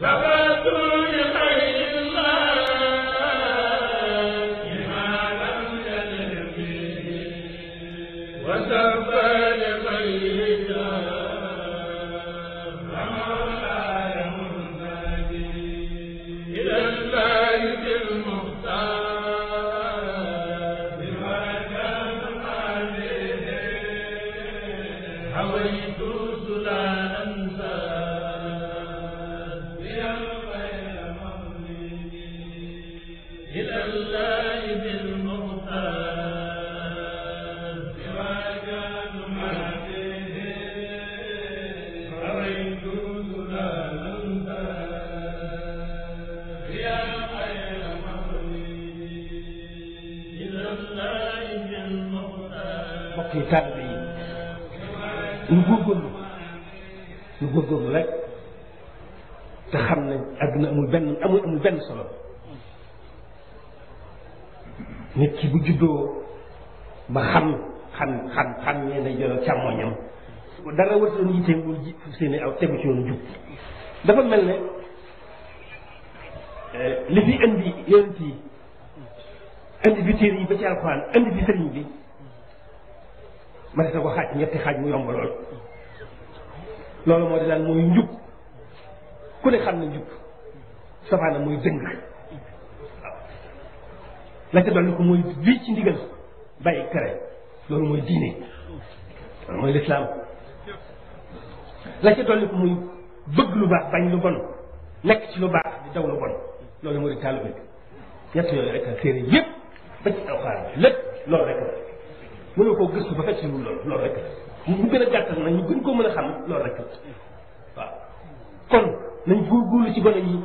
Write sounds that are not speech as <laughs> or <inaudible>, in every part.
Seven. dëkk bu juddoo ba xam xam xam xam ñee day jëlal càmmoñam dara war doon yitteem lu ji seeni aw tegu ci yoonu jub dafa mel ne euh, li fi indi yonent yi indi fi téere yi ba ci alxuraan indi fi sëriñ bi ma sa ko xaaj ñetti xaaj mu yomb lool loolu moo di daan mooy njub ku ne xam ne njub safaana muy dëng la ca dolli ko mooy lii ci ndigal bàyyi tere loolu mooy diine loolu mooy lislaam la ca dolli ko muy bëgg lu baax bañ lu bon nekk ci lu baax di daw lu bon loolu moo di taalibe ñett yooyu rek ak téere yëpp ba ci alxuraan lépp loolu rek la mënoo koo gëstu ba fekk si loolu loolu rek la ñu gën a gàttal nag ñu gën koo mën a xam loolu rek la waaw kon nañ góorgóorlu ci gone yi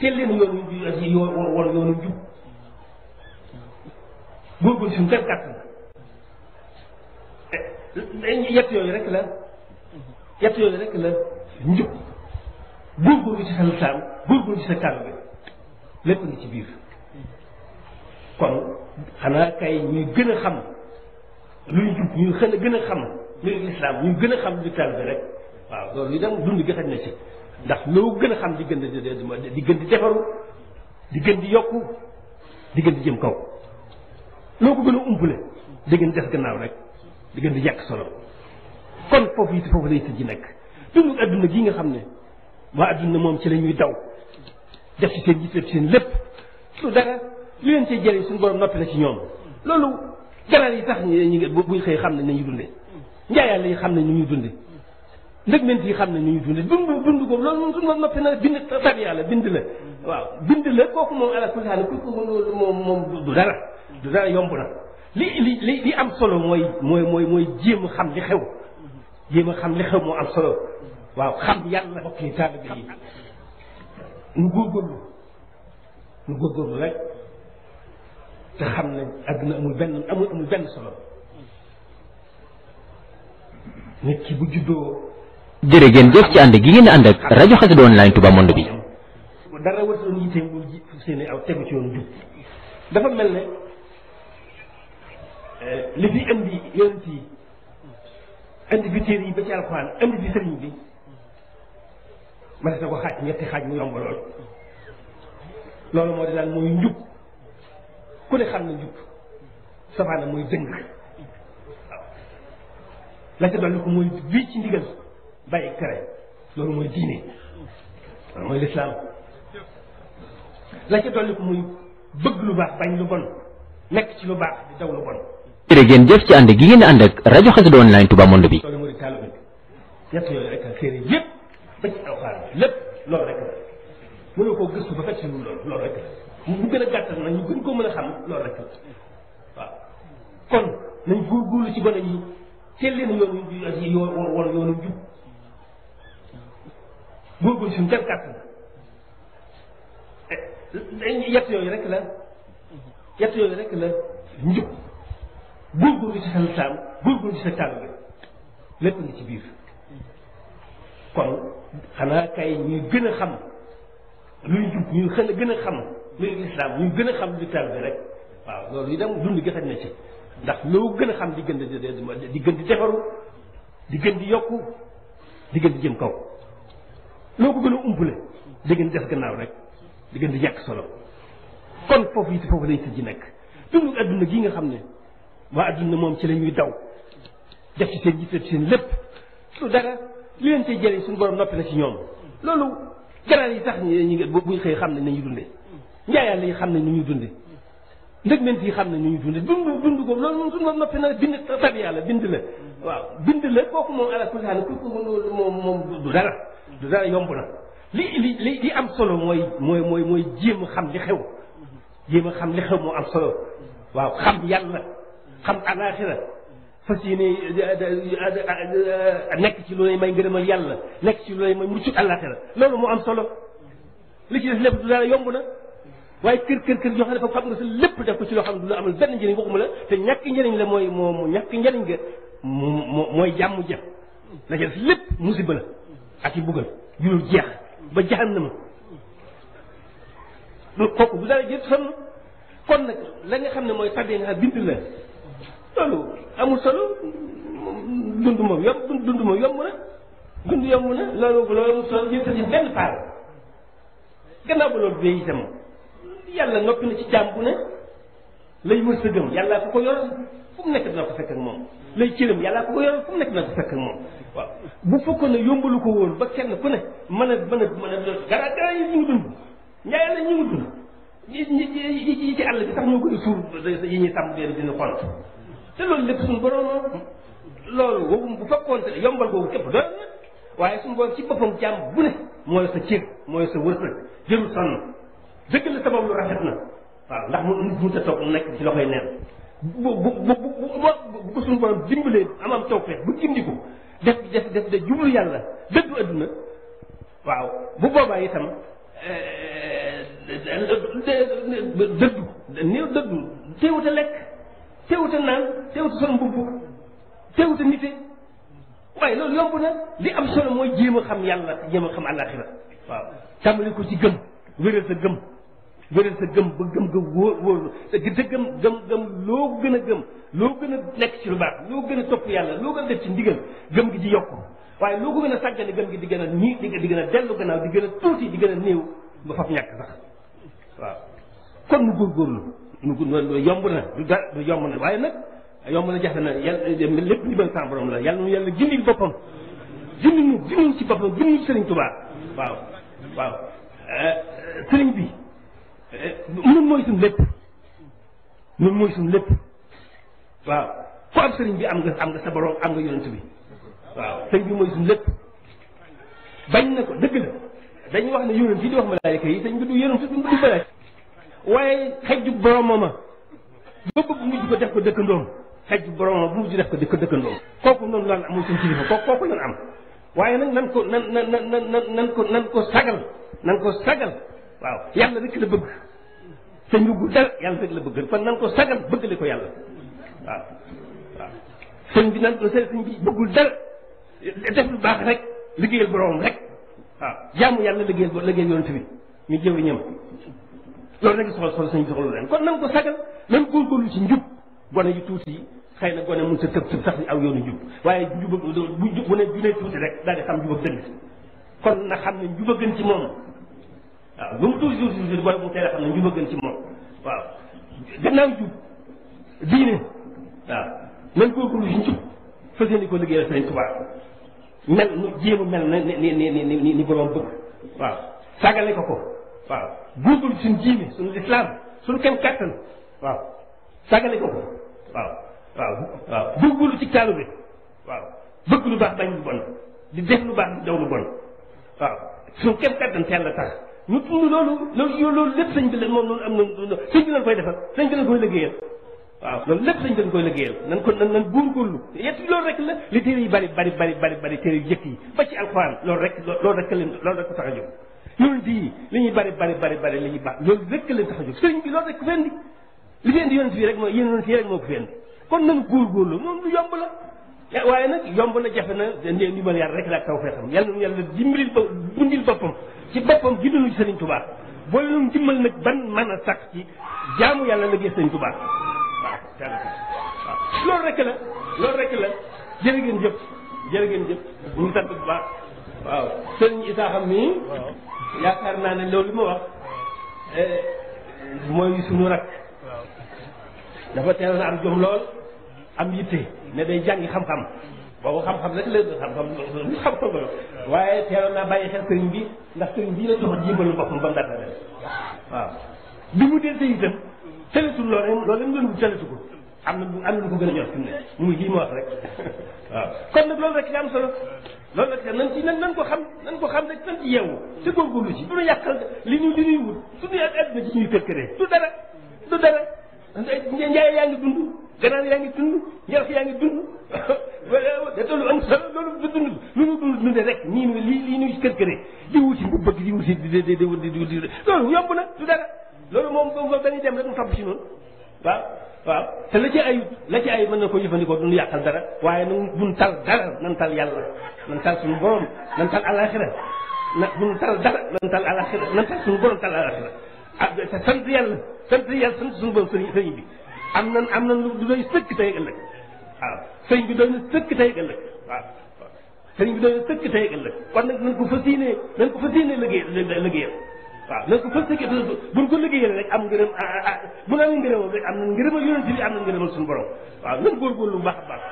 teel leen yoonu yoonu yoonu jub góorgóorlu suñu képp kàttan yett eh, eh, yooyu rek la yett yooyu rek la njub góorgóorlu ci sa lislaam góorgóorlu ci sa kàddu bi lépp ngi ci biir kon xanaa kay ñuy gën a xam luy jub ñuy gën a xam luy lislaam ñuy gën a xam lu taal bi rek waaw loolu yi dem dund gi xaj na ci ndax loo gën a xam di gën di di gën di defaru di gën di yokku di gën di jëm kaw loo ko gën a umpale da ngeen des gannaaw rek da ngeen di yàq kon foofu foofu lay tëj ji nekk dund nga xam ne waa adduna moom ci la ñuy daw def ci seen yitte def ci lépp su dara li leen cee jëriñ suñu borom noppi na ci ñoom loolu ganal yi tax ñu ñu buñ xëy xam ne nañu dunde njaayaale yi xam ne ñu ñuy dunde ndëgment yi xam ne ñu ñuy dunde dund dund ko loolu moom suñu borom noppi na bind tab yàlla bind la waaw bind la kooku moom ala kulli haal moom moom du dara du dara yomb na li li li am solo mooy mooy mooy mooy jéem a xam li xew jéem xam li xew moo am solo waaw xam yàlla bokk yi taalibe yi nu góorgóorlu nu te xam ne àdduna amul benn solo nit ki bu juddoo. jërë ngeen jëf ci ànd gi ngeen ànd ak rajo Xassida online Touba Monde bi. dara waratuloon yitteem lu ji seen aw tegu ci yoon bi dafa mel ne. li fi indi yonent yi indi bi téere yi ba ci alxuraan indi bi sëriñ bi ma des na ko xaaj ñetti xaaj mu yomb lool loolu moo di naan mooy njub ku ne xam na njub safaana mooy dëng waaw la ca dolli ko mooy bii ci ndigal bàyyi tere loolu mooy diine loolu mooy lislaam la ca dolli ko muy bëgg lu baax bañ lu bon nekk ci lu baax di daw lu bon jërë ngeen jëf ci ànd gi ngeen ànd ak rajo Xassida online Touba Monde bi. ñett yooyu rek lépp loolu rek la mënoo koo rek la ñu a gàttal nag mën a xam loolu rek la waaw kon nañ góorgóorlu jub rek eh, eh, yooyu rek la góorgóorlu ci sa lislaam góorgóorlu ci sa tàll bi lépp nga ci biir kon xanaa kay ñuy gën a xam luy jub ñuy gën a xam luy lislaam ñuy gën a xam luy bi rek waaw loolu itam dund gi xaj na ci ndax loo gën a xam di gën di di gën di defaru di gën di yokku di gën di jëm kaw loo ko gën a umpale di gën di def gannaaw rek di gën di yàq solo kon foofu it foofu lay tëj ji nekk dund adduna gi nga xam ne waa adduna moom ci la ñuy daw def ci seen jiital seen lépp su dara li leen cay jëriñ suñu borom noppi na ci ñoom loolu ganaar yi sax ñu ngi buñ xëy xam nañ nañuy dunde njaayaan yi xam nañ nu ñuy dunde ndëgment yi xam nañ nu ñuy dunde dund dund googu loolu moom suñu borom noppi na bind tab yàlla bind la waaw bind la kooku moom ala kulli haal kooku moom moom du dara du dara yomb na li li li li am solo mooy mooy mooy mooy jéem a xam li xew jéem a xam li xew moo am solo waaw xam yàlla xam alaxira fas yéene nekk ci lu lay may ngërëmal yàlla nekk ci lu lay may mucc alaxira loolu moo am solo li ci des lépp du dara yomb na waaye kër kër kër yoo xam ne fa xam nga sa lépp def ko ci loo xam ne du la amal benn njëriñ waxuma la te ñàkk njëriñ la mooy moo mu ñàkk njëriñ nga mooy jàmm ja la ca des lépp musiba la ak i buggal yu jeex ba jahannama kooku bu dara jël sonn kon nag la nga xam ne mooy tabee nga bind la loolu amul solo dund moom yomb dund na dund yomb na loolu loolu amul solo ñu tëj benn paal gannaaw ba loolu bee itam yàlla noppi na ci jaam bu ne lay wërsëgam yàlla ko ko yor fu mu nekk dina ko fekk ak moom lay cëram yàlla ko ko yor fu mu nekk dina ko fekk ak moom bu fekkoon ne yombalu ko woon ba kenn ku ne mën a mën a mën a gara gara yi ñu ngi dund ñaa yàlla ñu dund yi ci àll bi sax ñoo gën a suur yi ñuy tàmm deen dina xont te loolu lépp suñu borom loolu woowu bu fekkoon te yombal googu képp doy na waaye suñu borom ci boppam jàmm bu ne mooy sa cër mooy sa wërsëg jëru sonn dëgg la sabab lu rafet na waaw ndax mu mu ta toog nekk ci loxoy neen bu bu bu bu bu suñu borom dimbalee amam tawfeex bu gindiku def def def de jublu yàlla dëddu adduna waaw bu boobaa itam dëddu néew dëddu teewut a lekk teewut a naan teewut a sol mbubb teewut a nite waaye loolu yomb na li am solo mooy jéem a xam yàlla te jéem a xam àllaaxira waaw tàmbali ko ci gëm wéral sa gëm wéral sa gëm ba gëm nga wóor wóorlu te gëm gëm gëm loo gën a gëm loo gën a nekk ci lu baax loo gën a topp yàlla loo gën a def ci ndigal gëm gi ci yokk waaye loo ko gën a sàggane gëm gi di gën a nii di gën a dellu gannaaw di gën a tuuti di gën a néew ba faf ñàkk sax waaw kon mu góorgóorlu mu yomb na du da du na waaye nag yomb na jafe na yàlla lépp ñu bëgg sa borom la yàlla nu yàlla gindil boppam gindil gindil ci boppam gindil Serigne Touba waaw waaw eh, Serigne bi nun eh, mooy suñu lépp nun mooy suñu lépp waaw foo am Serigne bi am nga am nga sa borom am nga yonent bi waaw Serigne bi mooy suñu lépp bañ na ko dëgg la dañu wax ne yonent yi di wax malaayka yi Serigne bi du yonent du du malaayka waaye xejju ma ba bëgg mujj ko def ko dëkkandoom xejju boromama bu mujj def ko def ko dëkkandoom kooku noonu lan amul suñ kilifa kooku kooku lan am waaye nag nan ko nan nan nan nan ko nan ko sagal nan ko sagal waaw yàlla rek la bëgg te njugul la bëgg kon nan ko sagal bëggale ko yàlla sëñ bi nan ko sëñ bëggul dara def baax rek liggéeyal boromam rek waaw jaamu yàlla liggéeyal liggéeyal yoon tamit ñu jëw ñam loolu rek soxal soxal sañ soxalu leen kon nañ ko sagal même góorgóorlu ci njub gone yu tuuti yi xëy na gone mun sa tëb tëb sax ni aw yoonu njub waaye njub bu bu ne bu tuuti rek daal di xam njub kon na xam ne njub a gën ci moom waaw lu mu tuuti tuuti tuuti mu teel a xam ne njub a gën ci moom waaw gannaaw njub diine waaw nañ góorgóorlu ci njub fas yéene ko liggéeyal Sëriñ Tuubaa mel nu jéem mel na ni ni ni ni ni borom bëgg waaw sagale ko ko waaw buubul suñ diine suñu lislaam suñu kenn kàttan waaw sagale ko ko waaw waaw waaw buubul ci taalu bi waaw bëgg lu baax bañ lu bon di def lu baax daw lu bon waaw suñu kenn kàttan teel la tax ñu tudd loolu loolu loolu lépp sëñ bi la moom loolu am na sëñ bi koy defal sëñ bi lañ koy liggéeyal waaw loolu lépp sëñ bi lañ koy liggéeyal nan ko nan nan góorgóorlu yett loolu rek la li téere yi bari bari bari bari bari téere yu jëkk yi ba ci alxuraan loolu rek loolu rek leen loolu rek ko loolu di li ñuy bari bari bari bari li ñuy ba loolu rek leen li fendi yonent bi rek moo ko fendi kon nanu góorgóorlu moom lu yomb la eh, waaye nag yomb na jafe na ndee ndimbal rek la ak taw feexam yàlla nu yàlla dimbalil ba bundil boppam ci boppam gidduñu ci sëriñ Tuubaa boole nu dimbal nag ban mën a sax ci jaamu la gis sëriñ Tuubaa waaw loolu rek la loolu rek la ngeen jëf jërë ngeen jëf ñu ngi sant bu baax waaw sëriñ Isaa xam nii yaakaar naa ne loolu ma wax eh, mooy suñu rak dafa teel na am jom lool am yitte ne day jàngi xam-xam boobu xam-xam rek la xam-xam xam waaye teeloon naa bàyyi xel sëriñ bi ndax sëriñ bii la jox jibalu boppam ba ndata de waaw bi mu dee sëy itam tëlatu loolu loolu mu doon bu tëlatu ko am na mu am na lu ko gën a ñor fi mu ne lii ma wax rek <laughs> waaw kon nag loolu rek ci am solo loolu rek nan ci nan nan ko xam nan ko xam rek nan ci yeewu te góorgóorlu ci du ñu yàqal li ñu li ñuy wut suñu ak àdduna ci ñuy kër-këree du dara du dara njaay yaa ngi dund ganaar yaa ngi dund njarax yaa ngi dund <laughs> te lu am solo loolu du dund lu ñu dund dundee rek nii lii lii ñuy kër-këree di wuti bu bëgg di wuti di di di di loolu yomb na du dara loolu moom moom dañuy dem rek mu topp ci noonu waaw te la ci ayut la ci ayut mën na ko jëfandikoo duñu yàqal dara waaye nu buñ tal dara nan tal yàlla nan tal suñu borom nan tal alaxira na buñ tal dara nan tal alaxira nan tal suñu borom tal alaxira ah sant yàlla sant yàlla am nan am nan lu doy sëkk tey ëllëg waaw sëriñ bi doy na sëkk tey ëllëg waaw sëriñ bi doy na sëkk tey ëllëg kon nag nañ ko fas yéenee nañ ko fas yéenee liggéey liggéeyal waaw na ko fas tëggee buñ ko liggéeyee rek am ngërëm bu naan ngërëmam rek am na ngërëmal yonente bi am na ngërëmal suñu borom waaw nan góorgóorlu baax a baax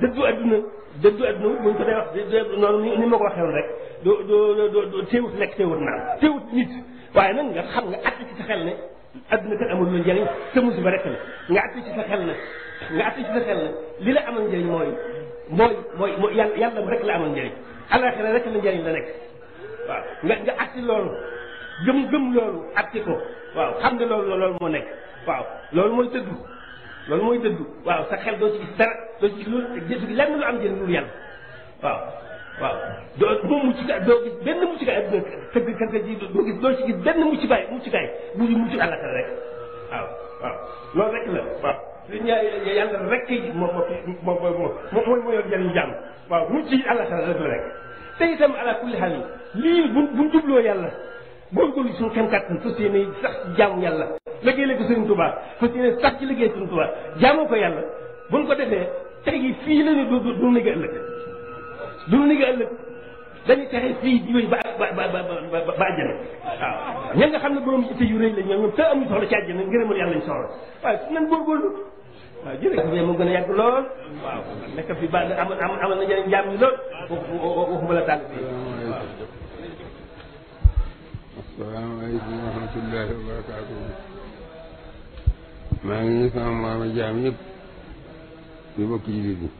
dëddu adduna dëddu adduna buñ ko day wax noonu ni ma ko waxee woon rek doo doo doo teewut lekk teewut naan teewut nit waaye nag nga xam nga àtt ci sa xel ne adduna kat amul lu njëriñ te musiba rek la nga àtt ci sa xel ne nga àtt ci sa xel ne li la amal njëriñ mooy mooy mooy mooy yàlla yàlla rek la amal njëriñ alaxira rek la njëriñ la nekk waaw nga nga àtt loolu gëm gëm loolu atti ko waaw xam ne loolu loolu moo nekk waaw loolu mooy dëddu loolu mooy dëddu waaw sa xel doo ci gis dara doo ci gis lu gisu lenn lu am njëriñ lu yàlla waaw waaw doo moom mucc kaay doo gis benn mucc kaay tëgg kanta ji doo gis doo ci gis benn mucc kaay mucc kaay bu di mucc àllata rek waaw waaw loolu rek la waaw li ñu yàlla rek moo moo moo mooy mooy njëriñ jàmm waaw mucc yi àllata rek la rek te itam ala kulli xaal lii bu bu jubloo yàlla góorgóorlu suñu kem kàttan fas yéene sax ci jaamu yàlla liggéey la ko sëriñ Tuubaa fas yéene sax ci liggéey sëriñ Tuubaa jaamu ko yàlla buñ ko defee tegi fii la ñu du du nigga ëllëg du nigga ëllëg dañuy texe fii jiwéy ba ba ba ba àjjana waaw ña nga xam ne borom yitte yu la ñoom ñoom te amuñ soxla ci àjjana ngërëmal yàlla lañ soxla waaye su nañ góorgóorlu waaw jërëjëf moom gën a yàgg lool waaw nekk fi ba amal amal na jëriñ jaam ñi lool waxuma la tànn fii salaamaaleykum wa rahmatullahi wa barakaatuhu maa ngi nuyu sama moromi jaam yëpp yu bokk jullit yi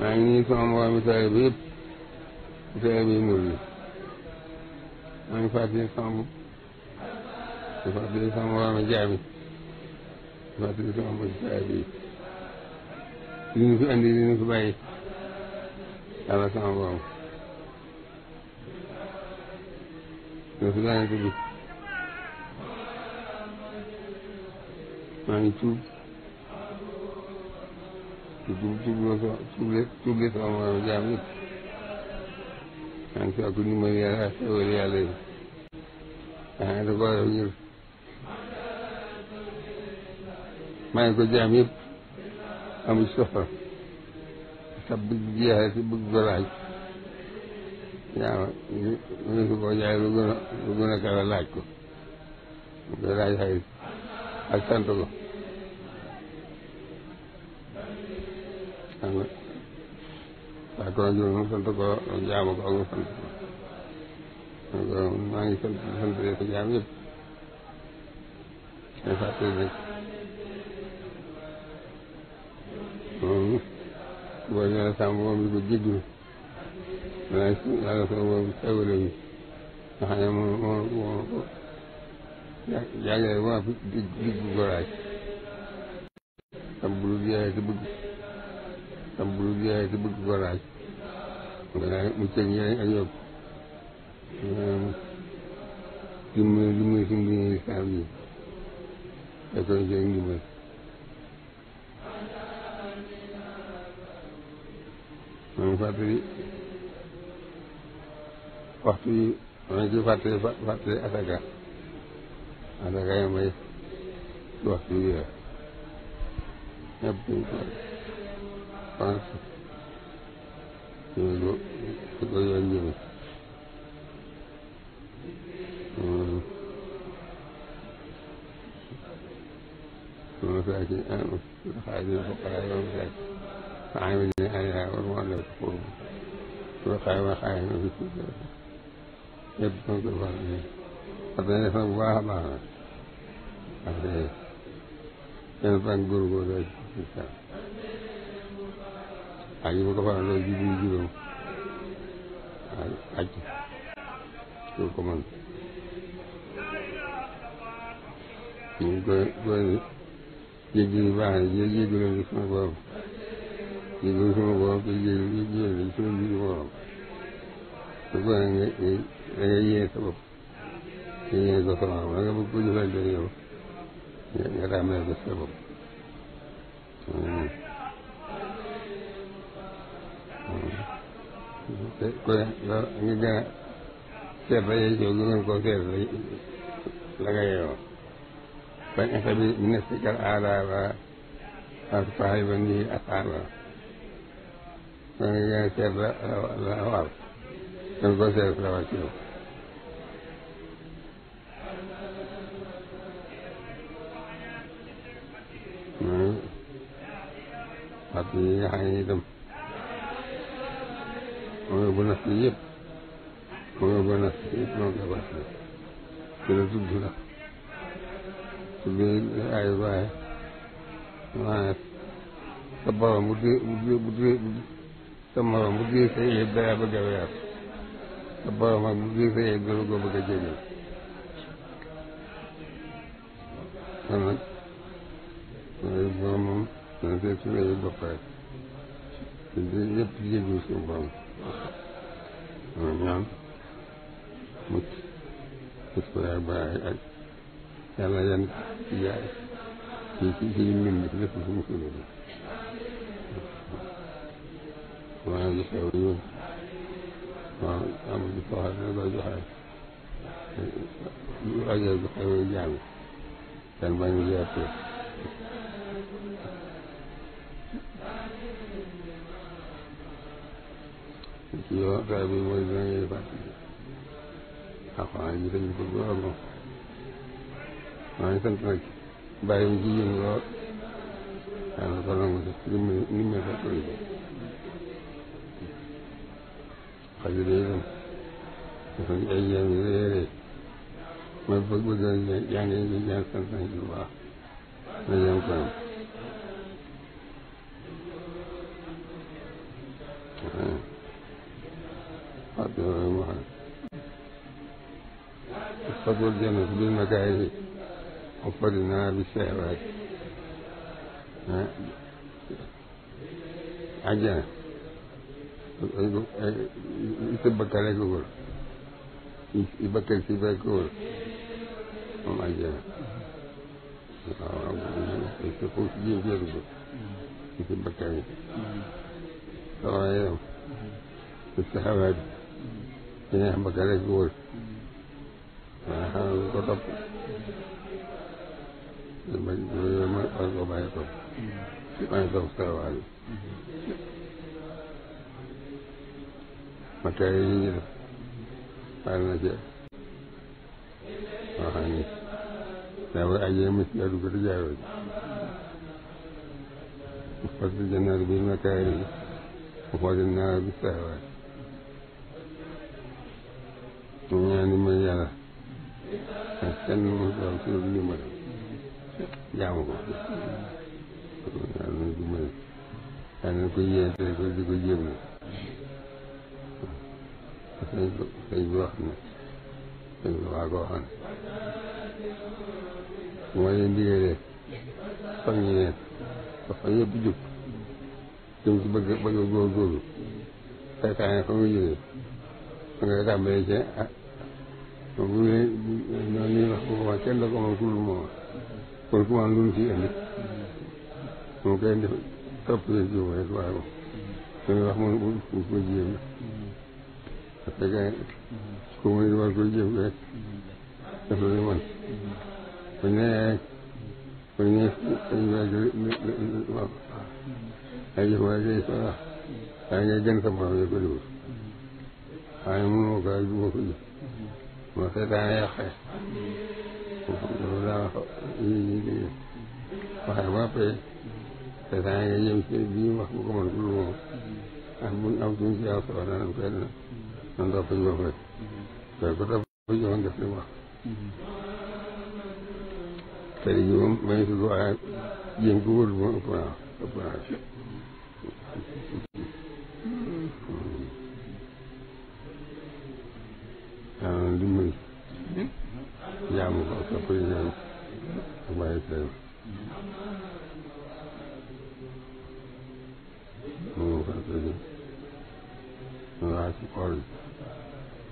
maa ngi nuyu sama moromi taalibe yëpp yu taalibe yi murid yi maa ngi fàttali sama bopp di fàttali sama moromi jaam yi di fàttali sama mbokki taalibe yi li ñu fi andi li ñu fi bàyyi yàlla sama borom su daañu ko gis maa ngi tuub tuub tuub la sa tuub la tuub la sama moroom jaam yëpp maa ngi sàkku maa ngi da ko def ko jaam yëpp amul soxla sa bëgg jeexal si bëgg ko laaj waaw mu ne ko koo jaay lu gën a lu laaj ko mu koy laaj xëy ak sant ko xam nga saa ko jur mu sant ko jaamu ko mu maa ngi sant sant ko jaam yëpp te fàtte nag moom boo ñëwee sàmm moom di ko jégalu waaye yàlla soo boobu xewale bi nga xam moo moo moo ko waa fi dig diggu goraay tam bu lu jeexee te bëgg tam bu lu jeexee te bëgg goraay nga daal mu cëg njëriñ ak yokk dimbali dimbali suñu biir lislaam yi dakoy jëriñ dimbali waxtu hmm. ah, yi ma ci fàtte fàtte asaka asaka yi may ci waxtu yi la ñëpp dañ ko pense loolu su ko yoon jëme ومساكين الخارجين الفقراء والمساكين فعاملين عليها والمؤلفة قلوبهم والقائمة خائفة في كل ذلك lépp ko defar bu baax a baax nag parce que kenn fan góorgóorlu ak ñu ko faral loo jiw jiw juróom ak ko ko mën ñu ngi koy góorlu jéggi yu baax yi jéggi yu bëri sama borom jéggi sama borom te jéggi yu bëri sama borom سبب كل فايدة يرام هذا السبب سبب يجوزون كثير لغيره فإنك بنفسك الأعلى وأصحابني أصحابه فإن كان سبب الأوارث dañ ko seet lawal ci yow at yi nga xam ne itam moo yóbbu nas yi yëpp moo yóbbu nas yi yëpp moom la baax ci la tudd la tudd ay waaye maanaam sa borom bu dee bu dee sa morom bu dee sa yëpp dara bëgg a weer te boromam bu ñu koy yeggalu ko bëgg a jégal kon nag mooy boromam dana fekk su lay bopp rek te di yëpp jégalu suñu borom dana ñaan mucc gis ko yaay baaxee ak yàlla yan yaay ci ci ci mbir mi lépp su mu sulu waaye lu xew waaw amuñu koo xam ne doo joxe lu ajal bi xëy na jaam kan bañ a joxe ci yow taay bi mooy dina ngay fàttali xaqaan yi dañu ko lool moom maa ngi sant nag bàyyi mu jigéen lool xanaa ko nangu si ni mu ni mu fàttali قدرهم وفي أيام غيره والبقود يعني إذا كان الله ما يمكن حتى المحل استقر الجنة بالمكاره وفرنا بالشهوات عجلة itam bakkale ko wër i bakkal si bee ko wër moom àjjana waaw si xuus jëm jëru ko itam bakkale sawaayam istaxawaat bi neex bakkale ko wër waaye xam nga ko topp ma ko bàyyi topp bàyyi topp sawaayam matériel yi ñu def bari na ci loo xam ne daa koy ajee mu ci dugg te jaaroo ci fas jannaat bil makaari wa fawqan naar bis sahawaat mu ñaan di may yàlla ak kenn mu doon suñu dimbali jaamu ko yàlla na dimbali yàlla na ko yéente ko di ko jéem sëñ bi sëñ bi wax ne sëñ bi waa koo xam ne moo leen digalee soññi leen ba fa yëpp jub jëm ci bëgg bëgg a góorgóorlu fekkaane fa muy jógee fa ngay tàmbalee ci ah moom bu ñu ñoo ñuy wax ko ma kenn da ko moom ku dul moom kon ku ma lu mu ci indi moom kay def topp leen ci waaye moom li muy wax moom bu ko jéem الحكايات تكون الورد والجوات يفرمون والناس والناس الورد بالواقع أي هو زي صلاح أنا جنة الله يقولون أنا مو قلبه كله ما خدع يا خير ولا يجيني وحبابي فتعالى يمشي بي وحبكم الكلوة أحب الأرض في أصلا وكذا phải anda pinga fe ta ko ừ. ta fi jo anda fe ma ta yi yo mai su zo a yin gugur mu ko ko a limai ya mu ba ka fi ya ba ya ta mu ka ta ji na su kwarai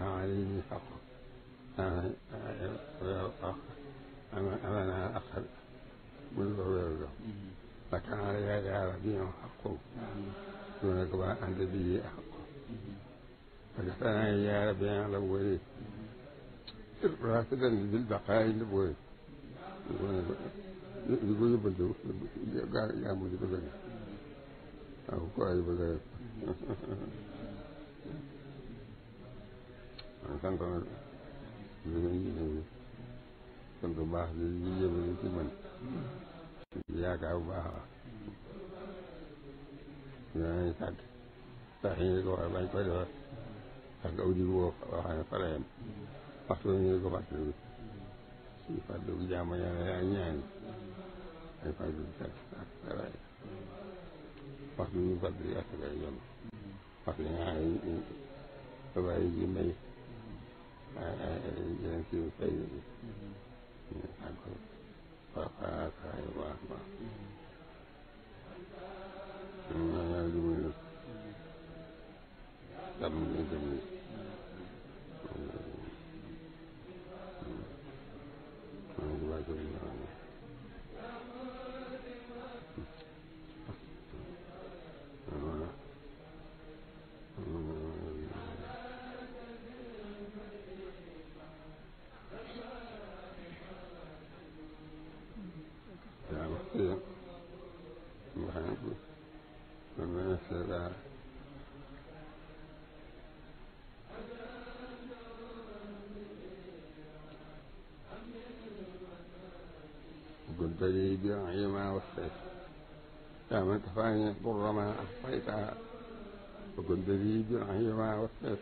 عليه حقه أمنها أخذ من ضروره فكان لهذا دينه حقه دون كما أهل به حقه فكفانا يا ربي على أولي راكدا بالبقاء الأولي يقول يبدو قال يا مدبر أو قال يبدو căn cơ căn cơ ba dạ, như với chính mình gia cả ba rồi thật tại gọi bạn có được thật đâu đi vua phải phải làm bắt phương như các bạn được thì phải đủ già mà nhà này anh nhàn phải phải đủ thật phải lại bắt phương như bắt được thật là dòng hoặc là ai vậy gì mấy jërë si fay bi ñu àgg papaakaay bu baax a baax ñun ñoo yàlla dimbali nag sàmm ñu gëm ni moom ci baax بجمعهما والسيف يا من تفاني ضر ما أحصيتها وكنت في جناحهما والسيف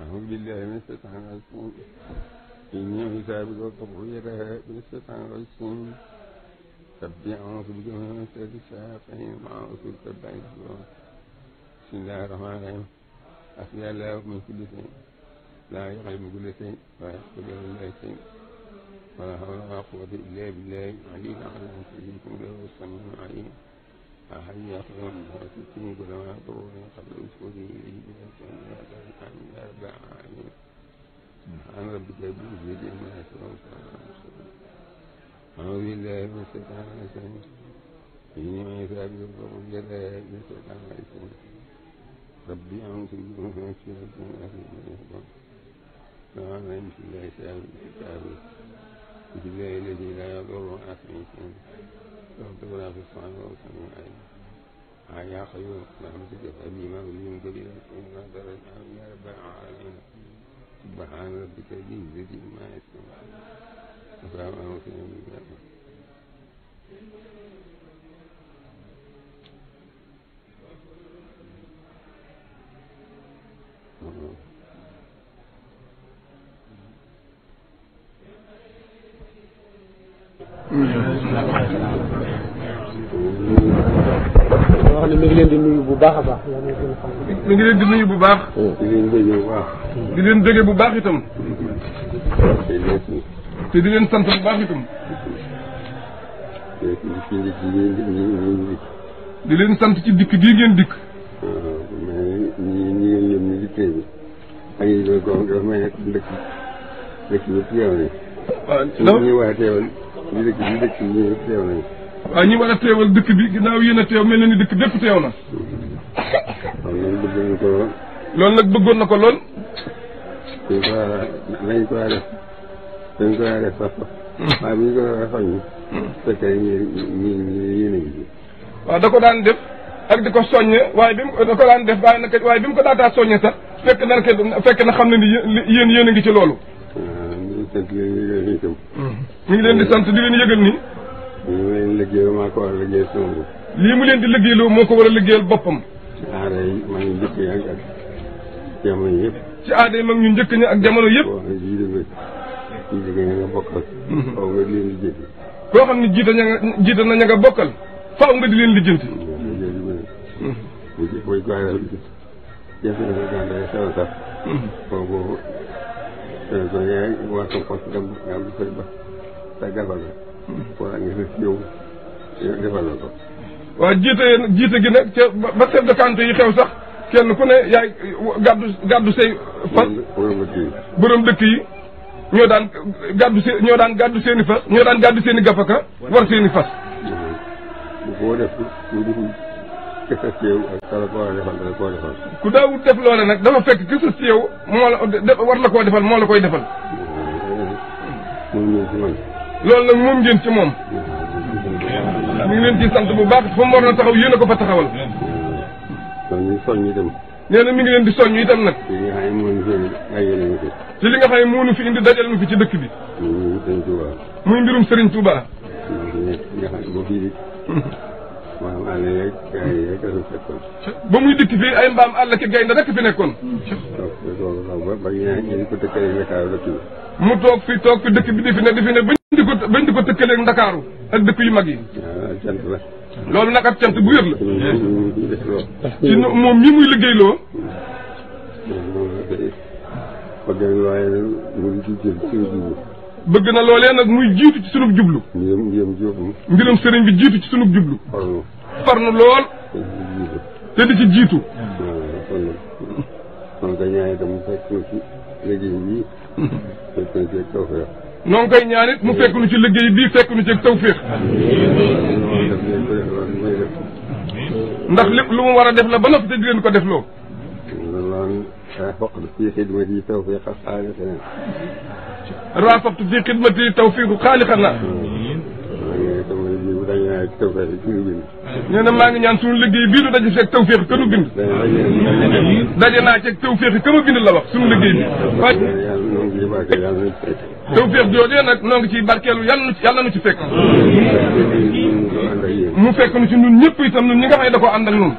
أعوذ بالله من الشيطان الرجيم إني حسابك وذريته من الشيطان الرجيم تبعوا في بك من شر الشياطين وأعوذ بك سبح بسم الله الرحمن الرحيم أخي الله من كل شيء لا يغيب كل شيء ولا يحسب من شيء ولا حول ولا قوة إلا بالله العلي العظيم في كل والسلام عليم أحيي أخيرا وأتتني بلا ما يضرني قبل أسودي إليه بنفسي لا باع عين سبحان ربك أبوز يجي ما يسرون أعوذ بالله من الشيطان الرجيم إني من يثاب الضر يدا من الشيطان الرجيم ربي أعوذ بك من الشيطان الرجيم وأنا يمشي الله يسأل الكتاب جبريل الذي لا يضر أسمه ربنا في الصعيد والسميع آية العليم يا قيوم برحمتك أبي ما بليم كبيرا إنا درجنا يا رب العالمين سبحان ربك ذي الذي ما يسمع وسلام على المرسلين Thank you. wax ne mi ngi leen di nuyu bu baax a baax. mi ngi leen di nuyu bu baax. di leen déggee bu baax. di leen déggee bu baax itam. te di leen sant bu baax itam. di leen sant ci dikk gii ngeen dikk. waaw mais ñi ñi ngeen ñoom ñu dikkee bi. ak yéen a ngi koy wax dafa may nekk dëkk dëkk bi teew nañ. waaw dama ñu waa teewal. ñi dëkk ñi dëkk ñi yëpp teew nañu. waaw ñi war dëkk bi mel na ni dëkk bépp teew na. loolu nag bëggoon na ko lool. dañ ko war ko war a def dañ ko war a def sax sax ko war a soññ. fekk def ak di waaye da ko daan def waaye nag waaye sax fekk na fekk na xam ne ni yéen yéen a ngi ci loolu. Ah, ñu leen di sant di leen yëgal ni. lii ma leen mu leen di liggéeyaloo moo ko war a liggéeyal boppam. ci aada yi mag ñu njëkk ña ak jamono yëpp. ci aada yi mag ñu njëkk ña ak jamono yëpp. waaw jiite ba jiite ña nga bokkal. Mhm. faaw nga di leen lijjanti. koo xam ne jiite ña nga jiite na ña nga bokkal faaw di leen lijjanti. Mhm. buñ ko ayal te defal la kon eh, jiite nag jiite gi nag ca ba chef de canton yi xew sax kenn ku ne yaay gàddu gàddu say fas borom dëkk yi ñoo daan gàddu seen ñoo daan gàddu seen i fas ñoo daan gàddu seeni i gafaka war seen i fas bu koo ku dugg kësas def loole nag dafa fekk kësas ci yow moo la war la koo defal moo la koy defal mm-hmm. loolu nag moom ngeen ci moom ñu ngi leen ci sant bu baax fa mu war na taxaw yéen a ko fa taxawal. soññi soññi dem. nee na mi ngi leen di soññi itam nag. ci li nga xam ne moo ñu fi dajale ñu fi. ci li nga xam ne moo ñu fi indi dajale ñu fi ci dëkk bi. muy mbirum Serigne Touba. muy mbirum Serigne Touba. nga xam ne fii. mbaam àll yeeg gars yi rek la fekkoon. ba muy dikk fii ay mbaam àll ki gaynde rek fi nekkoon. toog ba ba ñu ko dëkkalee Ndakaaru dëkk bi. mu toog fi toog fi dëkk bi di fi ne di fi ne di ko bañ ndakaaru ak dëkk yu mag yi. loolu nag ab cant bu wér la. ci moom mi muy liggéeyloo. bëgg na loolee nag jiitu ci sunub jublu. mbiram sëriñ bi ci sunub jublu. farnu lool. te di ci jiitu. man ko ñaanee itam mu fekk ci liggéey bi. fekk na ci noo ngi koy ñaan mu fekk ci liggéey bii fekk nu ci tawféex ndax lépp lu mu war a def la ba noppi te di ko def loo rafaqtu fi xidmati tawfiqa xaaliqana rafaqtu fi xidmati tawfiqu xaaliqana nee na maa ngi ñaan suñu liggéey bii du daje seeg tawféex ka nu daje naa ceeg tawféex ka ma bind la wax suñu liggéey bi tawfeex joojee nag noo ngi ciy barkeelu yal na yal na ci fekk. mu fekk nu ci ñun ñëpp itam ñun ñi nga xam ne da ànd ak ñun.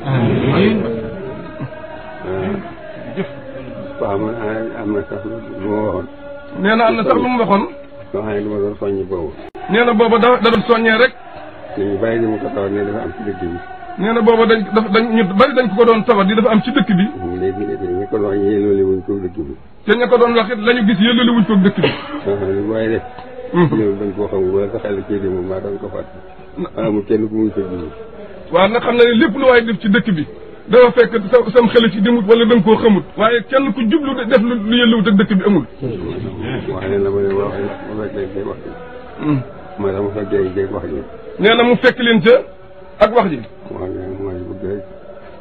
waaw ah, am na sax lu ma waxoon. nee na na sax lu mu waxoon. loo lu ma doon soññi boobu. na boobu da da doon rek. mu ko nee na booba dañ dafa dañ ñu bari dañ ko doon tawat di dafa am ci dëkk bi. léegi ña ko doon wax yëlale wuñ ko dëkk ko doon wax it la ñu gis yëlale wuñ ko dëkk bi. Ah, ah, waaye de. Mhm. waaw nag xam na ne lépp lu waaye def ci dëkk bi. dafa fekk sa sam xel ci demut wala da nga koo xamut. waaye kenn ku jublu def lu lu yëlewut ak dëkk bi amul. wax ne la ma leen wax ma fekk leen wax. maanaam mu fekk leen wax nee na mu fekk ak wax ji. wax ji mooy bëgg rek.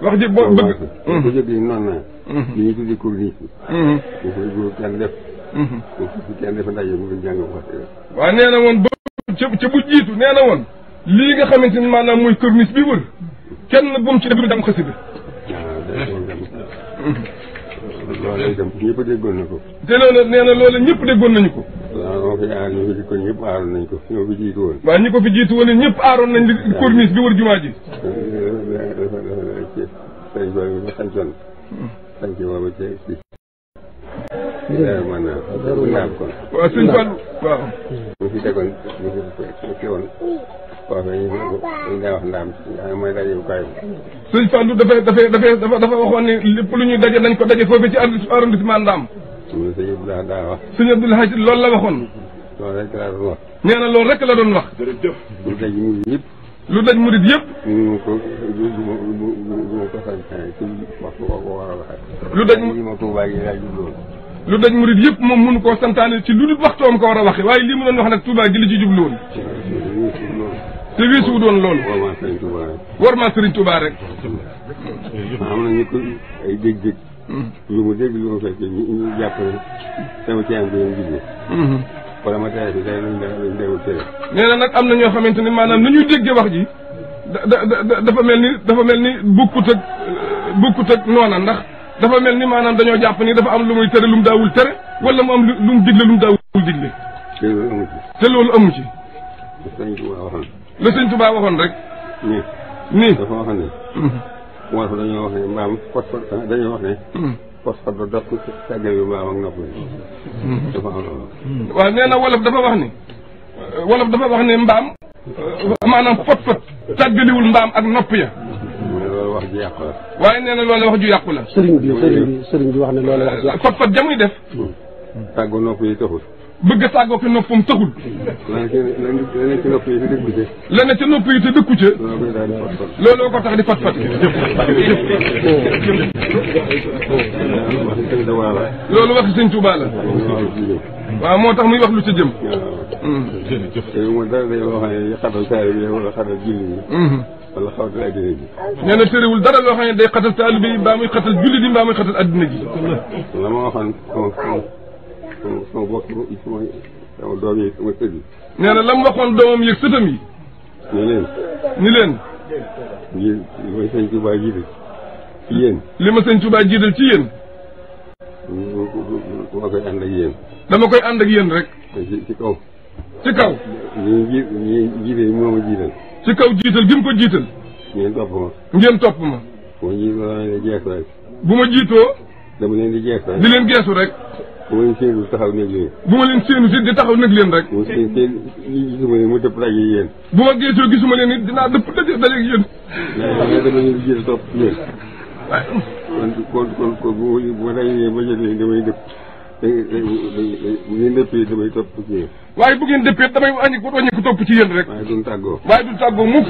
wax ji boo bëgg. boo ko jógee noonu naa. Mhm. li ñu tuddee communisme. bu mhm. koy bu kenn def. Mhm. bu kenn def ndaje bu ñu jàng wax dëgg. waaw nee na woon ba ca ca bu jiitu nee na woon lii nga xamante ni maanaam mooy communisme bi wër kenn bu mu ci def lu dem xasida. waaw loolu itam ñëpp ko. te loolu nee na nañu ko. waaw moom fi aar ñu fi dikkoon ñëpp aaroon nañ ko ñoo fi jiitu woon. waaw ñi ko fi jiitu woon ñëpp aaroon nañ li corniche bi wër jumaa ji. sëñ boobu ñu santoon. sant boobu ca ci. jërëjëf maanaam naam kon. waaw sëñ Fall waaw. ñu fi tegoon ñu fi tegoon. waaw ñu ngi wax ndaam mooy daje bu kaay. sëñ Fall dafay dafay dafay dafa waxoon ne lépp lu ñuy daje nañ ko daje foofu ci arrondissement Ndam. loolu sëñ Abdoulaye daa wax. sëñ Abdoulaye loolu la waxoon. loolu rek la doon na loolu rek la doon wax. jërëjëf. lu daj murid yëpp. lu daj murid yëpp. ñu ko du ma du ma ko sañ-sañ a waxee. lu daj mu ma moom mënu koo santaane ci lu dul waxtoom ko war a waxe waaye lii mu doon wax nag Tuubaa gi li ci jublu woon. te doon loolu. war maa Sëriñ rek. war na lu mu dégg lu mu fekkee ñu jàpp ne bi day luñ luñ nee nag am na ñoo xamante ni maanaam nu ñuy dégge wax ji da dafa mel ni dafa mel ni bukkut ak bukkut ak noona ndax dafa mel ni maanaam dañoo jàpp ni dafa am lu muy tere lu mu daawul tere wala mu am lu mu digle lu mu daawul digle te loolu amu ci te loolu amu ci la sëñ Tuubaa waxoon la sëñ Tuubaa waxoon rek nii dafa mooy fa dañoo wax ne mbaam fos dañoo wax ne fos faddu daf ko tàgge yu mbaam ak nopp yi hmm. dafa am loolu hmm. waaw nee na wolof dafa wax ni wolof dafa wax ne mbaam euh, maanaam fot fot tàggaliwul mbaam ak nopp ya wax ju yàqu la waaye nee na loolu wax ju yàqu la sëriñ bi sëriñ bi sëriñ bi wax ne loolu wax ju yàqu fot fot jamuy def hmm. tàggu nopp yi taxul bëgg a tàggoo ki noppam taxul. la ne ci nopp yi te dëkku ca. la ne ci nopp yi te dëkku ca. looloo ko tax di fat fat. loolu waxi sëñ Tuubaa la. waaw moo tax muy wax lu ca jëm. jërëjëf. te yow mooy dara day loo xam ne xatal taalibe yi wala xatal jullit yi. wala xatal addina ji. nee na tëriwul dara loo xam ne day xatal taalibe yi mbaa muy xatal jullit yi mbaa muy xatal addina ji. la ma waxoon sama sama la mu waxoon doomam yëg sëtam yi. ni leen. ni leen. li ma sëñ Touba jiital ci yéen. li ma sëñ koy ànd ak yéen. dama kaw. ci kaw. ñi ji ñi jiite moo jiital. ci kaw jiital gi ko jiital. ngeen topp ma. ngeen topp ma. bu ma jiitoo. bu ma jiitoo. dama leen di geesu rek. bu ma leen séenu taxaw néeg leen. bu ma leen séenu si di taxaw néeg leen rek. mu seen seen gisuma leen mu dëpp daje yéen. bu ma geesoo gisuma leen it dinaa dëpp daje daje yéen. waaye dama leen jiite topp yéen. kon kon kon bu ma dajee ba jëlee damay dëpp. bu ngeen dëppee damay topp ci yéen. waaye bu ngeen dëppee damay wàññi wàññi ko topp ci yéen rek. waaye duñ tàggoo. waaye duñ tàggoo mukk.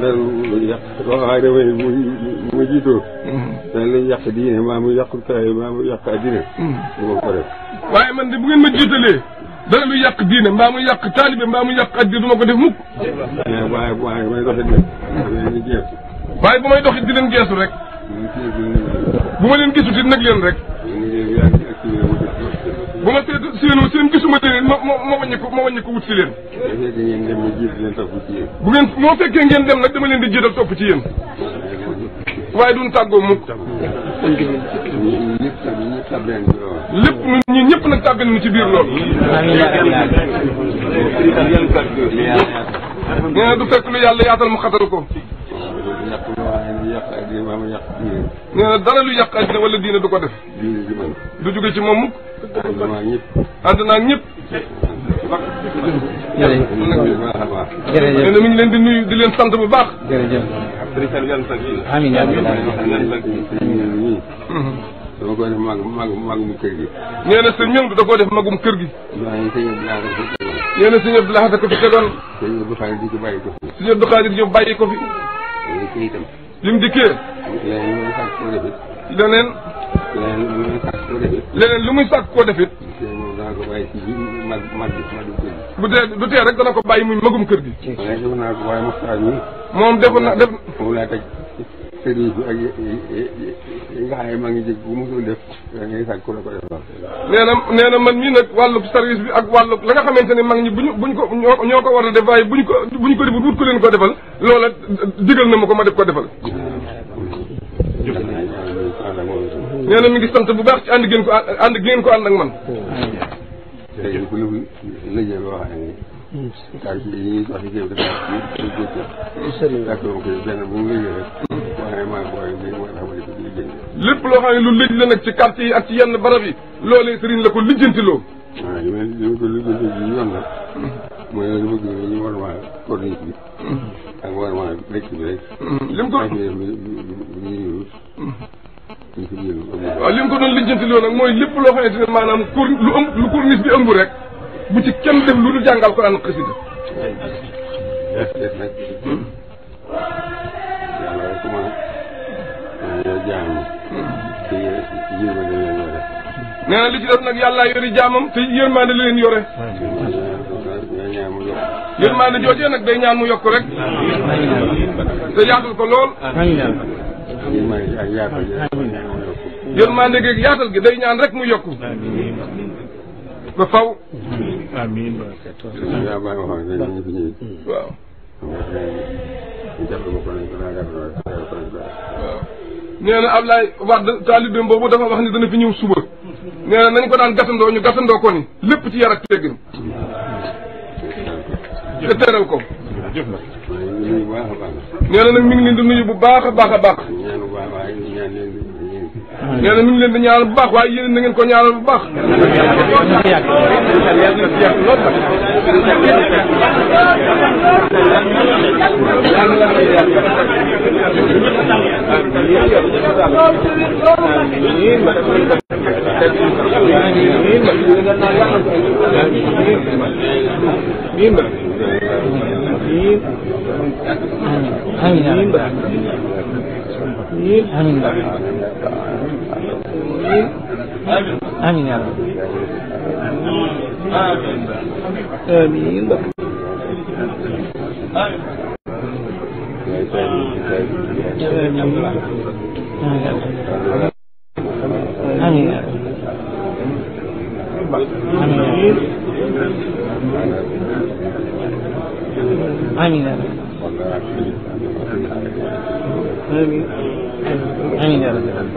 loolu wax dama ne mu mu jiitoo. danañ la yàq diine maa mu yàq kaay maa mu yàq addina. moo ko def. waaye man de bu ngeen ma jiitalee dara lu yàq diine mbaa mu yàq taalibe mbaa mu yàq addina du ma ko def mukk. waaye waaye may doxit nag. danañ geesu. waaye bu may doxit di leen geesu rek. bu ma leen gisut it nag leen rek. bu ma seet séenoo seen gisuma déleen ma ma ma wàññi ko ma wàññi ko wut si leen. bu ngeen moo fekkee ngeen dem nag dama leen di jiital topp ci yéen. waaye duñ tàggoo mukk. lépp ñun ñi ñëpp nag tàbbal ñu ci biir lool. nee na du fekk lu yàlla yaatal mu xatal ko. nee na dara lu yàq addina wala diine du ko def. du jóge ci moom mukk. ànd naa ñëpp. ànd naa ñëpp. jërëjëf mi ngi leen di nuyu di leen sant bu baax. jërëjëf. amiin amiin. dama koy def da koo def magum kër gi. nee na sëñ Abdou Lahad ko fi tegoon. sëñ Abdou Khadir di ko bàyyi ko di ko bàyyi ko fi. dikkee itam. bi mu dikkee. leneen lu muy sàkk koo defit. leneen. leneen lu muy sàkk koo defit. leneen lu muy sàkk koo defit. bu dee du tee rek dana ko bàyyi muy magum kër gi. moom defoon na def. moom laa tëj. sëriñ bi yi nga xam ne maa ngi jëg bu mosul def la ko defal nee na nee na man mii nag wàllub service bi ak wàllub la nga xamante ne mag ñi bu buñu buñ ko ñoo ko war na def waaye buñ ko buñ ko defut wut ko leen ko defal loola digal na ma ko ma def ko defal nee na mi ngi sant bu baax ci ànd ngeen ko ànd ngeen ko ànd ak man daal ci li ñuy jox ci kër gi daal ci kër benn bu mu liggéey rek. waaye lu lëj la ci quartier yi ak ci yenn barab yi loolee sëriñ la ko lijjantiloo. waaw li ma li ko lijjantiloo li yoon la. mooy li ma gën ñu mu ko waaw li mu ko doon lijjantiloo nag mooy lépp loo xamante ne maanaam cour lu ëmb bi ëmb bu ci kenn dem lu dul jàngal ko daan xasida yàlla rek ma na li ci def nag yàllaa yori jaamam te yërmande la leen yore yërmande joojee nag day ñaan mu yokk rek te yaatal ko lool yërmande geeg yaatal gi day ñaan rek mu yokku ba faw. amiin waaw waaw waaw waaw. nee na Ablaye Wade taalibeem boobu dafa wax ni dana fi ñëw suba. nee na nañ ko daan gàttandoo ñu gàttandoo ko ni lépp ci yar ak teggin. te teeral ko. nee na nag mi ngi leen di nuyu bu baax a baax a baax. nee ñu leen di ñaanal bu baax waaye yéen na ngeen ko ñaanal bu baax. Amin. Amin. Amin. Amin. Amin. امين يا رب امين امين امين امين امين يا رب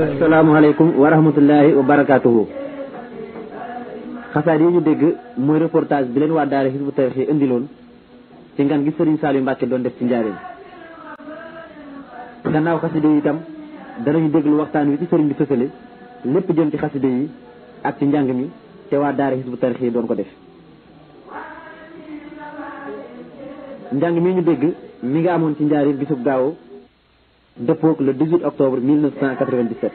asalaamaaleykum wa rahmatullahi wa barakaatuhu xasaat ñu dégg mooy reportage bi leen waa daara Hizbut Tarqiyyah indiloon ci ngan gi Serigne Saliou Mbacke doon def ci njaareem gannaaw xaside yi itam danañu déglu waxtaan wi ci sëriñ bi sësale lépp jëm ci xaside yi ak ci njàng mi te waa daara Hizbut Tarqiyyah doon ko def njàng mi ñu dégg mi nga amoon ci njaareem bisub gaaw dëppoog le 18 octobre 1997.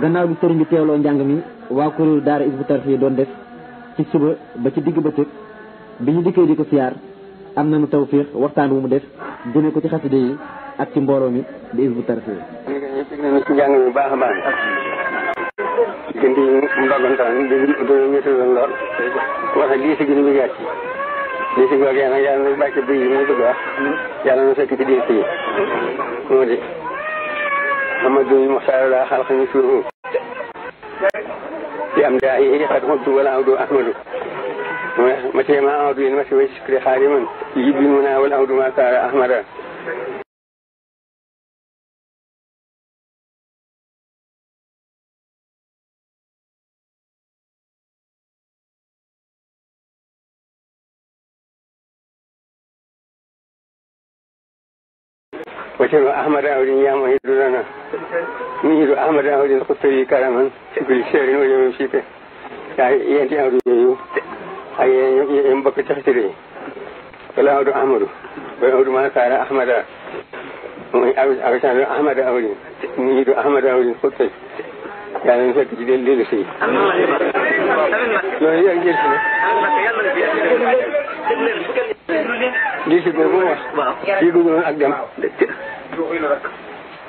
gannaaw bi sëriñ bi teewloo njàng mi waa kuréelu daara Hizbut Tarqiyyah doon def ci suba ba ci digg bëccëg bi ñu dikkee di ko siyaar am nañu tawfiix waxtaan bu mu def jëme ko ci xaside yi ak ci mbooloo mi di Hizbut Tarqiyyah. ñu fekk nañu baax a baax. diggante yi li si googee nag yàlla na bàcc buy yi mu bëgg wax yàlla na sotti ci biir fii moo di Amadou Moussa laa xalq ni suuhu di am daa yi xat xuddu wala awdu ahmadu ma teema awdu ma si way sikri xaadiman yibbi mu naa wala awdu ma kaara ahmada وشنو أحمد أولي نيام وهيد لنا نيد أحمد أولي القطري كرما كل شهر ويوم شيته ينتي أولي يو أي ينبك تختري فلا أولي أحمد ويأولي ما كان أحمد أولي أحمد أولي نيد أحمد أولي القطري yàlla na fekk ci dellu si loolu yàlla jël si lii si góor bu wax yëgu gu ak dem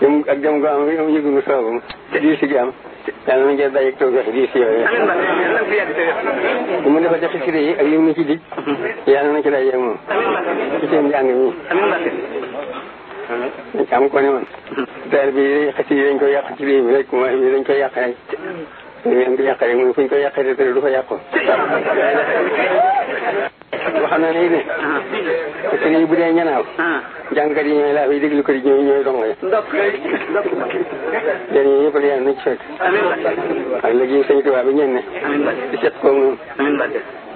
jëm ak dem gu am yëgu gu sababam lii si gi am yàlla nañu koy dajeeg toog ak lii si yooyu mu dafa def ci yi ak yëg na ci dij yàlla na ci dajeeg moom ci seen jàng mi am ko ne man teer bi xasi yi dañ koy yàq ci réew mi rek mooy bi dañ koy yàq rek ñu leen di yàqale mooy fu ñu ko yàqee te du fa yàqu. wax na léegi ne. te kër yi bu dee ñanaaw. jàngkat yi ñooy laa fay déglu kër yi ñooy ñooy dong ya. yéen ñii ñëpp yàlla nañ ci fekk. ak léegi sëñ tubaab bi ñenn. di set koog noonu.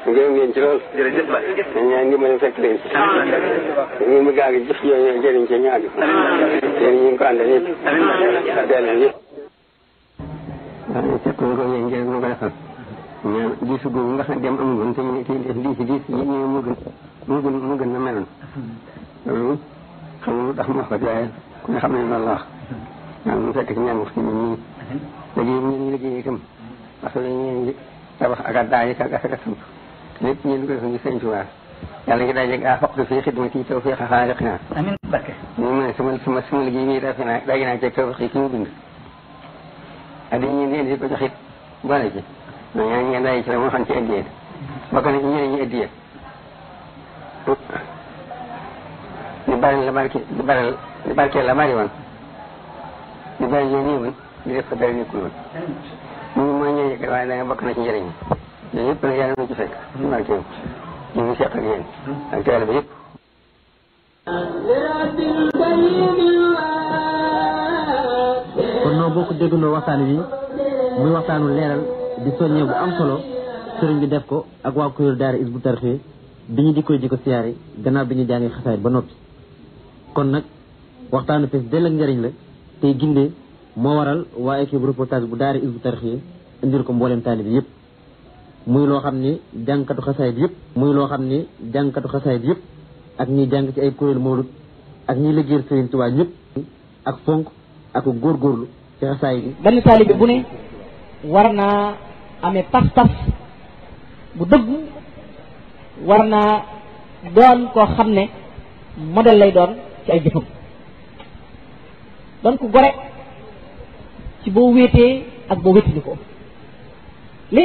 gërëm ngeen ci lool. jërëjëf Ba. ñaan ngi mën a fekk leen. ngeen bëgg a àgg jëf yooyu jëriñ ci ñu àgg. yéen ngi ko àndal ñëpp. dellu nga xam ne seetlu ko yéen njëriñ moo ko defal ñaan gisu googu nga xam dem amul woon te ñu te lii si diis yi ñëw mu gën mu gën mu gën na meloon loolu xamul ndax mu wax ko waaye ku ne xam ne loolu la wax waaw mu fekk ci ñaan wax ci ñun ñii liggéey ñu ñu liggéey itam parce que dañu tabax ak a daay ak a samp lépp ñu ko def ñu sëñ Tuubaa yàlla ngi dajeeg ah foq fii xidma kii taw fii xaxaariq naa amiin barke ñu mu ne sama sama sama liggéey bii dafa naa daje naa ci taw fii ki mu bind addi ñu leen di ko joxit gone ji na ñoo ñu day ci la mu xam ci addiye bokk na ci njëriñ ñu addiye di baral la barke di baral di barkeel la bari woon di baral la nii woon di def ko dara nekkul woon mu ngi mooy ñëw yëkkal waaye da nga bokk na ci njëriñ yi yëpp nag yàlla na ci fekk ci barke ñu ngi seq ak yéen ak teewal bi yëpp ginnaaw boo ko déggandoo waxtaan wi muy waxtaanu leeral di soññee bu am solo sëriñ bi def ko ak waa kuréel daara Hizbut Tarqiyyah bi ñu dikkooy di ko siyaare gannaaw bi ñu jàngee xasaayit ba noppi kon nag waxtaanu fees dell ak njëriñ la tey gindee moo waral waa équipe reportage bu daara Hizbut Tarqiyyah indil ko mboolem taalib yëpp muy loo xam ni jàngkatu xasaayit yëpp muy loo xam ni jàngkatu xasaayit yëpp ak ñiy jàng ci ay kuréelu mawlud ak ñiy liggéeyal Sëriñ Tuubaa ñëpp ak fonk ak góorgóorlu ci xasaay bi benn taalibe bu ne war naa amee pas-pas bu dëggu war naa doon koo xam ne modèle lay doon ci ay jëfam doon ku gore ci boo wéetee ak boo wéttini ko li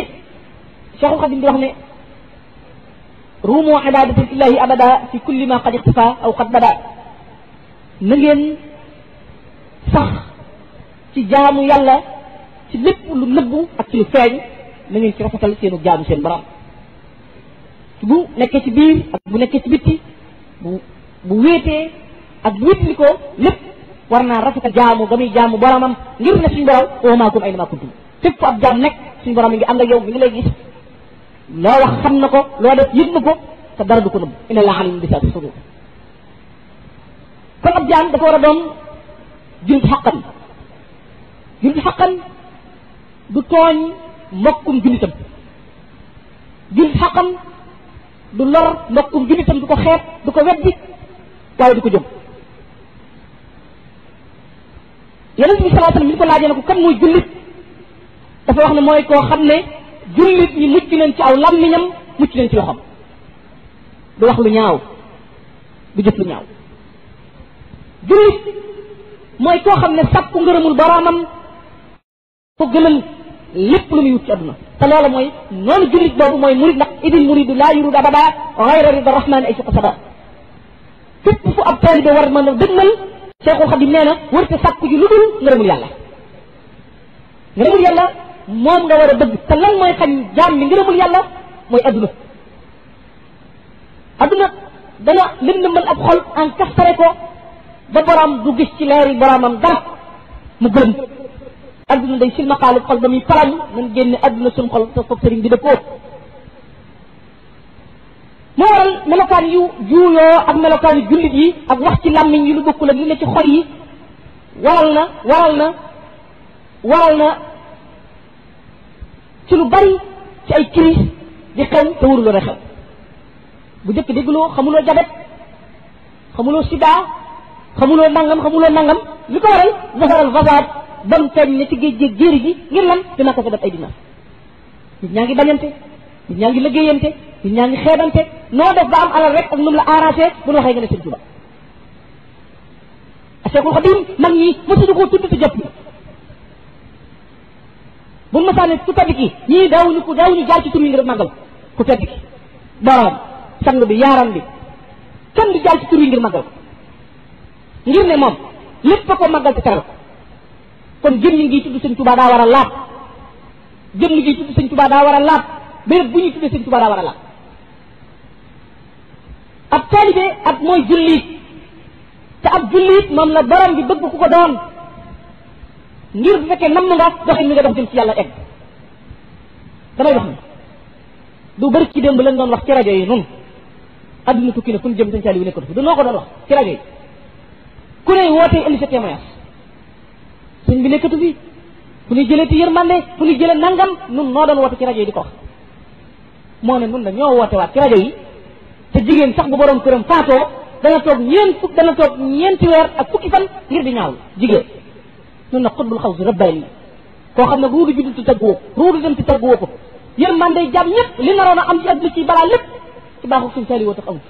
Cheikhul Xadim di wax ne ruumu abada fi kulli ma qad aw qad bada na sax ci jaamu yàlla ci lépp lu nëbbu ak ci lu feeñ na ngeen ci rafetal seenu jaamu seen borom bu nekkee ci biir ak bu nekkee ci bitti bu bu wéetee ak bu wétli ko lépp war naa rafetal jaamu ga muy jaamu boromam ngir ne suñu borom oo maakum ay na maakuntum fépp ab jaam nekk suñu borom mi ngi ànd ak yow mi ngi lay gis loo wax xam na ko loo def yëg na ko te dara du ko nëbb ina laa xam ne bisa kon ab jaam dafa war a doon jun xaqan jullit xaqan du tooñ mbokkum jullitam jullit xaqan du lor mbokkum jullitam du ko xeeb du ko weddi waaye du ko jëm yonent bi sallallahu alayhi wasallam mi ko laajee ne ko kan mooy jullit dafa wax ne mooy koo xam ne jullit ñi mucc nañ ci aw làmmiñam mucc nañ ci loxoom du wax lu ñaaw du jëf lu ñaaw jullit mooy koo xam ne sàkku ngërëmul boroomam ko lu muy ci adduna te mooy noonu jullit boobu mooy murid ndax idil muridu laa yuridu abada xayra rida rahmani ay suqa sada képp fu ab taalibe war mën a na wërte sàkku ji lu dul ngërëmul yàlla ngërëmul yàlla moom nga war a bëgg te lan mooy xañ jaam bi ngërëmul yàlla mooy adduna adduna dana lëndëmal ab xol en kaftare ko ba borom du ci leeri boromam dara mu gërëm adduna day silmaxaalu xol ba muy parañ man génne adduna suñ xol te foofu sëriñ bi dëppoo moo waral melokaan yu juuyoo ak melokaan yu jullit yi ak wax ci làmmiñ yi lu bokkul ak li ne ci xol yi waral na waral na ci lu bari ci ay crise di xew te waruloo xew bu njëkk dégguloo xamuloo jabet xamuloo sida xamuloo nangam xamuloo nangam li ko waral zaharal fasaad ba mu tooñ ne ci géej géej jéeri ji ngir lan dina ko fa def ay dina nit ñaa ngi bañante nit ñaa ngi liggéeyante nit ñaa ngi xeebante noo def ba am alal rek ak nu la arrangé bu ñu waxee nga ne sëñ Tuba ko Xadim mag ñi mosuñu koo tudd te jot na bu mu masaane ku tedd ki ñii daawuñu ko daawuñu jaar ci tur yi ngir màggal ku tedd ki boroom sang bi yaaram bi kenn du jaar ci tur yi ngir màggal ngir ne moom lépp a ko màggal te teral ko kon jëmm ngi tudd sëñ Tuubaa daa war a laab jëmm ngi tudd sëñ Tuubaa daa war a laab béréb bu ñuy tudd sëñ Tuubaa daa war a laab ab taalibe ab mooy jullit te ab jullit moom la borom bi bëgg ku ko doon ngir bu fekkee nam nga doxin mi nga dox jëm ci yàlla egg damay wax ni du bëri ci démb lañ doon wax ci rajo yi noonu adduna tukki na fu jëm sëñ Saaliw nekkoon fa du noo ko doon wax ci rajo yi ku ne wootee indi sa témoignage sëñ bi nekkatu fi fu ñuy jëlee ti yërmande fu ñuy jëlee nangam nun noo doon woote ci rajo yi di ko moo ne nun na ñoo woote waat ci rajo yi te jigéen sax bu borom këram faatoo dana toog ñeent fukk dana toog ñeenti weer ak fukki fan ngir di ñaawlu jigéen nun na xutbul xaw si rabbaani koo xam ne ruudu juddu ci tagg woo ruudu dem ci woo ko yërmande jaam ñëpp li naroon a am ci àdduna ci balaa lépp ci baaxu suñ sali woo tax amul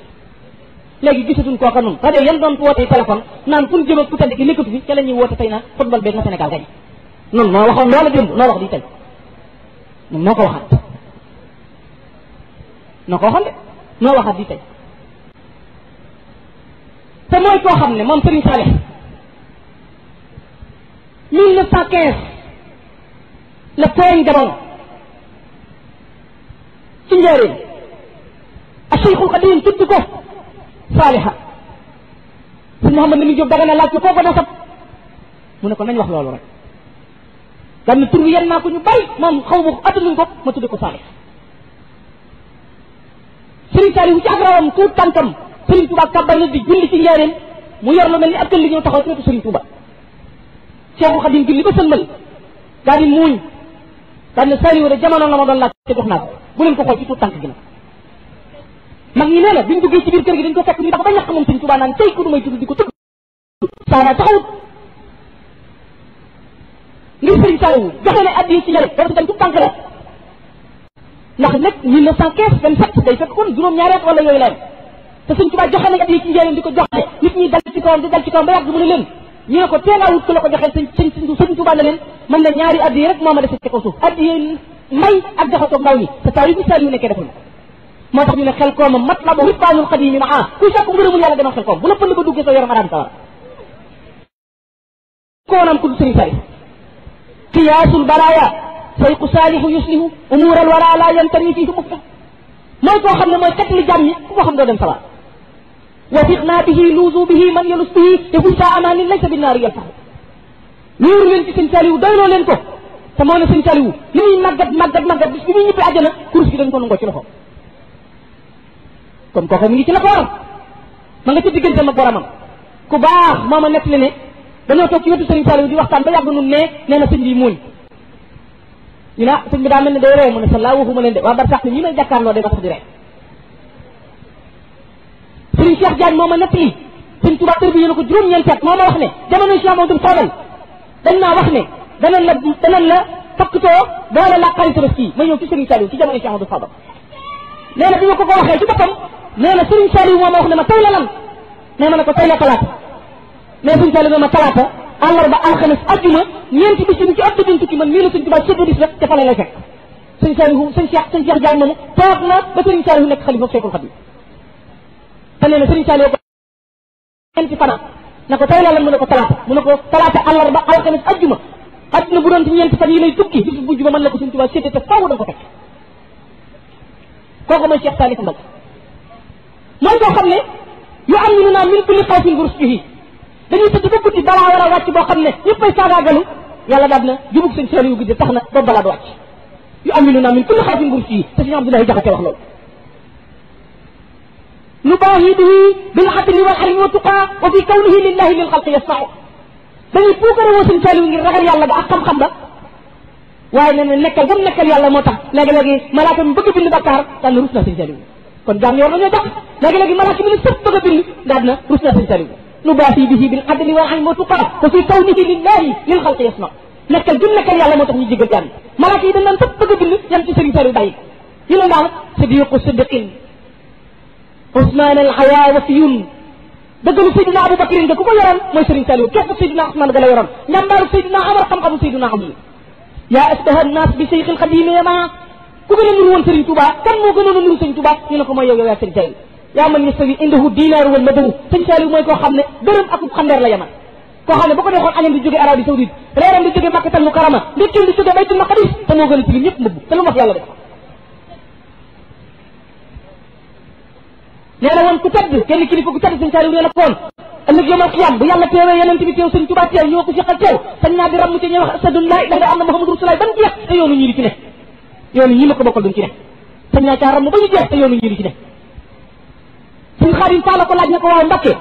léegi gisatuñ kooka nun rajo yan doon wootee téléphone naan fu ñu jëm ak ku tedd ki nekkatu fi ca la ñuy woote tey naan football beeg na Sénégal gañ nun noo waxoon loola démb noo wax di tey nun noo ko waxaat noo ko waxoon de noo waxaat di tey te mooy koo xam ne moom Serigne Saleh mille neuf cent quinze la feeñ jamono ci njëriñ a Cheikhul Xadim tudd ko saaliha si na Lamine Diop Dagana laaj ci koo ko nasab mu ne ko nañ wax loolu rek daan na tur bi yan naa ko ñu bari moom xaw ma ko attanuñ ko ma tudde ko saaliha Serigne Saliou ci ak rawam tuut tànkam Serigne Touba kàbbar na di julli ci njaareem mu yor mel ni ab li ñëw taxaw ko wetu Serigne Touba Cheikh Khadim julli ba sëlmal daal di muuñ daal ne de jamono la ma doon laaj te jox naa ko bu leen ko xool ci tuut tànk gi nag mag ñi nee na biñ duggee ci biir kër gi dañ ko fekk ñu tax ba ñàkk moom suñ tubaa naan tey ku du may tudd di ko tudd saara taxawut ngir sëriñ Saliou joxe na addi ci ñare dara si tam tub tànk la ndax nag mille neuf cent quinze vingt sept day fekk kon juróom ñaari at wala yooyu leen te suñ tubaa joxe na addi ci njëriñ di ko joxe nit ñi dal ci kawam di dal ci kawam ba yàgg mu ne leen ñu ne ko teelaawut ku la ko joxee sëñ sëñ sëñ tubaa ne leen mën na ñaari addi rek moo ma dese ci kaw suuf addi may ak joxe ko ndaw ñi te taw yi misaal yu nekkee defuñu moo tax ñu ne xel koomam mat la bu wisbaanul xadimi maa kuy sàkku ngërëmul yàlla demal xel koom bu la pënd ba duggee sa yaram araam sawar koonam ku sëriñ sari qiyaasul balaaya sayqu saalihu yuslihu umuur al wala la yantari fihi mufta mooy koo xam ne mooy kat li jàmm yi ku ko xam doo dem sawar wa fitna bihi luusu bihi man yalus bihi te buñ saa amaanin laysa bi naari yalfaxu wóor leen ci sëñ Saliou doyloo leen ko te moo ne sëñ Saliou li muy màggat màggat màggat bis bi muy ñibbi àjjana kurus gi dañ ko nangoo ci loxo kon kooku mu ngi ci la ko waral ma nga ci diggante ma boromam ku baax moo ma nekk li ne dañoo toog ci wetu sëriñ Saliou di waxtaan ba yàgg nun ne nee na sëñ bi muuñ ñu ne sëñ bi daa mel ne day ree mu ne sa laa waxuma ne ñi may jàkkaarloo day wax di ree sëriñ Cheikh ma nekk li sëñ Tuubaa tër bi ko juróom-ñeenti at moo ma wax ne jamono Cheikh Mamadou Fadal dañ naa wax ne danañ la danañ la fakkutoo boole la xarit tabaski ma ñëw ci sëriñ Saliou ci jamono Cheikh Mamadou Fadal nee na bi ma ko ko waxee ci boppam nee na Serigne Saliou moo ma wax ne ma tey la lan nee ma ne ko tey la talaata mais Serigne Saliou ne ma talaata àllarba alxames ajjuma ñeenti bis yi ci ëpp duñ tukki man mii la Serigne Touba sëbba bis rek te fa la lay fekk Serigne Saliou Serigne Cheikh Serigne Cheikh Jaan moomu toog na ba Serigne Saliou nekk xalifa Seexul Xadiim te nee na Serigne Saliou ñeenti fana na ko tey la lan mu ne ko talaata mu ne ko talaata àllarba alxames ajjuma àdduna bu doon ci ñeenti fan yi lay tukki bis bu juba mën la ko Serigne Touba sëbba te faw da nga ko fekk kooku mooy Cheikh Saliou Mbacké mooy boo xam ne yu am ñu naan min kulli xawfin burus bihi dañuy tëdd ba guddi balaa war a wàcc boo xam ne ñëpp ay saagaagalu yàlla daal na jubug seen seen yu guddi tax na ba balaa du wàcc yu am ñu naan min kulli xawfin burus bihi te suñu Abdoulaye Jaxate wax loolu nu baaxii bii bil xatmi wal xarmi wa tuqaa wa fi kawnihi lillahi lil xalqi yasmaxu dañuy puukare woo seen seen yu ngir ragal yàlla ba ak xam-xam ba waaye nee na nekkal ba mu nekkal yàlla moo tax léegi-léegi malaaka mi bëgg bind bakkaar daal na rus na seen seen kon jaam ñi war nañoo jàpp léegi-léegi malaaka bi ne sëpp bëgg a bind daal na rus na sëñ Saliou nu baafi bihi bil adli wal ilmi wa tuqaa wa fi kawnihi lillahi lil xalqi yasma nekkal gim nekkal yàlla moo tax ñu jégal jaam yi malaaka yi dañ naan sëpp bëgg a bind yam ci sëriñ Saliou bàyyi yi leen daal sidiqu sidiqin Ousmane al hayaa wasiyun dëggalu Seydina Abu Bakrin nga ku ko yoroon mooy Sëriñ Saliou képp Seydina Ousmane ga la yoroon njàmbaaru Seydina Amar xam-xamu Seydina Aliou yaa asbaha annaas bi Cheikh al Xadim yama ku gëna nuru won serigne touba kan mo gëna nuru serigne touba ñu ne ko moy yow yow ya serigne tay ya man yastawi indahu dinar wal madu serigne tay moy ko xamne deureum ak xander la yamal ko xamne bu ko neexon añam di joge arabie saoudite reeram di joge makkah makkatal mukarrama di ndekki di joge baytul maqdis te mo gëna ci ñepp mbubb te lu wax yalla def neena won ku tedd kenn kilifa ku tedd serigne tay saliw neena kon ëllëg yomal xiyam bu yàlla teewee yeneen bi teew sëñ tuba teew ñoo ko fi xal teew sañ naa di ràmm ci ñuy wax asadun laa ilaha illa allah muhammadu rasulullah ban jeex te yoonu ñi di ci ne yoonu ñi ma ko bokkal duñ ci ne sëñ naa ba ñu jeex te yoonu ñii du ci ne suñ xaarim faala ko laaj na ko waaw mbakke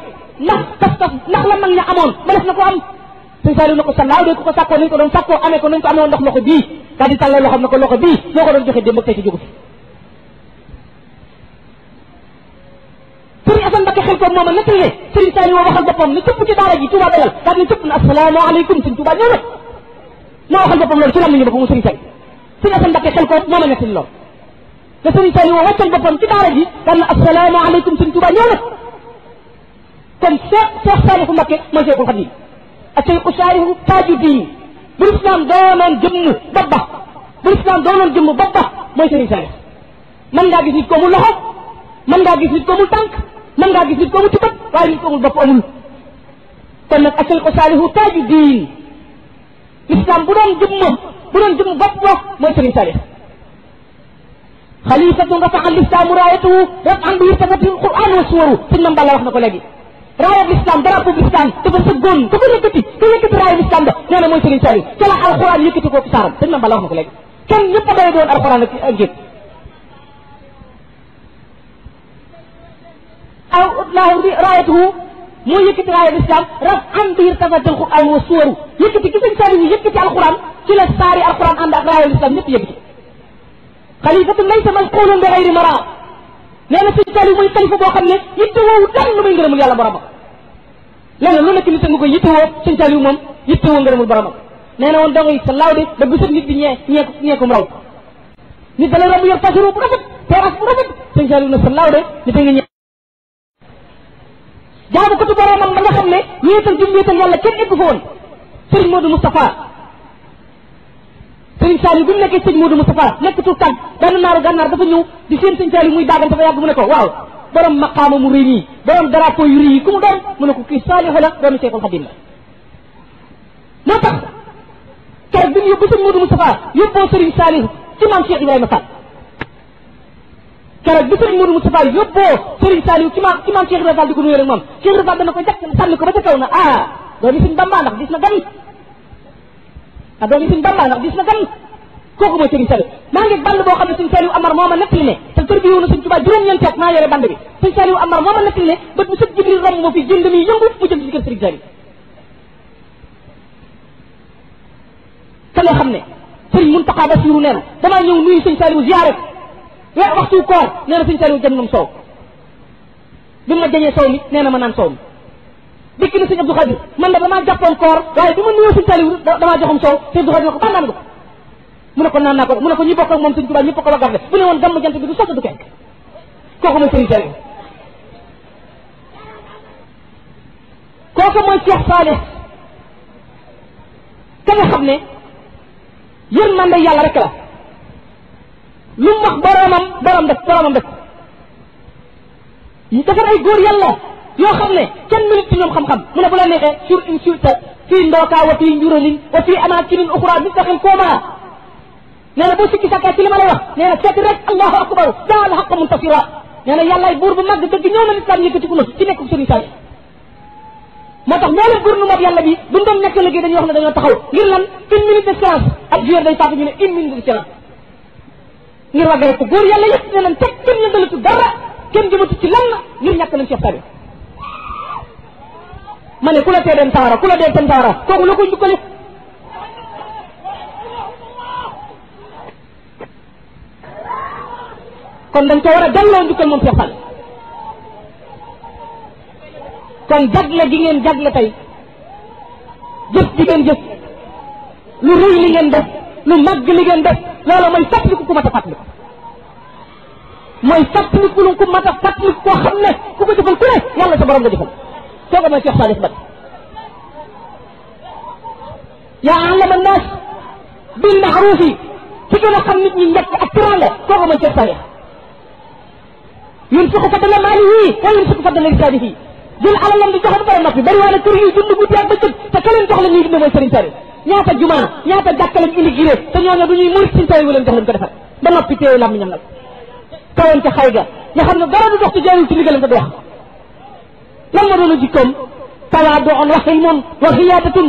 ndax tas tas ndax la mag ña amoon ma na ko am suñ na ko sallaaw de ko sàkkoo nañ ko doon sàkkoo amee ko nañ ko amee woon ndox loxo bii di tàllal loxo na ko loxo bii doon joxe démb ak tey te jógu fi sëriñ Asan Mbakke xel koom moom a nettali ne sëriñ saaliw woo waxal boppam ne cëpp ci daara ji Tuubaa dalal daa di ne cëpp na asalaamaaleykum sëriñ Tuubaa ñëw na moo waxal boppam si na sa mbakke xel ko mooma nettali lool te sëriñ Saliou woo wàccal boppam ci daara ji daan na asalaamaaleykum sëñ Tuubaa ñëw na kon see seex saalihu mbakke mooy seexul xadim ak say usaarihu taaju diin bu lislaam doonoon jëmm bobba bu lislaam doonoon jëmm bobba mooy sëriñ Saliou mën ngaa gis nit ko mu loxo mën ngaa gis nit ko mu tànk mën ngaa gis nit ko mu tubat waaye nit ko mu bopp amul kon nag ak say usaarihu taaju diin lislaam bu doon jëmm bu doon jëm bopp bopp mooy Serigne Salih xalifatun rafa'a lislaamu raayatahu raf'an bi irtafatil qur'aan wa suwaru sëñ Mame Balla wax ko léegi raayab lislaam drapeau lislaam dafa sëggoon dafa yëkkati te yëkkati raayab lislaam ba nee na mooy Salih ca la alxuraan yëkkati ko ci saaram sëñ Mame Balla wax ko léegi kenn ñëpp a doy alxuraan ak ak géej moo yëkkati aaya lislaam raf am biir tafatal quran wa suwaru yëkkati ki sëñ Saaliw yëkkati alquran ci la saari alquran ànd ak raaya lislaam ñëpp yëkkati xalifatu laysa masquulun bi gayri mara nee na sëñ Saaliw muy xalifa boo xam ne yitte woowu dara lu may ngërëmul yàlla boromam leneen lu nekk nit nga ko yitte woo sëñ Saaliw moom yitte woo ngërëmul boromam nee na woon dong sa laaw de da bisat nit bi ñee ñee ñee ko raw nit da lay romb yor fasiru bu rafet te as bu rafet sëñ Saaliw na sa laaw de nit nga ñee jaamu ko tu boroomam ba nga xam ne wéetal jum wéetal yàlla kenn eggu fa woon sëriñ Modou Moustapha sëriñ Saliou bi mu nekkee sëriñ Modou Moustapha nekk tu tàgg benn naaru gànnaar dafa ñëw di seen sëriñ Saliou muy daagan dafa yàgg mu ne ko waaw borom maqaama mu rëy nii borom drapeau yu rëy yi ku mu doon mu ne ko kii Saliou la doomi Seexul Xadim la moo tax keroog bi mu yóbbu sëriñ Modou Moustapha yóbboo sëriñ Saliou ci maam Cheikh Ibrahima Fall keroog bi sëriñ Modou Moustapha yóbboo sëriñ Saliou ki maam ki maam Cheikh Ibra Fall di ko nuyoo rek moom Cheikh Ibra Fall dana ko jàkk sànni ko ba ca kaw na ah doomi sëriñ Bamba ndax gis na gan ah doomi sëriñ Bamba ndax gis na gan kooku mooy sëriñ Saliou maa ngi band boo xam ne sëriñ Saliou Amar moo ma nettali ne te tër na sëriñ Touba juróom-ñeenti at maa yore band bi sëriñ Saliou Amar moo ma nettali ne bët bu sëg Jibril romb ma fi jënd mi yëngu mu jëm ci kër sëriñ Saliou te loo xam ne sëriñ Mountakha Bassirou wa waxtu koor nee na suñu saliwu jëm nam soow bi ma jañee soow mi nee na ma naan soow mi dikk na sëñ Abdou Khadir man da damaa jàppoon koor waaye bi ma nuyoo suñu saliwu damaa joxum soow sëñ Abdou Khadir na ko ba naan nga ko mu ne ko naan naa ko mu ne ko ñi bokk moom suñ tubaab ñëpp bi du sott kooku mooy sëriñ saliwu kooku ka nga xam ne yërmande yàlla rek la lu mu wax boroomam boroom def boroomam def ñu defar ay góor yàlla yoo xam ne kenn mënut ci ñoom xam-xam mu ne bu la neexee sur une suite fii ndookaa wa fii njuralin wa fii amaakinin uxra mustaqim koomaa nee na boo sikki sàkkaa ci li ma lay wax nee na seeti rek allahu akbar daa al xaq muntasira nee na yàllaay buur bu màgg dëgg ñëw na lislaam yëkkatiku na ci nekk sëriñ Sall moo tax moo leen góor nu moom yàlla bi buñ doon nekk liggéey dañuy wax ne dañoo taxaw ngir lan une minute de silence ak joueur day fàtte ñu ne une minute de silence ngir waggale ko góor yàlla yëpp ne leen teg kenn lëndalatu dara kenn jëmatu ci lan ngir ñàkk nañ Cheikh Saliou ma ku la tee dem sawara ku la dee dem sawara kooku la ko njukkale kon dañ ko war a delloo njukkal moom Cheikh Saliou kon jagle gi ngeen jagle tey jëf ji ngeen jëf lu rëy ngeen def lu màgg li ngeen def loola mooy fàttaliku ku mat a fàttaliku mooy fàttaliku lu ku mat a fàttaliku koo xam ne ku ko jëfal ku ne yàlla sa borom nga jëfal soo ko mooy Cheikh Salif Bat yaa alama naas bil maaruuf yi ci gën a xam nit ñi njëkk ak teraanga koo ko mooy Cheikh Salif yun suko faddala maali yii wala yun suko faddala risaali yii jël alalam di joxe ba pare noppi bari waa ne kër yi dund guddi ak bëccëg te ka leen jox la ñuy dund mooy Serigne Salif ñaata jumaa ñaata jàkka lañ inauguré te ñooñu du ñuy mur suñ tawee wu leen jox leen ko defar ba noppi téye làmmiñam nag kawoon ca xay ga nga xam ne dara du dox ci jaayul ci ndigalam te du wax lan ma doon a jikkoom tawaa doxoon waxi moom waxi yaatatun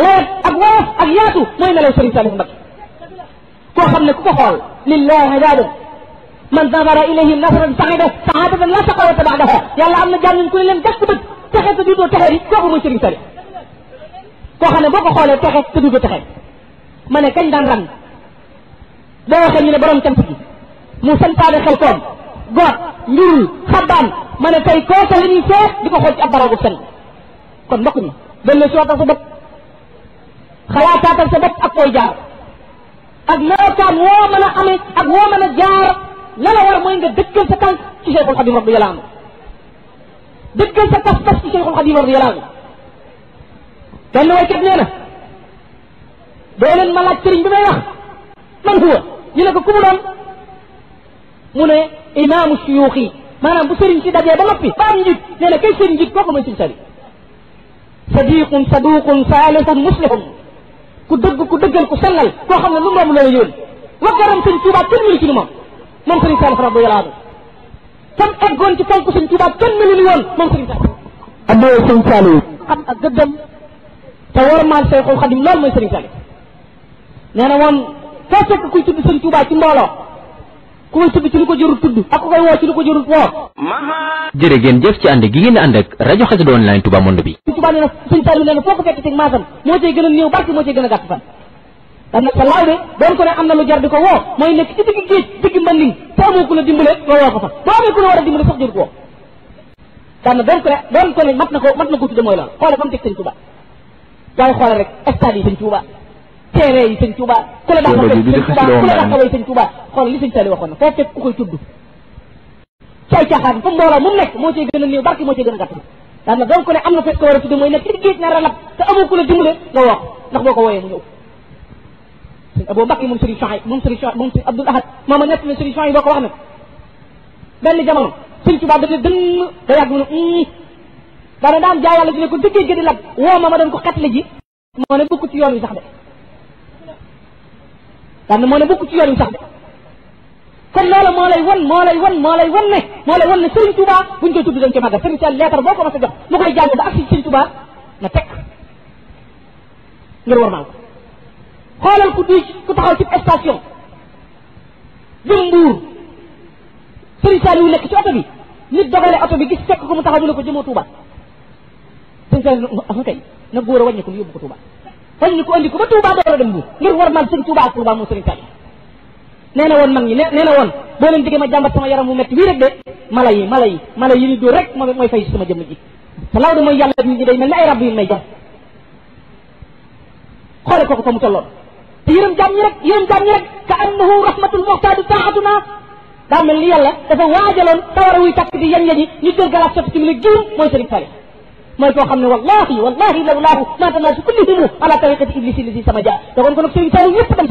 leer ak woyof ak yaatu mooy melaw sëriñ Saliou Mbacké koo xam ne ku ko xool lillahi daadam man nazara ilayhim nasaran saxida saxadatan la taqawata baadaha yàlla am na jàmm ñu ku ne leen jàkk bët texee te duutoo texee di kooku mooy sëriñ Saliou koo xam ne boo ko xoolee texe te dugg texe ma ne kañ daan ran boo waxee ñu ne borom cant gi xel koom góor njurul xabbaan ma ne tey kooku la ñuy di ko xool ci ab baragu fen kon mbokk mi benn si waxtaan sa bopp xalaataatal sa bopp ak koy jaar ak melokaan woo mën a ak woo mën a jaar la la war mooy nga dëkkal sa tànk ci Cheikhul Xadim radiyallahu anhu dëkkal sa pas-pas ci Cheikhul Xadim radiyallahu anhu kenn waykat nee na doo leen ma bi may man huwa ñu ne ko ku mu doon mu ne imaamu suyuux yi maanaam bu sëriñ si dajee ba noppi ba am njiit nee na kay seen kooku mooy sëriñ sali sadiqun saduqun saalihun muslihun ku dëgg ku dëggal ku sellal koo xam ne lu moom loola yoon waggaram sëñ Tuubaa kenn ci ni moom moom sëriñ Saalih radiyallaahu anhu kam eggoon ci fonk sëñ Tuubaa kenn mënu ni woon moom sëriñ Saalih addoo Saalih te wormaal Seexul Xadim loolu mooy Sëriñ Saliou nee na woon foo fekk kuy tudd Sëriñ Tuubaa ci mbooloo ku koy tudd ci lu ko jërul tudd ak ku koy woo ci lu ko jërul woo. jërë ngeen jëf ci ànd gi ngeen ànd ak rajo Xassida online Touba Monde bi. Touba nee na Sëriñ Saliou nee foo ko fekk ci maasam moo cay gën a néew barke moo cay gën a gàtt fan. dana sa laaw de doon ko ne am na lu jar di ko woo mooy nekk ci digg géej digg mbanding te amoo ku la dimbale nga ko fa boo amee ku la war a dimbale sax ko woo daan na doon ko na ko mat na ko tudde mooy loolu xoole waaye xoolal rek stade yi sëñ Touba terrain yi sëñ Touba ku la dàq ku la dàq way sëñ Touba xoolal li sëñ Saliou waxoon na foofu fekk ku koy tudd caay caaxaan fu mbooloo mu nekk moo cee gën a néew barke moo cee gën a gàtt daan na donc ne am na fekk ko war boo ko wooyee mu ñëw sëñ Abou Mbacke moom sëriñ moom sëriñ Faye moom sëriñ Abdoul Ahad moo ma nekk ne sëriñ Faye boo ko wax ne dana daam jaay yàlla si ko dëggee gëdi lab woo ma ma doon ko xatli ji mo ne bukk ci yoon sax de daan mo ne bukk ci yoon sax de kon loola mo lay won mo lay won mo lay won ne mo lay won ne Serigne Touba buñ ko tuddu dañ ci màggal Serigne Sall lettre boko ma sa jox mu koy jàng da ak Serigne Touba na tek ngir war maal ko xoolal ku di ku taxaw ci station bi Serigne Sall yu nekk ci oto bi nit dogale oto bi gis fekk ko mu taxaw mu ko jëmoo Touba sëñ Saliou ah kay na a ñu yóbbu ko Touba wàññi ko andi ko ba Touba door a dem Mbour ngir war maam sëñ Touba ak Touba moo sëriñ Saliou nee na woon mag ñi nee na woon boo leen digee ma jàmbat sama yaram mu métti wii rek de mala yi mala yi mala yi ni dóor rek moo mooy fay sama jëmm ji te law da mooy yàlla nit ñi day mel ne ay rab may jam xoole kooku fa mu tolloon te yërëm jaam ñi rek ka annahu rahmatul muxtaadi taatuna daa mel ni yàlla dafa waajaloon tawara wuy takk di yan yañi ñu jël galaas sotti ci mu ne giwum mooy sëriñ Saliou mooy koo xam ne wallahi wallahi law laahu maatanaa si kullihimu ala tariqati iblisi li si sama jaar da kon ko nag sëriñ Saliou ñëpp dem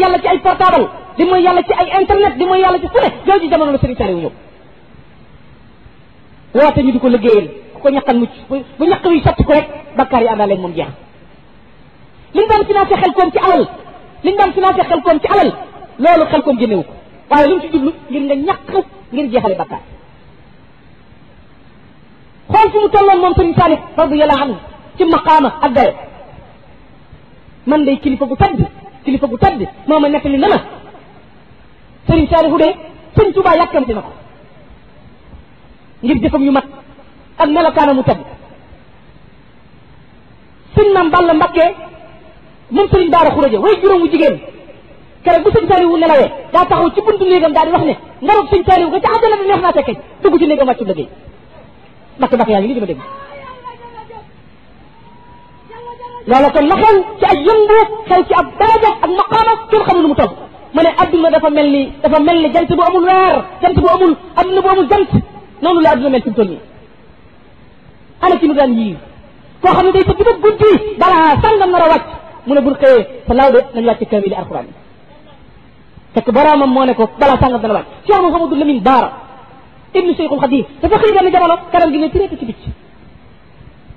yàlla ci ay portable di yàlla ci ay internet di mooy yàlla ci fu ne jooju jamono ko liggéeyal ku ko ñaqan mucc bu ñaq wi sotti ko rek bakkaar yi àndaale moom jeex liñ daan financé xel koom ci alal liñ daan financé ci alal loolu xel koom génnewu ko waaye lu mu ci jublu ngir nga ñàkk ngir jeexale bakkaar xool fu mu tolloon moom sëriñ Saalix radiyallahu anhu ci maqaama ak dayo man day kilifa gu tedd kilifa gu tedd moo ma nettali na ma sëriñ Saalixu de sëñ Tuubaa yàkkamti na ko ngir jëfam yu mat ak melokaana mu tedd sëñ Maam Balla Mbakke moom sëriñ Baara Xuraja way juróom wu jigéen keroog bu sëñ Saliou nelawee daa taxaw ci buntu néegam daal di wax ne ngarab sëñ Saliou nga ci àdduna bi neex naa tekkee dugg ci néegam wàccu liggéey mbakk mbakk yaa ngi nii di ma dégg loola kon la xew ci ay yëngu xew ci ab daraja ak maqaama kenn xamul lu mu toll ma ne adduna dafa mel ni dafa mel ni jant bu amul weer jant bu amul adduna bu amul jant noonu la adduna mel fi mu toll nii ana ci mu daan yiir koo xam ne day tëdd ba guddi balaa sangam nar a wàcc mu ne bul xëyee sa laaw de nañ wàcc kaamili alxuraan fekk boroomam moo ne ko balaa sàngam dana wàcc Cheikh Mouhamadou Lamine Baara ibnu Cheikhul Khadim dafa xëy benn jamono kanam gi ne tiréete ci bicc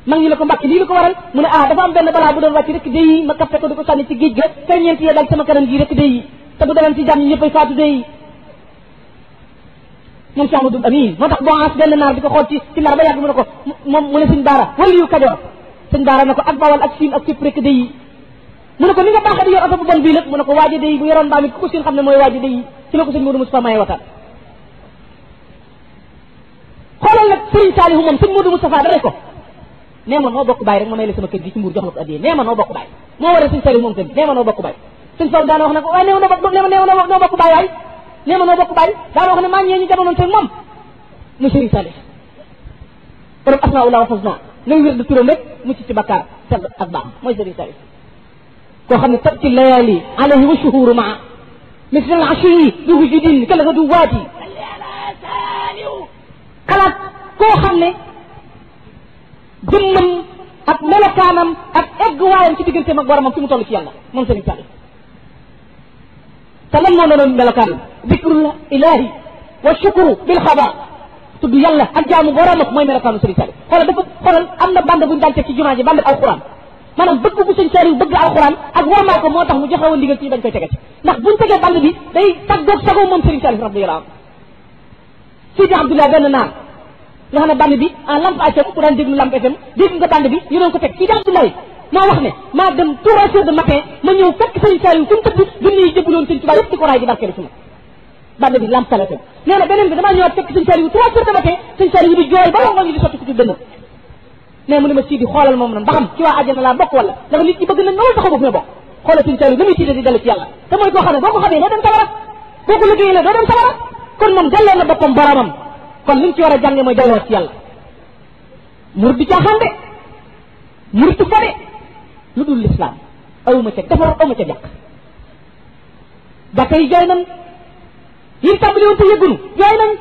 mag ñu ne ko ko waral mu ne ah dafa am benn balaa bu doon wàcc rek day yi ma kappe ko di ko sànni ci géej ga ferñeent yee dal sama kanam gii rek day yi te bu dalan ci jàmm ñëppay faatu day yi moom Cheikh Mouhamadou Amin moo tax boance benn naar di ko xool ci ci naar ba yàgg mu ne ko moom mu ne suñ Baara wala yu kajoor suñ Baara ne ko ak bawal mu a ko ni nga baaxee di yor oto bu bon bii nag mu ne ko waaji day bu yoroon mbaam it ku ko seen xam ne mooy waaji day ci la ko sëñ Modou Moustapha maye wataan xoolal nag Serigne Saliou moom sëñ Modou Moustapha dare ko nee ma noo bokk bàyyi rek ma may la sama kër gi ci jox la ko addiyee nee ma noo bokk bàyyi moo war a sëñ Saliou moom tamit nee ma noo bokk bàyyi sëñ Sow ko waaye nee ma noo bokk nee ma noo bokk bàyyi waay ma noo bokk bàyyi daana wax ne maa ñee ñu jamonoon teg moom mu Serigne Saliou borom asmaa ak baax mooy Serigne وخمن تبكي الليالي عليه وشهور معه مثل العشي دوه جدين كلا دو وادي كلا كو خمن دمم اك ملكانم اك اقوائم كي تقرتي مكبارة من كم تولي في الله من سنة تالي تلم من الملكان ذكر الله إلهي والشكر بالخبر تبي يلا أجا مغرامك ما يمرك أنا سري سري خلا دفع خلا أنا بند بندان تكي جماعة بند أو قرآن maanaam bëgg bu sëñ Saliou bëgg alxuraan ak warmaa moo tax mu joxe woon ndigal ci ñu bañ koy tege ci ndax buñ tegee band bi day taggoog sagoo moom sëriñ Saliou radiyallahu anhu Sidi Abdoulaye benn naar nga xam ne band bi en lamp FM ku daan déglu lamp FM dégg nga bi ñu doon ko teg Sidi Abdoulaye moo wax ne maa de matin ma ñëw fekk sëriñ Saliou fu mu tëdd junniy jëbbuloon sëriñ Tuubaa yëpp di ko raay di barkeelu si ma band bi lamp FM nee na beneen bi damaa ñëw fekk sëriñ Saliou trois heures de matin jooy ba wax nga ñu di sotti ne mu ne ma sidi xolal mom noonu ba ci wa aljana la bok wala dafa nit ñi bëgg na loolu taxo bëgg na bok xolal ci taalu ba ci di dal ci yalla te moy ko xamne boko boo ko dem sabara boko ko liggéeyee la doo dem sabara kon mom delloo na bokkom boromam kon liñ ci wara jangé moy mooy ci yalla murid di caaxaan de murid du fare lu dul lislaam awma ca defar awuma ci jàkk da kay jey nan yi tabli woon te yëggunu jey nan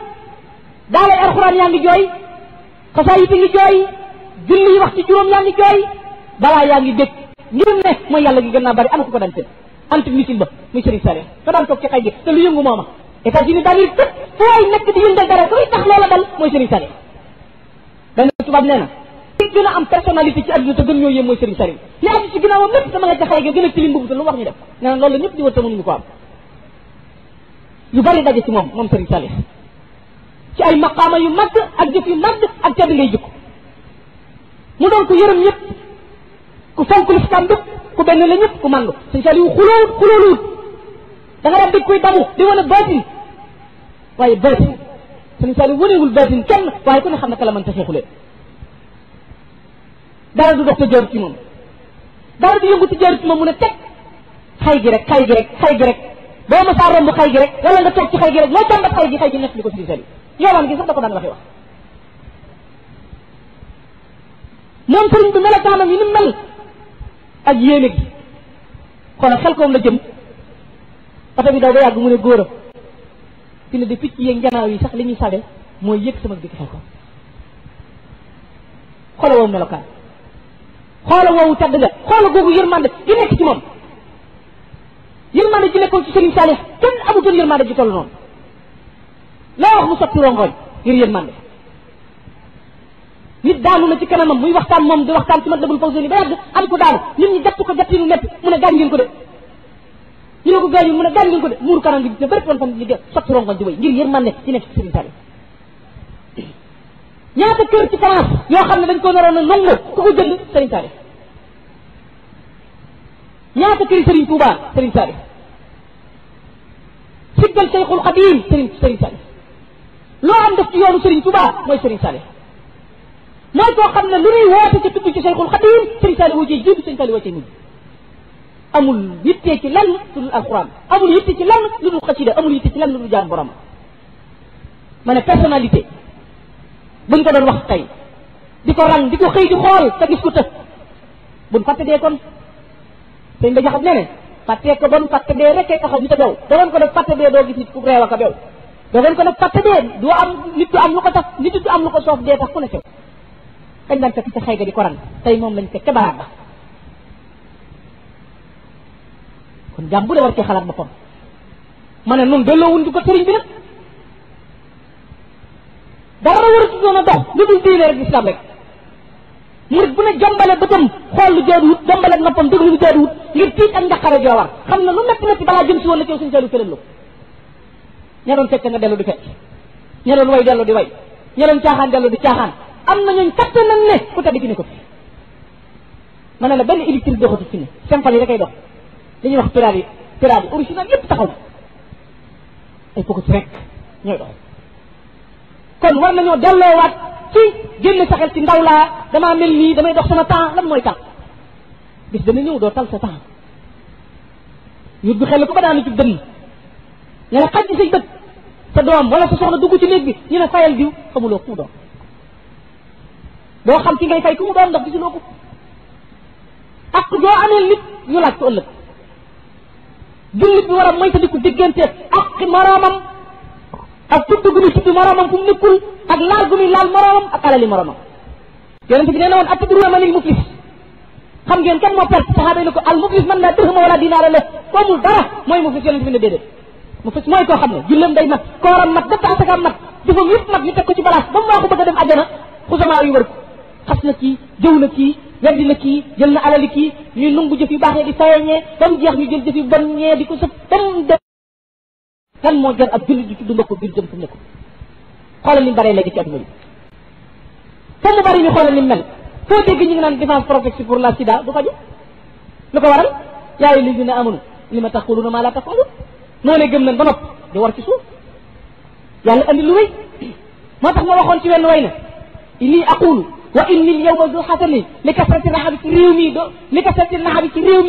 daale alquran yaangi joy jooy xasaa yi ngi joy julli wax ci juróom yaa ngi jooy balaa yaa ngi dégg ngir ne mooy yàlla gi gën naa bari ana ko ko daan tëdd te lu yëngu mooma États-Unis daal yi tëpp fu waay nekk di yëngal dara koy tax loola dal mooy Serigne Saliou benn tubaab nee na ki gën a am personnalité ci àdduna te gën ñoo yéem mooy Serigne Saliou li aju ci ginnaawam lépp dama nga ca xëy gi gën a tilim mbubu te lu wax ñu def nee na loolu la ñëpp di wër te mënuñu ko am yu bari daje ci moom moom Serigne Saliou ci yu mag ak jëf yu ak tedd ngay mu doon ku yërëm ñëpp ku fonk lislaam bépp ku benn la ñëpp ku màndu suñ sali wu xulóowut xulóoluwut da nga daan dégg koy damu di wane baatin waaye baatin suñ sali wanewul baatin kenn waaye ku ne xam ne kala mën ta xeexulee dara du dox te jaarut ci moom dara du yëngu te jaarut ci moom mu ne teg xay gi rek xay gi rek xay gi rek boo ma saa romb xay gi rek nga toog ci xay gi rek loo xay gi xay gi nekk li ko suñ sali yoowaan gi da ko daan waxee wax moom sëriñ bi melokaanam yi ni mel ak yéene gi kon xel koom la jëm oto bi daw ba yàgg mu ne góor a fi ne di picc yeeg njanaaw yi sax li ñuy sabe mooy yëg sama dikk xel koom xoola woowu melokaan xoola woowu tedd ga xoola googu yërmande gi nekk ci moom yërmande ji nekkoon ci sëriñ Saalix kenn amutoon yërmande ji toll noonu loo wax mu sotti rongoñ ngir yërmande nit daanu na ci kanamam muy waxtaan moom di waxtaan ci Matlabul Fawzayni ba yàgg am ko daanu ñun ñu jàpp ko jàpp yi métti mu gaañ ngeen ko de ñu ne ko gaañu mu ne gaañ ngeen ko de muuru kanam gi gis ne bëri sotti rongoñ di way ngir yërmande ci nekk ci Sëriñ Saliou ñaata kër ci France yoo xam ne dañ ko naroon a nangu ku ko jënd Sëriñ Saliou ñaata këri Sëriñ Touba Sëriñ Saliou siggal Seyxul Xadim Sëriñ Sëriñ Saliou loo am def ci yoonu Sëriñ Touba mooy Sëriñ mooy koo xam ne lu ñuy woote ci tudd ci Cheikhul Xadim sëñ Saliou ci jiitu sëñ Saliou ci mujj amul yittee ci lan lu dul alquran amul yitte ci lan lu dul xasida amul yitte ci lan lu dul jaam borom ma ne personnalité buñ ko doon wax tey di ko rang di ko xëy di xool te gis ko të buñ fàtte dee kon sëñ ba jaxat ne ne fàttee ko bon fàtte dee rekkee taxaw nit a bew doon ko def fàtte dee doo gis nit ku reew ak a bew doon ko def fàtte dee du am nit du am lu ko tax nit du am lu ko soof dee tax ku ne sew kañ daan fekk ca di ko ran tey moom lañ fekk ca kon jàmm bu war cee xalaat boppam ma nun delloo ko bi dara war ci dox lu dul diine rek islam rek murid bu ne jombale bëtam xool lu joodu wut jombale ak noppam lu joodu wut ngir tiit ak njaqare joo war xam na lu metti metti balaa jëm si woon ci di fekk way di way di am na ñooñ kattan nañ ne ku tedd ki ko fi ne la benn électrique doxatu fi ne symphonie da koy dox li ñuy wax piraat yi piraat yi original yépp taxaw na ay pokkut rek ñooy dox kon war nañoo delloowaat ci génn sa xel ci ndaw laa damaa mel nii damay dox sama temps lan mooy temps bis dana ñëw doo tal sa temps yut bu xel ko ba daanu ci dënn nga ne xaj ci say bët sa doom wala sa soxna dugg ci néeg bi ñu ne fayal diw xamuloo ku mu doo xam ki ngay fay ku mu doon ndax gisuloo ko ak doo amee nit ñu laaj ko ëllëg jullit bi war a moytandiku diggante ak moroomam ak tudd gu muy tudd moroomam fu mu nekkul ak laal gu muy laal moroomam ak alali moroomam yonent bi nee na woon atadruuna manil muflis xam ngeen kan ne ko al muflis man laa dirhama wala dinaara la ko amul dara mooy muflis yonent bi ne déedéet muflis mooy koo xam ne julleem day mat kooram mat dëpp asakaam mat jëfam yëpp mat ñu teg ko ci balaas ba waa ko bëgg a dem àjjana xusamaa yu wër ko xas na kii jëw na kii weddi na kii jël na alali kii ñu nungu jëf yu baaxee di sayeñee tam jeex ñu jël jëf yu bon ñee di ko sëf ba mu dem kan moo jar ab jullit di tudd mbokk biir jëm fu nekk xolal ni bare léegi ci aduna tam fa mu bari ni xolal ni mel fo dégg ñi ngi naan défense protection pour la sida du faju lu ko waral yaay li dina amul lima taquluna ma la taqulu noo ne gëm nañ ba nop di war ci suuf yalla andi lu wéy moo tax ma waxon ci wenn wayna ini aqulu wa inni l yawma du xasani li kasrati naxabi ci réew mi do li kasrati naxabi ci réew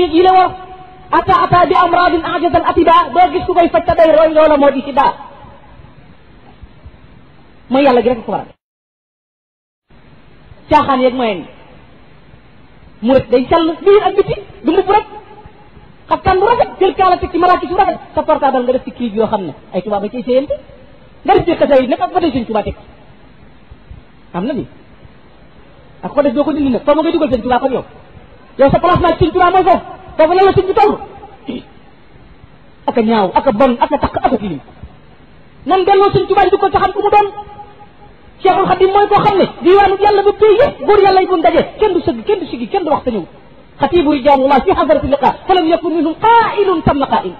nga def ci kii yoo xam ne ak ba tey suñ tubaab am na ni ak ko def doo ko dindi nag foo ma ngay dugal sëñ Tuubaa kon yow yow sa place naa sëñ Tuubaa mooy foofu foofu lan la sëñ bi toll ak a ñaaw ak a bon ak a takk ak a tilim nan delloo sëñ Tuubaa di ko taxam ku mu doon Cheikhul Khadim mooy koo xam ne diwaanu yàlla ba tey yëpp góor yàlla yi buñ dajee kenn du sëgg kenn du sigi kenn du wax te ñëw xatibu rijalullah fi hadrati liqa falam yakun minhum qaa'ilun tamma qaa'il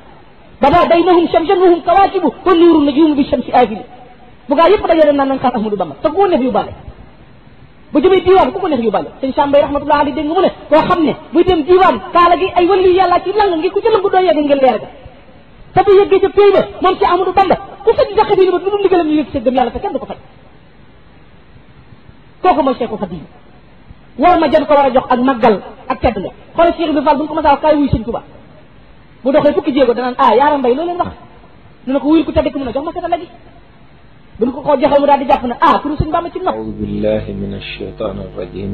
bada baynahum shamsun wa hum kawaakibu wa nuuru najumu bi shamsi aafili bu gaa yëpp dajee dañ naan nañ xaar Ahmadou Bamba te ku nekk yu bale ba jëmee diiwaan ku ko neex yóbbaale sëñ sàmbay rahmatullah ali dégg mu ne koo xam ne buy dem diiwaan kaala gi ay wàllu yàlla ci lang ngi ku ci langu doon yegg ngeen leer ga te bu yeggee ca péy ba moom ci Amadou Bamba ku faj jaq bi ni ba du dul ndigalam ñu yëg sa gëm yàlla te kenn du ko faj kooku mooy Seexul Xadiim war ma jëm ko war a jox ak màggal ak tedd la xoolal Cheikh Ibrahima Fall bu ñu ko mos a wax kaay wuy sëñ Tuba bu doxee fukki jéego ah, ku tedd a jox اعوذ بالله من الشيطان الرجيم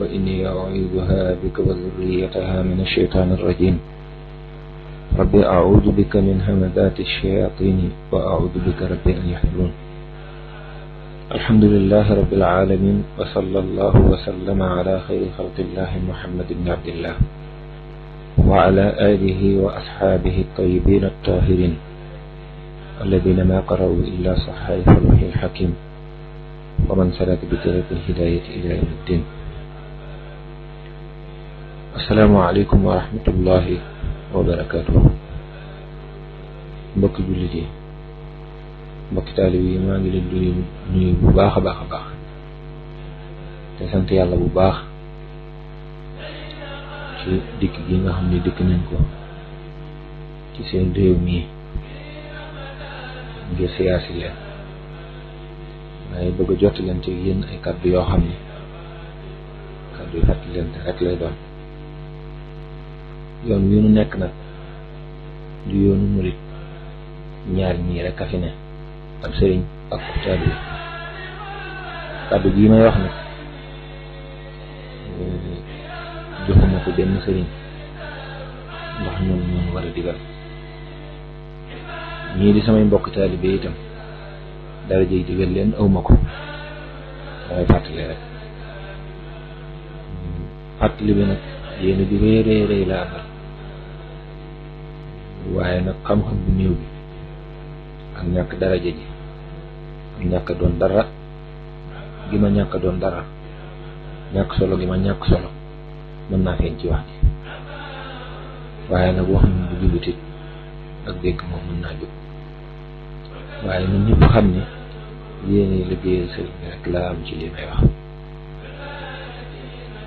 واني اعوذها بك وذريتها من الشيطان الرجيم ربي اعوذ بك من همدات الشياطين واعوذ بك ربي ان يحضرون الحمد لله رب العالمين وصلى الله وسلم على خير خلق الله محمد بن عبد الله وعلى اله واصحابه الطيبين الطاهرين الذين ما قرأوا إلا صحيح الوحي الحكيم ومن سلك بطريق الهداية إلى يوم الدين السلام عليكم ورحمة الله وبركاته بكي بلدي بكي تالي ما بلدي ني بباخ باخ باخ تسنتي الله بباخ ci dikk gi nga xam ne dikk nañ ko ci seen réew mii ngir siyaasi leen waaye bëgg a jottalante ak yéen ay kàddu yoo xam ne kàddu yu fàttalante rek lay doon yoon wi nu nekk nag du yoonu murit ñaar ñii rek a fi ne ak sëriñ ak kutaab yi kàddu gii may wax nag joxuma ko benn sëriñ ndax ñoom ñoom war a digal ñii di samay mbokk taalibe itam dara jëy digal leen aw ma ko damay fàttali rek fàttali bi nag yéen ju rëy rëy rëy la waaye nag xam-xam bu néew bi ak ñàkk daraja ji ñàkk doon dara gi ma ñàkk doon dara ñàkk solo gi ma ñàkk solo mën naa feeñ ci wax ji waaye nag wax moom bu ak dégg moom mën naa jóg waaye ñun ñëpp xam ni yéene liggéeyal sëriñ bi rek laa am ci li may wax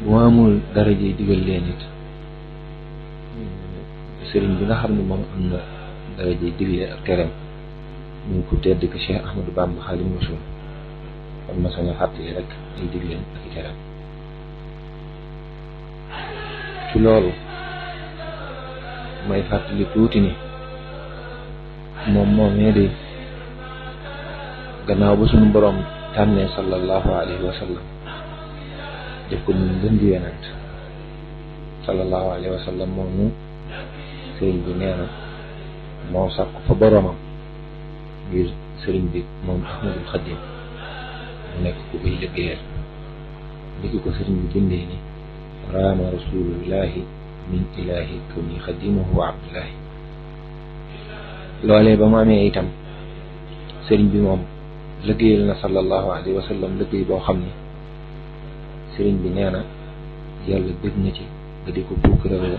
bu ma amul dara ji leen it sëriñ bi nga xam ne moom am na dara ji digle ak tereem ñu ngi ko tedd ko Cheikh Ahmadou Bamba Xaadimu Rasuul kon ma sañ a fàttali rek ay digleen ak tereem ci loolu may fàttali tuuti ni moom moom nee de gannaaw ba suñu borom tànnee sallallahu alayhi wa sallam def ko ñu gën di yonent sallallahu alayhi wa sallam moo ñu sëriñ bi nee na moo sàkku fa boromam ngir sëriñ bi moom Ahmadul Xadim mu nekk ku koy liggéeyal niki ko sëriñ bi bindee ni raama rasulullahi min ilahi kawni xadimahu wa abdullahi loolee ba mu amee itam sëriñ bi moom لجيل صلى الله عليه وسلم لجي بو سرين سيرن بي يالا دغ بديكو بوك رو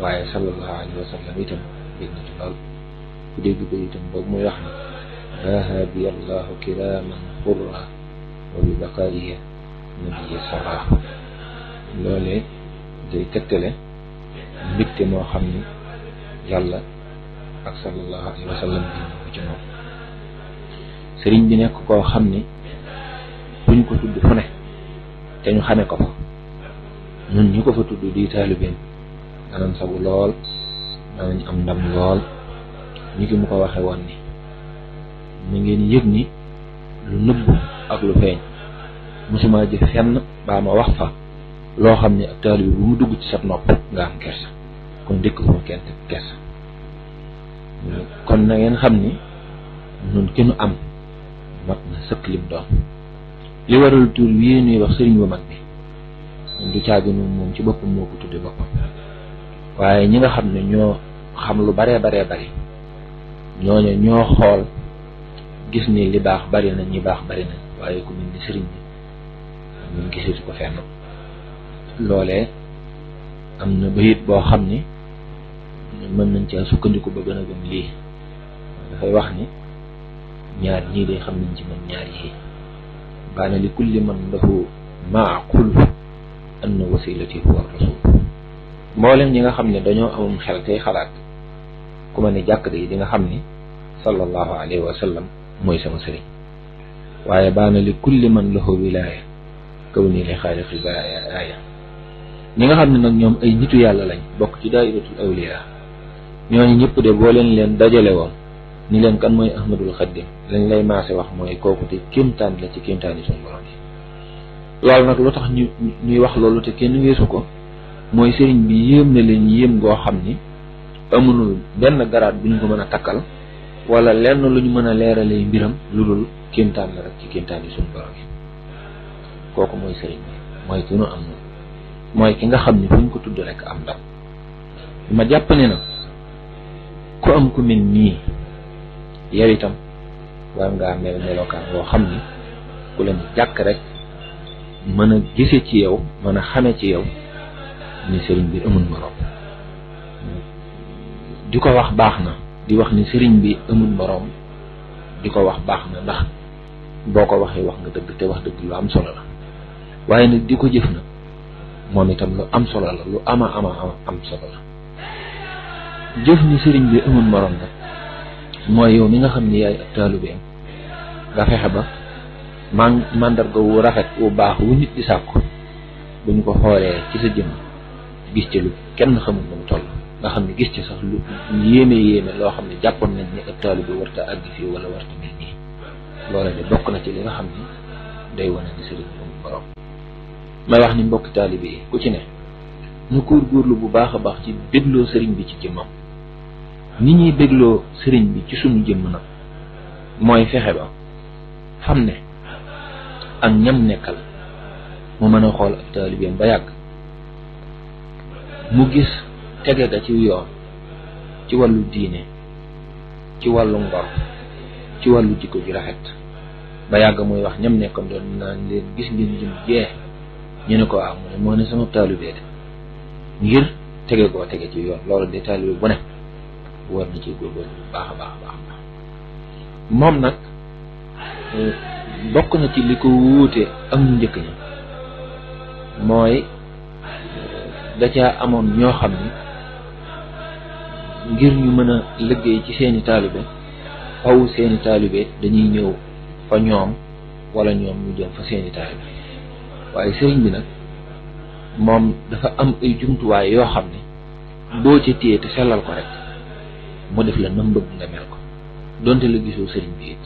واي صلى الله عليه وسلم يتم بن جلال ديغ بيتم يتم بو مو يخنا بي الله كراما قرى وبقائه نبي صلى الله عليه وسلم لولي دي كتله نيت مو خامني يالا صلى الله عليه وسلم ci jëmmoo sëriñ bi nekk koo xam ni buñ ko tudd fu ne te ñu xame ko fa ñun ñi ko fa tudd di taalibeen danañ sabu lool danañ am ndam lool ñu ki mu ko waxe woon ni mu ngeen yëg ni lu nëbb ak lu feeñ mosuma jëf fenn baa ma wax fa loo xam ne ak taalib bi bu mu dugg ci sab nopp nga am kersa kon dëkk bu ma kenn kersa kon na xam ni ñun ki nu am mat na sëkk lim doon li waral tur wii nuy wax sëriñ bu mag bi moom du caagi noonu moom ci boppam moo ko tudde boppam waaye ñi nga xam ne ñoo xam lu bare baree ñoo ñooñu ñoo xool gis ni li baax bari na ñi baax bari na waaye ku mel ni sëriñ bi ñun gisatu ko fenn loolee am na bayit boo xam ni mën nañ caa sukkandiku ba gën a gëm lii dafay wax ni ñaar ñii de xam nañ ci man ñaar yi baana li kulli man lahu maaqul anna wasilati huwa rasul mboolem ñi nga xam ne dañoo amum xel tey xalaat ku ma ne jàkk de di nga xam ni sallallahu alayhi wa mooy sama sëriñ waaye baana li kulli man lahu wilaaya kaw nii li xaaliqil baraaya aaya ñi nga xam ne nag ñoom ay nitu yàlla lañ bokk ci dairatul awliya ñooñu ñëpp de boo leen leen dajale woon ni leen kan mooy ahmadul xaddim lañ lay maase wax mooy kooku te kéemtaan la ci kéemtaan yi suñu borom yi loolu nag lu tax ñu ñuy wax loolu te kenn weesu ko mooy sëriñ bi yéem na leen yéem goo xam ni amul benn garaat bu ñu ko mën a takkal wala lenn lu ñu mën a leeralee mbiram lu dul kéemtaan la rek ci kéemtaan yi suñu borom yi kooku mooy sëriñ bi mooy ki nu am na mooy ki nga xam ni fu ñu ko tudd rek am ndam ma jàpp ne nag ku am ku mel nii yow itam war ngaa mel melokaan woo xam ni ku leen jàkk rek mën a gise ci yow mën a xame ci yow ni sëriñ bi amul moroom di ko wax baax na di wax ni sëriñ bi amul moroom di ko wax baax na ndax boo ko waxee wax nga dëgg te wax dëgg lu am solo la waaye nag di ko jëf na moom itam lu am solo la lu ama ama am solo la jëf ni sëriñ bi amul moroom mooy yow mi nga xam ni yaay ak taalibeem nga fexe ba man màndarga wu rafet wu baax wu nit di sàkku buñ ko xoolee ci sa jëmm gis ci lu kenn xamul nu mu nga xam ne gis ci sax lu yéeme yéeme loo xam ne jàppoon nañ ni ak taalibe warta àgg fii wala warta nii loola de bokk na ci li nga xam ni day wane ni sëriñ bi amul may wax ni mbokki taalibe yi ku ci ne ñu góorgóorlu bu baax a baax ci dégloo sëriñ bi ci jëmmam ni ñuy dégloo sëriñ bi ci suñu jëmm nag mooy fexe ba xam ne ak ñam nekkal mu mën a xool ak taalibeem ba yàgg mu gis tege ga ci yoon ci wàllu diine ci wàllu ngor ci wàllu dikko ju rafet ba yàgg muy wax ñam nekkam doon naan leen gis ngeen jëm jee ñu ne ko waaw ah, mu ne moo ne sama taalibee de ngir tege koo tege ci yoon loolu de taalibe bu ne war na cee góorgóorlu bu baax baax baax moom nag bokk na ci li ko wuute am njëkk ña mooy da caa amoon ñoo xam ni ngir ñu mën a liggéey ci seeni taalibe faw seeni taalibe dañuy ñëw fa ñoom wala ñoom ñu jëm fa seeni taalibe waaye sëriñ bi nag moom dafa am ay jumtuwaay yoo xam ne boo ca téye te sellal ko rek mu def la nam bëgg nga mel ko donte la gisoo sëriñ bi it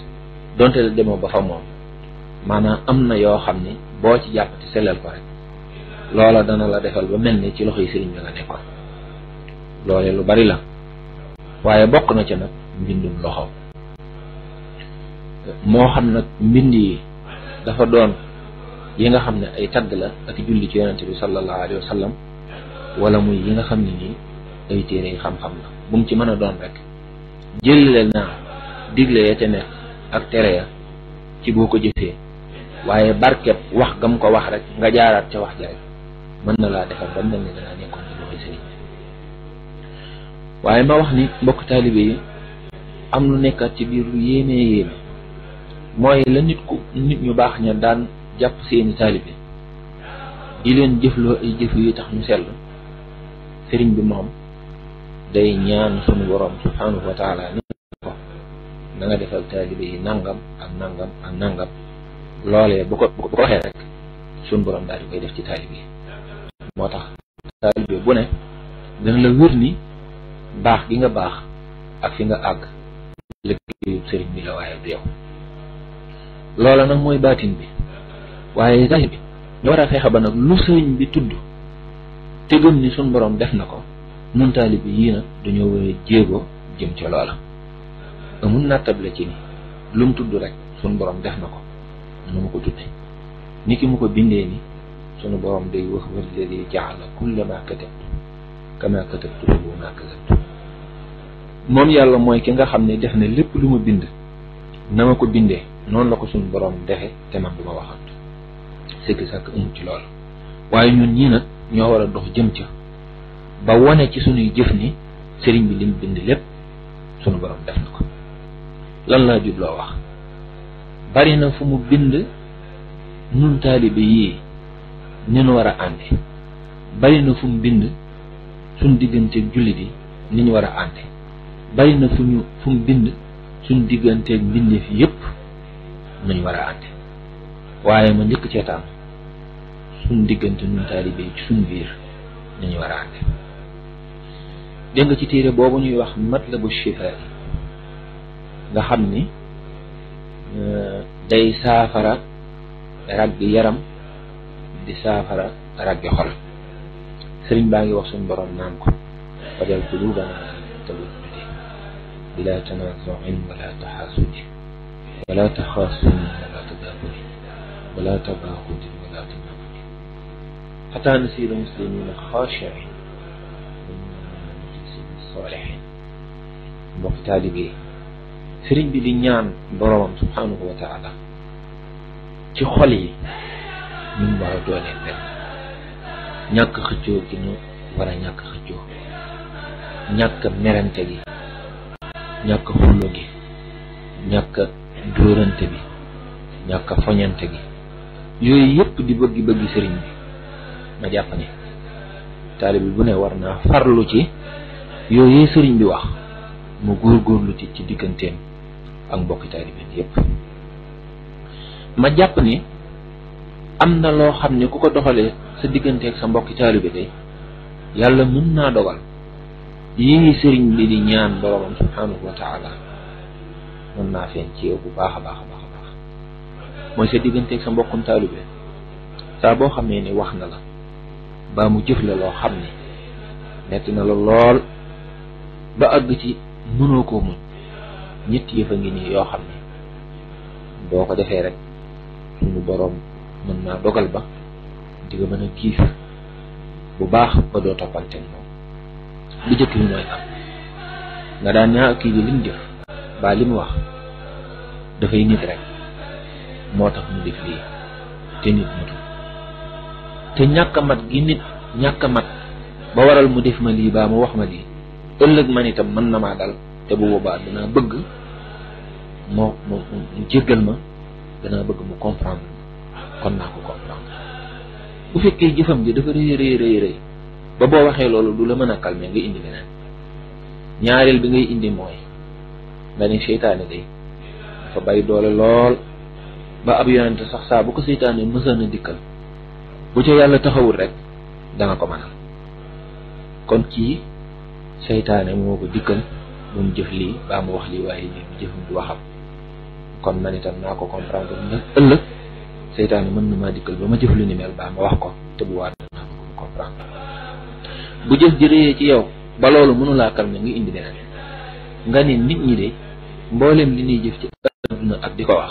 donte la demoo ba fa moom maanaam am na yoo xam ni boo ci jàppati selal ko rek loola dana la defal ba mel ni ci loxoy sëriñ bi nga nekkoon loolee lu bari la waaye bokk na ca nag mbindum loxo moo xam nag mbind yi dafa doon yi nga xam ne ay tagg la ak julli ci yonente bi sallallahu alayhi wa wala muy yi nga xam ne nii ay téere yi xam-xam la bu mu ci mën a doon rek jëlileel naa digle ya ca nekk ak tere ya ci boo ko jëfee waaye barkeb wax gam ko wax rek nga jaaraat ca wax ja rek mën na laa defar ba mel ni ci wax ni mbokk taalibe yi am lu nekkat ci biir lu yéeme yéeme mooy la nit ku nit ñu baax ña daan jàpp seeni taalibe di leen jëfloo ay jëf yu tax mu sell sëriñ bi moom day ñaan sunu borom subhanahu wa taala defal taalibe nangam ak nangam ak nangam loolee bu ko bu ko waxee rek sunu borom daal di koy def ci taalibe yi moo tax taalibe bu ne dana la wér ni baax gi nga baax ak fi nga àgg mooy baatin bi bi ñu war lu sëriñ bi tudd te gëm ni sunu borom def na ko nun taalibe yii nag dañoo war a jéego ci lu mu tudd rek sunu na ko ki mu ko bindee ni sunu moom yàlla mooy ki nga xam ne def na lépp lu ma bind na ko bindee noonu la ko sunu borom defe te man du ma waxantu sëgg sàkk amul ci loolu waaye ñun ñii nag ñoo war a dox jëm ca ba wane ci sunuy jëf ni sëriñ bi lim bind lépp sunu borom def na ko lan laa jubloo wax bari na fu mu bind nun taalibe yi ni ñu war a ànde bari na fu mu bind suñ digganteeg julli di ni ñu war a ànde bari na fu ñu fu mu bind suñ digganteeg mbindeef yépp ni ñu war a ànde waaye ma njëkk ceetaan suñ diggante nun taalibe yi ci suñ biir ni ñu war a ànde deng ci téere bobu ñuy wax matlabu shifa nga xamni ni day safara raggi yaram di safara raggi xol sëriñ baangi wax suñ borom naan ko wajal qulubana tawaddude bila tanazuin wala taxaasudi wala taxaasuni wala tadaaburi wala tabaagudi wala tanaafudi xataa nasiira muslimina xaashiin saalihin mbokk taalibe sëriñ bi di ñaan boroomam subhaanahu wa ci xol yi ñu mu war doonee benn ñàkk xëccoo gi ñu war a ñàkk xëccoo ñàkk merante gi ñàkk xullo gi ñàkk dóorante bi ñàkk foñante gi yooyu yëpp di bëgg-bëgg sëriñ bi ma jàpp ne bu ne war farlu ci yooyu sëriñ bi wax mu lu ci ci digganteem ak mbokki taalibeem yépp ma jàpp ni am na loo xam ne ku ko doxalee sa digganteeg sa mbokki taalibe day yàlla mën naa dogal yii sëriñ bi di ñaan boroomam subhaanahu wa taala naa feeñ ci yow bu baax a baax a baax a baax mooy sa digganteeg sa mbokkum taalibe saa boo xamee ne wax na la baa mu jëf la loo xam ne metti na la lool ba àgg ci mënoo koo muñ ñetti yëf a ngi nii yoo xam ne boo ko defee rek suñu boroom mën naa dogal ba di nga mën a kiif bu baax ba doo toppante moom daan naa kii bi lim jëf li mu wax dafay nit rek mu def te nit ñàkk a mat gi nit ñàkk ba waral mu def ma lii baa mu wax ma lii ëllëg man itam mën na maa dal te bu boobaa danaa bëgg moo mu mu jéggal ma danaa bëgg mu comprendre kon naa ko comprendre bu fekkee jëfam ji dafa rëy rëy rëy rëy ba boo waxee loolu du la mën a calmer nga indi leneen ñaareel bi ngay indi mooy nga ne seytaane day dafa bari doole lool ba ab yonente sax saa bu ko seytaane mësaan a dikkal bu ca yàlla taxawul rek dana ko mënal kon kii seytaane moo ko dikkal bu mu jëf lii baa mu wax li waye ni jëfum du waxam kon man itam nako comprendre ne ëllëg seytaane mën na dikkal ba ma jëf lu ni mel ba ma wax ko te bu waa naa ko comprendre bu jëf ji réyee ci yow ba loolu mënulaa kal ne ngi indi beneen nga ni nit ñi de mboolem li ni jëf ci aduna ak diko wax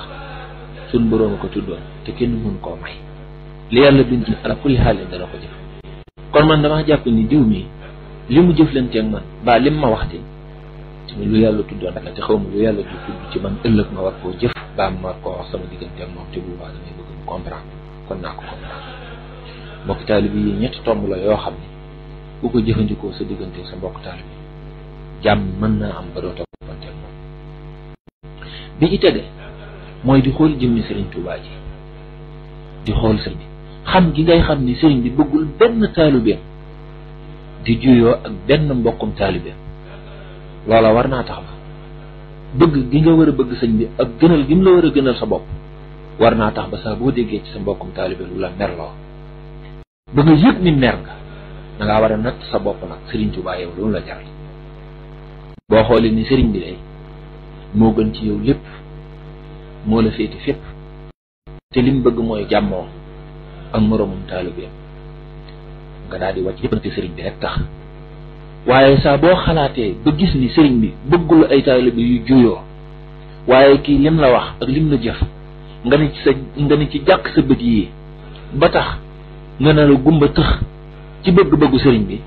sun borom ko tuddoon te kenn mun ko may li yalla bind ci ala kulli xaalin dana ko jëf kon man dama japp ni diw mi li mu jëflanteeg man ba lim ma waxte lu yàlla tuddoon rek la te xaw ma lu yàlla di tudd ci man ëllëg ma war koo jëf ba ma war koo wax sama digganteeg moom te bu damay bëgg mu comprendre kon naa ko comprendre mbokk taalib yi ñetti tomb la yoo xam ne ku ko jëfandikoo sa digganteeg sa mbokk taalib yi jàmm mën naa am ba doo toppanteeg moom bi ci tege mooy di xool jëmmi Serigne Touba ji di xool sëriñ xam gi ngay xam ni sëriñ bi bëggul benn taalubeem di juyo ak benn mbokum talibé lola warna naa bëgg gi nga wëra bëgg sëñ bi ak gënal gi mu la war gënal sa bop warna tax ba sa bo déggé ci sa mbokum talibé lu la lo ba nga yëg ni mer nga da nga wara nat sa bop nak sëriñ Tuubaa yow lu la jaral bo xoolee ni sëriñ bi lay mo gën ci yow lépp mo la fété fépp té lim bëgg moy jàmmoo ak morom talibé nga daal di wàcc jëppante sëriñ bi rek tax waaye saa boo xalaatee ba gis ni sëriñ bi bëggul ay taalibe yu juyoo waaye kii lim la wax ak lim la jëf nga ne ci sa nga ne ci jàkk sa bët yii ba tax nga ne la gumba tëx ci bëgg-bëggu sëriñ bi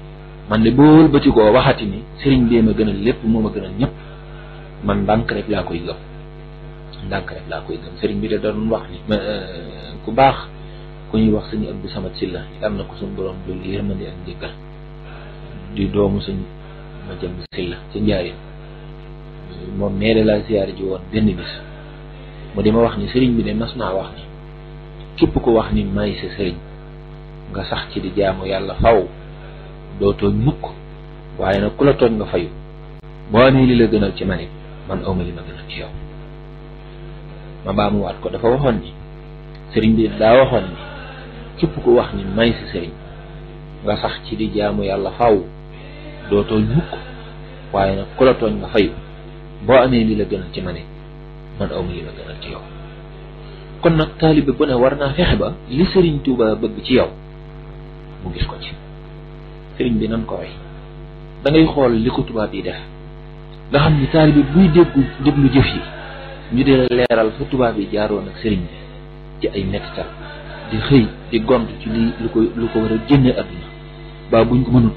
man de bool ba ci koo waxati ni sëriñ bee ma gënal lépp moo ma gënal ñëpp man ndànk rek laa koy gëm ndànk rek laa koy gëm sëriñ bi da doon wax ni euh, ku baax ku ñuy wax sëñ Abdou Samad Silla yàlla na ko suñu borom dolli yërmande ak njëkkal di doomu sëñ Madiame Silla ci njaareen moom nee na laa siyaare ji woon benn bis mu di ma wax ni sëriñ bi de mas naa wax ni képp ko wax ni maay sa sëriñ nga sax ci di jaamu yàlla faw doo tooñ mukk waaye nag ku la tooñ nga fayu boo amee li la gënal ci manit man awma ma gënal ci yow ma baamuwaat ko dafa waxoon ni sëriñ bi daa waxoon ni képp ko wax ni may si sëriñ nga sax ci di jaamu yàlla faaw doo tooñ mukk waaye nag ku la tooñ nga fayu boo amee li la gënal ci ma ne man aw la gënal ci yow kon nag taalibe bu ne war naa fexe ba li sëriñ Tuuba bëgg ci yow mu gis ko ci sëriñ bi nan ko roy da xool li ko tubaab yi def nga xam ni taalibe buy déggu déglu jëf yi ñu dee leeral fa tubaab yi jaaroon ak sëriñ bi ci ay mettital di xëy di gont ci lii lu ko lu ko war a génne adduna ba buñ ko mënul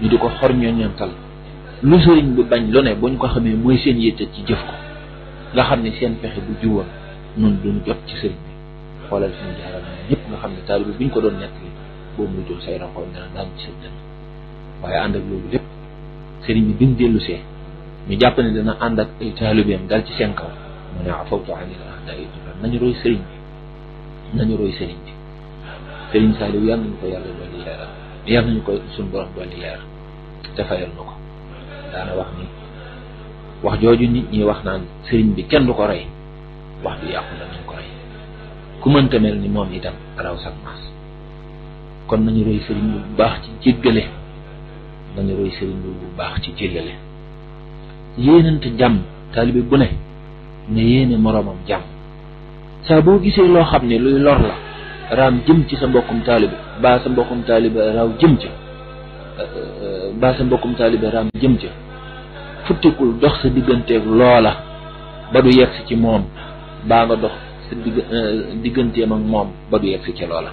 ñu di ko xorñoo ñeental lu sëriñ bi bañ lu ne buñ ko xamee mooy seen yitte ci jëf ko nga xam ne seen pexe bu juwoon noonu duñ jot ci sëriñ bi xoolal fi mu jaaral nga xam ne taalibe bi buñ ko doon nekk li boo muy jël say raxoon ne daan ci ànd ak loolu lépp sëriñ bi bi mu dellusee ñu jàpp ne ànd ak ay taalibeem dal ci seen kaw mu ne afawtu anil a'daa'i nañu roy sëriñ nañu roy sëriñ bi sëriñ Saliou yàlla nañu ko yàlla dolli leeral yàlla nañu ko suñ borom dolli leeral te fayal ko daana wax ni wax jooju nit ñi wax naan sëriñ bi kenn du ko rey wax bi yàqu la nañ ko rey ku mënta mel ni moom itam raw sax maas kon nañu roy sëriñ bi bu baax ci jéggale nañu roy sëriñ bi bu baax ci jéggale yéenante jàmm taalibe bu ne ne yéene moroomam jàmm sa bo gisee lo xamne luy lor la ram jëm ci sa mbokum talib ba sa mbokum talib raw jëm ci ba sa mbokum talib ram jëm ci futtikul dox sa ak lola ba du yex ci mom ba nga dox sa digganteem ak mom ba du yex ci loola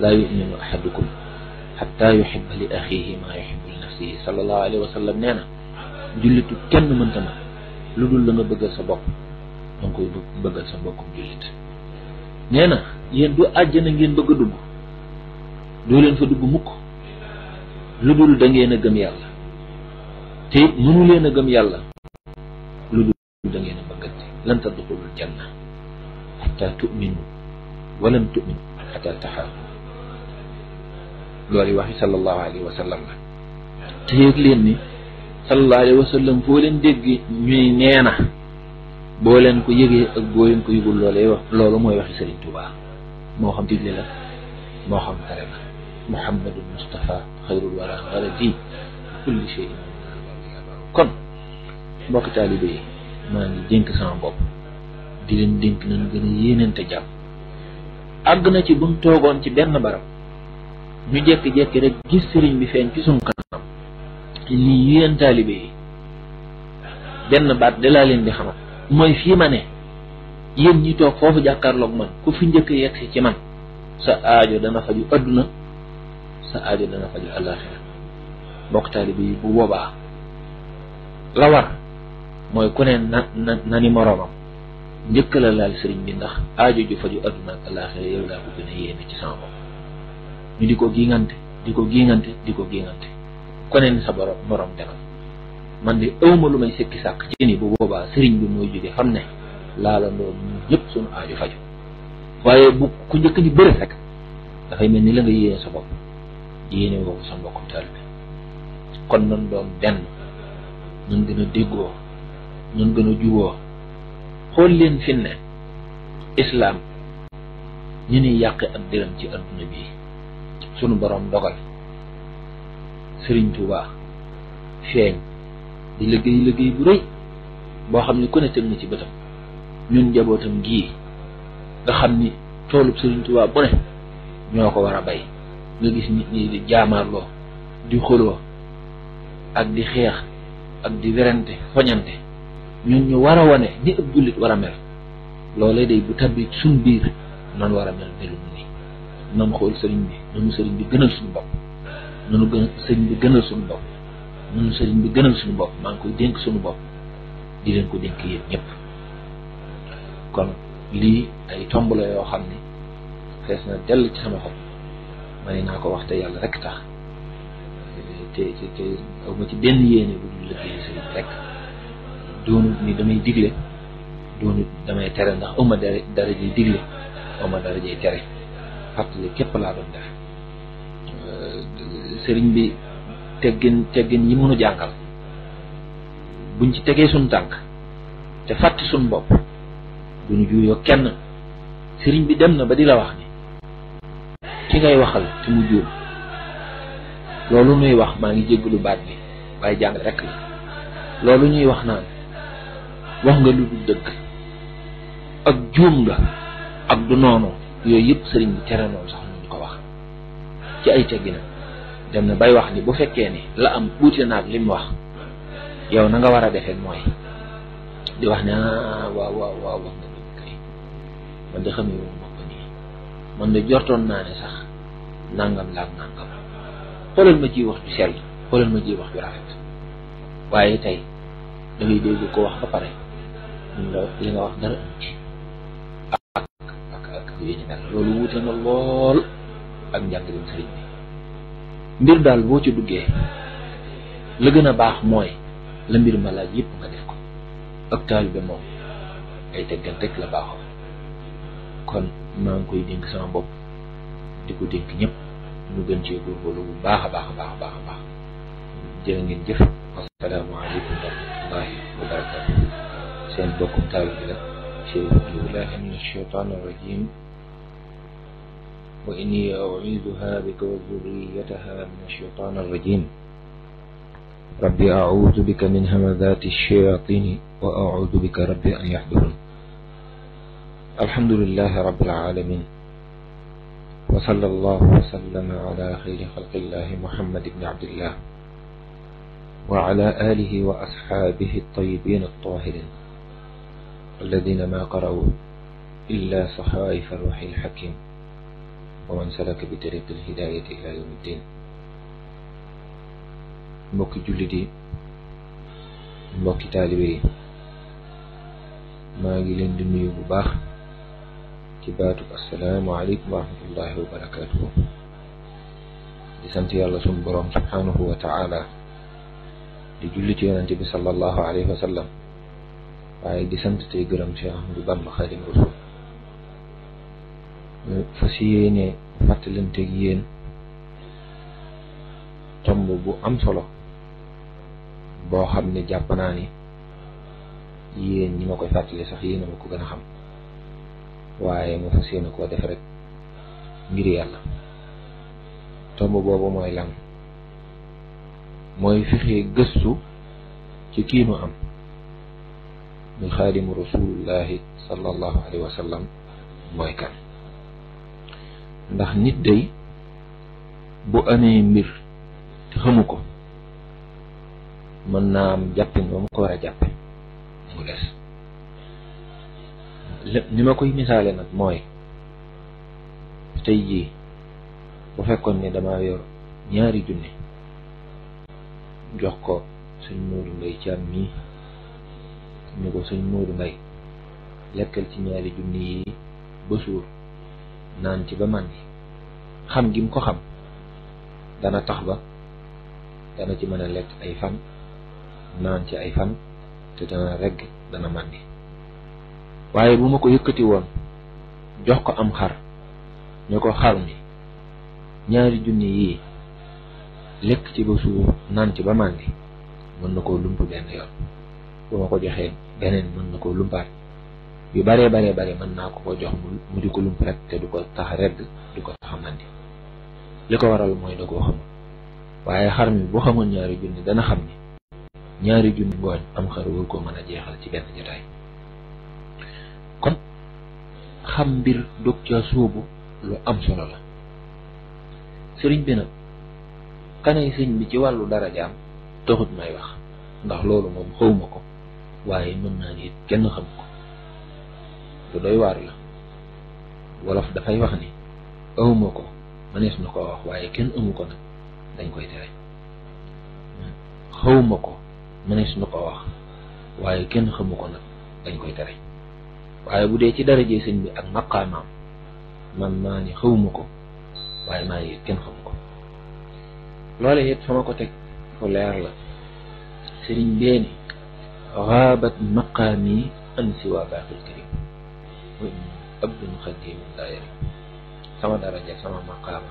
laa yuminu ahadukum hatta yuhibb li akhihi ma yuhibb li nafsihi sallallahu alayhi wa sallam neena julitu kenn mën ma ludul la nga bëgg sa bokk da nga koy bëggal sa mbokkum jullit nee na yéen du àjjana ngeen bëgg a dugg doo leen fa dugg mukk lu dul da a gëm yàlla te mënu a gëm yàlla lu dul da ngeen a bëggante lan tadxulul janna xata tuminu walan tuminu xata taxaabu loolu waxi sallallahu alayhi wa la te yëg leen ni sallallahu alayhi wa foo leen dégg ñuy neena boo leen ko yégee ak boo leen ko yëgul wax loolu mooy waxi Sëriñ Tuubaa moo xam digle la moo xam tere la Muhammadul Mustafa xayrul wara waladi kulli shay kon mbokki taalibe maa ngi dénk sama bopp di leen dénk nañ gën a yéenante jàmm àgg na ci buñ toogoon ci benn barab ñu jékki-jékki rek gis sëriñ bi feeñ ci suñ kanam lii yéen taalibe yi benn baat dalaa leen di xamal mooy fii ma ne yéen ñi toog foofu jàkkaarloog man ku fi njëkk yegg si ci man sa aajo dana faju adduna sa aajo dana faju àllaaxira mbokk taalibe bu boobaa la war mooy ku ne na na na ni moroomam njëkk la laal sëriñ bi ndax aajo ju faju adduna ak àllaaxira yow laa ko gën a yéene ci sama ñu di ko giingante di ko giingante di ko giingante ku ne ni sa borom borom demal man de awma lu may sikki sàkk ci nii bu boobaa sëriñ bi mooy jóge xam ne laala ndoom ñëpp suñu aajo faju waaye bu ku njëkk di bëri rek dafay mel ni la nga yéene sa bopp yéene woo ko sa mbokkum taalibe kon nan doom benn nan gën a déggoo nan gën a juboo xool leen fi ne islaam ñu ni yàqe ab dërëm ci adduna bi sunu boroom dogal sëriñ Tuubaa feeñ di liggéey liggéey bu rëy boo xam ni ku ne teg na ci bëtam ñun njabootam gii nga xam ni toolub Sëriñ Tuubaa bu ne ñoo ko war a bay nga gis nit ñi di jaamaarloo di xuloo ak di xeex ak di werante foñante ñun ñu war a wane ni ëpp jullit war a mel loolee day bu tabbi suñ biir noonu war a mel melum nii noonu xool sëriñ bi noonu sëriñ bi gënal suñu bopp noonu sëriñ bi gënal suñu bopp ñun sëriñ bi gënal suñu bopp maa ngi koy dénk suñu bopp di leen ko dénk yéen ñëpp kon lii ay tomb la yoo xam ni fees na dell ci sama xol ma ne naa ko wax te yàlla rek tax te te te aw ci benn yéene bu dul liggéey sëriñ rek doonut ni damay digle doonut damay tere ndax aw ma dara jay digle aw ma tere fàttali képp laa doon def sëriñ bi teggin teggin yi mënu jàngal buñ ci tegee suñ tànk te fàtte suñ bopp duñu juuyoo kenn sëriñ bi dem na ba di la wax ni ki ngay waxal te mu juum loolu nuy wax maa ngi jégg lu baat bi waaye jàng rekk la loolu ñuy wax naan wax nga lu du dëgg ak juum la ak du noonu yooyu yëpp sëriñ bi tere noonu sax ñu ko wax ci ay tegginam dem na bay wax ni bu fekke ni la am wuute nak lim wax yow na nga wara a defee mooy di wax na wa wa wa wa wax kay man de xamee wu ma ko ni man de jorton na ne sax nangam la nangam xolal ma ci wax ci sel xolal ma ci wax ju rafet waye tay da ngay deg ko wax ba pare mun nga li nga wax dara ak ak ak yéen mel loolu wuute na lool ak njàngalim sëriñ bi mbir daal boo ci duggee la gën a baax mooy la mbir malaaj yépp yëpp nga def ko ak taalibe moom ay teggal la baaxoo kon maa ngi koy dénk sama bopp di ko dénk ñëpp ñu gën cee bu baax a baax a baax baax a baax jërë ngeen jëf asalaamaaleykum wa rahmatullahi wa seen bokkum taalibe la Cheikh Abdoulahi min acheytaan arrajim وإني أعيذها بك وذريتها من الشيطان الرجيم ربي أعوذ بك من همذات الشياطين وأعوذ بك ربي أن يحضرون الحمد لله رب العالمين وصلى الله وسلم على خير خلق الله محمد بن عبد الله وعلى آله وأصحابه الطيبين الطاهرين الذين ما قرأوا إلا صحائف الوحي الحكيم ومن سلك بطريق الهداية إلى يوم الدين mbokki jullit yi mbokki taalibe yi maa ngi leen di nuyu bu baax ci baatu assalaamu aleykum wa rahmatullahi di sant yàlla sunu boroom subhaanahu wa di julli ci yonente bi di sant tey gërëm Cheikh Ahmadou Bamba fa si yéene fàttalanteeg yéen tomb bu am solo boo xam ne jàpp naa ni yéen ñi ma koy fàttali sax yéen ma ko gën a xam waaye ma fas yéene koo def rek ngir yàlla tomb boobu mooy lan mooy fexe gëstu ci kii nu am muy xaadimu rasulullahi sallallahu alayhi wa sallam mooy kan ndax nit day bu amee mbir te xamu ko mën naa am jàppin ba mu ko war a jàppe mu des lépp ma koy misaale nag mooy tey jii bu fekkoon ni dama yor ñaari junne jox ko sëñ Modou Mbaye ci am mii ñu ko sëñ Modou Mbaye lekkal ci ñaari junne yi ba suur naan ci ba màndi xam gim ko xam dana tax ba dana ci mën a lekk ay fan naan ci ay fan te dana regg dana màndi waaye bu ma ko yëkkati woon jox ko am xar ñu ko xar mi ñaari junni yii lekk ci ba suur naan ci ba màndi mën na koo lump benn yoon bu ma ko joxee beneen mën na koo lumpaat yu bare bare bare man naa ko ko jox mu di ko lump rek te du ko tax red du ko tax mandi li waral moy da go xam waaye xar mi bu xamone ñaari jundi dana xam ni ñaari jundi ngooñ am xar wu ko meuna jexal ci ben jotaay kon xam bir dog ca soobu lu am solo la serigne bi nag kanay serigne bi ci walu dara jam taxut may wax ndax lolu mom xawmako waye waaye mën naa nit kenn xam ko lu doy waar la wolof dafay wax ni awma ko manees na koo wax waaye kenn amu ko nag dañ koy tere xawma ko manees na wax waaye kenn xamu ko dañ koy tere waaye bu dee ci daraje sëñ bi ak maqaamaam man maa ni xawma ko waaye maa ngi kenn xamu ko loolee it fa ko tek fu leer la sëriñ bee ni xaabat maqaami an siwa baaxil abdun sama daraja sama maqaama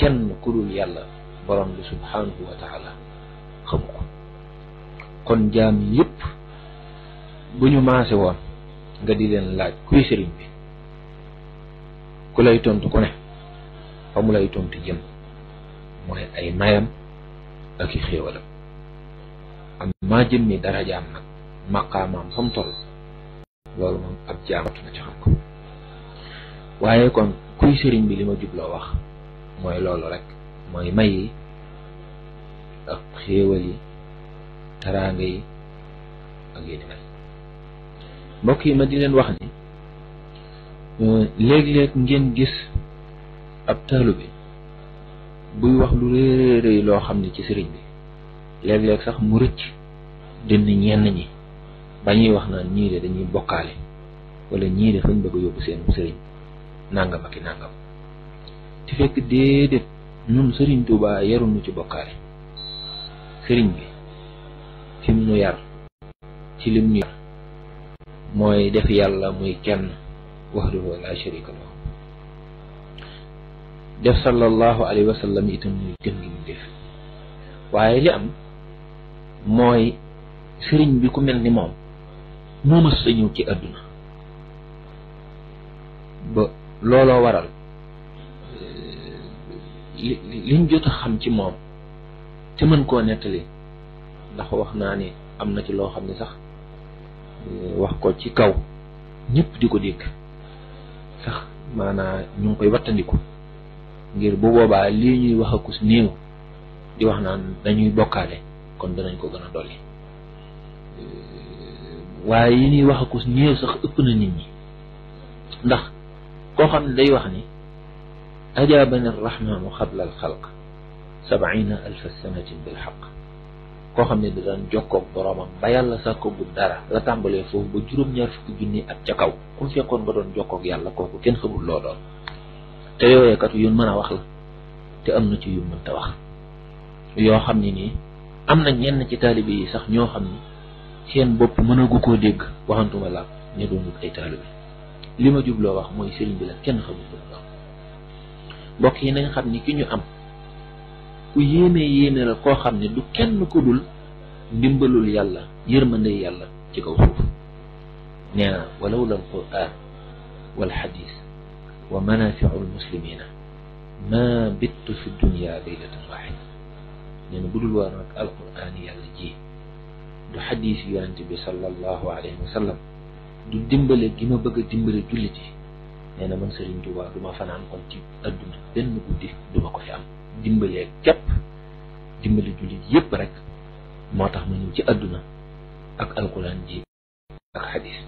kenn ku dul yàlla borom bi subhanahu wa taala xamu ko kon jaam yëpp bu ñu maase woon nga di leen laaj kuy sëriñ bi ku lay tontu ku ne fa mu lay tontu jëm mooy ay mayam ak i xéewalam am maa jëmmi darajaam nag maqaamaam fa mu toll loolu moom ab jaamatu ko waaye kon kuy sëriñ bi li ma jubloo wax mooy loolu rek mooy may yi ak xéewal yi taraanga yi ak yi ni mel mbokk yi ma di leen wax ni euh, léeg-léeg ngeen gis ab taalu bi buy wax lu rëy rëy loo xam ne ci sëriñ bi léeg-léeg sax mu rëcc dënn ñenn ñi ba ñuy wax naan ñii de dañuy bokkaale wala ñii de fañ bëgg a yóbbu seen sëriñ nangam ak i nangam te fekk déedéet nun sëriñ Tuubaa yarunu ci bokkaale sëriñ bi fi mu nu yar ci lim nu yar mooy def yàlla muy kenn wahdahu la sharika lahu def sallallahu alayhi wa sallam itam muy gën gi mu def waaye li am mooy sëriñ bi ku mel ni moom moo mës a ñëw ci àdduna ba looloo waral eh, li liñ jot a xam ci moom te mën koo nettali ndax wax naa ni am na ci loo xam ne sax eh, wax ko ci kaw ñépp di ko dégg sax maanaa ñu ngi koy wattandiku ngir bu boobaa lii ñuy wax akus néew di wax naan dañuy bokkaale kon danañ ko gën a dolli eh, waaye yi ñuy wax ko ñëw sax ëpp na nit ñi ndax koo xam ne day wax ni ajaabani arrahmanu xabla alxalq sabaina alfa sanatin bilxaq koo xam ne da daan jokkoog boroomam ba yàlla sàkkagul dara la tàmbalee foofu ba juróom-ñaar fukki junni at ca kaw kum fekkoon nga doon jokkoog yàlla kooku kenn xamul loo doon te yooyee kat yu mën wax la te am ci yu mënta wax yoo xam ne nii ñenn ci taalibe sax ñoo xam seen bopp mënagu ko dégg waxantuma la ñu doon ay talib li ma jubloo wax moy sëriñ bi la kenn xamul ko wax mbokk yi nañ xam ni ki ñu am ku yéene yéene la ko xam ne du kenn ko dul dimbalul yalla yermane yalla ci kaw suuf nee na walawla alquran والحديث ومنافع المسلمين ما بت في الدنيا ليلة واحدة لأن يعني بدل القرآن yalla ji du xadiis yonent bi sallallahu wa sallam du dimbale gi ma bëgg a dimbale jullit yi nee na man Serigne Touba du fanaan kon ci adduna benn guddi du ko fi am dimbalee képp dimbale jullit yépp rek moo tax ma ñëw ci adduna ak alquran ji ak xadiis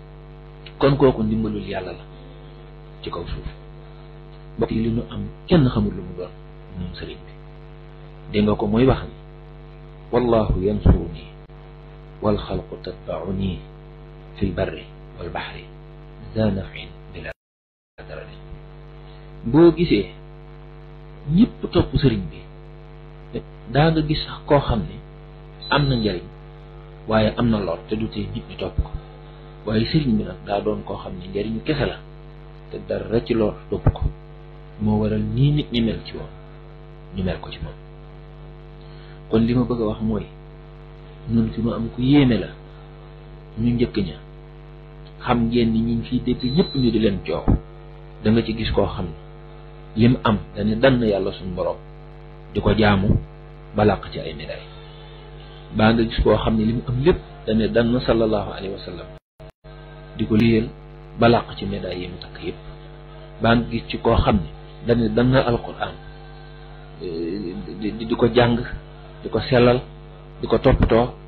kon kooku ndimbalul yàlla la ci kaw suuf mbokk yi li ñu am kenn xamul lu mu doon moom Serigne bi dégg ko mooy wax ni wallahu yansuru والخلق تتبعني في البر والبحر ذا نفع بلا درجة بو جيسي نيب توب سرين بي دا نغا جيس كو خامني امنا نجارين واي امنا لور تي دوتي نيب ني توب واي سرين بي دا دون كو خامني نجارين كيسلا تي دار تي لور توب كو مو ورال ني نيت ني مل تي وون ني مل كو تي مون كون ليما بغا واخ موي ñun ci ma am ku yéene la ñu njëkk ña xam ngeen ni ñu fi dégg yépp ñu di leen joow da nga ci gis koo xam lim am ne dann yàlla suñu borom di ko jaamu balaq ci ay médaille ba nga gis koo xam ne lim am lépp ne dann sallallahu alayhi wa sallam di ko liyal balaq ci médaille yi mu takk yépp ba nga gis ci koo xam ne dana dann alquran di di ko jàng di ko sellal di ko toppatoo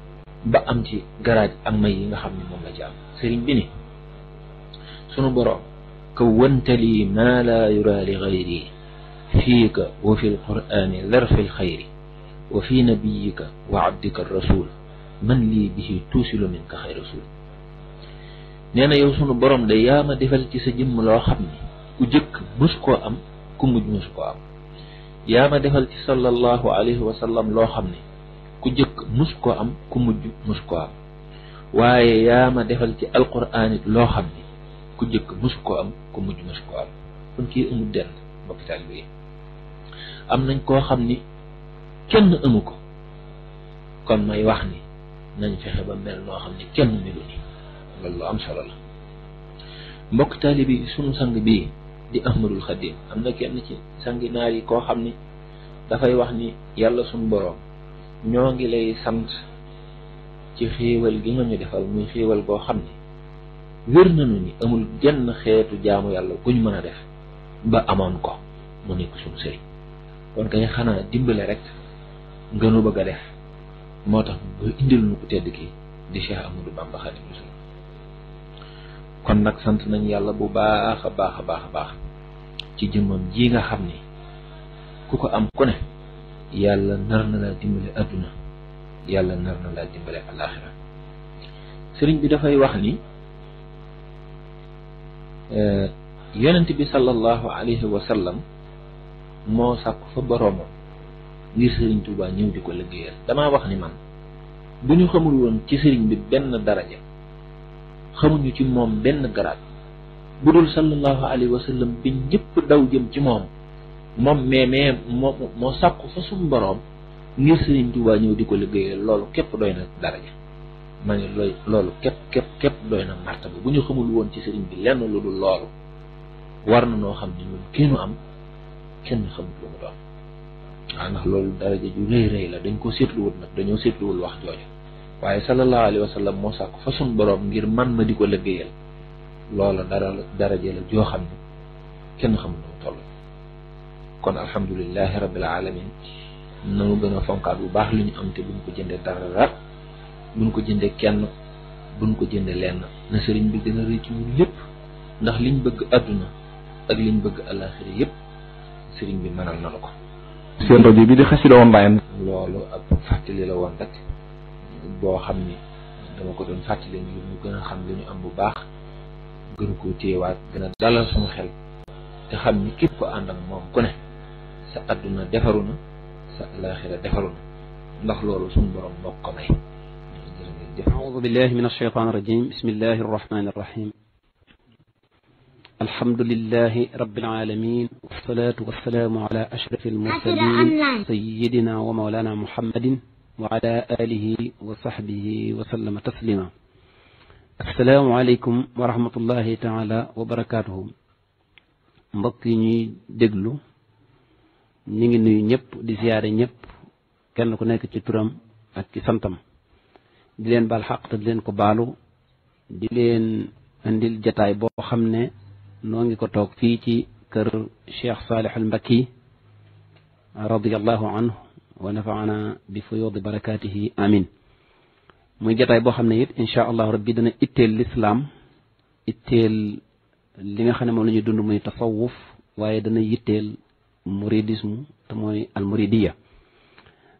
ba am ci garaaj ak may yi nga xamni mom la ci am bi ne sunu boroom كونت لي ما لا يرى لغيري فيك وفي القرآن ذرف الخير وفي نبيك وعبدك الرسول من لي به توصل منك خير رسول نانا يو سونو بروم دا ياما ديفال سي جيم لو خامني كو جيك مسكو ام كو مج مسكو ام ياما ديفال صلى الله عليه وسلم لو خامني ku jëkk mus koo am ku mujj mus koo am waaye yaa defal ci alquraan it loo xam ku jëkk mus koo am ku mujj mus koo am kon kii amul denn mbokki taalibe yi am nañ koo xam ni kenn amu ko kon may wax ni nañ fexe ba mel noo xam ni kenn melu ni loolu am solo mbokk mbokki taalibe yi sunu sang bii di ahmadul xadim am na kenn ci sangi yi koo xam ni dafay wax ni yàlla sunu boroom ñoo ngi lay sant ci xéewal gi nga ñu defal muy xéewal goo xam ne wér nañu ni amul genn xeetu jaamu yàlla guñ mën a def ba amoon ko mu nekk suñu sëriñ kon kay xanaa dimbale rek nga nu bëgg a def moo tax ba indil nu ko tedd ki di Cheikh Amadou Bamba Xaadimu Rasuul kon nag sant nañ yàlla bu baax baax a baax a baax ci jëmmam ji nga xam ni ku ko am ku ne yàlla nar na laa dimbale adduna yàlla nar sëriñ bi dafay wax ni eh, yonent bi sallallahu alayhi wa moo sàkk fa boroomam ngir sëriñ Tuubaa ñëw di ko liggéeyal damaa wax ni man bu ñu xamul woon ci sëriñ bi benn daraja xamuñu ci moom benn garaat bu dul sallallahu alayhi wa bi ñëpp daw jëm ci moom moom mais moo moo sàkku fa suñu boroom ngir Sëriñ Tuubaa ñëw di ko liggéeyal loolu képp doy na daraja ma loolu képp képp képp doy na martaba bu ñu xamul woon ci sëriñ bi lenn lu dul loolu war na noo xam ne ñun kii am kenn xamul lu mu doon waaw loolu daraja la dañ ko seetluwul nag dañoo seetluwul wax jooju waaye sallallahu alayhi wa sallam moo sàkk fa suñ boroom ngir man ma di ko liggéeyal loola dara daraja la joo xam ne kenn xamul kon alhamdulilahi rabbil alamin nanu gën a fonkaat bu baax li ñu am te buñ ko jëndee dara buñ ko jëndee kenn buñ ko jëndee lenn na sëriñ bi gën a rëcc ñun lépp ndax liñ bëgg àdduna ak liñ bëgg àllaaxira yëpp sëriñ bi mënal nanu ko. seen rajo bi di Xassida Online. loolu ab li la woon rek boo xam ni dama ko doon fàttali ñu ñu gën a xam li am bu baax gën koo téyewaat gën a dalal suñu xel te xam ni képp ko ànd ak moom ku ne. سأدنا adduna defaru na نخل alaaxira defaru na أعوذ بالله من الشيطان الرجيم بسم الله الرحمن الرحيم الحمد لله رب العالمين والصلاة والسلام على أشرف المرسلين سيدنا ومولانا محمد وعلى آله وصحبه وسلم تسليما السلام عليكم ورحمة الله تعالى وبركاته مبكي دقلو ñu ngi nuyu ñëpp di ziaré ñëpp kenn ku nekk ci turam ak ci santam di leen bal xaq te di leen ko baalu di leen andil jataay boo xam ne noo ngi ko toog fii ci kër cheikh saalih al mbakki radiallahu anhu wa nafaana bi fuyuudi barakaatihi amin muy jataay boo xam ne it incha allahu rabbi dana itteel lislaam itteel li nga xam ne moom la ñuy dund muy tasawuf waaye dana yitteel muridisme te mooy almuridiya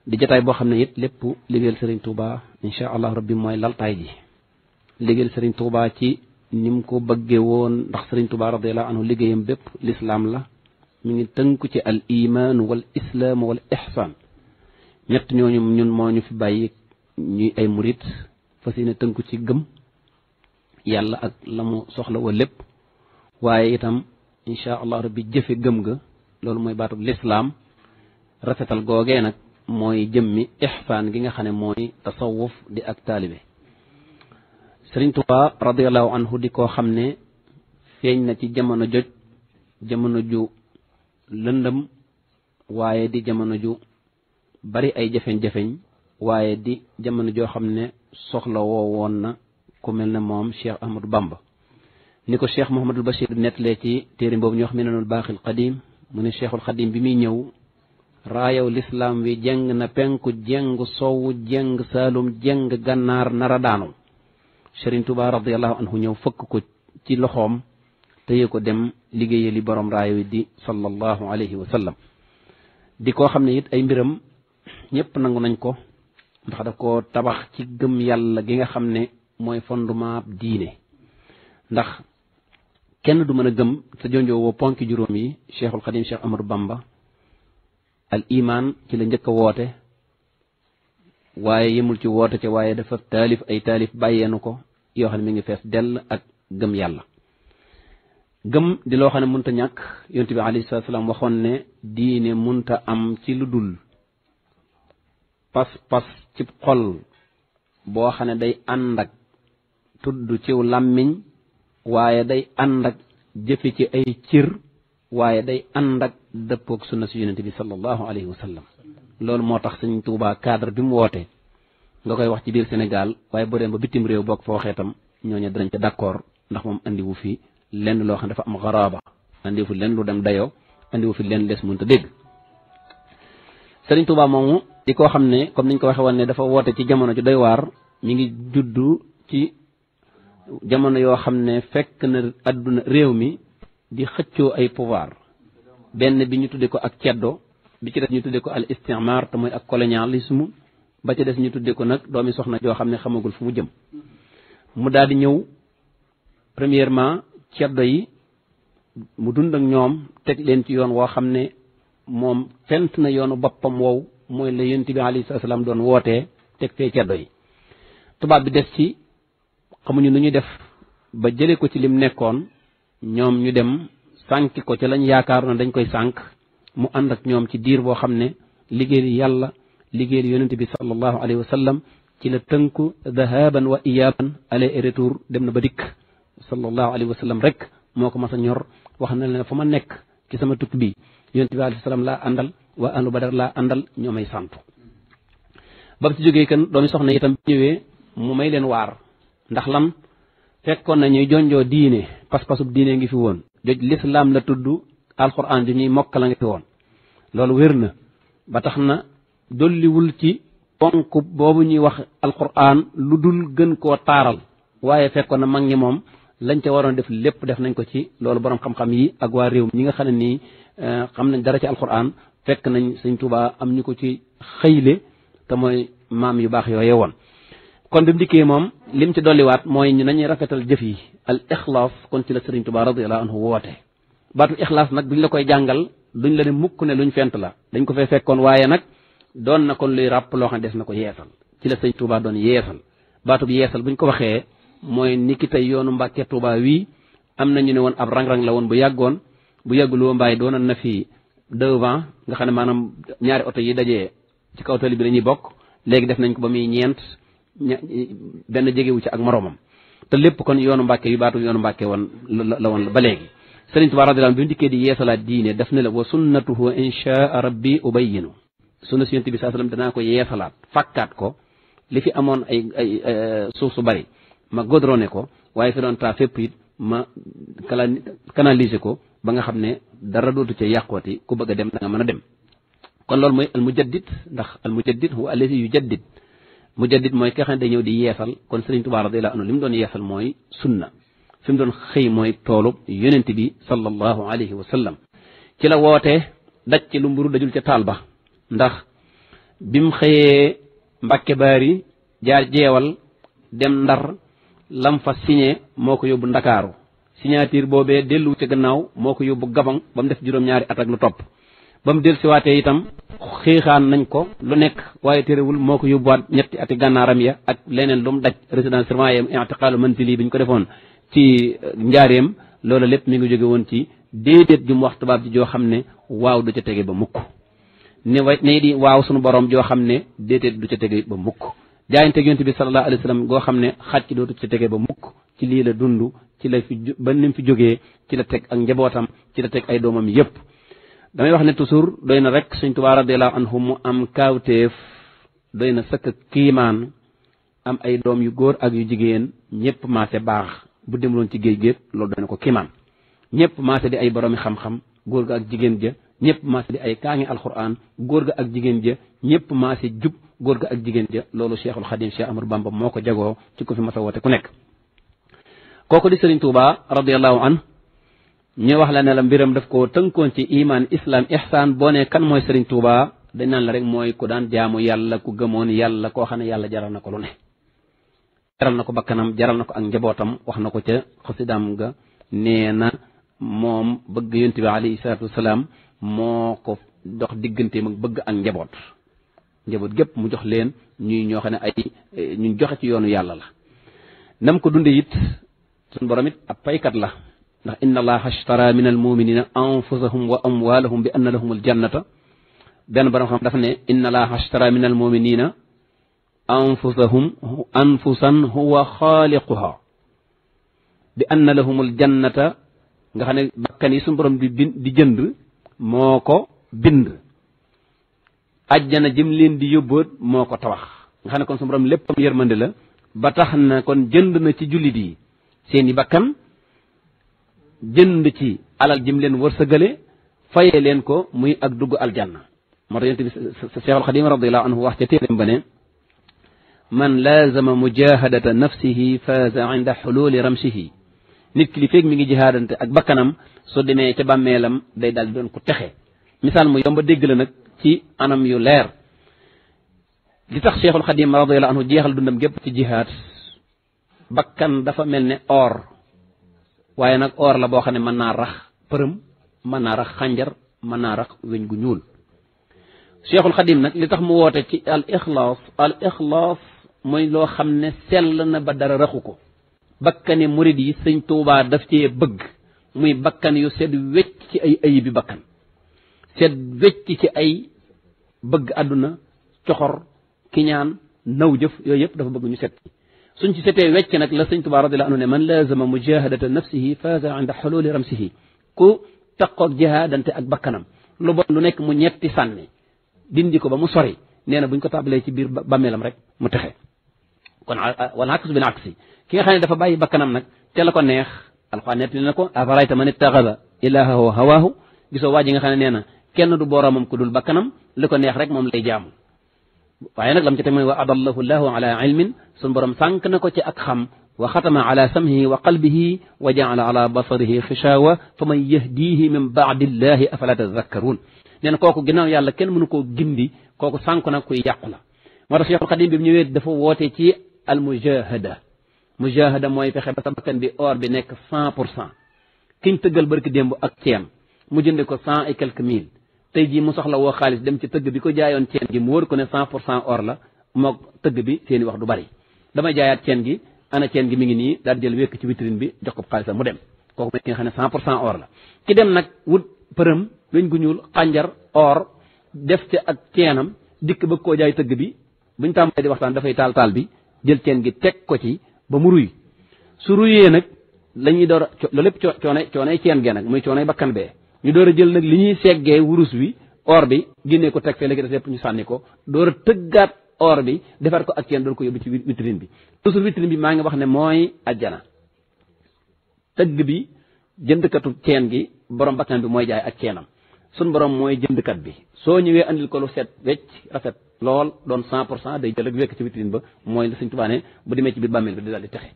di jataay boo xam ne it lépp liggéeyal sëriñ Touba incha allah rabbi mooy laltaay ji liggéeyal sëriñ Touba ci nim ko bëggee woon ndax sëriñ Touba radiallahu anhu liggéeyam bépp lislaam la mu ngi tënku ci al iman wal islaam wal ihsaan ñett ñooñu ñun moo ñu fi bàyyi ñuy ay murit fas yéene tënku ci gëm yàlla ak la mu soxla wa lépp waaye itam incha allah rabbi jëfe gëm ga loolu mooy baatu lislaam rafetal googe nag mooy jëmmi ixsaan gi nga xam ne mooy tasawuf di ak taalibe sëriñ Tuubaa radiallahu anhu di koo xam ne feeñ na ci jamono joj jamono ju lëndëm waaye di jamono ju bari ay jafeñ-jafeñ waaye di jamono joo xam ne soxla woo woon na ku mel ne moom Cheikh Ahmadou Bamba ni ko Cheikh Mouhamadul Bachir nettalee ci téere boobu ñu wax Minanul Baaxil Qadim mu ne cheikhul xadim bi muy ñëw raayaw lislaam wi jeng na penku jeng sowu jeng saalum jeng gànnaar nara daanu Sëriñ Tuubaa radiallahu anhu ñëw fëkk ko ci loxoom téye ko dem liggéeye li borom raayaw yi di sallallahu alayhi wa di koo xam ne it ay mbiram ñëpp nangu nañ ko ndax daf ko tabax ci gëm yàlla gi nga xam ne mooy fondement diine ndax kenn du mën gëm te jonjoo woo ponki juróom yi cheikhul xadim cheikh Amadou Bamba al iman ci la njëkk a woote waaye yemul ci woote ca waaye dafa taalif ay taalif bàyyeenu ko yoo xam ne mi ngi fees dell ak gëm gëm di ne munta ñàkk yonent bi alayhi salaatu salaam waxoon ne diine munta am ci lu dul pas-pas ci xol boo xam ne day ànd ak tudd ciw làmmiñ waaye day ànd ak jëfe ci ay cir waaye day ànd ak dëppoog sunna si yonente bi sallallahu alayhi wa sallam loolu moo tax sëñ Tuubaa cadre bi mu wootee nga koy wax ci biir Sénégal waaye boo dem ba bitim réew bokk foo xeetam ñooñu danañ ca d'accord ndax moom andiwu fi lenn loo xam dafa am xaraaba andiwu fi lenn lu dem dayo, andiwu fi lenn lees mënta dégg sëriñ Tuubaa moomu di koo xam ne comme niñ ko waxe woon ne dafa woote ci jamono ju doy waar mi ngi juddu ci jamono yoo xam ne fekk na adduna réew mi di xëccoo ay pouvoir benn bi ñu tudde ko ak ceddo bi ci des ñu tudde ko al istimar te mooy ak colonialisme ba ci des ñu tudde ko nag doomi soxna joo xam ne xamagul fu mu jëm mu daal di ñëw premièrement ceddo yi mu dund ak ñoom teg leen ci yoon woo xam ne moom fent na yoonu boppam wow mooy la yonent bi alayhi salaam doon wootee teg fee ceddo yi tubaab bi des ci xamuñu nu def ba jëlee ko ci lim nekkoon ñoom ñu dem sànki ko ci lañ yaakaaroon dañ koy sànk mu ànd ak ñoom ci diir boo xam ne liggéey yàlla liggéey yonente bi sallallahu alayhi wa sallam ci la tënku dhahaban wa iyaban aller retour dem na ba dikk sallallahu alayhi wa sallam rek moo ko mas a ñor wax na leen fa ma nekk ci sama tukki bi yonente bi alayhi sallam laa àndal wa anu badar laa àndal santu ba ci jógee kan doomi soxna itam ñëwee mu may leen waar ndax lan fekkoon na ñuy jonjoo diine pas-pasub diine ngi fi woon joj lislaam la tudd alxuraan ju ñuy mokk la ngi fi woon loolu wér na ba tax na dolliwul ci ponk boobu ñuy wax alxuraan lu dul gën koo taaral waaye fekkoon na mag ñi moom lañ ca waroon def lépp def nañ ko ci loolu borom xam-xam yi ak waa réew mi ñi nga xam ne nii eh, xam nañ dara ci alxuraan fekk nañ sëñ Tuubaa am ñu ko ci xëyle te mooy maam yu baax yooye woon kon bi mu moom lim ci moy ñu nañu rafetal jëf yi al ikhlas kon ci la serigne touba radiyallaahu anhu wote baatu ikhlas nak duñ la koy jàngal duñ la ne mukk ne luñ fent la dañ ko fee fekkon waye nak don na kon luy rap lo xam def nako na yeesal ci la serigne touba don yeesal baatu bi yeesal buñ ko waxe moy ni yoonu mbacke touba wi amna ñu ne won ab rang-rang la won bu yàggoon bu yàggul woon mbaay doonoon na fi devant nga xam manam ñaari auto yi dajé ci kaw tali bi la ñuy def nañ ko ba muy benn jegewu ci ak moroomam te lépp kon yoonu mbàkke yu baatu yoonu mbàkke woon la woon ba léegi sëriñ Tuubaa radiyallaahu bi mu dikkee di yeesalaat diine daf ne la wa sunnatuhu inshaa rabbi ubayyinu sunna si yonent bi saa sallam danaa ko yeesalaat fàkkaat ko li fi amoon ay ay suuf su bari ma godrone ko waaye fi doon taa fépp it ma canaliser ko ba nga xam ne dara dootu ca yàqooti ku bëgga dem da nga mën a dem kon loolu mooy al ndax al mujaddid huwa allazi yujaddid mujaddid mooy kexan day ñëw di yeesal kon Sëriñ Tuubaa radiyallaahu anhu li mu doon yeesal mooy sunna fi mu doon xëy mooy toolub yonent bi sallallahu alayhi wa sallam ci la woote daj ci lu mburu dajul ca taal ba ndax bim xëyee Mbàkke Baari jaar jeewal dem Ndar lam fa signé moo ko yóbbu Ndakaaru signature boobee dellu ca gannaaw moo ko yóbbu Gabon ba def juróom-ñaari at lu topp ba mu dellusiwaatee itam xiixaan nañ ko lu nekk waaye terewul moo ko yóbbuwaat ñetti ati gànnaaram ya ak leneen lu mu daj résidence surveillée yam intiqaalu manzili bi ko defoon ci euh, njaareem loolu lépp mi ngi jóge woon ci déedéet ju mu wax tubaab ji joo xam ne waaw du ca tege ba mukk ni wa ne di waaw suñu borom joo xam ne déedéet du ca tege ba mukk jaayante yonent bi sallallahu alayhi wa sallam goo xam ne xaj ci dootu ca tege ba mukk ci lii la dundu ci la fi ba ni mu fi jógee ci la teg ak njabootam ci la teg ay doomam yépp damay wax ne toujours doy na rek seigne touba radiallahu anhu mu am kawteef doy na sëkk am ay doom yu góor ak yu jigéen ñëpp maase baax bu demuloon ci géej géej loolu doy na ko kiimaan maase di ay boroomi xam-xam góor ga ak jigéen ja maase di ay kaangi alquran góor ga ak jigéen ja ñëpp maase jub góor ga ak jigéen ja loolu cheikhul xadim cheikh amadou bamba moo ko jagoo ci ko fi masa woote ku nekk kooku di touba anhu ñu wax la ne la mbiram daf ko tënkoon ci imaan islam ihsaan boo ne kan mooy Serigne Touba dañ naan la rek mooy ko daan jaamu yàlla ku gëmoon yàlla koo xam ne yàlla jaral na ko lu ne. jaral na ko bakkanam jaral na ko ak njabootam wax na ko ca xasidaam ga nee na moom bëgg yonent bi alayhi moo ko dox digganteem ak bëgg ak njaboot. njaboot gépp mu jox leen ñuy ñoo xam ne ay ñu joxe ci yoonu yàlla la nam ko dundee it suñu borom it ab paykat la. ndax inna allaha ashtara min al muminina anfusahum wa amwalahum bi anna lahum al jannata benn borom xam dafa ne inna allaha ashtara min al muminina anfusahum anfusan huwa xaaliquha bi anna lahum al jannata nga xam ne bakkan yi suñu di di jënd moo ko bind ajjana jëm leen di yóbboot moo ko tawax nga xam ne kon suñu borom léppam yërmande ba tax na kon jënd na ci jullit yi bakkan jënd ci alal jim leen wërsëgale faye leen ko muy ak dugg aljanna moo tax yonent bi cheikh alxadim radiallahu anhu wax ca téeréem ba ne man laazama mujahadata nafsihi faaza inda xuluuli ramsihi nit ki li feeg mi ngi jihaadante ak bakkanam su demee ca bàmmeelam day daal doon ko texe misaal mu yomba dégg la nag ci anam yu leer li tax cheikhul xadim radiallahu anhu jeexal dundam gépp ci jihaad bakkan dafa mel ne or waaye nag or la boo xam ne mën naa rax përëm mën naa rax xànjar mën naa rax weñ gu ñuul cheikhul xadim nag li tax mu woote ci al ixlaas al ixlaas mooy loo xam ne sell na ba dara raxu ko bakkani murid yi sëñ tuubaa daf cee bëgg muy bakkan yu set wecc ci ay ayibi bakkan set wecc ci ay bëgg àdduna coxor kiñaan naw jëf yooyu yëpp dafa bëgg ñu set سنتي ستي وكنك لا سنتي بارد لا انه من لازم مجاهده نفسه فاز عند حلول رمسه كو تقو جهاد انت اك بكنم لو بون لو نيك مو نيتي ساني دينديكو با مو سوري نينا بو نكو تابلي سي بير باميلام رك مو تخي كون والعكس بالعكس كي خاني دا فا باي بكنم نك تي لاكو نيه القران نيت لنكو افرايت من اتخذ اله هو هواه غيسو واجي خاني نينا كين دو بورامم كودول بكنم لكو نيه رك موم لاي جامو waaye nag lam ci teg mooy wa adallahu llahu ala ilmin suñu borom sànq na ko ci ak xam wa xatama ala samhihi wa qalbihi wa jaala ala basarihi xishawa fa man yahdihi min baadillahi afala tazakkaruun nee na kooku ginnaaw yàlla kenn mënu koo gindi kooku sànq nag kuy yàqu la moo tax cheikhul xadim bi mu ñëwee dafa woote ci al mujahada mujahada mooy fexe ba sa bakkan bi or bi nekk cent pour cent kiñ tëggal barki démb ak ceem mu jënde ko cent et quelques mille tay ji mu soxla wo xaliss dem ci teug bi ko jaayon cien gi mu wor ko ne 100% or la moog teug bi seen wax du bari dama jaayat cien gi ana cien gi mi ngi ni dal jël wek ci vitrine bi jox ko xaliss mu dem kooku mooy ki nga xam ne or la ki dem nak wut peureum luñ guñul xanjar or def ci ak cienam dik ba ko jaay teug bi buñ tambay di da fay tal tal bi jël cien gi tek ko ci ba mu ruy su ruyee nak lañuy dor door loolu lépp cien gi nak muy coonay bakkan be ñu door a jël nag li ñuy seggee wurus wi or bi génnee ko teg fee léegi des yëpp ñu sànni ko door a tëggaat or bi defar ko ak ceen door ko yóbbu ci vitrine bi toujours vitrine bi maa ngi wax ne mooy ajjana tëgg bi jëndkatu ceen gi borom bakkan bi mooy jaay ak ceenam sun borom mooy jëndkat bi soo ñëwee andil ko lu set wecc rafet lool doon cent pour cent day jël ak wekk ci vitrine ba mooy la suñ tubaane bu demee ci biir bàmmeel bi di daal di texe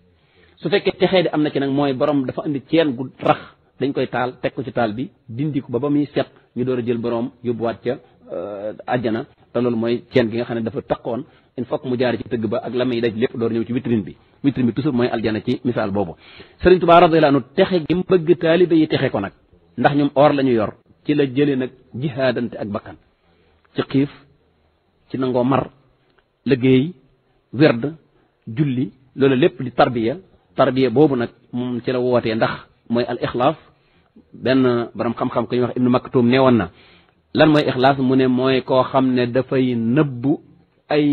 su fekkee texee di am na gu rax dañ koy taal teg ko ci taal bi dindi ko ba ba muy set ñu door a jël boroom yóbbuwaat ca euh, àjjana te loolu mooy ceen gi nga xam ne dafa takkoon il faut mu jaar ci tëgg ba ak la muy daj lépp door ñëw ci vitrine bi vitrine bi toujours mooy aljana ci misaal boobu sëriñ Tuubaa radiyallaahu anhu texe gi mu bëgg taalibe yi texe ko nag ndax ñoom or lañu yor ci la jëlee nag jihaadante ak bakkan ci xiif ci nangoo mar liggéey werd julli loolu lépp di tarbiya tarbiya boobu nag moom ci la wootee ndax mooy al ixlaas benn borom xam-xam ku ñuy wax ibnu maktum nee woon na lan mooy ixlaas mu ne mooy koo xam ne dafay nëbbu ay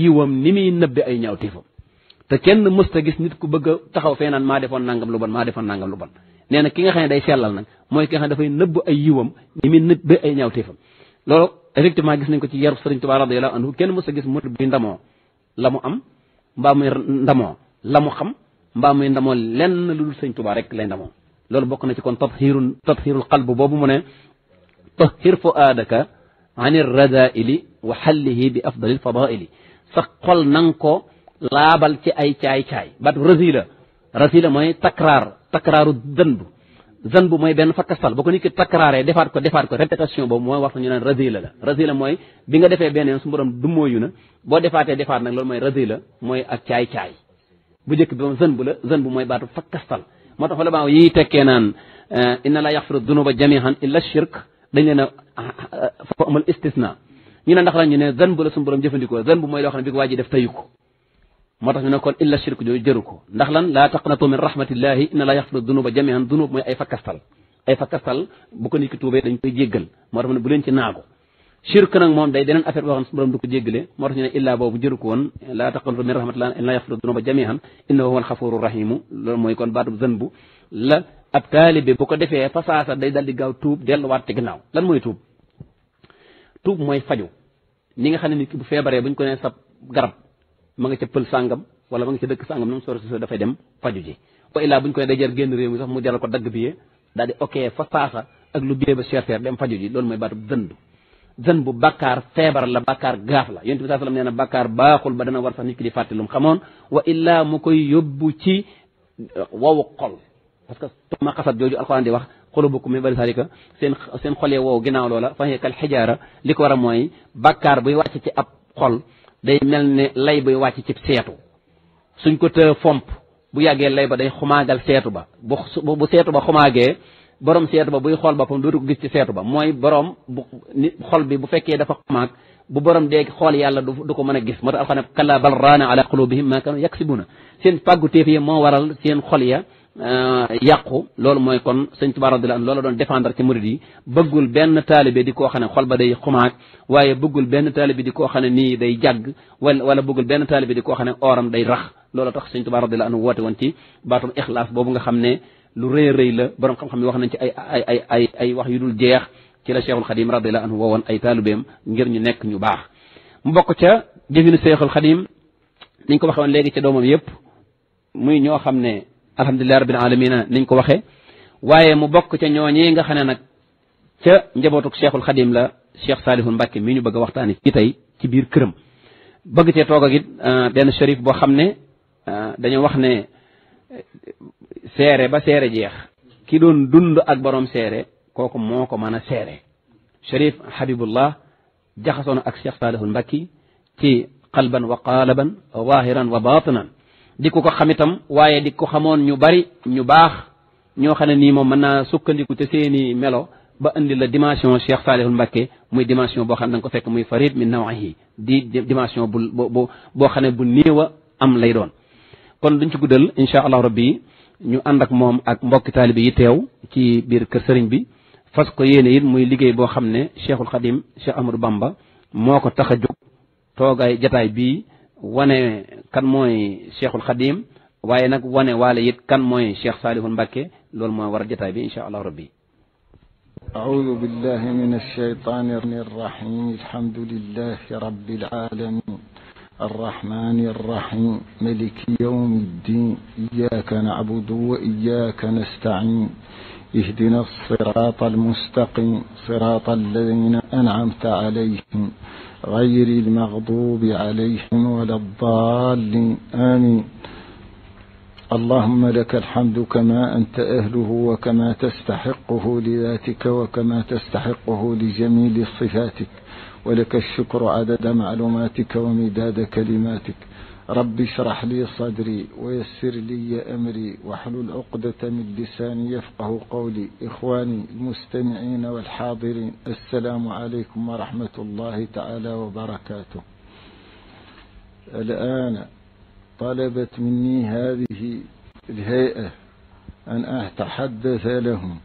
yiwam ni muy nëbbe ay ñaawteefam te kenn mësta gis nit ku bëgg a taxaw fee maa defoon nangam lu bon maa defoon nangam lu bon nee na ki nga xam ne day sellal nag mooy ki nga xam ne dafay nëbb ay yiwam ni muy nëbbi ay ñaawteefam loolu effectivement gis nañ ko ci yaru sëriñ Tuubaa la anhu kenn mësta gis murid bi ndamoo la mu am mbaa muy ndamoo la mu xam mbaa muy ndamoo lenn lu dul sëñ Tuubaa rek lay ndamoo loolu bokk na ci kon tathirul tathirul qalb boobu mu ne tahir fuaadaka an irradaili wa xallihi bi afdalil fadaili sa xol na ko laabal ci ay caay-caay baat rasila rasila mooy takraar takraaru zanbu zanbu mooy benn fakkastal boo ko nit ki takraaree defaat ko defaat ko répétition boobu mooy wax ñu naan rasila la rasila mooy bi nga defee benn yoon su borom dumóoyu na boo defaatee defaat nag loolu mooy rasila mooy ak caay-caay bu njëkk bi moom zën bu la zën bu mooy baatu fakkastal moo tax ulama yi tekkee naan inna la yaxfiru dunuba jamihan illa shirk dañ leen a fa amul istisna ñu ne ndax la ñu ne zën bu la suñu borom jëfandikoo zën bu mooy loo xam ne bi ko waa ji def tayu ko moo tax ñu ne kon illa shirk jooju jëru ko ndax lan laa taqnatu min rahmatillahi inna la yaxfiru dunuba jamihan dunub mooy ay fakkastal ay fakkastal bu ko nit ki tuubee dañ koy jéggal moo tax ne bu leen ci naago shirk nak mom day denen affaire bo xam borom du ko djeggele mo tax ñu illa bobu jëru ko woon min rahmatillah la yaxfiru dunuba jami'an innahu huwal rahimu lo moy kon baatub zën la ab talib bu ko defee fasaasa day dal di gaaw tuub delu ci ginaaw lan moy tuub tuub moy faju ni nga xamne nit ki bu febaré buñ ko nee sa garab ma nga ci peul sangam wala ma nga ci dekk sangam num soor sori da fay dem faju ji wa illa buñ ko nee day jar genn rew mi sax mu jaral ko dag biye di ak lu ba chercher dem faju ji lool moy baatub zënd zën bu bàkkaar feebar la bàkkaar gaaf la yonent bi saa sallam nee na bàkkaar baaxul ba dana war sax nit ki di fàtte lu xamoon wa illaa mu koy yóbbu ci euh, wowu xol parce que ma xasat jooju alxuraan di wax xulubukum min bari sarika seen seen xol wow ginnaaw loola fa hiya kal xijaara li ko war a mooy bàkkaar buy wàcc ci ab xol day mel ne lay buy wàcc ci seetu suñ ko të fomp bu yàggee lay ba day xumaagal seetu ba bu seetu ba xumaagee borom seetu ba buy xol bopam dootu ko gis ci seetu ba moy borom xol bi bu fekke dafa xamak bu borom deg xol yàlla du ko meuna gis moo tax kala bal rana ala qulubihim ma kanu yaksibuna seen pagu téef mo waral seen xol ya yaqku loolu moy kon seigne touba radiyallaahu anhu loola don défendre ci mouride yi beugul ben talibé di ko xane xol ba day xumaak waye beugul ben talibé di ko xane ni day jàgg wala beugul ben talibé di ko xane oram day rax loola tax seigne touba radiyallaahu anhu wote won ci batum ikhlas bobu nga xamné lu rëy rëy la borom xam-xam yi wax nañ ci ay ay ay ay ay wax yu dul jeex ci la cheikhul xadim radiallahu anhu woowoon ay taalubeem ngir ñu nekk ñu baax mu bokk ca jëfinu cheikhul xadim niñ ko waxe woon léegi ca doomam yépp muy ñoo xam ne alhamdulilah rabbil alamina niñ ko waxe waaye mu bokk ca ñooñi nga xam ne nag ca njabootuk cheikhul xadim la cheikh saalihul mbàkke mi ñu bëgg a waxtaani ci tey ci biir këram bëgg cee toog euh, benn shérif boo xam ne euh, dañoo wax ne sere ba sere jeex ki doon dund ak borom seere kooku moo ko mën sharif habibullah jaxasoon ak cheikh saalihul mbakki ci qalban wa qaalaban zahiran wa batinan di ko ko xam itam waaye di ko xamoon ñu bari ñu baax ñoo xam ne nii moom sukkandiku te seeni melo ba indi la dimension cheikh saalihul mbakke muy dimension boo xam ne ko fekk muy farid min nawahi di dimension bu bu boo xam ne bu néew am lay doon kon duñ ci guddal insha allah rabbi ñu ànd ak moom ak mbokki taalibe yi teew ci biir kër sëriñ bi fas ko yéene it muy liggéey boo xam ne cheikhul xadim cheikh amadou bamba moo ko tax a jóg toogaay jataay bii wane kan mooy cheikhul xadim waaye nag wane waale it kan mooy cheikh saalihul mbàkke loolu mooy war a jataay bi insha allah rabbi أعوذ بالله من الشيطان الرجيم الحمد لله رب العالمين الرحمن الرحيم ملك يوم الدين إياك نعبد وإياك نستعين اهدنا الصراط المستقيم صراط الذين أنعمت عليهم غير المغضوب عليهم ولا الضالين آمين اللهم لك الحمد كما أنت أهله وكما تستحقه لذاتك وكما تستحقه لجميل صفاتك ولك الشكر عدد معلوماتك ومداد كلماتك رب اشرح لي صدري ويسر لي أمري واحلل عقدة من لساني يفقه قولي إخواني المستمعين والحاضرين السلام عليكم ورحمة الله تعالى وبركاته الآن طلبت مني هذه الهيئة أن أتحدث لهم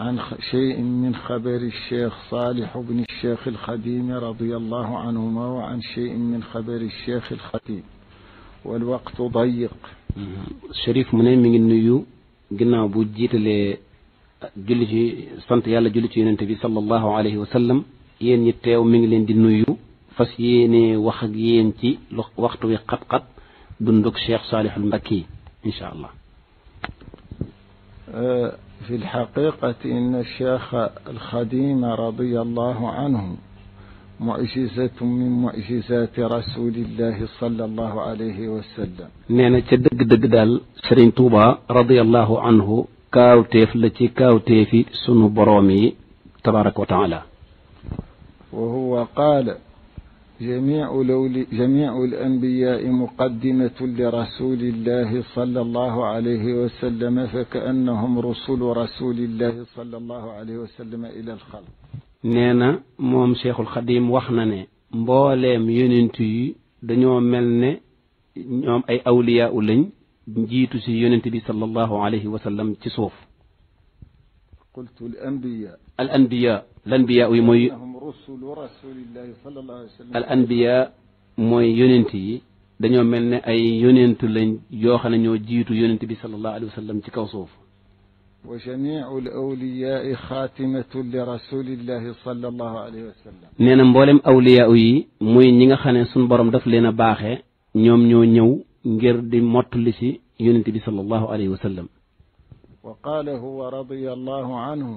عن شيء من خبر الشيخ صالح بن الشيخ الخديم رضي الله عنهما وعن شيء من خبر الشيخ الخديم والوقت ضيق الشريف منين من النيو قلنا ابو جيت لي جلتي سنت يالا جلتي النبي صلى الله عليه وسلم يين نيتيو من لين دي نيو فاس ييني واخ يين تي وقت وي قط قط دوندوك الشيخ صالح المكي ان شاء الله أه، في الحقيقة إن الشيخ الخديم رضي الله عنه معجزة من معجزات رسول الله صلى الله عليه وسلم نانا تدق دق دال سرين توبا رضي الله عنه لتي التي تيفي سنو برومي تبارك وتعالى وهو قال جميع, جميع الأنبياء مقدمة لرسول الله صلى الله عليه وسلم فكأنهم رسول رسول الله صلى الله عليه وسلم إلى الخلق نينا موم شيخ الخديم وخنا ني يوننتي يننتي ملني ملنا نيوم أي أولياء لن جيتو سي يوننتي صلى الله عليه وسلم تصوف قلت الأنبياء الأنبياء الأنبياء يموي رسل رسول الله صلى الله عليه وسلم الأنبياء موي يوننتي دانيو ملني اي يوننت لين يو خانا نيو جيتو يوننتي بي صلى الله عليه وسلم تي كاو سوف وجميع الاولياء خاتمه لرسول الله صلى الله عليه وسلم نينا مبولم اولياء وي موي نيغا خانا سون بروم داف لينا باخه نيوم نيو نيو غير دي موتلي سي يوننتي بي صلى الله عليه وسلم وقال هو رضي الله عنه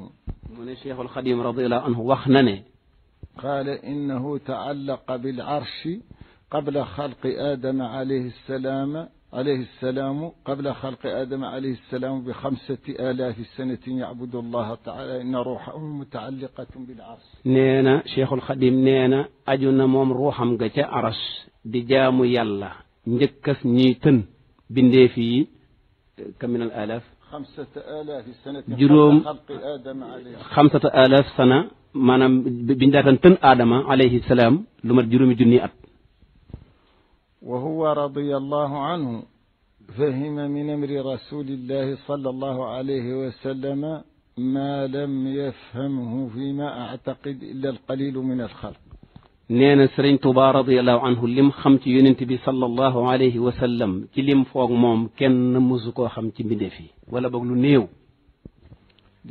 من الشيخ الخديم رضي الله عنه وخنا قال إنه تعلق بالعرش قبل خلق آدم عليه السلام عليه السلام قبل خلق آدم عليه السلام بخمسة آلاف سنة يعبد الله تعالى إن روحه متعلقة بالعرش نينا شيخ الخديم نينا أجونا موم روحم قتا عرش دجام يلا نجكس نيتن بنديفي كم من الآلاف خمسة آلاف سنة جروم خلق آدم عليه خمسة آلاف سنة manam biñ daataan tan adama alayhi salam lu mat juróomi junni at wa huwa radiyallahu anhu fahima min amri rasulillahi sallallahu alayhi wa sallama ما لم يفهمه فيما أعتقد إلا القليل من الخلق نينا سرين توبا رضي الله عنه لم خمت ينتبي صلى الله عليه وسلم لم فوق موم كن مزكو خمت بدفي ولا بقول نيو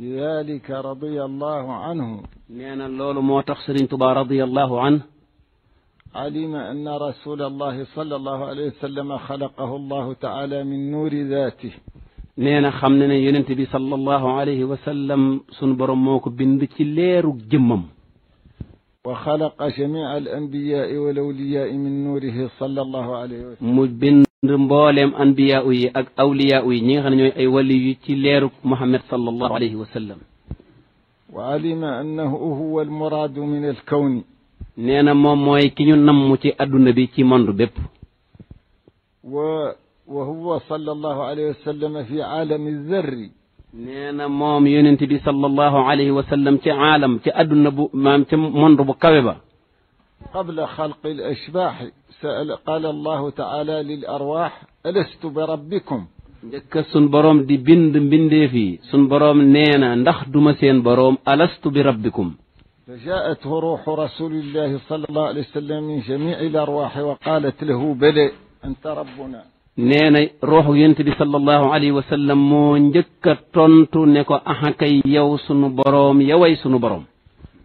لذلك رضي الله عنه نانا اللول موتخ سرين تبا رضي الله عنه علم أن رسول الله صلى الله عليه وسلم خلقه الله تعالى من نور ذاته نانا خمنا ينتبي صلى الله عليه وسلم سنبر موك بندك ليرو جمم وخلق جميع الأنبياء والأولياء من نوره صلى الله عليه وسلم مجبن مبالم أنبياء أك أولياء نيغن أي ولي تليرك محمد صلى الله عليه وسلم وعلم أنه هو المراد من الكون نينا موم موي كي نمو تي ادنا بي تي موندو بيب و وهو صلى الله عليه وسلم في عالم الذري nee na moom yonent bi sallallahu alayhi wa sallam ci aalam ci adduna bu maam ci monde bu kawe ba قبل خلق الأشباح سأل قال الله تعالى للأرواح ألست بربكم njëkk sun borom di bind mbindeef yi sun borom nee na ndax duma seen borom alastu bi rabbikum فجاءته روح رسول الله صلى الله عليه وسلم من جميع الأرواح وقالت له بلى أنت ربنا nee روح ينتبه صلى الله عليه وسلم مون sallam moo نكو أحكي يو سنبروم ko سنبروم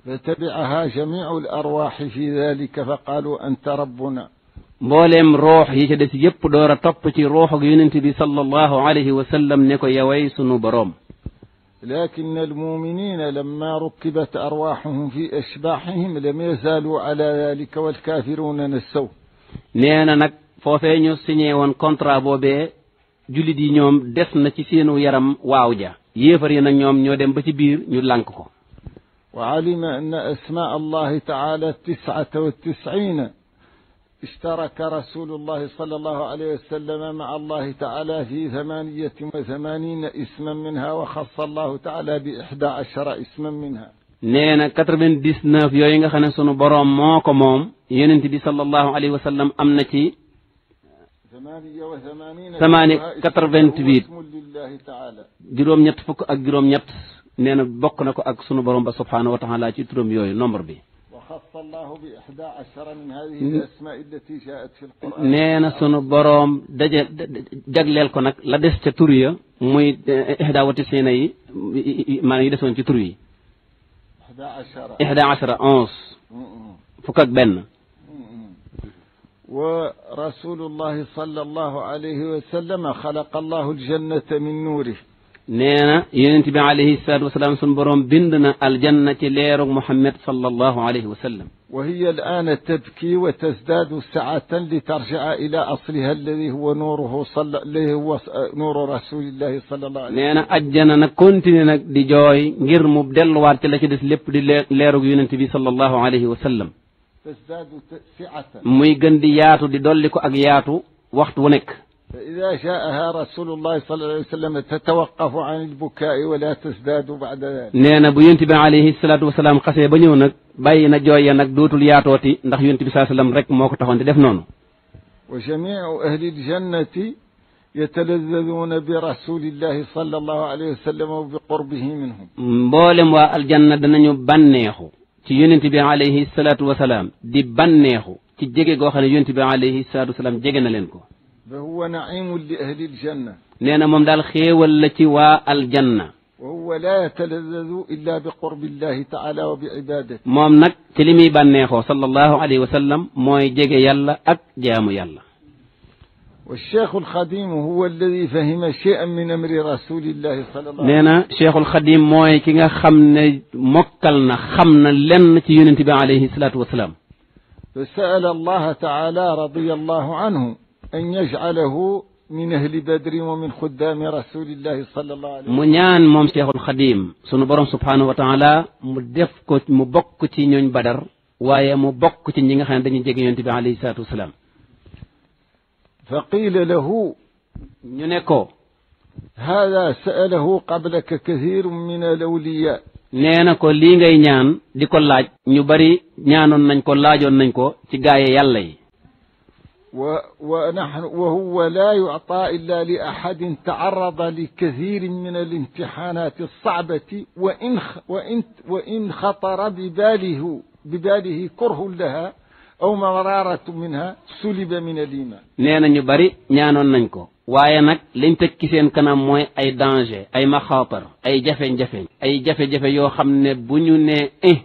فتبعها جميع الأرواح في ذلك فقالوا أنت ربنا مولم روح يجدس يب دورة تبتي روح ينتبي صلى الله عليه وسلم نكو يويس سنبروم لكن المؤمنين لما ركبت أرواحهم في أشباحهم لم يزالوا على ذلك والكافرون نسوا نينا نك fofé ñu signé won contrat bobé julit yi ñom des na ci seenu yaram waaw ja yéfer yi nak ñom ño dem ba ci biir ñu lànk ko wa alima anna asma allah ta'ala 99 اشترك رسول الله صلى الله عليه وسلم مع الله تعالى في ثمانية وثمانين اسما منها وخص الله تعالى بإحدى عشر اسما منها نينا 99 يوينغا خنا سونو بروم موكو موم يونتي صلى الله عليه وسلم أمنتي ثمانية كتر بنت بيت جروم نيت فك أجروم نيت نين بق نكو أكسون بروم بسبحانه وتعالى جتروم يوي نمبر بي وخص الله بإحدى عشر من هذه الأسماء التي جاءت في القرآن نين سون بروم دج دجل لكم لدس تطوري مي إحدى وتسعين أي ما نيد سون تطوري إحدى عشر إحدى عشر أنس فكك بنت ورسول الله صلى الله عليه وسلم خلق الله الجنة من نوره نينا yonent عليه الصلاة والسلام سنبرون بندنا الجنة لير محمد صلى الله عليه وسلم وهي الآن تبكي وتزداد سعة لترجع إلى أصلها الذي هو نوره صلى الله هو نور رسول الله صلى الله عليه وسلم. نينا أجنا نكونت نك دي جوي غير مبدل وارتلاك كده لب دي ليرو يونتي صلى الله عليه وسلم. muy gën di yaatu di dolli ko ak yaatu waxtu wu nekk فإذا جاءها رسول الله صلى الله عليه وسلم تتوقف عن البكاء ولا تزداد بعد ذلك عليه الصلاة والسلام جويا نك صلى الله عليه وسلم رك وجميع أهل الجنة يتلذذون برسول الله صلى الله عليه وسلم وبقربه منهم بولم والجنة دنا نيو ci yonent bi alayhi salatu wasalaam di banexu ci jege go xam yonent bi alayhi salatu wasalaam jege na len ko wa huwa na'imul li ahli aljanna nee na moom daal xéewal la ci waa aljanna وهو لا يتلذذ إلا بقرب الله تعالى وبعبادته موم نك تلمي بانيخو صلى الله عليه وسلم moy jege yalla ak جامو yalla والشيخ الخديم هو الذي فهم شيئا من أمر رسول الله صلى الله عليه وسلم شيخ الخديم موي كيغا خمنا موكلنا خمنا لن تي يونتي عليه الصلاة والسلام فسأل الله تعالى رضي الله عنه أن يجعله من أهل بدر ومن خدام رسول الله صلى الله عليه وسلم منيان موم شيخ الخديم سونو بروم سبحانه وتعالى مو ديفكو مو def ko mu bokk ci ñooñ badar waaye mu bokk فقيل له نيكو هذا سأله قبلك كثير من الأولياء نينا na ko lii دي ñaan لاج ko laaj ñu bari ñaanoon nañ ko laajoon nañ ونحن وهو لا يعطى إلا لأحد تعرض لكثير من الامتحانات الصعبة وإن وإن وإن خطر بباله بباله كره لها aw mararatu minha suliba min alima nee na ñu bari ñaanoon nañ ko waaye nag liñ teg ci seen kanam mooy ay danger ay maxaatar ay jafe-jafe ay jafe-jafe yoo xam ne bu ñu nee eh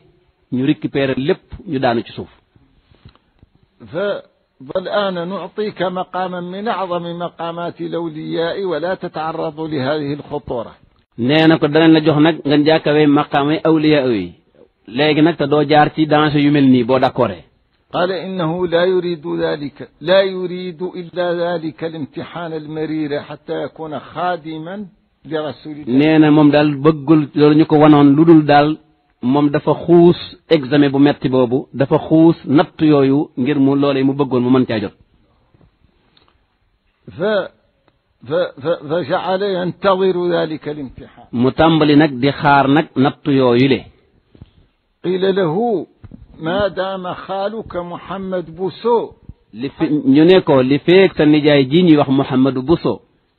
ñu récupérer lépp ñu daanu ci suuf fa والآن نعطيك مقاما من أعظم مقامات الأولياء ولا تتعرض لهذه الخطورة نانا كو دانا لا جوخ نك nga jàkkawee maqaamay awliya yi léegi nag te doo jaar ci danger yu mel nii boo d'accordé قال إنه لا يريد ذلك لا يريد إلا ذلك الامتحان المرير حتى يكون خادما لرسول الله نينا موم دال بغل لول نيكو وانون دال موم دا فا اكزامي بو ميتي بوبو دا فا خوس نات يويو غير مو لولاي مو بغول مو مانتا جوت ف ف ف فجعل ينتظر ذلك الامتحان متامبلي نك دي خار نك نات يويو قيل له ما دام خالك محمد بوسو ñu ne ko li feeg sa nijaay ji ñuy wax Mouhamadou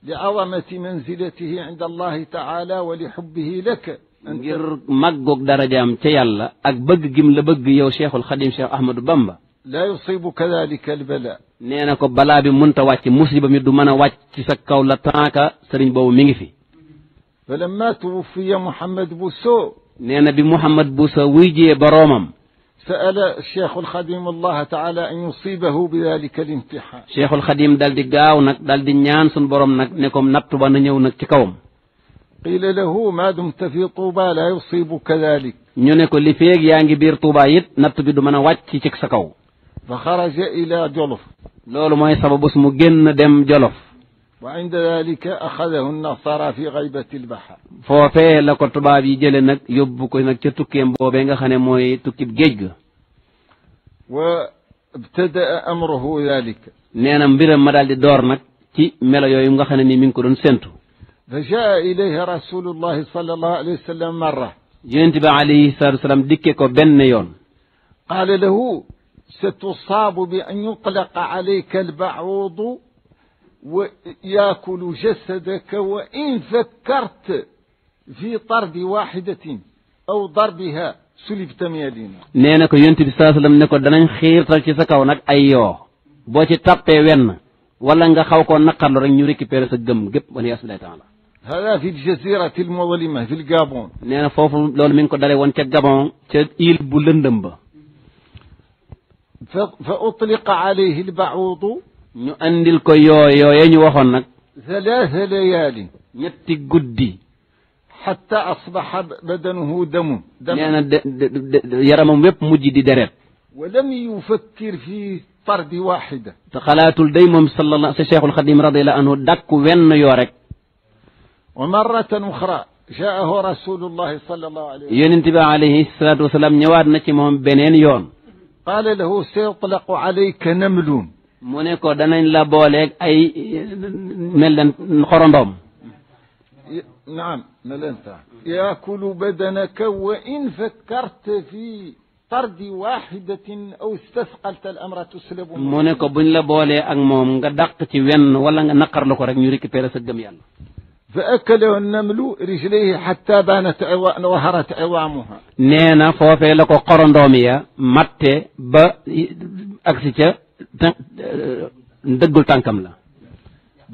لعظمة منزلته عند الله تعالى ولحبه لك غير مغوك درجام تي يالا اك بغ جيم لا بغ يو شيخ الخديم شيخ احمد بامبا لا يصيب كذلك البلاء نينا بلا بي مونتا واتي مصيبه مي دو مانا واتي سا كاو لا تانكا سيرن بوبو ميغي في فلما توفي محمد بوسو نينا بي محمد بوسو ويجي برومم سأل الشيخ الخديم الله تعالى أن يصيبه بذلك الامتحان شيخ الخديم دال دي غاو نك دال دي نيان نك نكم نطبا نيو نك قيل له ما دمت في طوبى لا يصيبك ذلك ñu ne ko li feeg yaa ngi biir Touba it natt bi du mën a wàcc ci sa kaw. fa xaraja ila وعند ذلك أخذه النصارى في غيبة البحر فوفي لكو تبابي جلنك يبكو نك تكيم بوبينغ خنموي تكيب جيج وابتدأ أمره ذلك نانا مبيرا مدال دورنك تي ملا يوم خنمي منكو دون سنتو فجاء إليه رسول الله صلى الله عليه وسلم مرة ينتبه عليه الصلاة والسلام ديكيكو بن يون قال له ستصاب بأن يطلق عليك البعوض ويأكل جسدك وإن فكرت في طرد واحدة أو ضربها سلبت من نينك نينا ينتي بي صلى الله عليه وسلم نكو دنان خير تال سي سكاو نك أيو بو سي وين ولا نغا خوكو نقر لرن يوريكي ñu récupérer جب gëm gëpp wala yasla هذا في الجزيرة المظلمة في القابون نينا فوف لول منكو كو داري وون تي غابون ايل بو با فاطلق عليه البعوض نأندل andil يو يو yooye ñu waxoon nag ثلاث ليال ñetti guddi حتى أصبح بدنه دم دم لأن يرمم ويب مجد درب ولم يفكر في طرد واحدة تخلات الديم صلى الله عليه الشيخ الخديم رضي الله عنه دك وين يورك ومرة أخرى جاءه رسول الله صلى الله عليه وسلم ينتبه عليه الصلاة والسلام نواد نتي مهم بنين يوم قال له سيطلق عليك نملون mu ne ko danañ la booleeg ay mel ne xorondoom نعم ملنت يأكل بدنك وإن فكرت في طرد واحدة أو استثقلت الأمر تسلب مونيكو بن لا بولي أك موم nga dak ci wenn wala nga nakar lako rek ñu récupérer sa gëm yalla فأكله النمل رجليه حتى بانت عوان وهرت عوامها نينا فوفي لكو قرندوميا ماتي با اكسي ندقل تنكم له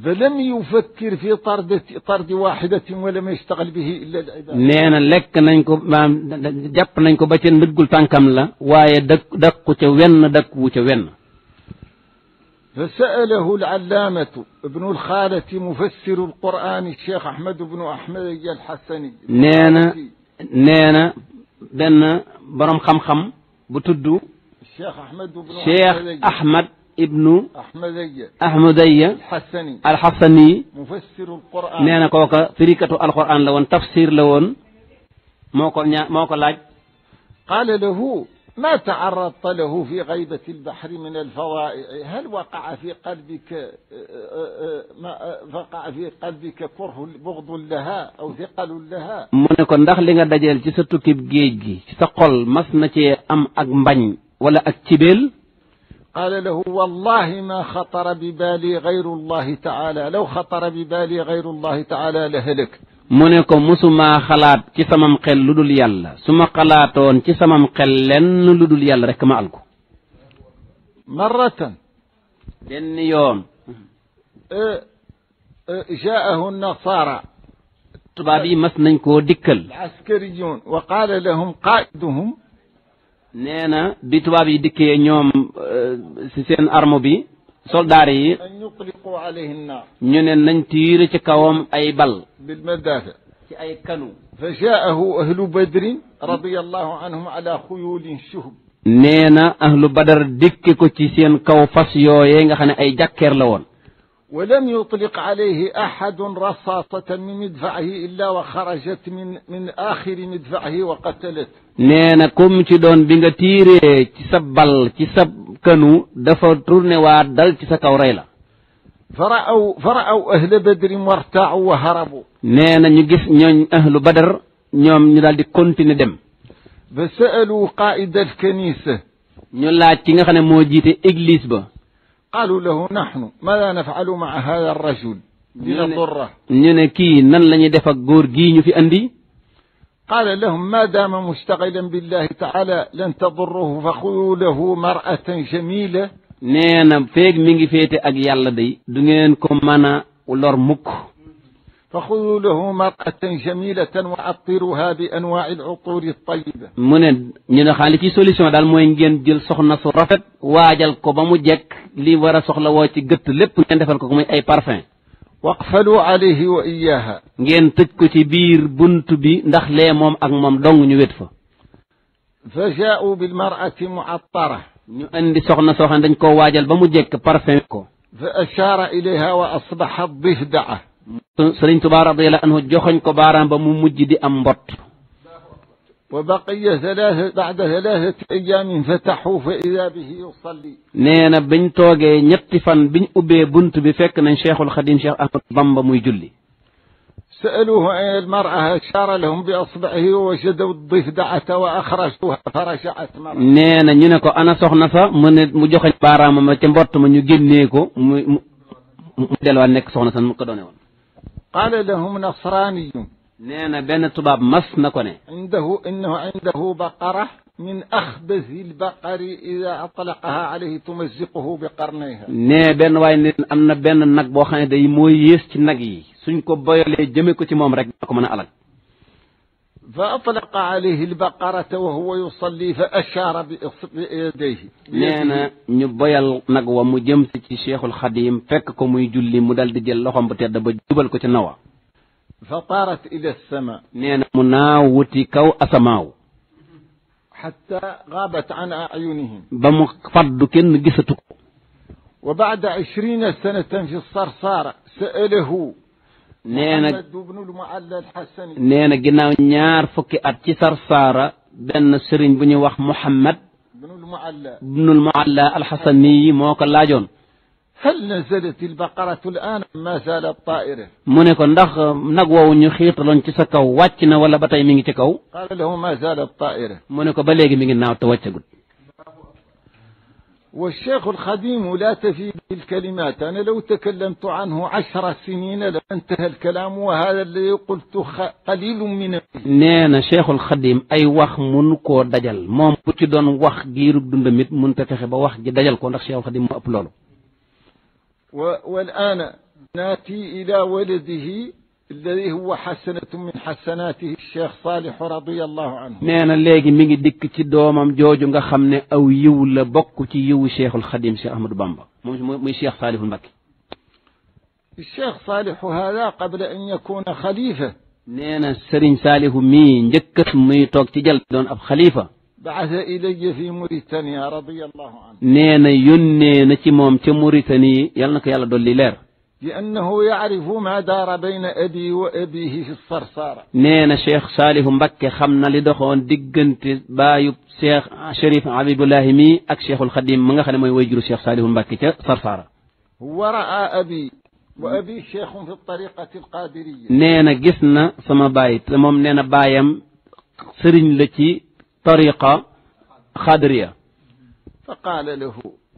فلم يفكر في طرد طرد واحدة ولم يشتغل به إلا العبادة نينا لك ننكو جاب ننكو بچ ندقل تنكم واي دق دق وين دق وين فسأله العلامة ابن الخالة مفسر القرآن الشيخ أحمد بن أحمد الحسني نينا نينا بن برم خم خم بتدو شيخ أحمد بن شيخ أحمد ابن أحمدية أحمدية الحسني الحسني مفسر القرآن نانا كوكا طريقة القرآن لون تفسير لون موكو موكو لاج قال له ما تعرضت له في غيبة البحر من الفوائع هل وقع في قلبك آه، آه، آه، ما وقع في قلبك كره بغض لها أو ثقل لها من كون داخ ليغا داجال سي سا توكيب جيجي سي سا خول مس أم أك مباغ ولا التبل قال له والله ما خطر ببالي غير الله تعالى لو خطر ببالي غير الله تعالى لهلك مونيكو مسوما خلات تي سامام خيل لودول يالا سوما خلاتون تي سامام خيل لن لودول يالا رك ما الكو مره بن يوم جاءه النصارى تبابي مس نكو ديكل العسكريون وقال لهم قائدهم nee bi tubaab yi dikkee ñoom si seen armo bi soldaar yi ñu ne nañ tiire ci kawam ay bal ci ay kanu fa jaahu ahlu badrin radiyallahu anhum ala xuyulin shuhb nee ahlu badar dikke ko ci seen kaw fas yooyee nga xam ne ay jàkkeer la woon ولم يطلق عليه أحد رصاصة من مدفعه إلا وخرجت من من آخر مدفعه وقتلت نينا كوم تي دون بيغا تيري تي سبال تي سب كانو دافا تورني وات دال تي سكاو ريلا فرأوا فرأوا أهل بدر وارتاعوا وهربوا نينا ني غيس ñoñ أهل بدر ñoom ñu daal di continuer dem فسألوا قائد الكنيسة ñu laaj ki nga xam ne moo jiite قالوا له نحن ماذا نفعل مع هذا الرجل لنضره ñu كي نان la ñuy def ak góor gii قال لهم ما دام مشتغلا بالله تعالى لن تضره فخذوا له مرأة جميلة نينا فيك ميغي فيتي اك يالا دي دونين كو مانا ولور موك فخذوا له مرأة جميلة وعطروها بأنواع العطور الطيبة منن نينا خالتي سوليسيون دال موي نين ديل سخنا سو واجل واجال كو بامو لي ورا سخلا وو تي گت لپ نين ديفال اي بارفان واقفلوا عليه واياها نين تج كو تي بي ندخ لي موم اك موم دونغ ني ويت فجاءوا بالمرأة معطرة ني اندي سخنا سخنا دنج كو واجال بارفان كو فأشار إليها وأصبحت ضفدعة سرين تبا رضي الله عنه جخن كباران بممج دي أمبط وبقي ثلاثة بعد ثلاثة أيام فتحوا فإذا به يصلي نينا بنتو جي بن أبي بنت بفكنا شيخ الخديم شيخ أحمد بمب ميجلي سألوه عن المرأة أشار لهم بأصبعه وشدوا الضفدعة وأخرجوها فرجعت مرأة نينا نينكو أنا سخنا فا من مجخن باران ممتن بطم نجنيكو مدلوان نكسونا سنمكدوني قال لهم نصراني نانا بين تباب مصنع عنده إنه عنده بقرة من أخبث البقر إذا أطلقها عليه تمزقه بقرنيها نانا بين وين أمنا بين النقب وخان دي مو يست نقي سنكو بيولي جميكو تمام رك بكم أنا ألق فأطلق عليه البقرة وهو يصلي فأشار بيديه نانا نبيل نقوى مجمسة الشيخ الخديم فككم يجلي مدال دي اللهم بتيادة بجبل كتنوى فطارت إلى السماء نانا مناوتكو أسماو حتى غابت عن أعينهم بمقفد كن جستك وبعد عشرين سنة في الصرصار سأله نينا na nee na ginnaaw ñaar fukki at ci sarsaara benn بن bu ñuy wax muhammad ibnul mualla alxasani moo ko هل نزلت البقرة الآن ما زالت طائرة منك ندخ نقوى ونخيط لون تسكو واتنا ولا بطي من تكو قال له ما زالت طائرة منك بلغ من النار توجه والشيخ الخديم لا تفي بالكلمات أنا لو تكلمت عنه عشر سنين لانتهى الكلام وهذا الذي قلت قليل من نانا شيخ الخديم أي وخ منكو دجل موم بتدون دون وخ غيرو دندميت منتفخ با وخ دجال كو شيخ الخديم مو والآن ناتي إلى ولده الذي هو حسنة من حسناته الشيخ صالح رضي الله عنه نانا لغي ميغي ديك تي دومام جوجو nga xamne aw yiw la bokku ci Cheikh Al Khadim Cheikh Ahmed Bamba muy Cheikh Salih Mbacke الشيخ صالح هذا قبل أن يكون خليفة نانا سرين صالح مي نجكت مي توك تجل دون أب خليفة بعث إلي في موريتانيا رضي الله عنه نانا يني نتي موم تي موريتاني يلنك يلا دول لير لأنه يعرف ما دار بين أبي وأبيه في الصرصار نين شيخ صالح مبكي خمنا لدخون دقن بايب شيخ شريف عبيد الله مي أك شيخ الخديم من خلي ما يوجر شيخ صالح مبكي صرصار هو رأى أبي وأبي شيخ في الطريقة القادرية نين قسنا سما بايت لمم نين بايم سرين لكي طريقة قادرية فقال له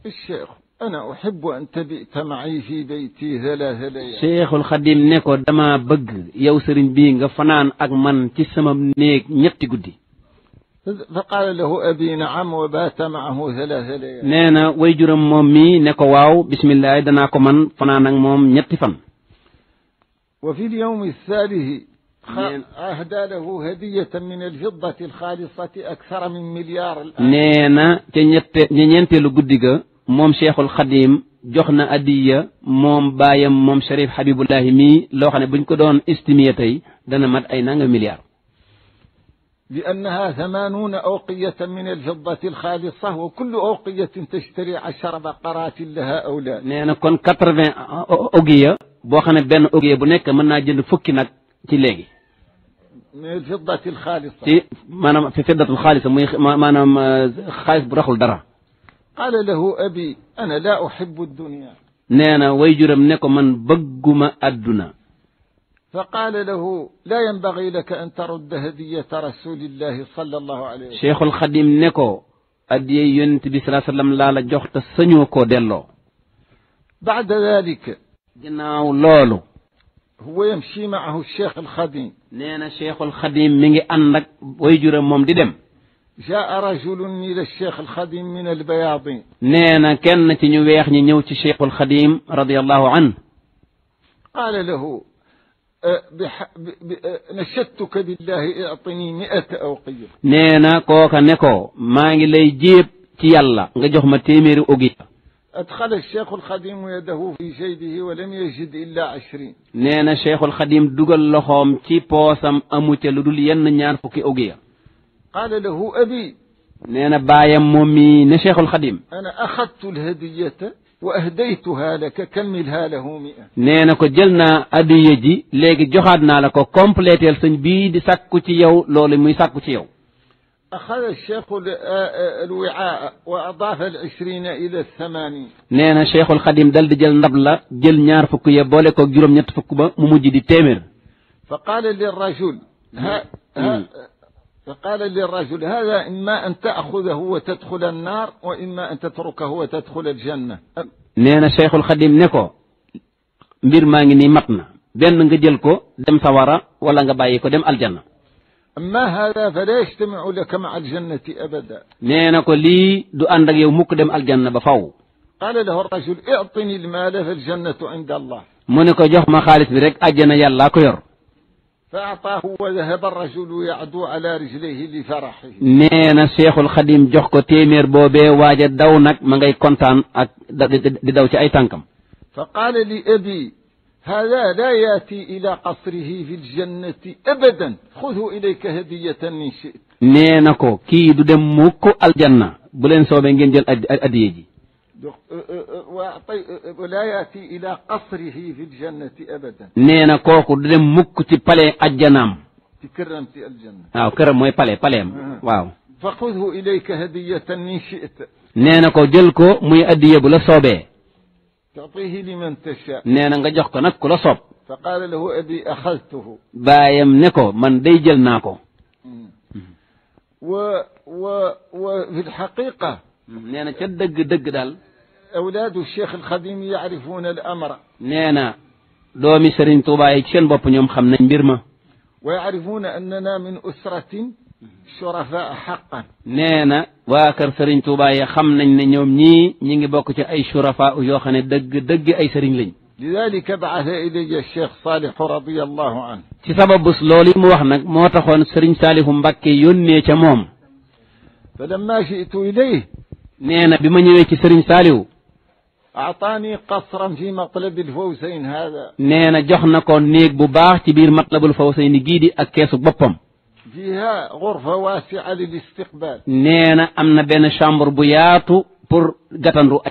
الشيخ أنا أحب أن تبئت معي في بيتي ثلاثة ليال شيخ الخديم نيكو دما بغ يو سيرن بي فنان أغمان من نيك نيكتي غودي فقال له أبي نعم وبات معه ثلاثة ليال نينا ويجرم مومي نيكو واو بسم الله دنا كو من فنان موم نيكتي فن وفي اليوم الثالث أهدى له هدية من الفضة الخالصة أكثر من مليار الآن نينا تي نينتي لو موم شيخ الخديم جوخنا اديه موم بايام موم شريف حبيب الله مي لو خاني بنكو دون استيميه تاي estimé tey dana mat ay nanga لأنها ثمانون أوقية من الفضة الخالصة وكل أوقية تشتري عشر بقرات لها أولاد نانا كون 80 أوقية بو خاني بن أوقية بو نيك منا جند فكي نك تي ليغي من الفضة الخالصة تي مانام في فضة الخالصة مانام خالص برخل دره قال له أبي أنا لا أحب الدنيا نانا ويجرم نكو من بقما الدنا فقال له لا ينبغي لك أن ترد هدية رسول الله صلى الله عليه وسلم شيخ الخديم نكو أدي ينت بي صلى الله عليه وسلم لا لجوحت سنيوكو دلو بعد ذلك جناو لولو هو يمشي معه الشيخ الخديم نانا شيخ الخديم ميغي أنك ويجرم مم دي دم جاء رجل إلى الشيخ الخديم من البياضين نينا كانت نيويخ نيوتي الشيخ الخديم رضي الله عنه قال له أه، بح... ب... ب... أه، نشدتك بالله اعطني مئة أوقية نينا كوكا نكو ما لي جيب تيالا نجوخ ما تيمير أوقية أدخل الشيخ الخديم يده في جيبه ولم يجد إلا عشرين نينا الشيخ الخديم دوغل لخوم تي بوسم أموتي لدول ين نيار فكي أوقية قال له أبي نينا بايا مومي نشيخ الخديم أنا أخذت الهدية وأهديتها لك كملها له مئة نينا كو جلنا أدي يجي لكي جوخاتنا لكو كومبليت يلسن بيد دي ساكو تي يو لولي مي ساكو يو أخذ الشيخ الوعاء وأضاف العشرين إلى الثمانين نينا شيخ الخديم دل جل نبلا جل نيار فكو يبولي كو جروم نيت فكو فقال للرجل ها, ها فقال للرجل هذا إما أن تأخذه وتدخل النار وإما أن تتركه وتدخل الجنة نينا شيخ الخديم نكو مير ماغني ماتنا بن نغا جيلكو دم سوارا ولا نغا دم الجنة أما هذا فلا يجتمع لك مع الجنة أبدا نينا كو لي دو أندك يوم موك دم الجنة بفاو قال له الرجل اعطني المال فالجنة عند الله مونيكو جوخ ما خالص بريك أجنة يالله كير فأعطاه وذهب الرجل يعدو على رجليه لفرحه نينا شيخ الخديم جوخ كو تيمير بوبي واجا داو نك ما غاي كونتان اك داو سي اي تانكم فقال لي ابي هذا لا ياتي الى قصره في الجنه ابدا خذه اليك هديه من شئت نينا كو كي دو دم موكو الجنه بولين سوبي نين ديال اديجي طيب، ولا يأتي إلى قصره في الجنة أبدا نينا كوكو دلم مكتي بالي أجنام تكرمتي الجنة أو آه، كرم موي بالي بالي واو فخذه إليك هدية إن شئت نينا كو جلكو موي أدية بلا صوبي تعطيه لمن تشاء نينا nga jox ko nak فقال له أبي أخذته بايم نكو من دي جل ناكو أمم. و و وفي الحقيقة نينا تا دغ دغ دال أولاد الشيخ الخديم يعرفون الأمر نينا دومي سرين توبا يكشن بوب نيوم خمنا بيرما ويعرفون أننا من أسرة شرفاء حقا نينا واكر سرين توبا يخمنا نيوم ني نيجي بوكو أي شرفاء يوخن دق دق أي سرين لين لذلك بعث إلي الشيخ صالح رضي الله عنه تسبب بسلولي موحنا موتخون سرين صالح مبكي يوني تموم فلما جئت إليه نينا na bi سرين صالح أعطاني قصرا في مطلب الفوسين هذا نينا جخنا كون نيك بباخ تبير مطلب الفوسين جيدي أكيس بوبام فيها غرفة واسعة للاستقبال نينا أمنا بين شامبر بياتو بور غتن رو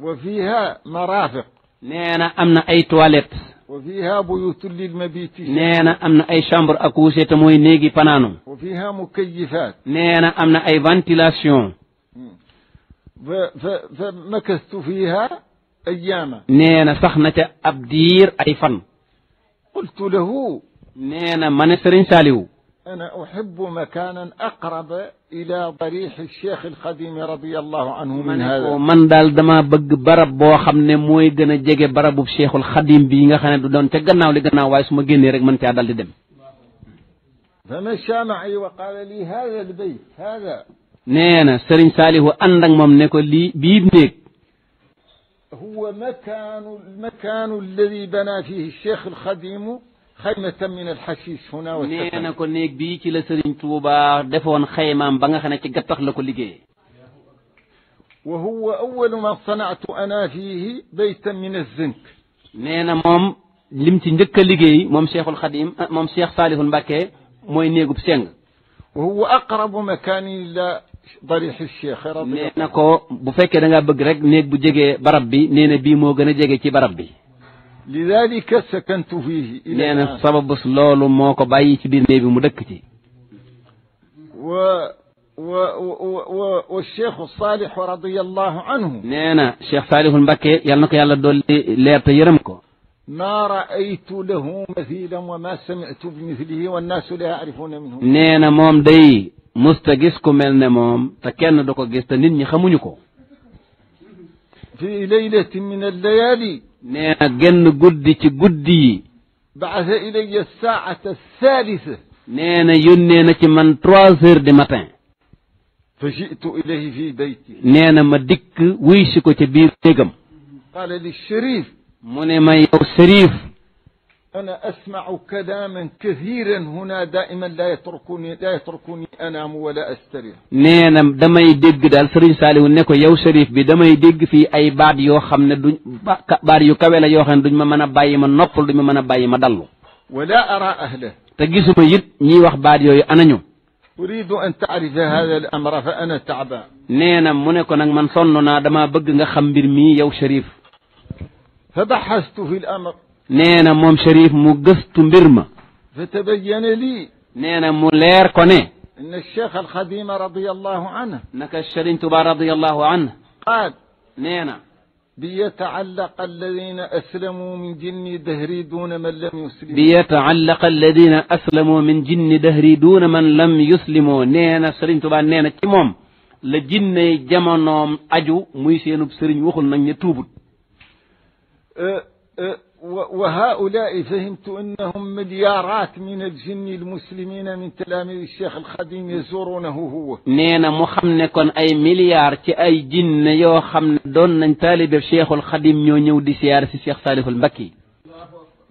وفيها مرافق نينا أمنا أي تواليت وفيها بيوت للمبيت نينا أمنا أي شامبر أكوسيت تموي نيجي بانانو وفيها مكيفات نينا أمنا أي فانتيلاسيون فمكثت فيها أياما نينا صخنة أبدير أي فن قلت له نينا منسر ساليو أنا أحب مكانا أقرب إلى ضريح الشيخ القديم رضي الله عنه من, هذا ومن دال دما بق برب بو خامني موي گنا جيغي برب الشيخ القديم بيغا خانا دون du don te gannaaw li gannaaw way suma genné rek man ta فمشى معي وقال لي هذا البيت هذا nee سرين سالي هو أندن مم نكو لي بيب lii هو مكان المكان الذي بنا فيه الشيخ الخديم خيمة من الحشيش هنا والسكن نينا كو نيك بي لسرين توبا ديفون خيمة باغا خنا تي غتاخ لاكو ليغي وهو اول ما صنعت انا فيه بيتا من الزنك نينا مم لم تي نجك ليغي مم شيخ الخديم مم شيخ صالح باكي موي نيكو سينغ وهو اقرب مكان الى bari xissier xerat nee na ko bu fekkee da ngaa bëgg rek néeg bu jegee barab bi nee na bii moo gën a jege ci barab bi lidalika sakantu fihi nee na sababus loolu moo ko bàyyi ci biir néeg bi mu dëkk ci wa والشيخ الصالح رضي الله عنه نانا شيخ صالح مبكي يلنك يلا دول لير يرمكو ما رأيت له مثيلا وما سمعت بمثله والناس لا يعرفون منه نانا موم دي musta gis ku melne mom ta kenn du ko gis ta nit ñi xamuñu ko fi laylatin min al-layali nee na genn guddi ci guddi ilayya yi بعث إلي الساعة الثالثة نينا ci man 3 heures du matin فجئت إليه في بيتي نينا ما ديك ويشكو تبير تيغم قال لي الشريف من ما يو شريف أنا أسمع كلاما كثيرا هنا دائما لا يتركوني لا يتركوني أنام ولا أستريح نينا دما يدق دال سيرن سالي ونكو يو شريف بدما يدق في أي بعد يو خامن دون بار يو كاوي يو خامن دون ما مانا بايي ما نقل دون ما مانا بايي ما دلو. ولا أرى أهله te gisuma yit ñiy wax baat yooyu ana ñu أريد أن تعرف هذا الأمر فأنا تعبان نينا منكو نك من صننا دما بقنا خمبر مي يو شريف فبحثت في الأمر نينا مام شريف مقست برما فتبين لي نينا مولير كوني إن الشيخ الخديم رضي الله عنه نك الشرين تبا رضي الله عنه قال نينا بيتعلق الذين أسلموا من جن دهري دون من لم يسلموا بيتعلق الذين أسلموا من جن دهري دون من لم يسلموا نينا سرين تبا نينا كمام لجن جمانام أجو ميسينو بسرين وخل نن يتوبوا وهؤلاء فهمت أنهم مليارات من الجن المسلمين من تلاميذ الشيخ الخديم يزورونه هو نينا مو خمنا كون أي مليار تي أي جن يو خمنا دون نتالب الشيخ الخديم نيو نيو دي سيارة سي شيخ صالح البكي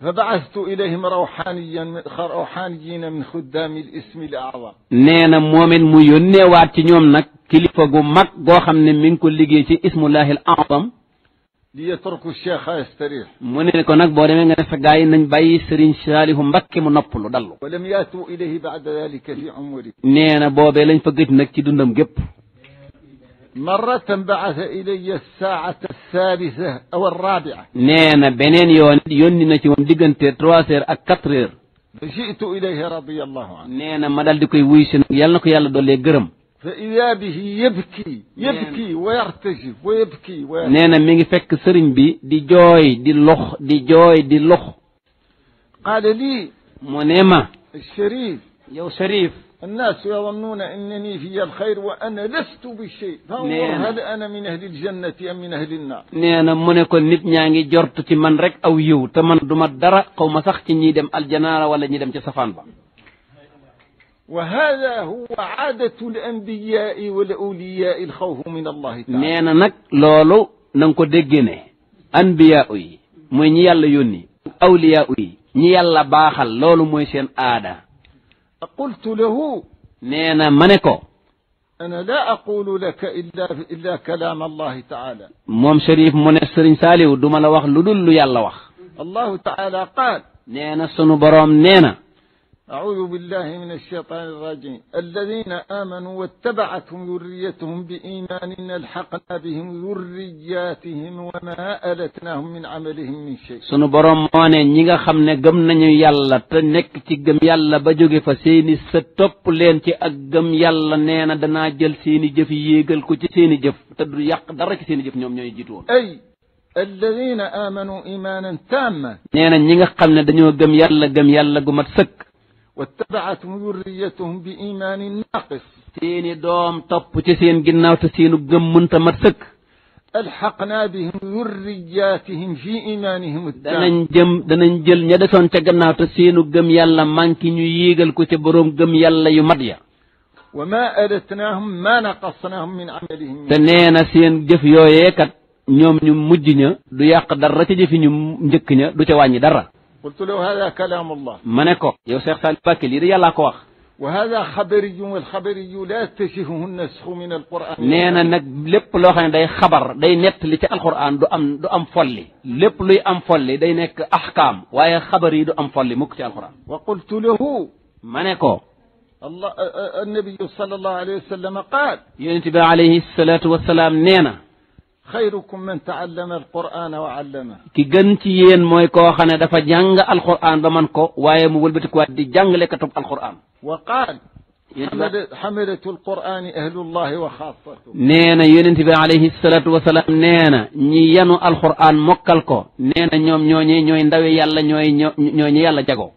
فبعثت إليهم روحانيا روحانيين من خدام الاسم الأعظم نينا مؤمن مو يوني واتي نيوم نك كليفة مك غو خمنا من كل لجيتي اسم الله الأعظم ليتركوا الشيخ يستريح من كونك بوري من غير سغاي نن باي سيرين شاليه مبكي مو نوبلو دالو ولم ياتوا اليه بعد ذلك في عمره نينا بوبي لن فغيت نك سي دوندم جيب مرة بعث إلي الساعة الثالثة أو الرابعة نينا بنين يون يوني نتي وم ديغنت 3 ak 4 إليه رضي الله عنه نينا ما دال ديكوي ويسن يالنكو يالا دولي غرم فإذا به يبكي يبكي ويرتجف ويبكي نانا ميغي فك سرين بي دي جوي دي لوخ دي جوي دي لوخ قال لي منيما الشريف يا شريف الناس يظنون انني في الخير وانا لست بشيء فانظر هل انا من اهل الجنه ام من اهل النار نانا مونيكو نيت نياغي جورتو تي من رك او يو تمن دوما دارا قوم ما ساخ تي ني دم الجنه ولا ني دم تي صفان با وهذا هو عادة الأنبياء والأولياء الخوف من الله تعالى نينا نك لولو ننكو دقيني أنبياء موي ني يالا يوني أولياء ني يالا باخال لولو موي سين آدا قلت له نينا مانيكو أنا لا أقول لك إلا إلا كلام الله تعالى موم شريف من سيرين ساليو دوما لا واخ لودول يالا واخ الله تعالى قال نينا سونو بروم نينا أعوذ بالله من الشيطان الرجيم الذين آمنوا واتبعتهم ذريتهم بإيمان الحقنا بهم ذرياتهم وما ألتناهم من عملهم من شيء سنو بروم مان نيغا خامني گم نانيو يالا ت تي گم يالا با جوغي فا لين تي اك يالا نينا دنا جيل سيني جيف ييگل كو تي سيني جيف تدر ياق سيني جيف نيوم نيو جيتون اي الذين آمنوا إيمانا تاما نينا نيغا خامني دانيو گم يالا گم يالا گومات سك واتبعت ذريتهم بإيمان ناقص سيني دوم طب تسين وتسين تسين جمون تمرسك ألحقنا بهم ذرياتهم في إيمانهم التام دننجم دننجل ندسون تجناو وتسين جم يلا مانكي نيجل روم جم يلا يمريا وما أدتناهم ما نقصناهم من عملهم تنين سين جف يويكت ñoom نيوم mujj ña du yàq dara ci jëfi ñu njëkk ña du قلت له هذا كلام الله منكو يا شيخ باكي لي الله كو وهذا خبري والخبري لا يتجهه النسخ من القران نينا نك لب لو خاني داي خبر داي نيت لي تي القران دو ام دو ام فولي لب لوي ام فولي داي نك احكام واي خبري دو ام فولي موك تي القران وقلت له منكو الله النبي صلى الله عليه وسلم قال ينتبه عليه الصلاه والسلام نينا خيركم من تعلم القرآن وعلمه كي gën ci yéen mooy koo xam ne dafa jàng alquran ba man ko waaye mu wëlbati ko di jàngale katub alquran wa qaal حملة القرآن أهل الله وخاصته نينا يونت بي عليه الصلاة والسلام نينا ني يانو القرآن موكال كو نينا نيوم نيوني نيوي نداوي يالا نيوي نيوني يالا جاغو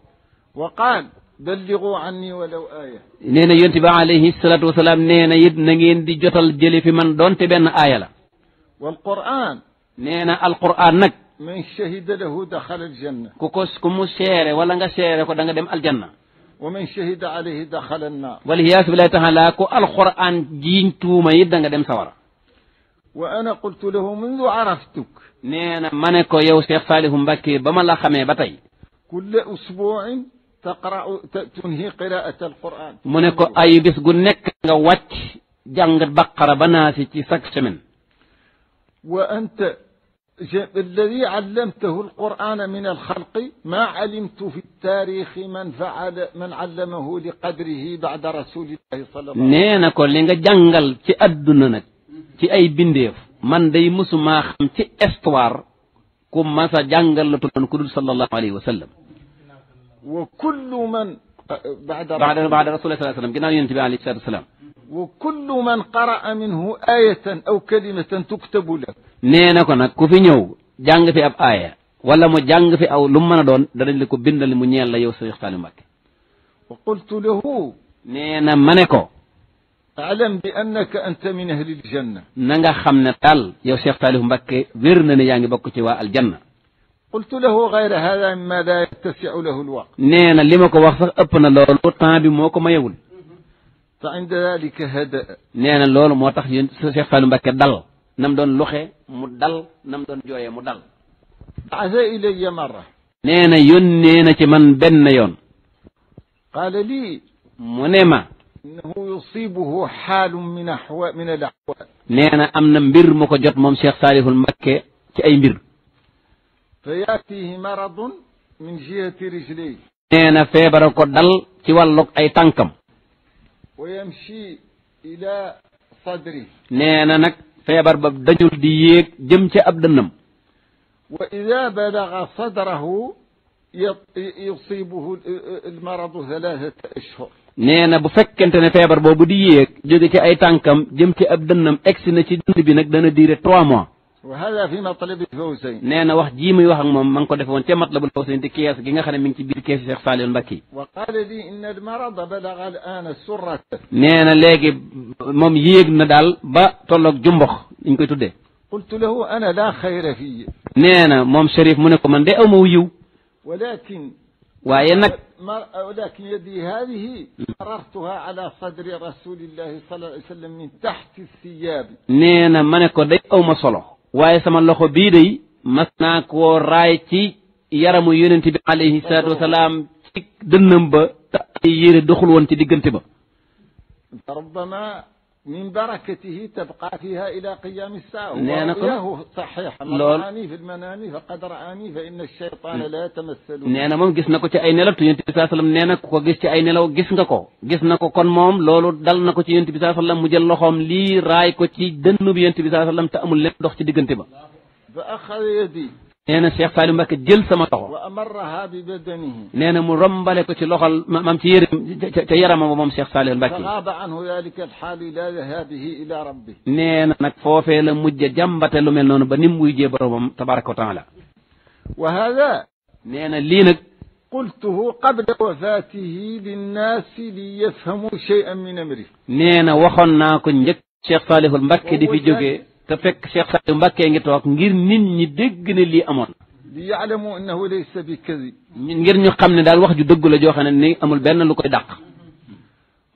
وقال بلغوا عني ولو آية نينا يونت بي عليه الصلاة والسلام نينا يد نغين دي جوتال جيلي في من دونت بن آية لا والقرآن نينا القرآن نك من شهد له دخل الجنة كوكوس كمو سيري ولا نغا سير كو دنغا ديم الجنة ومن شهد عليه دخل النار والهياس بلا تعالى كو القرآن جين توما يدنغا ديم سوار وأنا قلت له منذ عرفتك نينا مانكو يو سيخ صالح بكي بما لا خمي بطي كل أسبوع تقرأ تنهي قراءة القرآن مانكو أي بس قلنك نغا وات جنغ بقرة بناسي تي سكسمن وأنت الذي علمته القرآن من الخلق ما علمت في التاريخ من فعل من علمه لقدره بعد رسول الله صلى الله عليه وسلم نينا كو ليغا جانغال تي ادنا نك تي اي بنديف من داي ما خم تي استوار كو ما سا جانغال لا تون صلى الله عليه وسلم وكل من بعد بعد رسول الله صلى الله عليه وسلم جنان ينتبه عليه الصلاه والسلام وكل من قرأ منه آية أو كلمة تكتب له نينا كنا كوفي نيو جانغ في أب آية ولا مو جانغ في أو لما ندون دارين لكو بند لمو الله لا يوسف يختال مك وقلت له نينا منكو أعلم بأنك أنت من أهل الجنة نغا خمنا تال يوسف يختال مك ويرنا نيانغ بكتي الجنة قلت له غير هذا مما لا يتسع له الوقت نينا لما كو وقفك أبنا لولو تابي موكو ما يقول فعند ذلك هدأ نانا لول موتاخ شيخ فالو مباكي دال نم دون لوخي مو دال نم دون جوي مو دال عزا الي مره نانا يون نانا تي من بن يون قال لي منما انه يصيبه حال من احوال من الاحوال نانا امنا مبير مكو جوت موم شيخ صالح المكي تي اي مبير فياتيه مرض من جهه رجليه نانا فيبر كو دال تي والوك اي تانكم ويمشي الى صدري نانا نك فيبر دجل ديك جمتي ابدنم واذا بلغ صدره يصيبه المرض ثلاثه اشهر نانا بفك انت فيبر بوبو ديك جوجي اي تانكم جمتي ابدنم اكسي نتي دبي نك دانا ديري 3 mois وهذا في مطلب الفوزين نانا واخ جيمي واخ موم مانكو ديفون تي مطلب الفوزين دي كياس كيغا خا نمي تي بير كياس المكي وقال لي ان المرض بلغ الان السره نانا ليغي موم ييغنا دال با تولوك جومبخ نينكو تودي قلت له انا لا خير في نانا موم شريف مونيكو مان دي اوما ويو ولكن وايا ولكن يدي هذه مررتها على صدر رسول الله صلى الله عليه وسلم من تحت الثياب نانا مانيكو دي اوما صلو waye sama loxo bi de masna ko ray ci yaramu yonent bi alayhi salatu wasalam ci dënnam ba ay yére doxul won ci diggante ba من بركته تبقى فيها إلى قيام الساعة نعم، وإياه صحيح من رآني في المنام فقد رآني فإن الشيطان لا يتمثل نينا موم جس نكو تي أي نلا تو ينتي بسا سلم نينا كو جس تي أي نلا جس نكو جس كون موم لولو دال نكو تي الله بسا سلم مجل لخوم لي راي كو تي دنو بي ينتي بسا سلم تأمل لن دوخ تي ديغنتي با فأخذ يدي نانا شيخ فالو مك جل سما تو وامرها ببدنه نانا مرمبلك تي لوخال مام تيير تيير مام مام شيخ فالو مك غاب عنه ذلك الحال الى ذهابه الى ربه نانا نك فوفي لا مجه جامبات لو مل نون با نيموي جي بروم تبارك وتعالى وهذا نانا لي نك قلته قبل وفاته للناس ليفهموا شيئا من امره نانا وخنا كنجك شيخ صالح المكي دي في جوجي te fekk Cheikh Saliou Mbacké ngi toog ngir nit ñi dégg ne lii amoon. li yaalamu annahu laysa bi kadib. ngir ñu xam ne daal wax ju dëgg la joo xam ne ni amul benn lu koy dàq.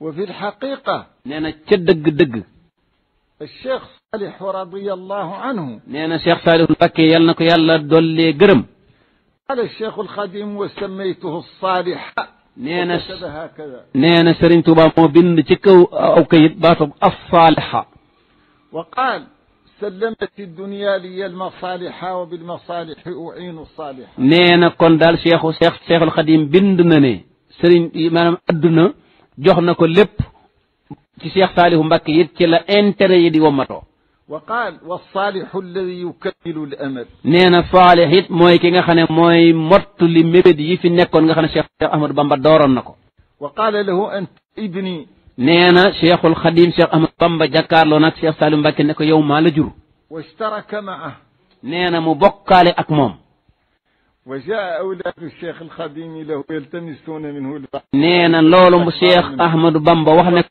wa fi lxaqiqa. nee na ca dëgg-dëgg. الشيخ صالح رضي الله عنه نينا الشيخ صالح البكي يلنك يلا دولي قرم قال الشيخ الخديم وسميته الصالح نينا هكذا نينا سرين توبا مو بند تكو او كيت باتب الصالحة وقال سلمت الدنيا لي المصالح وبالمصالح أعين الصالح نينا كون دال شيخ شيخ شيخ الخديم بند نني سرين مانام ادنا جوخنا كو لب ci شيخ صالح mbacke yit ci la intérêt yi di وقال والصالح الذي يكمل الامل نينا صالح موي كيغا خاني موي مرت لي مبد يفي نيكون غا خاني شيخ احمد بامبا دورون نكو وقال له انت ابني nee na cheikhul xadim cheikh ahmad bamba jàkkaarloo nag cheikh salim mbàkke ne ko yow maa la jur wastaraka na mu bokkaale ak moom wa jaa awlaadu cheikh alxadimi lahu yaltamisuuna minhu nee na loolu cheikh ahmadou bamba wax ne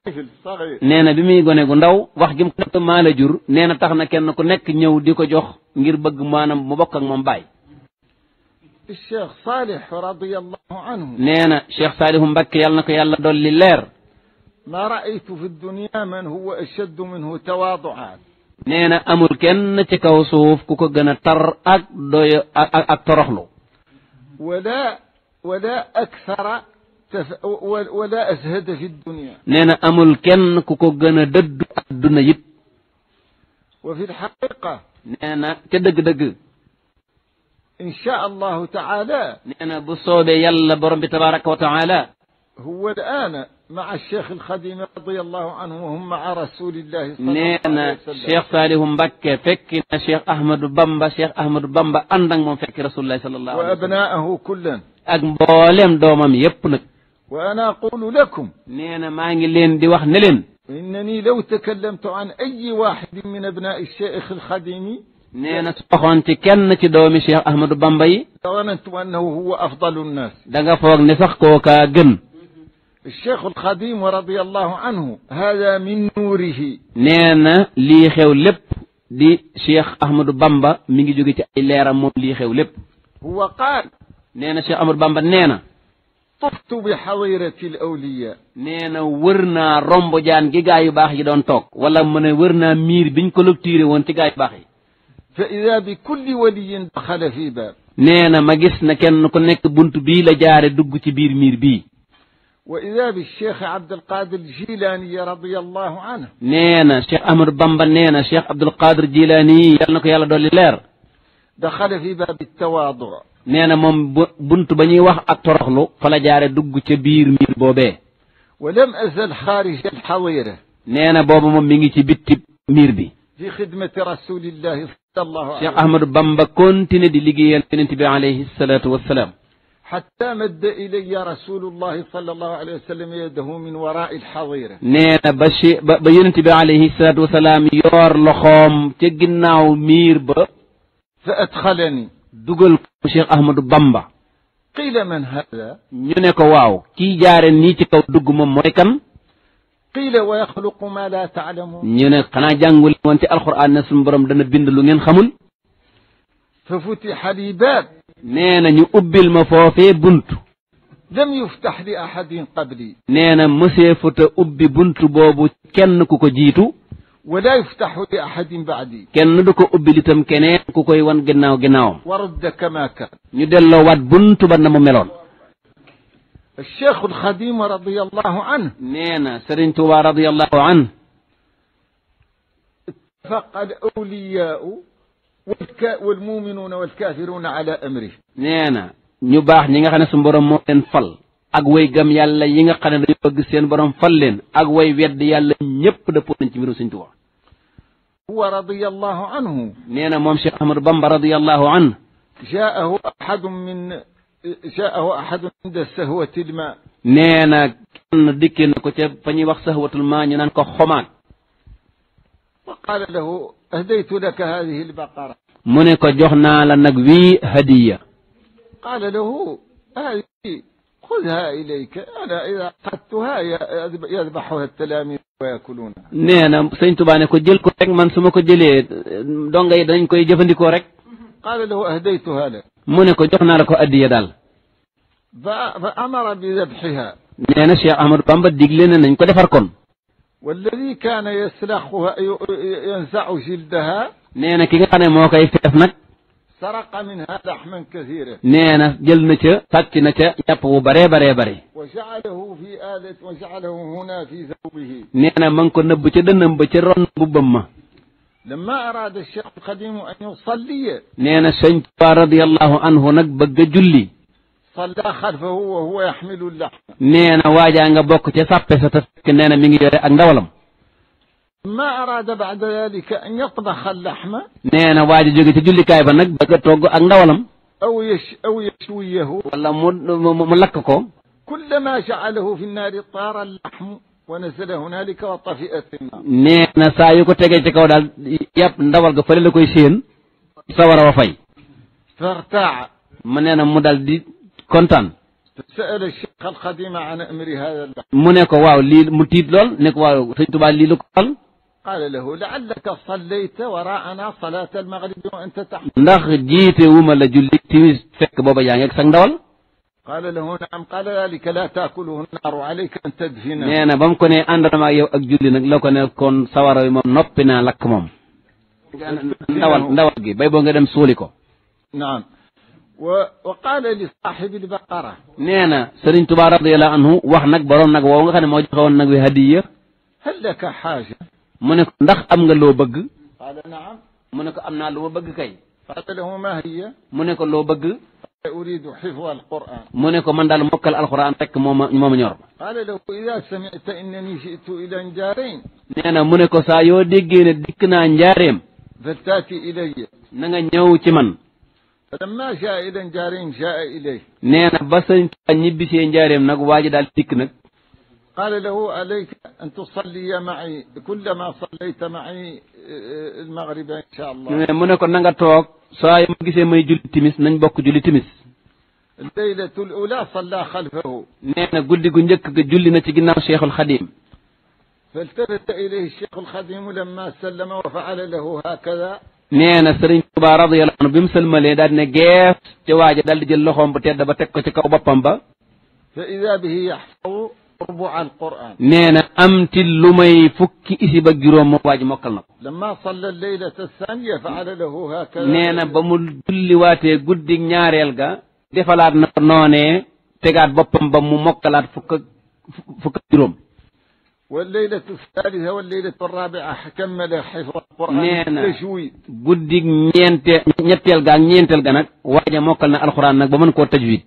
nee na bi muy gone gu ndaw wax gi mu ko maa la jur nee na tax na kenn ku nekk ñëw di ko jox ngir bëgg maanaam mu bokk ak moom baay cheikh saalih radiyallahu anhu nee na yàlla na ko yàlla dolli leer ما رأيت في الدنيا من هو أشد منه تواضعا نينا أمر كن تكوصوف كوكا تر أكترخلو ولا ولا أكثر تف... ولا أزهد في الدنيا نينا أمر كن كوكا دد الدنيا وفي الحقيقة نينا كدق دق إن شاء الله تعالى نينا بصوب يلا برب تبارك وتعالى هو الآن مع الشيخ الخديم رضي الله عنه وهم مع رسول الله صلى الله نعم، عليه نعم. وسلم الشيخ صالح مبكى فكنا الشيخ أحمد بامبا الشيخ أحمد بامبا أندن من فك رسول الله صلى الله عليه وسلم وأبناءه كلا أقبولهم دوما يبنك وأنا أقول لكم نينا ما نلين دي وخ نلين إنني لو تكلمت عن أي واحد من أبناء الشيخ الخديمي نينا سبحان su waxoon ci kenn ci doomi Cheikh Ahmadou Bamba yi. dawanantu annahu huwa afdalu nnaas. da الشيخ القديم ورضي الله عنه هذا من نوره نانا لي خيو لب دي شيخ احمد بامبا ميغي جوغي تي اي ليرام موم لي خيو لب هو قال نانا شيخ احمد بامبا نانا طفت بحظيرة الأولياء نانا ورنا رومبو جان جي غايو باخ دون توك ولا من ورنا مير بين كولكتيري وون تي غايو باخ فإذا بكل ولي دخل في باب نانا ما غيسنا كين كو نيك بونتو بي لا جاري دوج تي بير مير بي وإذا بالشيخ عبد القادر الجيلاني رضي الله عنه نينا شيخ أمر بامبا نينا شيخ عبد القادر الجيلاني يالنكو يالا دولي لير دخل في باب التواضع نينا موم بنت بني واخ اك تoroxlu فلا جاري دوج تبير مير بوبي ولم أزل خارج الحظيرة نينا بوبا موم ميغي تبت مير بي في خدمة رسول الله صلى الله عليه وسلم شيخ أمر بامبا كونتيني دي ليغيال يونس عليه الصلاة والسلام حتى مد إلي رسول الله صلى الله عليه وسلم يده من وراء الحظيرة نينا بشي بينت عليه الصلاة والسلام يور لخوم تجناو مير ب فأدخلني دقل شيخ أحمد بامبا قيل من هذا نينكو واو كي جار نيتي كو دق مويكم قيل ويخلق ما لا تعلمون نينا قنا جانغول وانت القرآن نسم برم دنا بند لو خمول ففتح لي باب نانا ني المفافي بنت لم يفتح لأحد قبلي نانا مسيفة أب بنت بابو كن كوكو جيتو ولا يفتح لأحد بعدي كن دوكو أب لتم كنين كوكو يوان جناو جناو ورد كما كان ندل وات بنت بان ميلون الشيخ الخديم رضي الله عنه نانا سرنتو رضي الله عنه فقد أولياء walmuminuuna walkaafiruuna ala amri nee na ñu baax ñi nga xam ne su borom moo leen fal ak way gëm yàlla yi nga xam ne dañoo bëgg seen borom fal leen ak way wedd yàlla ñëpp dëppoo nañ ci mbirum sëñ Tuubaa huwa radiyallahu anhu nee na moom Cheikh Ahmadou Bamba radiyallahu anhu jaahu ahadun min jaahu ahadun inda sahwati lma nee na kenn dikkee na ko ca fa ñuy wax sahwatul maa ñu naan ko xomaag wa qaala lahu أهديت لك هذه البقرة من كجحنا لنقوي هدية قال له هذه خذها إليك أنا إذا قدتها يذبحها التلاميذ نعم سنتو بانا كجل كورك من سمو كجل دونغ يدن كوي جفن دي كورك قال له أهديتها لك من كجحنا لك أدي يدال فأمر بذبحها نعم شيء أمر بامبا ديجلنا نكو دفر كون والذي كان يسلخها ينزع جلدها نينا كي خاني موكا يفتف سرق منها لحما كثيرا نينا جلنك فكنك يبو بري بري بري وجعله في آلة وجعله هنا في ثوبه نينا من كن نبتي دنم بترن لما أراد الشيخ القديم أن يصلي نينا سنجبا رضي الله عنه نقبق جلي صلى خلفه وهو يحمل اللحم نينا واجا انغا بوك تي سابي ستسك نينا ميغي يوري اك ندولم ما اراد بعد ذلك ان يطبخ اللحم نينا واجا جوغي تي جولي كاي با نك بغا توغ اك ندولم او يش او يشويه ولا ملككو كلما جعله في النار طار اللحم ونزل هنالك وطفئت النار نينا سايكو تيغي تي كاو دال ياب ندول غا فلي لكوي سين سوار وفاي فارتاع منينا مو دال دي كونتان تسأل الشيخ القديم عن أمر هذا منك واو لي متيد لول نك واو سنتو بالي لوكال قال له لعلك صليت وراءنا صلاة المغرب وأنت تحت نخ جيت وما لجلي تيس فك بابا يانك سندول قال له نعم قال ذلك لا تأكله النار عليك أن تدفن نعم أنا بمكن أن رمى أجلي نك لو كان يكون سوار يوم نبنا لك مم نوال نوال جي بيبون قدم سوليكو نعم وقال لصاحب البقرة نينا سرين تبارا رضي الله عنه وحنك برون نك وونغ خاني بهدية هل لك حاجة منك نخ أم لو بق قال نعم منك أمنا لو بق كي فقال له ما هي منك لو بق أريد حفظ القرآن منك من دال موكل القرآن تك موم نور قال له إذا سمعت إنني جئت إلى نجارين نينا منك سايو ديكنا نجارين فلتاتي إلي نغا نيو تمن فلما jaa ila جارين jaa إليه nee na ba sëñ Tuubaa ñibbisee njaareem nag waa ji قال له عليك أن تصلي معي كلما صليت معي آه، المغرب إن شاء الله منك نغا توك ساي ما غيسه ماي جولي تيمس نان بوك جولي تيمس الليلة الأولى صلى خلفه نينا غودي غو نيك جولي نا تي غيناو شيخ الخديم فالتفت إليه الشيخ الخديم لما سلم وفعل له هكذا nee na sëriñ Tuubaa radiyallaahu anhu bi mu sëlmalee daal ne gees ci waaja daal jël loxoom bu tedd ba teg ko ci kaw boppam ba fa ida bihi yaxfaw rubu al quran nee na am ti lu may fukki isi ba juróom moom waaji mokkal na ko lama salla leylata thaniya faala lahu hakada nee na ba mu julliwaatee guddi ñaareel ga defalaat na ko tegaat boppam ba mu mokkalaat fukk juróom والليلة الثالثة والليلة الرابعة كمل حفظ القرآن نينا تجويد قدق نينت نيتل قال نينتل قنك واجه موكلنا القرآن نك بمن كور تجويد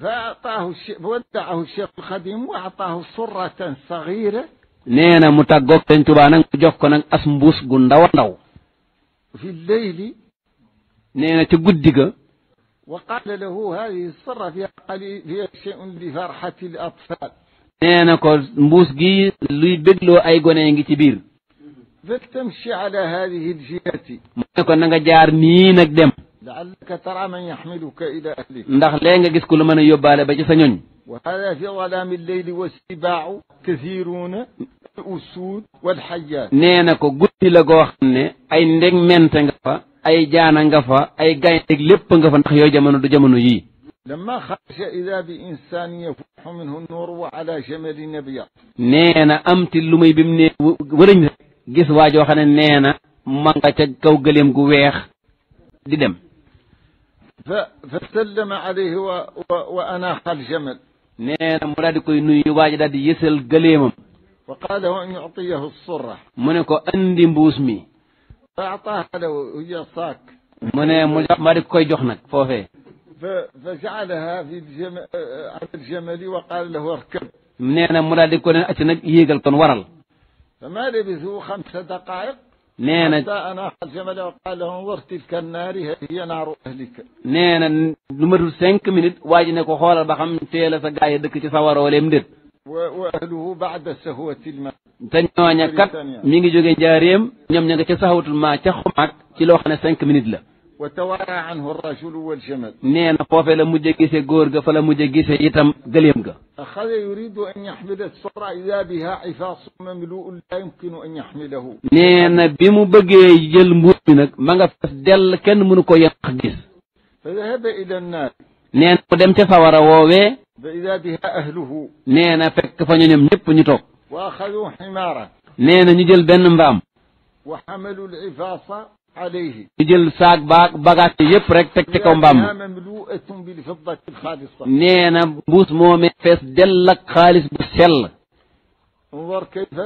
فأعطاه الشيخ ودعه الشيخ الخديم وأعطاه صرة صغيرة نينا متقوك تنتبع نك جوك أسمبوس قندو ندو في الليل نينا تقدك وقال له هذه الصرة فيها, قليل فيها شيء لفرحة الأطفال nee na ko mbuus gi luy bégloo ay gone ngi ci biir فتمشي على هذه الجهة كون نغا جار ني نك دم لعلك ترى من يحملك الى اهلك ndax le nga gis ku la mëna yobale ba ci sa ñoñ وهذا في ظلام الليل والسباع كثيرون الاسود والحيات نينا كو غودي لا go xamne ay ndeg mente nga fa ay jaana nga fa ay gaynde lepp nga fa ndax yo jamono du jamono yi لما خرج إذا بإنسان يفوح منه النور وعلى جمل أبيض نينا أمت اللومي بمني ورنج جس واجو خنا نينا من تا كو قويخ غو ويخ فسلم عليه و... و... وأنا خال جمل نينا مرادكو كوي يواجد واجي يسل قليم وقال هو أن يعطيه الصرة منكو أندي بوسمي فأعطاه له ويصاك من من مراد كوي جوخنك فوفي فجعلها في الجمل آه، آه، على الجمل وقال له اركب منين نينا مراد يكون اتنا يقل تنورل فما لبثوا خمس دقائق نينا حتى انا الجمل وقال له انظر تلك النار هي نار اهلك نينا نمر 5 مينيت واجي نكو خولال با تيلا سا غاي دك سي سوار ولا مدير واهله بعد سهوه الماء تنيو نيا كات ميغي جوغي جاريم نيم نيغا سي سهوه الماء تخمك كي لو خنا 5 مينيت لا وتوارى عنه الرجل والجمل نين فوفي لا مودي غيسه غور فلا مودي غيسه ايتام غليم اخذ يريد ان يحمل الصرع اذا بها عفاص مملوء لا يمكن ان يحمله نين بيمو بغي جيل مودي نك ماغا فاس دل كين منوكو يخ غيس فذهب الى الناس نين ودم تي فاورا ووي فاذا بها اهله نين فك فني نيم نيب ني توك واخذوا حمارا نين ني جيل بن مبام وحملوا العفاص عليه jël saak baak bagaat yépp rek teg ci kaw mbaam nee na mbuus moomee fees dell انظر كيف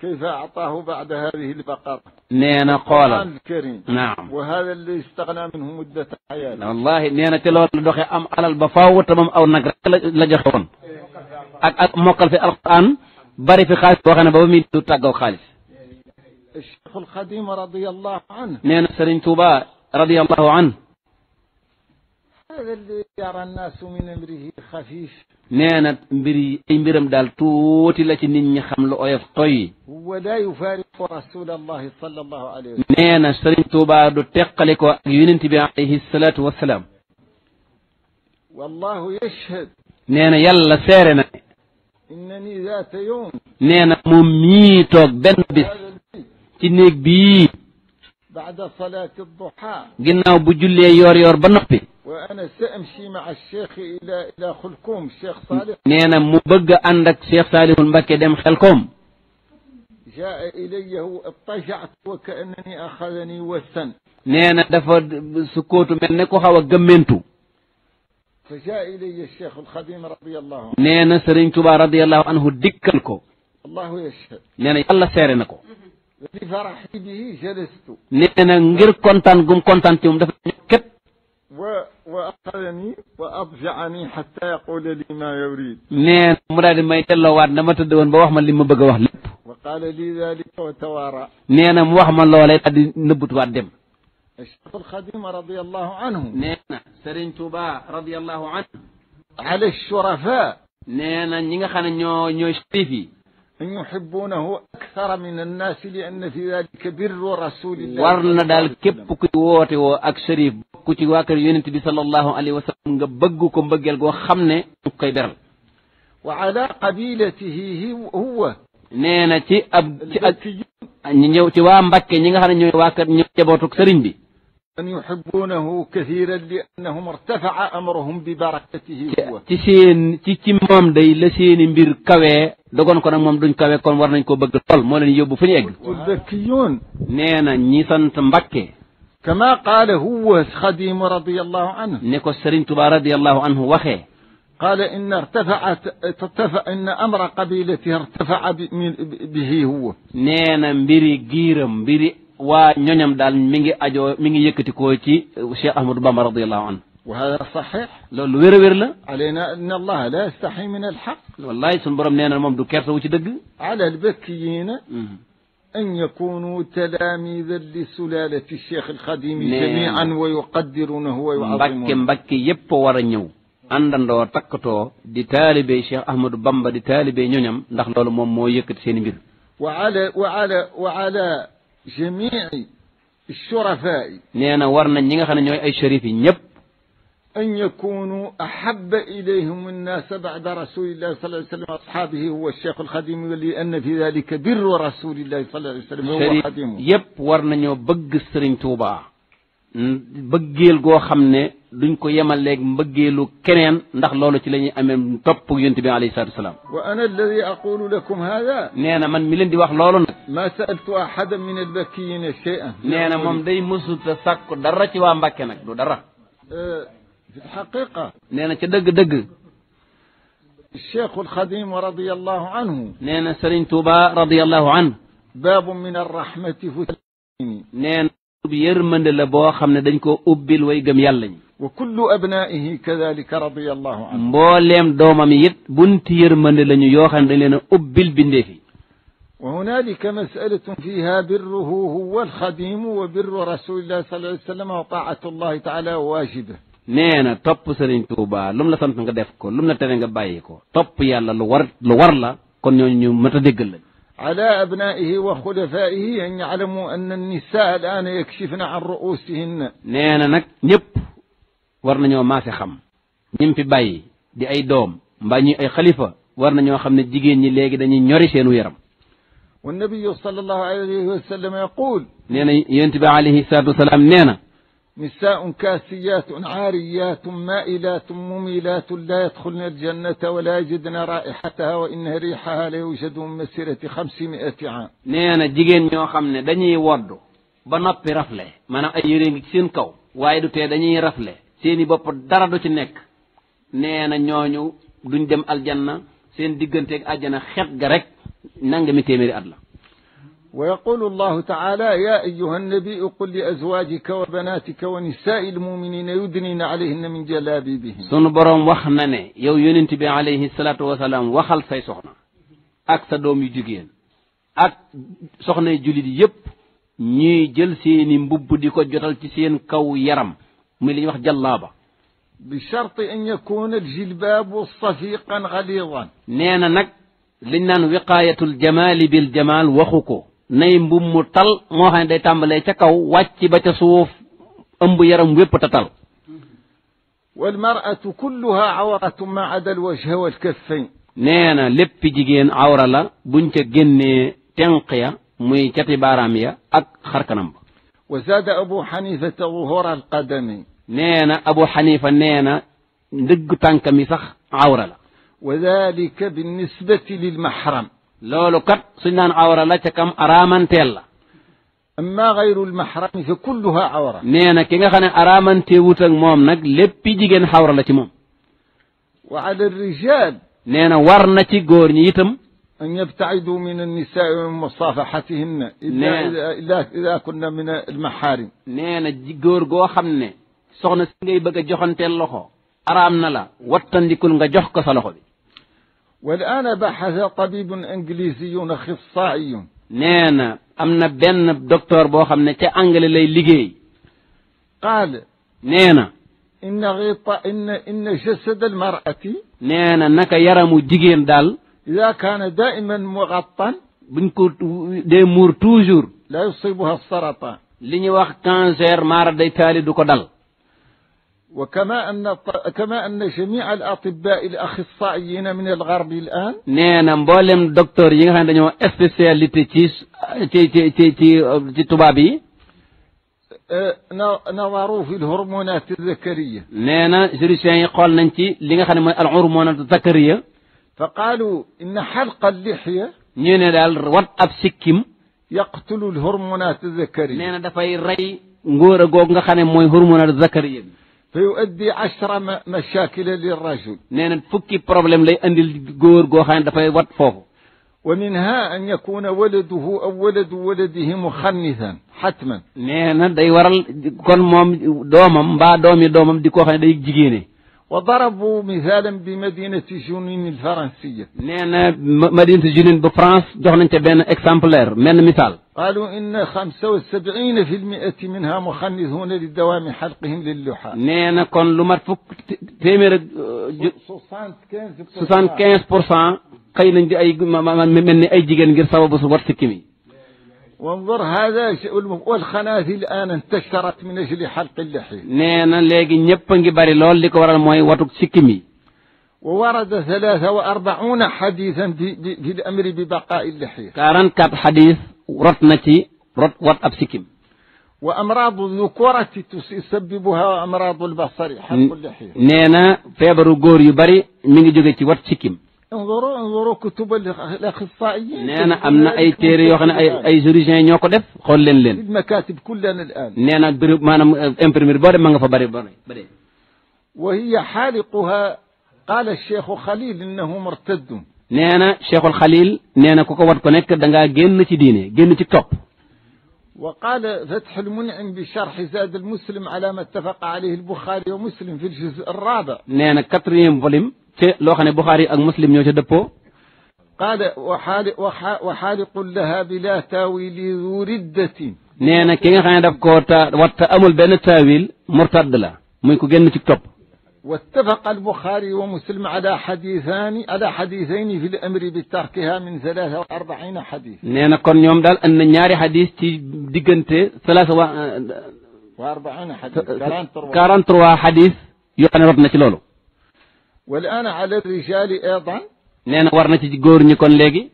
كيف أعطاه بعد هذه البقرة نينا قال الكريم نعم وهذا اللي استغنى منه مدة حياته والله نينا تلو دوخي أم على البفاو تمام أو نقر لجخون أك موكل في القرآن باري في خالص boo xam ne booba mi الشيخ الخديم رضي الله عنه نينا سرين توبا رضي الله عنه هذا اللي يرى الناس من امره خفيف نينا امبري امبرم دال توتي لكي نيني خم لو اويف طيب. ولا يفارق رسول الله صلى الله عليه وسلم نينا سرين توبا دو تقلكو يونتي عليه الصلاه والسلام والله يشهد نينا يلا سيرنا إنني ذات يوم نينا مميتو بن بس ci بي بعد صلاة الضحى قلنا بجلي يور يور بنقبي وأنا سأمشي مع الشيخ إلى إلى خلكم الشيخ صالح نينا مبقى عندك شيخ صالح المبكى دم خلكم جاء إلي اضطجعت وكأنني أخذني وسن نينا دفر سكوت من نكوها وقمنتو فجاء إلي الشيخ الخديم رضي الله عنه نينا سرين رضي الله عنه دكنكو الله يشهد نينا يلا سيرنكو لفرحي به جلست نينا غير كونتان غوم كونتان تيوم دا كت واخذني واضجعني حتى يقول لي ما يريد نين مراد ما يتلو نما تدون با وخما لي ما بغا وخ لب وقال لي ذلك وتوارى نينا مو لولاي تادي نبوت وات ديم الشيخ الخديم رضي الله عنه نينا سرين توبا رضي الله عنه على الشرفاء نينا ñi nga xamne ñoo ñoy ان يحبونه اكثر من الناس لان في ذلك بر رسول الله ورنا دال كيب كوي و اك شريف كوتي واكر يونتبي صلى الله عليه وسلم غا بغوكو مبغيل غو خامني وعلى قبيلته هو نينا تي اب تي نيو تي وا مباكي نيغا خاني نيو واكر نيو جابوتو سيرين بي أن يحبونه كثيرا لأنهم ارتفع أمرهم ببركته هو تسين تيكي مام داي لسين بير كاوي دوغون كون مام دون كاوي كون وار نانكو بغ تول مو لين يوبو فني اغ تذكيون نينا ني سانت مباكي كما قال هو خديم رضي الله عنه نيكو سرين توبا رضي الله عنه وخي قال إن ارتفعت ترتفع إن أمر قبيلته ارتفع به هو نينا مبيري جيرم مبيري waa ñoñam daal mi ngi ajoo mi ngi yëkkatikoo ci cheikh ahmadou bamba radiallahu anhu وهذا صحيح لو وير وير لا علينا ان الله لا يستحي من الحق والله سن بروم نينا موم دو كيرسو وتي دغ على البكيين ان يكونوا تلاميذا لسلاله الشيخ الخديم جميعا ويقدرونه ويعظمونه مبكي مبكي ييب ورا نيو andandoo takkatoo di taalibe cheikh ahmadou bamba di taalibe ñoñam ndax loolu moom moo yëkkati seen mbir wa ala wa ala wa ala جميع الشرفاء نينا ورنا نيغا خانا اي شريف نيب أن يكونوا أحب إليهم الناس بعد رسول الله صلى الله عليه وسلم وأصحابه هو الشيخ الخديم لأن في ذلك بر رسول الله صلى الله عليه وسلم هو خديمه يب ورنا نيو بغ السرين توبا mbeugel go xamne duñ ko yemaleeg mbeugelu keneen ndax lolu ci lañuy amé top topp bi alayhi salatu wasalaam wa ana alladhi aqulu lakum hadha neena man mi leen di wax lolu nak ma saaltu ahadan min albakiyina cheyan nee na moom day musuta sàkku dara ci wa mbake nak du dara euh lxaqiqa nee na ca deug degg الشيخ الخديم رضي الله عنه نين سرين توبا رضي الله عنه باب من الرحمة فتلين نين وكل أبنائه كذلك رضي الله عنه مولم دوما ميت بنت يرمن لنو يوخن دلنا أبل بنده وهنالك مسألة فيها بره هو الخديم وبر رسول الله صلى الله عليه وسلم وطاعة الله تعالى واجبه نينا توب سرين توبا لم لا سنت نغا ديفكو لم لا تري نغا بايكو توب يالا لو ور لو ور لا كون نيو متديغل على أبنائه وخلفائه أن يعلموا أن النساء الآن يكشفن عن رؤوسهن نينا نك نيب ورنا نيو ماسي خم نيم في باي دي أي دوم باني أي خليفة ورنا نيو خم نجيجين ني ليغي داني نيوري سينو يرم والنبي صلى الله عليه وسلم يقول نينا ينتبه عليه الصلاة والسلام نينا نساء كاسيات عاريات مائلات مميلات لا يدخلن الجنة ولا يجدن رائحتها وإن ريحها لا يوجد من مسيرة خمسمائة عام نيانا جيجين ميو خامنة دانيي وردو بنبي رفلة مانا أيري مكسين كو وايدو تي دانيي رفلة سيني بابا داردو نك نيانا نيونيو دون الجنة سيني ديجن تيك أجنة خيط غرق نانجمي الله. ويقول الله تعالى يا أيها النبي قل لأزواجك وبناتك ونساء المؤمنين يدنين عليهن من جلابيبهن سن بروم وخمنه يو ينتبه عليه الصلاة والسلام وخل سي سخنا أك سدوم يجيين أك سخنا جلد يب ني جل سين مبب ديكو جتل تسين كو يرم ملي وخ جلابا بشرط أن يكون الجلباب صفيقا غليظا نانا نك لنان وقاية الجمال بالجمال وخكو nay mbum mu tal moo xam ne day tàmbalee ca kaw wàcc ba ca suuf ëmb yaram wépp ta tal والمرأة كلها عورة ما عدا الوجه والكفين نينا لب جيجين عورة لا بنت جني تنقيا مي كتي باراميا أك خركنم وزاد أبو حنيفة ظهور القدم نينا أبو حنيفة نينا دق تنكمي صخ عورة لا وذلك بالنسبة للمحرم لولو كات سنان عورة لا تكام أرامن تيلا أما غير المحرم فكلها عورة نينا كينا خانا أرامن تيوتن موم نك لبي جيجن حورة لتي موم وعلى الرجال نينا ورنا تي غورني يتم أن يبتعدوا من النساء ومصافحتهن إلا إذا إذا كنا من المحارم نينا جيجور غو خمنا سخنا سنجي بغا جوخن تيلا خو أرامنا لا واتن دي كون غا جوخ كسالا خو والآن بحث طبيب إنجليزي أخصائي نانا أمنا بن دكتور بو خمنا تي أنجلي لي ليجي قال نانا إن غطاء إن إن جسد المرأة نانا نك يرى مجيين دال إذا كان دائما مغطى بنكوت دي مور توجور لا يصيبها السرطان لي ني واخ كانسير مار دي تالي دوكو دال وكما أن كما أن جميع الأطباء الأخصائيين من الغرب الآن نانا مبولم دكتور ييغا خاندي نيو سبيسياليتي تي تي تي تي توبابي نظروا في الهرمونات الذكرية نانا جريسيان يقول نانتي ليغا خاندي مو الهرمونات الذكرية فقالوا إن حلق اللحية نينا دال وات أب سيكيم يقتل الهرمونات الذكرية نانا دا فاي ري غورا غوغا nga xane moy الذكريه فيؤدي عشرة مشاكل للرجل نين فكي بروبليم لي انديل غور غو خاين دا فاي وات فوفو ومنها ان يكون ولده او ولد ولده مخنثا حتما نين داي ورال كون موم دومم با دومي دومم دي كو خان داي جيجيني وضربوا مثالا بمدينة جنين الفرنسية نعم مدينة جنين بفرنسا جوخنانتي بن اكزامبلير من مثال قالوا إن 75% منها مخنثون لدوام حلقهم للحى نينا كون لو مات فوك تيمير 75% 75% قيل دي اي من اي جيجن غير سبب سبب سكيمي وانظر هذا والخنازير الان انتشرت من اجل حلق اللحيه نانا لغي نيبنجي باري لول ليكو ورال موي واتوك سيكيمي وورد 43 حديثا في, في, الامر ببقاء اللحيه 44 حديث رتنتي رت وات اب سيكيم وامراض الذكوره تسببها امراض البصر حلق اللحيه نانا فيبر غور يو باري ميغي جوغي تي وات سيكيم انظروا انظروا كتب الاخصائيين نانا امنا اي تيري يوخنا اي اي جوريجين نيوكو ديف خول لين المكاتب كلنا الان نانا بريب مانام امبريمير بوري ماغا فا بري وهي حالقها قال الشيخ خليل انه مرتد نانا شيخ الخليل نانا كوكو وات كونيك داغا ген سي دين ген سي وقال فتح المنعم بشرح زاد المسلم على ما اتفق عليه البخاري ومسلم في الجزء الرابع نانا كاتريم فوليم ci loo xam ne ak muslim ñoo قال وحال وحالق لها بلا تاويل ذو ردة نينا كيغا خاني داف كو وات امول بن تاويل مرتد لا موي كو ген واتفق البخاري ومسلم على حديثان على حديثين في الامر بتركها من 43 حديث نينا كون نيوم دال ان نياري حديث تي ديغنتي 43 حديث 43 حديث يو ربنا تي لولو والآن على الرجال أيضا نحن ورنا تجور نكون لقي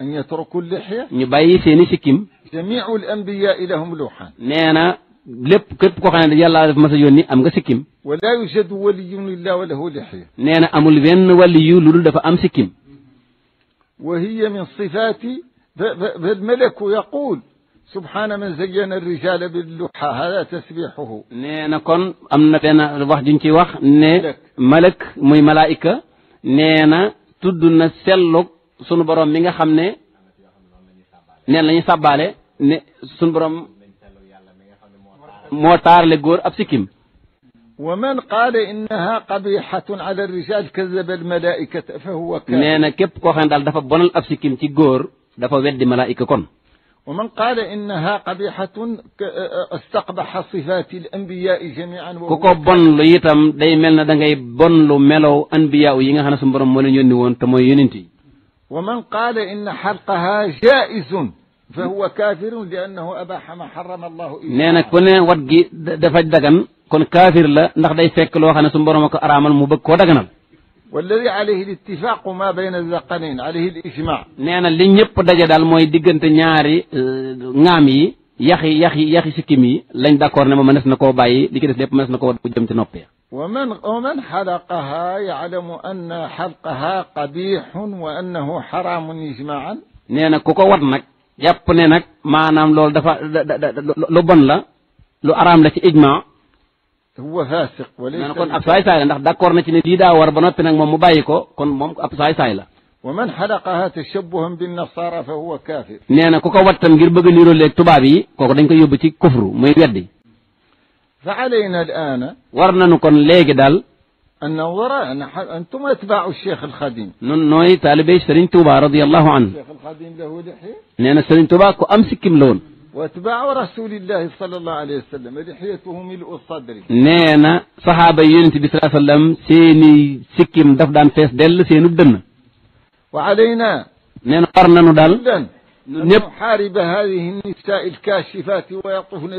أن يتركوا اللحية نبايي سيني سكيم جميع الأنبياء لهم لوحا نحن لب كتب كوخان رجال الله في مصر يوني أمغا سكيم ولا يوجد ولي إلا وله لحية نحن أمول بين ولي لولو دفع أم سكيم وهي من صفات الملك يقول سبحان من زين الرجال باللحى هذا تسبيحه نحن كون أمنا بين الوحدين كي وخ نحن ملك مي ملائكة نينا تدنا سلوك سونو بروم ميغا نينا نين لا ني صبالي سونو بروم موتار لي غور ومن قال انها قبيحه على الرجال كذب الملائكه فهو كذب نينا كيب كوخان خاندال دا فا بونال اب سيكيم تي غور دا فا ملائكه كون ومن قال إنها قبيحة استقبح صفات الأنبياء جميعا كوكو بون ليتام داي ملنا داغي بون لو ميلو انبياء ييغا خانا سون بروم مولين يوني وون موي يونتي ومن قال إن حرقها جائز فهو كافر لأنه أباح ما حرم الله إياه نينا كون وات دافا دغان كون كافر لا نخ داي فيك لو خانا sun borom ko aramal mu bëgg ko daganal والذي عليه الاتفاق ما بين الزقنين عليه الاجماع نانا لي نيب داجي دال موي ديغنت نياري آه، نامي يخي يخي يخي سكيمي لاني داكور نما منس نكو باي ديك ديس ليب منس نكو جيم تي نوبي ومن ومن حلقها يعلم ان حلقها قبيح وانه حرام اجماعا نانا كوكو وات نك ياب ني نك مانام لول دا لو بون لا لو حرام لا سي اجماع هو فاسق وليس نكون ابساي سايلا ندخ داكور نتي ني ديدا وار بنوبي نك موم مبايكو كون موم ابساي سايلا ومن حلق هات الشبه بالنصارى فهو كافر نينا كوكو واتام غير بغي نيرو ليك توبابي كوكو دنج كو يوبتي كفر مي يدي فعلينا الان ورنا نكون ليغي دال ان نظر ان انتم اتباع الشيخ الخادم نون نوي طالبي سرين توبا رضي الله عنه الشيخ الخادم له لحي نينا سرين توبا كو لون واتباع رسول الله صلى الله عليه وسلم لحيته ملء الصدر نينا صحابة ينتي بصلى الله عليه وسلم سيني سكيم دفدان فيس دل سينو دن وعلينا نينا قرنا ندل نحارب هذه النساء الكاشفات ويطفن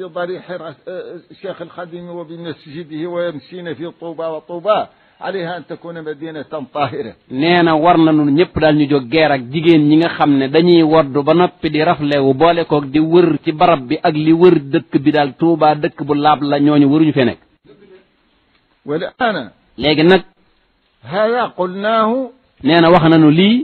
بضريح الشيخ الخديم وبمسجده ويمشين في طوبى وطوبى عليها أن تكون مدينة nee na war na nun ñëpp daal ñu jóg geer ak jigéen ñi nga xam ne dañuy wardu ba noppi di raflewu boole koog di wër ci barab bi ak li wër dëkk bi daal Tuubaa dëkk bu laab la ñu waruñu fee nekk والآن léegi nag هذا قلناه nee na wax nañu lii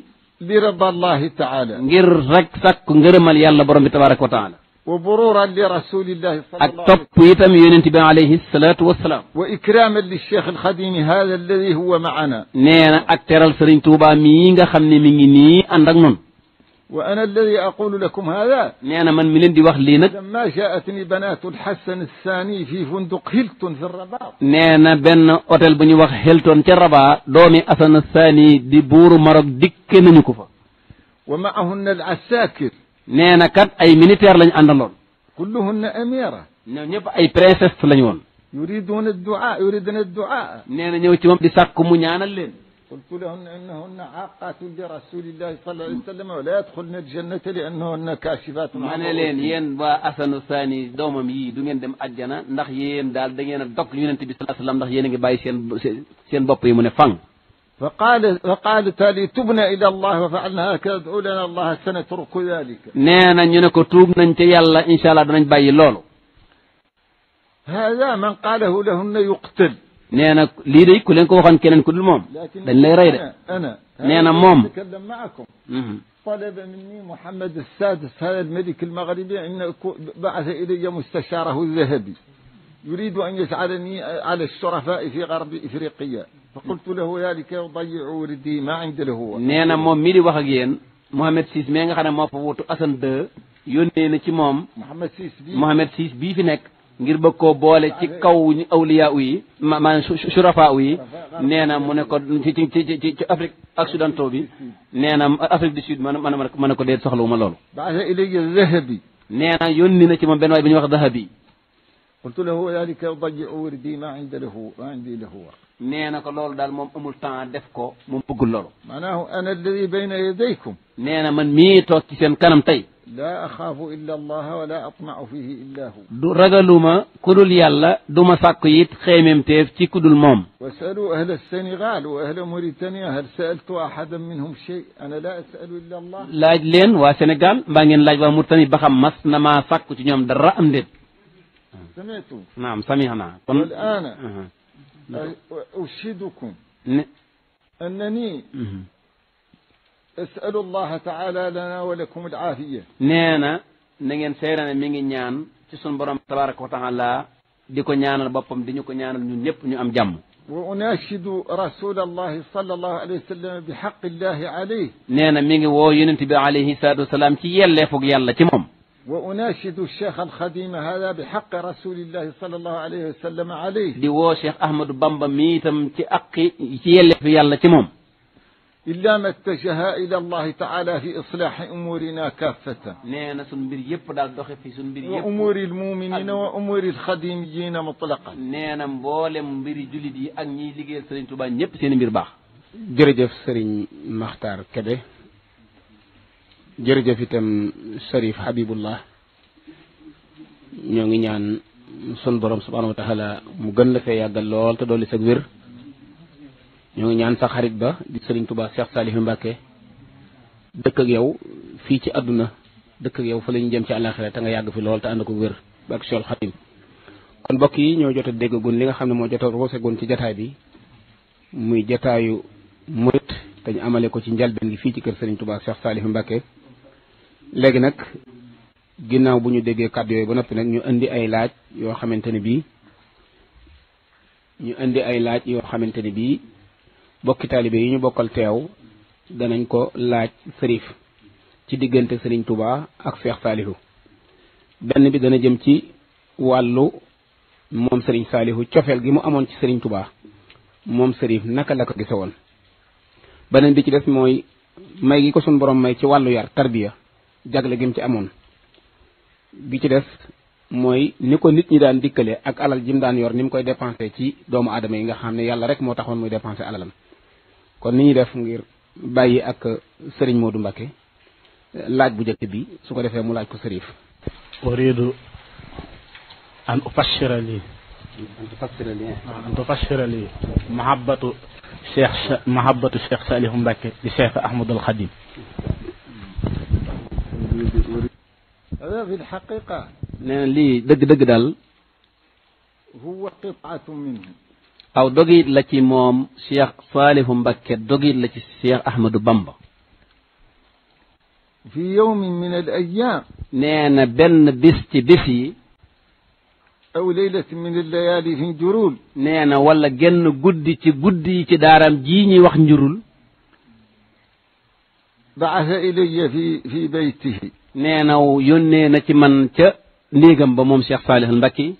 li rida allahi taala ngir rek sàkku ngërëmal yàlla borom bi tabaraka wa taala وبرورا لرسول الله صلى الله عليه وسلم التقويت من بي عليه الصلاه والسلام واكراما للشيخ الخديم هذا الذي هو معنا نينا اك السرين توبا مين خمني ميغي ني اندك وانا الذي اقول لكم هذا نينا من ملين دي وقت لينك لما جاءتني بنات الحسن الثاني في فندق هيلتون في الرباط نينا بن اوتيل بني واخ هيلتون في الرباط دومي أسن الثاني دي بورو دك ديك نانيو ومعهن العساكر nee na kat ay militaire lañ àndaloon. kulluhunna amira. ñoom ñëpp ay princesse lañ woon. yuriduna duaa yuriduna duaa. nee na ñëw ci moom di sàkku mu ñaanal leen. قلت لهن انهن عاقات لرسول الله صلى الله عليه وسلم ولا يدخلن الجنه لانهن كاشفات ما لين يين با اسن ثاني دومم يي دو نين دم اجانا ndax yeen dal da ngeen dok yunus bi sallallahu alayhi wasallam ndax yeen nga bayyi seen seen bop yi mu ne fang فقال فقال تالي تبنا إلى الله وفعلنا هكذا ادعو لنا الله سنترك ذلك نانا نعم، ينكو توبنا انت يلا إن شاء الله دنج باي لولو هذا من قاله لهن يقتل نانا نعم، ليدي دي كلن كو خان كلن كل موم لكن انا انا انا نانا نعم، موم اتكلم معكم طلب مني محمد السادس هذا الملك المغربي ان بعث الي مستشاره الذهبي يريد أن يجعلني على الشرفاء في غرب إفريقيا فقلت له ذلك يضيع وردي ما عند له هو نينا موم ميلي واخ يين محمد سيس ميغا خانا مو فا ووتو اسان 2 يونينا سي موم محمد سيس بي محمد سيس بي في نيك ngir bëgg koo boole ci kaw awliya yi maanaam surafa yi nee na mu ne ko ci ci ci ci Afrique occidentale bi nee na Afrique du Sud man man man ko dee soxlawuma loolu. nee na yónni na ci moom benn waay bi ñuy wax dahabi. قلت له ذلك يضيع وردي ما عندي له ما عندي له وقت نينا كلول دال موم امول تان ديفكو موم بوغول لولو معناه انا الذي بين يديكم نينا من مي توك سن كانم تاي لا اخاف الا الله ولا اطمع فيه الا هو دو رغالوما كودول يالا دوما ساكو ييت خيميم تيف سي كودول موم واسالوا اهل السنغال واهل موريتانيا هل سالت احدا منهم شيء انا لا اسال الا الله لاج لين وا سنغال باغين لاج وا موريتاني باخام مس نما ساكو سي نيوم دارا ام سمعت نعم سمعنا والآن أشهدكم أه، أنني أسأل الله تعالى لنا ولكم العافية نانا نين سيرنا من نيان تسون برام تبارك وتعالى ديكو نيان بابم دينيكو نيان نيب نيو ام جام وأناشد رسول الله صلى الله عليه وسلم بحق الله عليه نانا من وو ينتبه عليه الصلاة والسلام تي يلي فوق يلا تي وأناشد الشيخ الخديم هذا بحق رسول الله صلى الله عليه وسلم عليه di woo Cheikh Ahmadou Bamba mi itam ci aqi إلا ما اتجه إلى الله تعالى في إصلاح أمورنا كافة نينا بير ييب دوخي في بير ييب وأمور المؤمنين وأمور الخديميين مطلقا نينا مبولم بير جوليت اك ني ليغيال سيرن توبا ñepp seen jërëjëf itam Sharif Habibullah ñoo ngi ñaan sun borom subhanahu wa taala mu gën la fee yàggal lool te dolli sag wér ñoo ngi ñaan sa xarit ba di Serigne Touba Cheikh Salihou Mbacké dëkk ak yow fii ci àdduna dëkk ak yow fa lañu jëm ci àllaaxira te nga yàgg fi lool te ànd ko wér ba Seexul Xadim kon mbokk yi ñoo jot a déggagun li nga xam ne moo jot a roosegun ci jataay bi muy jataayu murit te ñu amale ko ci njalbeen gi fii ci kër sëriñ Touba Cheikh Salihou Mbacké léegi nag ginnaaw bu ñu déggee kàddu yooyu ba noppi nag ñu indi ay laaj yoo xamante ne bii ñu indi ay laaj yoo xamante ne bii bokki taalibe yi ñu bokkal teew danañ ko laaj sërif ci diggante sëriñ tubaa ak Cheikh Salihu benn bi dana jëm ci wàllu moom Serigne Salihu cofeel gi mu amoon ci Serigne Touba moom sërif naka la ko gise woon beneen bi ci des mooy may gi ko suñ borom may ci wàllu yar tarbiya jagle gi mu ci amoon bi ci des mooy ni ko nit ñi daan dikkale ak alal ji daan yor ni mu koy dépensé ci doomu aadama yi nga xam ne yàlla rek moo taxoon muy dépensé alalam kon ni ñuy def ngir bàyyi ak sëriñ Modou Mbacke laaj bu njëkk bi su ko defee mu laaj ko sërif uridu an ufassira li an tufassira li an tufassira li mahabbatu cheikh mahabbatu cheikh di cheikh Ahmadul Khadim هذا في الحقيقة لأن لي دق دق دال هو قطعة منه أو دقي لكي موم شيخ صالح مبكر دقي لكي شيخ أحمد بامبا في يوم من الأيام نانا بن بستي بسي أو ليلة من الليالي في جرول نانا ولا جن قدي تي قدي تي دارم جيني وخ جرول بعث إلي في في بيته نانا يوني نتي من تا نيغم بموم شيخ صالح المكي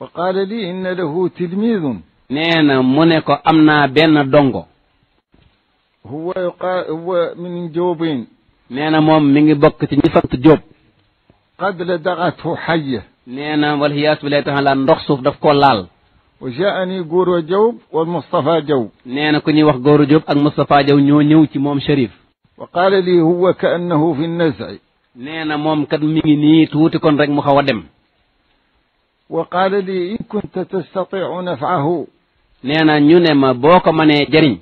وقال لي إن له تلميذ نانا مونيكو أمنا بين دونغو هو يقال هو من جوبين نانا موم من بوك تي نيفانت جوب قد لدغته حيه نانا والهياس بلا تهلا نخصف دفكو لال وجاءني غورو جوب والمصطفى جوب نينا كوني واخ غورو جوب اك مصطفى جوب نيو نيو تي موم شريف وقال لي هو كانه في النزع نينا موم كات ميغي ني توتي كون رك مو وقال لي ان كنت تستطيع نفعه نينا ني نما بوكا ماني جارين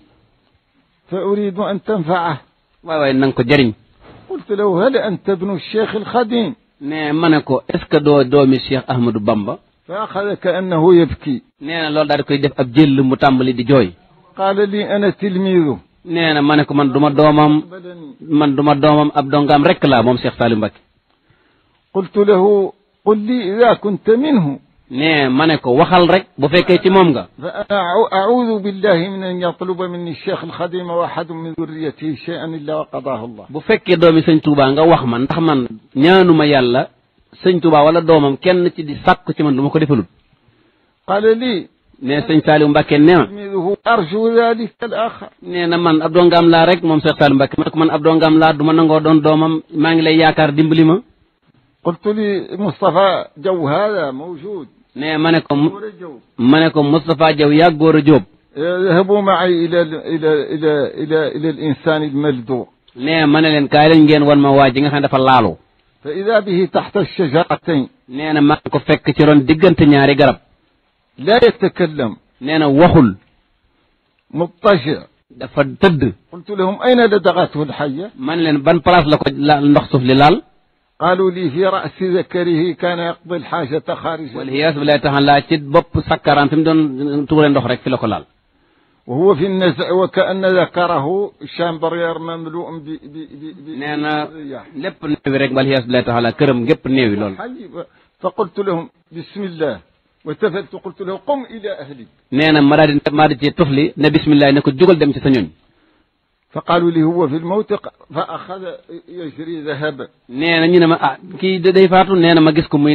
فاريد ان تنفعه واي واي نانكو جارين قلت له هل انت ابن الشيخ الخديم نانا مانكو اسكو دو دومي الشيخ احمد بامبا فأخذ كأنه يبكي نينا لول دار كوي ديف اب جيل مو تامبلي دي جوي قال لي أنا تلميذه نينا مانكو من دوما دومام من دوما دومام اب دونغام ريك لا موم شيخ سالم مباكي قلت له قل لي إذا كنت منه ne ma وخال ريك بو rek تي مومغا أعوذ بالله من أن يطلب مني الشيخ الخديم واحد من ذريته شيئا إلا وقضاه الله بو fekkee دومي sëñ Tuuba nga wax man ndax man ñaanuma yàlla سنتوبا ولا دومم كن تدي سكو تمن دمك دفلوب قال لي ني سن سالم باك نيما ارجو ذلك الاخر نينا من ابدون غام لا رك موم شيخ سالم باك مك من ابدون غام لا دوما نغو دون دومم ماغي لا ياكار ديمبلي ما قلت لي مصطفى جو هذا موجود ني منكم منكم مصطفى جو يا غور جوب اذهبوا معي الى الى الى الى, إلى, إلى الانسان الملدو ني من لين كاي لنجين وان ما واجي غا خا دا فا لالو فإذا به تحت الشجرتين نانا ما كفك كثيرون دقنت نياري قرب لا يتكلم نانا وخل مضطجع فتد قلت لهم أين لدغته الحية من لن بن بلاس لك نخصف للال قالوا لي في رأس ذكره كان يقضي الحاجة خارج والهياس بلا تهان لا تد بب سكران تمدون تولين دخرك في لك وهو في النزع وكأن ذكره شامبرير مملوء ب ب ب ب نانا لب نيوي رك بالهياس بالله على كرم جب نيوي لول فقلت لهم بسم الله وتفلت قلت له قم الى أهلي نانا مراد مراد طفلي بسم الله انك جوجل دم تسنون فقالوا لي هو في الموت فاخذ يجري ذهب نانا نينا ما كي داي فاتو نانا ما جسكم مي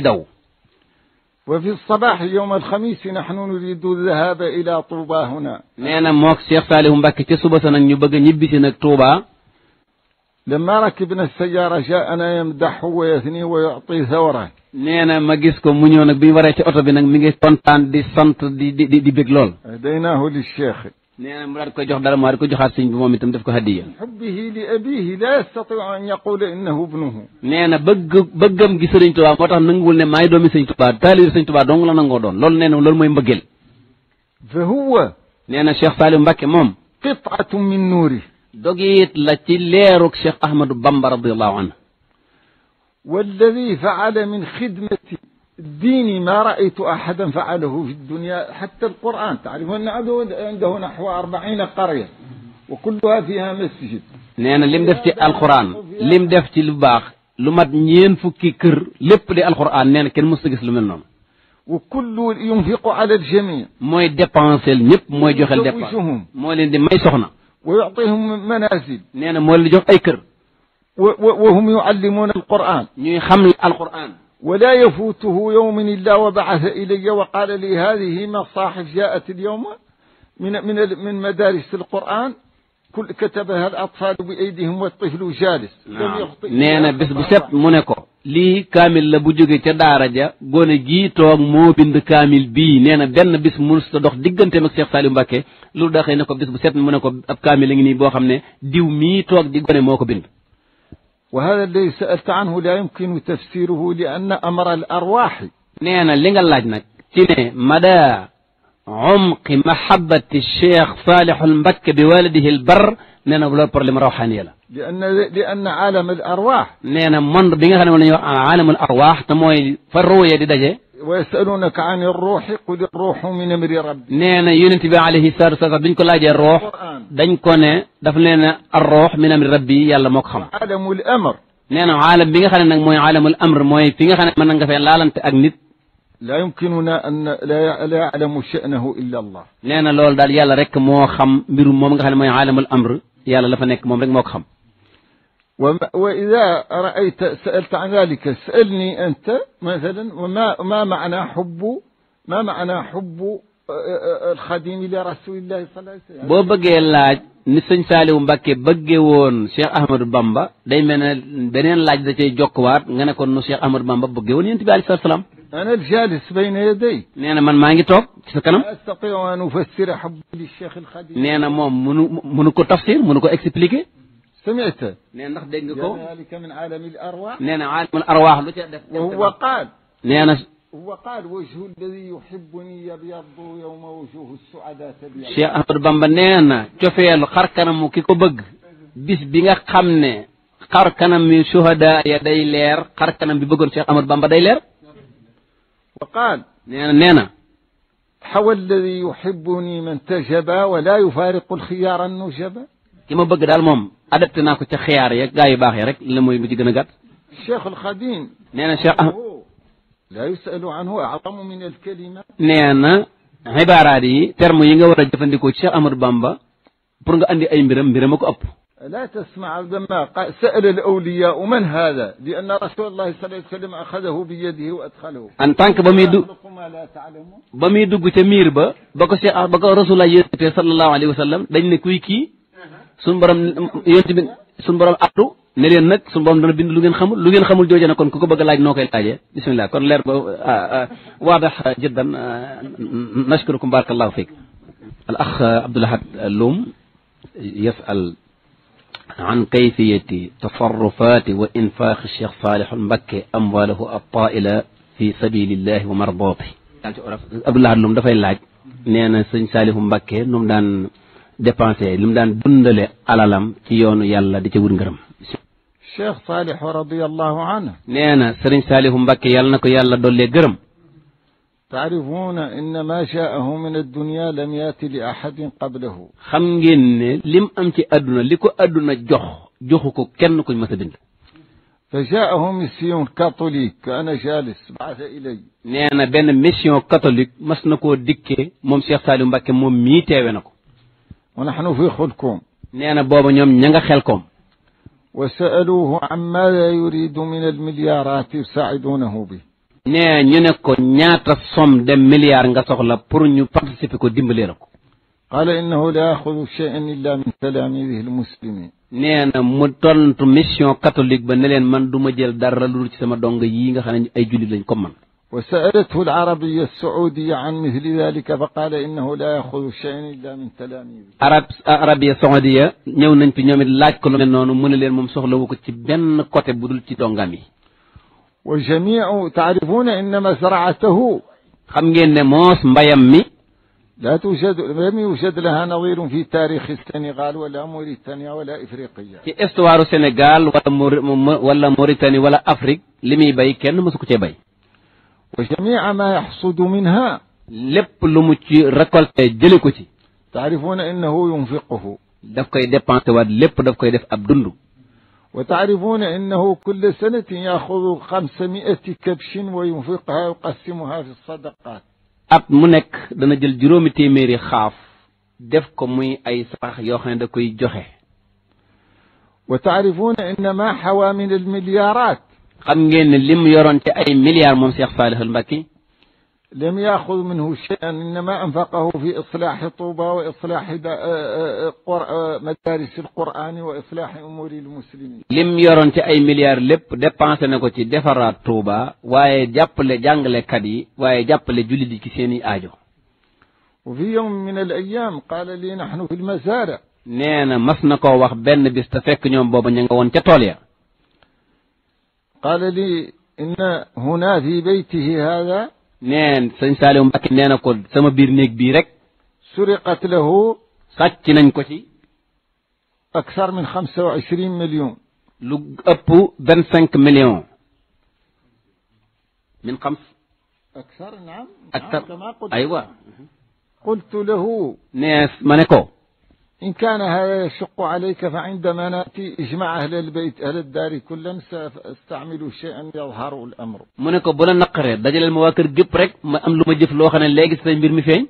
وفي الصباح يوم الخميس نحن نريد الذهاب إلى طوبى هنا نانا موك شيخ صالح مباكي تسوبة سننبغي نبسنك طوبى لما ركبنا السيارة جاءنا يمدح ويثني ويعطي ثورة نانا ما جيسكو مونيو نك بي ورا اوتو بي نك ميغي كونتان دي سانت دي دي دي بيغ لول ديناه للشيخ نعم مراد كو جوخ دار مار كو جوخات سيغ بي مومي تام داف كو هديه حبه لابيه لا يستطيع ان يقول انه ابنه نينا بغ بغم غي سيرن توبا موتاخ نانغول ني ماي دومي سيرن توبا تالير سيرن توبا دونغ لا نانغو دون لول نينا لول موي مبغيل فهو نينا شيخ سالم مباكي موم قطعه من نوره دوغيت لا تي ليروك شيخ احمد بامبا رضي الله عنه والذي فعل من خدمته ديني ما رأيت أحدا فعله في الدنيا حتى القرآن تعرفون عنده نحو أربعين قرية وكلها فيها مسجد نانا لم دفتي القرآن لم دفتي الباخ لما نين فكي كر لب دي القرآن نانا نعم، كان مستقس لمنهم وكل ينفق على الجميع ما ديبانسيل نيب ما جوخال ديبانس ما لين ما يسخنا ويعطيهم منازل نانا ما اللي اي كر وهم يعلمون القرآن يخمل نعم، خمل القرآن ولا يفوته يوم الا وبعث الي وقال لي هذه مصاحف جاءت اليوم من من من مدارس القران كل كتبها الاطفال بايديهم والطفل جالس نانا نعم. بس بسب مونيكو لي كامل لا بوجوغي تا دارجا غونا جي توك مو بند كامل بي نانا بن بس مونس دوخ ديغنتي مك شيخ سالم مباكي لول داخاي نكو بس بسب مونيكو اب كامل ني بو خامني ديو مي توك دي غوني موكو بند وهذا الذي سألت عنه لا يمكن تفسيره لأن أمر الأرواح نينا لنغا لاجنا تيني مدى عمق محبة الشيخ صالح المبكي بوالده البر نينا بلور برلم روحانية لأن لأن عالم الأرواح نينا من بيغنا عالم الأرواح تموي فالرؤية دي دجي ويسألونك عن الروح قل الروح من أمر ربي نينا ينتبه عليه السار سار بنك لا جي الروح دنكو نه داف لنا الروح من أمر ربي يلا موك عالم الأمر نينا عالم بيغنا موي عالم الأمر موي فيغنا من nga fe lalante ak لا يمكننا أن لا لا يعلم شأنه إلا الله نانا لول دال يالا ريك مو خام مير موم nga xamne عالم الامر يالا لا فا نيك موم ريك mom خام واذا رايت سالت عن ذلك سالني انت مثلا وما ما معنى حب ما معنى حب الخادم لرسول الله صلى الله عليه وسلم بو بغي لاج ni سالي ومباكي بغي وون شيخ أحمد بامبا bamba day mel ne beneen laaj da cay jokkuwaat nga ne kon nu cheikh ahmadou bamba bëgge woon yonent أنا الجالس بين يدي نينا من ما نجي توب تسكنم أستطيع أن أفسر حب للشيخ الخديج نينا مو منو كو تفسير منو كو إكسبليكي سمعت نينا نخ دنجكو ذلك من عالم الأرواح نينا عالم الأرواح وهو قال نينا وقال وجه الذي يحبني يبيض يوم وجوه السعداء تبيض شي احمد بامبنينا نينا تيوفيل خار كانام كيكو بغ بيس بيغا خامني xar من شهداء shuhada ya day بي بغون شيخ احمد بامبا cheikh وقال نينا نينا حوى الذي يحبني من تجبا ولا يفارق الخيار النجبا كيما بغ دال موم ادبتنا تي خيار يا غاي باخي رك لموي بجي غنا غات الشيخ الخديم نينا شيخ أحمد. لا يسأل عنه أعظم من الكلمة نيانا عبارة دي ترمو ينغا ورا جفنديكو شيخ أمر بامبا pour أندي أي ay mbiram mbiram ko لا تسمع لما سأل الأولياء من هذا لأن رسول الله صلى الله عليه وسلم أخذه بيده وأدخله أن تانك بميدو بميدو جتمير با بكو سي بكو رسول الله صلى الله عليه وسلم دنج نكوي كي سن برام يونتي sun borom addu ne leen nag sun borom dana bind lu ngeen xamul lu ngeen xamul jooje na kon ku ko bëgg laaj noo koy laajee bisimilah kon leer ba waadax jiddan nashkurukum barakallahu fiik al ax abdoulahad loum yasal عن كيفية تصرفات وإنفاق الشيخ صالح المكي أمواله الطائلة في سبيل الله ومرضاته عبد الله لوم دا فاي لاج سنسالهم سيغ صالح نوم دان dépensé li mu daan dundale alalam ci yoonu yàlla di ca wut ngërëm cheikh saalihu radiallahu anhu nee na sëriñ saalihu mbàkke yàlla na ko yàlla dollee gërëm تعرفون إن ما شاءه من الدنيا لم يأتي لأحد قبله xam ngeen ne lim am ci àdduna li ko àdduna jox joxu ko kenn kuñ mas a bind فجاءه مسيون كاثوليك كان جالس بعث إلي nee na benn mission catholique mas na koo dikkee moom Cheikh Saliou Mbacké moom mii teewe na ko ونحن في خلكم نانا بابا نيوم نيغا خلكم وسألوه عما لا يريد من المليارات يساعدونه به nee ñu ne ko ñaata somme de nga soxla pour ñu participer ko dimbalee lako قال إنه لا يأخذ شيئا إلا من تلاميذه المسلمين نانا مو تونتو ميسيون كاثوليك با نلين مان دوما جيل دارا لول سي سما دونغ يي nga خاني ay julit lañ ko man وسألته العربية السعودية عن مثل ذلك فقال إنه لا يأخذ شيئا إلا من تلاميذ عرب عربية سعودية نيو nañ نيو من لاج كل من lu من اللي mu ne leen moom كتب بدل ci benn côté وجميع تعرفون إن مزرعته خمجين موس ne لا توجد لم يوجد لها نظير في تاريخ السنغال ولا موريتانيا ولا افريقيا في استوار السنغال ولا موريتانيا ولا افريق لم باي كان مسكو باي وجميع ما يحصد منها لب لمتي ركولت جلكوتي تعرفون انه ينفقه دفكاي ديبانت واد لب دفكاي ديف اب دوندو وتعرفون انه كل سنة ياخذ 500 كبش وينفقها ويقسمها في الصدقات اب مونيك دا نجل جيرومي تيميري خاف ديف كو موي اي صاح يو خاني داكوي جوخي وتعرفون ان ما حوى من المليارات xam ngeen ne lim yoroon ci ay milliards moom Cheikh لم يأخذ منه شيئا إنما أنفقه في إصلاح طوبى وإصلاح آه، آه، آه، مدارس القرآن وإصلاح أمور المسلمين لم يرون أي مليار لب ديبانس نكو تي دفرات طوبى واي جابل جانجل كدي واي جابل جلد كسيني آجو وفي يوم من الأيام قال لي نحن في المزارع نانا مسنكو واخ بن بيستفك نيوم بوبا نيغا وون تي قال لي إن هنا في بيته هذا نين سنسالهم بك نين أقول سما بيرنيك بيرك سرقت له ساتشنن كوشي أكثر من 25 مليون لو أبو 25 مليون من خمس أكثر نعم, نعم أكثر كما قلت أيوة قلت له ناس منكو إن كان هذا يشق عليك فعندما نأتي إجمع أهل البيت أهل الدار كلا سأستعمل شيئا يظهر الأمر منك بولا نقر دجل المواكر جبرك ما أمل مجف لوخنا لاجس فين برمي فين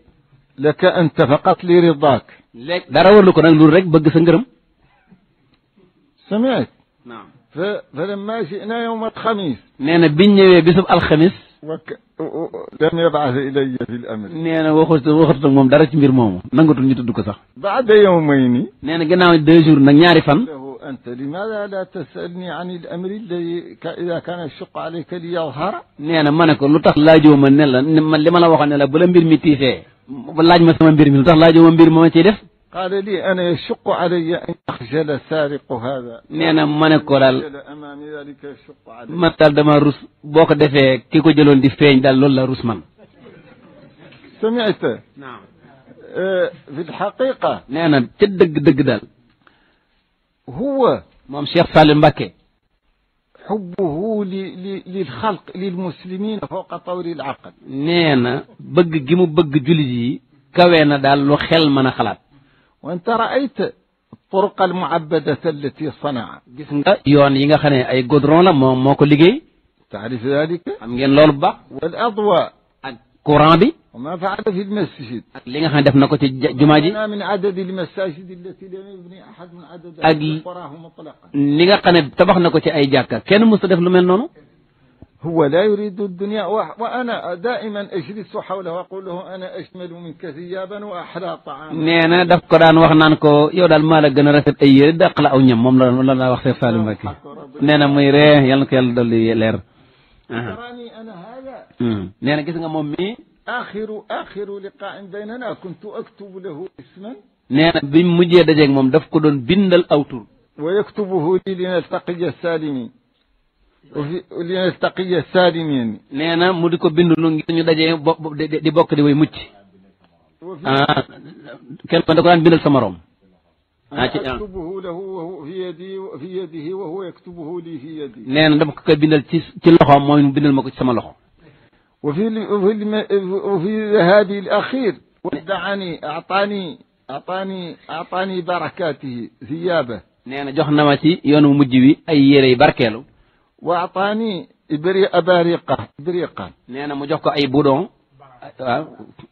لك أنت فقط لرضاك لك دار أول لك نقول رك سنجرم سمعت نعم فلما جئنا يوم الخميس نعم بني بسبب الخميس wak يبعث الي ilayya fi l amri nee na waxu waxatu moom dara ci mbir moomu nangatul ñu tudd ko sax baada yawmayni nee na gannaaw أنت لماذا لا تسألني عن الأمر الذي إذا كان الشق عليك ليظهر؟ نانا مانكو نقول لا جو من نلا لما لا وخنا نلا بلا مي متيسه لاج ما سما مير مي لطخ لا جو مبير ما تي ديف قال لي أنا يشق علي أن يخجل سارق هذا نينا من كورال أمامي ذلك يشق علي ما تردما روس بوك دفع كيكو جلون دي فين دال لولا روس من سمعت نعم آه، في الحقيقة نينا تدق دق دال هو مام شيخ سالم بكي حبه للخلق للمسلمين فوق طور العقل نينا بق جيمو بق جلجي كوينا دال لو خيل من خلات وانت رأيت الطرق المعبدة التي صنع يوان ييغا خاني اي غودرون لا موكو ليغي تعرف ذلك ام نين لول با والاضواء القران بي وما فعل في المسجد ليغا خاني داف نكو تي جماجي من عدد المساجد التي لم يبني احد من عدد القرى مطلقا ليغا خاني تبخ نكو تي اي جاكا كين داف لو مل نونو هو لا يريد الدنيا وأنا دائما أجلس حوله وأقول له أنا أجمل منك ثيابا وأحلى طعاما نينا داف قران وخنان كو يو دال مالا غنا رافت اي يري داق لا او نيم موم لا لا واخ سيف سالم مكي نينا موي ري يالنا كو يالا دولي لير تراني انا هذا نينا كيس nga موم مي اخر اخر لقاء بيننا كنت اكتب له اسما نينا بي مجي داجك موم داف كو دون بindal aw ويكتبه لي لنلتقي السالمين au lieu taqiya salimin nee na mu di ko bind lu ngir ñu dajee di bokk di way mucc ah kenn da ko daan bindal sa morom ah ci aktubuhu lahu wa huwa fi yadi fi yadihi wa huwa yaktubuhu li fi yadi nee na dama ko koy bindal ci ci loxoom mooy mu bindal ma ko ci sama loxo وفي وفي هذه الاخير ودعني اعطاني اعطاني اعطاني بركاته ثيابه نانا جوخنا ما سي يونو مجي وي اي يري باركيلو واعطاني إبري أبارقة إبريقة نانا مجوكو أي بودون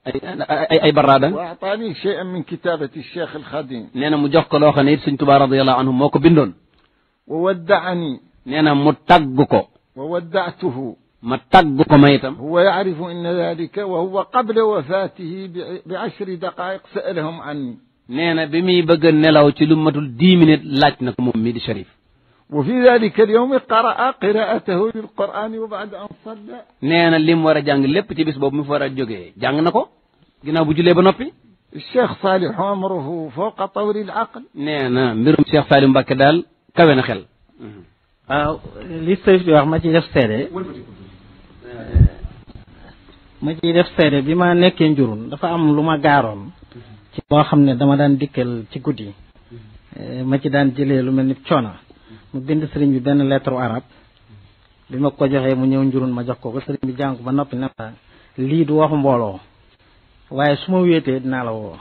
أي, أي برادة وأعطاني شيئا من كتابة الشيخ الخادم نانا مجوكو لو سن سنتبا رضي الله عنه موكو بندون وودعني نانا متقكو وودعته متقكو ميتم هو يعرف أن ذلك وهو قبل وفاته بعشر دقائق سألهم عني نانا بمي بغن نلاو تي لوماتول تلمة الدي من لاجنك ممي شريف وفي ذلك اليوم قرأ قراءته للقرآن وبعد أن صلى nee na lim war a jàng lépp ci bis boobu mi war a jógee jàng na ko ginnaaw bu jullee ba noppi Cheikh Salih amruhu fawqa tawri al-aql nee daal kawe na xel li sëriñ bi wax ma ci def seede ma ciy def seede bi ma nekkee njurun dafa am lu ma gaaroon ci loo xam ne dama daan dikkal ci guddi eh, ma ci daan jëlee lu mel ni coona mu bind sëriñ bi benn lettre arab bi ma ko joxee mu ñëw njurun ma jox ko ko sëriñ bi jàng ba noppi ne ma lii du wax mbooloo waaye su ma wéetee dinaa la woo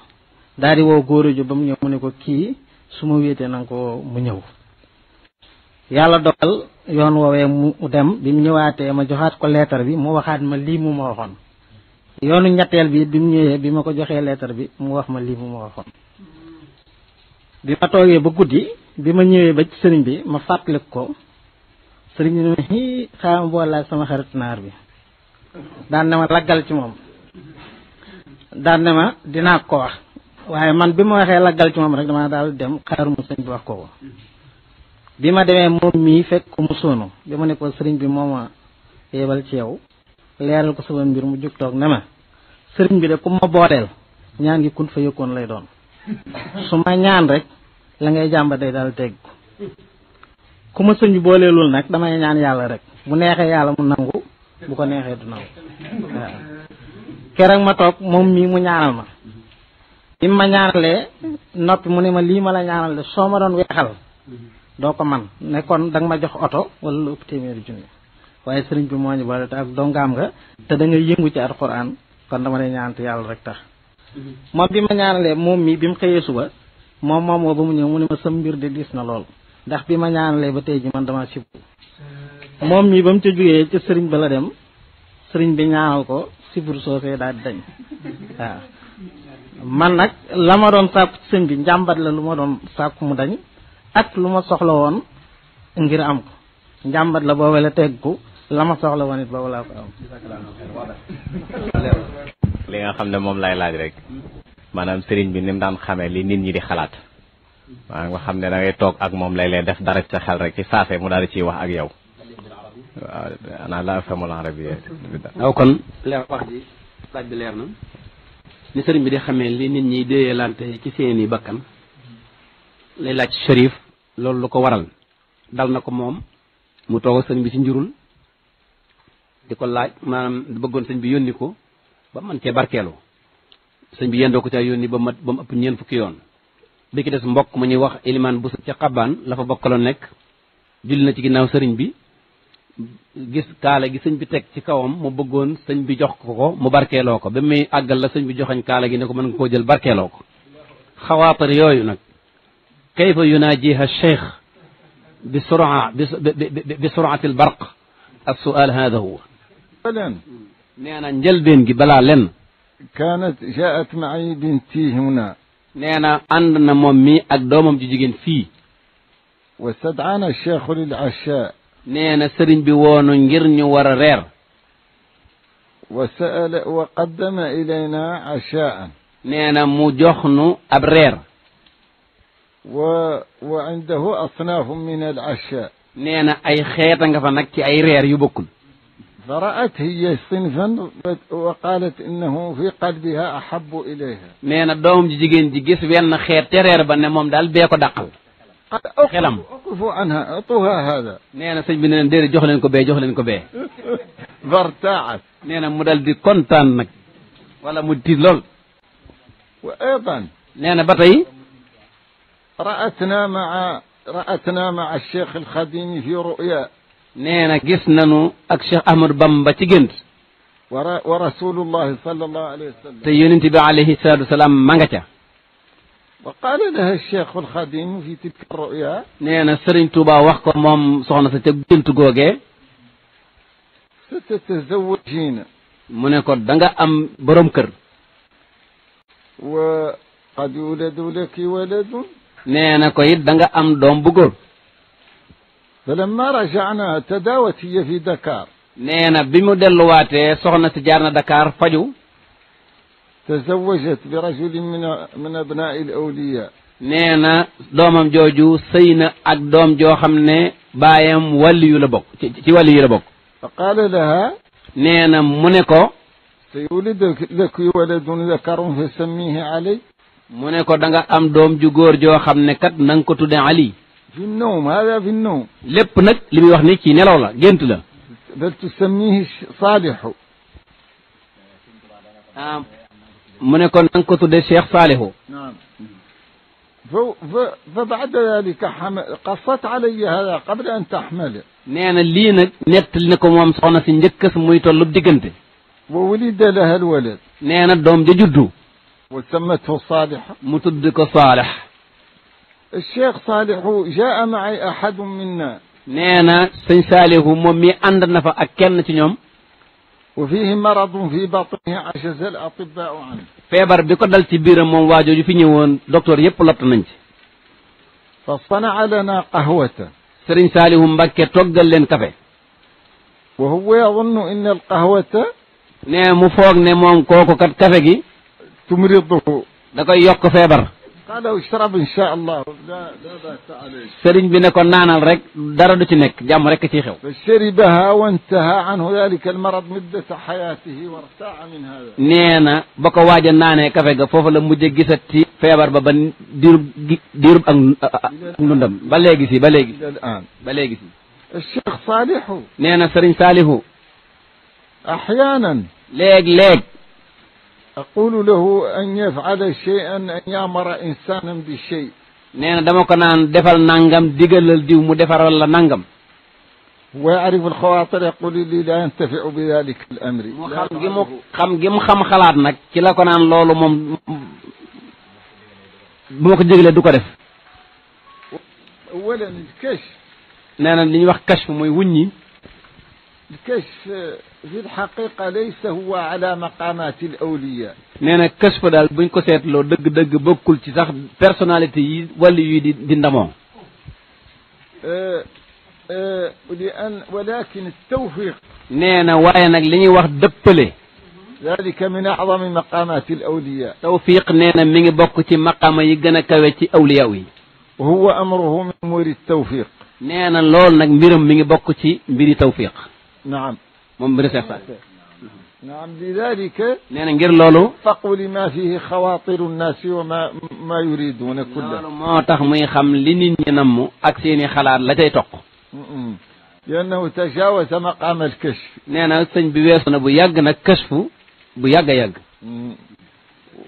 daal di woo góor ju ba mu ñëw mu ne ko kii su ma wéetee ko mu ñëw yàlla dogal yoon woowee mu dem bi mu ñëwaatee ma joxaat ko lettre bi mu waxaat ma lii mu ma waxoon yoonu ñetteel bi bi mu ñëwee bi ko joxee lettre bi mu wax ma lii mu ma waxoon bi ma toogee ba guddi bi ma ñëwee ba ci sëriñ bi ma fàttaliku ko sëriñ bi ne xii xaaral ma boole sama xarit naar bi daan na ma laggal ci moom daan na ma dinaa ko wax waaye man bi ma waxee laggal ci moom rek dama daal dem xaaruma sëriñ bi wax ko ko bi ma demee moom mii fekk ko mu sonu bi ma ne ko sëriñ bi moo ma yebal ci yow leeral ko sama mbir mu jóg toog ne ma sëriñ bi de ku ma booleel ñaan gi kun fa yëkkoon lay doon su ma ñaan rek la ngay jàmba day daal dégg ku ma sëñ booleelul nag damay ñaan yàlla rek mu neexee yàlla mu nangu bu ko neexee du nangu waaw ma toog moom mii mu ñaanal ma bi ma ñaanalee noppi mu ne ma lii ma la ñaanal soo ma doon weexal doo ko man nekkoon danga ma jox oto wala lu ëpp téeméeri junni waaye sëriñ bi moo ñu boole te ak dongaam nga te da ngay yëngu ci alxuraan kon dama lay ñaan te yàlla rek tax Mhm. moom bi ma ñaanalee moom mii bi mu xëyee suba moom moom woo ba mu ñëw mu ne ma sam mbir de diis na lool ndax bi ma ñaanalee ba tey ji man dama sibu euh, moom mi ba mu ca jógee ca sëriñ bala dem sëriñ bi ñaanal ko sibur soosee daal di dañ waaw man nag la ma doon sàkku ci sëñ bi njàmbat la lu ma doon sàkku mu dañ ak lu ma soxla woon ngir am ko njàmbat la boobale teg ko la ma soxla woon it li nga xam ne moom lay laaj rek maanaam sëriñ bi ni mu daan xamee li nit ñi di xalaat maanaam nga xam ne da toog ak moom lay lay def dara sa xel rek ci saase mu daal di ciy wax ak yow waaw ana laa famul arabiyya aw kon leer wax ji na ni sëriñ bi di xamee li nit ñi déeyalante ci seeni bakkan lay laaj Cherif loolu lu ko waral dal na ko moom mu toog sëriñ bi ci njurul diko laaj manam bëggoon sëñ bi yónni ko ba man cee barkeelu sëñ bi yendo ko caa yónni ba ma ba mu ëpp ñeent fukki yoon bi ki des mbokk mu ñuy wax iliman bu ca xabaan la fa bokkaloon nekk julli na ci ginnaaw sëriñ bi gis kaala gi sëñ bi teg ci kawam mu bëggoon sëñ bi jox ko ko mu barkeeloo ko ba muy àggal la sëñ bi joxañ kaala gi ne ko mën nga koo jël barkeeloo ko xawaatar yooyu nag kayfa yunaajiha sheikh bi sura bi surati al barq as sual hada فلن نانا نجلدين جبلا لن كانت جاءت معي بنتي هنا نانا عندنا مامي أقدامهم جيجين في واستدعانا الشيخ للعشاء نانا سرين بوانو نجرني ورا رير وسأل وقدم إلينا عشاء نانا مجخنو أبرير و... وعنده أصناف من العشاء نانا أي خيطا فنكي أي رير يبكل فرأت هي صنفا وقالت إنه في قلبها أحب إليها نينا دوم جيجين جي جيس بيان خير ترير بان موم دال بيكو دقل قد أقفوا عنها أطوها هذا نينا سيج بن ندير جوخ لنكو بي جوخ لنكو بي فارتاعت نينا مودال دي كونتان ولا مدي لول وأيضا نينا بطي رأتنا مع رأتنا مع الشيخ الخديمي في رؤيا nee na gis nanu ak Cheikh Ahmadou Bamba ci gént wa wa rasulullahi sallallahu alayhi wa sallam te yonent bi alayhi salaatu wasalaam ma nga ca wa qaala laha cheikh alxadim fi tilka ruya nee na sëriñ Tuuba wax ko moom soxna sa ca gént googee sa tatazawajina mu ne ko am borom kër wa qad yuladu laki waladun nee na ko it danga am doom bu góor falamma rajana tadawat hiya fi dakar nee na bi mu delluwaatee soxna si jaar na dakar faju tazawajat bi rajulin min min abnai l awliya nee na doomam jooju sëy na ak doom joo xam ne baayam wàlli yu la bokk ci wàlli yu la bokk fa qaala laha nee na mu ne ko sa yulidu laki waladun zakarun fa sammihi ali mu ne ko da nga am doom ju góor joo xam ne kat na nga ko tudde ali في النوم هذا في النوم لب نك لبي وحني كي نلا ولا جنت لا بل تسميه صالح نعم من يكون أنك تود الشيخ صالح نعم فبعد ذلك حم قصت علي هذا قبل أن تحمل نعم اللي نك نت لكم وام سنجك سمو يتولب دكنت وولد لها الولد نعم الدوم جدو وسمته صالح متدك صالح الشيخ صالح جاء معي أحد منا نانا سن صالح ممي أند نفا أكن تنيوم وفيه مرض في بطنه عجز الأطباء عنه فيبر بيكو دال تي بيرم موم واجو في نيوون دكتور ييب لوت نانج فصنع لنا قهوة سرين صالح مبكي توغال لين كافي وهو يظن أن القهوة ne mu foog كوكو كات كافي تمرضه kafe يوك فيبر قالوا اشرب ان شاء الله لا لا باس عليك سرين بي نكون نانال رك دارا دو سي نيك جام رك تي خيو فشربها وانتهى عنه ذلك المرض مدة حياته وارتاع من هذا نينا بكو واجا ناني كافي غا فوفو لا موجي غيساتي فيبر بابا ديرب ديرب اك نوندم با ليغي سي با ليغي الان با ليغي سي الشيخ صالح نينا سرين صالح احيانا ليغ ليغ أقول له أن يفعل شيئا أن يأمر إنسانا بشيء نينا دموك نان دفل نانغام ديغل الديو مو الله نانغام ويعرف الخواطر يقول لي لا ينتفع بذلك الأمر خم جيم خم جيم خم خلاد كلا كنا نلولو مم بموك ديغل دوكا دف أولا الكشف نانا نيوخ كشف موي وني الكشف في الحقيقة ليس هو على مقامات الأولياء نانا كشف دال بنكو سيتلو دغ دق بوكول سي صاح personality ولي دين ندامو لأن ولكن التوفيق نانا واي نك لي دبلي ذلك من أعظم مقامات الأولياء توفيق نانا من بوك مقام يجنا كويتي أولياوي وهو أمره من أمور التوفيق نانا لول نك ميرم ميغي بوك سي توفيق نعم من بريخ يا نعم. نعم لذلك لان غير لولو فقولي ما فيه خواطر الناس وما ما يريدون كله ما تخ مي خم لي نين ني نام اك سيني خلات لا تاي توك لانه تجاوز مقام الكشف نانا سن بي ويسنا بو ياغ نا كشفو بو ياغ ياغ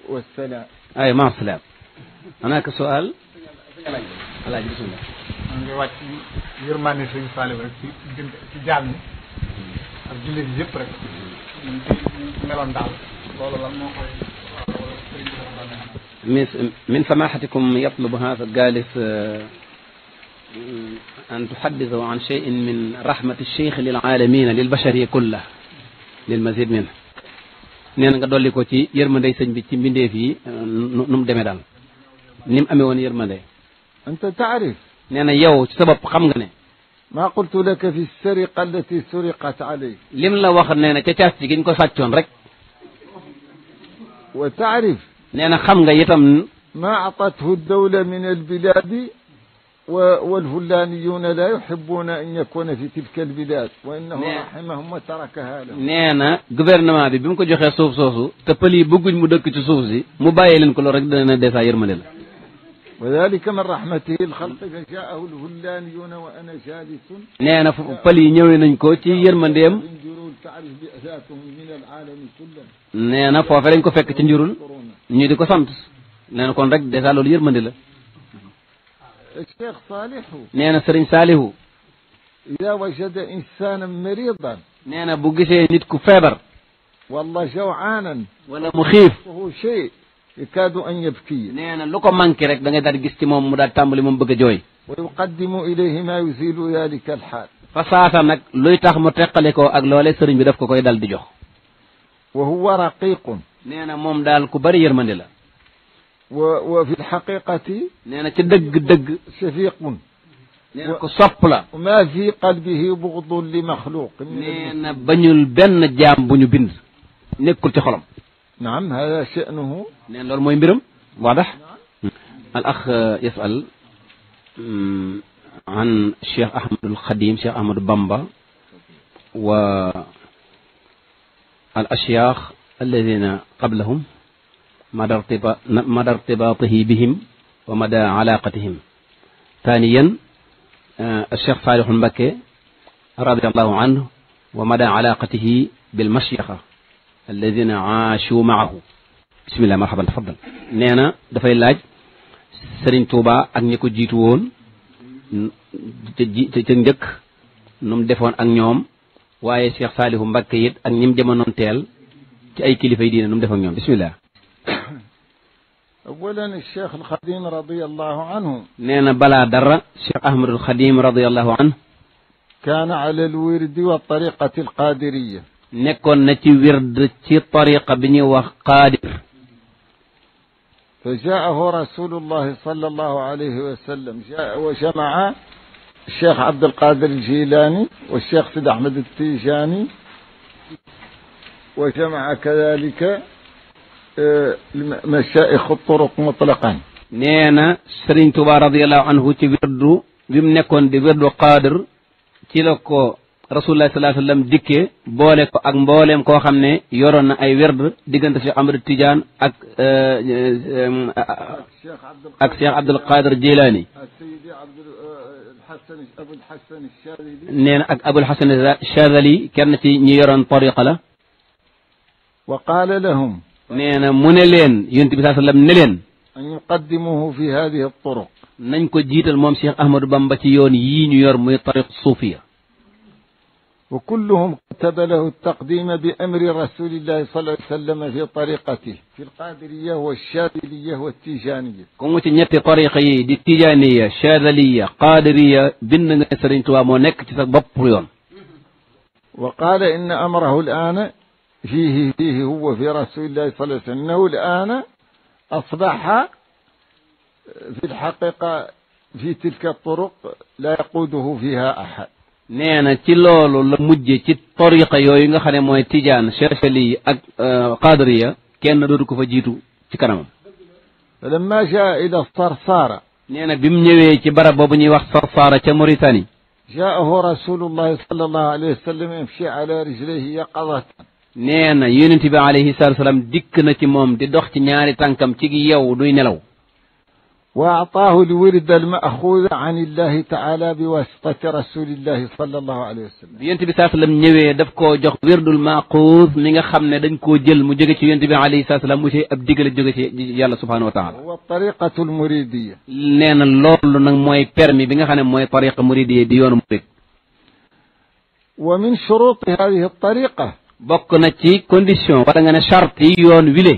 والسلام اي مع السلام هناك سؤال الله يجزيك الله يجزيك الله يجزيك الله يجزيك الله من سماحتكم يطلب هذا الجالس آه، أن تحدثوا عن شيء من رحمة الشيخ للعالمين للبشرية كلها للمزيد منه نين غدول ليكو تي يرمدي سنج بي تي ميندي في نوم ديمي دال نيم امي وون يرمدي انت تعرف نينا يو سبب خمغني ما قلت لك في السرقة التي سرقت عليك لم لا وخر نينا تتاس كنكو كو رك وتعرف نينا خم يتم ما أعطته الدولة من البلاد والفلانيون لا يحبون أن يكون في تلك البلاد وإنه رحمهم وتركها لهم نينا ما بي بمكو جخي صوف سوسو تبلي بوغوج مو دك سي مو بايي لين كو لو رك دنا ديسا يرمالي وذلك من رحمته الخلق فشاءه الهلانيون وأنا جالس نانا فالي نيوي نانكو تي يرمنديم تعرف بأذاتهم من العالم كلا نانا فوفي لنكو فك تي نجورول ني ديكو سانت نانا كون رك ديسا لول يرمندي لا الشيخ صالح نانا سرين صالح إذا وجد إنسانا مريضا نانا بو غيسه نيت كو فيبر والله جوعانا ولا مخيف هو شيء يكاد أن يبكي نينا لوكو مانكي رك داغي دار غيس تي موم مودا دار تامبلي موم بeuga جوي ويقدم إليه ما يزيل ذلك الحال فصافا نك لوي تاخ مو تقاليكو اك لولي سيرن بي داف كوكاي دال دي جوخ وهو رقيق نينا موم دال كو بري يرماندي لا وفي الحقيقة نينا تي دغ دغ شفيق neena ko sopp la ma fi qalbihi bughdun li makhluq neena bañul benn jaam bu ñu bind nekkul نعم هذا شأنه نعم، لأن المهم برم واضح نعم. الأخ يسأل عن الشيخ أحمد الخديم الشيخ أحمد بامبا الأشياخ الذين قبلهم مدى ارتباطه بهم ومدى علاقتهم ثانيا آه، الشيخ صالح المكي رضي الله عنه ومدى علاقته بالمشيخة الذين عاشوا معه بسم الله مرحبا تفضل نينا دا فاي لاج سيرن توبا اك نيكو جيتو وون تي تي نديك نوم ديفون اك نيوم وايي شيخ صالح مبكيت اك نيم جيمانون تيل تي اي كليفه دين نوم ديفو نيوم بسم الله اولا الشيخ الخديم رضي الله عنه نينا بلا در الشيخ احمد الخديم رضي الله عنه كان على الورد والطريقه القادريه نكون نتي ورد تي طريق بني وقادر فجاءه رسول الله صلى الله عليه وسلم جاء وجمع الشيخ عبد القادر الجيلاني والشيخ سيد أحمد التيجاني وجمع كذلك آه، مشائخ الطرق مطلقا نينا سرين توبا رضي الله عنه تبردو دي دبردو قادر لكو رسول الله صلى الله عليه وسلم ديكي بولك اك مبولم كو خامني يورونا اي ورد ديغنت شيخ عمرو التيجان اك اك عبد الشيخ عبد القادر الجيلاني السيد عبد الحسن ابو الحسن الشاذلي ابو الحسن الشاذلي كان في ني يورون طريقه لا وقال لهم نينا منلين ينتبي صلى الله عليه وسلم نلين ان يقدموه في هذه الطرق نانكو جيتال موم شيخ احمد بامبا سي يون يي ني يور موي طريق الصوفيه وكلهم كتب له التقديم بأمر رسول الله صلى الله عليه وسلم في طريقته في القادرية والشاذلية والتيجانية كنت نيتي طريقي دي التيجانية الشاذلية قادرية بن نسرين توامو نك وقال إن أمره الآن فيه فيه هو في رسول الله صلى الله عليه وسلم إنه الآن أصبح في الحقيقة في تلك الطرق لا يقوده فيها أحد نانا تلولو لمجي تطريق يوي نغا خاني شرفلي اك قادريا كين فجيتو تي لما جاء الى الصرصارة نانا بيم نيوي تي بارا بوبو واخ صرصارة تي موريتاني جاءه رسول الله صلى الله عليه وسلم يمشي على رجليه يقظة نانا يونتي عليه الصلاة والسلام ديك نتي موم دي دوخ تي نياري تيجي يو دوي نلاو وأعطاه الورد المأخوذ عن الله تعالى بواسطة رسول الله صلى الله عليه وسلم ينتبه ينتي بي ساسلام نيوي داف كو جوخ ورد المأخوذ نيغا خامني دنكو كو جيل مو جوغي سي ينتي عليه الصلاه والسلام موسي اب ديغال جوغي سي سبحانه وتعالى هو الطريقة المريدية نينا لولو نك موي بيرمي بيغا خاني موي طريقة مريدية دي يون مريد ومن شروط هذه الطريقة بوك تي كونديسيون ولا شرط يون ويلي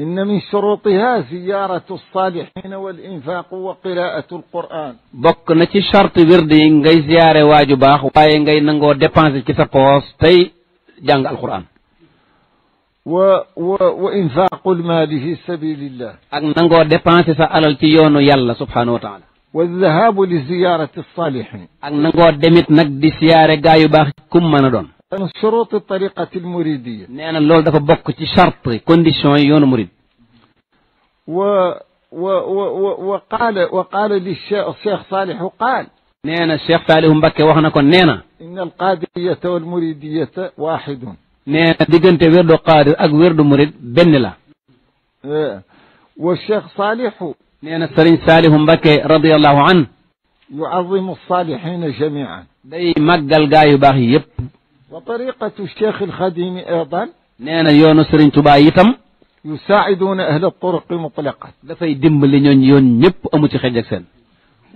إن من شروطها زيارة الصالحين والإنفاق وقراءة القرآن بوك نتي شرط وردي إن غي زيارة واجبة وقاية إن غي ننغو ديبانس كيسا قوص تي جانغ القرآن و و وإنفاق المال في سبيل الله أك ننغو ديبانز كيسا ألل تيون يلا سبحانه وتعالى والذهاب لزيارة الصالحين أك ننغو ديميت نك دي سيارة غايو باخ كم من دون من شروط الطريقة المريدية. نحن اللول دفع بقى كذي شرط كونديشن يون مريد. و و و وقال وقال للشيخ صالح وقال نينا الشيخ فعلهم بك وحنا كن إن القادية والمريدية واحد نينا ديجن تويردو قاد أقويردو مريد بنلا والشيخ صالح نينا سرين صالحهم بك رضي الله عنه يعظم الصالحين جميعا دي مقل قايو يب وطريقة الشيخ الخديم أيضا نانا يونو سرين تبا يساعدون أهل الطرق مطلقا دفاي دم لي نيون يون نيب أمو تي سن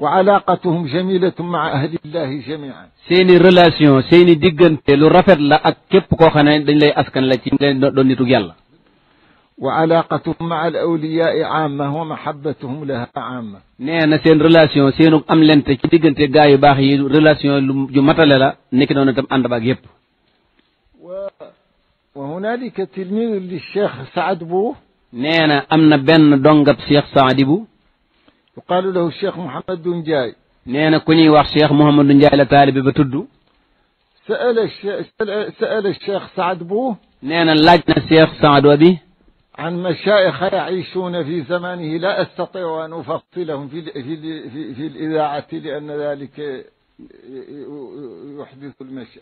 وعلاقتهم جميلة مع أهل الله جميعا سيني ريلاسيون سيني ديغن لو رافت لا اك كيب كو خنا دنج لاي اسكان لا تي دون نيتو يالا وعلاقتهم مع الأولياء عامة ومحبتهم لها عامة نانا سين ريلاسيون سينو أم لنت تي ديغنتي غاي باخ يي ريلاسيون جو ماتالا لا نيك نون تام اند باك ييب وهنالك تلميذ للشيخ سعد بو نينا أمنا بن دونغب شيخ سعد بو يقال له الشيخ محمد دونجاي جاي نينا كوني واخ شيخ محمد دونجاي جاي لطالب بتدو سأل الشيخ سأل الشيخ سعد بو نينا لاجنا الشيخ سعد وبي عن مشايخ يعيشون في زمانه لا أستطيع أن أفصلهم في, في, في, في الإذاعة لأن ذلك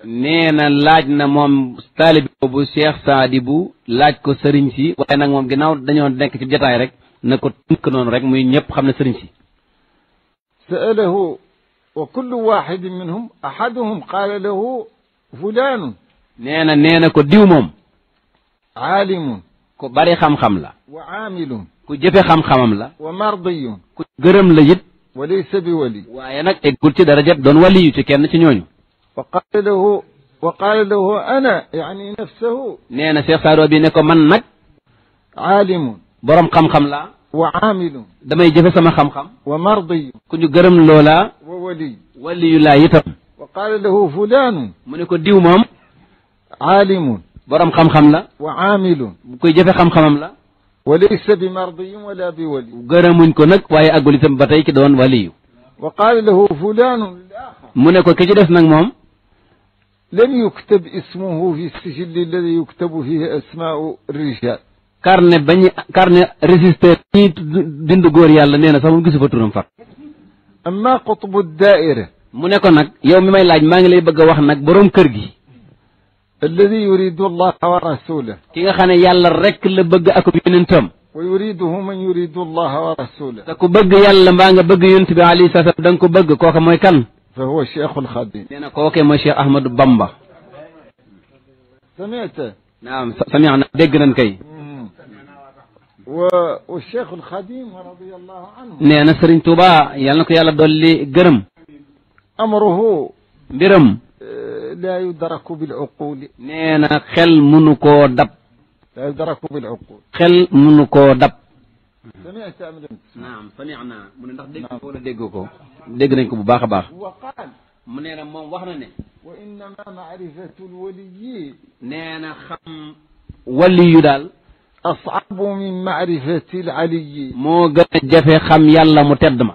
nee na laaj na moom taalib seex Cheikh bu laaj ko sëriñ si waaye nag moom ginnaaw dañoo nekk ci jataay rek na ko tënk noonu rek muy ñëpp xam ne sëriñ si sa'alahu wa kullu waxidin minhum ahaduhum qaala lahu fulaanun nee na nee na ko diw moom aalimun ku bari xam-xam la wa aamilun ku jëfe xam-xamam la wa mardiyun ku gërëm la it walaysa bi wali waaye nag eggul ci darajat doon waliyu ci kenn ci ñooñu wa qaala lahu wa qaala lahu ana yaani nafsahu nee na Cheikh Saadu bi ne ko man nag aalimun borom xam-xam laa wa aamilun damay jëfe sama xam-xam wa mardiyu ku ñu gërëm loola wa waliy waliyu laa itam wa qaala lahu fulaanun mu ne ko diw moom aalimun borom xam-xam la wa aamilun bu koy jëfe xam-xamam la وليس بمرضي ولا بولي غرام كنك واي اغولي تم باتاي كدون ولي وقال له فلان منكو لم يكتب اسمه في السجل الذي يكتب فيه اسماء الرجال كارني بني كارني ريجستر ديند غور يالا نينا سامو غيسو فاتورم فات اما قطب الدائره منكو نك يوم ماي لاج ماغي لي بغا واخ نك بروم كيرغي الذي يريد الله ورسوله كي خنا يالا رك لا بغ اكو بينتم ويريده من يريد الله ورسوله تكو بغ يالا ماغا بغ ينتبه عليه الصلاه دانكو بغ كوكا موي كان فهو الشيخ الخادم انا كوكا ما شيخ احمد بامبا سمعت نعم سمعنا دغنا كي والشيخ الخادم رضي الله عنه نينا سرين توبا يالنكو يالا دولي غرم امره برم لا يدرك بالعقول نينا خل منكو دب لا يدرك بالعقول خل منكو دب سمعت ام نعم سمعنا من ندخ نعم. ولا ديكوكو ديك نكو بو باخ باخ وقال منينا مام واخنا ني وانما معرفه الولي نينا خم ولي دال اصعب من معرفه العلي مو جافي خم يلا متدمه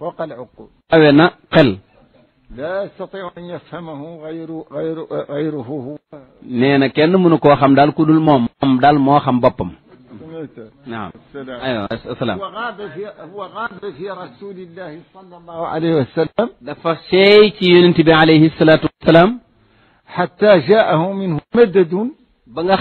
فوق العقول أين قل لا يستطيع أن يفهمه غير غير غيره هو نينا كن منو خم دال كودول موم دال مو خم بابم نعم السلام ايوه السلام هو غاب في هو غاب في رسول الله صلى الله عليه وسلم دفا شيء ينتبه عليه الصلاه والسلام حتى جاءه منه مدد ba nga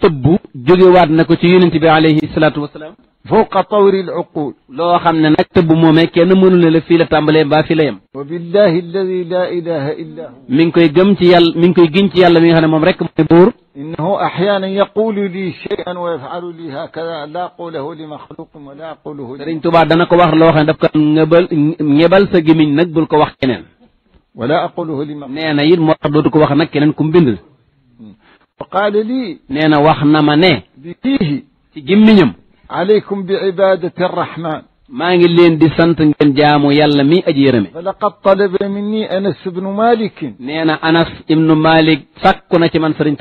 تبو ne am tëbb عليه الصلاة والسلام. فوق طور العقول لو خمنا نكتب مو ميك نمون لا في لا تامبلي با في ليم وبالله الذي لا اله الا هو منكو يغمتي يال منكو يغنتي يال مي خنا موم رك بور انه احيانا يقول لي شيئا ويفعل لي هكذا لا اقوله لمخلوق ولا اقوله لي انت بعد نكو واخ لو خنا داك نيبل نيبل سا غيمين نك بول كو واخ كينن ولا اقوله لمخلوق نينا ير مو خدو دوكو واخ نك كينن كوم بيند فقال لي نانا واخ نما ني فيه تي غيمينم عليكم بعبادة الرحمن ما نقول دي سنت نجن جامو يلا مي أجيرمي فلقد طلب مني أنس بن مالك نينا أنس ابن مالك سكنا كمان سرين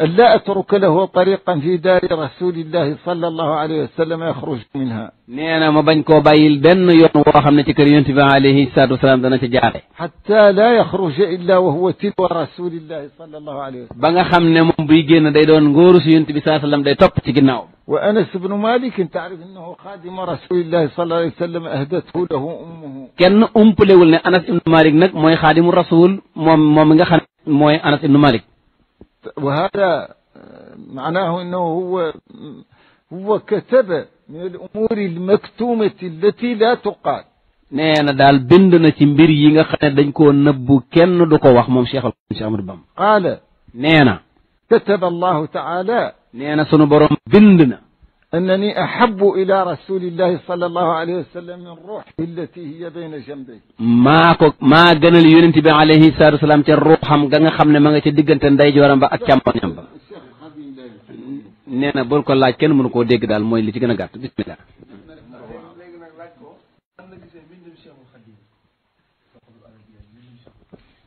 أن لا أترك له طريقا في دار رسول الله صلى الله عليه وسلم يخرج منها نينا ما بنكو بايل بن يون وخم نتكر ينتبه عليه الصلاة والسلام دانا تجاري حتى لا يخرج إلا وهو تلو رسول الله صلى الله عليه وسلم بنا خم نمم بيجينا دايدون غورس ينتبه صلى الله عليه وسلم دي طب تجناو وأنس بن مالك تعرف أنه خادم رسول الله صلى الله عليه وسلم أهدته له أمه كان أم بلولنا أنس بن مالك نك موي خادم الرسول مو مو مو أنس بن مالك وهذا معناه انه هو هو كتب من الامور المكتومه التي لا تقال نانا دال بندنا سي مبير ييغا خاني دنجكو نبو كين دوكو واخ موم شيخ الشيخ عمر بام قال نانا كتب الله تعالى نانا سونو بروم بندنا أنني أحب إلى رسول الله صلى الله عليه وسلم من روحي التي هي بين جنبي maa ko maa gënal yonent bi alayhi salaatu wasalaam ca ruuxam ga nga xam ne ma nga ca diggante ndeyjooram ba ak càmmoñam ba nee na bul ko laaj kenn mënu koo dégg daal mooy li ci gën a gàtt bismillah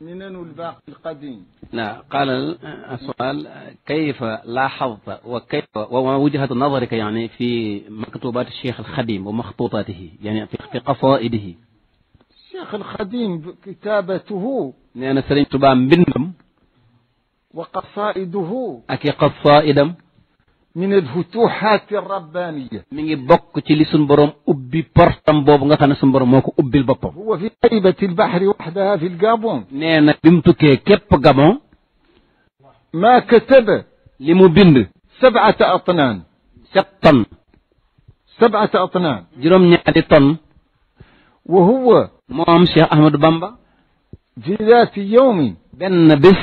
منن الباقي القديم نعم قال السؤال كيف لاحظت وكيف ووجهة نظرك يعني في مكتوبات الشيخ الخديم ومخطوطاته يعني في قصائده الشيخ الخديم كتابته لأن سليم تبان بنم وقصائده أكي قصائدم من الفتوحات الربانية من يبقى تلي سنبرم أبي برتم بوب غتنا سنبرم موكو أبي البطم هو في هيبة البحر وحدها في القابون نينا بمتك كيب قابون ما كتب لمبند سبعة أطنان سبطن سبعة أطنان جرم نعدي طن وهو مام شيخ أحمد بامبا في ذات يوم بن بس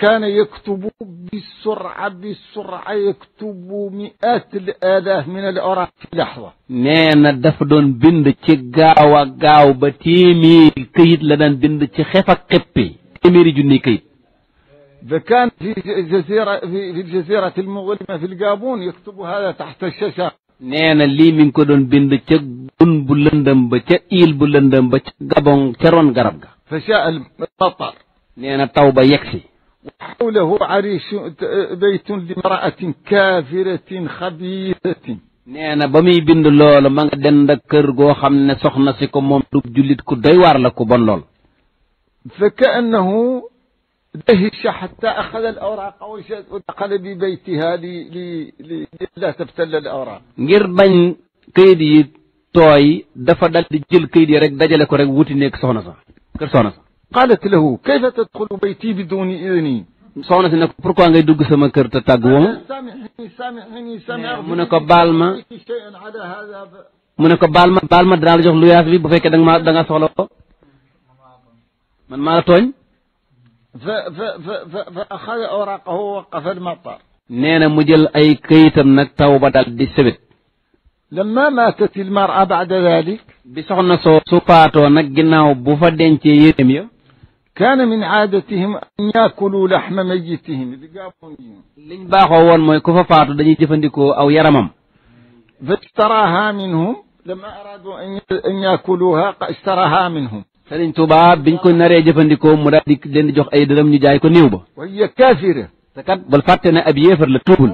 كان يكتب بسرعة بسرعة يكتب مئات الآلاف من الأوراق في لحظة نانا دفدون بند تشيكا وكاو غاو كيت لا بند تي خفا خبي تيمير جوني كيت كان في جزيرة في, الجزيرة المظلمة في الجابون يكتب هذا تحت الشاشة. نانا لي من كو بند تشيك بن بلندم بتشيك ايل بلندم بتشيك غابون تي رون فشاء المطر لأن التوبة يكفي وحوله عريش بيت لمرأة كافرة خبيثة نانا بامي بند لول ما دن دكر جو خامن سخنا سيكو موم دوب جوليت كو داي وار لاكو بون لول فكانه دهش حتى اخذ الاوراق وشد ودخل ببيتها ل ل لا تبتل الاوراق غير بن كيد توي دفا دال دي جيل كيد رك داجالكو رك ووتي نيك سخنا سا كير سخنا قالت له كيف تدخل بيتي بدون إذني صونت انك بركو ان يدغ سما كرت تاغو سامحني سامحني سامحني منك بالما منك بالما بالما دال جوخ لو ياس بي بو فك داغ ما داغ سولو من ما توغ ف ف ف ف فاخذ اوراقه وقف المطار نينا مجل اي كيتم نك توبه دال دي سبت لما ماتت المراه بعد ذلك بسخنا سو سو فاتو نك غيناو بو فا دنتي يتم يو كان من عادتهم أن يأكلوا لحم ميتهم لن باقوا ما يكفى فاتو دني جفندكو أو يرمم فاشتراها منهم لما أرادوا أن يأكلوها اشتراها منهم سرين توبا بنكو نري جفندكو مراد دين جوخ أي درم نجايكو نيوبا وهي كافرة سكت بالفاتنا أبي يفر لتوبل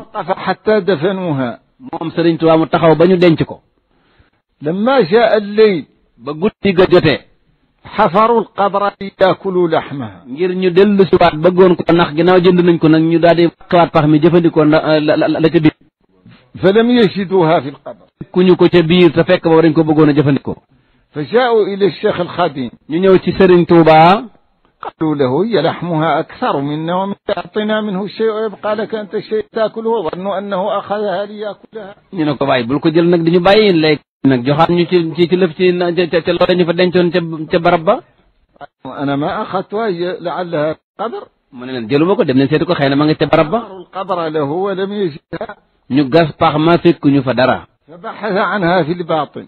حتى دفنوها مام سرين توبا متخوا بنيو دينكو لما جاء الليل بقلت قجتين حفروا القبر ليأكلوا لحمها. غير نيو دلل سوات بعون كناخ جناو كنا نيو دادي بحمي جفني كنا ل ل فلم يجدوها في القبر. كنيو كتبي تفك بورين كبعون جفني كو. فجاءوا إلى الشيخ الخادم. نيو تسرن توبا. قالوا له هي لحمها أكثر منا ومن أعطينا منه شيء ويبقى لك أنت شيء تأكله وظنوا أنه أخذها ليأكلها. نيو كباي بلكو جل نقد نيو لك. نك انا ما اخذت واي لعلها قدر. من لن ديلو بوكو دم نسيتو خينا ماغي تي برب با له هو لم يجدها ني غاس باخ ما عنها في الباطن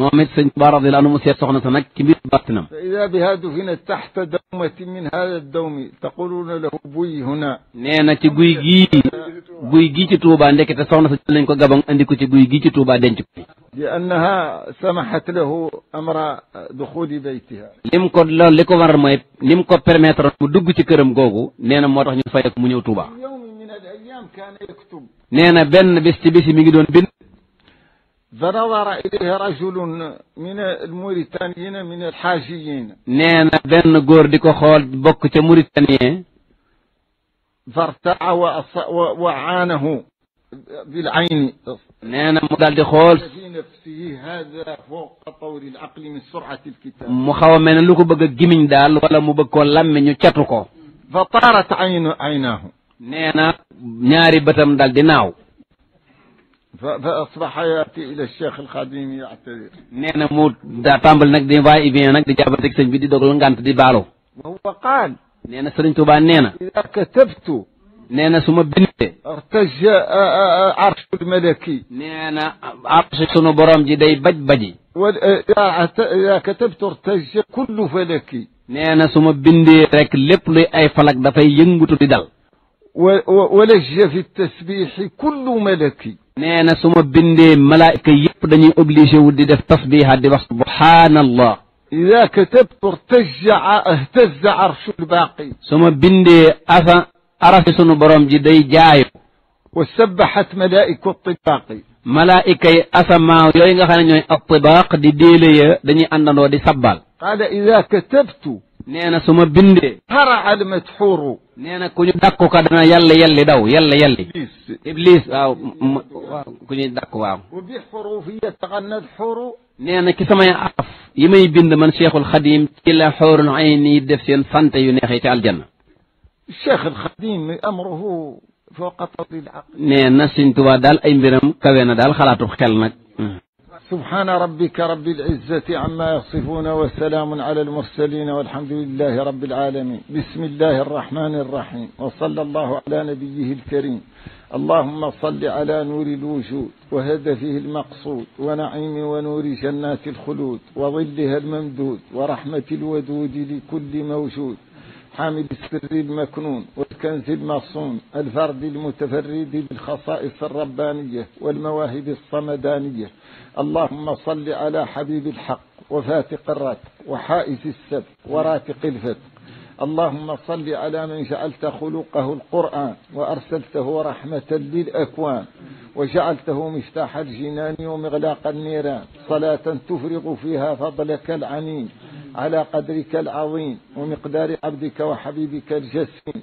محمد سن بارض لانه مسيح سخنا سنك كبير باتنا إذا بها دفنة تحت دومة من هذا الدوم تقولون له بوي هنا نينا تي بوي جي بوي جي تي توبا عندك عندك تي بوي دنجك لأنها سمحت له أمر دخول بيتها لم كن لكو مر ما لم برمتر ودوغ تي غوغو نينا مو تخ يوم من الايام كان يكتب نينا بن بيستي بيسي ميغي بن فنظر إليه رجل من الموريتانيين من الحاجيين نانا بن غور ديكو خول بوك تي موريتانيين فارتاع وعانه بالعين نانا مدال دي خول نفسه هذا فوق طور العقل من سرعة الكتاب مخاو من لوكو بغا جمين دال ولا مبكو لمن يتشتركو فطارت عين عيناه نانا ناري بتم دال دي ناو فاصبح ياتي الى الشيخ الخادم يعتذر نانا مو دا تامبل نك دي باي بيان نك دي جابر تك سيغ بي دي دوغلو غانت دي بالو وهو قال نانا سيرن توبا نانا اذا كتبت نانا سوما بنت ارتج عرش الملكي نانا عرش سونو بروم جي داي باج باجي اذا كتبت ارتج كل فلكي نانا سوما بندي رك لب لي اي فلك دا فاي ينغوتو دي دال ولج في التسبيح كل ملكي نانا سوما بندي ملائكة يب دانيو ودي دف تصبيحة دي بخص سبحان الله إذا كتبت ارتجع اهتز عرش الباقي سوما بندي أثا أرسي سنو دي جايب وسبحت ملائكة الطباقي ملائكة أسماء يوين غفانا نيوي الطباق دي ديلي دني أندنو دي سبال قال إذا كتبت نينا سما بندي هرع المتحور نينا كوني داكو كدنا يلا يلي دو يلا يلي إبليس إبليس أو كوني داكو واو وبحروفية تغند حور نينا كسما يعف يمي بند من شيخ الخديم كلا حور عيني دفسين سنتي ينخي تعال جنة الشيخ الخديم أمره فوق طول العقل نين نسين توا دال اي مبرم كوينة دال خلاتو خلنا سبحان ربك رب العزة عما يصفون وسلام على المرسلين والحمد لله رب العالمين بسم الله الرحمن الرحيم وصلى الله على نبيه الكريم اللهم صل على نور الوجود وهدفه المقصود ونعيم ونور جنات الخلود وظلها الممدود ورحمة الودود لكل موجود حامل السر المكنون والكنز المصون الفرد المتفرد بالخصائص الربانية والمواهب الصمدانية اللهم صل على حبيب الحق وفاتق الراتق وحائز السبت وراتق الفتق اللهم صل على من جعلت خلقه القرآن وأرسلته رحمة للأكوان وجعلته مفتاح الجنان ومغلاق النيران صلاة تفرغ فيها فضلك العنيد على قدرك العظيم ومقدار عبدك وحبيبك الجسيم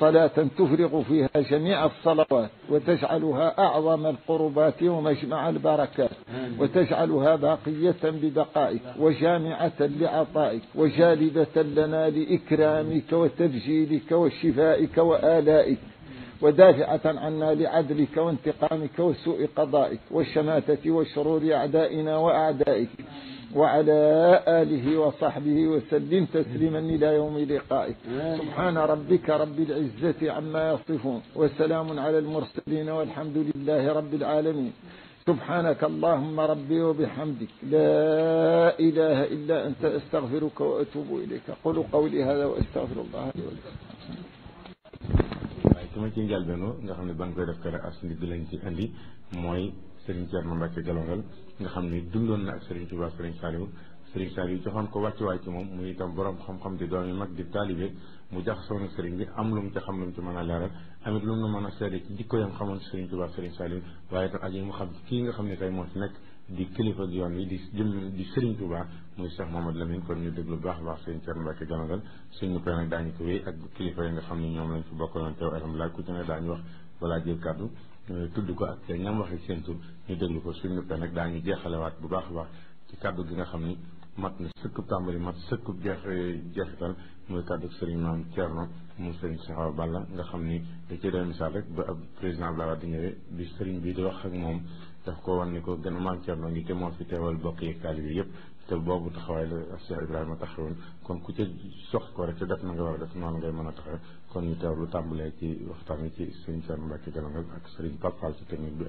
صلاة تفرغ فيها جميع الصلوات وتجعلها أعظم القربات ومجمع البركات وتجعلها باقية ببقائك وجامعة لعطائك وجالبة لنا لإكرامك وتبجيلك وشفائك وآلائك ودافعة عنا لعدلك وانتقامك وسوء قضائك والشماتة وشرور أعدائنا وأعدائك وعلى آله وصحبه وسلم تسليما إلى يوم لقائك سبحان ربك رب العزة عما يصفون وسلام على المرسلين والحمد لله رب العالمين سبحانك اللهم ربي وبحمدك لا إله إلا أنت أستغفرك وأتوب إليك قل قولي هذا وأستغفر الله لي ولكم fi ma ciy njëlbeenoo nga xam ne ba nga koy def keroog as ndigg lañ ci indi mooy Serigne Thierno Mbacke Galongal nga xam ne dundoon na ak Serigne Touba Serigne Saliou Serigne Saliou joxoon ko wàccuwaay ci moom mu itam borom xam-xam di doom yi mag di taalibe mu jaxasoo nag Serigne bi am lu mu ci xam lu mu ci mën a leeral amit lu mu mën a seede ci jikko yam xamoon Serigne Touba Serigne Saliou waaye itam ak yi mu xam kii nga xam ne tey moom si nekk di kilifa yoon yi di jëm di Serigne baax muy Cheikh Mohamed Lamine kon ñu déglu bu baax a baax seen Thierno Mbacke Ganagane suñ ñu koy nag daañu ko wéy ak kilifa yi nga xam ne ñoom lañ fi bokkaloon teew alhamdulilah ku ci ne daañu wax balaa jël kàddu euh, tudd ko ak ñam wax ak seen tur ñu déglu ko suñ ñu koy nag daañu jeexalewaat bu baax a baax ci nga xam ni mat na sëkkub tàmbali mat sëkkub jeex jeexital muy kàddu Serigne Maam Thierno mu Serigne Cheikh Balla nga xam ni di cee doon misaal rek ba ab président Abdoulaye Wade di ñëwee bi Serigne bii di wax ak moom daf ko wan ni ko gën a maam Cerno ngi te moo fi teewal bokk yeeg taalib yi yëpp te boobu taxawaay la Cheikh Ibrahima taxawoon kon ku ca sox ko rek te def na nga war a def noonu ngay mën a taxaw kon ñu teewlu tàmbalee ci waxtaan wi ci sëñ Cerno Mbacke Galandal ak sëriñ Papal ci technique bi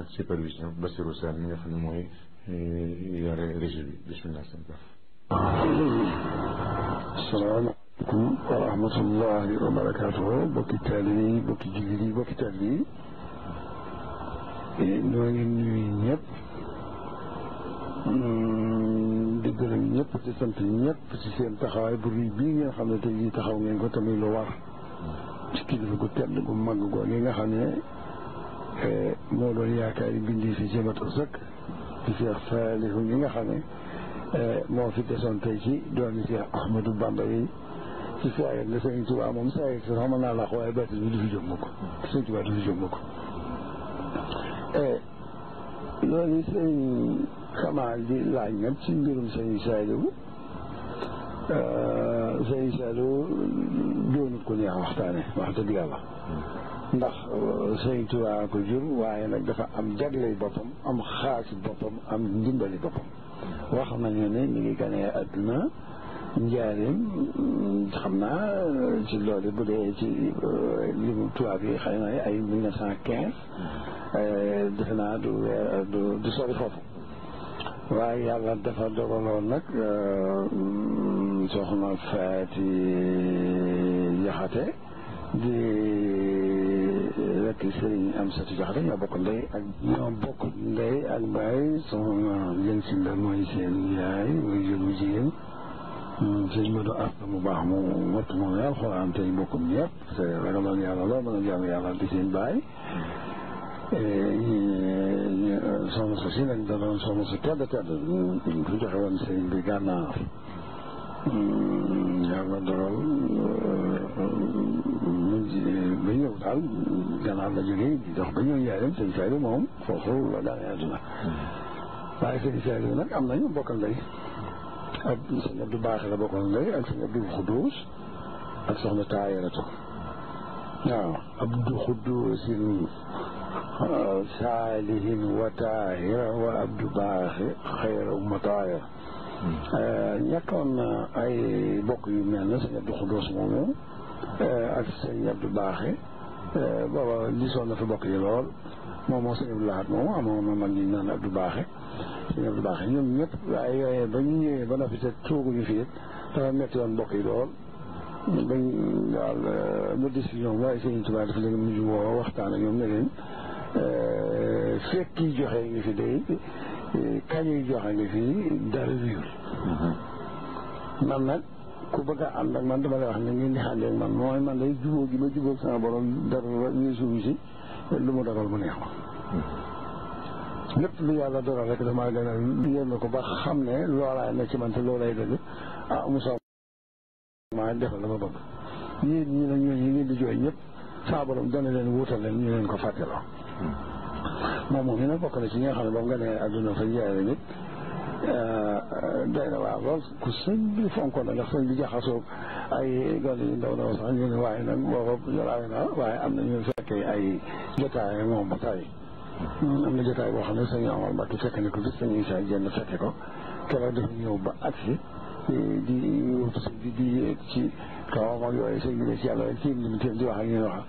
ak supervision Basirou Sène mi nga xam ne mooy eh, yore régie bi bismillah sëñ Pap salaamaaleykum wa rahmatullahi wa barakaatuhu bokki taali yi bokki julli yi bokki taali yi ñoo ngi nuyu mm, di gërëm ñëpp di sant ñëpp ci seen taxawaay bu rëy bii ngeen xam ne tey jii taxaw ngeen ko tamit lu war ci kilifa gu tedd gu màgg googu nga xam ne eh, moo doon yaakaar yi bindi fi jëmatu sëkk di Seex Saalihu ñi nga xam ne eh, moo fi desoon tey ci doon Seex Ahmadou Bamba yi ci saayir la Sëñ Tuubaa moom saayir sax mën naa laax waaye baatin bi du fi jóg e loolu sëñ Kamal di laaj nag ci mbirum sëñ Saliou sëñ Saliou doonu ko neex waxtaane wax dëgg yàlla ndax sëñ Tuubaa ko jur waaye nag dafa am jagley boppam am xaasi boppam am ndimbali boppam wax nañu ne ñu ngi ganee àdduna njaarim xam naa ci loolu bu dee ci li mu tubaab yi xëy na ay mille neuf cent quinze defenaa du du sori foofu waaye yàlla dafa dogaloon nag soxna Faati Jaxate di rekk sëriñ am sati Jaxate ñoo bokk ndey ak ñoo bokk ndey ak baay soxna jën si la mooy seen yaay mooy jur bu jigéen sëñ Modou Asta mu baax mu mott moom yàlla xool am tey bokkum ñëpp te ragaloon yàlla lool mën a jàng yàlla di seen baay sono Cecilia non sono settata tutto che vanno se in gana ya vadro bino dal gana da juri da bino ya ren sen sai mo so so la da ya juna ba ke sai na am na yum bokal dai ab sen abdu baax la bokal dai ak sen abdu khudus ak soxna taayara to waaw abdu khudus صالح وطاهر وعبد باخر خير ومطاهر نكون آه، اي بوك يو من الناس آه، عبد القدوس مومو اك سي عبد باخر بابا ليسون في بوك يو لول مومو سي الله مومو امو مام لي نان عبد باخر سي عبد باخر نيوم نيب اي باني بنا في توغ ني في دا ميتون بوك يو لول dañ daal ba gis ñoom waaye Sëriñ Tuubaa dafa leen mujj woo waxtaan ak ñoom ne leen euh, fekk joxe ngi fi day euh, kañ yi joxe ngi fi dara wéyul mm-hmm. man nag ku bëgg a ànd ak man dama lay man mooy man day jubóo gi ma jubóo sama borom dara wéesuwu si lu mu dogal mu neex ma mm-hmm. lépp lu yàlla dogal rek dama gën a yéen ko ba xam ne loolaay na ci man te loolay dëgg ah maa defal la ma bëgg yéen ñi la ñooñu ngeen di jooy ñëpp saa borom dana leen wuutal leen ñu leen ko fàtteloo moom moom ñu ne bokk na ci nga xam ne ba mu nga nee adduna fa jaay la nit doy na waaw lool ku sëñ bi fonkoon na ndax sëñ bi jaxasoo ay gone yu ndaw ndaw sax ñu ne waaye nag booba yoraawe na waaye am na ñu fekkee ay jotaay moom ba tey am na jotaay boo xam ne sëñ Omar Mbacke fekk ne ko bis sëñ Issa Dieng fekke ko keroog dafa ñëw ba agsi di wut di di ci kawam ak ay sëñ bi ne ci yàlla rek ci lim teel di wax ak ñuy wax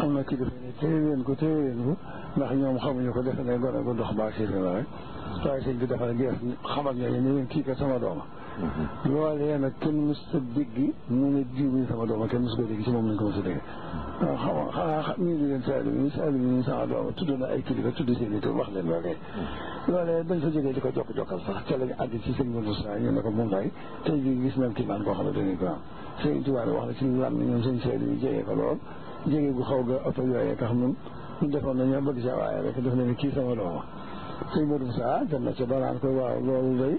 am na ki defe ne téye leen ko téye leen ko ndax ñoom xamuñu ko defe ne gone gu ndox baa siifee la rek waaye sëñ bi dafa ne xamal ñooñu ne leen kii ka sama dooma loolee nag kenn mës a dégg mu ne diw bi sama dooma kenn mës ko dégg ci moom lañ ko mës a dégg waaw xam nga xanaa ñu ngi leen saali bi saali bi ñu sama dooma tudd na ay kilifa tudd seen i tur wax leen loolu kay loolee bañ fa jógee di ko jokk jokkal sax ca lañ àgg ci sëñ Modou Sa ñu ne ko moom day tey jii gis nañ kimaan koo xam ne dañuy ko am sëñ Tuubaa wax na ci ñu lam ne ñoom sëñ saali bi jegee ko lool jegee gu xaw ga ëpp yooyee tax ñun ñu defoon na ñoo bëgg sa waaye rek def na ni kii sama dooma sëñ Modou Sa dem na ca banaan koy waaw loolu day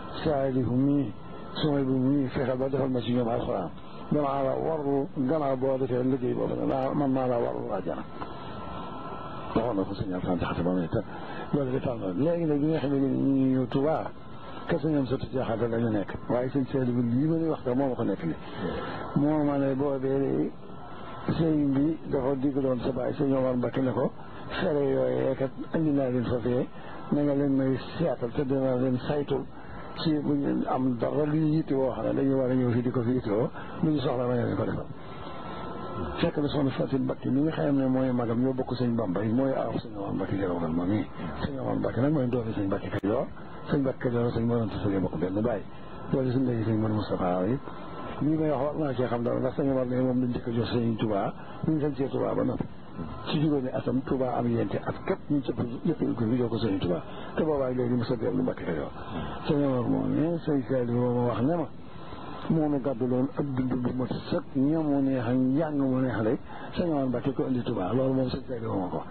سعيد همي سعيد همي في خبرته المسجد مع القرآن قال على ور قال على بوادك اللقي جيبه لا من على ور راجعنا طبعا خصني أفهم تحت بميته قال لي طبعا لا إلى جناح من يتواه كسن يمسك تجاه هذا العناك وعيسن سيد بالجيبة وقت ما مخنك لي مو ما نبوه بيري سيد بي دخل ديك دون سبع سيد يوم أربع كنكو سريو يكت أني نادين صفيه نقل إنه يسيعتل تدنا ذين سايتل ci bu ñu am dara lu ñu yittewoo xam ne ñu war a ñëw fii di ko fi yittewoo lu ñu soxla ma ne ko defal fekk na soxna Fatou Mbacke mi nga xam ne mooy magam ñoo bokk sëñ Bamba yi mooy aar sëñ Omar Mbacke Jalle moom mii. sëñ Omar Mbacke nag mooy doomi sëñ Mbacke Kajoor sëñ Mbacke Kajoor sëñ Moroom Tafel bokk benn bàyyi loolu suñ lay sëñ Mor Moustapha yi lii moom dañ njëkk a jox sëñ Touba ba noppi ci juróomi atam Touba am yente at képp ñu ci yëpp yu gën a jox ko sëñ Touba te boobaay léegi mu sa dellu Mbàkke Kajoor sëñ Omar moom ne sëñ Saliou moom wax ne ma moonu gàddu loon ak dund bu ma sëkk ñam mu neex ak njàng mu neex rek sëñ Omar Mbàkke ko indi Touba loolu moom sëñ Saliou moom ko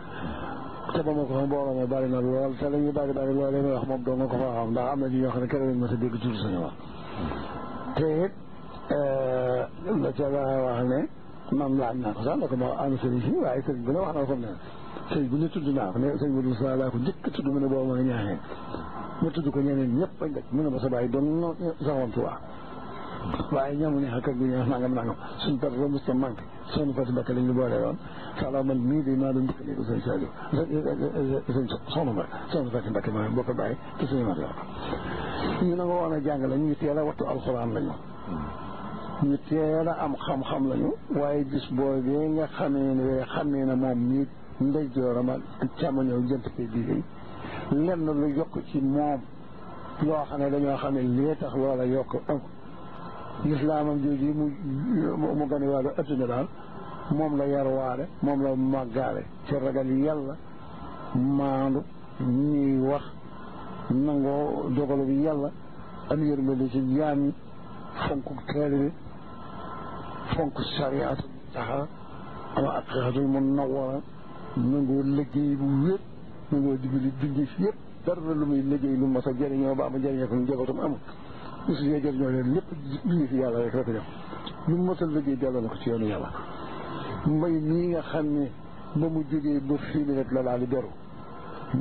te ba ma ko xam mbooloo ma bari na lool te la ñuy bari bari lool leen wax moom doo nga ko fa xam ndax am na ñi ñoo xam ne keroog lañ ma sa dégg tudd sëñ Omar te it euh, la ca wax ne maam laaj naa ko sax ndax ma am sëriñ si waaye sëriñ bu ne wax na ko ne sëriñ bu ne tudd naa ko ne sëriñ bu dul saa laa ko njëkk tudd mu ne boobu mooy a ma tudd ko ñeneen ñëpp bañ daj mu ne ma sa bàyyi doon saxoon ci waa waaye ñamu ba mos ta manqué soxna Fatou Bakka lañ ñu boole woon sala man mii de maa doon njëkk léegi sëñ Sadio sëñ soxna Mbacke soxna Fatou Bakka maa bokk bàyyi te suñu mat ñu na nga a jàng la ñu teel a wattu alxuraan lañu ñu teel am xam-xam lañu waaye gis boobee nga xamee ne xamee na moom mii ndeyjooram ak càmmoñam jënt bi liggéey lenn lu yokk ci moom loo xam ne dañoo xam ne lii tax loola yokk am lislaamam jooju mu mu gane waale adduna daal moom la yarwaale moom la màggaale ci ragal yàlla maandu ñuy wax nangoo dogalu bi yàlla am yërmande ci jaam yi fonk taalibe فوق الشريعة المتحة أما أقهد المنورة نقول لقي بوير نقول دبل الدنيا فيه در لما يلقي لما سجرني وبعض جاني يكون جغتم أمك بس يجرني على اللق جئي في على ذكرة جم لما سلقي جالا نخشيان يلا ما يمين خمي بمجيجي بفين يتلال على درو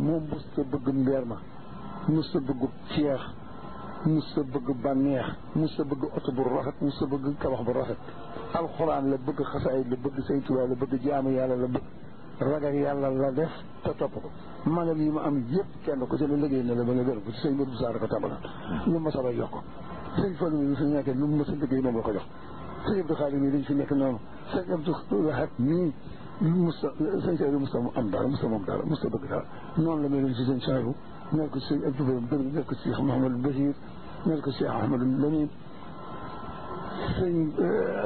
مو مستبق مبيرما مستبق تياخ موسى بغ بانيه موسى بغ اوتو بو رافت موسى بغ كبخ بو رافت القران لا بغ خصاي لا بغ سيتو لا بغ جام يالا لا بغ رغا يالا لا ديف تا توب ما لا ما ام ييب كين كو سي لغي نلا با نغير كو سي مدو سار كو تابلا نيم مسا با يوك سي فالو ني سي نياكي نوم مسا لغي مو كو جوخ سي عبد الخالق ني سي نياكي نون سي عبد الخالق حق مي مسا سي سي هناك السيد الجبير بن هناك الشيخ محمد البشير هناك الشيخ أحمد اللمين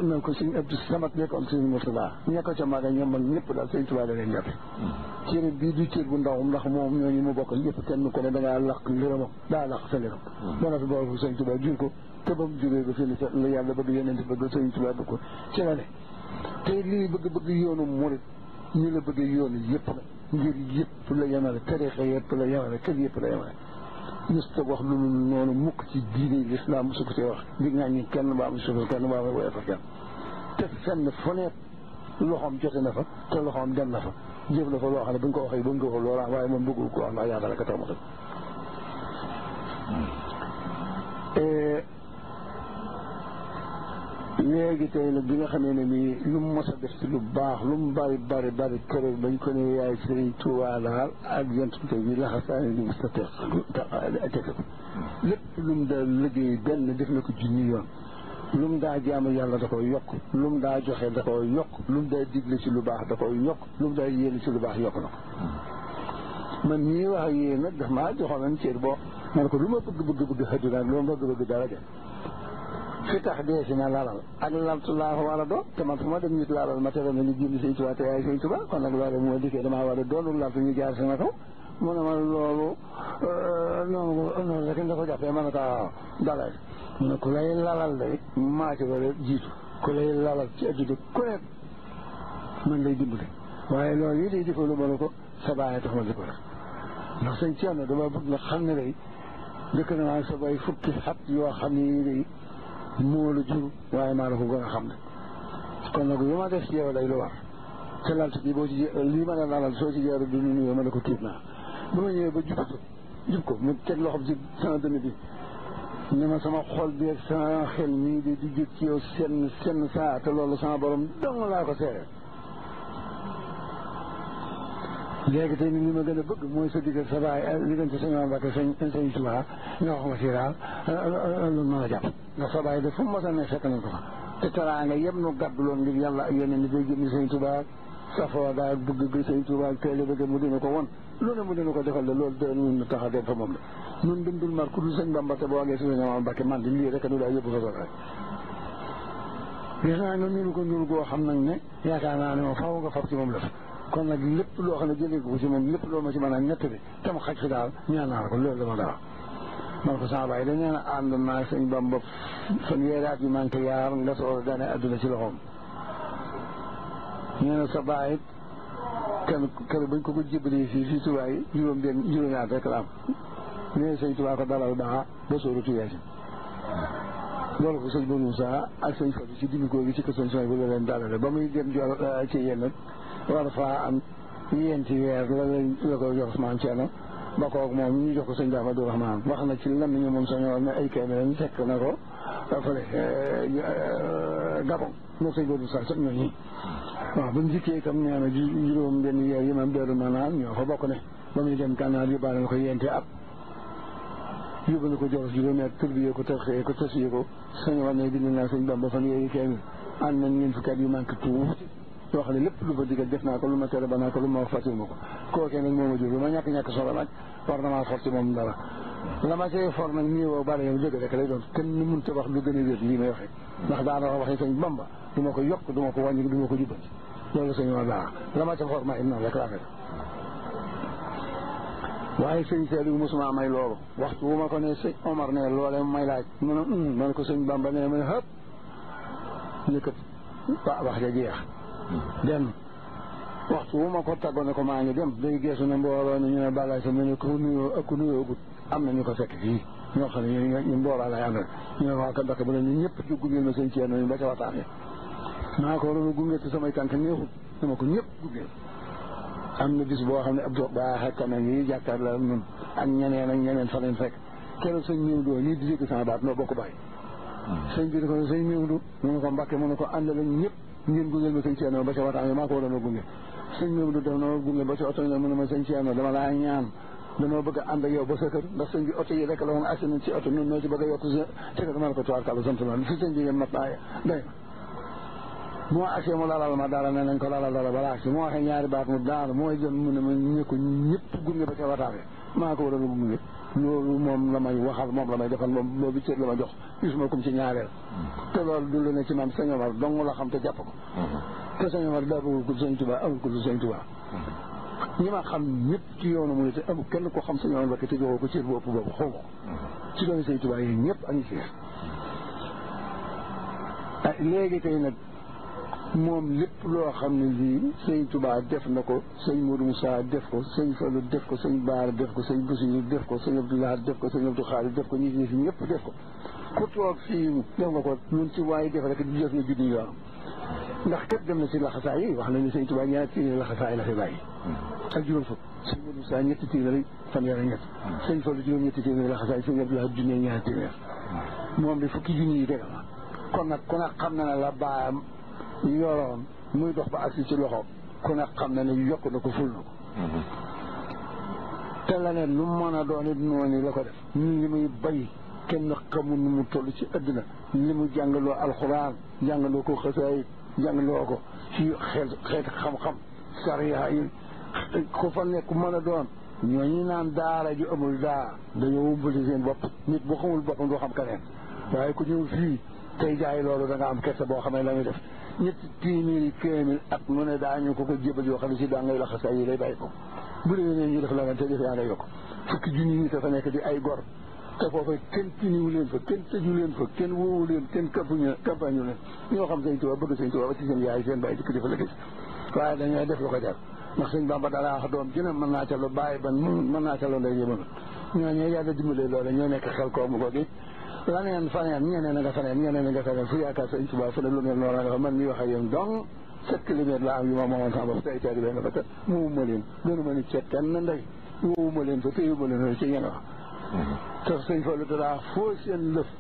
هناك السيد عبد السمد هناك السيد مرتضى هناك آه، جماعة يمن نبل السيد تبالا لنجاب كيري بيدي تير بنداهم هم يوني مبقى يفتن كنا دعا لق لرم لا لق سلرم وانا تبارك السيد تبالا جيركو تبم جيري بسيد اللي يعلى بقى ينين تبقى السيد تبالا بكو تيري بقى بقى يونو مورد ñu la bëgg yoon yëpp la ngir yëpp la yemale tarixa yëpp la yemale kër yëpp la yemale mësta wax lu mu noonu mukk ci diine lislaam su ko see wax di ŋàññi kenn ba am suufal kenn ba am woyofal kenn te fenn foneet loxoom jote na fa te loxoom dem na fa jëf la fa loo xam ne bu ñu ko waxee ba ko loola waaye moom bëggul ko wax ndax yaakaar la ka tax léegi tey la bi nga xamee ne nii lu mu mos a def ci lu baax lu mu bari bari bari keroog bañ ko ne yaay sëriñ Tuubaa laal ak yent bi bi laxasaani di mos a teg teg lépp lu mu daa liggéey benn def na ko junni yoon lu mu daa jaamu yàlla da koy yokk lu mu daa joxe da koy yokk lu mu daa digle ci lu baax da koy yokk lu mu daa yéene ci lu baax yokk na ko man ñii wax ak yéen nag daf maa joxoon cër boo ma ne ko lu ma bëgg bëgg bëgg xëdd naa lu ma bëgg bëgg dara def fi tax dee si na lalal ak laltu laa ko war doon te fu ma dem nit lalal ma tere na ni jubli sëñ Tuubaa te yaay sëñ Tuubaa kon nag loolu moo dikkee damaa war a doonul laltu ñu jaar sama kaw mu ne ma loolu noonu euh, noonu rek nga ko jàppee ma ne ko waaw ah, mu ne ku lay lalal day maa ci war a jiitu ku lay lalal ci adduna ku ne man lay dimbale waaye loolu yi day di ko lu ma ko sa baay tax ma di ko def ndax sëñ Thierno dama bëgg nga xam ne day dëkk na maa sa bay fukki xat yoo moo la jur waaye maa la ko gën xam ne kon nag lu ma def ci yow lay lu war te lalt bi ci lii ma la ci jeeru ma la ko tuub naa ma ñëwee ko jub ko mu teg loxoom ci sama ma sama xol bi ak sama xel mii di ci yow senn senn saa te loolu sama borom dong laa ko seere léegi tey ñun li ma gën a bëgg mooy sa diggante sa baay diggante sa ñoom Mbacke sëñ sëñ Touba nga wax ma si daal loolu mën a jàpp ndax sa baay de fu mu mos a ne fekk nañ ko fa te teraanga yëpp nu gàdduloon ngir yàlla ak yeneen ni day jëmmi sëñ Touba safoo daal bëgg gi sëñ Touba teele bëgg mu dina ko won lu ne mu dina ko defal de loolu de ñun ñu tax a dem fa moom la ñun dundul mar ku dul sëñ Bamba te boo waxee suñu ñoom Mbacke man di lii rek nu daa yóbbu fa rek gis naa nga nuru ko nuru goo xam nag ne yaakaar naa ne moom faaw nga fab ci moom la kon nag lépp loo xam ne jëlee ko si moom lépp loo ma si mën a nettali te mu xaj fi daal ñaan naa ko loolu dama dara man ko sama bàyyi dañu naan ànd naa sëñ Bamba fanweeri at yu manqué yaar nga soog daane adduna ci loxoom ñu ne sa bàyyi kenn kenn bañ ko ko jébbalee fii fii Tuubaa yi juróom benn juróomi at rek la am ñu ne sëñ Tuubaa ko dalal baax ba sóoru tuyaasi loolu ko sëñ Moussa ak sëñ Fadu ci dimikoo gi ci ko sëñ Soy bu la leen dalale ba muy dem jor ci yéen nag war faa am ñeenti weer la la ko jox maam Thierno ba koog moom ñu jox ko sëñ Ba Abdou Rahman wax na ci lan ñu moom sañoon ne ay kay lañ fekk na ko fële eh, eh, Gabon moom sëñ Badou Sall sax ñoo ñii waaw bu ñu dikkee itam nee na juróom benn weer yi maam Beeru maanaam ñoo fa bokk ne ba muy dem gànnaar yóbbaale na ko yente ab yóbbu na ko jox juróomeer turbiyee ko tërxee ko tësiyee ko sañoon ne bind naa sëñ Bamba fan yooyu kenn ànd nañ ñeent fukki at yu manqué tuuti yoo xam ne lépp lu fa digal def naa ko lu ma tere ba naa ko lu ma wax fàttewu ma ko kookee nag moo ma jur lu ma ñàkk-ñàkk solo nag war na maa for ci moom dara la ma see for nag nii woo bari yow jóge rek lay doon kenn ni mënut a wax lu gën a wér lii may waxee ndax daana wax waxee sëñ Bamba du ma ko yokk du ma ko wàññi du ma ko jubbanti loolu sëñ wa daa la ma ca for maa im noonu rek laa fekk waaye sëñ Saliou mosuma may loolu waxtu wu ma ko ne sëñ Omar ne loolee may laaj mu ne ma ne ko sëñ Bamba ne ma ne xëpp yëkkat wax ja jeex dem waxtu wu ma ko tàggoo ne ko maa ngi dem day geesu ne mbooloo ne ñu ne balaay sa ne ko nuyoo ak ku nuyoogut am na ñu ko fekk fii ñoo xam ne ñu mbooloo lay àndal ñu ne waa Kandaka ba ñu ñëpp ci gungeel ma seen ceen ñu ba ca waxtaane maa ko waroon a gunge dama ko ñëpp gungeel am na bis boo xam ne Abdou Baax ak kanam yi jàkkaar la ñun ak ñeneen ak ñeneen fa leen fekk keroog sëñ ñëw doo lii di dégg sama baat noo bokk bàyyi hmm. sëñ bi ne ko sëñ ñëw du mu ne ko ànd mu ne ñëpp ngeen gungeel ma sëñ Thierno ba ca waxtaan maa ko waroon a gunge sëñ Mamadou def na ma gunge ba ca oto ñoom mu ne ma sëñ Thierno dama laa ñaan danoo bëgg a ànd ak yow ba sa kër ndax sëñ bi oto yi rek la woon accident ci oto ñun ñoo ci bëgg a yokk te dama ne ko tuwaar kàlla sant la si sëñ bi yem mat naa day moo accès mu lalal ma dara ne nañ ko lalal dara balaa accès moo waxee ñaari baat mu daal mooy jëm mu ne ma ñëkku ñëpp gunge ba ca waxtaan maa ko waroon a gunge loolu moom la may waxal moom la may defal moom loolu cër la ma jox gisuma kum ci ñaareel mm-hmm. te loolu du lu ne ci man sëñ Omar dong la xam te jàpp ko mm-hmm. te sëñ Omar daa bëggul ko sëñ Tuubaa amul ko sëñ Tuubaa mm-hmm. ñi ma xam ñëpp ci yoonu mu ne te amul kenn ko xam sëñ Omar Mbakke te joxoo ko cër boobu boobu xaw ci doomi sëñ yi ñëpp a ngi ci ah, léegi moom lépp loo xam ne lii sëñ Touba def na ko sëñ Modou Moussa def ko sëñ Fallou def ko sëñ Baara def ko sëñ Boussirou def ko sëñ Abdou Lahad def ko sëñ Abdou Khadir def ko ñi ñi fi ñëpp def ko ku toog fii def nga ko ñun ci waaye def rek di jot nga junni yoon ndax képp dem na ci la laxasaay yi wax na ni seigne Touba ñaar ci la laxasaay la fi bay ak juróom fukk sëñ Modou Moussa ñetti ci téeméeri fan yaa ñet seigne Fallou juróom ñetti ci la laxasaay seigne Abdou Lahad ñaar ci téeméer mom bi fukki junni yi def kon nak ku nak xam na la baayam yoroon muy dox ba agsi ci loxo ku ne xam na ne yokk na ko ful na ko mm-hmm. te lu mën a doon it noonu la ko def ñun li muy bay kenn xamul nu mu toll ci àddina li mu jàngaloo alxuraan jàngaloo ko xasaayit jàngaloo ko ci xeet xeet xam-xam sariya yi ku nekk mën a doon ñooñu naan daara ju amul daa dañoo wumbali seen bopp nit bu xamul boppam doo xam keneen waaye ku ñëw fii tey jaay loolu da nga am kersa boo xamee la muy def ñetti téeméeri kéeméer at mu ne daañu ko ko jébal yoo xam ne si daa ngay laxas ay yi lay bàyyi ko bu dee ñu def la te def yaa ngay yokk fukki junni nit dafa nekk di ay gor te foofa kenn tiniwu leen fa kenn tëju leen fa kenn woowu leen kenn campagne campagne leen ñoo xam sëñ Tuubaa bëgg sëñ Tuubaa ba ci seen yaay seen bàyyi dikk di fa liggéey waaye dañoo def lu ko jar ndax sëñ Bamba dara wax doom jëne mën naa ca lu bàyyi ban mën naa ca lu ndey yëmanu ñoo ñoo yàlla dimbalee loole ñoo nekk xel koomu ko gi laneen faneen ñeneen a nga faneen ñeneen a nga faneen fu yaakaar sëñ Tuubaa fu ne lu mel noonu nga fa man mi wax ak yéen donc sept kilomètres la am yu ma moomoon sama bopp tey tey nga fa te muuma leen gënuma nit seet kenn ndey woowuma leen fa téyuma leen ci ngeen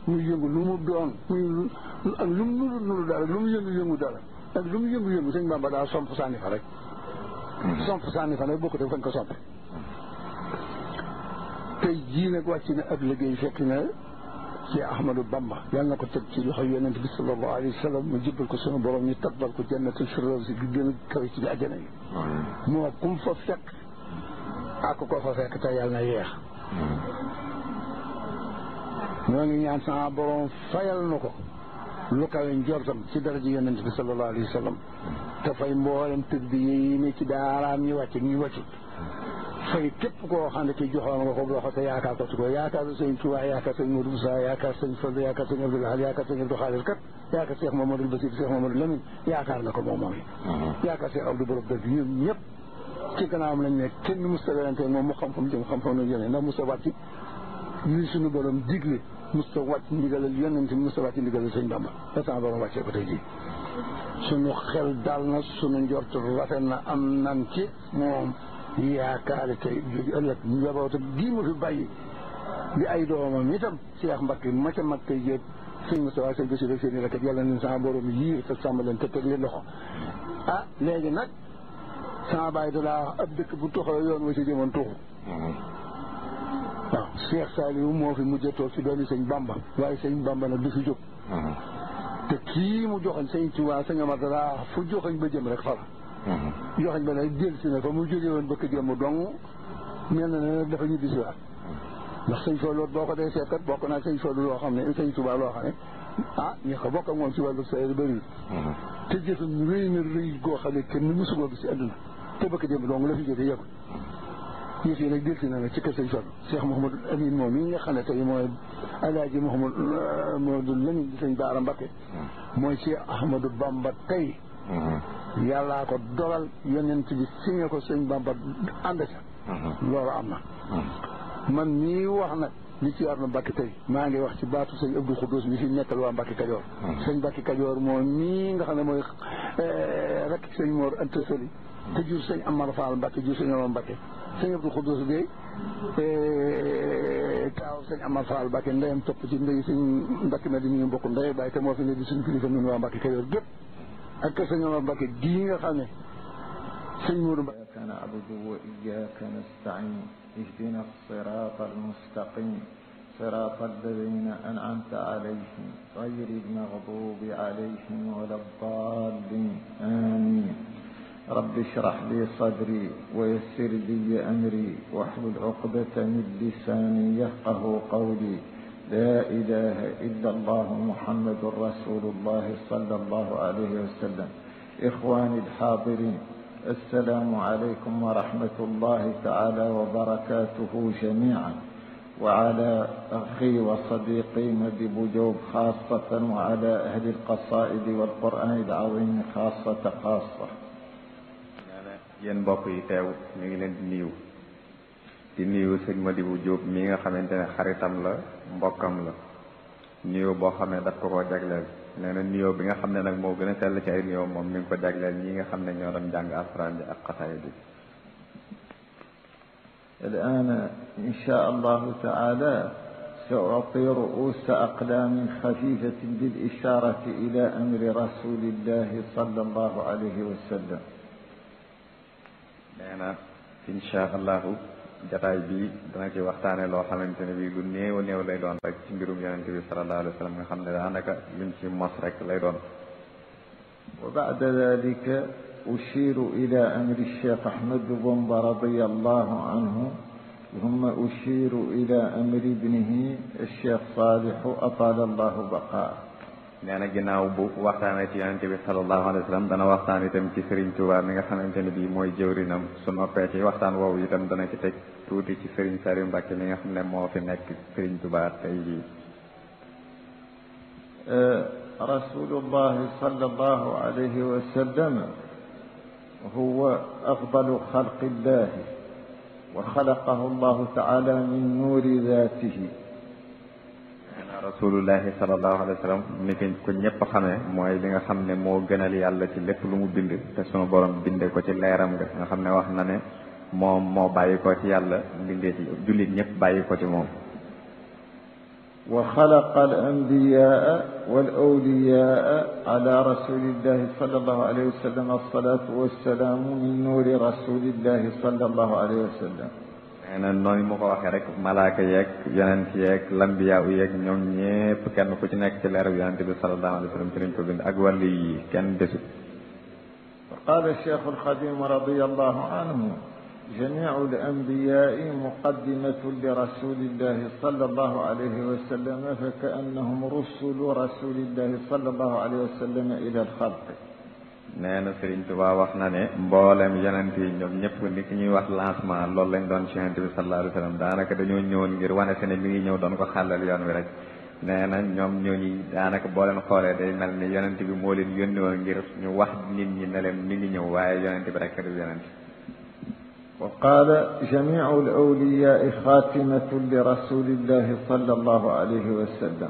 mu yëngu lu mu doon muy ak lu mu nuru nuru dara lu mu yëngu-yëngu dara fa rek somp sànni fa ko somp jii na ab liggéey fekk na ci ahmadou bamba yàlla na ko teg ci loxo yonent bi sallallahu alayhi wa sallam mu jëbbal ko sunu borom ñu tabbal ko jannatul firdawsi bi gën a kawe ci àjjana yi moo kum fa fekk ak ko fa fekk te yàlla na yeex ñoo ngi ñaan sama borom fayal na ko lu kawe njortam ci daraja yonent bi sallallahu alayhi wa sallam te fay mboolem tëdd bi yi ne ci daaraam ñi wàcc ñi wàccut fay képp koo ko boo xam te yaakaar ko ci ko yaakaar sëñ Tuubaa yaakaar sëñ mu xam-xam jëm xam na suñu njort rafet na am nan moom يا kaalete ëllëg ñu yabootu gii mu fi bàyyi di ay doomam itam Cheikh Mbacke ma ca mag koy jéeg sëñ Moussa sëñ Bassirou seen rek yàlla nañ sama borom yiir te sàmm leen te teg leen loxo ah léegi nag sama bàyyi dalaa ab dëkk bu tuxoo yoon wa si jëmoon tuxu waaw Cheikh Saliou moo fi mujj toog si doomi sëñ Bamba waaye sëñ Bamba nag du fi jóg te kii mu joxoñ sëñ Tuubaa sëñ Amar dalaa fu joxoñ ba jëm rek fala joxañ ba nag jël si na fa mu jóge woon bëkk jëmm dong mel na ne dafa ñibbi si waat ndax sëñ Fallou boo ko dee seetkat bokk naa sëñ Fallou loo xam ne sëñ Touba loo xam ne ah ñi ko bokk ak moom ci wàllu sayar bëri te jëfam rëy na rëy goo xam ne kenn mosu koo gis si àdduna te bëkk jëmm dong la fi jotee yëpp yëf yi nag delsi na nag ci kër sëñ Fallou Cheikh Mouhamadou Amine moom mi nga xam ne tey mooy alaaji Mouhamadou Lamine di sëñ Baara Mbacké mooy Cheikh Ahmadou Bamba tey Mm-hmm. yàllaa ko dogal yonent bi signé ko sëñ Bamba ànd ca mm-hmm. loolu am na mm-hmm. man mii wax na li ci Arona Mbacke tey maa ngi wax ci baatu sëñ Abdou Khoudous bi fi nekkal waa Mbacke Kajoor sëñ Mbacke Kajoor moo mii nga xam ne mooy eh, sëñ Mor Anta Sali te sëñ Amar Fall Mbacke jur sëñ Amar Mbacke sëñ Abdou Khoudous bi eh, taaw sëñ Amar Fall Mbacke ndeyam topp ci ndey sëñ Mbacke na di ñu bokk ndey bàyyi te moo fi ne di suñu kilifa ñun waa Mbacke Kajoor gépp ak sëñ Omar Mbacké di إياك نعبد وإياك نستعين اهدنا الصراط المستقيم صراط الذين أنعمت عليهم غير المغضوب عليهم ولا الضالين آمين رب اشرح لي صدري ويسر لي أمري واحلل عقدة من لساني يفقه قولي لا إله إلا الله محمد رسول الله صلى الله عليه وسلم إخواني الحاضرين السلام عليكم ورحمة الله تعالى وبركاته جميعا وعلى أخي وصديقي مدي بوجوب خاصة وعلى أهل القصائد والقرآن العظيم خاصة خاصة yéen mbokk yi teew ñu mbokam la nuyoo bo xamne ne daf ko koo jagleel nee na bi nga xamne nak mo gëna gën sell ci ay nuyoo mom ni ko jagleel ñi nga xamne ñoo dem jàng alquran ak xasaay bi الآن إن شاء الله تعالى سأعطي رؤوس أقدام خفيفة بالإشارة إلى أمر رسول الله صلى الله عليه وسلم. إن شاء الله jataay bi dana ci waxtaane loo xamante ne bii lu néew néew lay doon rek ci mbirum yonente bi sallallahu alayhi wa sallam nga xam ne daanaka luñ ci mos rek lay doon وبعد ذلك أشير إلى أمر الشيخ أحمد بن رضي الله عنه ثم أشير إلى أمر ابنه الشيخ صالح أطال الله بقاءه nee ginaaw bu waxtaane ci yaronte bi sallallahu alayhi wasallam dana waxtaane tam ci Serigne Touba mi nga xamante ne bii mooy jëwrinam su noppé ci waxtaan wowo itam dana ci tek tuuti ci Serigne sarim Mbacké mi nga xamne mo fi nek Serigne Touba tey jii rasulullahi sallallahu alayhi wa sallam huwa afdalu xalqi illahi wa xalaqahu allahu taala min nuuri daatihi rasulullah sallallahu alayhi wa sallam ni ko ñëpp xamee mooy li nga xam ne moo gënal yàlla ci lépp lu mu bind te sunu borom binde ko ci leeram nga nga xam ne wax na ne moom moo bàyyi ko ci yàlla mbindeet yi jullit ñëpp bàyyi ko ci moom وخلق الأنبياء والأولياء على رسول الله صلى الله عليه وسلم الصلاة والسلام من نور رسول الله صلى الله عليه وسلم nee na noonu mu ko waxee rek malaaka yeeg yonent yeeg lambiyaaw yeeg ñoom ñépp kenn ku ci nekk ci leeru yonent bi sallallahu alayhi wa sallam ci lañ ko bind ak wàllu yi kenn desu وقال الشيخ الخديم رضي الله عنه جميع الأنبياء مقدمة لرسول الله صلى الله عليه وسلم فكأنهم رسل رسول الله صلى الله عليه وسلم إلى الخلق neena Serigne Touba wax na ne mbollem yonent ñom ñëpp ni ki ñuy wax lancement lool lañ doon cheikh yonent bi sallallahu alayhi wasallam sallam daanaka dañoo ñëwoon ngir wane se mi ngi ñëw doon ko xalal yoon wi rek nee na ñoom ñooñu daanaka boo leen xolé day mel ni yonent bi mo leen yónni won ngir ñu wax nit ñi ne leen mi ngi ñëw waye yonent bi rek du yonent وقال جميع الأولياء خاتمة لرسول الله صلى الله عليه وسلم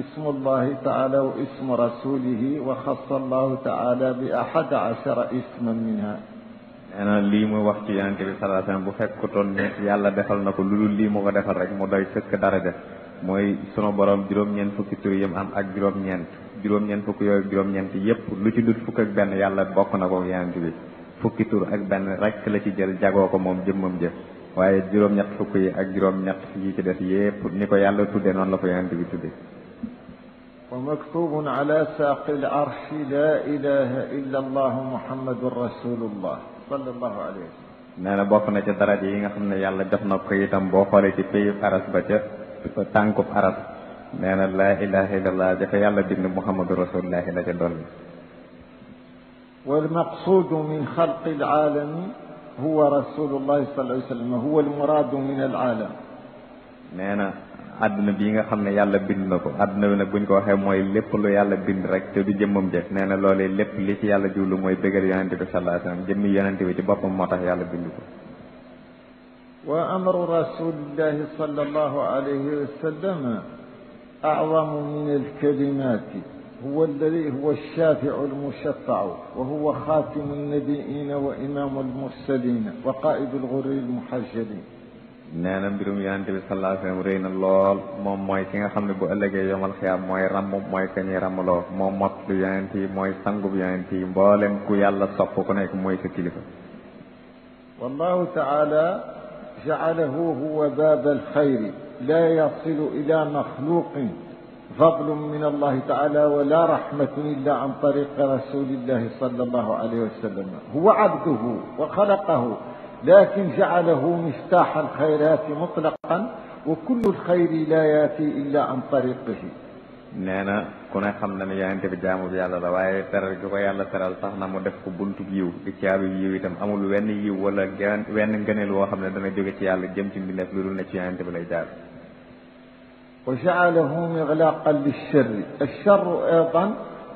اسم الله تعالى واسم رسوله وخص الله تعالى بأحد عشر اسما منها nee na lii mu wax ci yonent bi sallallahu alayhi wasallam bu fekkutoon yàlla defal na ko lu dul lii mu ko defal rek mu day sëkk dara def mooy sunu borom juróom-ñeent fukki tur yam am ak juróom-ñeent juróom-ñeent fukk yooyu juróom-ñeent yépp lu ci dut fukk ak benn yàlla bokk na ko yonent bi fukki tur ak benn rek la ci jël jagoo ko moom jëmmam jëf waaye juróom-ñett fukk yi ak juróom-ñett yi ci des yépp ni ko yàlla tudde noonu la ko yonent bi ومكتوب على ساق العرش لا إله إلا الله محمد رسول الله صلى الله عليه وسلم نانا بوكنا سي دراجي ييغا خامني يالا جوفنا كو ييتام بو خولي سي بي فارس با تي تانكو فارس نانا لا اله الا الله جيكا يالا دين محمد رسول الله لا جندول والمقصود من خلق العالم هو رسول الله صلى الله عليه وسلم هو المراد من العالم نانا àdduna bii nga xam ne yàlla bind na ko àdduna bi nag buñ ko waxee mooy lépp lu yàlla bind rek te du jëmmam jëf nee na loolee lépp li ci yàlla jiwlu mooy bëggal yonente bi sallallahu alayhi wasallam jëmmi yonente bi ci boppam moo tax yàlla bind ko وأمر رسول الله صلى الله عليه وسلم أعظم من الكلمات هو الذي هو الشافع المشفع وهو خاتم النبيين وإمام المرسلين وقائد الغر المحجلين nee na mbirum yonente bi sallallahu alayhi wa sallam rëy na lool moom mooy ki nga xam ne bu ëllëgee yomal xiyaam mooy ramm mooy ka ñuy rammaloo moo mot lu yonente yi mooy sangub yonente yi mboolem ku yàlla sopp ku nekk mooy sa kilifa wallahu taala jaalahu huwa baab alxayri la yasilu ila maxluqin فضل من الله تعالى ولا رحمة إلا عن طريق رسول الله صلى الله عليه وسلم هو عبده وخلقه لكن جعله مفتاح الخيرات مطلقا وكل الخير لا ياتي الا عن طريقه نانا كنا خمنا يانت بجامو دي الله واي ترجو كو يالا ترال تخ نامو ديف كو بونتو بيو دي تيابو بيو تام امول وين يي ولا غان وين غنيل و خمنا دا نجي جوغي تي يالا جيم تي ميلف لولو نا تي بلاي دار وجعله مغلاقا للشر الشر ايضا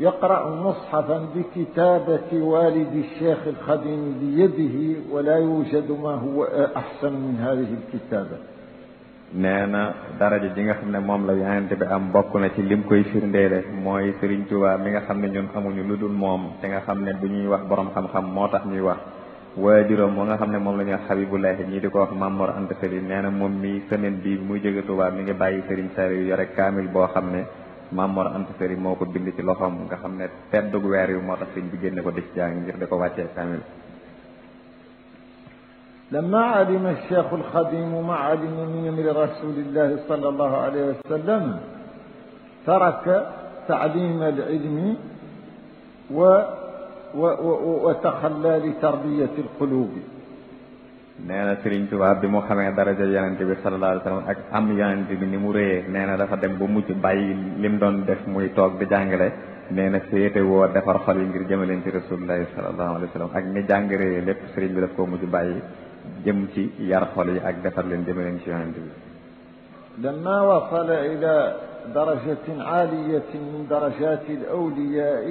يقرا مصحفا بكتابه والد الشيخ القديم بيده ولا يوجد ما هو احسن من هذه الكتابه نانا نعم، درجة جيغا خمنا موم لا يانت بي ام بوكنا سي ليم كوي فيرنديل موي سيرن توبا ميغا خمنا نون خامو ني لودول موم خمنا بي ني واخ بروم خام خام موتاخ ني واخ موغا خمنا موم لا حبيب الله ني ديكو واخ مامور انت فيلي نانا موم مي سنين بي موي ميغا باي سيرن ساري يوري كامل بو خمنا mamor Mor Anta moko moo bind ci loxoom nga xamne ne teddug weer yu moo tax sëñ bi génne ko def jàng ngir di ko wàccee kamil لما علم الشيخ الخديم ما علم من امر رسول الله صلى الله عليه وسلم ترك تعليم العلم و, و... و... وتخلى لتربية القلوب nee na Serigne Touba bi mu xamee daraja yonente bi sallallahu alayhi wa sallam ak am yonente bi ni mu réyee nee na dafa dem ba mujj bàyyi lim doon def muy toog di jàngale nee na féete woo defar xol yi ngir jëmaleen ci rasulullahi sallallahu alayhi wa sallam ak ni jàng réyee lépp Serigne bi daf koo mujj bàyyi jëm ci yar xol yi ak defar leen jëmaleen ci yonente bi لما وصل إلى درجة عالية من درجات الأولياء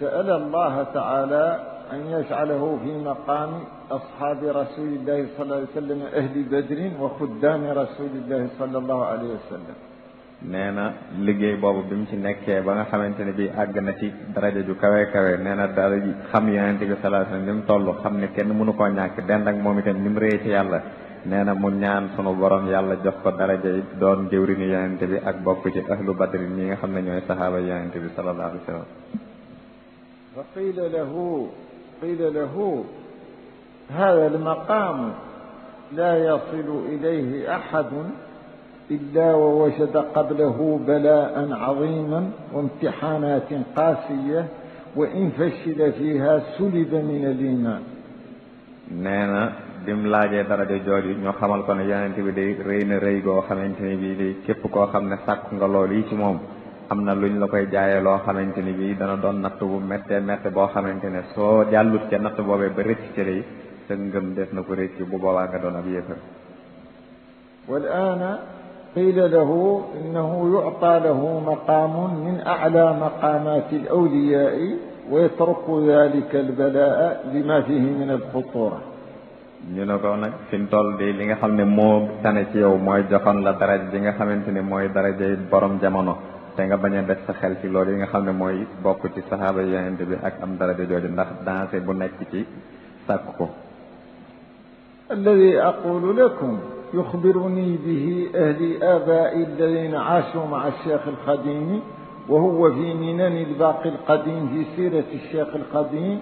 سأل الله تعالى أن يجعله في مقام أصحاب رسول الله صلى الله عليه وسلم أهل بدر وخدام رسول الله صلى الله عليه وسلم نانا لجي باب بيم سي نيك با خامتاني بي اغنا سي كاوي نانا دال جي خام صلى الله عليه وسلم نيم تولو خام ني كين مونو يالا نانا مو نيان سونو يالا جوخ كو دون ديوري ني يانتي بي اك اهل بدر ني خام ني نيو صحابه يانتي صلى الله عليه وسلم فقيل له قيل له هذا المقام لا يصل إليه أحد إلا ووجد قبله بلاء عظيما وامتحانات قاسية وإن فشل فيها سلب من الإيمان نانا bim laajee daraja jooju ñoo xamal ko ne yonent bi day rëy na rëy goo xamante ni bii day képp koo xam ne sàkk nga loolu yi ci moom am na luñ la koy jaayee loo xamante ni bii dana doon natt bu méttee métte boo xamante ne soo jàllut ca natt boobee ba rëcc ca lay sa ngëm def na ko rëcc bu boobaa nga doon ab yéefar والآن قيل له إنه يعطى له مقام من أعلى مقامات الأولياء ويترك ذلك البلاء لما فيه من الخطورة ñu ne ko nag fi mu toll di li nga xam ne moo tane ci yow mooy joxoon la daraj bi nga xamante ni mooy darajay borom jamono te nga bañ def sa xel ci loolu yi nga xam ne mooy bokk ci saxaaba yonent bi ak am daraja jooju ndax dansé bu nekk ci sàkk ko الذي أقول لكم يخبرني به أهل آبائي الذين عاشوا مع الشيخ القديم وهو في منن الباقي القديم في سيرة الشيخ القديم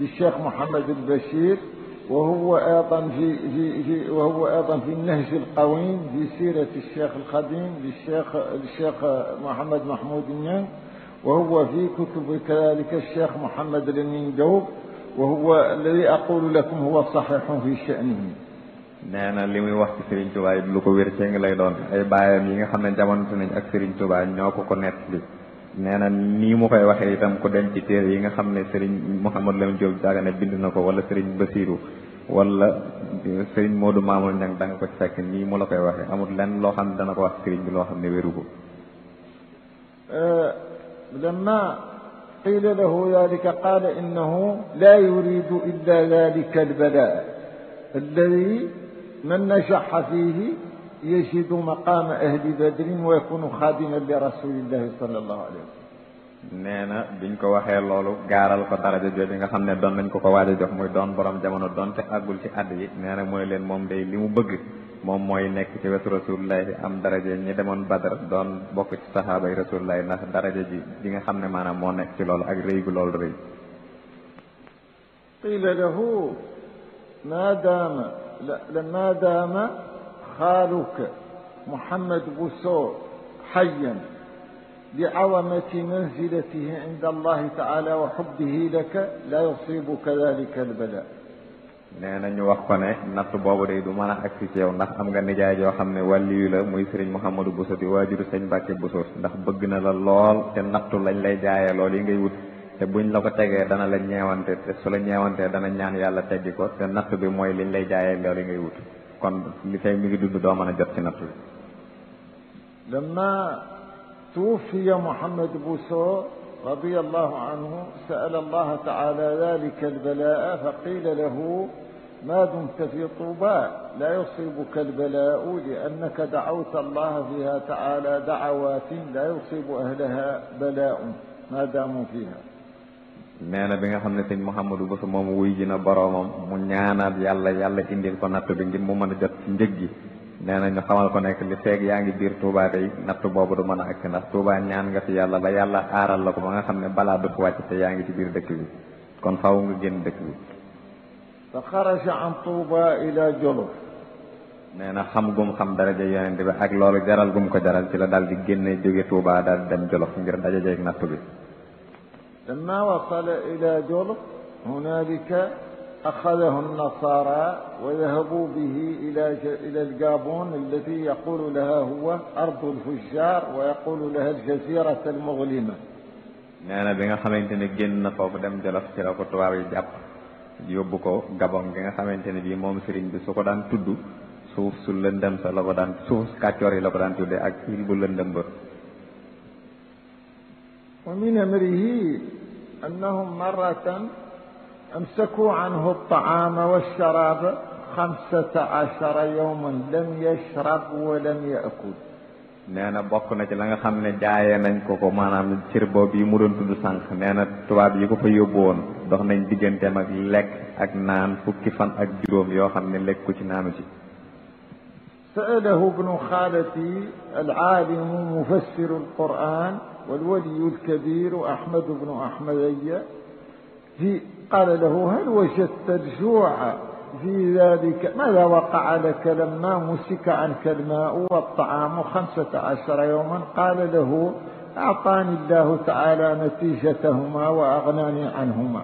للشيخ محمد البشير وهو أيضا في, في, في وهو أيضا في النهج القويم في سيرة الشيخ القديم للشيخ الشيخ محمد محمود النان وهو في كتب كذلك الشيخ محمد المندوب وهو الذي أقول لكم هو صحيح في شأنه نانا na li muy wax ci Serigne Touba lu ko wér ceng lay doon ay baayam yi nga xam ne jamono nañ ak Serigne nee na nii mu koy waxee itam ku dem ci téere yi nga xam ne Serigne Mouhamad Lam Diop Dagana bind na ko wala Serigne Basirou wala Serigne Modou Mamoul Niang da nga ko ci fekk nii mu la koy waxee amul lenn loo xam ne dana ko wax Serigne bi loo xam ne wéru ko. لما قيل له ذلك قال إنه لا يريد إلا ذلك البلاء الذي من نجح فيه يجد مقام أهل بدر ويكون خادما لرسول الله صلى الله biñ ko waxee loolu gaaral ko daraja jooju nga xam ne doon nañ ko ko waaj jox muy doon borom jamono doon te àggul ci àdd yi nee na mooy leen moom day li mu bëgg moom mooy nekk ci wetu rasulullahi am daraja ñi demoon badar doon bokk ci saxaabay rasulullahi ndax daraja ji di nga xam ne maanaam moo nekk ci loolu ak rëy gu loolu rëy qila lahu ma daama خالك محمد بوسو حيا بعظمة منزلته عند الله تعالى وحبه لك لا يصيبك ذلك البلاء nee na ñu wax ko ne natt boobu day du mën a agsi ci yow ndax am nga nijaay joo xam ne wàlliyu la muy sëriñ Mouhamadou Bousso di waajuru sëñ Mbàkke Bousso ndax bëgg na la lool te nattu lañ lay jaayee lool yi ngay wut te buñ la ko tegee dana la ñeewante te su la ñeewantee dana ñaan yàlla teggi ko te natt bi mooy liñ lay jaayee lool yi ngay wut kon li fay mi ngi dund doo mën jot ci nattu bi لما توفي محمد بوسو رضي الله عنه سأل الله تعالى ذلك البلاء فقيل له ما دمت في طوباء لا يصيبك البلاء لأنك دعوت الله فيها تعالى دعوات لا يصيب أهلها بلاء ما داموا فيها nee na bi nga xam ne sëñ Mouhamadou Bousso moom wuy ji na boroomam mu ñaanaat yàlla yàlla indil ko natt bi ngir mu mën a jot ci njëg gi nee na ñu xamal ko nekk li feeg yaa ngi biir Touba natt boobu du a ak ndax Touba ñaan nga fi yàlla ba yàlla aaral la ko ba nga xam ne balaa du fi wàcc yaa ngi ci biir dëkk bi kon faaw nga génn dëkk bi fa xaraja an Touba ila Jolof xam gum xam daraja ak loolu jaral gum ko jaral ci la daal di génne jóge Touba daal di dem Jolof ngir dajajeeg natt bi لما وصل إلى جرف هنالك أخذه النصارى وذهبوا به إلى إلى الجابون التي يقول لها هو أرض الفجار ويقول لها الجزيرة المظلمة. نانا نعم، بيغا خامتيني ген فوف دم جلاس تي لاكو جاب يوبكو غابون بيغا خامتيني بي موم سيرين بي دان تودو سوف سولندم سا دان سوف كاتيوري لاكو دان تودي اك سيل بو ومن امره أنهم مرة امسكوا عنه الطعام والشراب خمسة عشر يوما لم يشرب ولم يأكل نانا بوكنا جي لاغا خامن جايي كوكو مانام سير بوبي مودون تود سانخ نانا تواب يي كوفا يوبون دوخ نان ديغنتم اك ليك اك نان فوكي فان اك جيروم يو خامن سأله ابن خالتي العالم مفسر القرآن والولي الكبير أحمد بن أحمدية في قال له هل وجدت الجوع في ذلك ماذا وقع لك لما مسك عنك الماء والطعام خمسة عشر يوما قال له أعطاني الله تعالى نتيجتهما وأغناني عنهما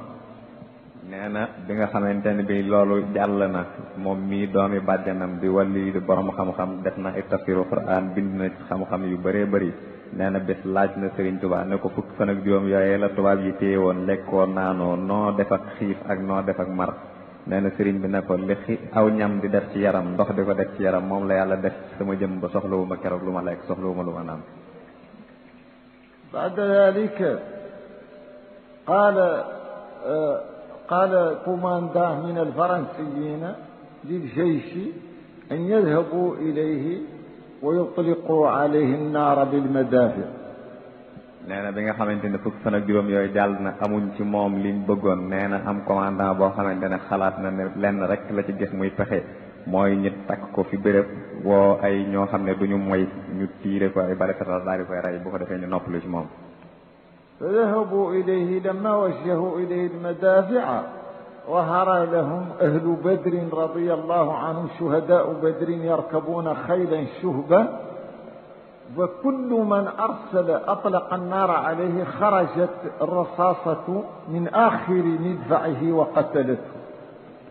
nee نعم، bi nga xamante bi loolu jàll na moom mii doomi bàjjanam di wàlli di borom xam-xam def na iftasiru quran bind na xam-xam yu bëree bëri nee bés laaj na Serigne Touba ne ko fukki fan ak juróom yooyee la tubaab yi téye woon lekkoo naanoo noo def ak xiif ak noo def ak mar nee Serigne bi ne ko li xi aw ñam di def ci yaram ndox di ko def ci yaram moom la yàlla def sama jëm ba soxlawuma ma keroog lu ma lekk soxlawu lu ma naan. بعد ذلك قال قال كومانداه من الفرنسيين للجيش أن يذهبوا إليه ويطلق عليه النار بالمدافع نانا بيغا خامتاني فوك فان اك يوي دال امون سي موم لين بيغون نانا ام كوماندان بو خامتاني خلاص نا لين رك لا سي جيس موي فخي موي نيت تاك في بيرب و اي ньо خامني دونو موي ني تيري كو اي بارك الله داري كو راي بوكو دافاي ني نوبلو سي موم ذهبوا اليه لما وجهوا اليه المدافع ظهر لهم أهل بدر رضي الله عنهم شهداء بدر يركبون خيلا شهبا وكل من أرسل أطلق النار عليه خرجت الرصاصة من آخر مدفعه وقتلته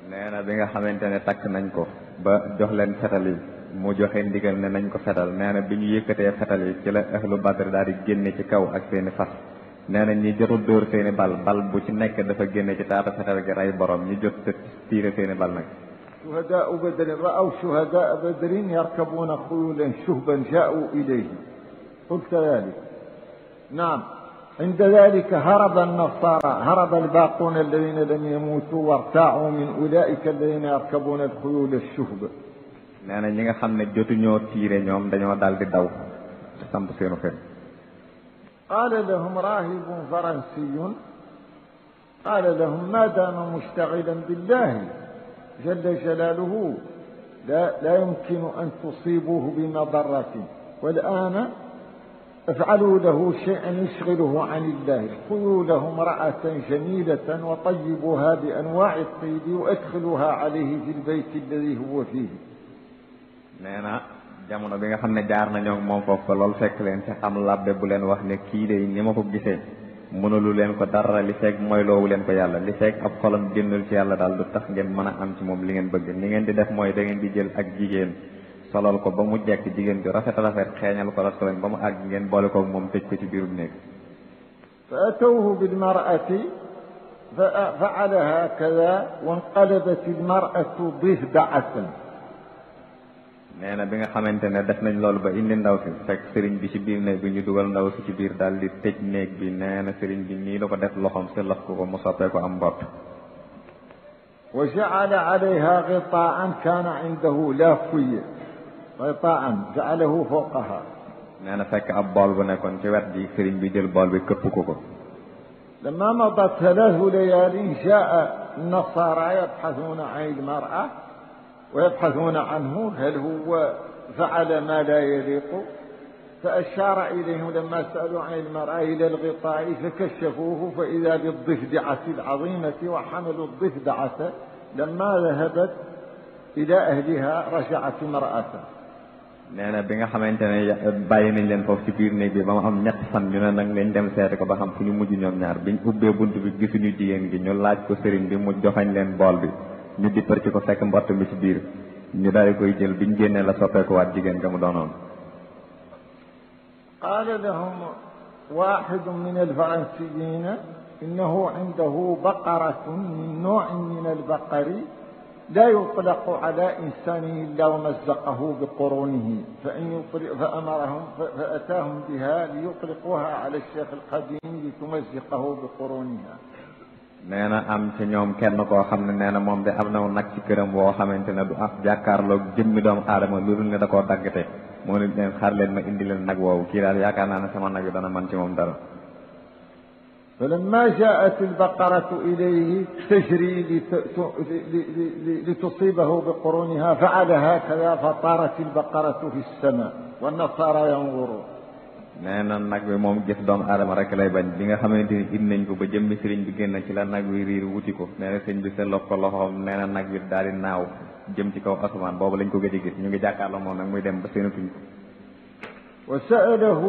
نانا بيغا خامتاني تاك نانكو با جوخلن فتالي مو جوخين ديغال نانكو فتال نانا بيني يكتي فتالي كلا أهل بدر داري جنة كاو أكسين فتال nee ñi jot dóor seeni bal bal bu ci nekk dafa génne ci taata fetal gi rey borom ñu jot tiire seeni bal nag شهداء بدر رأوا شهداء بدر يركبون خيولا شهبا جاءوا إليه قلت ذلك نعم عند ذلك هرب النصارى هرب الباقون الذين لم يموتوا وارتاعوا من أولئك الذين يركبون الخيول الشهب نانا نيغا خامن جوتو ньо تيري نيوم دانيو دال دي داو سامب سينو فين قال لهم راهب فرنسي قال لهم ما دام مشتغلا بالله جل جلاله لا, لا يمكن أن تصيبوه بمضرة والآن افعلوا له شيئا يشغله عن الله خذوا له امرأة جميلة وطيبوها بأنواع الطيب وادخلوها عليه في البيت الذي هو فيه نعم. jamono bi nga xam ne jaar nañoo moom foofu lol fekk leen ci xam labbe bu leen wax ne ki de ni ma ko gisee lu leen ko dara li fekk moy lo wu leen ko yalla li fekk ab xolam gennul ci yalla dal du tax ngeen mën am ci mom li ngeen bëgg ni ngeen di def moy da ngeen di jël ak jigéen solal ko ba mu jekk jigéen ju rafet rafet xéñal ko rasul ba mu ag ngeen boole koog mom tecc ko ci biirum néeg فأتوه بالمرأة ففعل هكذا وانقلبت المرأة ضفدعة neena bi nga xamantene def nañ loolu ba indi ndaw si fekk sëriñ bi ci biir néeg bi ñu dugal ndaw si ci biir daal di tëj néeg bi neena na sëriñ bi nii la ko def loxam loxoom sëllax ko ko mu soppee ko am mbott وجعل عليها غطاء كان عنده لافية غطاء جعله فوقها نانا فك اب بول بو نكون سي وات دي سيرين بي جيل بول بي كب كوكو لما مضت ثلاث ليالي جاء النصارى يبحثون عن المرأة ويبحثون عنه هل هو فعل ما لا يليق فأشار إليهم لما سألوا عن المرأة إلى الغطاء فكشفوه فإذا بالضفدعة العظيمة وحملوا الضفدعة لما ذهبت إلى أهلها رجعت المرأة nee bi nga xamante ne bàyyi nañ leen foofu ci biir néeg bi ba mu am ñetti fan ñu ne nag nañ dem seete ko ba xam fu ñu mujj ñoom ñaar biñ ubbee bunt bi gisuñu jigéen gi ñu laaj ko sëriñ bi mu joxañ leen bool bi ñu dippar ci ko fekk mbott mi ci biir ñu daal koy jël biñu génnee la soppeeku waat jigéen ga mu doonoon قال لهم واحد من الفرنسيين إنه عنده بقرة من نوع من البقر لا يطلق على إنسان إلا ومزقه بقرونه فإن يطلق فأمرهم فأتاهم بها ليطلقوها على الشيخ القديم لتمزقه بقرونها nee am ci ñoom kenn koo xam ne nee na moom de am na nag ci këram woo xamante ne du ak jàkkaarloog jëmmi doom aadama lu dul ne da koo daggate moo ne leen xar leen ma indi leen nag woowu kii daal yaakaar naa ne sama nag dana man ci moom dara فلما جاءت البقرة إليه تجري لتصيبه بقرونها فعل هكذا فطارت البقرة في السماء والنصارى ينظرون nee na nag bi moom gis doomu aadama rek lay bañ bi nga xamante ni indi nañ ko ba jëmmi sëriñ bi génn ci la nag wi riir wuti ko nee na sëñ bi seetloo ko loxoom nee na nag bi daal di naaw jëm ci kaw asamaan boobu lañ ko gëj a gis ñu ngi jàkkaarloo moom nag muy dem ba seenatuñ ko. وسأله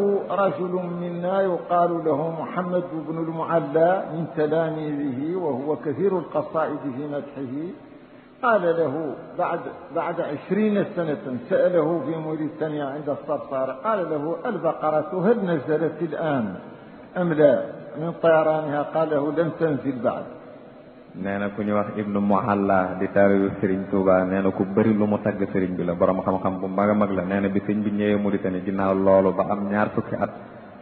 رجل منا يقال له محمد بن المعلى من تلاميذه وهو كثير القصائد في مدحه قال له بعد بعد عشرين سنة سأله في موريتانيا عند الصرصار قال له البقرة هل نزلت الآن أم لا من طيرانها قال له لم تنزل بعد نانا كوني واخ ابن محلا دي تاري سيرين توبا نانا كو بري لو مو تاغ سيرين بي لا بروم خام خام بو ماغا ماغ لا نانا بي سيرين بي نيي موريتاني جيناو لولو با ام نيار فك ات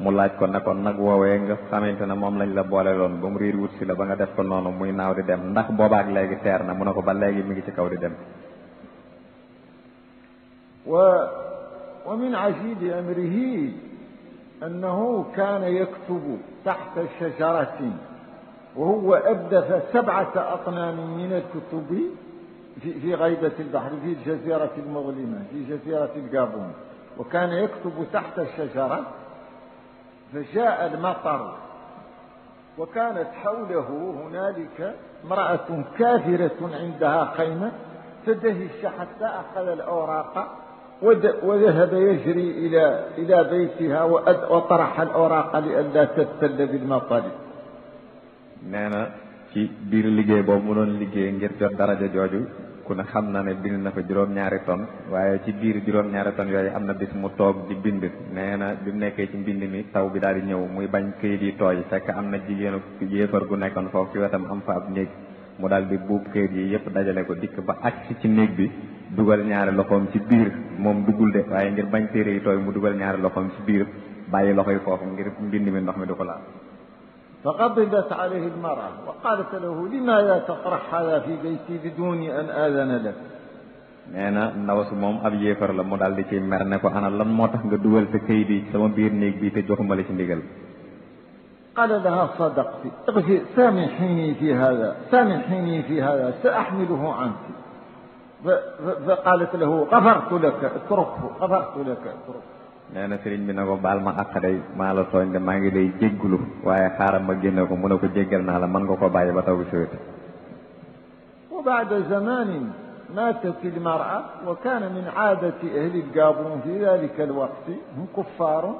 mu laaj ko ne ko nag woowee nga xamante ne moom lañ la boole loon ba mu riir wut si la ba nga def ko noonu muy naaw di dem ndax boobaak léegi teer na mu ne ko ba léegi mi ngi ci kaw di dem wa wa min ومن عجيب أمره أنه كان يكتب تحت شجرة وهو أبدف سبعة أطنان من الكتب في غيبة البحر في الجزيرة المظلمة في جزيرة الجابون وكان يكتب تحت الشجرة فجاء المطر وكانت حوله هنالك امرأة كافرة عندها خيمة فدهش حتى أخذ الأوراق وذهب يجري إلى إلى بيتها وطرح الأوراق لئلا تبتل بالمطر نانا ku ne xam na ne bind na fa juróom-ñaari ton waaye ci biir juróom-ñaari ton yooyu am na bis mu toog di bind nee na bi nekkee ci mbind mi taw bi daal di ñëw muy bañ këyit yi tooy fekk am na jigéenu yéefar gu nekkoon foofu ci wetam am fa ab néeg mu daal di buub këyit yi yëpp dajale ko dikk ba agsi ci néeg bi dugal ñaari loxoom ci biir moom duggul de waaye ngir bañ téere yi tooy mu dugal ñaari loxoom ci biir bàyyi loxo yi foofu ngir mbind mi ndox mi du ko laal فغضبت عليه المرأة وقالت له لما لا تطرح هذا في بيتي بدون أن آذن لك nee نواس ndaw ابي moom ab yéefar la mu daal di انا mer ne ko ana lan moo tax nga dugal sa këyit yi sama biir néeg bi te joxuma la ci ndigal قال لها صدقتي اغفر سامحيني في هذا سامحيني في هذا سأحمله عنك فقالت له غفرت لك اتركه غفرت لك اتركه neena serigne bi na ko baal ma àq day la tooñ de maa ngi lay jéggulu waye xaaral ma génne ko mu ne ko jéggal na la man nga ko bàyyi ba taw bi sowét وبعد زمان ماتت المرأة وكان من عادة أهل الجابون في ذلك الوقت هم كفار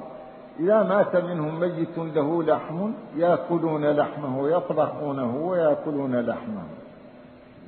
إذا مات منهم ميت له لحم يأكلون لحمه يطبخونه ويأكلون لحمه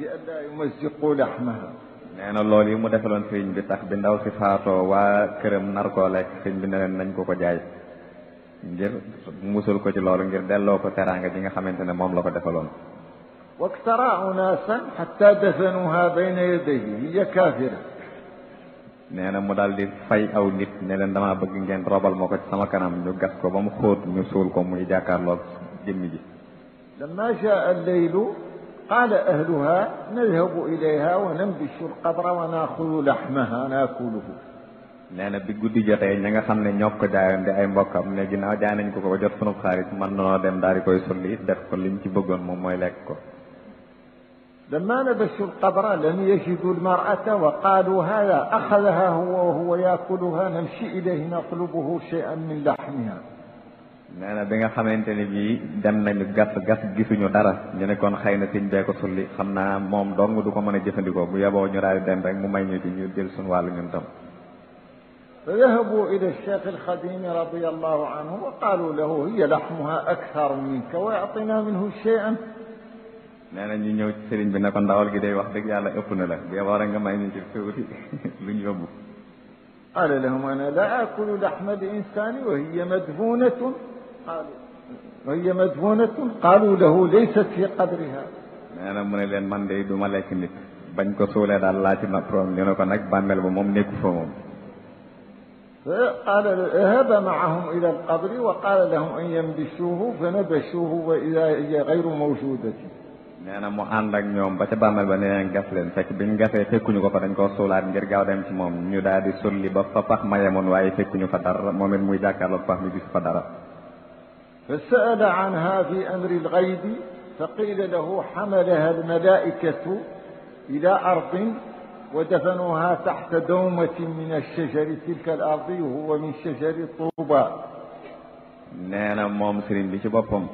لئلا يمزقوا لحمها nee na loolu yi mu defaloon sëriñ bi tax bi ndaw si faatoo waa këram nar koo lekk sëriñ bi ne leen nañ ko ko jaay ngir musul ko ci loolu ngir delloo ko teraanga ji nga xamante ne moom la ko defaloon واقترع ناسا حتى دفنوها بين يديه هي كافرة nee na mu daal di fay aw nit ne leen damaa bëgg ngeen robal ma ko ci sama kanam ñu gas ko ba mu xóot ñu suul ko muy jàkkaarloog jëmmi ji. لما جاء الليل قال أهلها نذهب إليها وننبش القبر ونأخذ لحمها نأكله نانا بجودي جاتي نيغا خامل نيوك دايان دي اي مبوكام ني جيناو جاي نان كوكو جوت سونو خاريت مان نو داري كوي سولي داف كو لين سي لما نبشوا القبر لم يجدوا المرأة وقالوا هذا أخذها هو وهو يأكلها نمشي إليه نطلبه شيئا من لحمها nee bi nga xamanteni bi dem nañu gas gas gisuñu dara ñu ne kon xëy señ siñ ko sulli xamna mom dong du ko meuna jëfëndiko bu yabo ñu raay dem rek mu may ñu ci ñu jël sun walu ñun tam فذهبوا إلى الشيخ الخديم رضي الله عنه وقالوا له هي لحمها أكثر منك ويعطينا منه شيئا nee na ñu ñëw ci sëriñ bi ne ko ndawal gi day wax dëgg yàlla ëpp na la bu yeboo rek nga may ñu ci tuuti lu ñu yóbbu قال لهم أنا لا آكل لحم الإنسان وهي مدفونة قالوا هي مدفونة قالوا له ليست في قبرها أنا نعم، من اللي من اللي دوما لكن بنكو سولة الله تبنا فرم لأنه كان أكبر من المهم نكو فقال اذهب معهم إلى القبر وقال لهم أن ينبشوه فنبشوه وإذا هي غير موجودة أنا نعم، مهندك يوم بتبع مال بني عن قفلن فكبين قفل فكون يقف عند قصول عن جرجا ودم تمام نودا دي سولي بفتح ما يمون واي فكون يقف مم ميجا كارل فهم يدي فدارا فسأل عنها في أمر الغيب فقيل له حملها الملائكة إلى أرض ودفنوها تحت دومة من الشجر تلك الأرض وهو من شجر طوبى نانا مام سرين بيش بابم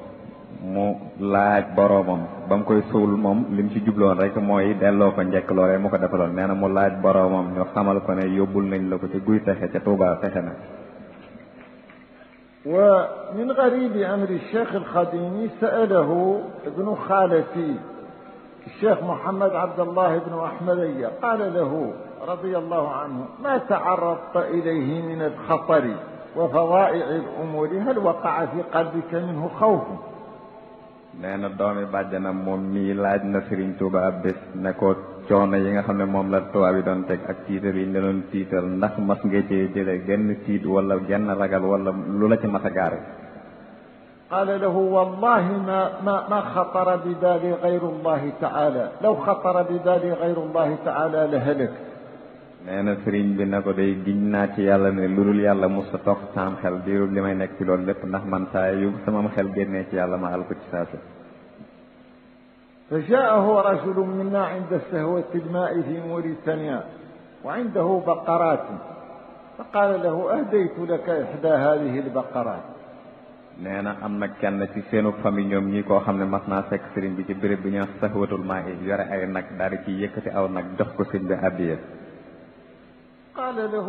مو لاج بروبم بام كوي سول مام لمشي جبلون رأيك مو اي دال لو كان لوري مو كدفلون نانا مو لاج بروبم نيو خامل كوني يوبول نين لو كتي تحت توبا تحنا ومن غريب أمر الشيخ الخديني سأله ابن خالتي الشيخ محمد عبد الله بن أحمدية قال له رضي الله عنه ما تعرضت إليه من الخطر وفضائع الأمور هل وقع في قلبك منه خوف nee na doomi bàjjanam moom mii laaj نكوت coono yi nga xam ne moom la tubaab bi doon teg ak tiitar yi doon ndax mas nga ci jëlee genn tiit wala genn ragal wala lu la ci mas a gaare قال له والله ما ما ما خطر ببالي غير الله تعالى لو خطر ببالي غير الله تعالى لهلك نانا سرين بي نكو داي گنا تي يالا ني لولول يالا موسى توخ سام خل ديرو لي nek ci lepp man yu sama xel genné ci yalla ma ci فجاءه رجل منا عند السهوة الماء في موريتانيا وعنده بقرات فقال له أهديت لك إحدى هذه البقرات نانا أما كان نتسينو فمن يوم نيكو خمنا مصنع سكسرين بيجي بربنا السهوة الماء يرى أنك داركي يكتي أو أنك دخل سنبه أبيه قال له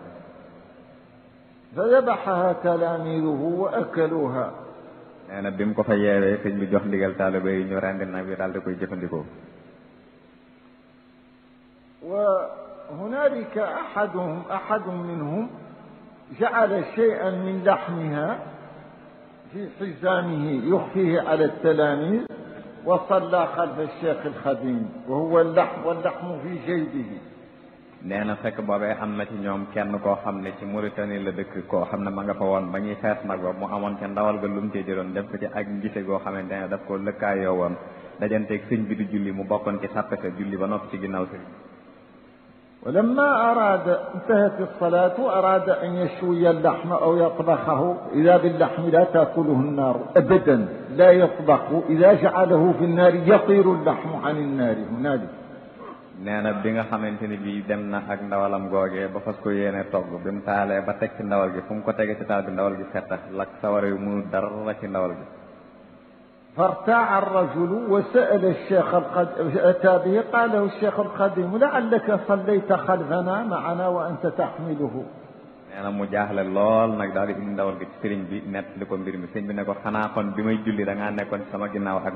فذبحها تلاميذه وأكلوها انا na bi mu ko fa yeewee sëñ bi jox ndigal taalibe yi ñu rendi وهنالك أحدهم أحد منهم جعل شيئا من لحمها في حزامه يخفيه على التلاميذ وصلى خلف الشيخ الخديم وهو اللحم واللحم في جيبه neena na fekk boobee am na ci ñoom kenn koo xam ne ci Mauritanie la dëkk koo xam ne ma nga fa woon ba ñuy fees nag ba mu amoon ca ndawal ga lum mu cee jëloon def ko ci ak ngise goo xamante ne daf ko lëkkaayoo woon dajanteeg sëñ bi du julli mu bokkoon ci sàppese julli ba noppi ci ginnaaw sëñ ولما أراد انتهت الصلاة أراد أن يشوي اللحم أو يطبخه إذا باللحم لا تأكله النار أبدا لا يطبخ إذا جعله في النار يطير اللحم عن النار هنالك neena bi nga xamanteni bi dem na ak ndawalam goge ba fas ko yene togg bim taale ba tek ci ndawal gi fum ko tege ci taal bi ndawal gi fetta lak sawara yu mu dara ci ndawal gi فارتاع الرجل وسأل الشيخ القديم أتى به قال له الشيخ القديم لعلك صليت خلفنا معنا وأنت تحمله أنا مجاهل لول نك داري إن بي سيرين بي نت لكم بيرمي سيرين بي نكو خنا كون بيماي دا نكون سما جناو ak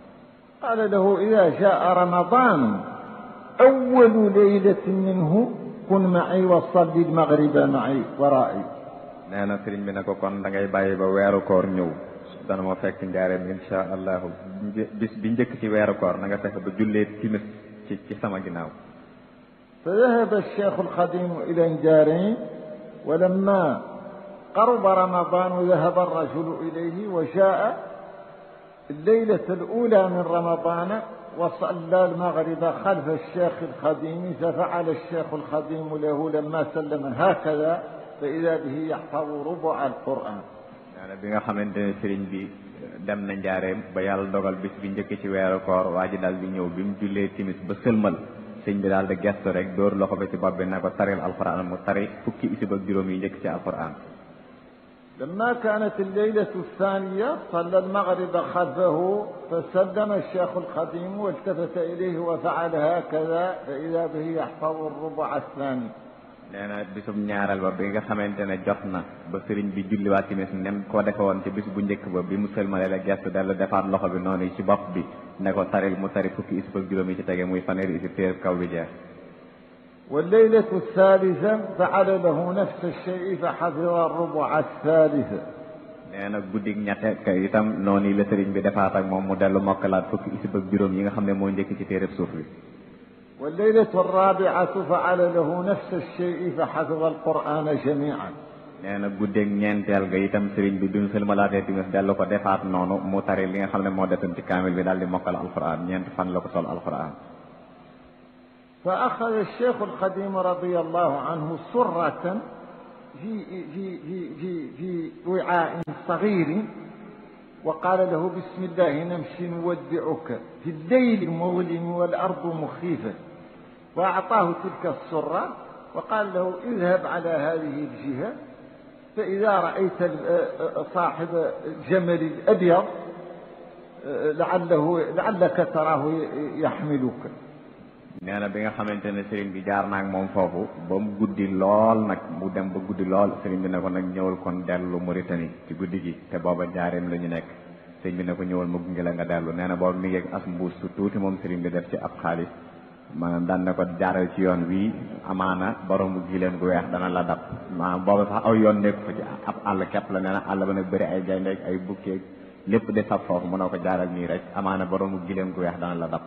قال له إذا شاء رمضان أول ليلة منه كن معي وصلي المغرب معي ورائي نانا سرين منا كون دا غاي باي با كور نيو دا ما فك نديارم ان شاء الله بس بي نديك سي كور نغا فك با جولي تيمس سما غيناو فذهب الشيخ القديم الى نديارين ولما قرب رمضان ذهب الرجل اليه وشاء الليلة الأولى من رمضان وصلى المغرب خلف الشيخ الخديم ففعل الشيخ الخديم له لما سلم هكذا فإذا به يحفظ ربع القرآن دم نجار با يال دوغال بيس بي نجي واجي دال بي نيو بيم جولي تيميت با سلمال سيرن بي دال دور لوخو بي سي القران مو فكي اسي با جيروم القران لما كانت الليلة الثانية صلى المغرب خلفه فسلم الشيخ الخديم والتفت إليه وفعل هكذا فإذا به يحفظ الربع الثاني nee na bisub ñaaral ba bi nga xamante ne jot na ba sëriñ bi julliwaat timis nem ko defe woon ci bis bu njëkk ba bi mu sëlmale la gestu dellu defaat loxo bi noonu ci bopp bi ne ko taril mu tari fukki isib ak juróom yi ci tege muy fanweeri isib téereb kaw bi jeex والليلة الثالثة فعل له نفس الشيء فحفظ الربع الثالثة nee na guddig ñette kay itam noni la serigne bi defaat ak mom mu delu mokalat fukki isib ak juróom yi nga xamne ne moo ci tereb suuf bi wal ar-rabi'atu والليلة lahu nafs له shayi fa فحفظ al-qur'an jami'an na guddé ñentel ga itam serigne bi duñu bi mu sëlmalaatee timis delu ko defaat nonu mu tare li nga xamne mo moo ci kamil bi dal di mokal al-qur'an ñent fan la ko sol al-qur'an فأخذ الشيخ القديم رضي الله عنه سرة في, في, في, في, في وعاء صغير وقال له بسم الله نمشي نودعك في الليل المظلم والأرض مخيفة وأعطاه تلك السرة وقال له اذهب على هذه الجهة فإذا رأيت صاحب الجمل الأبيض لعله لعلك تراه يحملك nee na bi nga xamante ne sëriñ bi jaar naag moom foofu ba mu guddi lool nag mu dem ba guddi lool sëriñ bi ne ko nag ñëwal kon dellu mu Mauritanie ci guddi gi te booba jaareem la ñu nekk sëriñ bi ne ko ñëwal mu gunge la nga dellu nee na booba mi ngi ak as mbuus su tuuti moom sëriñ bi def ci ab xaalis maanaam daan na ko jaaral ci yoon wi amaana borom bu gileem gu weex dana la dab maa booba sax aw yoon nekku fa ci ab àll kepp la nee na àll ba nag bëri ay gayndeek ay bukkeeg lépp de sab foofu mënoo ko jaaral nii rek amaana borom bu gileem gu weex dana la dab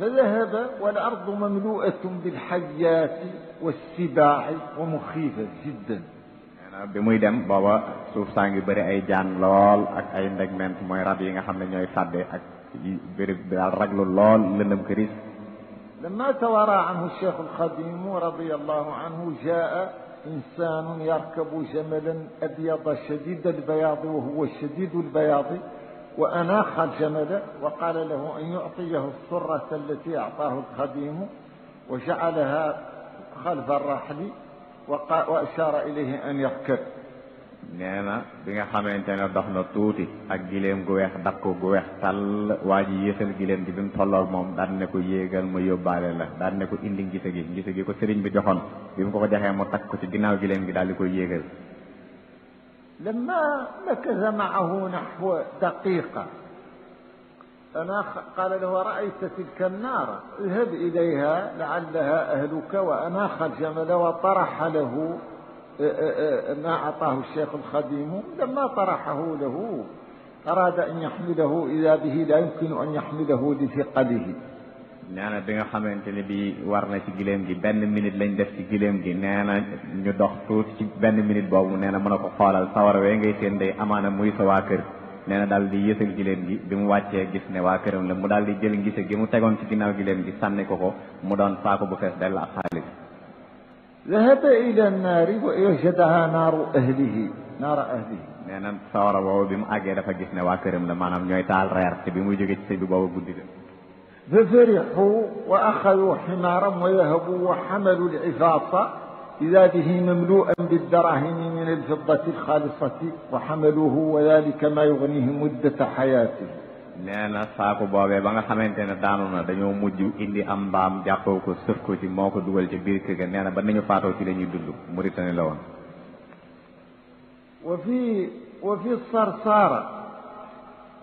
فذهب والأرض مملوءة بالحيات والسباع ومخيفة جدا dem booba suuf saa ngi bëri ay jaan lool ak ay ndegment mooy rab yi nga xam ne ñooy sàdde ak daal raglu lool lëndëm لما توارى عنه الشيخ القديم رضي الله عنه جاء إنسان يركب جملا أبيض شديد البياض وهو شديد البياض وأناخ الجمل وقال له أن يعطيه الصرة التي أعطاه الخديم وجعلها خلف الرحل وأشار إليه أن يركب نعم بيغا خامتاني دخنا توتي اك جيليم غويخ داكو غويخ تال واجي ييخل جيليم دي بيم تولور موم دان نكو ييغال ما يوبال لا دان نكو اندي نجيتغي نجيتغي كو سيرين بي جوخون بيم كوكو جاخي مو تاكو سي غيناو جيليم بي دال ديكو ييغال لما مكث معه نحو دقيقة أنا قال له رأيت تلك النار اذهب إليها لعلها أهلك وأنا الجمل وطرح له ما أعطاه الشيخ الخديم لما طرحه له أراد أن يحمله إذا به لا يمكن أن يحمله لثقله nee na bi nga xamante ne bi war na ci giléem gi benn minute lañ def ci giléem gi nee na ñu dox tuuti ci benn minute boobu nee na mën a ko xoolal sawar wee ngay seen day amaana muy sa waa kër nee na daal di yësal giléem gi bi mu wàccee gis ne waa këram la mu daal di jël ngise gi mu tegoon ci ginnaaw giléem gi sànni ko ko mu doon saako bu fees dell ak xaalis ذهب إلى النار ويوجدها نار أهله نار أهله nee na sawara boobu bi mu àggee dafa gis ne waa këram la maanaam ñooy taal reer te bi muy jóge ci sëy bi boobu guddi la ففرحوا وأخذوا حمارا ويهبوا وحملوا إذا به مملوءا بالدراهم من الفضة الخالصة وحملوه وذلك ما يغنيه مدة حياته نانا نعم، ساكو بابا بانا خمين تينا دانونا دانيو مجو اندي امبام جاقوكو سفكو تي موكو دول تي بيرك نانا نعم، بانيو فاتو تي لنيو دلو مريتاني لون وفي وفي الصرصارة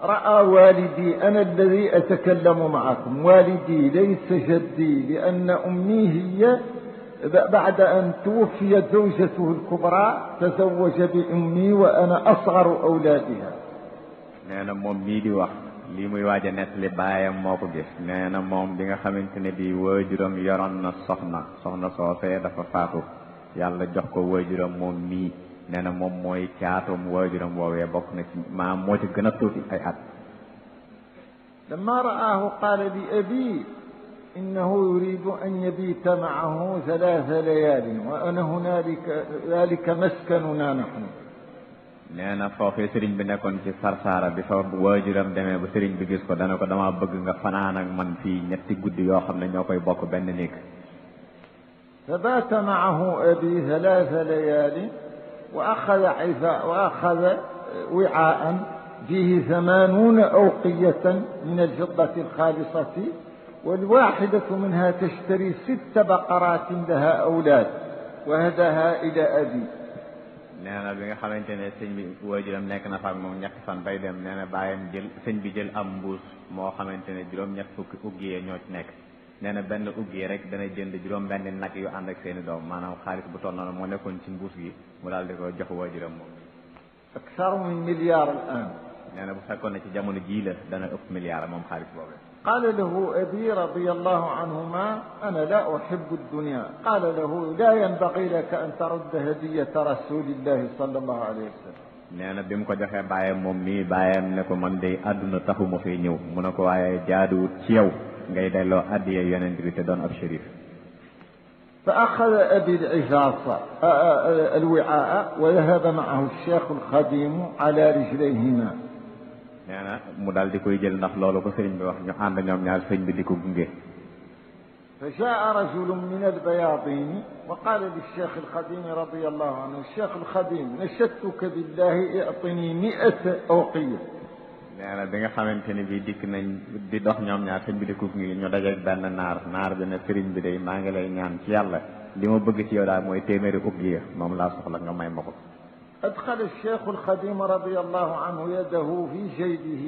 رأى والدي أنا الذي أتكلم معكم والدي ليس جدي لأن أمي هي بعد أن توفيت زوجته الكبرى تزوج بأمي وأنا أصغر أولادها نانا نعم، مومي دي واخ لي موي واجا نتلي بايا موكو جيس نانا نعم، موم بيغا خامتني دي واجورم يورن نا سخنا سخنا سو فاتو يالا جوخكو واجورم مومي neena moom mooy caatoom waajuram woowee bokk na ci maam moo ci gën a ay at lama raahu qaala bi abi إنه يريد أن يبيت معه ثلاث ليال وأنا هنالك ذلك مسكننا نحن. نانا فوفي سرين بن كون سي سارسارا بسبب واجرام دمي بسرين بجيس كو دانا كو دما بغنغا فنانا من في نتي غود يو خامنا نيوكاي بوكو بن نيك. فبات معه أبي ثلاث ليال وأخذ عفاء وأخذ وعاء فيه ثمانون أوقية من الفضة الخالصة والواحدة منها تشتري ست بقرات لها أولاد وهداها إلى أبي nee na bi nga xamante ne sëñ bi waajuram nekk na fa ak moom ñetti fan bay dem nee na bàyyam jël sëñ bi jël am mbuus moo xamante ne juróom ñett fukki uggiyee ñoo ci nekk nee na benn ugg yi rek dana jënd juróom benn nag yu ànd ak seeni doom maanaam xaalis bu toll noonu moo nekkoon ci mbuus gi mu daal di ko jox waajuram moom akthar min milliard al an nee bu fekkoon ne ci jamono jii la dana ëpp milliard moom xaalis boobu قال له أبي رضي الله عنهما أنا لا أحب الدنيا قال له لا ينبغي لك أن ترد هدية رسول الله صلى الله عليه وسلم nee na bi mu ko joxee bàyyam moom mii bàyyam ne ko man de àdduna taxuma fee ñëw mu ne ko waaye jaaduwut ci yow ngay delloo addiya yonent bi te doon ab فأخذ أبي العجاصة آه، آه، الوعاء وذهب معه الشيخ الخديم على رجليهما nee na mu daal di koy jël ndax loolu ko sëriñ bi wax ñu ànd ñoom ñaar sëriñ bi di ko gunge فجاء رجل من البياضين وقال للشيخ الخديم رضي الله عنه الشيخ الخديم نشدتك بالله اعطني مئة أوقية neena bi nga xamanteni bi dik nañ di dox ñom ñaar sëñ bi di ko ngi ñu dajé ak ben naar naar bi na sëriñ bi day ma nga lay ñaan ci yàlla li mo bëgg ci yow da moy téméré téeméeri ubbiya mom la soxla nga may ma ko أدخل الشيخ الخديم رضي الله عنه يده في جيبه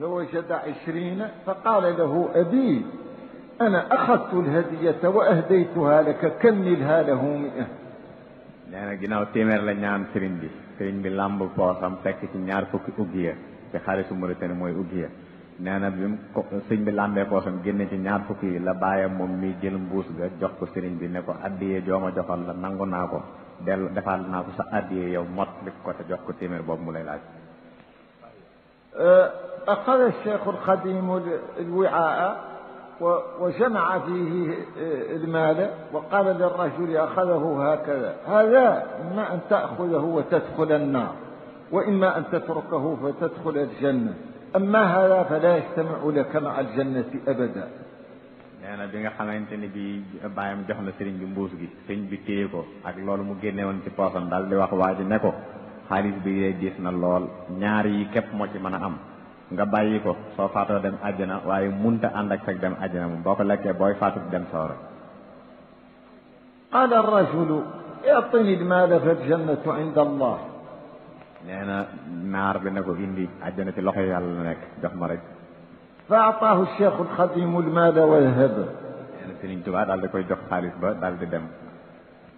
فوجد عشرين فقال له أبي أنا أخذت الهدية وأهديتها لك كملها له مئة nee na ginnaaw téeméer la ñaan sëriñ bi sëriñ bi làmb poosam fekk ci ñaar fukki ubbiya ci xaalisu Mauritanie mooy ubbiya nee na bi mu ko sëñ bi làmbee xam génne ci ñaar fukk yi la bàyyam moom mi jël mbuus ga jox ko sëriñ bi ne ko addiyee jooma joxal la nangu naa ko del defaat naa ko sa addiye yow mot li ko te jox ko téeméer boobu mu lay laaj أخذ الشيخ القديم الوعاء وجمع فيه المال وقال للرجل أخذه هكذا هذا ما أن تأخذه وتدخل النار وإما أن تتركه فتدخل الجنة أما هذا فلا يجتمع لك مع الجنة أبدا nee na bi nga xamante ni bi bàyyam jox na sëriñ bi mbuus gi sëñ bi téye ko ak loolu mu génne woon ci poosam daal di wax waa ji ne ko xaalis bi dee diis na lool ñaar yi képp moo ci mën a am nga bàyyi ko soo faatoo dem àjjana waaye munta ànd ak sag dem àjjana moom boo ko lekkee booy faatu dem soore قال الرجل اعطني المال فالجنة عند الله نانا نار naar bi ne ko indi àjjana ci loxo yàlla la nekk فأعطاه الشيخ الخديم المال والهب والهبة سيرين تبع دال كوي جوخ خالص با دال دي دم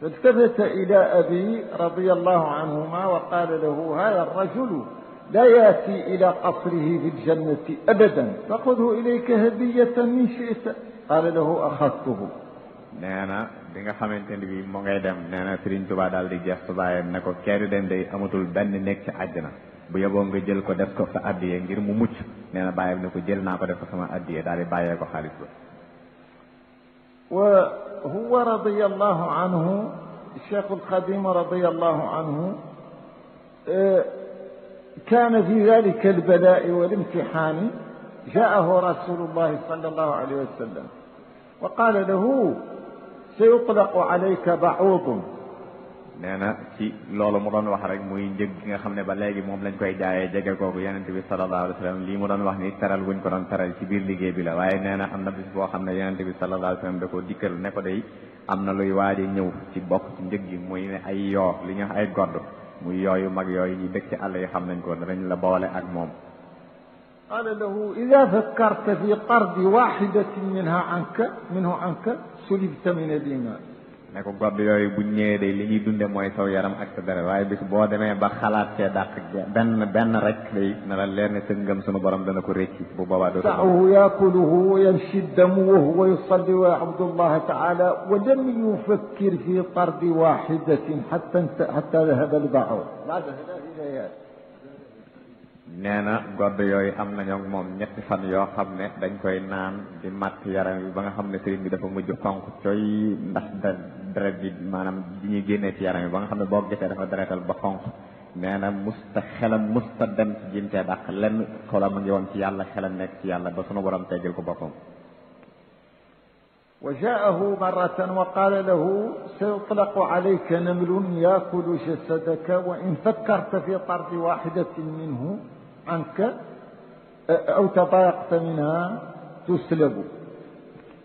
فالتفت إلى أبي رضي الله عنهما وقال له هذا الرجل لا يأتي إلى قصره في الجنة أبدا فخذه إليك هدية من شئت قال له أخذته نانا bi nga xamante ni bi mu ngay dem nee na Serigne Touba daal di gestu baayam ne ko kenn dem day amatul benn nekk ci àjjana bu yeboo nga jël ko def ko sa addiye ngir mu mucc nee na bàyyam ne ko jël naa ko def ko sama addiye daal di bàyyee ko xaalis ba وهو رضي الله عنه الشيخ القديم رضي الله عنه كان في ذلك البلاء والامتحان جاءه رسول الله صلى الله عليه وسلم وقال له sayutlaqu alayka ba'uudun nee na ci loolu mu doon wax rek muy njëg gi nga xam ne ba léegi moom lañ koy jaayee jege kooku yonent bi sallallahu alayhi wa sallam lii mu doon wax ni teral guñ ko doon teral ci biir liggéey bi la waaye nee am na bis boo xam ne yonent bi sallallahu alayhi wa sallam da ko dikkal ne ko day am na luy waaje ñëw ci bokk njëg gi muy ne ay yoo li ñu wax ay godd muy yooyu mag yooyu ñu dëkk ci àll yi xam nañ ko danañ la boole ak moom قال له إذا فكرت في طرد واحدة منها عنك منه عنك سلبت من دينك ne ko godd yooyu bu ñëwee day li ñuy dunde mooy saw yaram ak sa dara waaye bis boo demee ba xalaat cee dàq benn benn rek day na la leer ne sa ngëm sunu borom dana ko récci bu boobaa doo da'uhu yaakuluhu wa yamshi damu wa huwa yusalli wa ya'budu allaha ta'ala wa lam yufakkir fi tardi wahidatin hatta hatta dhahaba al-ba'd nee na godd yooyu am nañoo moom ñetti fan yoo xam ne dañ koy naan di matt yaram bi ba nga xam ne sëriñ bi dafa mujj xonq coy ndax da deret bi maanaam di ñuy génnee ci yaram bi ba nga xam ne boo gisee dafa deretal ba xonq nee na musta xelam musta dem ci jimtee dàq lenn xolam a ngi woon ci yàlla xelam nekk ci yàlla ba sunu borom teggal ko boppam وجاءه مرة وقال له سيطلق عليك نمل ياكل جسدك وإن فكرت في طرد واحدة منه عنك أو تضايقت منها تسلب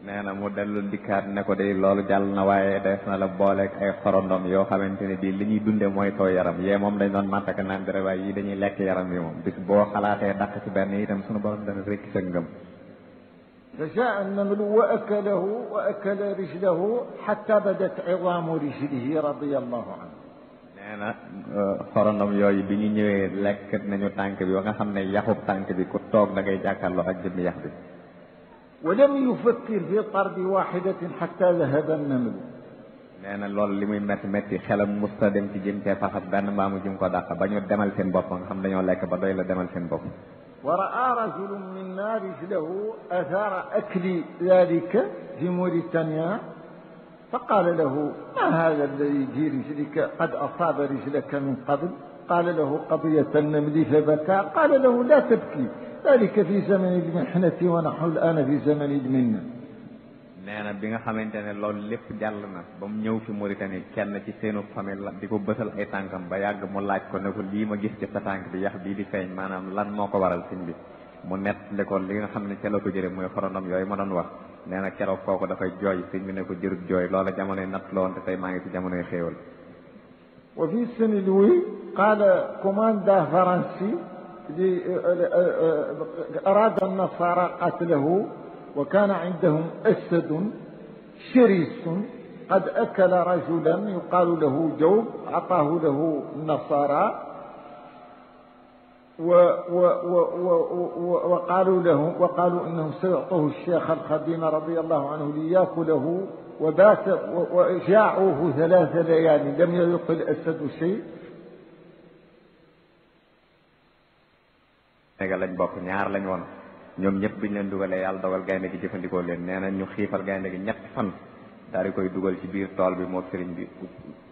نانا مودل ديكار نكو دي لول جال نواي ديس نالا بولك اي خروندوم يو خامنتيني دي لي ني دوند موي تو يارام يي موم داني دون ماتاك ناندرا واي يي داني ليك يارام يي موم بيس بو خلاتي داك سي بن يتام سونو بولم ريك سا فشاء النملو واكله واكل رجله حتى بدت عظام رجله رضي الله عنه ولم يفكر في طرد واحدة حتى ذهب النمل. نانا لول لي مي مات مات خلم مستدم في جيم تي فخ ما مو جيم كو دمال سين بوب خام دانيو ليك با دوي دمال سين بوب وراى رجل من نار له اثار اكل ذلك في موريتانيا فقال له ما هذا الذي في رجلك قد أصاب رجلك من قبل قال له قضية النمل فبكى قال له لا تبكي ذلك في زمن المحنة ونحن الآن في زمن المنة nee bi nga xamante ne loolu lépp jàll na ba mu ñëw fi Mauritanie kenn ci seenu famille la di ko bësal ay tànkam ba yàgg mu laaj ko ne ko lii ma gis ci sa tànk bi yax bii di feeñ maanaam lan moo ko waral siñ bi mu nett li ko li nga xam ne ca la ko jëre mooy xorondom yooyu ma doon wax nee na keroog kooku dafay jooy sëñ bi ne ko jërut jooy loola jamonoy natt la woon te tey maa ngi ci jamonoy xéewal وفي السنة الأولى قال كوماندا فرنسي أراد النصارى قتله وكان عندهم أسد شرس قد أكل رجلا يقال له جوب أعطاه له النصارى و و و و وقالوا له وقالوا انهم سيعطوه الشيخ الخديم رضي الله عنه لياكله وبات وجاعوه ثلاث ليالي لم يذق الاسد شيء negal lañ bokk ñaar lañ woon ñoom ñëpp biñ leen dugalee yàlla dogal gaynde gi jëfandikoo leen nee na ñu xiifal gaynde gi ñett fan daal di koy dugal ci biir tool bi moo sëriñ bi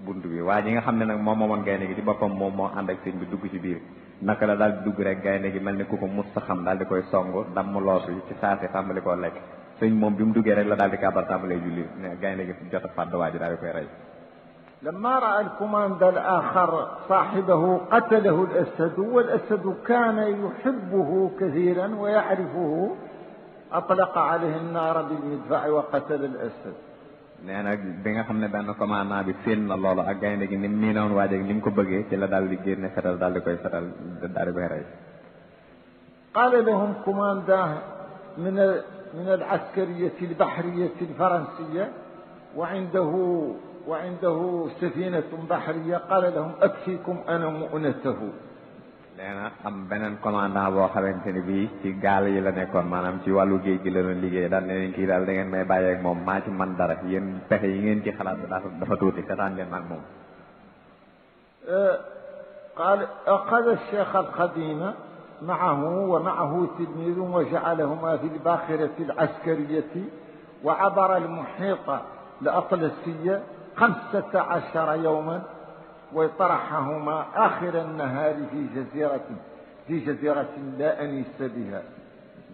bunt bi waa ji nga xam ne nag moom moomoon gaynde gi ci boppam moom moo ànd ak sëriñ bi dugg ci biir naka la dal dugg rek gaynde gi melni kuko ku ko xam daal di koy dam damm loosu ci saasi tàmbali ko lek sëñ mom bimu mu rek la dal di kabar tambalé julli ne gaynde gi jotta fadda waji dal ji daal di koy rey لما رأى الكوماندة الآخر صاحبه قتله الأسد والأسد كان يحبه كثيرا ويعرفه أطلق عليه النار بالمدفع وقتل الأسد nee na bi nga xam ne benn commandant bi séen na loolu ak gaynde gi ni mu miinoon waaj ak ni mu ko bëggee ci la daal di génne fetal daal di koy fetal daal di koy rey قال لهم كوماندا من من العسكرية البحرية الفرنسية وعنده وعنده سفينة بحرية قال لهم أكفيكم أنا مؤنته nee na am beneen commandant boo xamante ni bii ci gaal yi la nekkoon maanaam ci wàllu géej gi la doon liggéey daal ne leen kii daal da ngeen may bàyyeeg moom maa ci man dara yéen pexe yi ngeen ci xalaat dafa tuuti kataan leen ak moom. قال أخذ الشيخ القديم معه ومعه تلميذ وجعلهما في الباخرة العسكرية وعبر المحيط الأطلسي خمسة عشر يوما وطرحهما آخر النهار في جزيرة في جزيرة لا انس بها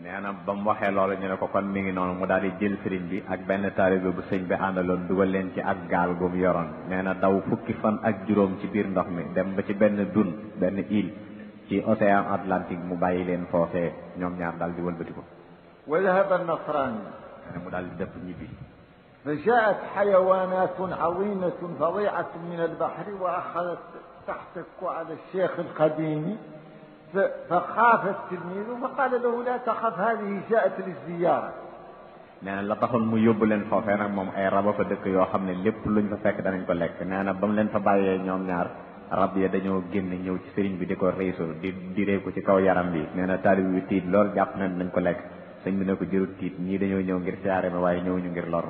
نانا نعم، بام واخي لولا ني نكو كون ميغي نون مو دالي جيل سيرين بي اك بن طالب بو سيغ بي اندالون دوغال لين سي اك غال غوم يورون نانا نعم، داو فوكي فان اك جوروم سي بير ندخ مي ديم با سي بن دون بن ايل سي اوسيان اتلانتيك مو بايي لين فوفي نيوم نيار دال دي ولبتيكو وذهب النصراني نعم، مو دالي ديب نيبي فجاءت حيوانات عظيمة فظيعة من البحر وأخذت تحتك على الشيخ القديم فخاف التلميذ فقال له لا تخف هذه جاءت للزيارة نانا لا تخون مو يوبلن خوفي نا موم اي رابو فا دك يو خامني ليپ لوñ فا فك دا نان كو ليك نانا بام لين فا بايي ньоم ñaar rab ya dañu genn ñew ci serign bi diko reysul di di re ko ci kaw yaram bi nena talib wi tit lor japp nañ nañ ko lek señ bi nako jërut tit ñi dañu ñew ngir xiaré ma way ñew ñu ngir lor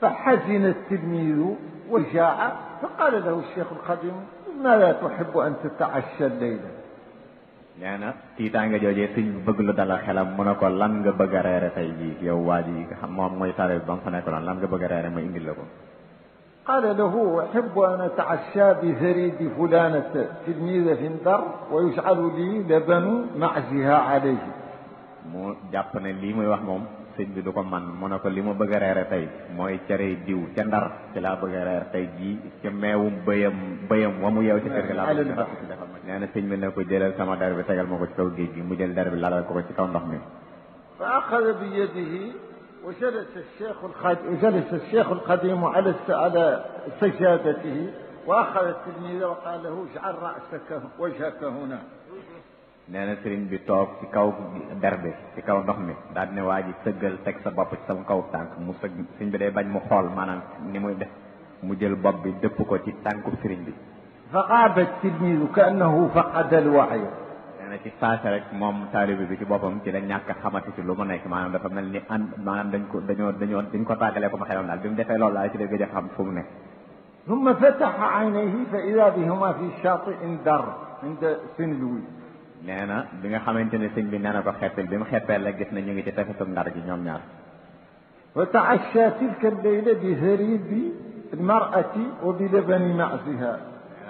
فحزن التلميذ وجاع فقال له الشيخ القديم ماذا تحب أن تتعشى الليلة لأن نعم، تيتانغا جوجي سيني بغلو دالا خلا مونوكو لانغا بغارير تايجي يو واجي موم موي تاريخ بام فنيكو لانغا بغارير ما ينجل لكو قال له أحب أن أتعشى بزريد فلانة تلميذة في الدر ويجعل لي لبن معزها عليه مو جابنا لي مو يوح موم sëñ bi du ko man mu ne ko li ma bëgg a reere tey mooy cere diw ca ndar ci laa bëgg a reer tey jii ca meewum bëyam bëyam wa mu yeew ci kër gi laa bëgg nee na sëñ bi ne ko jëlal sama der bi tegal ma ko ci kaw géej gi mu jël der bi lalal ko ko ci kaw ndox mi فأخذ بيده وجلس الشيخ الخادم جلس الشيخ القديم على على سجادته واخذ التلميذ وقال له اجعل راسك وجهك هنا nee na sëriñ bi toog ci kaw derbe ci kaw ndox mi daal ne waa ji sëggal teg sa bopp ci sama kaw tànk mu sëgg sëriñ bi day bañ mu xool maanaam ni muy def mu jël bopp bi dëpp ko ci tànku sëriñ bi fa xaaba tilmidu ka annahu faqada alwaay nee na ci saase rek moom taalibi bi ci boppam ci la ñàkk xamati ci lu mu nekk maanaam dafa mel ni an maanaam dañ ko dañoo dañoo dañ ko tàggalee ko ma xelam daal bi mu defee loolu daal ci la gëj a xam fu mu nekk ثم فتح عينيه فإذا بهما في شاطئ در عند سن لويس nee na bi nga xamante ne sëñ bi nee na ko xeppil bi mu xeppeel la gis na ñu ngi ci tefesum ndar gi ñoom ñaar wa tilka وتعشى تلك marati wa bi labani معزها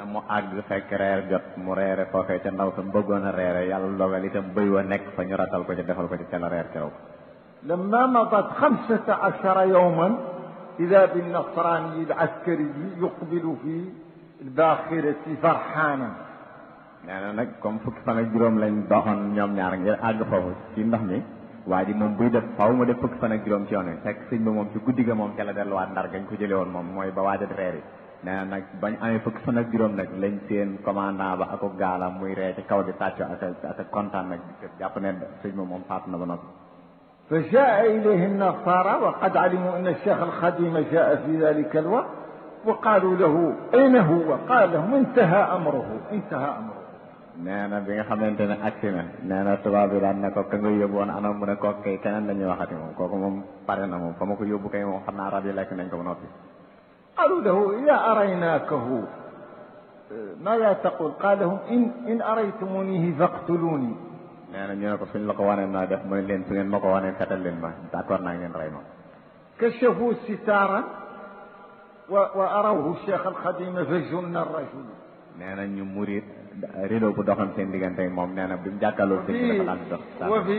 mu àgg fekk reer jot mu reere foofee ca ndaw sam bëggoon a reere yàlla dogal itam bëy wa nekk fa ñu ratal ko ci defal ko ci ca la reer keroog لما مضت خمسة عشر يوما إذا بالنصراني العسكري يقبل في الباخرة فرحانا nee na nag comme fukki fan ak juróom lañ doxoon ñoom ñaar ngir àgg foofu ci ndox mi waa ji moom buy def faw mu def fukki fan ak juróom ci yoon wi fekk sëñ ba moom ci guddi ga moom ca la delluwaat ndar gañ ko jële woon moom mooy ba waajat reer yi nee na nag bañ amee fukki fan ak juróom nag lañ seen commandant ba ako gaalam muy ree ci kaw di tàcco ak ak kontaan nag di jàpp ne sëñ ba moom faatu na ba noppi فجاء إليه النصارى وقد علموا أن الشيخ الخديم جاء في ذلك الوقت وقالوا له أين هو؟ قال لهم انتهى أمره انتهى أمره نانا بين خمنتنا أكينا نانا تبابي لنا كوكن يبون أنا من كوك كي كان لنا يوم حتى يوم كوكم بارنا يوم فما كي يبوك يوم حنا عربي لكن إنكم نبي أروده يا أريناكه ما لا تقول قالهم إن إن أريتمونيه فاقتلوني نانا نيانا كفين لقوانا ما ده من لين تين مقوانا كتل لين ما تأكل نانين رايما كشفوا ستارا وأروه الشيخ القديم فجن الرجل نانا نيوم مريد rideau bu doxoon seen diggante moom nee na bi mu jàkkaarloo sëñ bi dafa fi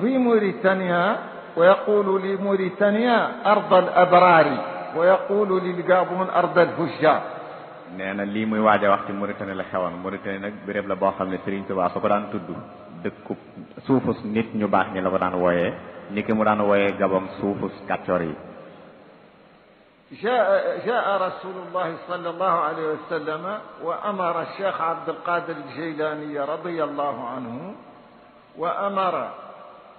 fi Mauritania wa li Mauritania ard abrari wa yaqulu lil Gabon ard al fujjar nee na lii muy waaj a wax ci Mauritanie la xewoon Mauritanie nag béréb la boo xam ne Serigne Touba su ko daan tudd dëkku suufus nit ñu baax ñi la ko daan wooye ni ki mu daan wooye Gabon suufus kàccoor yi جاء, جاء رسول الله صلى الله عليه وسلم وأمر الشيخ عبد القادر الجيلاني رضي الله عنه وأمر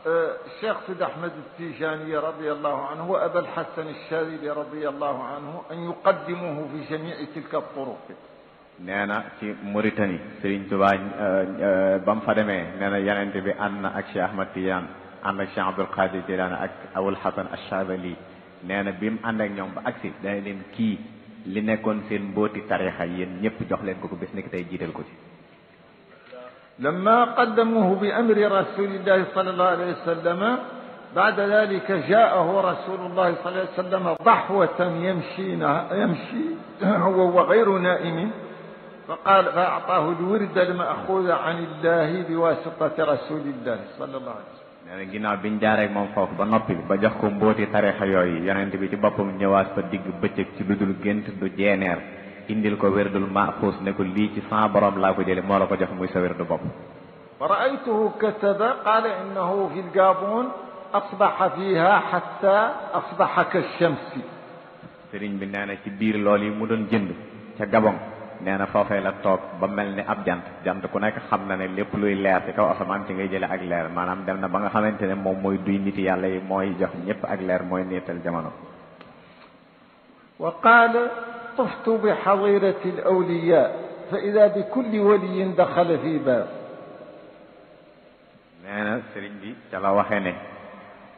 آه، الشيخ سيد أحمد التيجاني رضي الله عنه وأبا الحسن الشاذلي رضي الله عنه أن يقدموه في جميع تلك الطرق نانا في موريتاني سيرين Serigne آه، آه، بام فادمي نانا يانا انت بان اك yenente bi ànd na ak Cheikh Ahmad Tidiane ànd ak Cheikh Abdoul nee na bi mu ànd ak ñoom ba agsi dana leen kii li nekkoon seen mbooti tarixa yéen ñëpp jox leen ko ko bés ni ki tey ko ci لما قدموه بأمر رسول الله صلى الله عليه وسلم بعد ذلك جاءه رسول الله صلى الله عليه وسلم ضحوة يمشي يمشي هو وغير نائم فقال فأعطاه الورد المأخوذ عن الله بواسطة رسول الله صلى الله عليه وسلم nee na ginnaaw biñ jaareeg moom foofu ba noppi ba jox ko mbóoti tarixa yooyu yonent bi ci boppam ñëwaat fa digg bëccëg ci lu dul gént du jeeneer indil ko wérdul maaxuus ne ko lii ci sans borom laa ko jële moo la ko jox muy sa wérdu bopp فرأيته كتب قال إنه في الجابون أصبح فيها حتى أصبح كالشمس سرين بنانا كبير لولي مدن جند كجابون neena na la tok ba melni ab jant jant ku nek xam na ne lépp luy leer ci kaw asaman ci ngay jël ak leer manam dem na ba nga xamantene mom moy duy nit yàlla yi moy jox ñëpp ak leer moy niital jamono وقال طفت بحظيرة الأولياء فإذا بكل ولي دخل في باب nee na sëriñ bi ca la waxee ne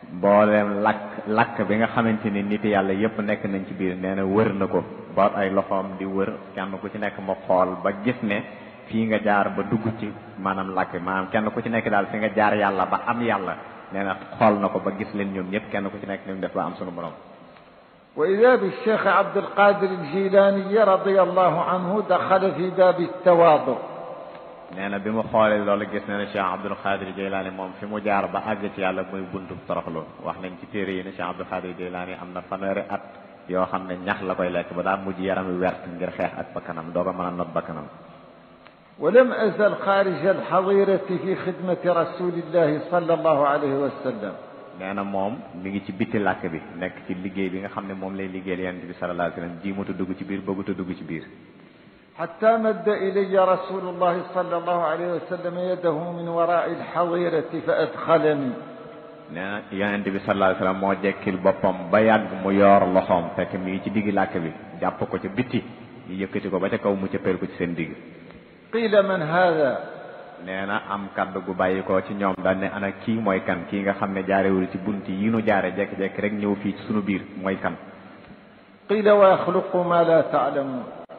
mboolem lakk lakk bi nga xamante ni nit yàlla yépp nekk nañ ci biir nee na wër na ko ba ay loxoom di wër kenn ku ci nekk mu xool ba gis ne fii nga jaar ba dugg ci maanaam lakk maanaam kenn ku ci nekk daal fi nga jaar yàlla ba am yàlla nee na xool na ko ba gis leen ñoom ñëpp kenn ku ci nekk ni mu def ba am sunu borom. وإذا بالشيخ عبد القادر الجيلاني رضي الله عنه دخل في باب التواضع nee na bi ma xoolee loolu gis na ne Cheikh Abdoul Khadir Jeylaani moom fi mu jaar ba àgg ci yàlla muy buntu toroxlu wax nañ ci téere yi ne Cheikh Abdoul Khadir Jeylaani am na fanweeri at yoo xam ne ñax la koy lekk ba daa mujj yaram wi wert ngir xeex ak bakkanam doo ko mën a not bakkanam ولم أزل خارج الحظيرة في خدمة رسول الله صلى الله عليه وسلم nee na moom mi ngi ci bitti làkk bi nekk ci liggéey bi nga xam ne moom lay liggéeyal yonent bi sallallahu alayhi wa sallam ji mu dugg ci biir bëggut a dugg ci biir حتى مد إلي رسول الله صلى الله عليه وسلم يده من وراء الحظيرة فأدخلني يا النبي صلى الله عليه وسلم موجهك البابم بياد ميار لهم فكم يجدي لكبي جابكوا تبتي يجكتي قبتك أو متحير كتسندي قيل من هذا نانا أم كابو باي كوتشي نيوم دان أنا كي موي كان كي غا خامن جاري ولتي بونتي ينو جاري جاك جاك رك نيو سنو بير موي كان قيل ويخلق ما لا تعلمون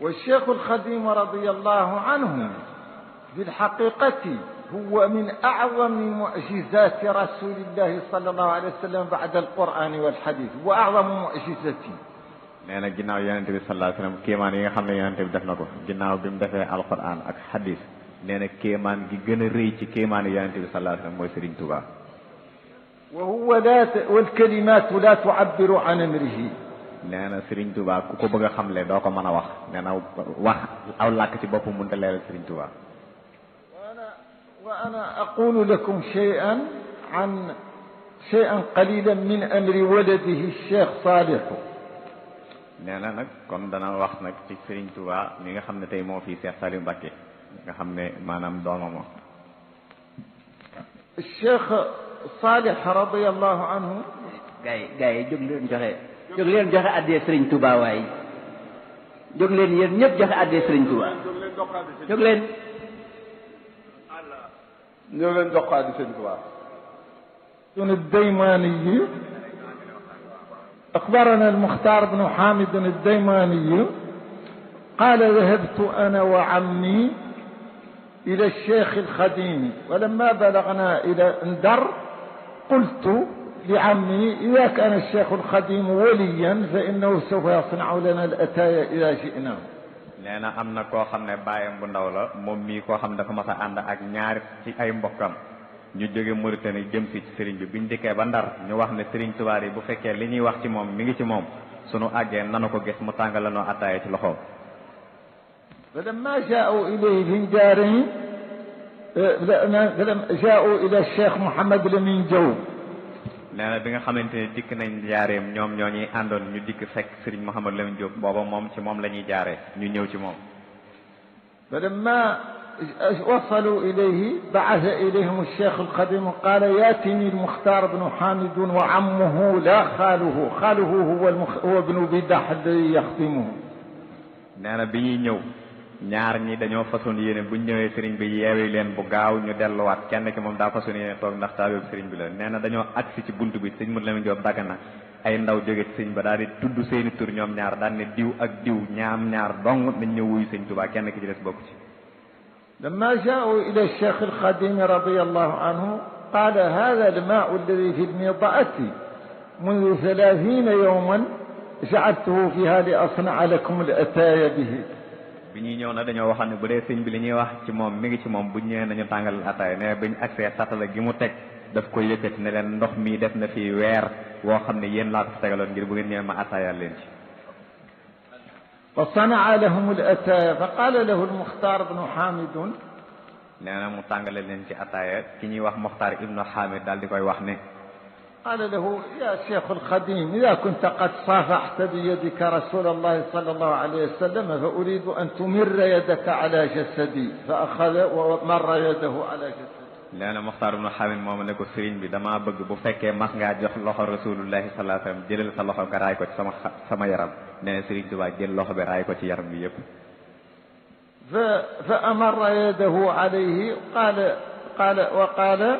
والشيخ الخديم رضي الله عنه في الحقيقة هو من أعظم معجزات رسول الله صلى الله عليه وسلم بعد القرآن والحديث وأعظم معجزتي نانا جناو يا صلى الله عليه وسلم كيمان يا خمي يا النبي جناو بيم القرآن أك حديث كيمان جن ريتي كيمان يا صلى الله عليه وسلم مو سرين وهو لا والكلمات لا تعبر عن امره nee na Serigne Touba ku ko bëgg a xamle doo ko mën a wax nee na wax aw làkk ci boppam mënut a leeral Serigne wa ana aqulu lakum shay'an an shay'an qalilan min amri waladihi Cheikh Sadiq. nee na nag kon dana wax nag ci Serigne Touba nga xam ne tey moo fi Cheikh Saliou Mbacké nga xam ne maanaam doomam. Cheikh Sadiq radiyallahu anhu. jóg leen joxe addee sëriñ Touba waay jóg leen yéen ñëpp joxe addee sëriñ Touba jóg leen ñoo leen jox xaalis sëriñ Touba sunu daymaani yi أخبرنا المختار بن حامد الديماني قال ذهبت أنا وعمي إلى الشيخ الخديم ولما بلغنا إلى أندر قلت لعمي إذا كان الشيخ الخديم وليا فإنه سوف يصنع لنا الأتايا إذا شئنا نانا أمنا كو خمنا بايم بندولا ممي كو خمنا كو مسا أندا أك نيار تي أي مبقام نيو جوغي موريتاني جيم في سرينج بندك بندر نيو وحنا سرينج تواري بفكة لني وقت موم ميجي موم سنو أجي نانو فلما جاءوا إليه بنجارين فلما إلى الشيخ محمد لمن جوب neena bi nga xamante dik nañ njaareem ñom ñoo ñuy àndoon ñu dik fekk serigne mohammed Lamine Diop bobo mom ci mom lañuy ñuy ñu ñëw ci moom. فلما وصلوا إليه بعث إليهم الشيخ القديم قال ياتني المختار بن حامد وعمه لا خاله خاله هو, المخ... هو ابن بدح الذي يخدمه. nee na bi ñëw. ñaar ñi dañoo fasoon yéene bu ñëwee sëriñ bi yeewi leen bu gaaw ñu delluwaat kenn ki moom daa fasoon yéene toog ndax taalibe sëriñ bi la nee na dañoo agsi ci bunt bi sëñ mu Lamin Joob Dagana ay ndaw jóge ci sëñ ba daal di tudd seeni tur ñoom ñaar daal ne diw ak diw ñaam ñaar dong nañ ñëw wuyu sëñ Tuubaa kenn ki ci des bokk ci لما جاءوا إلى الشيخ الخديم رضي الله عنه قال هذا الماء الذي في الميضأة منذ ثلاثين يوما جعلته فيها لأصنع لكم الأتاي به bi ñuy ñëw nag dañoo waxoon ne bu dee sëñ bi li ñuy wax ci moom mi ngi ci moom buñ ñëwee nañu tàngal ataay ne bi ñu agsee satala gi mu teg daf ko yëkkati ne leen ndox mi def na fi weer woo xam ne yéen laa ko fi tegaloon ngir bu ngeen ñëwee ma ataayal leen ci fa sanaa lahum al ataaya fa qaala lahu al muxtaar ibnu xaamidun nee na mu tàngale leen ci ataaya ki ñuy wax muxtaar ibnu xaamid daal di koy wax ni قال له يا شيخ القديم إذا كنت قد صافحت بيدك رسول الله صلى الله عليه وسلم فأريد أن تمر يدك على جسدي فأخذ ومر يده على جسدي لأن مختار بن حامد مؤمن لك سرين بدما بغ بفك مخنجا جح الله رسول الله صلى الله عليه وسلم جلل الله عليه وسلم سما يرم نين سرين جل الله برايك يرم بيب فأمر يده عليه قال قال وقال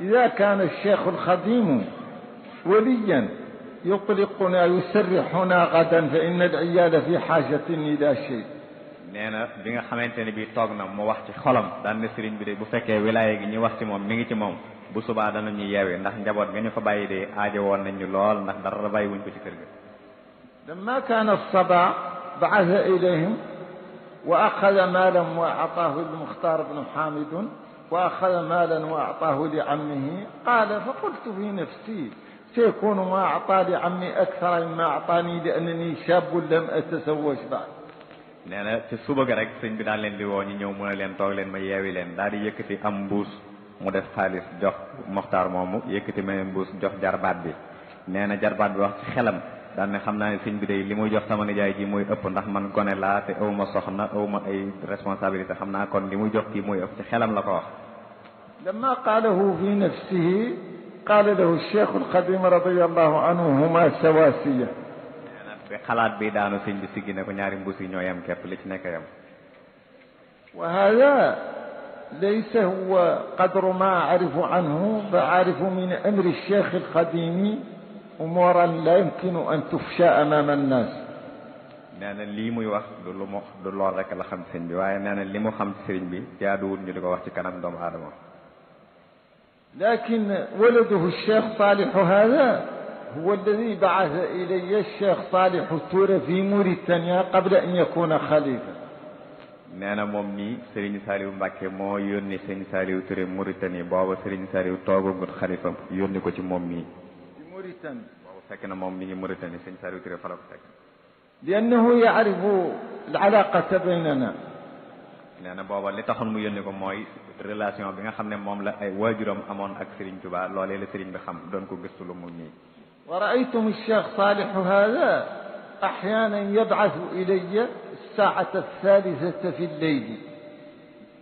إذا كان الشيخ الخديم وليا يطلقنا يسرحنا غدا فإن العيال في حاجة إلى شيء nee na bi nga xamante ne bii toog na mu wax ci xolam daan ne sëriñ bi de bu fekkee wilaya gi ñu wax ci moom mi ngi ci moom bu subaa dana ñu yeewe ndax njaboot nga ñu fa bàyyi de aajo woon nañ ñu lool ndax dara bàyyi wuñ ko ci kër ga لما كان الصبا بعث إليهم وأخذ مالا وأعطاه المختار بن حامد وأخذ مالا وأعطاه لعمه قال فقلت في نفسي سيكون ما أعطى لعمي أكثر مما أعطاني لأنني شاب لم أتزوج بعد nee na ci suba ga rek sëñ bi daan leen di woo ñu ñëw mu ne leen toog leen ma yeewi leen daal di yëkkati am mbuus mu def xaalis jox moxtaar moomu yëkkati meneen mbuus jox jarbaat bi nee na jarbaat bi wax ci xelam daan ne xam naa ne sëñ bi day li muy jox sama nijaay ji muy ëpp ndax man gone laa te awuma soxna awuma ay responsabilité xam naa kon li muy jox kii muy ëpp ci xelam la ko wax لما قاله في نفسه قال له الشيخ القديم رضي الله عنه هما سواسية خلات بي دانو سين بي سيغي نكو ñaari mbuss yi ñoyam kep li ci nekk yam وهذا ليس هو قدر ما أعرف عنه فأعرف من أمر الشيخ القديم امورا لا يمكن ان تفشى امام الناس نانا لي موي واخ دو لو lu دو du رك لا خم xam بي واي نانا لي مو خم mu بي sëriñ bi jaaduwul ñu di ko wax ci kanam doomu لكن ولده الشيخ صالح هذا هو الذي بعث إلي الشيخ صالح التور في موريتانيا قبل أن يكون خليفة نانا موم ني سيرن ساليو مباكي مو يوني سيرن ساليو توري موريتاني بابا سيرن ساليو توغو غوت خليفه يوني كو سي موم لأنه يعرف العلاقة بيننا لأن يعني بابا اللي تخل ميون موي ريلاسيون بيغا خمنا مام لا أي واجرم أمون أك سرين جبا لولي لسرين بخم دون كو قسطو لموني ورأيتم الشيخ صالح هذا أحيانا يبعث إلي الساعة الثالثة في الليل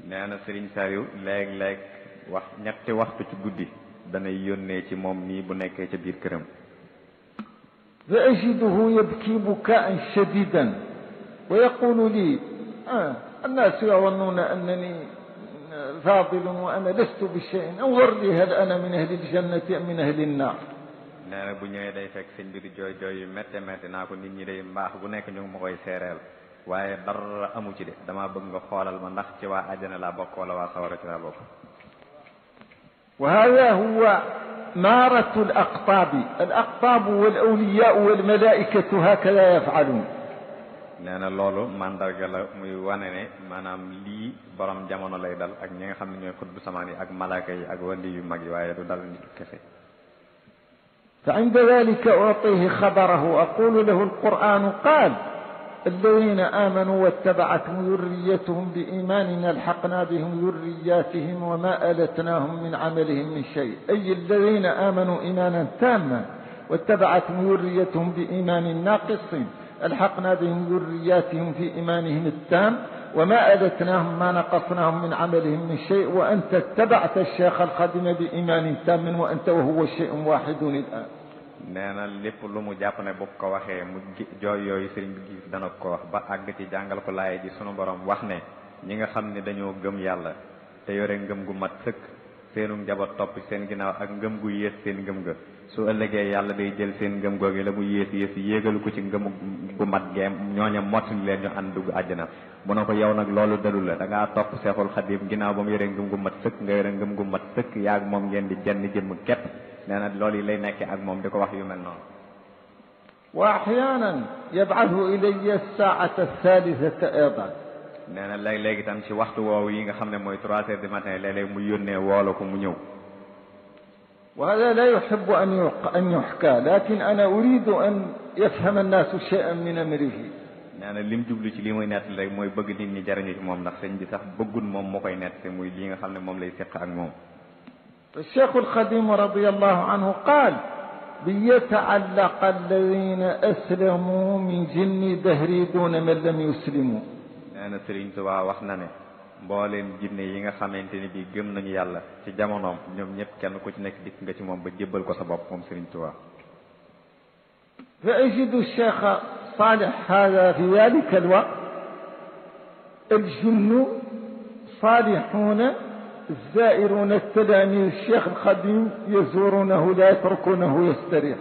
نانا سرين ساريو لاك لاك وقت نقتي وقت تبدي danay yonne ci mom mi bu nekké ci bir kërëm wa ajiduhu yabki bukaan shadidan wa yaqulu الناس يظنون انني فاضل وانا لست بشيء انظر لي هل انا من اهل الجنه ام من اهل النار نانا بو نيي داي فك سيغ بي جوي جوي متي متي ناكو نيت ني داي مباخ بو نيك نيو ماكاي سيرال واي بار امو سي دي دما بوغ خولال ما نخ سي وا ادنا لا بوكو لا وا سوارا تي لا بوكو وهذا هو مارة الأقطاب الأقطاب والأولياء والملائكة هكذا يفعلون nee na loolu mandarga la muy wane ne maanaam lii borom jamono lay dal ak ñi nga xam ne ñooy xutbu samaan yi ak malaaka yi ak wali yu mag yi waaye du dal nit kese فعند ذلك أعطيه خبره أقول له القرآن قال الذين آمنوا واتبعتهم ذريتهم بإيمان ألحقنا بهم ذرياتهم وما ألتناهم من عملهم من شيء أي الذين آمنوا إيمانا تاما واتبعتهم ذريتهم بإيمان ناقص ألحقنا بهم ذرياتهم في إيمانهم التام وما ألتناهم ما نقصناهم من عملهم من شيء وأنت اتبعت الشيخ الخادم بإيمان تام وأنت وهو شيء واحد الآن nee na lépp lu mu jàpp ne bu ko waxee mu jooy yooyu sëriñ bi gis dana ko wax ba àgg ci jàngal ko laay ji suñu borom wax ne ñi nga xam ne dañoo gëm yàlla te yore ngëm gu mat sëkk seenu njaboot topp seen ginnaaw ak ngëm gu yées seen ngëm ga su ëllëgee yàlla day jël seen ngëm googu la mu yées yées yéegalu ko ci ngëm gu mat gee ñooña mottali leen ñu ànd dugg na mun ne ko yow nag loolu dalu la da ngaa topp seexul xadim ginnaaw ba mu yore ngëm gu mat sëkk nga yore ngëm gu mat sëkk yaag moom ngeen di jenn jëmm képp لأن لولي لي نكي أقمم دك وحي من وأحيانا يبعث إلي الساعة الثالثة أيضا لأن لي لي تمشي وقت وويين خمنا ميتراتة دمتنا لي لي ميون والوكم ميون وهذا لا يحب أن يحكى, أن يحكى لكن أنا أريد أن يفهم الناس شيئا من أمره أنا لم جبل شيء لم ينات لي ما يبغي دين يجارني مم نخسن جثة بقول مم مكاي نات لي لي خلنا مم لي سكع مم فالشيخ الخديم رضي الله عنه قال ليتعلق الذين اسلموا من جن دهري دون من لم يسلموا انا يعني سرين توا واخنا ني بولين جن ييغا خامتيني بي گم نغي يالا سي جامونوم نيوم نيب كين كو نيك ديك نغا سي موم با جيبل كو سا بوب موم سرين توا فاجد الشيخ صالح هذا في ذلك الوقت الجن صالحون الزائرون التلاني الشيخ القديم يزورونه لا يتركونه يستريح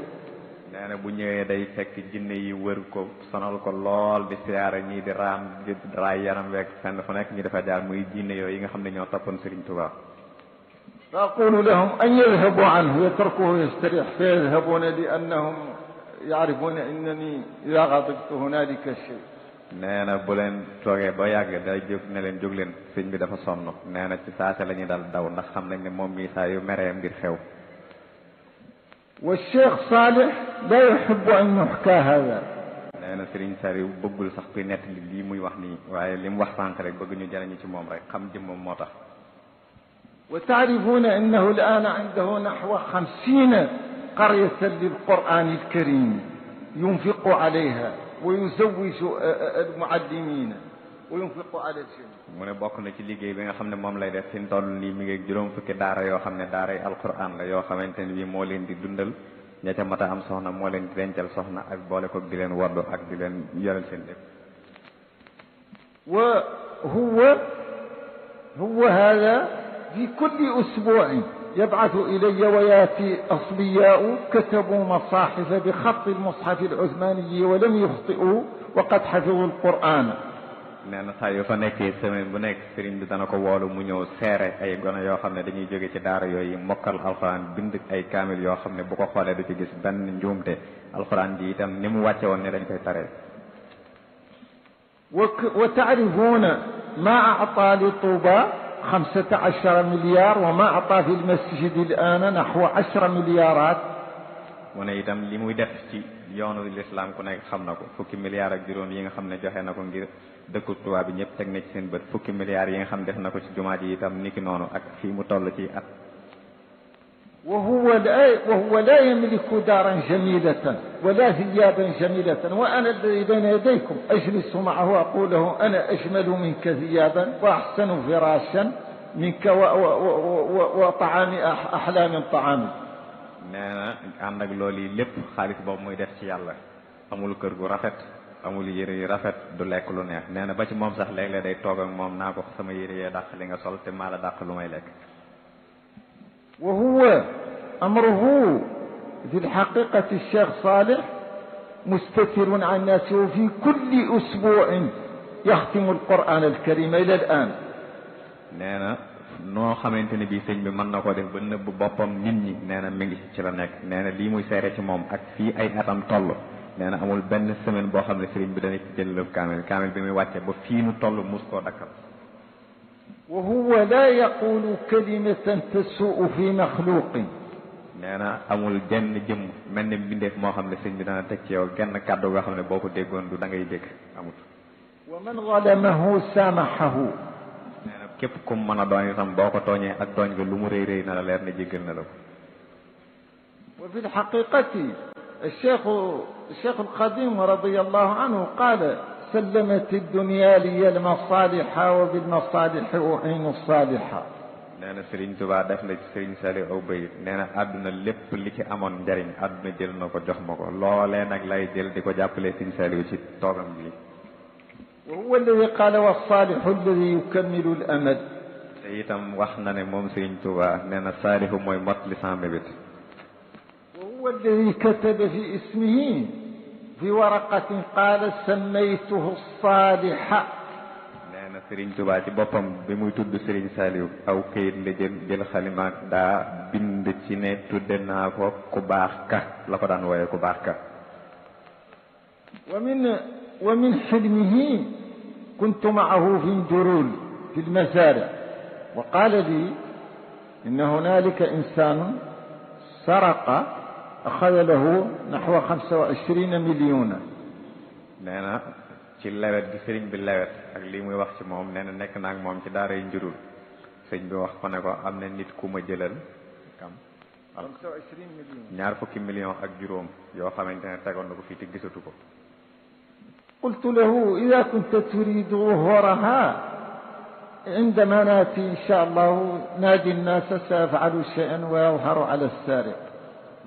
أنا بنيه داي فك جيني ويركو سنال كو لول دي سيارا ني دي رام دي درايرام فنك ني دافا دار موي يو ييغا خامني ньо تابون سيرين توبا فاقول لهم ان يذهبوا عنه يتركوه يستريح فيذهبون لانهم يعرفون انني اذا غضبت هنالك شيء نانا بولن توغي باياغي دا جوك نالين جوغلين سيغ بي دافا سونو نانا سي ساسا لا ني دال داو ناخ خام ناني موم ميسا يو مريم غير خيو والشيخ صالح لا يحب ان يحكى هذا نانا سيرين ساري بوغول صاح بي نيت لي موي واخ ني واي ليم سانك رك بوغ ني جاراني سي موم رك خام جيم موم موتاخ وتعرفون انه الان عنده نحو 50 قريه للقران الكريم ينفق عليها ويزوج آه، آه، آه، المعلمين وينفق على السنه من بوك نتي ليغي بيغا خامني موم لاي ديف سين تول لي ميغي جوروم فك دارا يو خامني داراي القران لا يو خامنتيني وي مولين دي دوندال نيتا متا ام سوخنا مولين دي رنجال سوخنا اك بولكو دي لين وردو اك دي لين يورال سين ديف وهو هو هذا في كل اسبوع يبعث إلي ويأتي أصبياء كتبوا مصاحف بخط المصحف العثماني ولم يخطئوا وقد حفظوا القرآن نعم سايو فنك سمين بنك سرين بتانك والو منيو سير أي غنى يو خمنا دنجي جوغي تدار يو مكة القرآن بندك أي كامل يو خمنا بقى خوالة دي جس بن نجوم القرآن دي تم نمو واتي ونرن وك... وتعرفون ما أعطى لطوبى خمسة عشر مليار وما أعطى في المسجد الآن نحو عشر مليارات ونيتم لمو دف سي يونو الإسلام كنا خمنا كو فوكي مليار جيرون يين خمنا جاه نكون غير دكتور توا بنيب تكنيك سين بد فوكي مليار يين خم دف نكو جماعة يتم نيك نونو أك في مطالتي أك وهو لا وهو لا يملك دارا جميلة ولا ثيابا جميلة وأنا الذي بين يديكم أجلس معه وأقول له أنا أجمل منك ثيابا وأحسن فراشا منك وطعامي أحلى من طعامي. نعم عندك لولي لب خالص بأمي دفت يلا أمول كرغو رفت أمول يري رفت دولي كلونيا نعم بأتي مام سحلي لدي توقع مام ناكو خسما يري داخلين صلت مالا داخلو ميلك وهو أمره في الحقيقة الشيخ صالح مستتر عن الناس وفي كل أسبوع يختم القرآن الكريم إلى الآن نانا no xamanteni bi bii sëñ bi man na ko def ba nëbb boppam nit ñi nee na mi ngi ci la nekk nee na lii muy seere ci moom ak fii ay atam toll nee na amul benn semaine boo xam ne sëriñ bi dana ci jël kaamel kaamel bi muy wàcce ba fii nu toll mus koo dakkal وهو لا يقول كلمة تسوء في مخلوق نانا امول جن جم من بنديف مو خامل سيغ دانا تيو كين كادو غا خامل بوكو دو داغي ديك ومن ظلمه سامحه نانا كيب كوم مانا دوني تام بوكو توني اك توني لير ني جيغل وفي الحقيقة الشيخ الشيخ القديم رضي الله عنه قال سلمت الدنيا لي المصالح وبالمصالح أعين الصالحة نانا سرين توبا دفن سرين سالي أو نانا أدنى لب لك أمان جارين أدنى جل نوكو جخمكو الله لينك لاي جل ديكو جاب لك سرين سالي وشي طوغم بي وهو الذي قال والصالح الذي يكمل الأمد سيتم وحنا نموم سرين توبا نانا صالح موي مطل سامي بيت وهو الذي كتب في اسمه في ورقة قال سميته الصالح نانا نعم، سرين جوباتي بفهم بمو تود سرين ساليو أو كير لجل جل خليمان دا بند تشيني تودنا كو كباكا لقدان ويا كباكا ومن ومن حلمه كنت معه في الجرول في المزارع وقال لي إن هنالك إنسان سرق أخذ له نحو 25 مليون نانا تلاوت بسرين باللاوت أقليم وقت موم نانا نك نانا موم تدار ينجرو سنجد بوقت قنا قو أمن نت كوم جلل 25 مليون نار فوكي مليون أجروم يو خامن تنا تاقون نكو في تجسو تكو قلت له إذا كنت تريد ظهورها عندما ناتي إن شاء الله نادي الناس سيفعل شيئا ويظهر على السارق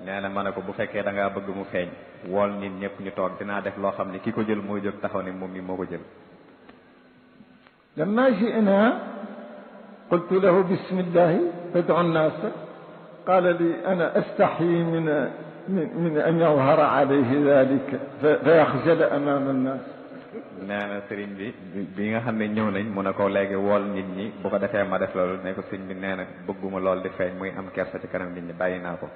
neena na ko bu fekkee da nga bëgg mu feñ wol nit ñëpp ñu toog dina def lo xamni kiko jël moy jox taxaw ni mom mi moo ko jël لما جئنا قلت له بسم الله فادع الناس قال لي أنا أستحي من من, من أن يظهر عليه ذلك فيخجل أمام الناس nee na sëriñ bi bi nga xam ne ñëw nañ mu ne ko léegi wool nit ñi bu ko defee ma def loolu ne ko sëriñ bi nee na bëgguma lool di feeñ muy am kersa ci kanam nit ñi bàyyi naa ko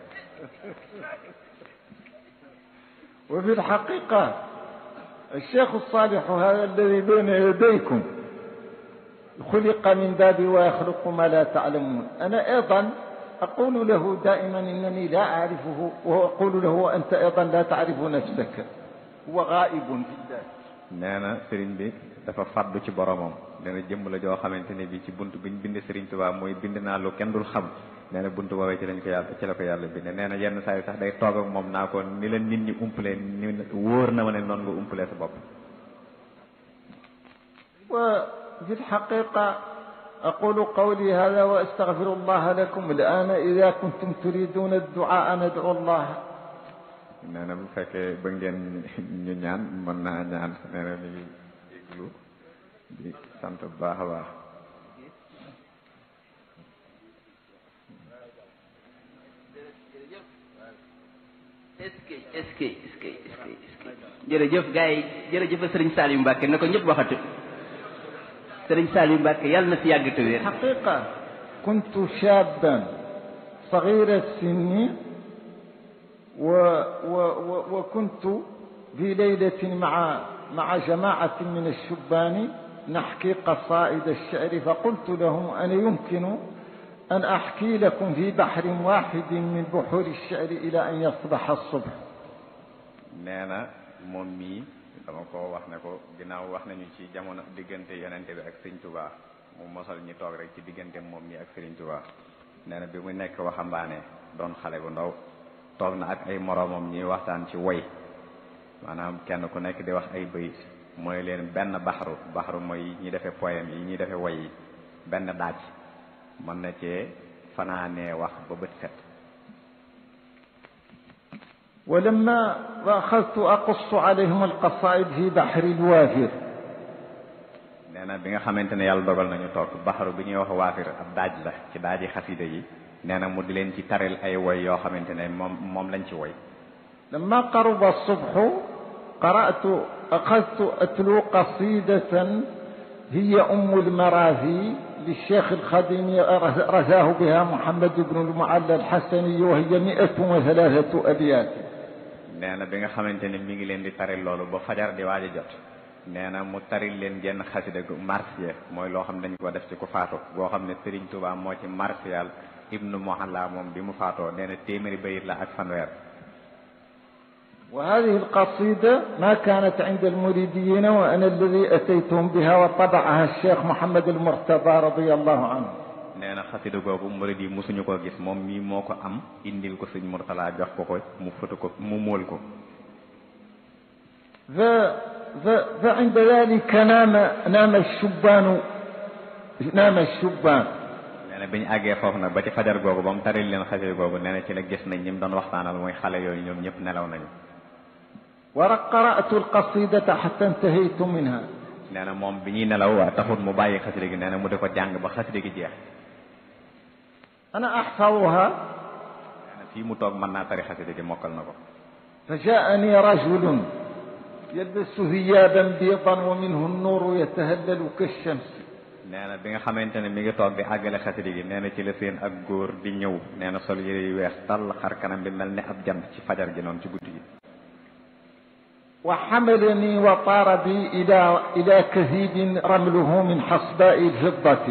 وفي الحقيقة الشيخ الصالح هذا الذي بين يديكم خلق من باب ويخلق ما لا تعلمون أنا أيضا أقول له دائما إنني لا أعرفه وأقول له أنت أيضا لا تعرف نفسك هو غائب في الله neena serigne bi dafa faddu ci boromam neena jëm la jo xamanteni bi ci buntu bi bind serigne Tuubaa moy bind na lu kenn dul xam neena buntu boobee ci lañ ko yàlla ci la ko yàlla bind neena yenn say sax day toog ak mom na ko ni la nit ñi umplé ni wóor na wone non nga umplé sa bop wa fi haqiqa أقول قولي هذا وأستغفر الله لكم الآن إذا كنتم تريدون الدعاء ندعو الله nee bu ba ngeen ñu ñaan mën na ñaan mi di sant baax baax jërëjëf jërëjëf sëriñ kuntu syabdan, sagira sinni و و و وكنت في ليلة مع مع جماعة من الشبان نحكي قصائد الشعر فقلت لهم أنا يمكن أن أحكي لكم في بحر واحد من بحور الشعر إلى أن يصبح الصبح نانا مومي dama ko wax ne ko ginnaaw wax nañu ci jamono diggante yonente bi ak sëñ tubaa mu mosal ñu toog rek ci diggante moom mi ak sëriñ tubaa nee na bi mu nekk waxambaane doon xale bu ndaw tok na ak ay moroomam ñi waxtaan ci way manam kenn ku nekk di wax ay bayit moy leen ben bahru bahru moy ñi defé poem yi ñi defé way ben daaj man na ci fanane wax ba beut set ولما أخذت أقص عليهم القصائد في بحر الوافر أنا na bi nga xamante ne yàlla dogal nañu toog baxaru bi ñuy wax waafir ab daaj nee mu di leen ci taril ay woy yoo xamante ne lañ ci لما قرب الصبح قرأت أخذت أتلو قصيدة هي أم المراثي للشيخ الخديم رزاه بها محمد بن المعلى الحسني وهي 103 أبيات نانا بيغا خامتاني ميغي لين دي تاريل لولو با فجار دي واجي جوت نانا مو تاريل لين جن خاسيده مارسيا موي لو خام دنج كو داف سي كو فاتو بو خام ني توبا مو سي مارسيال ibnu muhalla moom bi mu faatoo nee na téeméeri bayit la ak fanweer وهذه القصيدة ما كانت عند المريديين وأنا الذي أتيتهم بها وطبعها الشيخ محمد المرتضى رضي الله عنه nee na xasida googu murid yi mosuñu ko gis moom mii moo ko am indil ko sëñ murtala jox ko ko mu fëtu ko mu móol ko فعند ذلك نام نام الشبان نام الشبان نه بني آگه فوق نه بچه فدر بام تریلی نه خدیر گوگو نه نه چیله گس نیم وقت آن الوی خاله یو نیم نیپ نلاو نیم ورق قرأت القصيدة حتى انتهيت منها. نانا مام بني نلاو أتفرد مباي خسر لكن نانا مدرك جانج بخسر جيا. أنا أحفظها. نانا في مطاق من ناتري خسر لكن مقل فجاءني رجل يلبس ثيابا بيضا ومنه النور يتهلل كالشمس. neena bi nga xamantene mi ngi tok bi agale xatri gi neena ci la seen ak góor di ñëw neena sol yére yu wex tal xar kanam bi melni ab jant ci fajar gi non ci guddi gi wa وحملني wa tarabi ila ila كثيب ramluhu min hasba'i الفضة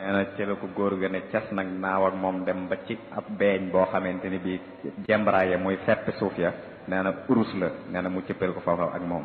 neena ci la ko góor ga ne cas nak naaw ak mom dem ba ci ab beñ bo xamantene bi jembraaye moy fepp suuf ya nee urus la neena mu ci pel ko fofu ak mom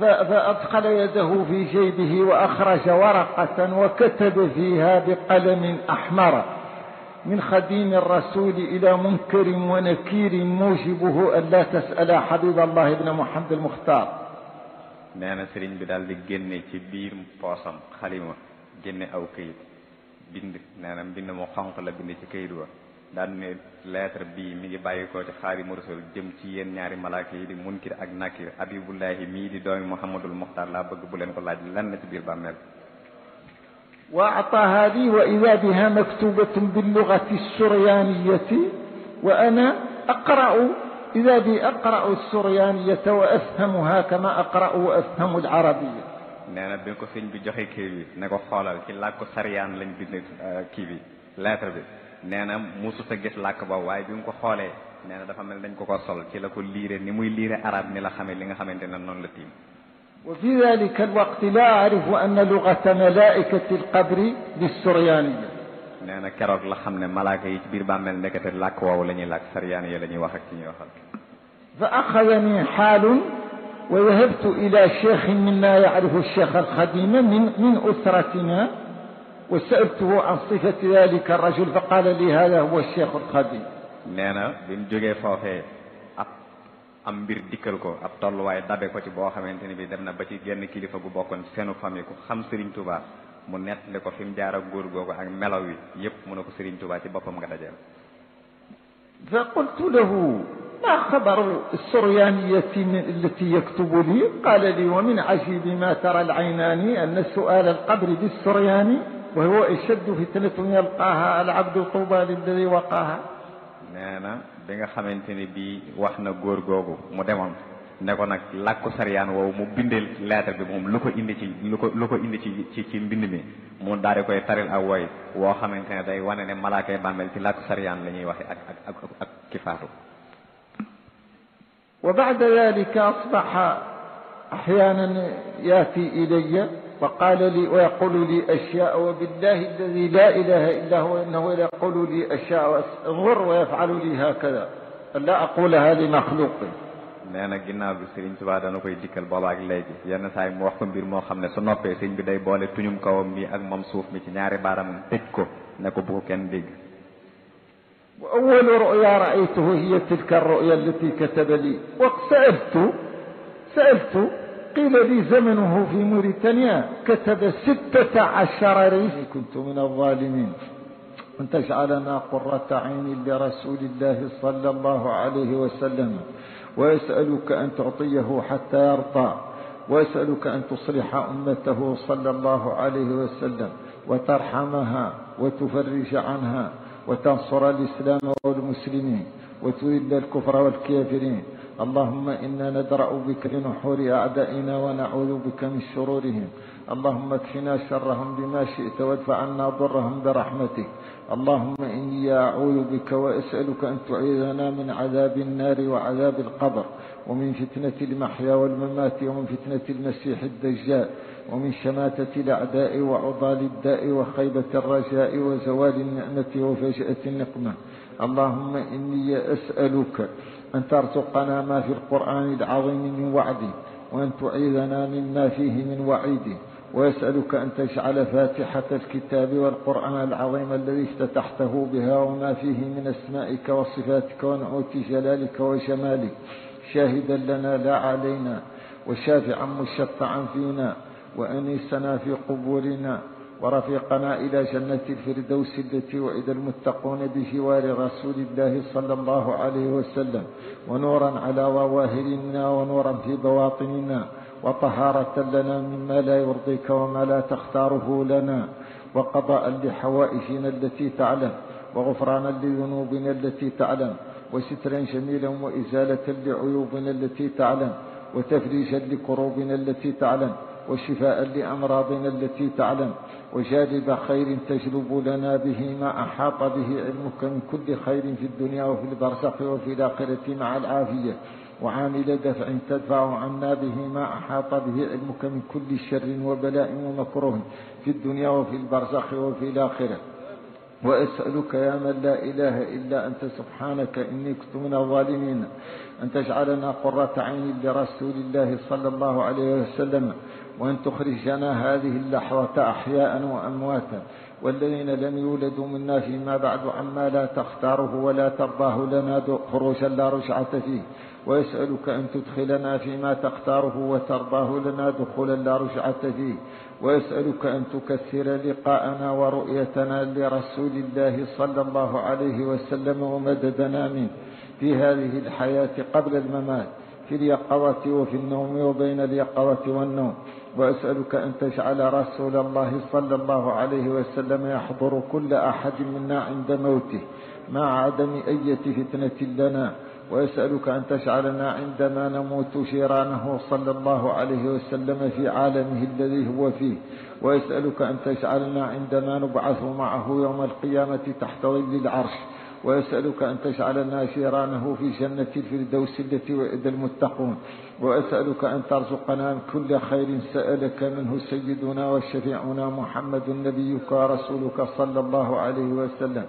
فأدخل يده في جيبه وأخرج ورقة وكتب فيها بقلم أحمر من خديم الرسول إلى منكر ونكير موجبه أن لا تسأل حبيب الله بن محمد المختار نانا سرين بدال دي جنة تبير خليمة جنة أو كيد بند نانا بند مخانق لبند تكيدوا danne lettre واعطى هذه واذا بها مكتوبه باللغه السريانيه وانا اقرا اذا بي اقرا السريانيه وافهمها كما اقرا وافهم العربيه نانا بيكو سيني بي جوخي كيوي نكو خولال كي لاكو لا نبي nee na musuta gis làkk ba waaye bi mu ko xoolee nee na dafa mel dañ ko ko sol ci la ko liire ni muy liire arab ni la xamee li nga xamante ne noonu la tiim وفي ذلك الوقت لا أعرف أن لغة ملائكة القبر للسريانية nee na keroog la xam ne malaaka yi ci biir bàmmeel nekkate làkk woowu la ñuy làkk sariyaan yi la ñuy wax ak ci ñuy waxal fa axadani xaalun وذهبت إلى شيخ منا يعرف الشيخ الخديم من من أسرتنا وسألته عن صفة ذلك الرجل فقال لي هذا هو الشيخ القديم نانا بن جوغي فوفي ام بير ديكل واي دابي كو سي بو خامتيني بي دمنا با سي ген كليفا سينو فامي كو سيرين توبا مو نيت ليكو فيم جارا غور غوغو اك ملاوي ييب مو نكو سيرين توبا سي بوبام غا داجال فقلت له ما خبر السريانية التي يكتب لي قال لي ومن عجيب ما ترى العينان أن السؤال القبر بالسرياني وهو اشد فتنه يلقاها العبد طوبى للذي وقاها نانا ديغا خامتيني بي واخنا غور غوغو مو ديمون نيكو ناك لاكو سريان وو مو بيندل لاتر بي موم لوكو اندي سي لوكو لوكو اندي سي سي سي مبيند مي مو داري كوي تاريل او واي و خامتيني داي واني ني ملائكه بامل سي لاكو سريان لا نيي واخي اك اك اك كفاتو وبعد ذلك اصبح احيانا ياتي الي وقال لي ويقول لي أشياء وبالله الذي لا إله إلا هو إنه يقول لي أشياء ضر ويفعل لي هكذا لا أقولها لمخلوق نانا جنا بسرين تبا دانو كوي ديكال بابا اك يانا ساي مو وخم بير مو خامني سو نوبي سيرن بي داي بولي تونيوم كاوم مي اك مام سوف مي سي نياري بارام تيج نكو بو كين ديغ اول رؤيا رايته هي تلك الرؤيا التي كتب لي وقت سالت سالت قيل لي زمنه في موريتانيا كتب ستة عشر ريف كنت من الظالمين أن تجعلنا قرة عين لرسول الله صلى الله عليه وسلم ويسألك أن تعطيه حتى يرضى ويسألك أن تصلح أمته صلى الله عليه وسلم وترحمها وتفرج عنها وتنصر الإسلام والمسلمين وتذل الكفر والكافرين اللهم إنا ندرأ بك لنحور أعدائنا ونعوذ بك من شرورهم اللهم اكفنا شرهم بما شئت وادفع عنا ضرهم برحمتك اللهم إني أعوذ بك وأسألك أن تعيذنا من عذاب النار وعذاب القبر ومن فتنة المحيا والممات ومن فتنة المسيح الدجال ومن شماتة الأعداء وعضال الداء وخيبة الرجاء وزوال النعمة وفجأة النقمة اللهم إني أسألك أن ترزقنا ما في القرآن العظيم من وعد وأن تعيذنا مما فيه من وعيد ويسألك أن تجعل فاتحة الكتاب والقرآن العظيم الذي افتتحته بها وما فيه من أسمائك وصفاتك ونعوت جلالك وجمالك شاهدا لنا لا علينا وشافعا مشفعا فينا وأنيسنا في قبورنا ورفيقنا إلى جنة الفردوس التي وعد المتقون بجوار رسول الله صلى الله عليه وسلم ونورا على ظواهرنا ونورا في بواطننا وطهارة لنا مما لا يرضيك وما لا تختاره لنا وقضاء لحوائجنا التي تعلم وغفرانا لذنوبنا التي تعلم وسترا جميلا وإزالة لعيوبنا التي تعلم وتفريجا لكروبنا التي تعلم وشفاء لأمراضنا التي تعلم وجالب خير تجلب لنا به ما أحاط به علمك من كل خير في الدنيا وفي البرزخ وفي الآخرة مع العافية وعامل دفع تدفع عنا به ما أحاط به علمك من كل شر وبلاء ومكروه في الدنيا وفي البرزخ وفي الآخرة وأسألك يا من لا إله إلا أنت سبحانك إني كنت من الظالمين أن تجعلنا قرة عين لرسول الله صلى الله عليه وسلم وأن تخرجنا هذه اللحظة أحياء وأمواتا والذين لم يولدوا منا فيما بعد عما لا تختاره ولا ترضاه لنا خروجا لا رجعة فيه ويسألك أن تدخلنا فيما تختاره وترضاه لنا دخولا لا رجعة فيه ويسألك أن تكثر لقاءنا ورؤيتنا لرسول الله صلى الله عليه وسلم ومددنا منه في هذه الحياة قبل الممات في اليقظة وفي النوم وبين اليقظة والنوم وأسألك أن تجعل رسول الله صلى الله عليه وسلم يحضر كل أحد منا عند موته مع عدم أية فتنة لنا وأسألك أن تجعلنا عندما نموت جيرانه صلى الله عليه وسلم في عالمه الذي هو فيه وأسألك أن تجعلنا عندما نبعث معه يوم القيامة تحت ظل العرش وأسألك أن تجعلنا جيرانه في جنة الفردوس التي وعد المتقون وأسألك أن ترزقنا من كل خير سألك منه سيدنا وشفيعنا محمد نبيك ورسولك صلى الله عليه وسلم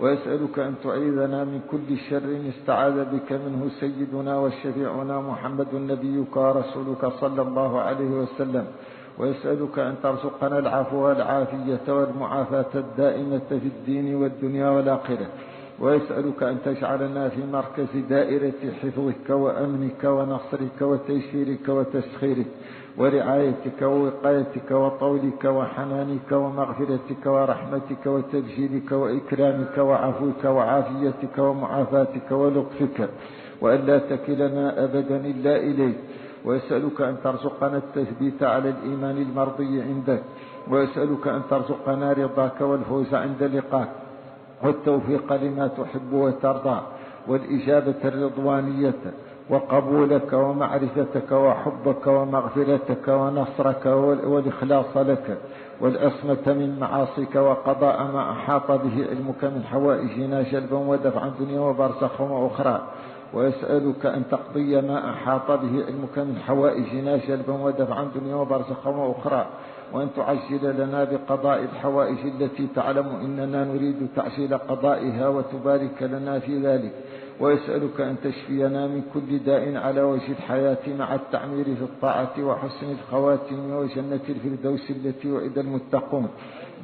وأسألك أن تعيذنا من كل شر استعاذ بك منه سيدنا وشفيعنا محمد نبيك ورسولك صلى الله عليه وسلم وأسألك أن ترزقنا العفو والعافية والمعافاة الدائمة في الدين والدنيا والآخرة ويسألك أن تجعلنا في مركز دائرة حفظك وأمنك ونصرك وتيسيرك وتسخيرك ورعايتك ووقايتك وطولك وحنانك ومغفرتك ورحمتك وتبجيلك وإكرامك وعفوك وعافيتك ومعافاتك ولطفك وأن لا تكلنا أبدا إلا إليك ويسألك أن ترزقنا التثبيت على الإيمان المرضي عندك ويسألك أن ترزقنا رضاك والفوز عند لقاك والتوفيق لما تحب وترضى والإجابة الرضوانية وقبولك ومعرفتك وحبك ومغفرتك ونصرك والإخلاص لك والعصمة من معاصيك وقضاء ما أحاط به علمك من حوائجنا جلبا ودفعا دنيا وبرزخا وأخرى ويسألك أن تقضي ما أحاط به علمك من حوائجنا جلبا ودفعا دنيا وبرزخا وأخرى وأن تعجل لنا بقضاء الحوائج التي تعلم إننا نريد تعجيل قضائها وتبارك لنا في ذلك ويسألك أن تشفينا من كل داء على وجه الحياة مع التعمير في الطاعة وحسن الخواتم وجنة الفردوس التي وعد المتقون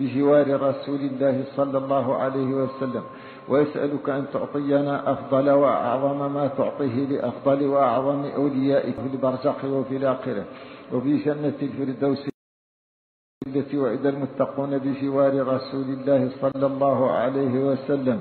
بجوار رسول الله صلى الله عليه وسلم ويسألك أن تعطينا أفضل وأعظم ما تعطيه لأفضل وأعظم أوليائك في البرزخ وفي الآخرة وفي جنة الفردوس التي وعد المتقون بجوار رسول الله صلى الله عليه وسلم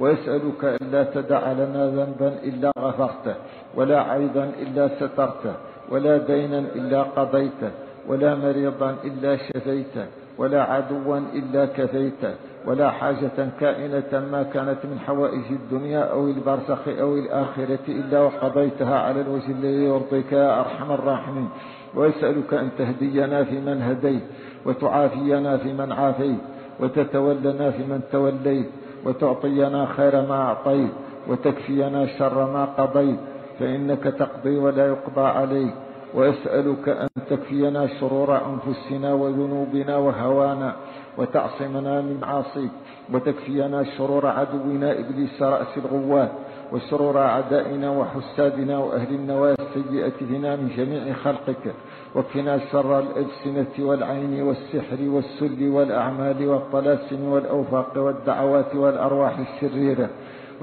ويسألك ألا تدع لنا ذنبا إلا غفرته ولا عيبا إلا سترته ولا دينا إلا قضيته ولا مريضا إلا شفيته ولا عدوا إلا كفيته ولا حاجة كائنة ما كانت من حوائج الدنيا أو البرزخ أو الآخرة إلا وقضيتها على الوجه الذي يرضيك يا أرحم الراحمين ويسألك أن تهدينا فيمن هديت وتعافينا في من عافيت وتتولنا في من توليت وتعطينا خير ما أعطيت وتكفينا شر ما قضيت فإنك تقضي ولا يقضى عليك وأسألك أن تكفينا شرور أنفسنا وذنوبنا وهوانا وتعصمنا من عاصيك وتكفينا شرور عدونا إبليس رأس الغوات وشرور أعدائنا وحسادنا وأهل النوايا السيئة بنا من جميع خلقك وكنا شر الألسنة والعين والسحر والسل والأعمال والطلاسم والأوفاق والدعوات والأرواح الشريرة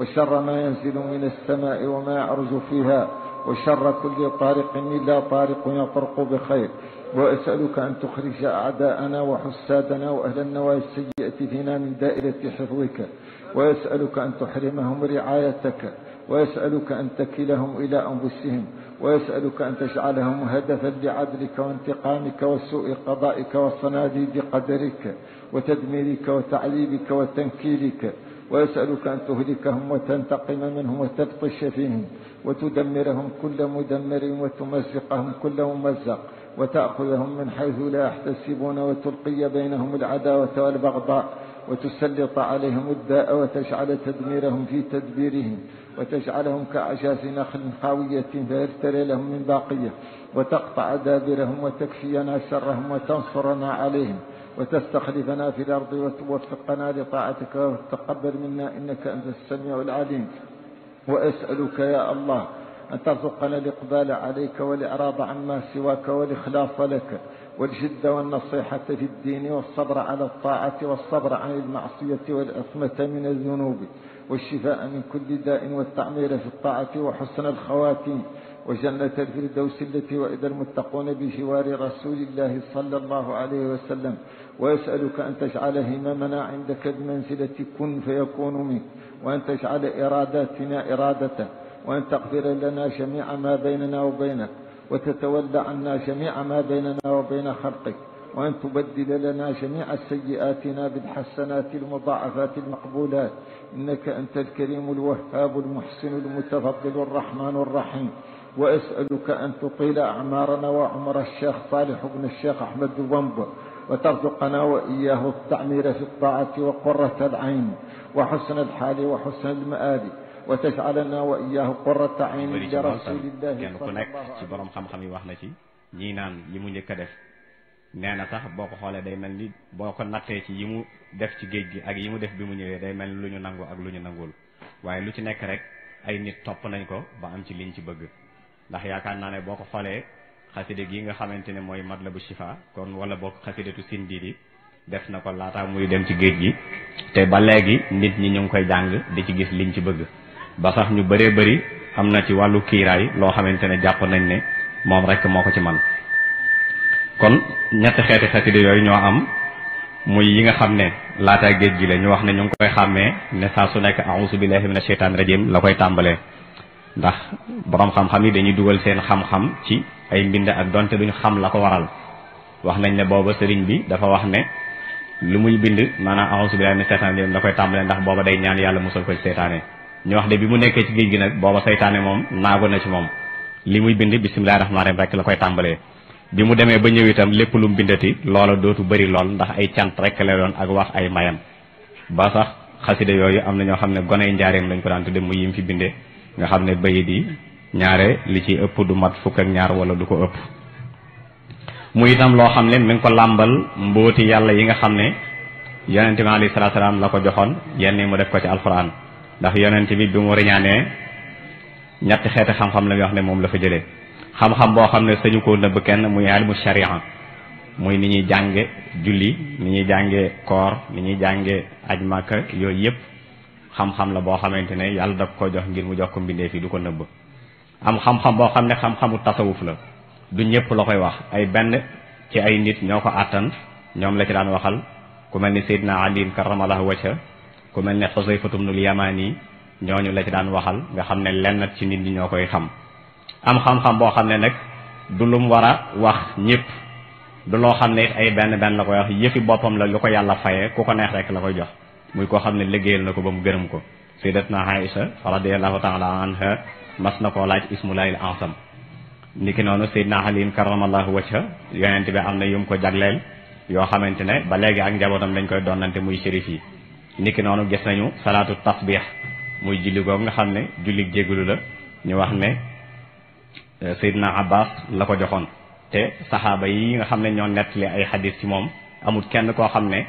وشر ما ينزل من السماء وما يعرج فيها وشر كل طارق إلا طارق يطرق بخير وأسألك أن تخرج أعداءنا وحسادنا وأهل النوايا السيئة فينا من دائرة حفظك وأسألك أن تحرمهم رعايتك وأسألك أن تكلهم إلى أنفسهم ويسألك أن تجعلهم هدفا لعدلك وانتقامك وسوء قضائك وصناديد قدرك وتدميرك وتعليبك وتنكيلك ويسألك أن تهلكهم وتنتقم منهم وتبطش فيهم وتدمرهم كل مدمر وتمزقهم كل ممزق وتأخذهم من حيث لا يحتسبون وتلقي بينهم العداوة والبغضاء وتسلط عليهم الداء وتجعل تدميرهم في تدبيرهم وتجعلهم كأعجاز نخل خاوية فيفتري لهم من باقية وتقطع دابرهم وتكفينا شرهم وتنصرنا عليهم وتستخلفنا في الأرض وتوفقنا لطاعتك وتقبل منا إنك أنت السميع العليم وأسألك يا الله أن ترزقنا الإقبال عليك والإعراض عما سواك والإخلاص لك والجد والنصيحة في الدين والصبر على الطاعة والصبر عن المعصية والعصمة من الذنوب والشفاء من كل داء والتعمير في الطاعة وحسن الخواتيم وجنة الفردوس التي وعد المتقون بجوار رسول الله صلى الله عليه وسلم ويسألك أن تجعل هممنا عندك بمنزلة كن فيكون منك وأن تجعل إراداتنا إرادته وأن تغفر لنا جميع ما بيننا وبينك وتتولى عنا جميع ما بيننا وبين خلقك وأن تبدل لنا جميع سيئاتنا بالحسنات المضاعفات المقبولات إنك أنت الكريم الوهاب المحسن المتفضل الرحمن الرحيم وأسألك أن تطيل أعمارنا وعمر الشيخ صالح بن الشيخ أحمد بومب وترزقنا وإياه التعمير في الطاعة وقرة العين وحسن الحال وحسن المآل وتجعلنا وإياه قرة عين لرسول الله صلى الله عليه وسلم nee na sax boo ko xoolee day mel ni boo ko nattee ci yi mu def ci géej gi ak yi mu def bi mu ñëwee day mel ni lu ñu nangu ak lu ñu nangul waaye lu ci nekk rek ay nit topp nañ ko ba am ci liñ ci bëgg ndax yaakaar naa ne boo ko xoolee xaside gi nga xamante ne mooy matlabu shifa kon wala boo xasidetu sindidi def na ko laataa muy dem ci géej gi te ba léegi nit ñi ñu ngi koy jàng di ci gis liñ ci bëgg ba sax ñu bëree bëri am na ci wàllu kiiraay loo xamante ne jàpp nañ ne moom rek moo ko ci man kon ñetti xeeti xasida yooyu ñoo am muy yi nga xam ne laata géej gi la ñu wax ne ñu ngi koy xàmmee ne saa su nekk auzu billahi mina sheytaani rajim la koy tàmbalee ndax borom xam yi dañuy dugal seen xam ci ay mbind ak donte duñu xam la ko waral wax nañ ne booba sëriñ bi dafa wax ne lu muy bind maanaam auzu billahi mina sheytaani rajim la koy tàmbalee ndax booba day ñaan yàlla musal ko ci seytaane ñu wax de bi mu nekkee ci géej gi nag booba seytaane moom naago na ci moom li muy bind bismillahi rahmaani rahim rek la koy tàmbalee bi mu demee ba ñëw itam lépp lu mu bindati loola dootu bari lool ndax ay cant rek la doon ak wax ay mayam ba sax xasida yooyu am na ñoo xam ne goney njaareem lañ ko daan tudde mu yim fi bindee nga xam ne bayit yi ñaare li ci ëpp du mat fukk ak ñaar wala du ko ëpp mu itam loo xam ne mi ngi ko làmbal mbóoti yàlla yi nga xam ne yonente bi alayhi salaatu salaam la ko joxoon yenn mu def ko ci alxuraan ndax yonente bi bi mu riñaanee ñetti xeeti xam-xam la muy wax ne moom la fa jëlee xam-xam boo xam ne sañu koo nëbb kenn muy alimu sharia muy ni ñuy jànge julli ni ñuy jànge koor ni ñuy jànge aj màkka yooyu yëpp xam-xam la boo xamante ne yàlla da ko jox ngir mu jox ko mbindeef yi du ko nëbb am xam-xam boo xam ne xam-xamu tasawuf la du ñëpp la koy wax ay benn ci ay nit ñoo ko àttan ñoom la ci daan waxal ku mel ni Seydina Ali karamallahu wajha ku mel ne Xusayfatum nul ñoo ñooñu la ci daan waxal nga xam ne lenn ci nit ñi ñoo koy xam am xam-xam boo xam ne nag du lum war a wax ñëpp du loo xam ne it ay benn benn la koy wax yëfi boppam la lu ko yàlla fayee ku ko neex rek la koy jox muy koo xam ne liggéeyal na ko ba mu gërëm ko na sayyidatna Aïcha radiyallahu taala anha mas na koo laaj ismulaahil ansam niki noonu sayyidna Aliin karamallahu wajha yonent bi am na yum ko jagleel yoo xamante ne ba léegi ak njabootam dañ koy donnante muy shérif yi niki noonu gis nañu salaatu tasbih muy julli googu nga xam ne julli jégalu la ñu wax ne Euh, Seydina Abbas la ko joxoon te saxaaba yi nga xam ne ñoo nettali ay xadis ci moom amul kenn koo xam ne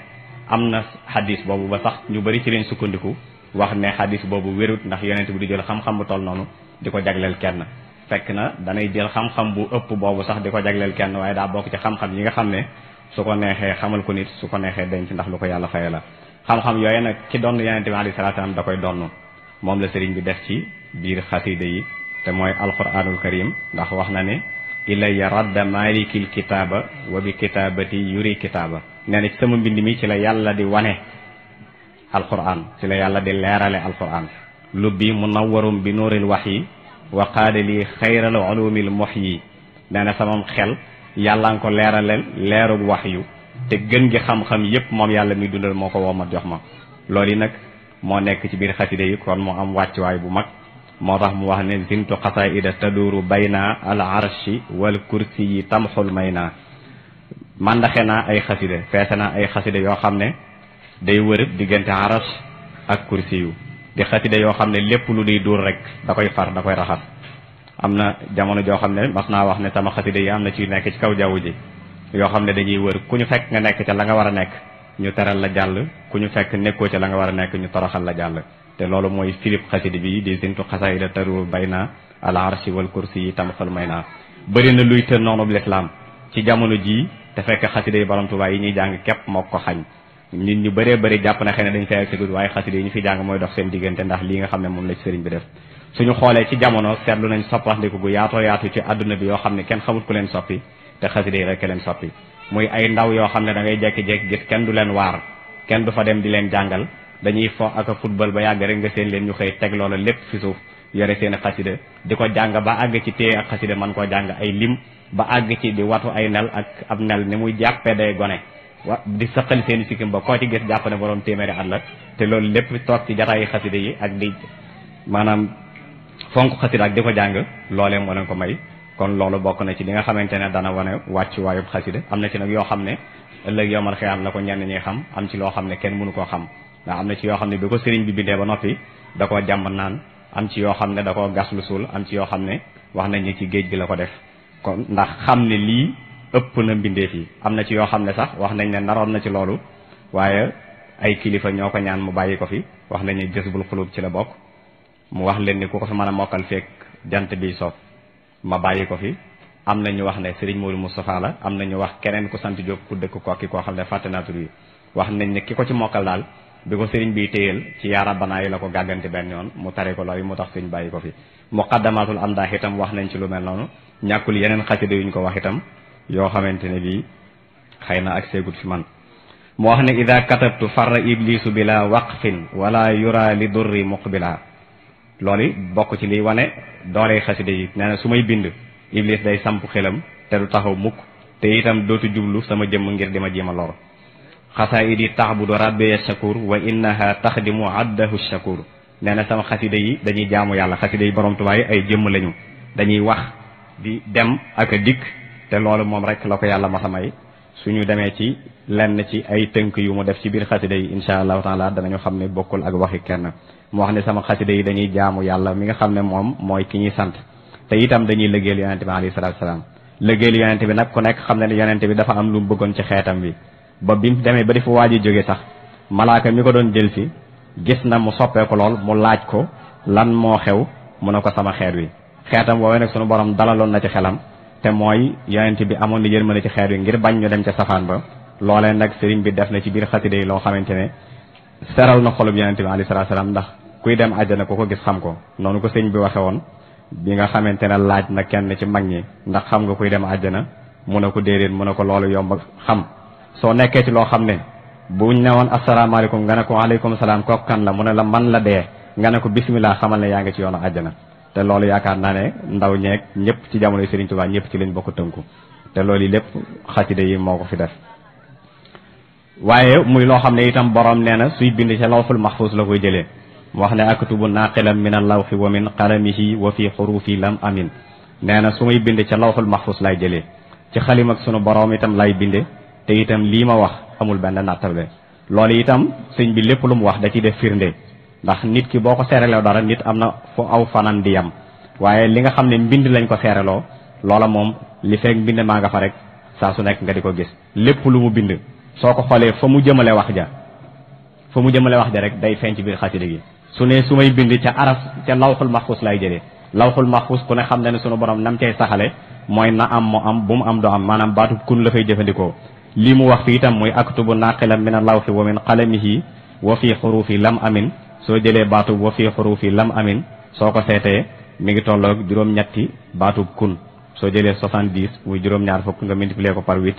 am na xadis boobu ba sax ñu bari ci leen sukkandiku wax ne xadis boobu wérut ndax yonent bi di jël xam-xam bu toll noonu di ko jagleel kenn fekk na danay jël xam-xam bu ëpp boobu sax di ko jagleel kenn waaye daa bokk ci xam-xam yi nga xam ne su ko neexee xamal ko nit su ko neexee denc ndax lu ko yàlla faye la xam-xam yooyu nag ki doon yonent bi alayhi salaatu salaam da koy donn moom la sëriñ bi def ci biir xasida yi te mooy alquranul karim ndax wax na ne ya radda malikil kitaaba wa bi kitaabati yuri kitaaba nee na ci sama mbind mi ci la yàlla di wane alquran ci la yàlla di leerale alquran lubbi munawwarum bi nuuril wahyi wa qaada li xayral ulumil muhyi nee na samam xel yàlla nga ko leeraleel leerug yu te gën gi xam-xam yépp moom yàlla mi dundal moo ko woo ma jox ma loolu yi nag moo nekk ci biir xaside yi kon moo am wàccuwaay bu mag moo tax mu wax ne zintu xasaida taduuru bayna al arshi wal kursi yi tamxul may naa màndaxe naa ay xasida feese naa ay xasida yoo xam ne day wër diggante arsh ak kursi yu di xasida yoo xam ne lépp lu duy duur rek da koy far da koy raxas am na jamono joo xam ne mas naa wax ne sama xasida yi am na ci nekk ci kaw jaww ji yoo xam ne dañuy wër ku ñu fekk nga nekk ca la nga war a nekk ñu teral la jàll ku ñu fekk nekkoo ca la nga war a nekk ñu toroxal la jàll te loolu mooy firib xasida bi di sintu xasaayida taru bay na al arshi wal kursi yi tamxal may naa bëri na luy tër noonu bu lislaam ci jamono jii te fekk xasida yi borom Tuubaa yi ñuy jàng képp moo ko xañ nit ñu bëree bëri jàpp na xëy ne dañ fay waaye xasida yi ñu fi jàng mooy dox seen diggante ndax lii nga xam ne moom la ci sëriñ bi def suñu xoolee ci jamono seetlu nañ soppandiku gu yaatoo yaatu ci àdduna bi yoo xam ne kenn xamut ku leen soppi te xasida yi rek leen soppi muy ay ndaw yoo xam ne da ngay jekki-jekki gis kenn du leen waar kenn du fa dem di leen jàngal dañuy fo ak a football ba yàgg rek nga seen leen ñu xëy teg loola lépp fi suuf yore seen xasida di ko jàng ba àgg ci téye ak xasida man koo jàng ay lim ba àgg ci di watu ay nel ak ab nel ni muy jàppee day gone wa di sëqal seen sikkim ba koo ci gis jàpp ne borom téeméeri at la te loolu lépp toog ci jataayi xasida yi ak di maanaam fonk xasida ak di ko jàng loolee moo leen ko may kon loolu bokk na ci li nga xamante ne dana wane wàccu waayub xasida am na ci nag yoo xam ne ëllëg yomal xiyaam la ko ñenn ñi xam am ci loo xam ne kenn mënu koo xam ndax am na ci yoo xam ne bi ko sëriñ bi bindee ba noppi da koo jàmb naan am ci yoo xam ne da koo gas lu suul am ci yoo xam ne wax nañ ne ci géej gi la ko def kon ndax xam ne lii ëpp na mbindeef yi am na ci yoo xam ne sax wax nañ ne naroon na ci loolu waaye ay kilifa ñoo ko ñaan mu bàyyi ko fi wax nañ ne jës bul xulub ci la bokk mu wax leen ni ku ko fi mën a mokkal fekk jant bi soob ma bàyyi ko fi am na ñu wax ne Serigne Modou Moustapha la am na ñu wax keneen ku sant Diop ku dëkk kokki koo xam ne fàtte naa yi wax nañ ne ki ko ci mokkal daal bi ko sëriñ bi téyel ci yaara banaa yi la ko gàggante benn yoon mu tare ko loolu mu tax sëriñ bàyyi ko fi muqaddamatul amdaax itam wax nañ ci lu mel noonu ñàkkul yeneen xasida yuñ ko wax itam yoo xamante ne bii xëy na ak seegut fi man mu wax ne ida katabtu bi iblisu wax waqfin wala yura li durri muqbila loolu bokk ci liy wane dooley xasida yi nee na su may bind iblis day samp xelam te du taxaw mukk te itam dootu jublu sama jëmm ngir dima jéem a xasaayidi taxbudu rabbiya shakur wa innaha taxdimu abdahu shakur nee na sama xasida yi dañuy jaamu yàlla xasida yi borom tubaay ay jëmm lañu dañuy wax di dem ak a dikk te loolu moom rek la ko yàlla ma su ñu demee ci lenn ci ay tënk yu mu def ci biir xasida yi insha allahu dana danañu xam ne bokkul ak waxi kenn mu wax ne sama xasida yi dañuy jaamu yàlla mi nga xam ne moom mooy ki ñuy sant te itam dañuy lëggéeyal yonente bi alayhi salaatu salaam lëggéeyal yonente bi nag ku nekk xam ne ne yonente bi dafa am lu bëggoon ci xeetam bi ba bi demee ba di fa waaj a jóge sax malaaka mi ko doon jël si gis na mu soppeeku lool mu laaj ko lan moo xew mun ne ko sama xeet wi xeetam woowee nag sunu borom dalaloon na ci xelam te mooy yonent bi amoon ni na yërmande ci xeet wi ngir bañ ñu dem ca safaan ba loolee nag sëriñ bi def na ci biir xasida yi loo xamante ne seral na xolub yonent bi alayhi salaatu salaam ndax kuy dem àjjana ku ko gis xam ko noonu ko sëriñ bi waxe woon bi nga xamante ne laaj na kenn ci mag ñi ndax xam nga kuy dem àjjana mu ne ko déedéet mu ne ko loolu yomb xam soo nekkee ci loo xam ne buñ ne woon asalaamaaleykum nga ne ko waaleykum salaam kooku kan la mu ne la man la dee nga ne ko bismillah xamal ne yaa ngi ci yoonu àjjana te loolu yaakaar naa ne ndaw ñeek ñëpp ci jamono Serigne Touba ñëpp ci lañ bokk tënku te loolu yi lépp xasida yi moo ko fi def waaye muy loo xam ne itam borom nee na suy bind ca lawful mahfuz la koy jëlee mu wax ne aktubu naqilan min allawxi wa min qalamihi wa fi xurufi lam amin nee na su may bind ca lawful mahfuz lay jëlee ci xalim ak sunu borom itam lay binde te itam lii ma wax amul benn nattable loolu itam sëñ bi lépp lu mu wax da ci def firnde ndax nit ki boo ko seereloo dara nit am na fu aw fanam di yam waaye li nga xam ne mbind lañ ko seereloo loola moom li fekk mbind maa nga fa rek saa su nekk nga di ko gis lépp lu mu bind soo ko xoolee fa mu jëmale wax ja fa mu jëmale wax ja rek day feeñ ci biir xasida gi su ne su may bind ca araf ca lawxul maxfuus lay jëlee lawxul maxfuus ku ne xam ne ne sunu borom nam cay saxale mooy na am mu am bu mu am doo maanaam baatub kun la fay jëfandikoo lii mu wax fi itam muy aktubu naqilan min allawxi wa min qalamihi wa fi xurufi lam amin soo jëlee baatub wa fi xurufi lam amin soo ko seetee mi ngi tolloog juróom-ñetti baatub kun soo jëlee 70 muy juróom-ñaar ku nga multiplier ko par 8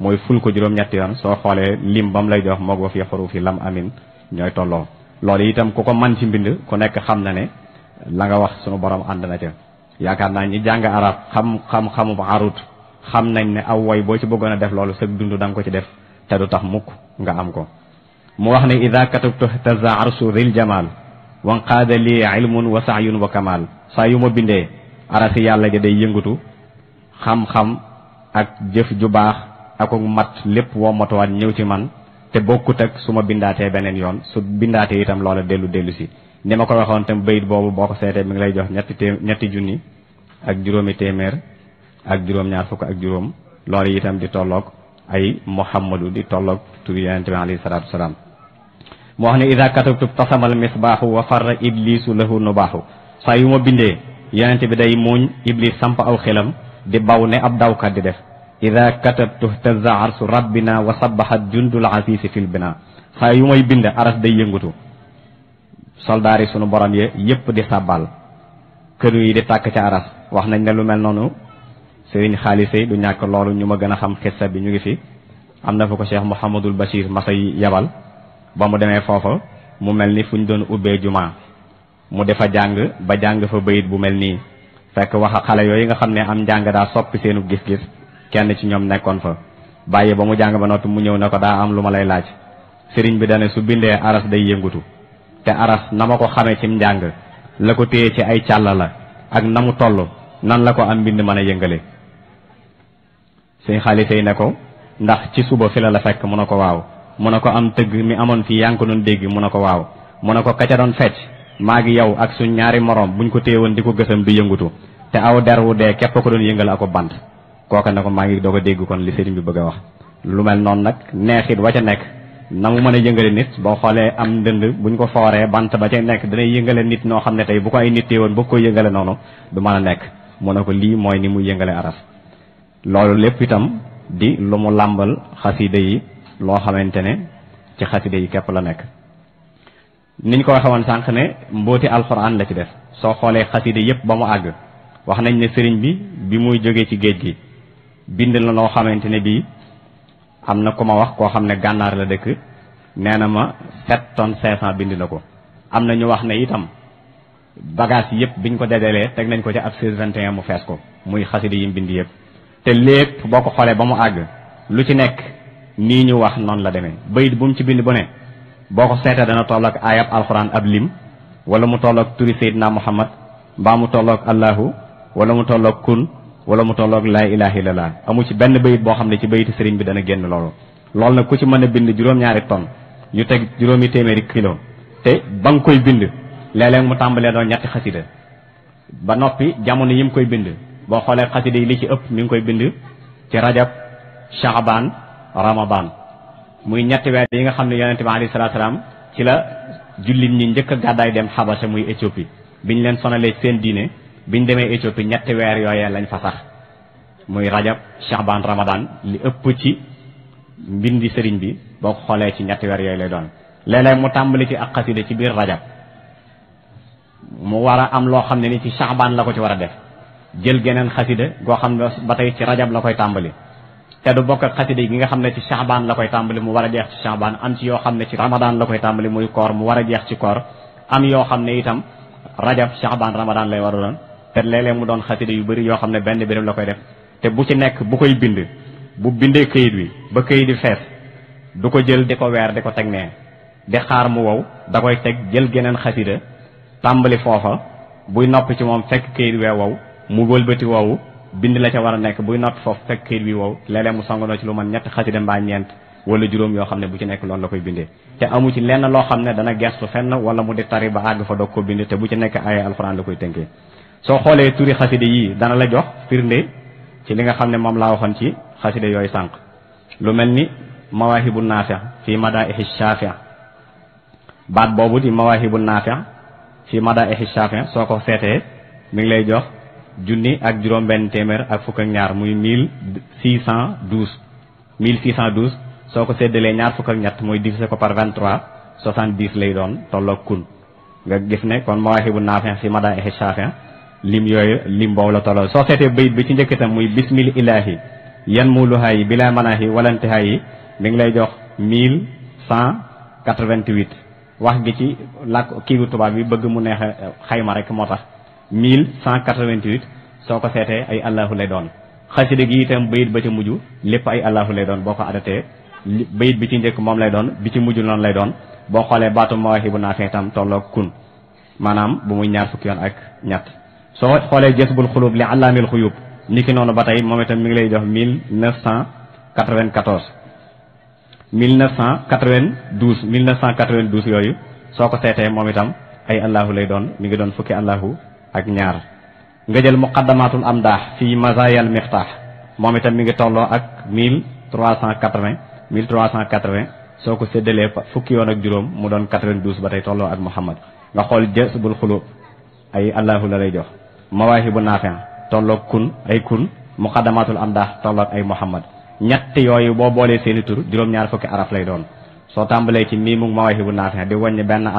mooy ful ko juróom-ñetti yoon soo xoolee lim ba mu lay jox moog wa fi xurufi lam amin ñooy tolloo loolu itam ku ko man ci mbind ku nekk xam na ne la nga wax sunu borom ànd na ca yaakaar naa ñi jàng arab xam nañ ne aw woy boo ci bëggoon a def loolu sëg dund danga ko ci def te du tax mukk nga am ko mu wax ne ida katabtu taza arsu ril jamal wanqaada lii ilmun wa sahyun wa kamal saa yu ma bindee arasi yàlla gi day yëngatu xam-xam ak jëf ju baax ak mat lépp woo matuwaat ñëw ci man te bokkut ak su ma bindaatee beneen yoon su bindaatee itam loola dellu dellu si ni ma ko waxoon tam bayit boobu boo ko seetee mi ngi lay jox ñetti té ñetti ak juróomi téeméer ak juróom-ñaar fukk ak juróom loolu itam di tolloog ay muhammadu di tolloog turi yonent bi alayhi salaatu wasalaam mu wax ne ida katabtu tasamal misbaaxu wa farra iblisu lahu nubaaxu saa yu ma bindee yonent bi day muuñ iblis samp aw xelam di baw ne ab dawkat di def ida katabtu htaza arsu rabbina wa sabahat jundul asisi fil bina saa yu may bind aras day yëngutu soldaar yi sunu borom ye yépp di sàbbal kër yi di tàkk ca aras wax nañ ne mel sëriñ xaalisay du ñàkk loolu ñu ma gën a xam xissa bi ñu ngi fi am na fa ko cheikh mouhamadul bachir masa yabal ba mu demee foofa mu mel ni fu ñu doon ubbee jumaa mu defa jàng ba jàng fa bayit bu mel nii fekk wax xale yooyu nga xam ne am njàng daa soppi seenu gis-gis kenn ci ñoom nekkoon fa bàyyi ba mu jàng ba noppi mu ñëw na ko daa am lu ma lay laaj sëriñ bi dane su bindee aras day yëngutu te aras na ma ko xamee cim njàng la ko téye ci ay càll la ak na mu toll nan la ko am mbind mën a yëngale sëñ xaalis tey ne ko ndax ci suba fi la la fekk mu ne ko waaw mu ne ko am tëgg mi amoon fii yaa ngi ko doon dégg mu ne ko waaw mu ne ko kaca doon fecc maa ngi yow ak suñ ñaari morom buñ ko téewoon di ko gësam du yëngutu te aw der wu dee képp ko doon yëngal ako bant kooka na ko maa ngi doo ko dégg kon li sëriñ bi bëgg a wax lu mel noonu nag neexit wa a nekk na mu mën a yëngale nit boo xoolee am ndënd ñu ko fooree bant ba ca nekk danay yëngale nit noo xam ne tey bu ko ay nit téewoon bu ko noonu du mën nekk mu ne ko lii mooy ni mu yëngale aras loolu lépp itam di lu mu làmbal xasida yi loo xamante ne ci xasida yi kepp la nekk niñ ko waxe woon sànq ne mbooti alxuraan la ci def soo xoolee xasida yépp ba mu àgg wax nañ ne sëriñ bi bi muy jógee ci géej gi bind na loo xamante ne bii am na ku ma wax koo xam ne gànnaar la dëkk nee na ma sept tonnes cinq cent bind na ko am na ñu wax ne itam bagage yépp ñu ko dajalee teg nañ ko ci ab 16 21 mu fees ko muy xasida yi mu bind yépp te lépp boo ko xoolee ba mu àgg lu ci nekk nii ñu wax noonu la demee bayit bu mu ci bind bu ne boo ko seetee dana tolloog ayab alxuraan ab lim wala mu tolloog turi Seydina Muhammad mbaa mu tolloog Allahu wala mu tollook kun wala mu tolloog laa ilaha illallah amu ci benn bayit boo xam ne ci bayiti sëriñ bi dana génn loolu loolu nag ku ci mën a bind juróom-ñaari tonn yu teg juróomi téeméeri kilo te ba nga koy bind léeg mu tàmbalee doon ñetti xasida ba noppi jamono yi koy bind boo xoolee xasida yi li ci ëpp mi ngi koy bind ci rajab shahbaan ramadan muy ñetti weer yi nga xam ne yonente bi alayhi salaatu salaam ci la jullit ñi njëkk a gàddaay dem xabasa muy bi ñu leen sonalee seen diine biñ demee Éthiopie ñetti weer yooyee lañ fa sax muy rajab shahbaan ramadan li ëpp ci mbindi sëriñ bi boo ko xoolee ci ñetti weer yooyu lay doon léeg mu tàmbali ci ak xasida ci biir rajab mu war a am loo xam ne ni ci shahbaan la ko ci war a def jël geneen xasida goo xam ne ba tey ci rajab la koy tàmbali te du bokk ak xasida gi nga xam ne ci shahbaan la koy tàmbali mu war a jeex ci shahbaan am yoo xam ne ci ramadan la koy tàmbali muy koor mu war a jeex ci koor am xam ne itam rajab shahbaan ramadan lay war a doon te léeg-léeg mu doon xasida yu bëri yoo xam ne benn birim la koy def te bu ci nekk bu koy bind bu bindee këyit wi ba këyit bi fees du ko jël di ko weer di ko teg nee di xaar mu wow da koy teg jël geneen xasida tàmbali foofa buy noppi ci moom fekk këyit wee wow mu wëlbati woowu bind la ca war a nekk buy nopp foofu fekk këyit bi wow léeg mu mu songandoo ci lu man ñett xasida mbaa ñeent wala juróom yoo xam ne bu ci nekk loolu la koy bindee te amu ci lenn loo xam ne dana gestu fenn wala mu di tari ba àgg fa doog ko bind te bu ci nekk ay alxuraan la koy tënkee soo xoolee turi xasida yii dana la jox firnde ci li nga xam ne moom laa waxoon ci xasida yooyu sànq lu mel ni mawaahibu naafi fii madaihi shaafi baat boobu di mawaahibu naafi fii madaihi shaafi soo ko seetee mi ngi lay jox junni ak juróom benn téeméer ak fukk ñaar muy mille six cent douze mille six cent douze soo ko séddalee ñaar fukk ñett mooy divisé ko par vingt trois soixante dix lay doon tolloog kun nga gis ne kon mawaahibu naafin fi madaa ihi shaafin lim yooyu lim boow la tolloo soo seetee bayit bi ci njëkk tam muy bismil ilaahi yan muuluhaa yi bilaa manaahi wala intihaa yi mi ngi lay jox mille cent quatre-vingt-huit wax gi ci làkk kii gu tubaab yi bëgg mu neex xayma rek moo tax 1188 soo ko seetee ay allahu lay doon xasida gi itam bayit ba ca mujj lépp ay allahu lay doon boo ko adatee bayit bi ci njëkk moom lay doon bi ci mujj noonu lay doon boo xoolee baatu mawaahibu naafi tam tolloog kun maanaam bu muy ñaar fukki yoon ak ñett soo xoolee jasbul xulub li allaamil xuyub niki noonu ba tey moom itam mi ngi lay jox 1994 1992 1992 yooyu soo ko seetee moom itam ay allahu lay doon mi ngi doon fukki allahu ak ñaar nga jël muqaddamatul amdaax fii mazayal miftaax moom itam mi ngi tolloo ak mille trois cent quatre-vingt mille trois cent quatre soo ko séddalee fukki yoon ak juróom mu doon quatre vingt ba tey tolloo ak Muhammad nga xool jësbul xulub ay allahu la lay jox mawaahibu naafia tolloo kun ay kun muqaddamatul amdaax ak ay Muhammad ñett yooyu boo boolee seeni tur juróom-ñaar fukki araf lay doon soo tàmbalee ci mii mu mawaahibu naafia di wàññi benn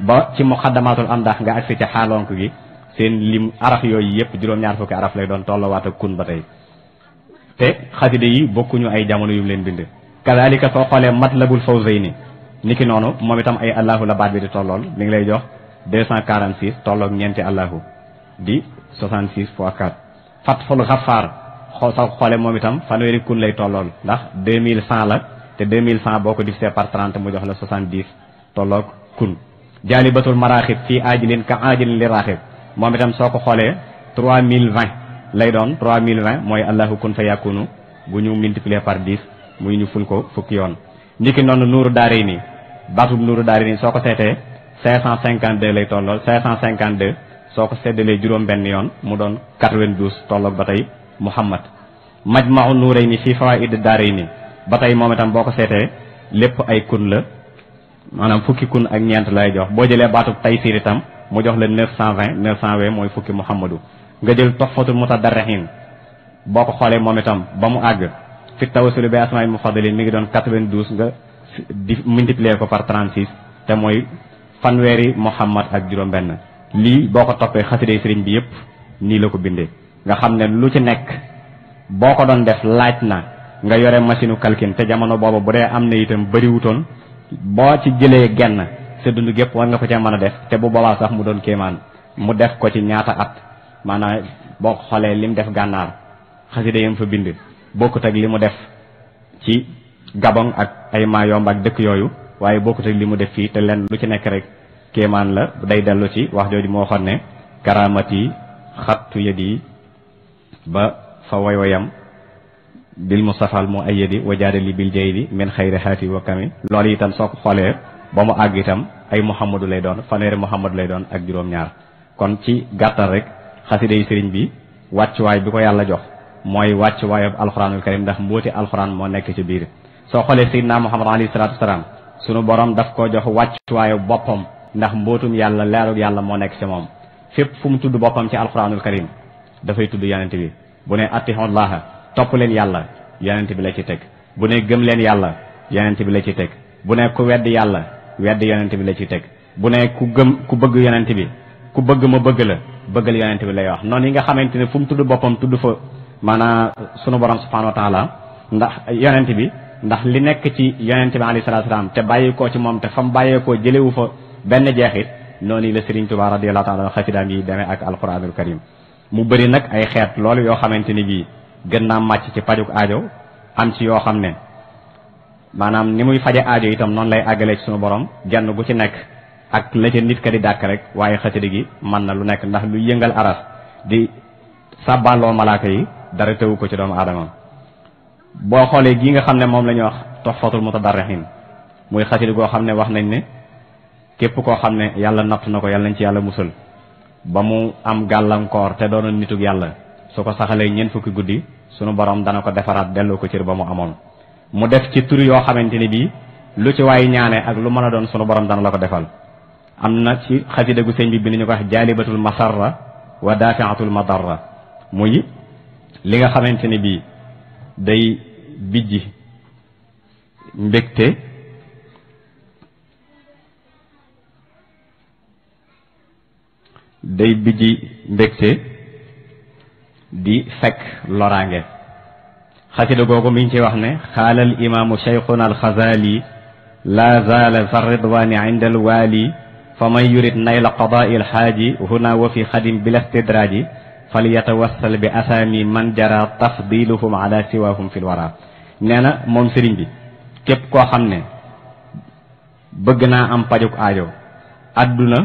ba ci muqaddamatul amdaax nga agsi ca xaalonk gi seen lim araf yooyu yëpp juróom-ñaar fukki araf lay doon tollawaat ak kun ba tey te xaside yi bokkuñu ay jamono yu leen bind kazalika soo xoolee matlabul ni ki noonu moom itam ay allahu la baat bi di tollool mi ngi lay jox 246 tolloog ñeenti allahu di 66 fois 4 fatful xafaar xoo soo xoolee moom itam fanweeri kun lay tollool ndax mille 2100 la te 2100 boo ko divisé par 30 mu jox la 70 tolloog kun jaalibatul maraaxib fii aajilin ka aajilin li raaxib moom itam soo ko xoolee trois mille vingt lay doon trois mille vingt mooy allahu kun fa yakunu bu ñu multiplier par dix muy ñu ful ko fukki yoon niki noonu nuuru daare nii baatub nuuru daare nii soo ko seetee cinq cent cinquante deux lay tollool cinq cent cinquante deux soo ko seddalee juróom benn yoon mu doon quatre-vingt-douze tolloog ba tey muhammad majmau nuuray ni fii fawaid daaray nii ba tey moom itam boo ko seetee lépp ay kun la maanaam fukki kun ak ñeent lay jox boo jëlee baatub taysiir itam mu jox la neuf cent vingt neuf cent vingt mooy fukki muhammadu nga jël toxfatul mutadarrihin boo ko xoolee moom itam ba mu àgg fi tawassul bi asmaa'il mufaddalin mi ngi doon quatre-vingt-douze nga di multiplier ko par trente te mooy fanweeri muhammad ak juróom-benn lii boo ko toppee xasiday sëriñ bi yépp nii la ko bindee nga xam ne lu ci nekk boo ko doon def laaj na nga yore machine u te jamono boobu bu am na itam bëriwutoon boo ci jëlee genn sa dund gépp war nga ko cee mën a def te bu boobaa sax mu doon kéemaan mu def ko ci ñaata at maanaa boo xoolee li mu def gànnaar xasida yam fa bind bokkut ak li mu def ci Gabon ak ay Mayombe ak dëkk yooyu waaye bokkut ak li mu def fii te lenn lu ci nekk rek kéemaan la day dellu ci wax jooju moo waxoon ne karaamati xattu yët yi ba fa woy woyam bil mustafal mu ayadi wa jaadali bil jaydi min xayri xaati wa kami loolu itam soo ko xoolee ba mu àgg itam ay muhammadu lay doon fanweeri muhammadu lay doon ak juróom-ñaar kon ci gàttal rek xasida yi sëriñ bi wàccuwaay bi ko yàlla jox mooy wàccuwaayam alxuraanul karim ndax mbooti alxuraan moo nekk ci biir soo xoolee sayyidina muhammad alayhi salaatu wasalaam sunu borom daf ko jox wàccuwaayu boppam ndax mbootum yàlla leerul yàlla moo nekk ci moom fépp fu mu tudd boppam ci alxuraanul karim dafay tudd yonent bi bu ne atixullaha topp leen yàlla yonent bi la ci teg bu ne gëm leen yàlla yonent bi la ci teg bu ne ku wedd yàlla wedd yonent bi la ci teg bu ne ku gëm ku bëgg yonent bi ku bëgg ma bëgg la bëggal yonent bi lay wax noon yi nga xamante ne fu mu tudd boppam tudd fa maanaam sunu borom subhanahu wa taala ndax yonent bi ndax li nekk ci yonent bi alayhi salaatu salaam te bàyyikoo ci moom te fa mu bàyyeekoo jëlewu fa benn jeexit noonu la Serigne Touba radiyallahu taala xasidaam yi demee ak alquranul karim mu bëri nag ay xeet loolu yoo gën naa màcc ci pajuk aajo am ci yoo xam ne maanaam ni muy faje aajo itam noonu lay àggalee ci sunu borom genn gu ci nekk ak la ca nit ka di dàkk rek waaye xasida gi mën na lu nekk ndax luy yëngal aras di sàbbaaloo malaaka yi dara tëwu ko ci doomu aadama boo xoolee gi nga xam ne moom la ñuy wax toxfatul xiin muy xasida goo xam ne wax nañ ne képp koo xam ne yàlla natt na ko yàlla nañ ci yàlla musal ba mu am gàllankoor te doonoon nitug yàlla su ko saxalee ñeent fukki guddi sunu borom dana ko defaraat delloo ko cër ba mu amoon mu def ci tur yoo xamante ni bii lu ci waay ñaane ak lu mën a doon sunu borom dana la ko defal am na ci xasida gu sëñ bi bi ñu ko wax jaalibatul masarra wa daafiatul madarra muy li nga xamante ni bii day bijji mbégte day bijji mbégte di fekk loraange xasida googu mi ngi ci wax ne xaalal imaamu cheikhuna alxazali la zaala za ridwani inda alwaali fa man yurid nayla qadaai alxaaji huna wa fi xadim bila stidraaji falyatawassal bi asaami man jara tafdiluhum ala siwahum fi lwara nee na moom sëriñ bi képp koo xam ne bëgg naa am pajuk aajo adduna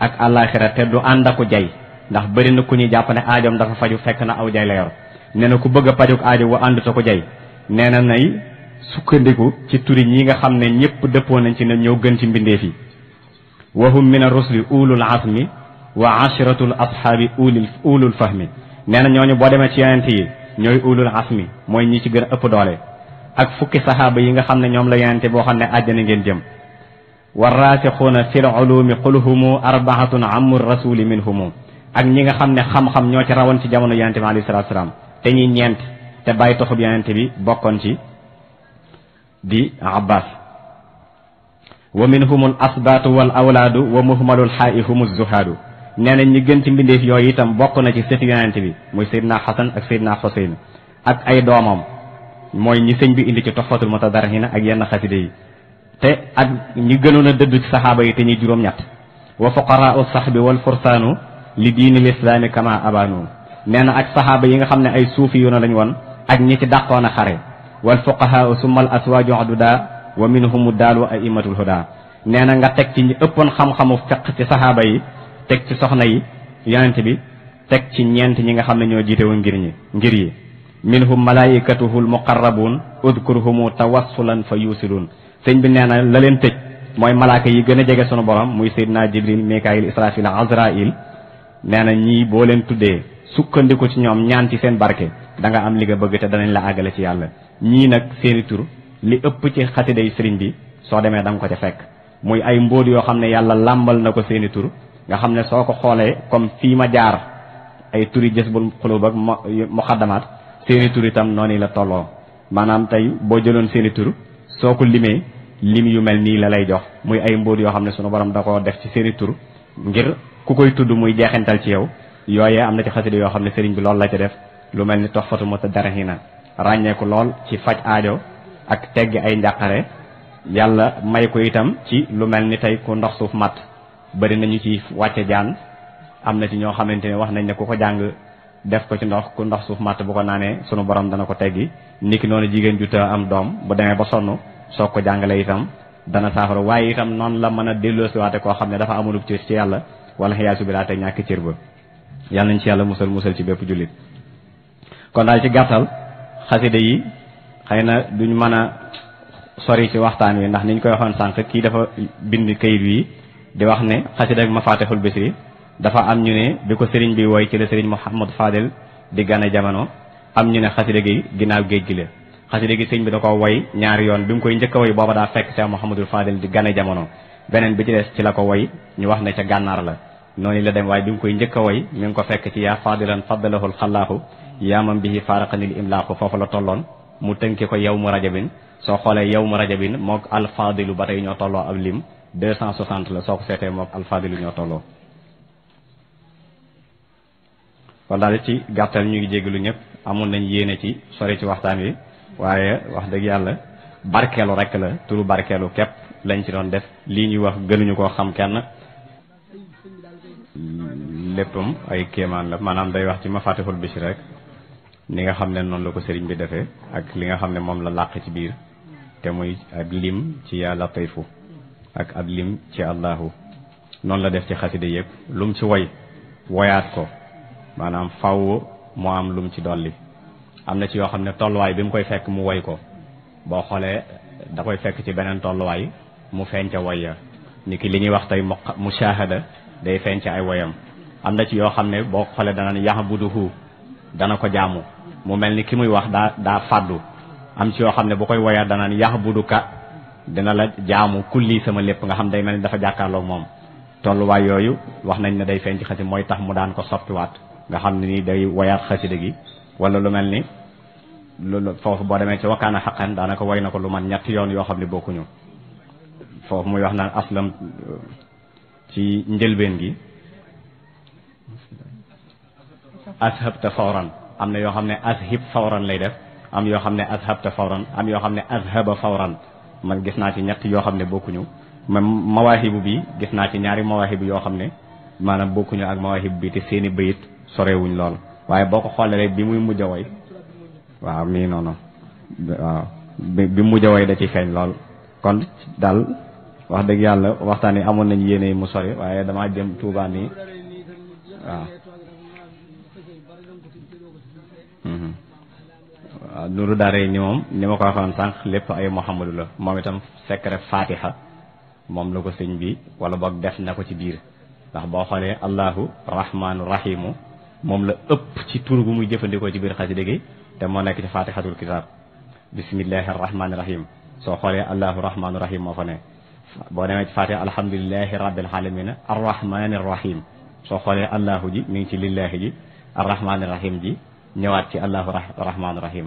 ak àllaaxira te du ànd jay ndax bëri na ku ñuy jàpp ne aajoom dafa faju fekk na aw jay la yor na ku bëgg a pajuk aajo wa ànduta ko jay nee na nay sukkandiku ci turi ñii nga xam ne ñëpp dëppoo nañ ci ne ñëw gën ci mbindeef yi wahum min ar-rusli ulul azmi wa ashiratul ashaabi ulul ulul fahmi nee na ñooñu boo demee ci yonent yi ñooy ulul azmi mooy ñi ci gën a ëpp doole ak fukki sahaaba yi nga xam ne ñoom la yonente boo xam ne àjjana ngeen jëm wa raasixuuna fil ulumi qul humu arbaatun ammu rasuli minhumu ak ñi nga xam ne xam-xam ñoo ci rawoon ci jamono yonente bi alayhi salaatu salaam te ñi ñeent te bàyyi toxub yonente bi bokkoon ci di abbas wa minhum al asbaatu wal awlaadu wa muhmalul xaa'i humu zuhaadu nee na ñi gën ci mbindeef yooyu itam bokk na ci sëti yonente bi muy Seydina Xasan ak Seydina Xuseyn ak ay doomam mooy ñi sëñ bi indi ci toxfatul mutadarrihina ak yenn xaside yi te ak ñi gënoon a dëdd ci saxaaba yi te ñi juroom juróom-ñett wa fuqaraau sahbi wal fursaanu li diini lislaami kama abanu nee na ak saxaaba yi nga xam ne ay suufi yu na lañ woon ak ñi ci dàqoon a xare wal fuqahaa summa al aswaaju aduda wa minhumu daalu aimatul huda nee na nga teg ci ñi ëppoon xam-xamu fiq ci saxaaba yi teg ci soxna yi yonent bi teg ci ñeent ñi nga xam ne ñoo jiitewu ngir ñi ngir yi minhum malaikatuhu almuqarrabun udkurhumu tawassulan fa yusilun sëñ bi nee na la leen tëj mooy malaaka yi gën a jege sunu borom muy seydina jibril mikail israfil azrail nee na ñii boo leen tuddee sukkandiku ci ñoom ñaan ci seen barke da nga am li nga bëgg te danañ la àggale ci yàlla ñii nag seeni tur li ëpp ci xasiday sëriñ bi soo demee da nga ko ca fekk muy ay mbóot yoo xam ne yàlla làmbal na ko seeni tur nga xam ne soo ko xoolee comme fii ma jaar ay turi jës bul xulub ak muxaddamaat seeni tur itam noonu la tolloo maanaam tey boo jëloon seeni tur soo ko limee lim yu mel nii la lay jox muy ay mbóot yoo xam ne sunu borom da ko def ci seeni tur ngir ku koy tudd muy jeexantal ci yow yooyee am na ci xasida yoo xam ne sëriñ bi loolu la ci def lu mel ni tox fatu mota darahina ràññeeku lool ci faj ak tegg ay njàqare yàlla may ko itam ci lu mel ni tey ku ndox suuf matt bëri nañu ci wàcce jaan am na ci ñoo xamante ne wax nañ ne ku ko jàng def ko ci ndox ku ndox suuf matt bu ko naanee sunu borom dana ko teggi niki noonu jigéen ju te am doom bu demee ba sonn soog ko jàngale itam dana saafara waaye itam noonu la mën a delloosiwaate koo xam ne dafa amul cër ci yàlla wala xiyaasu bi laa te ñàkk cër ba yal nañ ci yàlla musal musal ci bépp jullit kon daal ci gàttal xasida yi xëy na duñ mën a sori waxtaan wi ndax niñ koy waxoon sànq kii dafa bind kayit wi di wax ne xasida ak mafaatixul bisri dafa am ñu ne bi ko sëriñ bi woy ci la sëriñ Mouhamad Fadel di gane jamono am ñu ne xasida gi ginnaaw géej gi la xasida gi sëñ bi da ko woy ñaari yoon bi mu koy njëkk a woy booba daa fekk Cheikh Mouhamadul Fadil di gane jamono beneen bi ci des ci la ko woy ñu wax ne ca gànnaar la noonu la dem waaye bi mu koy njëkk a woy mi ngi ko fekk ci yaa fadilan faddalahul xallaaxu yaamam bihi faaraqanil imlaaxu foofu la tolloon mu tënki ko yow mu rajabin soo xoolee yow mu rajabin mook alfadilu ba tey ñoo tolloo ab lim 260 la soo ko seetee mook alfadilu ñoo tolloo kon daal ci gàttal ñu ngi jégalu ñëpp amoon nañ yéene ci sore waxtaan wi waaye wax dëgg yàlla barkeelu rek la turu barkeelu képp lañ ci doon def lii ñuy wax gënuñu koo xam kenn léppam ay kéemaan la maanaam day wax ci mafatihul bichri rek ni nga xam ne noonu la ko sëriñ bi defee ak li nga xam ne moom la làq ci biir te muy ab lim ci yaa latifu ak ab lim ci allahu noonu la def ci xaside yëpp lum ci woy woyaat ko maanaam faw moo am lum ci dolli am na ci yoo xam ne tolluwaay bi mu koy fekk mu woy ko boo xoolee da koy fekk ci beneen tolluwaay mu feeñ ca woy ya ni ki li ñuy wax tey mushahada day feeñ ay woyam am na ci yoo xam ne boo xoolee dana yahbuduhu dana ko jaamu mu mel ni ki muy wax daa daa fàddu am ci yoo xam ne bu koy woyaat danaan ka dina la jaamu kulli sama lépp nga xam day mel ni dafa jàkkaarloog moom tolluwaay yooyu wax nañ ne day feeñ ci mooy tax mu daan ko soppiwaat nga xam ne ni day woyaat xasida gi wala lu mel ni loolu foofu boo demee ci wakkaana xaqan daanaka way na ko lu man ñetti yoon yoo xam ne bokkuñu foofu muy wax naan aslam ci njëlbeen gi ashabta fawran am na yoo xam ne ashib fawran lay def am yoo xam ne ashabta fawran am yoo xam ne ashaba fawran man gis naa ci ñett yoo xam ne bokkuñu man mawaahibu bi gis naa ci ñaari mawaahibu yoo xam ne maanaam bokkuñu ak mawaahibu bi te seeni bayit sorewuñ lool waaye boo ko xoolee rek bi muy mujj woy waaw mii noonu waaw bi mujj woy da ci feeñ lool kon daal wax dëgg yàlla waxtaan yi amoon nañu yéene mu sori waaye damaa jëm Tuubaa nii waaw mhm. waaw nuru daare ni moom ni ma ko waxoon sànq lépp ay Muhammadu la moom itam secret fatiha moom la ko sëñ bi wala boog def na ko ci biir ndax boo xoolee allahu rahmaanu rahimu moom la ëpp ci tur bu muy jëfandikoo ci biir xasida gi te moo nekk ci faatixatul kitaab bismillahi arrahmani rahim soo xoolee allahu rahmaanu rahim moo fa ne boo demee ci faatixa alhamdulilahi rabbil alamina arrahmani rahim soo xoolee allahu ji mi ngi ci lillahi ji arrahmani rahim ji ñëwaat ci allahu rahmaanu rahim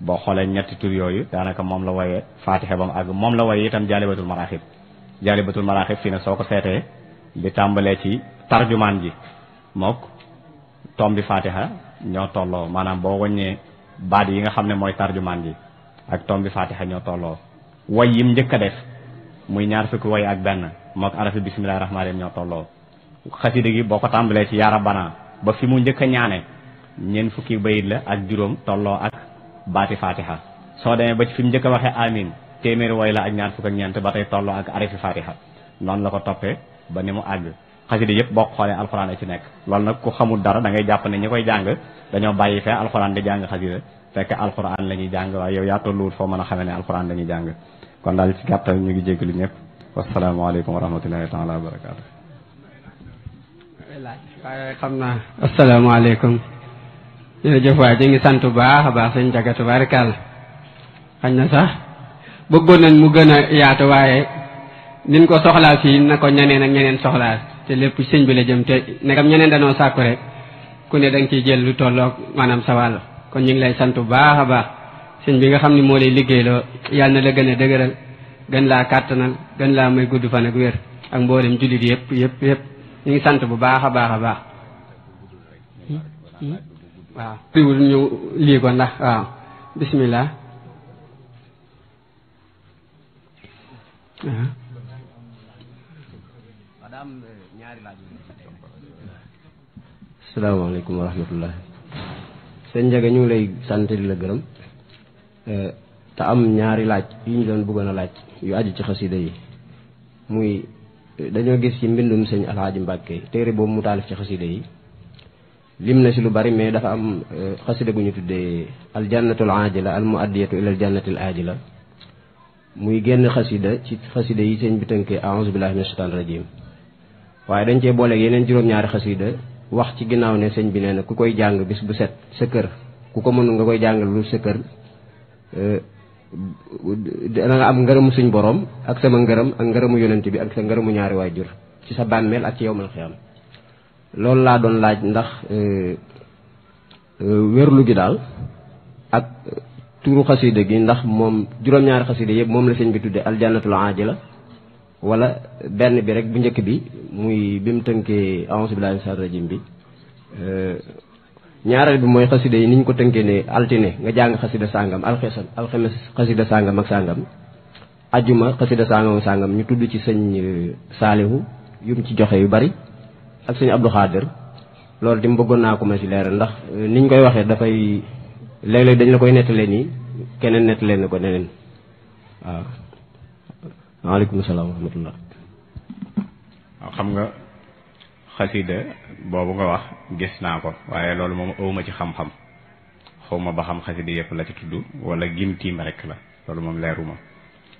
boo xoolee ñetti tur yooyu daanaka moom la woyee faatixa ba ak moom la woyee itam jaalibatul maraaxib jaalibatul maraaxib fii ne soo ko seetee li tàmbalee ci tarjumaan ji mook tombi fatiha ñoo tolloo maanaam boo wàññee baat yi nga xam ne mooy tarjumaan ji ak tombi fatiha ñoo tolloo way yim njëkk a def muy ñaar fukki woy ak benn mook arafi bisimilahi rahmaani rahim ñoo tolloo xasida gi boo ko tàmbalee ci yaara bana ba fi mu njëkk a ñaane ñeent fukki bayit la ak juróom tolloo ak baati fatiha soo demee ba ci fi mu njëkk a waxee amin téeméeri way la ak ñaar fukk ak ñeent ba tey tolloo ak arafi fatiha noonu la ko toppee ba ni mu àgg xasida yëpp bok xolé alcorane la ci nek loolu nak ku xamul dara da ngay japp ne ñi koy jàng dañoo bàyyi fee alxuraan di jang xasida fekk alcorane lañuy jang wa yow ya tolluwut foo mën a xamee ne alxuraan la ñuy kon dal ci gattal ñu ngi jéggul jéggalu ñëpp alaykum wa rahmatullahi taala wa barakatuh waaye xam naa asalaamaaleykum jërëjëf waay di ngi sant baax baax sëñ jagatu barakal xagna sax bëggoon nañ mu gëna yaatu waye niñ ko soxla fi nako ko ñeneen ak ñeneen soxlaa te lépp sëñ bi la jëm te nekkam ñeneen danoo sàkku rek ku ne da nga ciy jël lu tollook maanaam sa wàll kon ñu ngi lay sant bu baax a baax sëñ bi nga xam ni moo lay liggéeyloo yàlla na la gën a dëgëral gën laa kàttanal gën laa may gudd fan ak wér ak mboolem jullit yëpp yépp yëpp ñu ngi sant bu baax a baax a baax waaw piwul ñu lii ko ndax waaw bismillah salaamaaleykum wa rahmatullah sëñ Ndiaga ñu ngi lay sant di la gërëm te am ñaari laaj yu ñu doon bëggoon a laaj yu aju ci xasida yi muy dañoo gis ci mbindum sëñ Alxaaji Mbàkke téere boobu mu taalif ci xasida yi lim na si lu bari mais dafa am xasida gu ñu tuddee aljannatul ajila al muaddiyatu ila aljannatil ajila muy génn xasida ci xasida yi sëñ bi tënkee aouzu billahi min shaitan rajim waaye dañ cee booleeg yeneen juróom-ñaari xasida wax ci ginnaaw ne sëñ bi nee ku koy jàng bis bu set sa kër ku ko mënu nga koy jàngal lu sa kër eh, da nga am ngërëmu suñ borom ak sama ngërëm ak ngërëmu yonent bi ak sa ngërëmu ñaari waajur ci sa bàmmeel ak ci yowmal xiyam loolu laa doon laaj ndax eh, eh, wérlu gi daal ak turu xasida gi ndax moom juróom-ñaari xasida yëpp moom la sëñ bi tudde aljannatul aajila wala benn bi rek bu njëkk bi muy bi mu tënkee a'uuzu bi mina shaytaani rajiim bi euh, ñaareel bi mooy xasida yi ni ñu ko tënkee ne altine nga jàng xasida sàngam alxesam alxemes xasida sàngam ak sàngam ajjuma xasida sàngam sàngam ñu tudd ci sëñ euh, saalihu yu mu ci joxe yu bari ak sëñ Abdou Khadir loolu di mu bëggoon naa ko ma ci leeral ndax euh, niñ koy waxee dafay léeg-léeg dañ la koy nettalee nii keneen nettalee na ko neneen waaw waaleykum salaam wa rahmatullah xam nga xasida boobu nga wax gis naa ko waaye loolu moom awma ci xam-xam xawma ba xam xasida yëpp la ci tudd wala gimtiim rek la loolu moom leeruma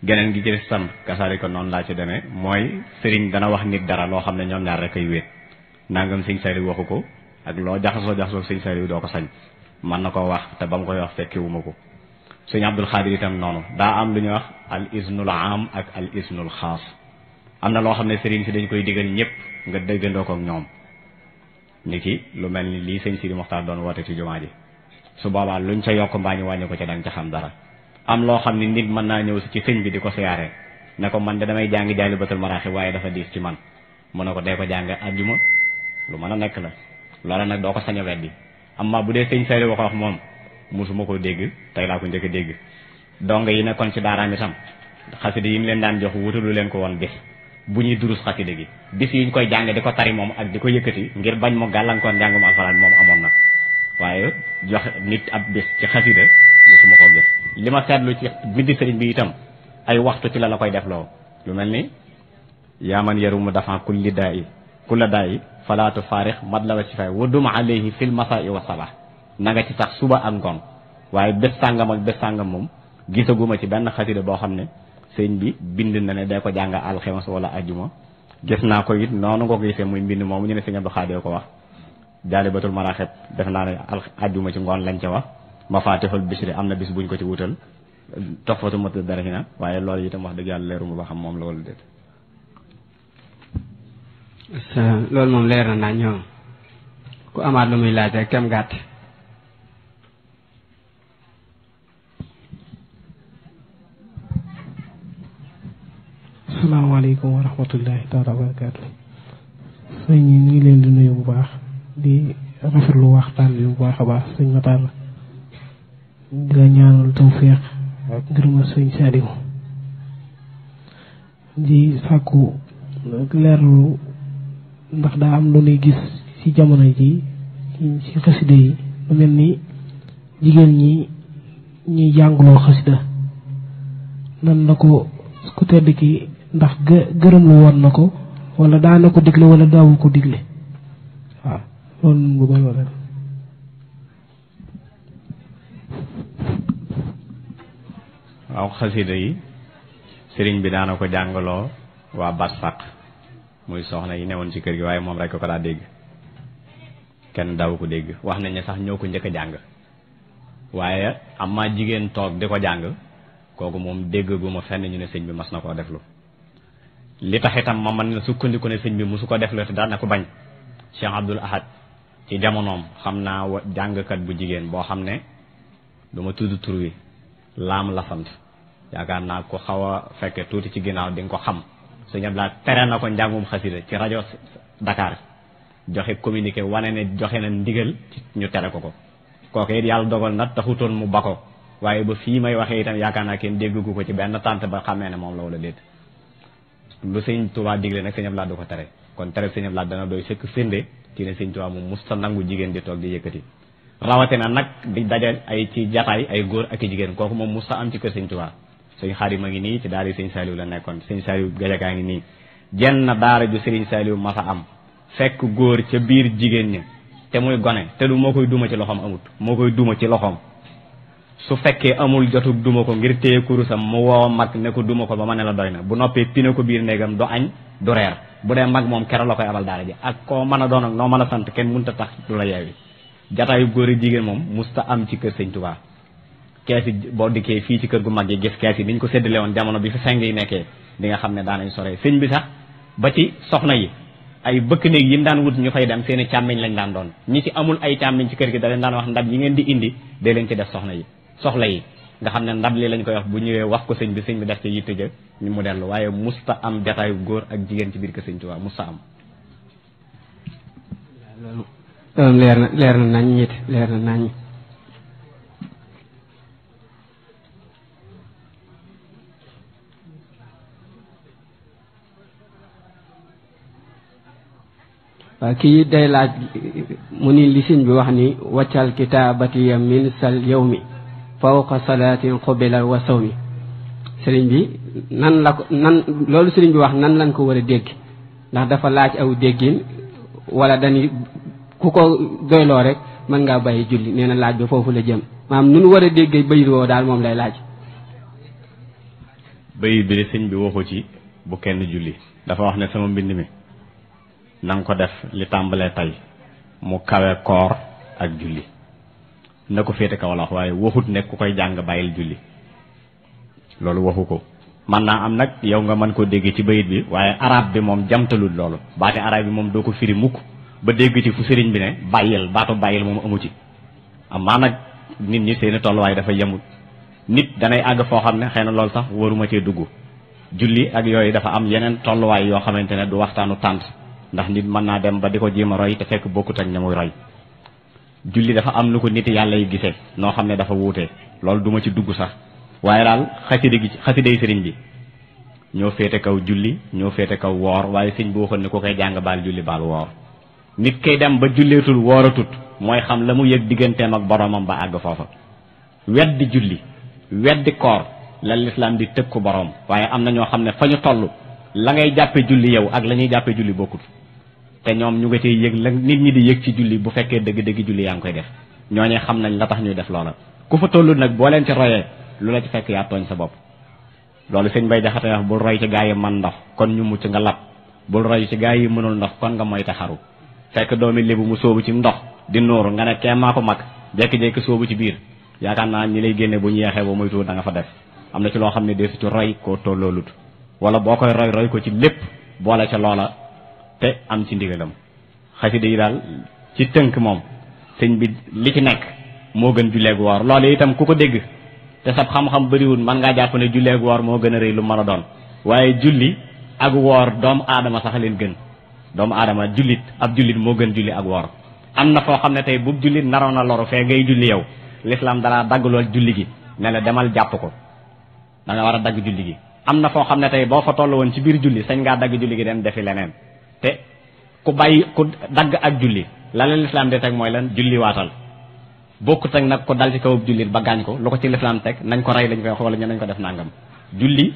geneen gi ci san tam kasaari ko noonu laa ci demee mooy sëriñ dana wax nit dara loo xam ne ñoom ñaar rek ay wéet nangam sëñ Saliou waxu ko ak loo jaxasoo jaxasoo sëñ Saliou doo ko sañ man na ko wax te ba mu koy wax fekkiwuma ko sëñ Abdul Xaadir itam noonu daa am lu ñuy wax al isnul am ak al isnul xaas am na loo xam ne sëriñ si dañ koy digal ñëpp nga déggandoo ko ak ñoom ni ki lu mel ni lii sëñ Sidi Moxtaar doon woote ci jumaa ji su boobaa luñ ca yokk mbaa ñu wàññi ko ca danga ca xam dara am loo xam ne nit mën naa ñëw ci sëñ bi di ko siyaare ne ko man de damay jàngi jaalu batul maraaxi waaye dafa diis ci man mu ne ko dee ko jàng àjjuma lu mën a nekk la loola nag doo ko sañ a musuma koo dégg tey laa ko njëkk a dégg dong yi nekkoon ci daaraam itam xasida yi leen daan jox wutalu leen ko woon bis bu ñuy durus xasida gi bis yi koy jàng di ko tari moom ak di ko yëkkati ngir bañ mu gàllankoor njàngum alxuraan moom amoon na waaye jox nit ab bis ci xasida musuma koo gis li ma seetlu ci midi sëriñ bi itam ay waxtu ci la la koy def loo lu mel ni yaa man yarumu dafan kulli daa yi kulla daa yi falaatu faarix mat la wa sifaay wa dum alayhi fil masaa na nga ci sax suba ak ngoon waaye bés sàngam ak bés sàngam moom gisaguma ci benn xasida boo xam ne sëñ bi bind na ne day ko jàng alxemes wala ajuma gis naa ko it noonu nga ko gisee muy mbind moomu ñu ne sëñ Abdou Xaadir ko wax jaalibatul maraaxib def naa ne al ajuma ci ngoon lañ ca wax ma faatixul bisri am na bis buñ ko ci wutal toxfatu mat dara na waaye loolu itam wax dëgg leeru leeruma ba xam moom la wala loolu moom leer na naa ñoom asalaamaaleykum wa rahmatullahi taala wa barakaatu sëñ ñi ngi leen ya, di nuyu ya, bu baax di rafetlu waxtaan bi bu baax a baax sëñ Matar di la ñaanal tawfiq ak ngërëma sëñ Sadiou di sàkku leerlu ndax daa am lu nuy gis ci jamono ji ci xasida yi lu mel ni jigéen ñi ñuy jàngloo xasida nan la ko ku tedd ki ndax gë gërëm woon na ko wala daana ko digle wala daawu ko digle waaw loolu yi sëriñ bi daana ko jàngaloo waa barsàq muy soxna yi newoon ci kër gi waaye moom rek ko daa dégg kenn daw ko dégg wax nañ ne sax ñoo ko njëkk jàng waaye am ma jigéen toog di ko jàng kooku moom dégg gu ma fenn ñu ne sëñ bi mas na koo deflu li tax itam ma mën na sukkandiku ne sëñ bi mosu ko def la te daan na ko bañ Cheikh Abdoul Ahad ci jamonoom xam naa wa jàngkat bu jigéen boo xam ne du ma tudd tur wi laam la sant yaakaar naa ko xaw a fekke tuuti ci ginnaaw di nga ko xam sëñ Abdoul Ahad tere na ko njàngum xasida ci rajo dakaar joxe communiqué wane ne joxe na ndigal ci ñu tere ko ko kooku it yàlla dogal na taxutoon mu ba bako waaye ba fii may waxee itam yaakaar naa kenn déggu ko ci benn tànt ba xamee ne moom la wala déet lu sëñ Tuubaa digle nag sëñ Abdu Lahat du ko tere kon tere sëñ Abdu Lahat dana doy sëkk firnde ci ne sëñ Tuubaa moom musta nangu jigéen di toog di yëkkati rawatina nag di daje ay ci jataay ay góor ak i jigéen kooku moom musta am ci kër sëñ Tuubaa sëñ xaarima ngi nii ci daara yi sëñ Saaliw la nekkoon sëñ Saaliw gajagaa ngi nii jenn daara ju sëriñ Saaliw masa am fekk góor ca biir jigéen ñi te muy gone te lu moo koy duma ci loxoom amut moo koy duuma ci loxoom su fekkee amul jotug duma ko ngir téye kurusam mu woo mag ne ko duma ko ba ma ne la doy na bu noppee pine ko biir néegam du añ du reer bu dee mag moom kero la koy abal daara ji ak koo mën a doon ak noo mën a sant kenn mun ta tax du la yeewi jataayu góor yi jigéen moom musta am ci kër sëñ Tuubaa kees yi boo dikkee fii ci kër gu mag yi gis kees yi ni ñu ko séddale woon jamono bi fi seng yi nekkee di nga xam ne daanañ sore sëñ bi sax ba ci soxna yi ay bëkk néeg yi daan wut ñu fay dem seeni càmmiñ lañ daan doon ñi ci amul ay càmmiñ ci kër gi da leen wax ndab yi ngeen di indi dee ci def soxna yi soxla yi nga xam ne ndab li lañ koy wax bu ñëwee wax ko sëñ bi sëñ bi def ci yitte ja ñu mu dellu waaye musta am jataayu góor ak jigéen ci biir kër sëñ Tuubaa musta am loolu leer na leer na nañ it leer na nañ waaw kii day laaj mu ni li sëñ bi wax ni wàccal kitaabati min sal yow mi fawqa salaatin qubila wa sawmi sëriñ bi nan la ko nan loolu sëriñ bi wax nan lañ ko war a dégg ndax dafa laaj aw déggin wala dañuy ku ko doyloo rek mën ngaa bàyyi julli nee laaj ba foofu la jëm maam nu war a déggee bayit daal moom lay laaj bayit bi de sëñ bi waxu ci bu kenn julli dafa wax ne sama mbind mi na ko def li tàmbalee tey mu kawe koor ak julli na ko féete kaw la waaye waxut ne ku koy jàng bàyyil julli loolu waxu ko man naa am nag yow nga mën koo dégg ci bayit bi waaye arab bi moom jamtalul loolu baate arab bi moom doo ko firi mukk ba dégg ci fu sëriñ bi ne bàyyil baatu bàyyil moom amu ci am maa nag nit ñi seeni tolluwaay dafa yemut nit danay àgg foo xam ne xëy na loolu sax waruma cee dugg julli ak yooyu dafa am yeneen tolluwaay yoo xamante ne du waxtaanu tànt ndax nit mën naa dem ba di ko jéem a roy te fekk bokkut ak ña julli dafa am nu ko nit yàlla yi gisee noo xam ne dafa wuute loolu duma ci dugg sax waaye daal xasida gi xasiday sëriñ bi ñoo féete kaw julli ñoo féete kaw woor waaye sëñ bi waxoon ne ku koy jàng baal julli baal woor nit kay dem ba julleetul wooratut mooy xam la mu yëg digganteem ak boromam ba àgg foofa weddi julli weddi koor la lislaam di tëkku borom waaye am na ñoo xam ne fa ñu toll la ngay jàppe julli yow ak la ñuy jàppe julli bokkut te ñoom ñu nga cay yëg la nit ñi di yëg ci julli bu fekkee dëgg-dëgg julli yaa ngi koy def ñooñee xam nañ la tax ñuy def loola ku fa toll nag boo leen ci royee lu la ci fekk yaa tooñ sa bopp loolu sëñ bay jaxate wax bul roy gaa yi man ndox kon ñu mucc nga lab bul roy ci gaa yi mënul ndox kon nga moy taxaru fekk doomi lébu mu sóobu ci ndox di nuur nga ne kee maa ko mag jekki-jekki soobu ci biir yaakaar naa ñi lay génne bu ñu yeexee ba moytu da nga fa def am na ci loo xam ne deesu ci roy koo tolloolut wala boo koy roy roy ko ci lépp boole ca loola te am ci ndigalam xasida yi dal ci teunk mom señ bi li ci nek mo gën leg war lolé itam kuko deg te sab xam-xam wun man nga japp ne ju leg war mo gëna reey lu mën doon waye julli ak woor dom adama sax leen gën dom adama julit ab julit mo gën julli ak woor amna fo xamne tay bu jullit narona loro fe ngay julli yow l'islam dara dag lol julli gi ne la demal japp ko da nga wara dag julli gi amna fo xamne tay bo fa tollu won ci bir julli sañ nga dag julli gi dem defi leneen te ku kod ku dagg ak julli la leen lislaam di teg moy lan julli watal bokkut ak nak ko dal ci kaw julli ba gañ ko lu ci lislaam tek nañ ko ray lañ koy xol wala ñu nañ ko def nangam julli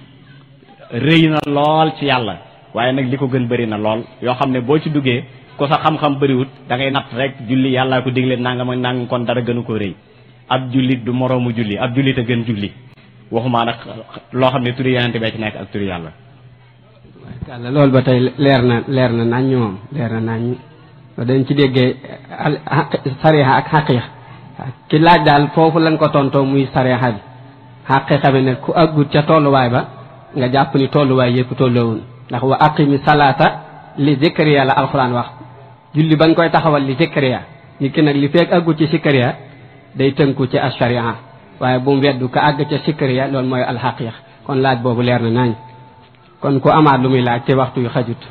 rëy na lool ci yalla waye nak liko gën bari na lol yo xamne bo ci duggé ko sa xam-xam wut da ngay nat rek julli yalla ko diglé nangam ak nang kon dara gënu ko reey ab julli du moromu julli ab julli a gën julli waxuma nak lo xamne turu be ci nek ak turu yalla kàlla loolu ba tey leer na leer na naññ moom leer na naññ dañ ci déggee sariha ak xaqiiqa ki laaj daal foofu lañ ko tontoo muy sariha bi xaqiiqa bi ne ku àggut ca tolluwaay ba nga jàpp ni tolluwaay yëpp tolloowun ndax wa aqimi salaata li zikriya la alxuraan wax julli bañ koy taxawal li zikriya nit ki nag li feek ci sikriya day tënku ci asharia waaye bu mu weddu ka ca sikriya loolu mooy alxaqiiq kon laaj boobu leer na nañ kon ku amaat lu muy laaj te waxtu yu xajut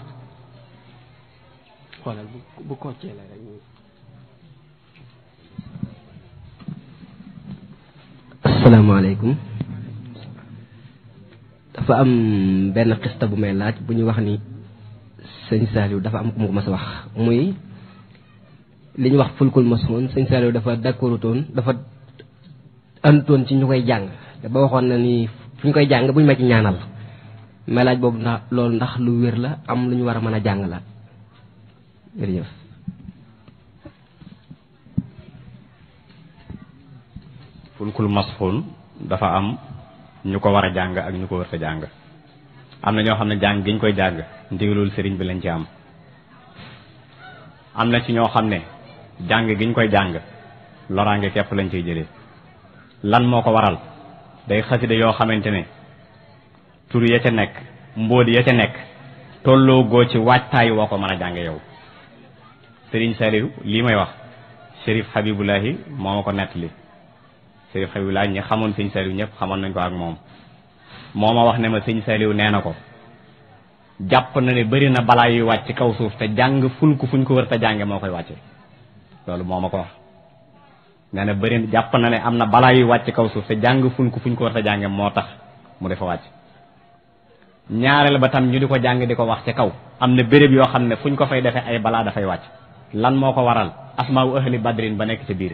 xoolal bu koccee la rek asalaamaaleykum dafa am benn xista bu may laaj bu ñu wax ni sëñ saaliw dafa am ku mu ko mas wax muy li ñu wax fulkul masoon sëñ saaliw dafa d'accordutoon dafa antoon ci ñu koy jàng ba waxoon na ni fu ñu koy jàng bu ñu ma ci ñaanal melaaj boobu na loolu ndax lu wér la am lu ñu war a mën a jàng la jërëjëf fulkul masxuun dafa am ñu ko war a jàng ak ñu ko war jàng am na ñoo xam ne jàng gi ñu koy jàng ndigalul sëriñ bi lañ ci am am na ci ñoo xam ne jàng gi ñu koy jàng loraange képp lañ ciy jëlee lan moo ko waral day xasida yoo xamante ne tur ya ca nekk mbóot ya ca nekk tolloo goo ci waajtaay woo ko mën a jàng yow sëriñ Saliou lii may wax Chérif Habibulahi moo ma ko nettali Chérif Habibulahi ñi xamoon sëñ Saliou ñëpp xamoon nañ ko ak moom moo ma wax ne ma sëñ Saliou nee na ko jàpp na ne bari na balaa yuy wàcc ci kaw suuf te jàng ful ko fuñ ko wër te jànge moo koy wàcce loolu moo ma ko wax nee na bëri jàpp na ne am na balaa yuy wàcc kaw suuf te jàng ful ko fuñ ko wër moo tax mu defa ñaareel ba tam ñu di ko jàng di ko wax ci kaw am na béréb yoo xam ne fu ñu ko fay defee ay balaa dafay wàcc lan moo ko waral asmaawu ahli badrin ba nekk ci biir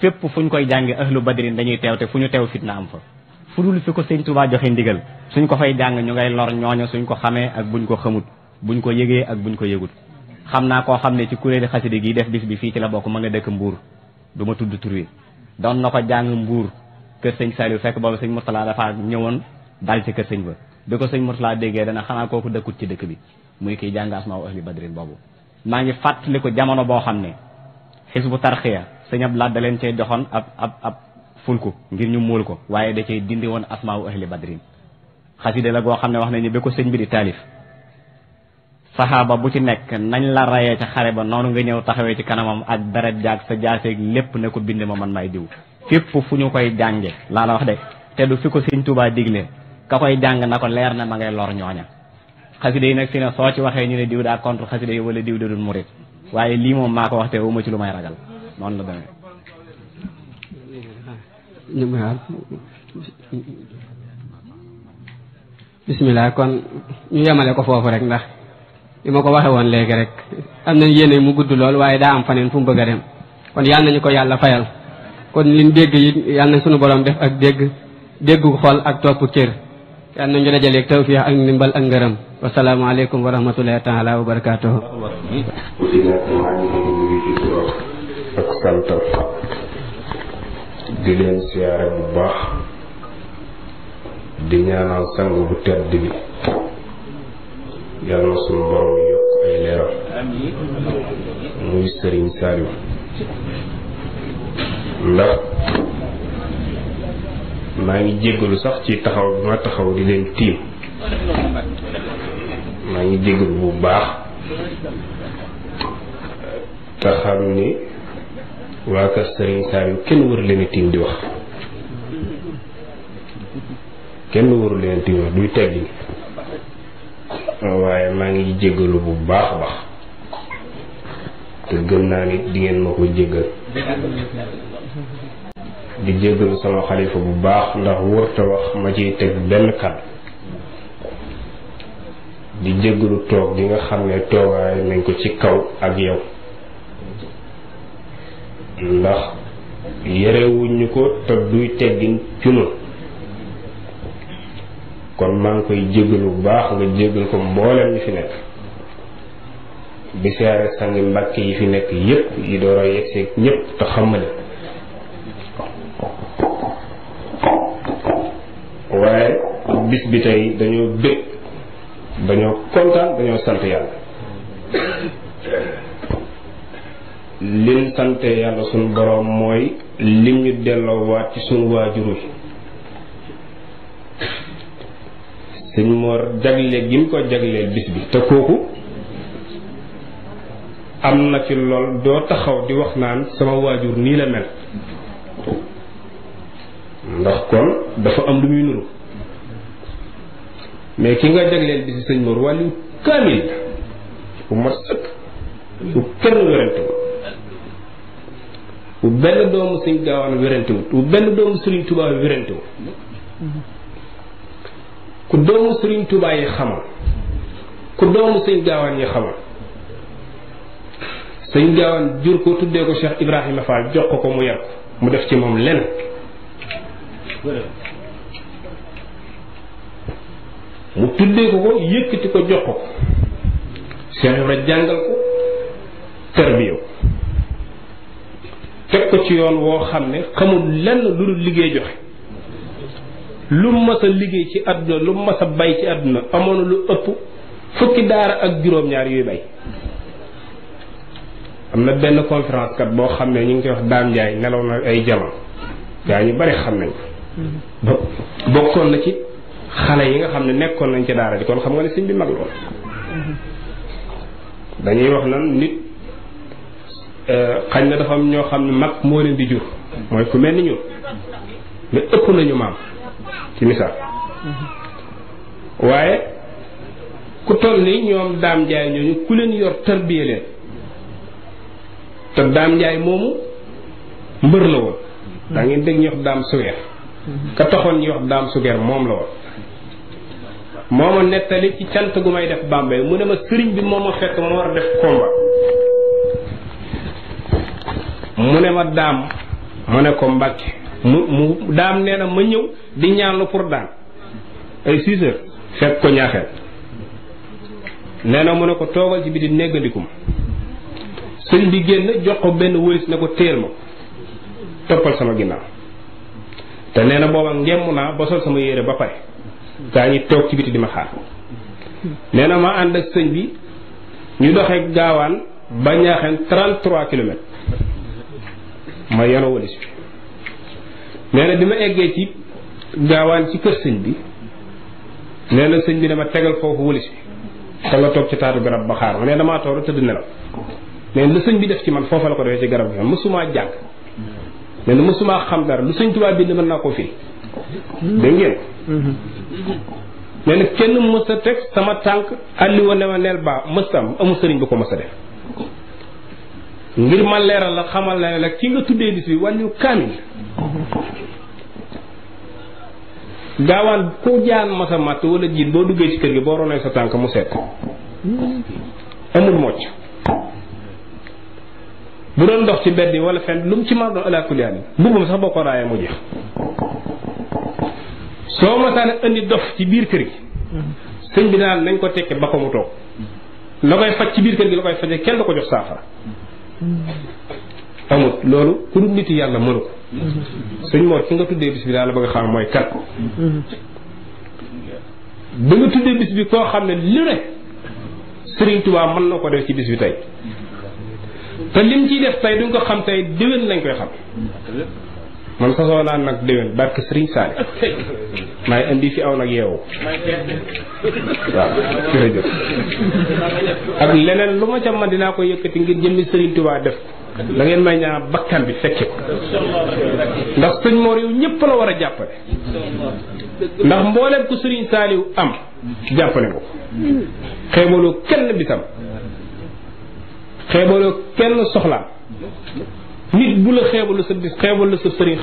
fépp fu ñu koy jàngee ahlu badrin dañuy teew te fu ñu teew fitna am fa fu dul fi ko sëñ Tuubaa joxe ndigal suñ ko fay jàng ñu ngay lor ñooño suñ ko xamee ak buñ ko xamut buñ ko yëgee ak buñ ko yëgut xam naa koo xam ne ci kuréeli xasida gi def bis bi fii ci la bokk ma nga dëkk mbuur du ma tudd tur wi doon na ko jàng mbuur kër sëñ Saliou fekk boobu sëñ Mourtala dafa ñëwoon dal ci kër sëñ ba bi ko sëñ laa déggee dana xanaa kooku dëkkut ci dëkk bi muy kiy jàng asmaaw ahli badrin boobu maa ngi fàttali ko jamono boo xam ne bu tarxiya sëñ Abdu Lahat da leen cee joxoon ab ab ab fulku ngir ñu muul ko waaye da cee dindi woon asmaaw ahli badrin xaside la goo xam ne wax nañu bi ko sëñ bi di taalif saxaaba bu ci nekk nañ la reyee ca xare ba noonu nga ñëw taxawee ci kanamam ak deret jaag sa jaaseeg lépp ne ko bind ma man may diw fépp fu ñu koy jànge laa wax de te du fi ko ka koy jàng na ko leer na ma ngay lor ñooña xasida yi nag fi ne soo ci waxee ñu ne diw daa contre xasida yi wala diw da murit waaye lii moom maa ko wax te uma ci lu may ragal noonu la demee bisimilah kon ñu yemale ko foofu rek ndax li ma ko waxe woon léegi rek am nañ yéene mu gudd lool waaye daa am faneen fu mu bëgg a dem kon yàlla nañu ko yàlla fayal kon liñ dégg yi yàlla na suñu borom def ak dégg déggu xol ak topp cër yàlla nañu dajaleeg tawfiix ak ak ngërëm wasalaamaaleykum wa rahmatullahi taala wa ak santam di leen siyaare bu baax di sang bu tedd bi yàlla suñu borom muy sëriñ Saliou ndax maa ngi jéggalu sax ci taxaw bi ma taxaw di leen tiim maa ngi jéggalu bu baax te ni waa kër Serigne Saliou kenn waru leen tiim di wax kenn waru leen tiim duy tegg ni waaye maa ngi jéggalu bu baax a baax te gëm naa ni di ngeen ma ko jéggal di jéggalu sama xalifa bu baax ndax wërta wax ma ciy teg benn kat di jéggalu toog di nga xam ne toogaay nañ ko ci kaw ak yow ndax yarewuñu ko te duy teggin ci kon maa ngi koy jéggalu bu baax nga jéggal ko mboolem ñi fi nekk di seere sangi mbàkke yi fi nekk yépp yi door a yegseeg ñépp te xam waaye bis bi tey dañoo bég dañoo kontaan dañoo sant yàlla liñ sante yàlla suñu boroom mooy lim ñu delloowaat ci suñu waajur yi suñ moor jagle gi mu ko jagleel bis bi te kooku am na ci lool doo taxaw di wax naan sama waajur nii la mel ndax kon dafa am lu muy nuru mais ki nga jagleel bi si sëñ Mor wàllu kaamil bu mat sëkk bu kenn werantewut bu benn doomu sëñ gaawaan werantewut bu benn doomu Sëriñ Tuubaa werantewut ku doomu Sëriñ yi xamal sëñ gaawaan yi xamal sëñ gaawaan jur ko tuddee ko Cheikh Ibrahima Fall jox ko mu yar mu def ci moom lenn mu tuddee ko ko yëkkati ko jox ko Cheikh Ibra jàngal ko tarbiya teg ko ci yoon woo xam ne xamul lenn lu dul liggéey joxe lu mas liggéey ci àdduna lu mas a bay ci àdduna amoon lu ëpp fukki daara ak juróom-ñaar yuy bay am na benn conférence kat boo xam ne ñu ngi koy wax Daam Njaay nelaw na ay jamono gaa ñu bari xam nañ ko mm-hmm. bokkoon na ci xale yi nga xam ne nekkoon nañ ci daara ji kon xam nga ne sëñ bi mag lool dañuy wax nan nit euh, xañ na dafa am ñoo xam ne mag moo leen di jur mooy ku mel ni ñun mais ëpp nañu maam ci misaal waaye ku toll ni ñoom daam njaay ñooñu ku leen yor tarbiye leen te daam njaay moomu mbër la woon daa ngeen dégg ñu wax daam sugeer ka taxoon ñu wax daam sugeer moom la woon moo ma nettali ci cant gu may def Bambey mu ne ma sëriñ bi moo ma fekk ma war a def combat mu ne ma daam mu ne ko mbàkke mu mu daam nee na ma ñëw di ñaanlu pour daan ay six fekk ko ñaaxeel nee na mu ne ko toogal ci biti néggandikum sëñ bi génn jox ko benn wëlis ne ko téel ma toppal sama ginnaaw te nee na booba ngemm naa ba sol sama yére ba pare gaa ñi toog ci biti di ma xaar nee na ma ànd ak sëñ bi ñu doxee gaawaan ba ñaaxeen 33 kilomètres ma yeno walis bi nee bi ma eggee ci gaawaan ci kër sëñ bi nee na sëñ bi dama tegal foofu walis bi te nga toog ci taatu garab ba xaar ma nee damaa toog tëdd nelaw nee na sëñ bi def ci man foofa la ko defee ci garab bi mësumaa jàng nee na mësumaa xam dara lu sëñ tubaab bind naa koo firi dégg ngeen mm-hmm. kenn mës a teg sama tànk alliwa ne ma neel baa mës am amul sëriñ bu ko mës def ngir ma leeral la xamal la rek ki nga tuddee bis bi wàllu kaamil gaawaan ku jaan masa màtt wala jiit boo duggee ci kër gi boo ronee sa tànk mu seet mm-hmm. amul mocc bu doon dox ci mbedd yi wala fen lu mu ci mën a ala kulli haal mbubbam sax boo ko mu jeex soo masaane indi dof ci biir kër gi sëñ bi naan nañ ko tekke ba ko mu toog ci biir kër gi la kenn du ko jox saafara loolu ku dul nit yàlla mënu ko sëñ moor ki nga tuddee bis bi daal la bëgg a xam mooy kan ba nga tuddee bis bi koo xam ne lu ne Sëriñ Tuubaa mën na ko def ci bis bi tey te lim ciy def tey duñ ko xam tey déwén lañ koy xam man sosoo naa nag déwén barke Serigne Sall maay indi fi aw nag yeewu waaw jërëjëf ak leneen lu ma ca man dinaa ko yëkkati ngir jëmmi Serigne Touba def ko da ngeen may ñaan bakkan bi fekke ko ndax sëñ moo yow ñëpp la war a jàppale ndax mboolem ku Serigne Saliou am jàppale ko xeebaloo kenn bisam xeebaloo kenn soxla nit bu la xeebalu sa bis xeebalu sa sëriñ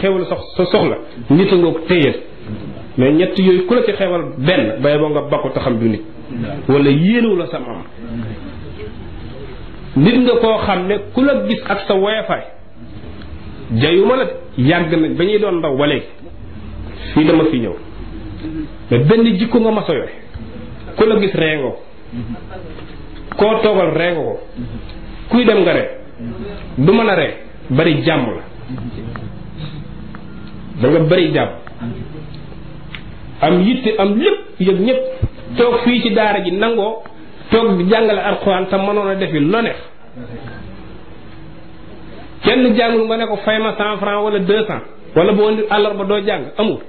soxla nit a nga ko téyeel mais ñett yooyu ku la ci xeebal benn bay boo nga bakku taxam du nit wala yéenewu la sam am nit nga koo xam ne ku la gis ak sa woyafaay jayuma la yàgg na dañuy doon ndaw ba léegi fii dama fi ñëw mais benn jikko nga mas a ku la gis ree ko koo toogal ree ko kuy dem nga ree du mën a ree bari jàmm la da bari jàmm am yitte am lépp yëg ñëpp toog fii ci daara ji nangoo toog di jàngale alxuraan te mënoon a defi lo neex kenn jàngul nga ne ko fay ma cent franc wala deux cent wala boo indi àllarba doo jàng amul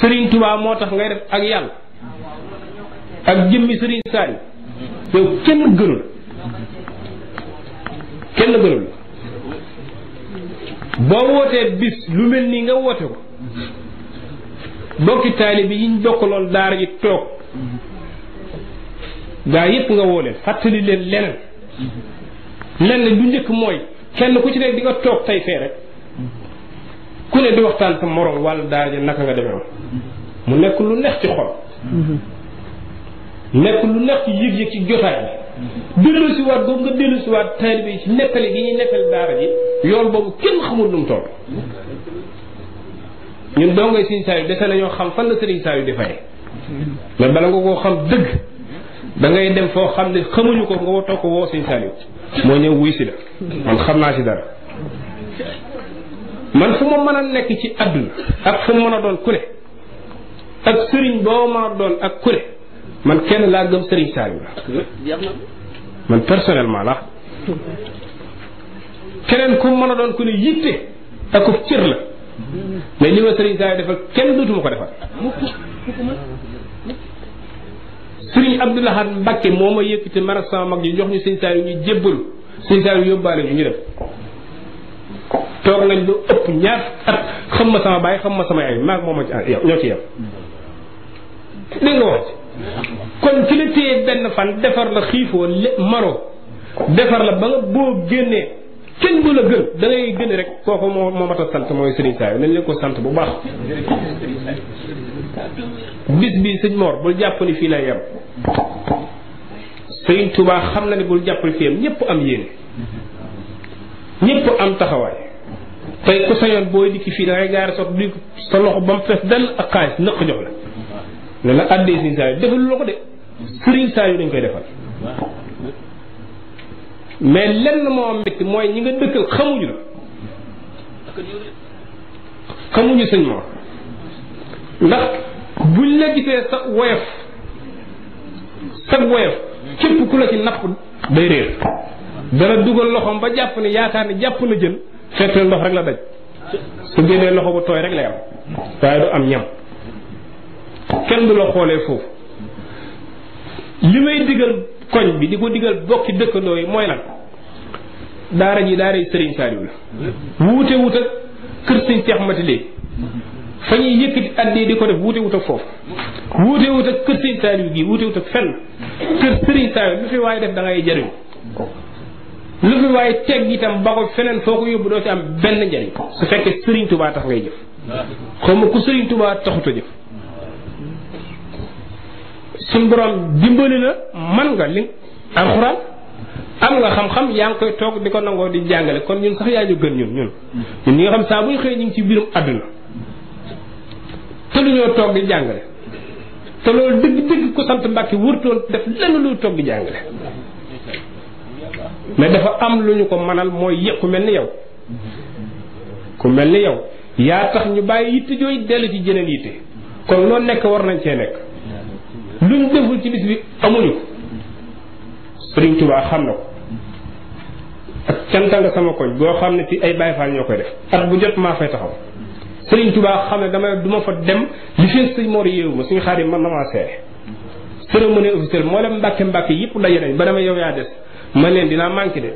sëriñ Tuubaa moo tax ngay def ak yàlla ak jëmmi sëriñ Saali yow kenn gënu kenn gënul boo wootee bis lu mel nii nga woote ko bokki taalibe yi ñu jokkaloon daara ji toog gaa yépp nga woo leen fàttali leen leneen leneen du njëkk mooy kenn ku ci nekk di nga toog tey fee rek ku ne di waxtaan sa morom wàllu daara ji naka nga demee mu nekk lu neex ci xol nekk lu nekk ci yëg-yëg ci jotaay bi dellu waat boobu nga dellu si waat taalibe yi ci nettali gi ñuy nettali daara ji yoon boobu kenn xamul lu mu toll ñun dongay Serigne Saliou dese nañoo xam fan la Serigne Saliou di fay mais bala nga koo xam dëgg dangay dem foo xam ne xamuñu ko nga toog ko woo Serigne moo ñëw wuy si la man xam naa si dara man fu ma mën a nekk ci àdduna ak fu mën a doon ku ak sëriñ boo ma doon ak kure man kenn laa gëm Serigne Saliou la man personnellement la keneen ku mën a doon ku ni yitte ak ku cër la mais li ma Serigne Saliou defal kenn dootuma ko defal Serigne Abdou Lahad moom moo ma yëkkati man ak sama mag ñu jox ñu Serigne yi ñu jébbalu Serigne Saliou yóbbaale ñu ñu dem toog nañ lu ëpp ñaar xam ma sama baay xam ma sama ay maag moom ma ci yow ñoo ci yem dégg nga wax kon ci la téye benn fan defar la xiifoo maro defar la ba nga boo génnee kenn du la gën da ngay gën rek kooku moo moo mat a sant mooy Serigne Saliou leen ko sant bu baax bis bi sëñ Mor bul jàpp ni fii lay yem Serigne Touba xam na ne bul jàpp ni fii yem ñëpp am yéene ñëpp am taxawaay tey ku sañoon booy dikki fii da gaari sot di sa loxo ba fees dell ak xaalis nëq jox la loolu nag addee sëriñ saa yu defal la ko de sëriñ saa yu dañ koy defal mais lenn moo am métti mooy ñi nga dëkkal xamuñu la xamuñu sëñ moom ndax buñ la gisee sa woyof sa woyof képp ku la ci napp day réer dana dugal loxoom ba jàpp ne yaakaar ne jàpp na jël fekk na ndox rek la daj su génnee loxo bu tooy rek lay am waaye du am ñam kenn du la xoolee foofu li may digal koñ bi di ko digal bokki dëkkandoo yi mooy lan daara ji daara yi sëriñ Saaliw la wuute wut ak kër sëñ Seex Matile fa ñuy yëkkati addee di ko def wuute wut ak foofu wuute wut ak kër sëñ Saaliw gi wuute wut ak sëriñ Saaliw lu fi waaye def dangay ngay jariñ lu fi waaye teg itam ba ko feneen foo ko yóbbu doo ci am benn njariñ su fekkee sëriñ Tuubaa tax ngay jëf xaw ku sëriñ Tuubaa taxut a jëf suñ borom dimbali na man nga li alxuraan am nga xam-xam yaa ngi koy toog di ko nangoo di jàngale kon ñun sax yaa ñu gën ñun ñun ñun ñi nga xam saa buy xëy ñu ngi ci biirum àdduna te lu ñoo toog di jàngale te loolu dëgg dëgg ku sant Mbàkke wërtoon def lenn luy toog di jàngale mais dafa am lu ñu ko manal mooy yë ku mel ni yow ku mel ni yow yaa tax ñu bàyyi yitte jooy dellu ci jeneen yitte kon loolu nekk war nañ cee nekk luñ deful ci bis bi amuñu ko Sëriñ Tuubaa xam na ko ak canta nga sama koñ boo xam ne ci ay Baay Faal ñoo koy def at bu jot maa fay taxaw Sëriñ Tuubaa xam ne damay du fa dem li fee sëñ Mor yéewu ma suñu xaar man na maa seere cérémonie officielle moo leen mbàkke mbàkke yëpp daje nañ ba dama yow yaa des ma leen dinaa manqué de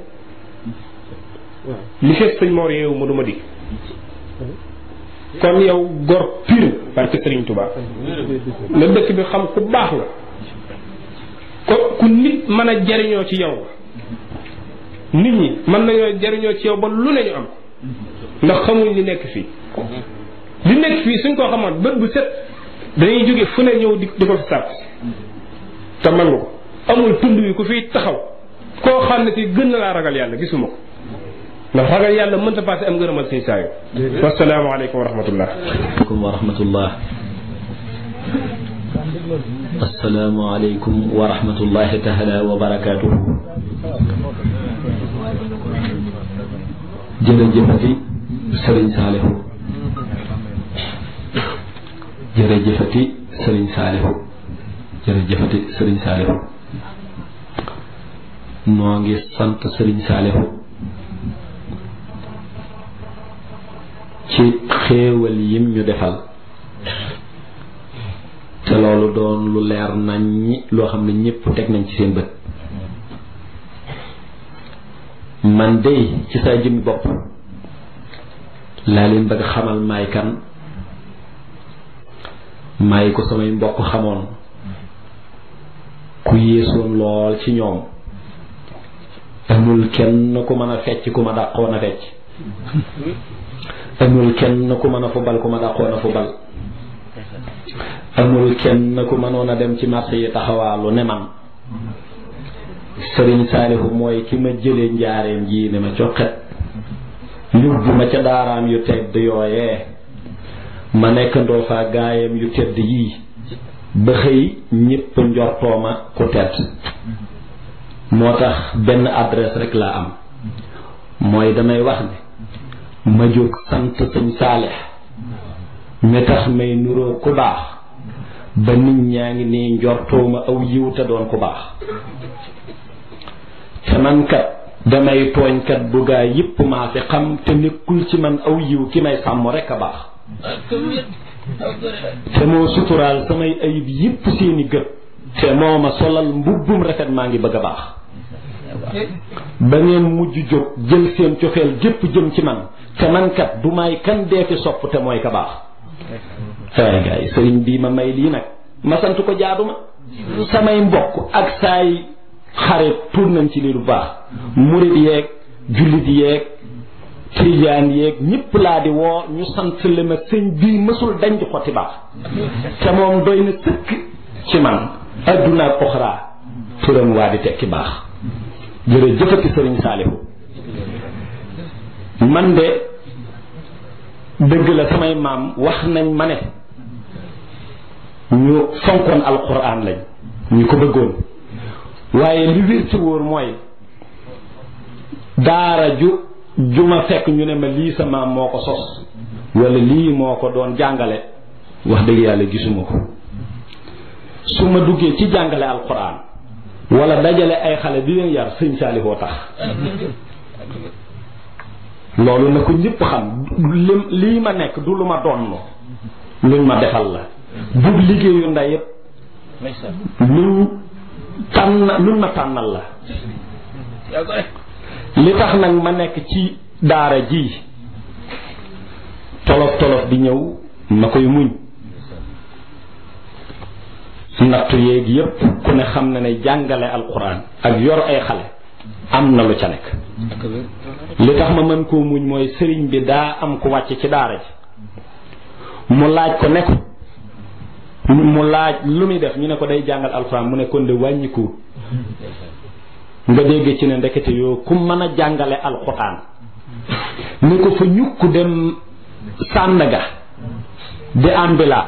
waaw li fee sëñ Mor yéewu ma di kon yaw gor pire parce que Serigne Touba la mm-hmm. dëkk bi xam ku baax la ko ku nit mën a jariñoo ci yaw la nit ñi mën nañoo jariñoo ci yow ba lu ne ñu am mm-hmm. ndax xamuñ li nekk fii mm-hmm. li nekk fii suñ koo xamoon bët bu set dañuy jóge fu ne ñëw di di ko fi sàpp te man nga ko amul tund wi ku fiy taxaw koo xam ne si gën na laa ragal yàlla gisuma ko ndax ragal yàlla mënta passé am ngërëmal sëñ saayu wasalaamaaleykum wa rahmatullah wa rahmatullah asalaamaaleykum wa rahmatullahi taala wa barakaatuhu jërëjëfati sëriñ saalihu jërëjëfati sëriñ saalihu jërëjëfati sëriñ saalihu noo ngi sant sëriñ saalihu ci xéewal yim ñu defal te loolu doon lu leer nañ loo xam ne ñëpp teg nañ ci seen bët man dey ci saa jëm bopp laa leen bëgg xamal maay kan maay ko samay mbokk xamoon ku yéesoon lool ci ñoom amul kenn ku mën a fecc ku ma dàqoon a fecc amul kenn ku mën a fubal ku ma dàqoon a fubal amul kenn ku mënoon dem ci marché yi taxawaalu ne man sëriñ saalihu mooy ki ma jële njaareem jii ne ma coqet yóbbu ma ca daaraam yu tedd yooyee ma nekk ndoo faa gaayam yu tedd yii ba xëy ñépp njortoo ma ku tedd moo tax benn adresse rek laa am mooy damay wax ne ma jóg sant sëñ saalix mi tax may nuroo ku baax ba nit ñaa ngi nii njortoo ma aw yiw te doon ku baax te man damay tooñkat bu gaa yépp maa fi xam te nekkul ci man aw yiw ki may sàmm rekk a baax te moo suturaal samay ayib yépp seeni gët te moo ma solal mbubbum rafet maa ngi bëgg a baax ba ngeen mujj jóg jël seen cofeel gépp jëm ci man te man kat du may kan dee fi sopp te mooy ka baax saay gars sëriñ bii ma may lii nag ma sant ko jaaduma samay mbokk ak saay xarit tur nañ ci lii lu baax murit yeeg jullit yeeg tijaan yéeg ñëpp laa di woo ñu sant li ma sëñ bii mësul dañ di xotti baax te moom doy na sëkk ci man adduna ak oxra turam waa di tekki baax jërëjëfati sëriñ Saalihu man de dëgg la samay maam wax nañ ma ne ñu fonkoon alquran lañ ñu ko bëggoon waaye li wér ci wóor mooy daara ju ju ma fekk ñu ne ma lii sa maam moo ko sos wala lii moo ko doon jàngale wax dëgg yàlla gisuma ko su ma duggee ci jàngale alquran wala dajale ay xale bi leen yar sëñ saalihoo tax loolu na ko ñëpp xam li lii ma nekk du lu ma donn luñ ma defal la du liggéeyu ndeyit luñ tànn luñ ma tànnal la li tax nag ma nekk ci daara ji tolof tolof bi ñëw ma koy muñ nattu yéeg yépp ku ne xam na ne jàngale alxuraan ak yor ay xale am na lu ca nekk li tax ma mën koo muñ mooy sëriñ bi daa am ku wàcc ci daara ji mu laaj ko ne ko mu laaj lu muy def ñu ne ko day jàngal alxuraan mu ne kon de wàññiku nga dégg ci ne ndekete yoo ku mën a jàngale alxuraan ni ko fa ñukk dem sànn ga di ambilaa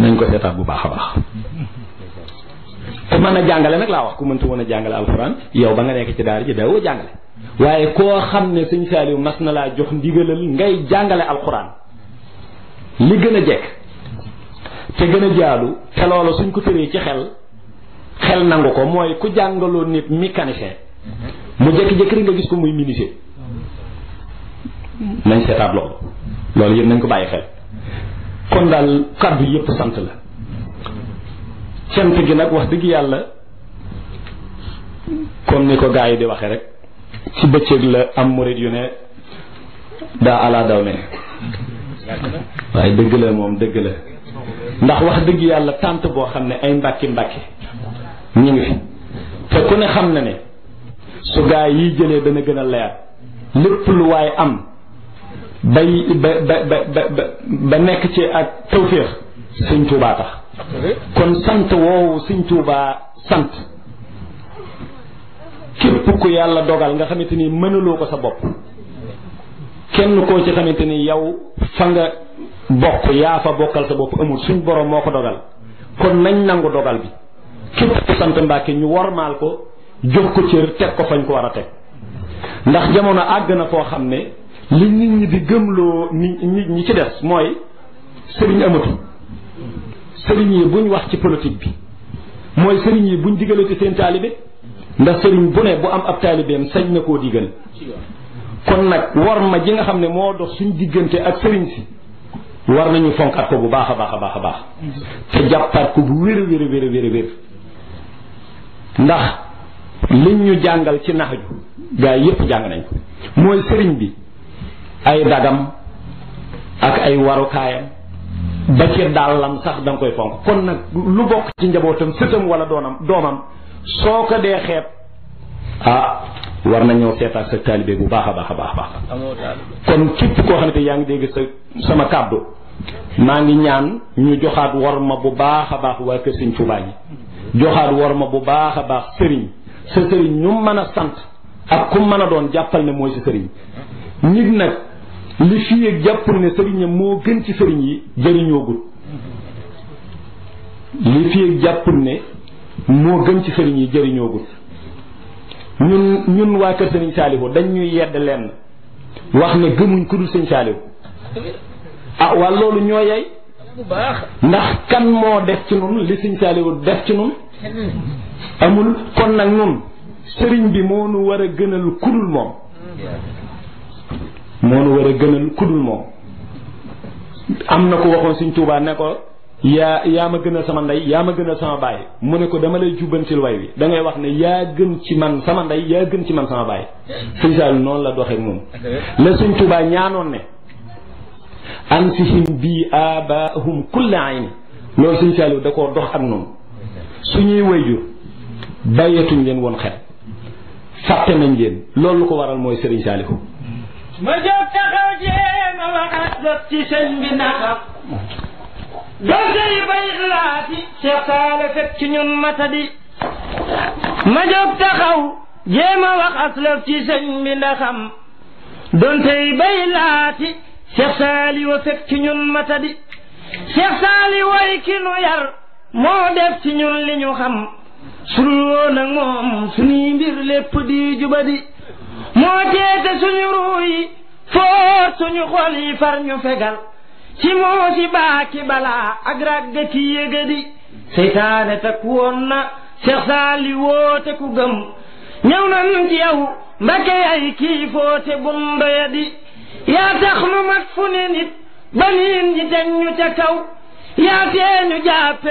nañ ko seetaan bu baax a baax te mën a jàngale nag laa wax ku mënta woon a jàngale alxuraan yow ba nga nekk ci daara ji daawoo jàngale waaye koo xam ne sëñ Saliou mas na laa jox ndigalal ngay jàngale alxuraan li gën a jekk te gën a jaadu te loolu suñ ko tëree ci xel xel nangu ko mooy ku jàngaloo nit mécanicien mu jékki-jékki rek nga gis ko muy menuisier nañ seetaat loolu loolu yëpp nañ ko bàyyi xel kon daal kàddu yëpp sant la cant gi nag wax dëgg yàlla comme ni ko gars yi di waxe rek ci bëccëg la am murit yu ne daa ala daw ne waaye dëgg la moom dëgg la ndax wax dëgg yàlla tànt boo xam ne ay mbàkki mbàkki ñu ngi fi te ku ne xam na ne su gaa yi jëlee dana gën a leer lépp lu waaye am bay ba ba ba ba nekk ci ak tawféex sëñ Tuubaa tax kon sant woowu Sëñ Tuubaa sant képp ku yàlla dogal nga xamante ni mënuloo ko sa bopp kenn koo ci xamante ni yow fa nga bokk yaa fa bokkal sa bopp amul suñ borom moo ko dogal kon nañ nangu dogal bi képp ku sant Mbàkke ñu wormaal ko jox ko cër teg ko fañ ko war a teg ndax jamono àgg na foo xam ne li nit ñi di gëmloo nit ñi ci des mooy sëriñ amatu sëriñ yi buñ wax ci politique bi mooy sëriñ yi buñ digalati seen taalibe ndax sëriñ bu ne bu am ab taalibeem sañ na koo digal kon nag war ma ji nga xam ne moo dox suñ diggante ak sëriñ si war nañu fonkaat ko bu baax a baax a baax a baax te jàppaat ko bu wér a wér a wér a ndax liñ ñu jàngal ci naxaju gaa yépp jàng nañ ko mooy sëriñ bi ay dagam ak ay warukaayam ba ci dàllam sax da nga koy fonk kon nag lu bokk ci njabootam sëtam wala doonam doomam soo ko dee xeet ah war na ñëw seetaat sa taalibe bu baax a baax a baax baax kon képp koo xam xamante yaa ngi dégg sa sama kàddu maa ngi ñaan ñu joxaat war ma bu baax a baax waa kër sëñ Tuubaa yi joxaat war ma bu baax a baax sëriñ sa sëriñ ñu mën a sant ak ku mën a doon jàppal ne mooy sa sëriñ nit nag li fii ak ne sëriñam moo gën ci sëriñ yi jëriñoogul li fii ak jàpp ne moo gën ci sëriñ yi jëriñoogul ñun ñun waa kër sëriñ Saalihu dañ ñuy yedd lenn wax ne gëmuñ ku dul sëñ Saalihu ah waa loolu ñoo yey ndax kan moo def ci nun li sëñ Saalihu def ci nun amul kon nag nun sëriñ bi moo nu war a gënal ku dul moom moo nu war a gënal ku moom am na ko waxoon suñ tuubaa ne ko yaa yaa ma gënal sama ndey yaa ma gënal sama baay mu ne ko dama lay jubbantil way wi da ngay wax ne yaa gën ci man sama ndey yaa gën ci man sama baay sëñ Saal noonu la doxee moom la suñ tuubaa ñaanoon ne ansihim bi abahum kulla ayni loolu suñ Saal da koo dox ak noonu suñuy wayjur bàyyeetuñ leen woon xel fàtte nañ leen loolu lu ko waral mooy sëriñ Saalihu ma jóg taxaw jéem a waxaat ci sëñ bi naxam doose yi bay laati Cheikh Saale fekk ci ñun matadi ma jóg Saali wa fekk ci ñun matadi Cheikh Saali way ki nu yar moo def ci ñun li ñu xam suru woon ak moom suñuy mbir lépp di jubadi moo teete suñu yi foo suñu xol yi far ñu fegal ci musiba ki balaa ak ràgg ki yëgadi seytaane takk na Seex woote ku gëm ñëw nan ci yow mbake yay kii foote di yaa tax nu mat fu ne nit ba ji teñ ñu ca kaw yaa tee ñu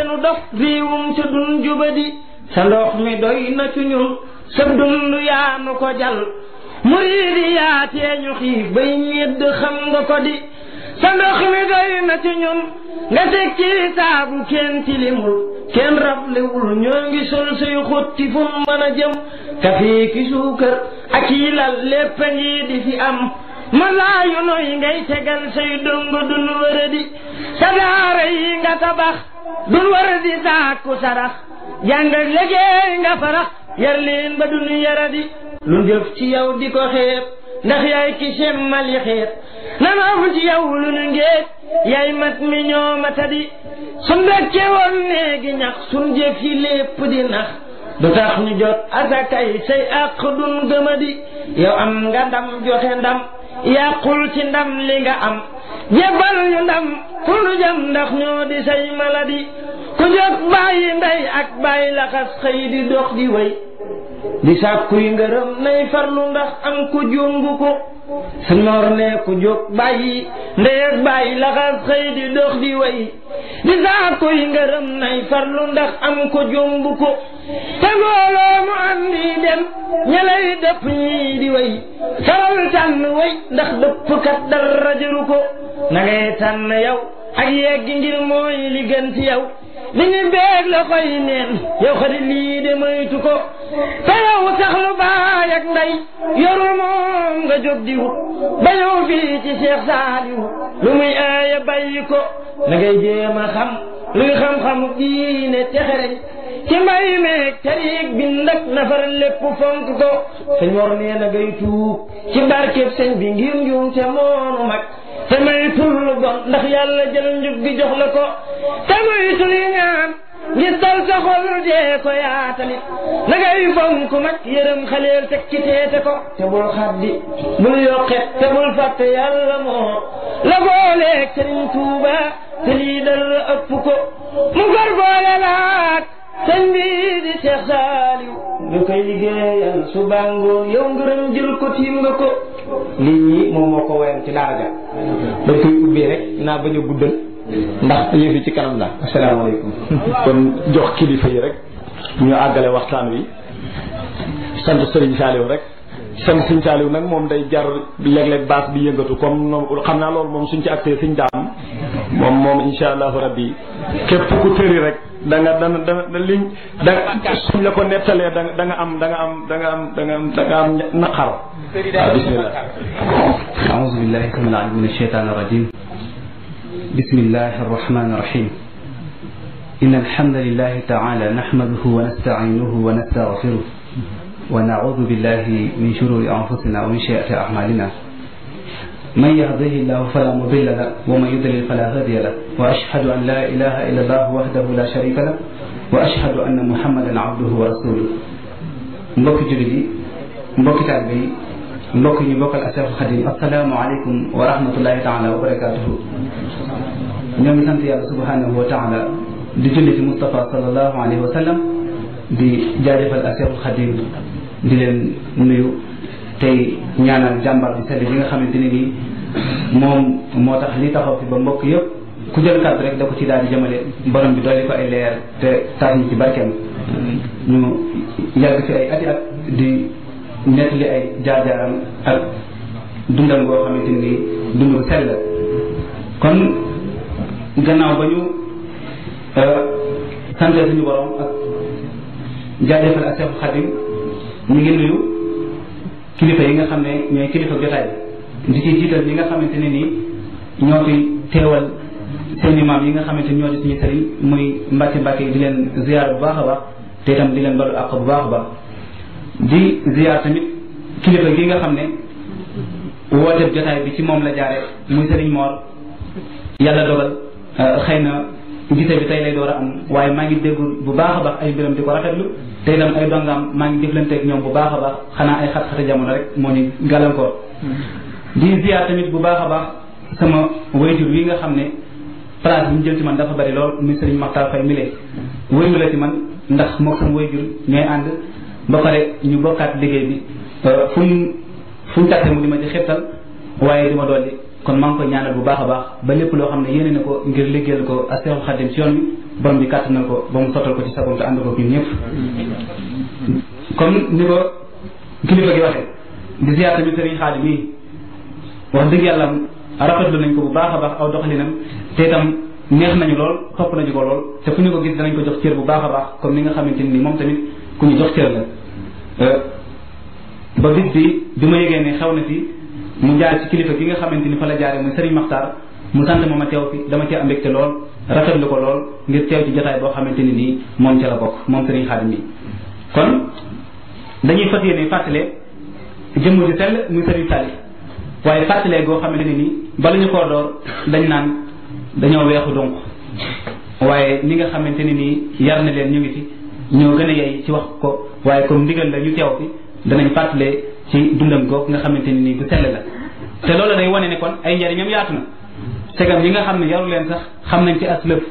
nu dof réewum ca dun jubadi sa ndox mi doy na ci ñun sa dund yaa ko jal muridi yaatee ñu xiif bay ñedd xam nga ko di sa ndox mi doy na ci ñun nga teg ci kenn tilimul kenn rablewul ñoo ngi sol suy xotti fu mën a jëm kafee ki suukar ak yi lal lépp a ngi di fi am malaa yu noy ngay tegal say dongo dun wëradi sa daara yi nga tabax dul war di sàkku sarax jàng ak liggéey nga farax yar leen ba dunu yaradi lu jëf ci yaw di ko xeeb ndax yaay ki semmal yi xeeb nanu ci yaw lu nu ngéeg yaay mat mi ñoo matadi sun dëkke woon néegi ñax sun jëf yi lépp di nax du tax ñu jot asakay say àq dun gëmadi yow am nga ndam joxe ndam yàqul ci ndam li nga am jébbal ñu ndam sunu jam ndax ñoo di say maladi ku jóg bàyyi ndey ak bàyyi laxas xëy di dox di wéy di yi ngërëm nay farlu ndax am ku jungu ko sa noor nee ku jóg bàyyi ndeeg bàyyi laxas xëy di dox di way di sàkkuy ngërëm nay farlu ndax am ku jungu ko te mbooloo mu am di dem ña dëpp ñii di way saral tànn way ndax dëpp kat dara jëru ko na ngay tànn yow ak yeggi ngir mooy li gën ci yow di ni beeg la koy neen yow xarit lii de moytu ko te yow sax lu baay ak ndey yorul moom nga jóg di wut ba ñëw fii ci Cheikh lu muy aaya bàyyi ko na ngay jéem a xam luy xam-xamu diine te xereñ ci mbay meeg tariig bi ndak nafar lépp fonk ko sëñ war nee na ngay tuub ci barkeb sëñ bi ngir ngiwum te moonu mag te may lu bon ndax yàlla jël njub gi ko te muy tul ñaan ngistal sa ko na ngay fonk mag yërëm xaleel teg ci teete ko te bul xaddi bul yokket te bul fàtte yàlla moo la booleeg sëriñ Tuuba te lii dal ëpp ko mu gor boole laat sëñ bi di Cheikh Saliou nga koy liggéeyal su bàngoo ngërëm jël ko tiim nga ko lii ñii moo ko woyan ci daara ja dañ koy ubbee rek naa bañ a guddal ndax yëf ci kanam la asalaamaaleykum <laughs> kon jox kilifa yi rek ñu àggale waxtaan wi sant sëriñ saaliw rek sant sëriñ saaliw nag moom day jar léeg-léeg baas bi yëngatu comme xam naa loolu moom suñ ci acté suñ daam moom moom insha allahu rabbi képp ku tëri rek da nga dana dana liñ da suñ la ko nettalee da da nga am da nga am da nga am da nga am da nga am naqar waaw bismillah aouzu billahi min alshaytan rajim. بسم الله الرحمن الرحيم إن الحمد لله تعالى نحمده ونستعينه ونستغفره ونعوذ بالله من شرور أنفسنا ومن شيئات أعمالنا من يهده الله فلا مضل له ومن يضلل فلا هادي له وأشهد أن لا إله إلا الله وحده لا شريك له وأشهد أن محمدا عبده ورسوله مبكي جلدي مبكي تعبي mbokk ñu bokkal ak Seexul Xadim asalaamaaleykum wa rahmatullahi taala wa barakaatuhu ñoo ngi sant yàlla subhanahu wa taala di julli ci Moustapha sallallahu alayhi wa sallam di jaajëfal ak Seexul Xadim di leen nuyu tey ñaanal jàmbar bi sell bi nga xamante ne nii moom moo tax li taxaw fi ba mbokk yëpp ku jël kàddu rek da ko ci daal di jëmale borom bi dolli ko ay leer te tax ñu ci barkeem ñu yàgg fi ay ati at di nettali ay jaar-jaaram ak dundam boo xamante ni dund bu sell kon gannaaw ba ñu euh, sante suñu borom ak jaajëfal ak Seexu Xadim ñu ngi nuyu kilifa yi nga xam ne ñooy kilifa jotaay di ci jiital ñi nga xamante ni nii ñoo fi teewal seeni maam yi nga xamante ni ñoo di suñu sëriñ muy mbàkki mbàkki di leen ziyaar bu baax a baax te itam di leen balu àq bu baax a baax di ziar tamit kilifa gi nga xam ne wooteeb jotaay bi ci moom la jaare muy Serigne Mor yàlla dogal euh, xëy na gise bi tey lay door a am waaye maa ngi déggul bu baax a baax ay mbiram di ko rafetlu tey itam ay dongaam maa ngi jëflanteeg ñoom bu baax a baax xanaa ay xat-xati jamono rek moo ñu gàllankoor di ziar tamit bu baax a baax sama wayjur wi nga xam ne place bi mu jël ci man dafa bari lool muy Serigne Makhtar Faye mi lee wéylu ci man ndax mook sama ba pare ñu bokkaat liggéey bi euh, fu mu fu mu di ma ci xettal waaye di ma dolli kon maa ngi ko ñaanal bu baax a baax ba lépp loo xam ne yéene na ko ngir liggéeyal ko ak Seexul Xadim si yoon bi borom bi kàttanal ko ba mu sottal ko ci sagoom te ànd ko ñun ñëpp. comme ni ko kilifa gi waxee di ziar tamit sëriñ wax dëgg yàlla rafetlu ko bu baax a baax aw doxalinam te itam neex nañu lool topp nañu ko lool te fu ñu ko gis danañ ko jox cër bu baax a baax comme ni nga xamante ni moom tamit. ku ñu jox cër la euh, ba bis bi bi ma yëgee ne xew na fi mu jaar ci kilifa gi nga xamante ni fa la jaare muy Serigne Maxtaar mu sant ma ma teew fi dama cee am mbégte lool rafetlu ko lool ngir teew ci jotaay boo xamante ni nii moom ca la bokk moom Serigne Xaadim bi kon dañuy fas yéene fàttale jëmm ju sell muy Serigne Saliou waaye fàttalee goo xamante ni nii bala koo door dañ naan dañoo weexu donc waaye ni nga xamante ni nii yar na leen ñu ngi ci ñoo gën a yey ci wax ko waaye comme ndigal la ñu teew bi danañ fàttale ci dundam googu nga xamante ni nii bu sell la te loolu day wane ne kon ay njariñam yaatu na tegam ñi nga xam ne yaru leen sax xam nañ ci aslëf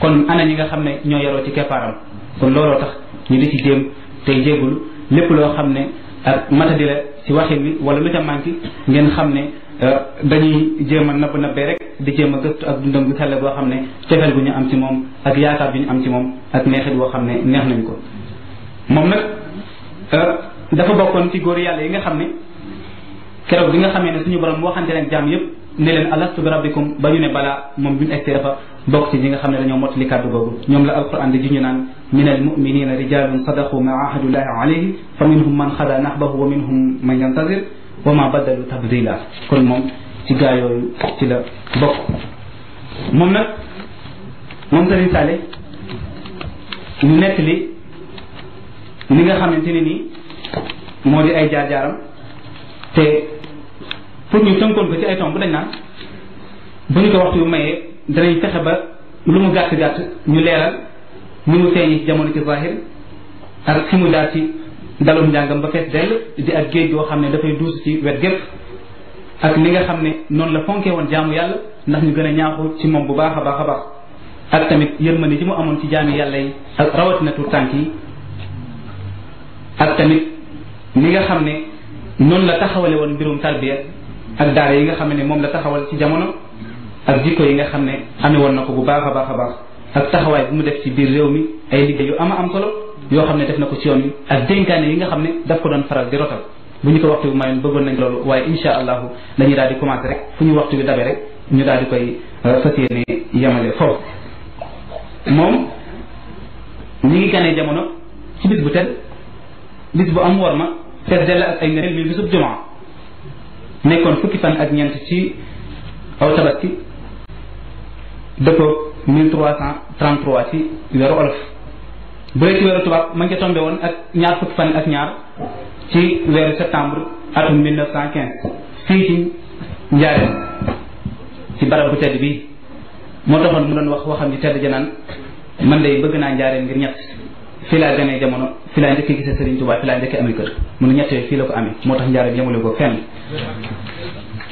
kon ana ñi nga xam ne ñoo yaroo ci keppaaram kon looloo tax ñu di ci jéem tey jéggulu lépp loo xam ne ak matadi la ci waxin wi wala lu ca manqué ngeen xam ne Euh, dañuy jéem a nabb nabbee rek di jéem a gëstu ak dundam gu sell goo xam ne cefeel gu ñu am ci moom ak yaakaar gu ñu am ci moom ak neexit boo xam ne neex nañu ko moom nag euh, dafa bokkoon ci góor yàlla yi nga xam ne keroog bi nga xamee ne suñu borom waxante leen jaam yépp ne leen alastu bi rabbikum ba ne balaa moom bi mu egsi dafa bokk ci ñi nga xam ne dañoo mottali kàddu googu ñoom la alquran di ji ñu naan min almuminina rijalun sadaqu ma ahadulaahi alayhi fa minhum man xada nahbahu wa minhum man yantazir wa ma baddalu tabdila kon moom ci gaa yooyu ci la bokk moom nag moom Serigne Saliou ñu nekk li ni nga xamante ne nii moo di ay jaar-jaaram te pour ñu tënkoon ko ci ay tomb bu dañ naan bu ñu ko waxtu yu mayee danañ fexe ba lu mu gàtt gàtt ñu leeral ñu mu feeñi jamono ci zahir ak fi mu jaar ci dalum njàngam ba fees dell di ak géej goo xam ne dafay duus ci wet gépp ak li nga xam ne noonu la fonkee woon jaamu yàlla ndax ñu gën a ñaaxu ci moom bu baax a baax ak tamit yërmande ji mu amoon ci jaami yàlla ak rawatina tuur tànk yi ak tamit ni nga xam ne noonu la taxawale woon mbirum tarbiya ak daara yi nga xam ne moom la taxawal ci jamono ak jikko yi nga xam ne amee woon na ko bu baax a baax taxawaay bu mu def ci biir réew mi ay liggéey ama am solo yoo xam ne def na ko ci yoon wi ak dénkaane yi nga xam ne daf ko doon faral di rotal bu ñu ko waxtu bi mayoon bëggoon nañ loolu waaye insha allahu dañuy daal di commencé rek fu ñu waxtu bi dabe rek ñu daal di koy euh, fas yéene yemale moom ñi ngi ganee jamono ci bis bu tel bis bu am war ma fees dell ak ay ngëneel mi bisub jumaa nekkoon fukki fan ak ñeent ci aw tabaski dëppoo 1333 ci weeru olof bu dee ci weeru tubaab ma ngi ca tombé woon ak ñaar fukki fan ak ñaar ci weeru septembre atum 1915 fii ci Njaareem ci barab bu tedd bii moo taxoon mu doon wax waxam ji tedd janaan man day bëgg naa Njaareem ngir ñett fii laa gënee jamono fii laa njëkkee gisee Serigne Touba fii laa njëkkee amee kër mu ne ñett yooyu fii la ko amee moo tax Njaareem yemale ko fenn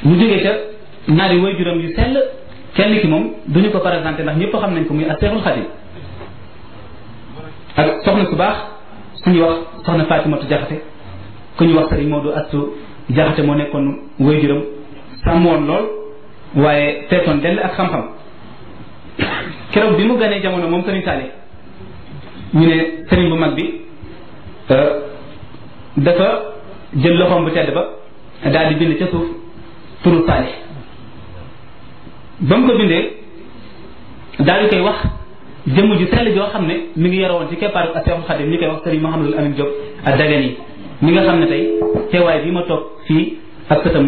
mu jógee ca ñaari waajuram yu sell kenn ki moom duñu ko présenté ndax ñëpp xam nañ ko muy Seexul Xadiim ak soxna su baax suñu wax soxna Fatimatu Jaxate ku ñu wax sëriñ Modou Astu Jaxate moo nekkoon waajuram sàmmoon lool waaye feetoon dell ak xam-xam keroog bi mu ganee jamono moom sëriñ Saali ñu ne sëriñ bu mag bi euh, dafa jël loxoom bu tedd ba daal di bind ca suuf turu Saali ba ko bindee daal di koy wax jëmm ju sell joo xam ne mi ngi yoroon ci keppaaru ak Seexul Xadim ñu koy wax Sëriñ Mouhamadul Amin Diop ak dagan yi mi nga xam ne tey teewaay bi ma toog fii ak sëtam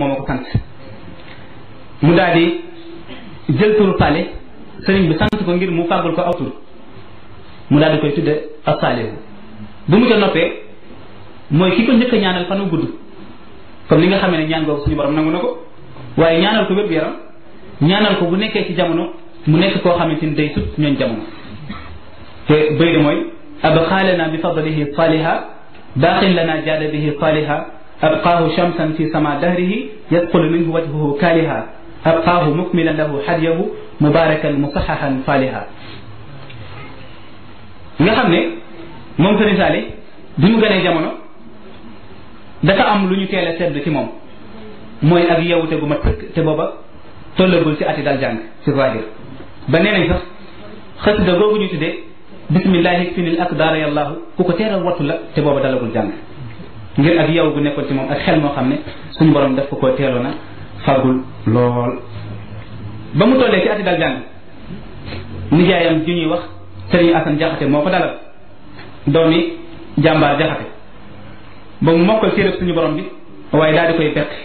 moo daal di jël sëriñ bi sant ko ngir mu fàggul ko aw tur mu daal di koy tudde ak Saliou bu mu ca noppee mooy ki ko njëkk a ñaanal fanu gudd comme li nga xamee ne ñaan googu suñu borom nangu na ko waaye ñaanal ko wér-gu-yaram ñaanal ko bu nekkee ci jamono mu nekk koo xamante ni day sut ñooñ jamono te bëy di mooy abxaalana bi fadlihi saliha baaxin lana jaada bihi saliha abqaahu shamsan fi sama dahrihi yadxulu minhu wajhuhu kaaliha abqaahu mukmilan lahu hadiyahu mubaarakan musaxaxan faliha nga xam ne moom Sëriñ Saali bi mu gënee jamono dafa am lu ñu teel a sedd ci moom mooy ak yeewute gu mat tëkk te booba tollagul ci ati dal jàng ci zahir ba nee nañ sax xasida googu ñu tuddee bismillahi finil ak daara yàllaahu ku ko teeral wattu la te booba dalagul jàng ngir ak yow gu nekkoon ci moom ak xel moo xam ne suñu borom daf ko koo teeloon a fagul lool ba mu tollee ci ati dal jàng nijaayam ju ñuy wax sëriñ Asan jaxate moo ko dalal doomi jàmbaar jaxate ba mu mokkal téereb suñu borom bi waaye daal di koy perte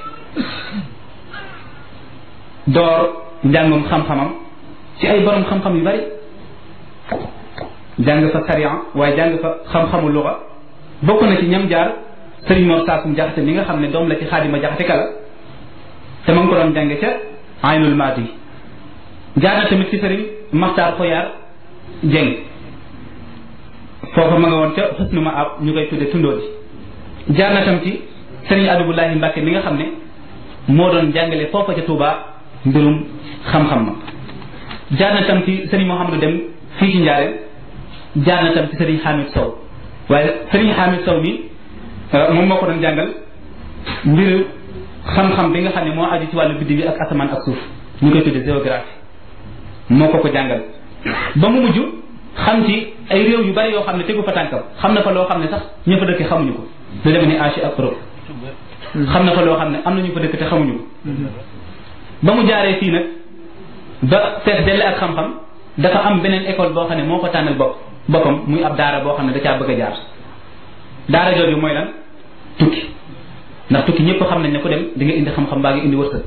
door njàngum xam ci ay borom xam yu bari jàng fa sariyan waaye jàng fa xam-xamu luxa bokk na ci ñam jaar sëriñ Mor Saasum Jaxate mi nga xam ne doom la ci xaadima jaxate kala te ma ngi ko doon jànge ca aynul maadi jaar na tamit ci ñu koy tudde tundoo di jaar na tam Mbàkke mi nga xam ne moo doon jàngale foofa ca Tuubaa mbirum xam-xam ma jaar na tam ci sëriñ Mouhamadou Dem fii ci Njaareem jaar na tam ci Serigne Hamid Sow waaye Serigne Hamid Sow mi euh, moom moo ko doon jàngal mbiru xam-xam bi nga xam ne moo aju ci wàllu biddi bi ak asamaan ak suuf ñu koy tudde géographie moo ko ko jàngal ba xam ci ay réew yu bari yoo xam ne tegu fa tànkam xam na fa loo xam ne sax ña fa dëkk xamuñu ko lu demee ni Asie ak xam na fa loo xam ne am na ñu fa te xamuñu ko ba mu nag ba fees dell ak xam dafa am beneen école boo xam ne moo ko tànnal bopp boppam muy ab daara boo xam ne da caa bëgg a jaar daara jooju mooy lan tukki ndax tukki ñëpp xam nañ ne ko dem di nga indi xam-xam baa ngi indi wërsëg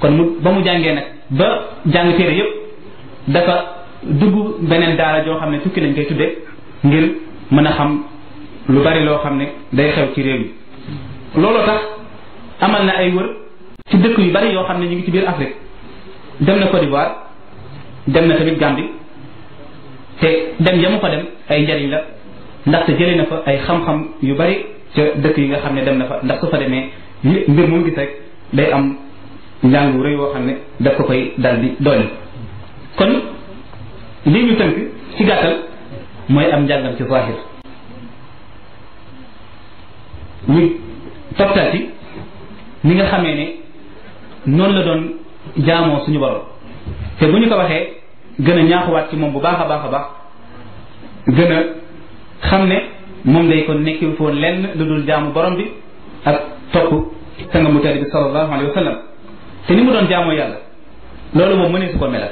kon mu ba mu jàngee nag ba jàng téere yëpp dafa dugg beneen daara joo xam ne tukki lañ koy tudde ngir mën a xam lu bari loo xam ne day xew ci réew yi looloo tax amal na ay wër ci dëkk yu bari yoo xam ne ñu ngi ci biir Afrique dem na Côte d'Ivoire dem na tamit Gambie te dem ya fa dem ay njariñ la ndax jëlee na fa ay xam-xam yu bari ca dëkk yi nga xam ne dem na fa ndax su fa demee mbir mu gis rek day am njàng rëy woo xam ne daf ko koy dal di doole kon lii ñu tënk ci gàttal mooy am njàngam ci zahir ñu toptal ci ni nga xamee ne noonu la doon jaamoo suñu borom te bu ñu ko waxee gën a ñaaxuwaat ci moom bu baax a baax a baax gën a xam ne moom day kon nekki foon lenn lu dul jaamu borom bi ak topp sanga mu tedd bi sallallahu alayhi wa sallam te ni mu doon jaamoo yàlla loolu moom mënee su ko melal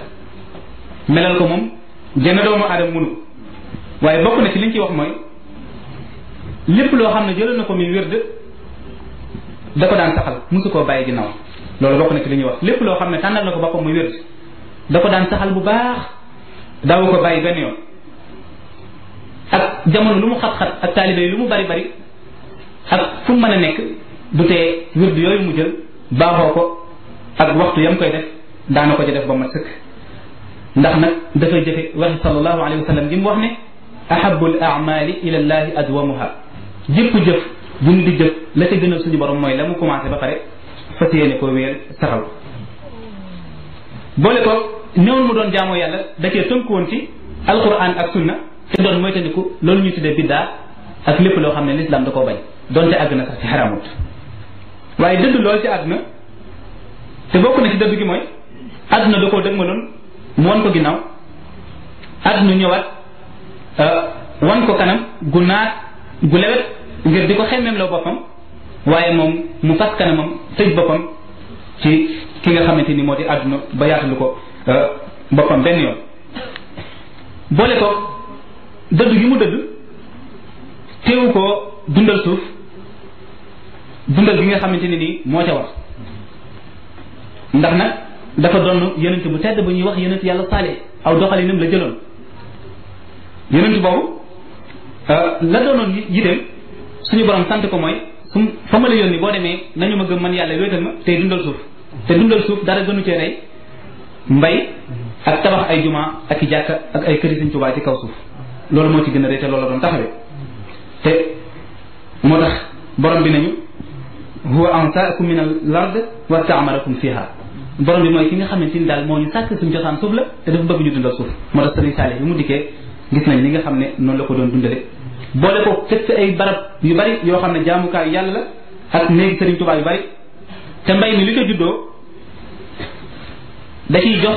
melal ko moom genn doomu aadama mënu ko waaye bokk na ci liñ ci wax mooy lépp loo xam ne jëloon na ko muy wérd da ko daan saxal mosu koo bàyyi ginnaaw loolu bokk na ci li ñuy wax lépp loo xam ne tànnal na ko boppam muy wérd dako ko daan saxal bu baax daawu ko bàyyi benn yoon ak jamono lu mu xat-xat ak taalibe lu mu bari bari ak fu mu mën a nekk du tee wird yooyu mu jël baaxoo ko ak waxtu yam koy def daana ko ci def ba ma sëkk ndax nag dafay jëfe waxi sallallahu alayhi wa sallam gi mu wax ne ahabu l amali ila llahi adwamuha jëpp jëf jun di jëf la ca gënal suñu borom mooy la mu commencé ba pare fas yéene ko wéer saxal boole ko néewoon mu doon jaamoo yàlla da cee tënku woon ci alquran ak sunna te doon moytandiku loolu ñu tuddee biddaa ak lépp loo xam ne lislaam da koo bañ donte àgg na sax ci xaramut waaye dëdd lool ci àdduna te bokk na ci dëdd gi mooy àdduna da koo dëgmaloon mu wan ko ginnaaw àdduna ñëwaat euh, wan ko kanam gu naat ngir di ko xemmeem loo boppam waaye moom mu fas kanamam tëj boppam ci ki nga xamante ni moo di àdduna ba yaatalu ko Euh, boppam benn yoon boole ko dëdd gi mu dëdd teewu ko dundal suuf dundal gi nga xamante ne nii moo ca war ndax nag dafa doon yonent bu tedd ba ñuy wax yonent yàlla saale aw doxalinam la jëloon yonent boobu euh, la doonoon yiteem suñu borom sant ko mooy su fa ma la yónni boo demee nañu ma gëm man yàlla wéetal ma tey dundal suuf te dundal suuf dara gënu cee rey mbay ak tabax ay juma ak i jàkka ak ay këri Sëñ Tuubaa ci kaw suuf loolu moo ci gën a rëy te loolu la doon taxawee te moo tax borom bi nañu huwa ansaakum min al ard wa taamarakum fiha borom bi mooy ki nga xam xamante ni daal moo ñu sàkk suñu cosaan suuf la te dafa bëgg ñu dundal suuf moo tax sëriñ Saalix bi mu dikkee gis nañ li nga xam ne noonu la ko doon dundale boole ko fekk ay barab yu bari yoo xam ne jaamukaay yàlla la ak néegi sëriñ Tuubaa yu bari mbay mi li ko da ciy jox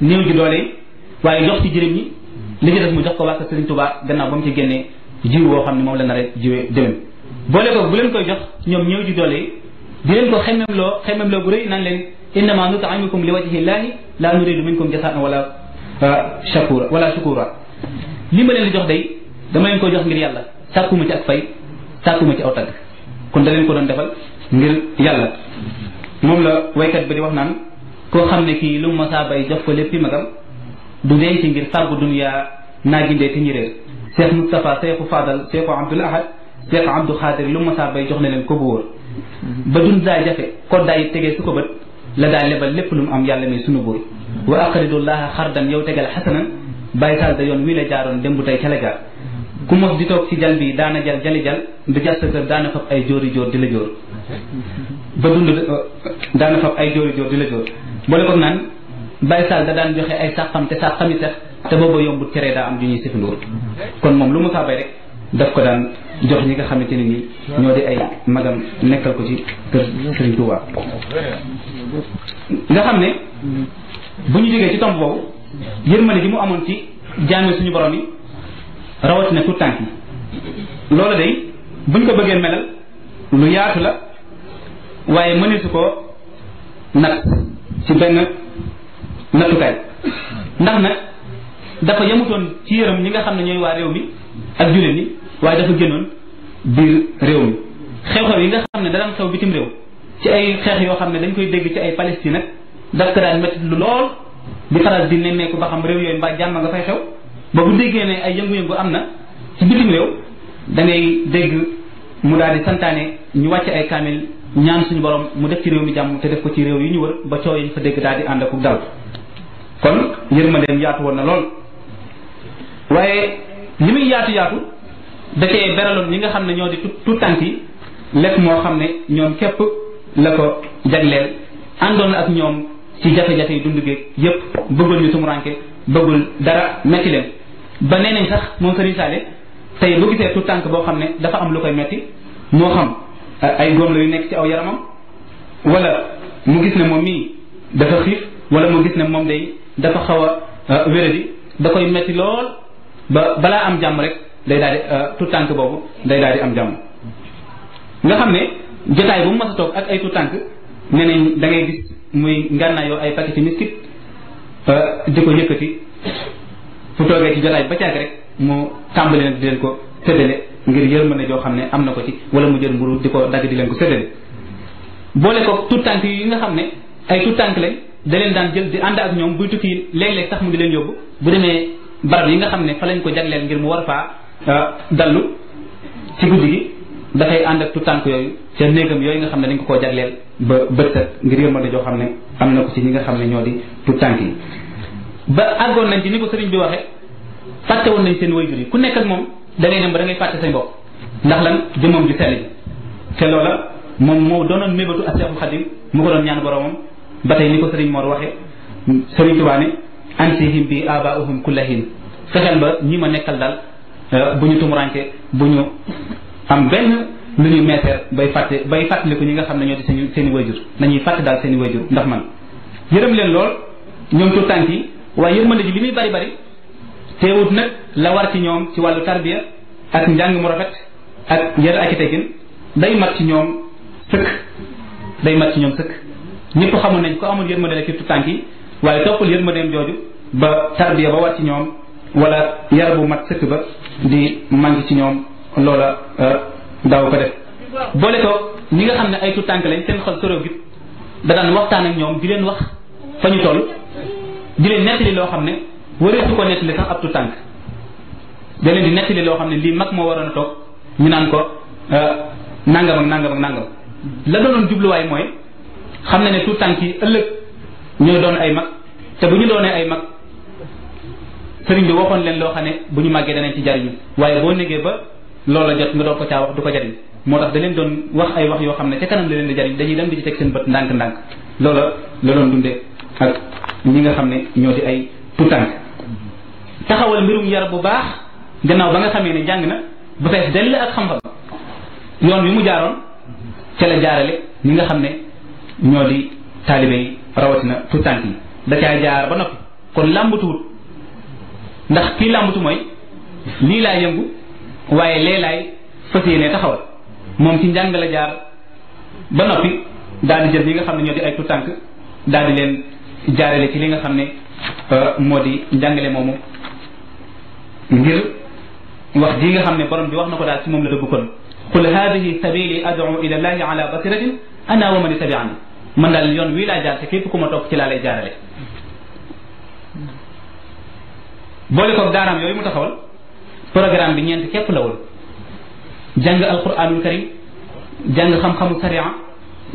néew ji doole waaye jox ci jërim ñi li ci def mu jox ko waa Sëriñ Tuubaa gannaaw ba mu ci génnee jiw woo xam ne moom la nar a jiwee déwén boole ko bu leen koy jox ñoom ñëw ji doole yi di leen ko xemem loo xemem loo bu rëy naan leen innama nut'imukum li wajhi llahi la nuridu minkum jasaan wala ah, shakura wala shukura li ma leen di jox day dama leen koy jox ngir yàlla sàkkuma ci ak fay sàkkuma ci aw tagg kon da leen ko doon defal ngir yàlla moom la waykat bi di wax naan koo xam ne kii lu mu masaa bay jox ko léppi magam du denc ngir fàggu duniyaa naagindee ki ñi réer Cheikh Moustapha Cheikhu Fadal Cheikhu Abdoul Ahad Cheikh Abdou Khadir lu mu masaa bay jox na leen ko bu wóor ba dun daa jafe koddaa yi tegee su ko bët la daa lebal lépp lu mu am yàlla may sunu buur wa aqridullaha xardan yow tegal xasanan bàyyi taal da yoon wii la jaaroon bu tey ca la jaar ku mos di toog ci jal bi daana jal jali jal du jàpp sa kër daana fab ay joo jóor di la jóor ba ay jóori jóor di la boole ko naan Baye Sall da daan joxe ay sàqam te sàqami sax te booba yombut cere daa am ju ñuy sëfandoo kon moom lu mu saa bay rek daf ko daan jox ñi nga xamante ne nii ñoo di ay magam nekkal ko ci kër Sëriñ Tuubaa nga xam ne bu ñu jógee ci tomb boobu yërmande gi mu amoon ci jaame suñu borom yi rawatina tout tànk yi loolu day buñ ko bëggee melal lu yaatu la waaye mëneesu ko nag ci benn nattukaay ndax nag dafa yemutoon ci yërëm ñi nga xam ne ñooy waa réew mi ak jullit ñi waaye dafa génnoon biir réew mi xew-xew yi nga xam ne daan xew bitim réew ci ay xeex yoo xam ne dañ koy dégg ci ay Palestine nag daf ko daan métti lu lool di faral di nemmeeku ba xam réew yooyu mbaa jàmm nga fay xew ba bu déggee ne ay yëngu-yëngu am na ci bitim réew da dégg mu daal di santaane ñu wàcc ay kaamil ñaan suñu boroom mu def ci réew mi jàmm te def ko ci réew yi ñu wër ba coow yi fa dégg daal di ànd ak dal kon yërmandeem yaatu woon na lool waaye li muy yaatu yaatu da cee beraloon nga xam ne ñoo di tout tànk yi lekk moo xam ne ñoom képp la ko jagleel àndoon ak ñoom ci jafe-jafe yi dund géeg yépp bëggul ñu tumuranke bëggul dara metti leen ba nee nañ sax moom sëriñ Saale tey bu gisee tout tànk boo xam ne dafa am lu koy metti moo xam ay góom la yu nekk ci aw yaramam wala mu gis ne moom mii dafa xiif wala mu gis ne moom day dafa xaw a euh, wéradi da koy metti lool ba balaa am jàmm rek day daal di euh, tout tànk boobu day daal di am jàmm nga xam ne jotaay bu mu mas toog ak ay tout tànk nee nañ da ngay gis muy ngànnaayoo ay paquet miskit euh, di ko yëkkati fu toogee ci jotaay ba caag rek mu tàmbali na di ko tëddale ngir yërmande joo xam ne am na ko ci wala mu jël mburu di ko dagg di leen ko séddale boole ko tout tànk yi nga xam ne ay tout tànk lañ da daan jël di ànd ak ñoom buy tukki léeg-léeg sax mu di leen yóbbu bu demee barab yi nga xam ne fa lañ ko jagleel ngir mu war faa euh, dallu ci guddi gi dafay ànd ak tout tànk yooyu ca néegam yooyu nga xam ne dañ ko koo jagleel ba bët set ngir yërmande joo xam ne am na ko ci ñi nga xam ne ñoo di tout tànk yi ba àggoon nañ ci ni bi waxee fàtte woon nañ seen ku nekk ak moom da ngay dem ba da fàtte say bopp ndax lan jëmmam ju sell te loola moom moo doonoon mébatu ak Seexul Xadim mu ko doon ñaan boromam ba tey ni ko Serigne Mor waxee Serigne Touba ne ansihim bi abaahum kullahin fexeel ba ñii ma nekkal daal euh, bu ñu tumuranke bu ñu am benn lu ñu meeseer bay fàtte bay fàttaliku ñi nga xam ne ñoo di seen seen i wayjur nañuy fàtte daal seen i wayjur ndax man yërëm leen lool ñoom tuutànk yi waaye yërmande ji teewut nag la war ci ñoom ci wàllu tarbiya ak njàng mu rafet ak yar ak tegin day mat ci ñoom sëkk day mat ci ñoom sëkk ñëpp xamoon nañ ko amul yërmande la ci tànk yi waaye toppal yërmandeem jooju ba tarbiya ba war ci ñoom wala yar bu mat sëkk ba di manqué ci ñoom loola euh, daaw ko def boole ko ñi nga xam ne ay tutànk lañ seen xol soroo da daan waxtaan ak ñoom di leen wax fa ñu toll di leen nettali loo xam ne waree su ko nettali sax ab tu tànk da leen di nettali loo xam ne lii mag moo waroon a toog ñu naan ko euh, nangam ak nangam ak la doon jubluwaay mooy xam na ne tu tànk yi ëllëg ñoo doon ay mag te bu ñu doonee ay mag sëriñ bi waxoon leen loo xam ne bu ñu màggee danañ ci jariñu waaye boo négee ba loola jot nga doog ko caa wax du ko jariñ moo tax da doon wax ay wax yoo xam ne ca kanam la leen di jariñ dañuy dem di ci teg seen bët ndànk-ndànk loola la doon dundee nga xam ne ñoo ay tutànk taxawal mbirum yar bu baax gannaaw ba nga xamee ni jàng na bu fees dell ak xam-xam yoon wi mu jaaroon ca la jaarale ñi nga xam ne ñoo di taalibe rawatina tout tànk yi da caa jaar ba noppi kon làmbatuwut ndax kii làmbatu mooy lii laa yëngu waaye lee laay fas yéene taxawal moom ci njàng la jaar ba noppi daal di jël ñi nga xam ne ñoo di ay tout tànk daal di leen jaarale ci li nga xam ne euh, moo di njàngale moomu ngir wax ji nga xam ne borom bi wax na ko daal ci moom la dëgg kon qul hadihi sabili ad'u ila llahi ala basiratin ana wa man itabiani man daal yoon wii laa jaar te képp ku ma topp ci laa lay jaarale boole koog daaraam yooyu mu taxawal programme bi ñeent képp la woon jàng alquranul karim jàng xam-xamu sariya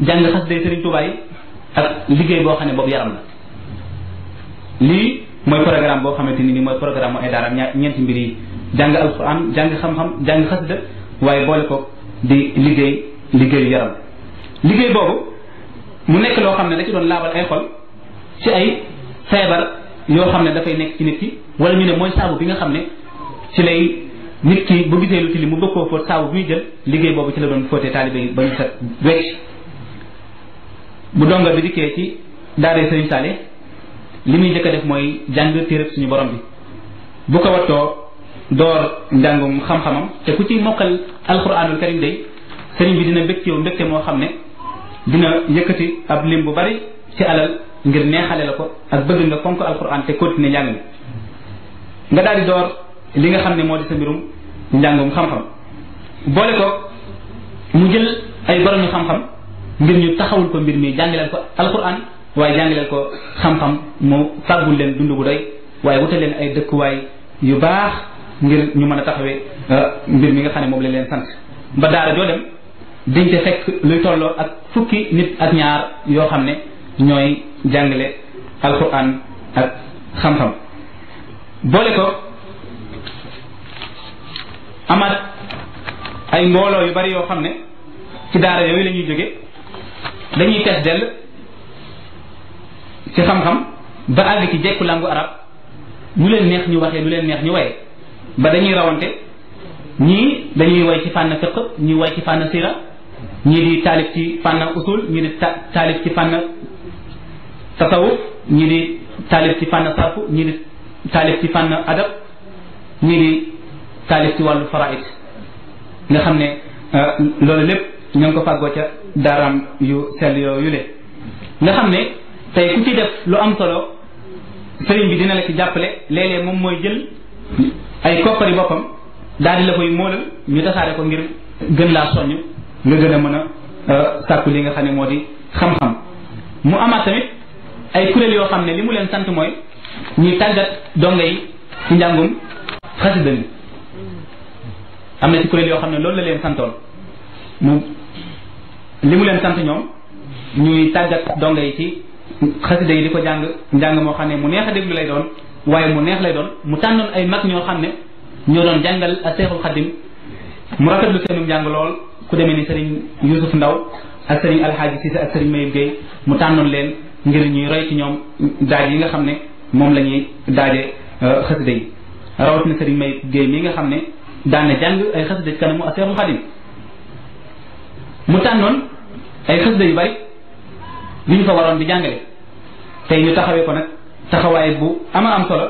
jàng xas day sëriñ tubaay ak liggéey boo xam ne yaram la mooy programme boo xamante ni ni mooy programme ay daaraam ñaar ñeenti mbir yi jàng alxuraan jàng xam-xam jàng xasida waaye boole ko di liggéey liggéeyu yaram liggéey boobu mu nekk loo xam ne da doon laabal ay xol ay feebar yoo xam ne dafay nekk ci nit ki wala ñu ne mooy saabu bi nga xam ne ci lay nit ki bu gisee lu tilim mu bëgg koo fóot saabu bi jël liggéey boobu ci la doon fóotee taalibe yi ba ñu set wecc bu donga bi dikkee ci daaree sëriñ Saali li muy njëkk a def mooy jàng téereb suñu borom bi bu ko wattoo door njàngum xam-xamam te ku ci mokkal alquranul karim day sëriñ bi dina mbégte yow mbégte moo xam ne dina yëkkati ab lim bu bari ci alal ngir neexale la ko ak bëgg nga fonk alquran te continuer njàng mi nga daal di door li nga xam ne moo di sa mbirum njàngum xam-xam boole ko mu jël ay borom ñu xam-xam ngir ñu taxawul ko mbir mi jàngaleel ko alquran waaye jàngaleel ko xam-xam mu fàggul leen dund gu doy waaye wutal leen ay dëkkuwaay yu baax ngir ñu mën a taxawee euh, mbir mi nga xam ne moom lañ leen sant ba daara joo dem dañ te fekk luy tolloo ak fukki nit ak ñaar yoo xam ne ñooy jàngale alquran ak xam-xam boole ko amaat ay mbooloo yu bari yoo xam ne ci daara yooyu lañuy jóge dañuy tes dell ci xam-xam ba àgg ci jekku langu arab ñu leen neex ñu waxee ñu leen neex ñu waye ba dañuy rawante ñii dañuy way ci fànn fiq ñii way ci fànn sira ñii di taalif ci fànn usul ñii di taalif ci fànn tasawuf ñii di taalif ci fànn sarfu ñii di taalif ci fànn adab ñii di taalif ci wàllu faraid nga xam ne euh, loolu lépp ñoo ngi ko fàggoo ca daaraam yu sell yooyu le nga xam ne tey ku ci def lu am solo sëriñ bi dina la ci jàppale léeg moom mooy jël ay koppari boppam daal di la koy móolal ñu tasaare ko ngir gën laa soññ nga gën a mën a euh, sàkku li nga xam ne moo di xam-xam mu amaat tamit ay kuréel yoo xam ne li mu leen sant mooy ñuy tàggat donga yi ci njàngum xasida mi am na ci kuréel yoo xam ne loolu la leen santoon mu li mu leen sant ñoom ñuy tàggat donga yi ci xasida yi di ko jàng njàng moo xam ne mu neex a déglu lay doon waaye mu neex lay doon mu tànnoon ay mag ñoo xam ne ñoo doon jàngal a seexul xadim mu rafetlu seenum njàng lool ku demee ni sëriñ Yuusuf Ndaw ak sëriñ Alxaaji Siise ak sëriñ Mayib Gueye mu tànnoon leen ngir ñuy roy ci ñoom daaj yi nga xam ne moom la ñuy daaje euh, xasida yi rawatina sëriñ Mayib Gueye mi nga xam ne daan na jàng ay xasida ci kanamu a seexul xadim mu tànnoon ay xasida yu bari li ñu ko waroon di jàngale tey ñu taxawee ko nag taxawaay bu ama am solo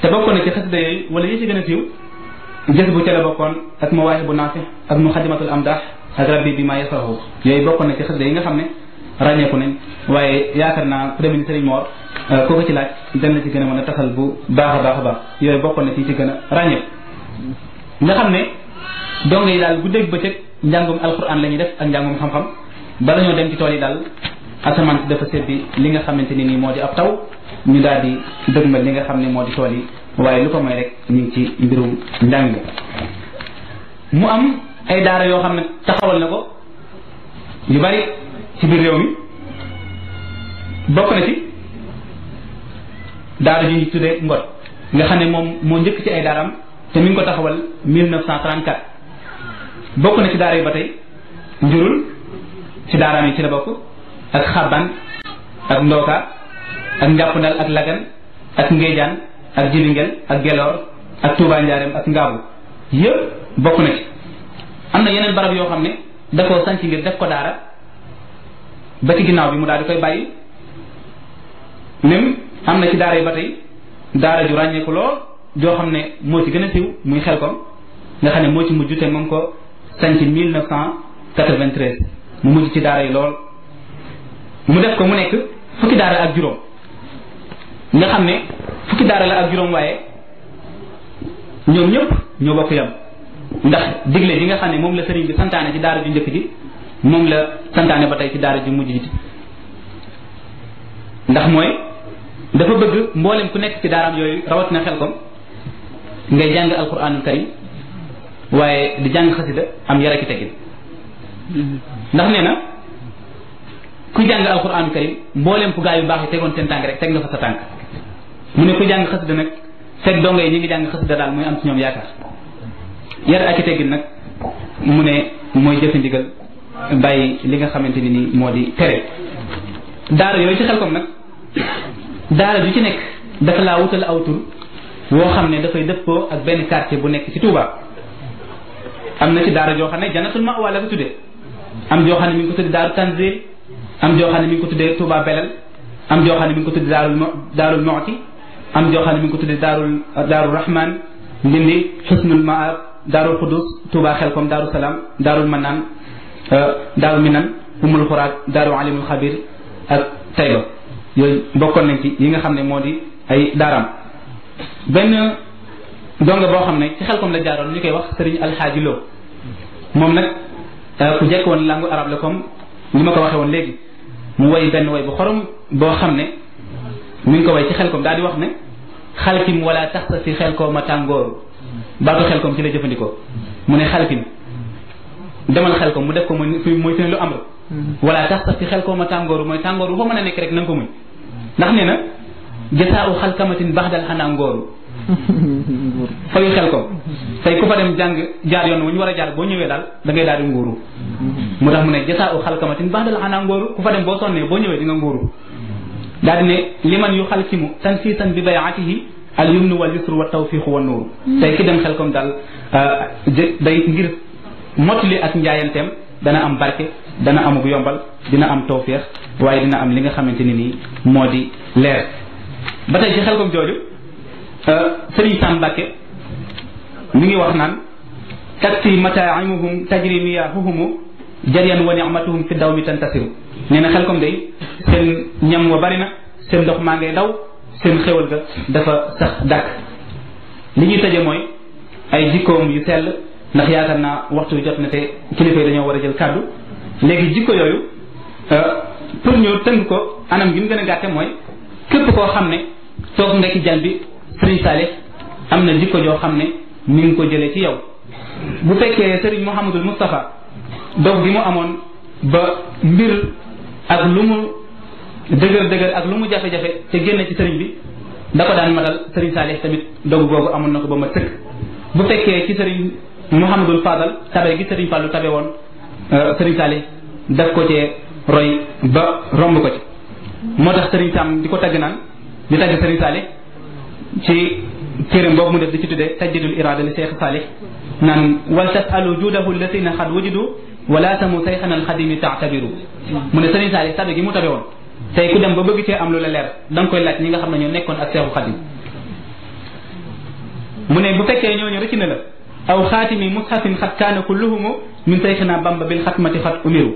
te bokkoon na ci xasida yooyu wala yi ci gën a siiw jës bu ca la bokkoon ak mawaahibu naafix ak mu muxadimatul amdaax ak rabbi bi ma yasrahu yooyu bokkoon na ci xasida yi nga xam ne ràññeeku nañ waaye yaakaar naa premier sëriñ Mor ko ko ci laaj dem na ci gën a mën a tasal bu baax a baax a baax yooyu bokkoon na ci ci gën a ràññeeku nga xam ne dong yi daal guddeeg bëccëg njàngum alquran la ñuy def ak njàngum xam-xam bala ñoo dem ci tool yi daal asamaan si dafa seddi li nga xamante ni nii moo di ab taw ñu daal di ma li nga xam ne moo di tool yi waaye lu ko mooy rek ñu ci mbirum njàng mu am ay daara yoo xam ne taxawal na ko yu bari ci biir réew mi bokk na ci daara ju ñu tuddee Ngot nga xam ne moom moo njëkk ci ay daaram te mi ngi ko taxawal 1934 bokk na ci daara yi ba tey njurul ci daaraam yi ci la bokk ak xaban ak ndooka ak njàppandal ak lagan ak ngéejaan ak jilingel ak geloor ak tuubaa njaareem ak ngaabu yëpp bokk na ci am na yeneen barab yoo xam ne da koo sanc ngir def ko daara ba ci ginnaaw bi mu daal di koy bàyyi même am na ci daara yi ba tey daara ju ràññeeku lool joo xam ne moo ci gën a siiw muy xel ko nga xam ne moo ci mujj te moom ko sanc 1993 mu mujj ci daara yi lool mu def ko mu nekk fukki daara ak juróom nga xam ne fukki daara la ak juróom waaye ñoom ñëpp ñoo bokk yam ndax digle yi nga xam ne moom la sëriñ bi santaane ci daara ju njëkk ji moom la santaane ba tey ci daara ju mujj ji ndax mooy dafa bëgg mboolem ku nekk ci daaram yooyu rawat na xel kom ngay jàng alquranul karim waaye di jàng xasida am yara ki ndax nee na ku jàng alquran karim mbooleem fu gaa yu baax yi tegoon seen tànk rek teg nga fa sa tànk mu ne ku jàng xasida nag fekk dongo yi ñu ngi jàng xasida daal muy am ci ñoom yaakaar yar ak i teggin nag mu ne mooy jëfe ndigal bàyyi li nga xamante ni nii moo di tere daara yooyu ci xel kom nag daara ju ci nekk dafa laa wutal aw tur woo xam ne dafay dëppoo ak benn quartier bu nekk ci Touba am na ci daara joo xam ne janatul ma wala bu tuddee am joo xam ko am jo xam mi ngi ko tuddé Touba belal am jo xam mi ngi ko tuddé darul darul mu'ti am jo xam mi ngi ko tuddé darul darul Rahman Ndindi husnul Maab darul qudus Touba Xelkom darul salam darul manan darul Minan Umul Xuraat darul Alimul khabir ak Tayba yooyu bokkoon nañ ci yi nga xam modi ay daram ben donga bo xamne ne ci Xelkom la jaaroon ñu koy wax Sëriñ Alxaaji Lo mom nak ku jekk won langu arab la kom ni ma ko waxe won léegi mu way benn way bu xorom boo xam ne mi ngi ko way ci xelkom daal di wax ne xalkim wala taxta si xelkoom a tàngooru baatu xelkom ci la jëfandikoo mu ne xalkim demal xelkom mu def ko mooy mooy seen lu am wala taxta si xelkoom a tàngooru mooy tàngooru foo mën a nekk rek na ko muñ ndax nee na jasaaw xalkamatin bax dal xanaa ngooru fayu xel ko tey ku fa dem jàng jaar yoon wu ñu war a jaar boo ñëwee daal dangay ngay daal di nguuru mu tax mu ne jasaa u xalkamatin baax dal xanaa ngóoru ku fa dem boo sonnee boo ñëwee di nga nguuru daal di ne liman yu xalkimu tan fii tan bi bayaatihi al yumnu wal yusru wa tawfiqu wa nuuru tey ki dem xel kom daal euh, day ngir li ak njaayanteem dana am barke dana amug yombal dina am tawfiq waaye dina am li nga xamante ni nii moo di leer Euh, sëriñ Sam Mbàkke mi ngi wax naan taksi mataa'imuhum tajri miyaahuhum jariyan wa ni'matuhum fi daw mi tantasiru nee na xel comme day seen ñam wa bari na seen ndox maa ngay daw seen xéwal ga dafa sax dàkk li ñuy tëje mooy ay jikkoom yu sell ndax yaakaar naa waxtu jot na te kilifa yi dañoo war a jël kàddu léegi jikko yooyu euh, pour ñu tënk ko anam gi mu gën a gàtte mooy képp koo xam ne toog nga ci jal bi sëriñ Salih am na jikko joo xam ne mi ngi ko jëlee ci yow bu fekkee sëriñ Mouhamadul Moustapha dox gi mu amoon ba mbir ak lu mu dëgër dëgër ak lu mu jafe-jafe te génn ci sëriñ bi da ko daan matal sëriñ Salih tamit dog googu amoon na ko ba ma tëkk bu fekkee ci sëriñ Mouhamadul Fadal tabe gi sëriñ Fallou tabe woon euh, sëriñ Salih daf ko cee roy ba romb ko ci moo tax sëriñ Sam di ko tagg naan di tagg sëriñ Salih ci téeram boobu mu def di ci tuddee tajdidul irada li Cheikh Salih naan wal tasalu juudahu lasina xad wujudu wala tamu sayxana alxadimi taatabiru mu ne sëriñ Salih tabe gi mu tabe woon tey ku dem ba bëgg cee am lu la leer da koy laaj ñi nga xam ne ñoo nekkoon ak Seexul Xadim mu ne bu fekkee ñooñu rëcc na la aw xaatimi mushafin xat kaana kulluhumu min sayxina bamba bil xatmati xat umiru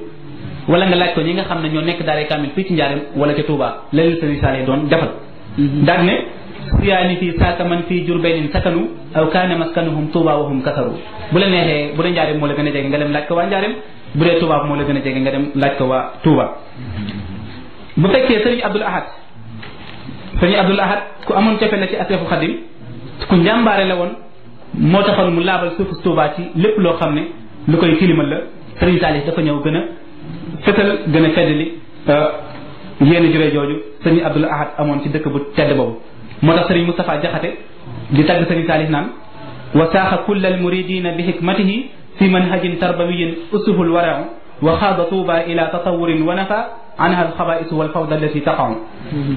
wala nga laaj ko ñi nga xam ne ñoo nekk daaree kaamil fii ci njaarim wala ca Touba la doon defal mhm. yani fi saaka man fii jurbenin sakanu aw kana maskanuhum tuba wa hum kafaru bu la nexe bu dee njaarim mo la gëna a nga dem lakka wa waa bu dee tuba mo la gëna a nga dem lakka wa tuba bu fekkee serigne abdul ahad serigne abdul ahad ku amon tefe na ci asrefu khadim ku njambaré la won mo taxal mu label suufu tuba ci lepp lo xamné ne lu koy tilimal la serigne taalis dafa ñew gëna fetal gëna fedeli a feddali yéen juree jooju abdul ahad amon ci dekk bu tedd bobu moo tax sëriñ Moustapha Jaxate di tagg sëriñ Saalif naan wa saaxa kulla almuridina bi xikmatihi fi manhajin tarbawiyin usuhul warau wa xaada tuuba ila tatawurin wa nafa anha alxabaisu walfawda allati taqaw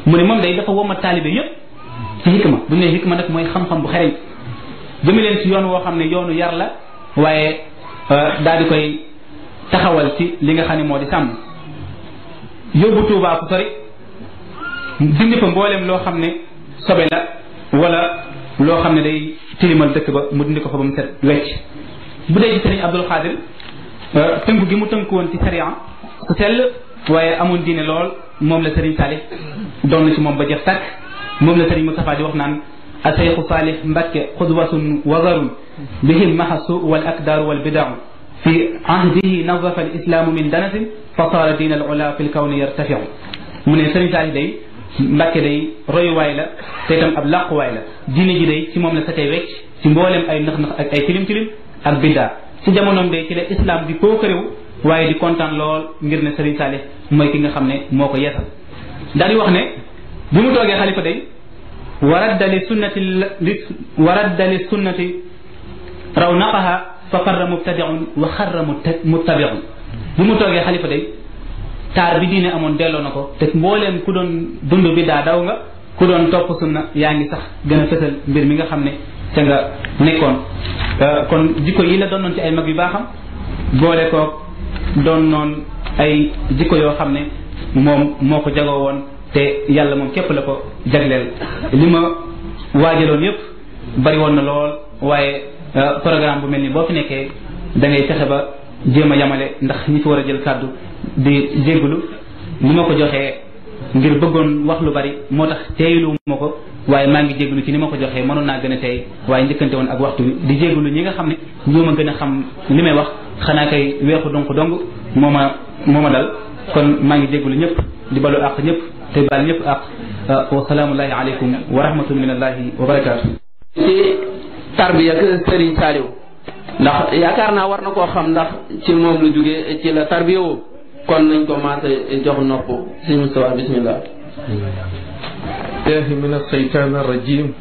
mu ne moom day dafa womat taalibe yépp ci xikma bu ñu nee xikma nag mooy xam-xam bu xereñ jëmi leen si yoon woo xam ne yoonu yar la waaye daal di koy taxawal ci li nga xam ne moo di sàmm yóbbu tuubaa ku sori dindi fa mboolem loo xam ne sobe la wala loo xam ne day tilimal dëkk ba mu dindi ko fa ba mu set wecc bu dee ci sëriñ abdul xaadir tënku gi mu tënku woon ci sariya ku sell waaye amoon diine lool moom la sëriñ saalix doon na ci moom ba jeex tàkk moom la sëriñ Moustapha di wax naan aseyxu saalix mbakke xudwatun wazarun bihim maxasu wal akdaaru wal bidaaru في عهده نظف الإسلام من دنس فصار دين العلا في الكون يرتفع من سنة عليه mbacke day roy way la te itam ab laq way la diine ji day ci moom la satay wecc ci mboolem ay nax nax ak ay tilim tilim ak biddaa ci jamonoom day ci la islam di pookarewu waaye di kontaan lool ngir ne Serigne Salih mooy ki nga xam ne moo ko yeesal daal di wax ne bu mu toogee xalifa day waradda li sunnati li waradda li sunnati rawnaqaha fa farra mubtadiun wa xarra muttabiun bu mu toogee xalifa day taar bi diine amoon delloo na ko te mbooleem ku doon dund bi daa daw nga ku doon topp na yaa ngi sax gën a fësal mbir mi nga xam ne te nga nekkoon euh, kon jikko yi la doonoon ci ay mag yu baaxam boole koog doon noon ay jikko yoo xam ne moom moo ko jagoo woon te yàlla moom képp la ko jagleel li ma waajaloon yëpp bari woon na lool waaye euh, programme bu mel ni boo fi nekkee da ngay fexe ba jéem a yamale ndax ñi fi war a jël kàddu di jégglu ni ma ko joxee ngir bëggoon wax lu bari moo tax teeylu ma ko waaye maa ngi jégglu ci ni ma ko joxee mënoon naa gën a tey waaye njëkkante woon ak waxtu bi di jégglu ñi nga xam ne ñoo ma gën a xam li may wax xanaa kay weexu donk dong moo ma moo ma dal kon maa ngi jégglu ñëpp di balu àq ñëpp te baal ñëpp àq uh, wa salaamullahi aleykum wa rahmatu minallahi wa barakaatu ci tarbiya ak Sëriñ Saaliw ndax yaakaar naa war na koo xam ndax ci moom lu kon nañ ko maase jox nopp sëñ Moustapha bismillah teexi min a seytaan rajim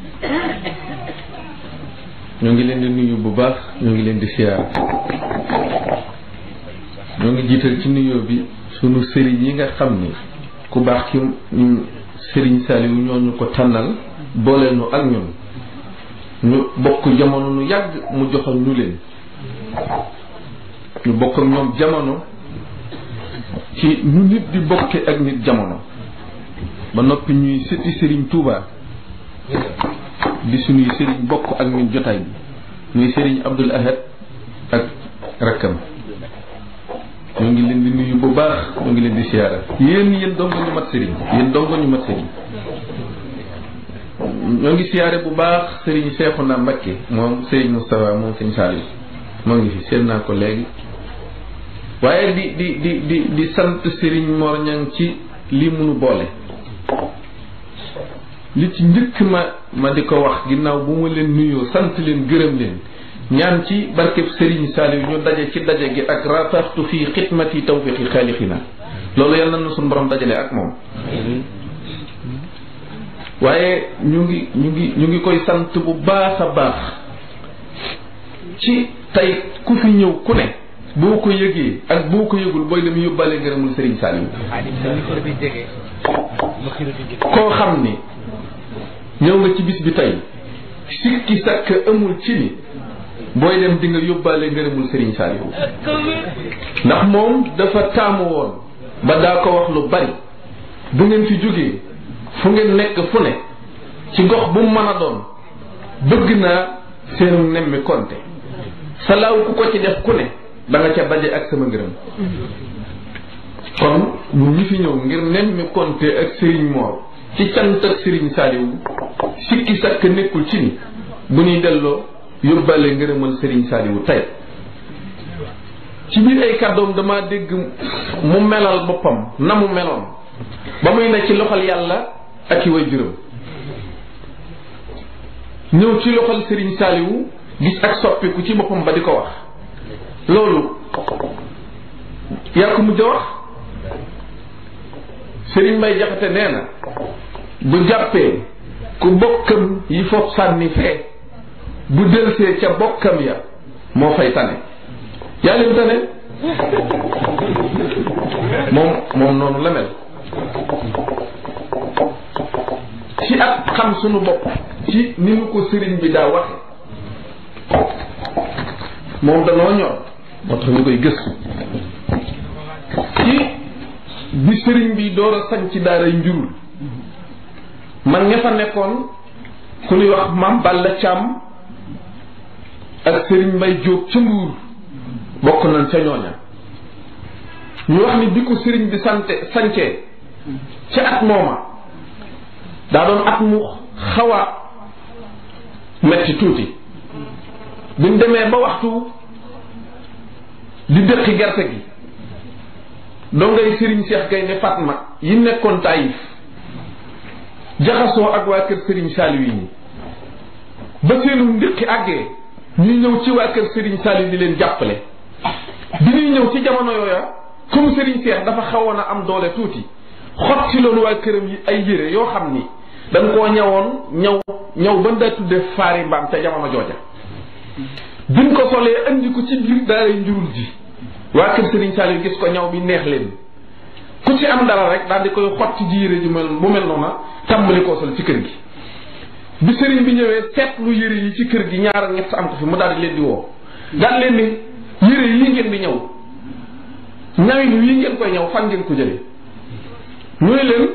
ñoo ngi leen di nuyu bu baax ñoo ngi leen di siyaar ñoo ngi jiital ci nuyoo bi sunu sëriñ yi nga xam ni ku baax ci ñu sëriñ Saliou ñoo ñu ko tànnal booleel ak ñun ñu bokk jamono nu yàgg mu joxal ñu leen ñu bokk ñoom jamono ci nu nit di bokke ak nit jamono ba noppi ñuy sëti sëriñ Touba di suñuy sëriñ bokk ak ñun jotaay bi ñuy sëriñ Abdul Ahad ak rakkam ñoo ngi leen di nuyu bu baax ñoo ngi leen di siyaara yéen yéen dong ñu mat sëriñ yéen dong ñu mat sëriñ ñoo ngi siyaare bu baax sëriñ Seexuna Mbakke moom sëriñ Moustapha moom sëriñ Saliou moo ngi fi seen naa ko léegi waaye di di di di di sant sëriñ Mor Niang ci lii munu boole li ci njëkk ma ma di ko wax ginnaaw bu ma leen nuyoo sant leen gërëm leen ñaan ci barkeb Serigne Saliou ñu daje ci daje gi ak rataxtu fii xidmati tawfiqi xaalixina loolu yàlla na suñu borom dajale ak moom waaye ñu ngi ñu ngi ñu ngi koy sant bu baax a baax ci tey ku fi ñëw ku ne boo ko yëgee ak boo ko yëgul booy dem yóbbaale ngërëmul Serigne Saliou koo xam ni ñëw nga ci bis bi tey sikki sàkk amul ci ni booy dem di nga yóbbaale ngërëmul Serigne Saliou ndax moom dafa taamu woon ba daa ko wax lu bari bu ngeen fi jógee fu ngeen nekk fu ne ci gox bu mën a doon bëgg naa seenu nemmi konte salaaw ku ko ci def ku ne da nga ca daje ak sama ngërëm kon ñun ñi fi ñëw ngir nen mi konte ak Serigne Mor ci cant ak Serigne Saliou sikki sakk nekkul ci ni bu ñuy delloo yóbbaale ngërëmal sëriñ Saliou tey ci biir ay kàddoom dama dégg mu melal boppam na mu meloon ba muy ne ci loxol yàlla ak i way juróom ñëw ci loxol sëriñ Saliou gis ak soppiku ci boppam ba di ko wax loolu yaa ko mujj a wax Serigne Mbaye Jaxate nee na bu jàppee ku bokkam yi foofu sànni fee bu delsee ca bokkam ya moo fay tane yaa leen tane moom moom noonu la ci ak xam sunu bopp ci ni nu ko sëriñ bi daa waxe moom danoo ñor moo tax ñu koy gëstu ci bi sëriñ bi door a sañ ci daaray njurul man ña fa nekkoon ku ñuy wax maam Balla Thiam ak sëriñ bay Jóob ca Mbuur bokk nañ ca ñooña ñu wax ni bi ko sëriñ bi sante sancee ci at mooma daa doon at mu xaw metti tuuti bi demee ba waxtu di dëkki gerte gi dongay sëriñ Cheikh Gaynde ma yi nekkoon Taïf jaxasoo ak waa kër sëriñ Saliou yi ba seenum ndëkki àggee ñuy ñëw ci waa kër sëriñ Saliou di leen jàppale bi ñuy ñëw ci jamono yooya comme sëriñ Cheikh dafa xawoon a am doole tuuti xot ci loolu waa këram yi ay yére yoo xam ni dañ koo ñawoon ñaw ñaw ba daa tuddee faari mbaam ca jamono jooja biñ ko solee andi ko ci biir daara njurul ji waa kër Serigne Saliou gis ko ñaw bi neex leen ku ci am dara rek daal di koy xotti ji yére ju mel bu mel noona tàmbali koo sol ci kër gi bi sëriñ bi ñëwee seetlu yére yi ci kër gi ñaar ñett am ko fi mu daal di leen di woo daal leen ni yére yi ngeen di ñëw ñawin yi ngeen koy ñëw fan ngeen ko jëlee ñu ne leen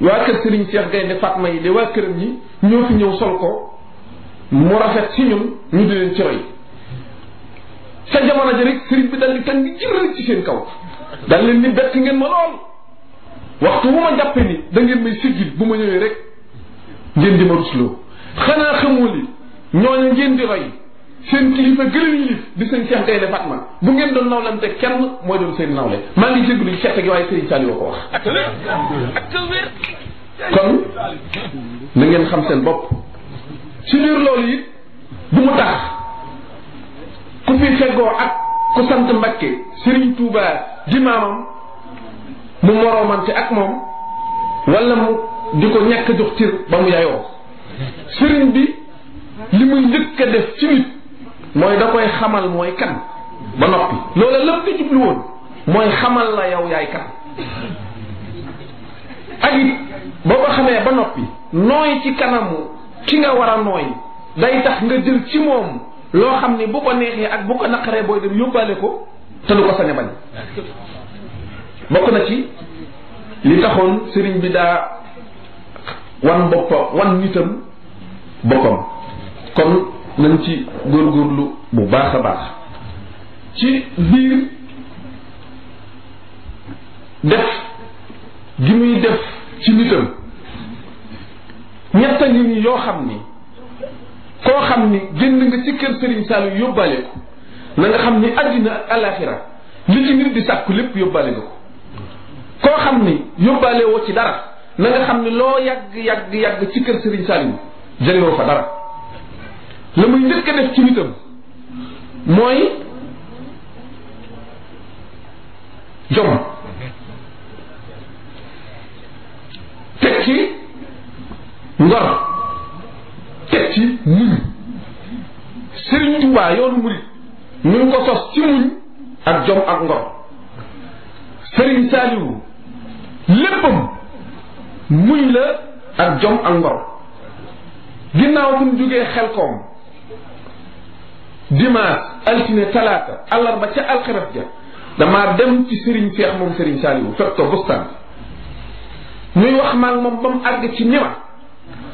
waa kër Serigne Cheikh Gaynde Fatma yi de waa këram yi ñoo fi ñëw sol ko mu rafet ci ñun ñu di leen ci roy sa jamono ji rek sëriñ bi dal di tàng jër ci seen kaw dal leen ni bett ngeen ma lool waxtu bu ma jàppe ni da ngeen may siggil bu ma ñëwee rek ngeen di ma rusloo xanaa xamoo li ñooñu ngeen di roy seen kilifa gërëm yilif di seen Cheikh Gaynde man bu ngeen doon nawlante kenn mooy doon seen nawle maa ngi jéggu ni Cheikh gi waaye Serigne Saliou ko wax kon na xam seen bopp si biir loolu it bu mu tax ku fi feggoo ak ku sant Mbakke Serigne Touba di maamam mu moroomante ak moom wala mu di ko ñàkk jox cër ba mu yayoo Serigne bi li muy njëkk a def ci nit mooy da koy xamal mooy kan ba noppi loola lépp li jublu woon mooy xamal la yow yaay kan ak it boo ko xamee ba noppi nooy ci kanamu ki nga war a nooy day tax nga jël ci moom loo xam ni bu ko neexee ak bu ko naqaree booy dem yóbbaale ko te du ko sañ bañ bokk na ci li taxoon sëriñ bi daa wan boppam wan nitam boppam kon nañ ci góorgóorlu bu baax a baax ci biir def gi muy def ci nitam ñett ngi nii yoo xam ni koo xam ni génn nga ci na nga xam ni àddina ak alaxira li ci nit di sàkku lépp yóbbaale nga ko koo xam ni yóbbaale ci dara na nga xam ni loo yàgg yàgg yàgg ci kër Serigne Saliou jëlewoo fa dara la muy njëkk def ci nitam mooy jom tekki ngor teg ci muñ Sëriñ Tuubaa yoonu murit ñu ngi ko sos ci muñ ak jom ak ngor Sëriñ Saaliwu léppam muñ la ak jom ak ngor ginnaaw bu ñu jógee xel koom dimaas altine talaata àllarba ca alxames ja damaa dem ci Sëriñ Seex moom Sëriñ Saaliwu fekk ko bustaan ñuy wax maag moom ba mu àgg ci ni ma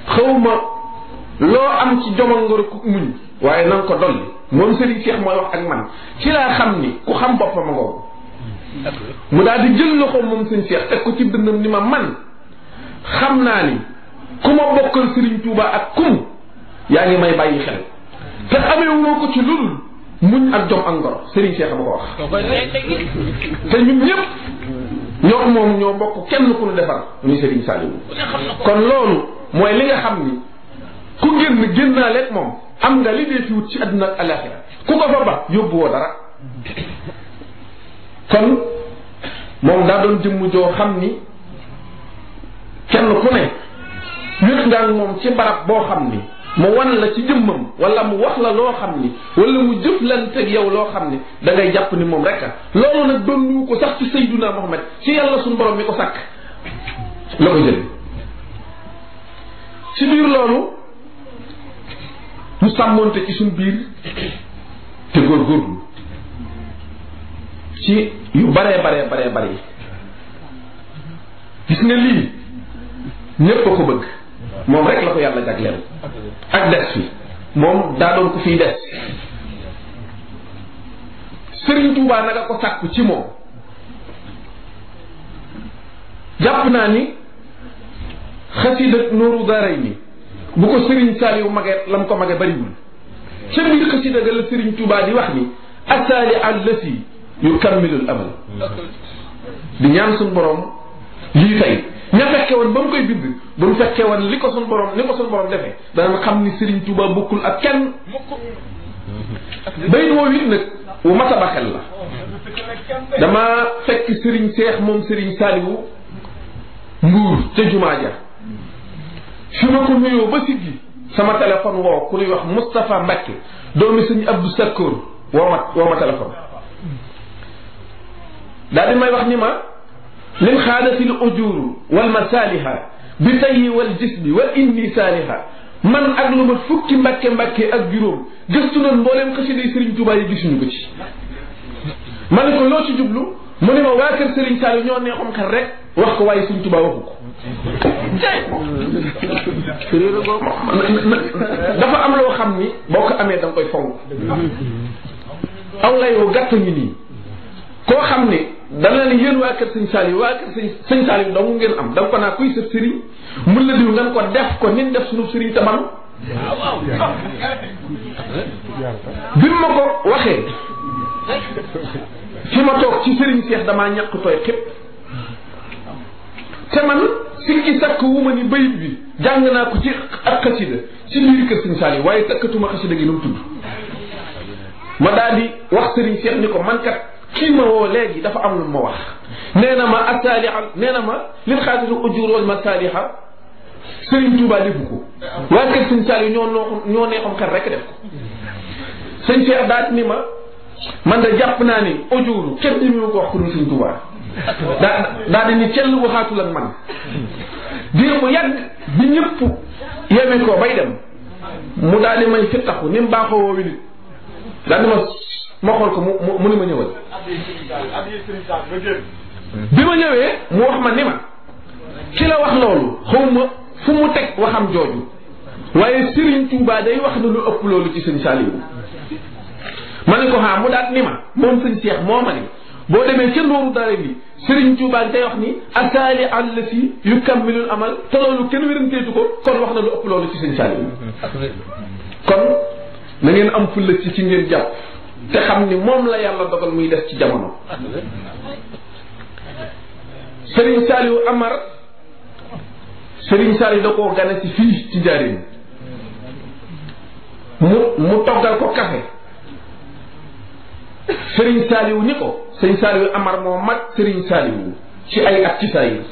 xawma loo am ci joma ngor ku muñ waaye na ko dolli moom Serigne Cheikh mooy wax ak man ci laa xam ni ku xam boppam a di jël loxo moom Serigne Cheikh teg ko ci dënnam ni ma man xam naa ni ku ma bokkal Serigne Touba ak kum yaa ngi may bàyyi xel te ameewuloo ko ci lul muñ ak jom ak ngor Serigne Cheikh ma ko wax te ñun ñëpp ñoo moom ñoo bokk kenn ku nu defar muy Serigne Saliou kon loolu mooy li nga xam ni ku génn génn naa leeg moom am nga li dee fi ci àdduna ak alaxira ku ko fa ba yóbbuwoo dara kon moom daa doon jëmm joo xam ni kenn ku ne wéet nga moom ci barab boo xam ni mu wan la ci jëmmam wala mu wax la loo xam ni wala mu jëflanteeg yow loo xam ni da jàpp ni moom rek loolu nag doon ko sax ci Seydina Muhammad ci yàlla suñu borom mi ko sàkk la ko jël ci biir loolu ñu sàmmoonte ci suñ biir te góorgóorlu ci yu baree baree baree bari gis nga lii ñépp a ko bëgg moom rek la ko yàlla jagleel ak des fi moom daa doon ko fiy des Sëriñ Tuubaa nag a ko sàkku ci moom jàpp naa ni xasida nooru daaray ni bu ko Serigne Saliou mage la mu ko mage bariwul ca biir xasida ga la Serigne Touba di wax ni asaali allati yukammilul amal di ñaan suñ borom lii tey ña fekke woon ba mu koy bind ba mu fekkee woon li ko suñ borom li ko suñ borom defee dana xam ni Serigne Touba bokkul ak kenn bayit woowu it nag wu mat a ba xel la dama fekk Serigne Seex moom Serigne Saliou mbuur ca jumaa ja su ma ko nuyoo ba siggi sama téléphone woo ku ñuy wax Moustapha Mbacke doomi sëñ Abdou Sakkour woo ma woo ma téléphone daal di may wax ni ma lin xaadati l ujuru wal masaliha bi tayyi wal jismi wal inni saaliha man ak lu ma fukki mbàkke mbàkke ak juróom gëstu nañ mbooleem xasida yi Serigne Touba yi gisuñu ko ci ma ne ko loo ci jublu mu ne ma waa kër Serigne Saliou ñoo neexoon xel rek wax ko waaye Serigne Touba waxu ko dafa am loo xam ni boo ko amee da nga koy fonk aw lay wu gàtt nii koo xam ne dana la ne yéen waa kër sëñ Saliou waa kër sëñ sëñ Saliou dong ngeen am da ko naa kuy sëf sëriñ mën la diw ngeen ko def ko nin def sunu sëriñ te man bi ma ko waxee fi ma toog ci sëriñ Seex damaa ñàkk tooy xëpp te man sikki sakk wu ma ni bayit bi jàng naa ko ci ak xasida ci biir kër Sëriñ Saliou waaye takkatuma xasida gi nu tudd ma daal di wax Sëriñ Cheikh ni ko man kat kii woo léegi dafa am lu ma wax nee na ma asaaliha nee na ma lil xaadiru ujur wal masaaliha Sëriñ Tuubaa defu ko waaye kër Sëriñ Saliou ñoo noo ñoo neexoon xel rek def ko Sëriñ Cheikh daal ni ma man da jàpp naa ni ujuru kenn di mu ko wax ku dul Sëriñ Tuubaa daa daa di ni cell waxaatul ak man diir bu yàgg bi ñëpp yeme ko bay dem mu daal di may fittaxu ni mu baaxoo woowi nit di ma ma ko mu mu ni ma ñëwal bi ma ñëwee mu wax ma ni ma ki la wax loolu xaw ma fu mu teg waxam jooju waaye Serigne Touba day wax na lu ëpp loolu ci sëñ Saliou ma ne ko xaa mu daal ni ma moom sëñ Cheikh moo ma ni boo demee ca Nooru Daarayni Serigne Touba day wax ni asaali an la si yu kammilul amal te loolu kenn wéranteetu ko kon wax na lu ëpp loolu ci sëñ Saliou kon na ngeen am fulla ci ci ngeen jàpp te xam ni moom la yàlla dogal muy des ci jamono Serigne Saliou Amar Serigne Saliou da koo gane ci fii ci njaarim mu mu toggal ko kafe sëriñ saaliwu ni ko sëñ saaliwu amar moo mag sëriñ saaliwu ci ay at ci saayir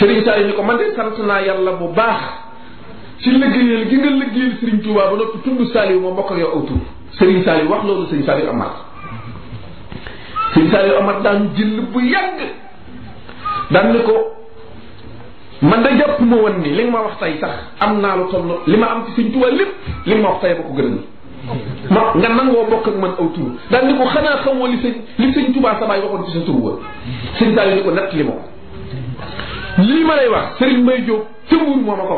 sëriñ saaliwu ni ko man de sant naa yàlla bu baax ci liggéeyal gi nga liggéeyal sëriñ Tuubaa ba noppi tudd saaliwu ma bokk ak yow aw tur sëriñ saaliwu wax loolu sëriñ saaliwu amar sëriñ saaliwu amar daan jël bu yàgg daan ni ko man da jàpp ma woon ni li ma wax tey sax am naa lu toll li ma am ci sëriñ Tuubaa lépp li nga ma wax tey ba ko gënal ma nga nangoo bokk ak man aw tur daal ni ko xanaa xamoo li sëñ li sëñ Tuubaa sa baay waxoon ci sa tur wa sëñ Saaliw ni ko natt li ma ko lii ma lay wax Serigne Mbaye Diop ca Mbuur moo ma ko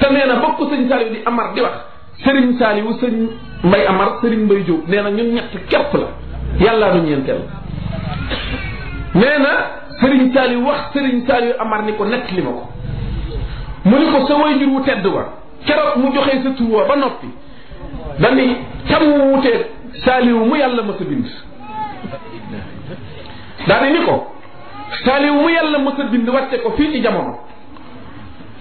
te nee na bokk sëñ Saaliw di Amar di wax Serigne Saaliw sëñ Mbaye Amar na ñun ñett képp la yàllaa nu ñeenteel nee na sëriñ Saaliw wax Serigne Saaliw Amar ni ko natt li ma ko mu ni ko sa waajur wu tedd wa keroog mu joxee sa tur wa ba noppi dani cam wuuteeg saaliwu yàlla mës a bind daane ni ko saaliwu mu yàlla mës a bind wàcce ko fii ci jamono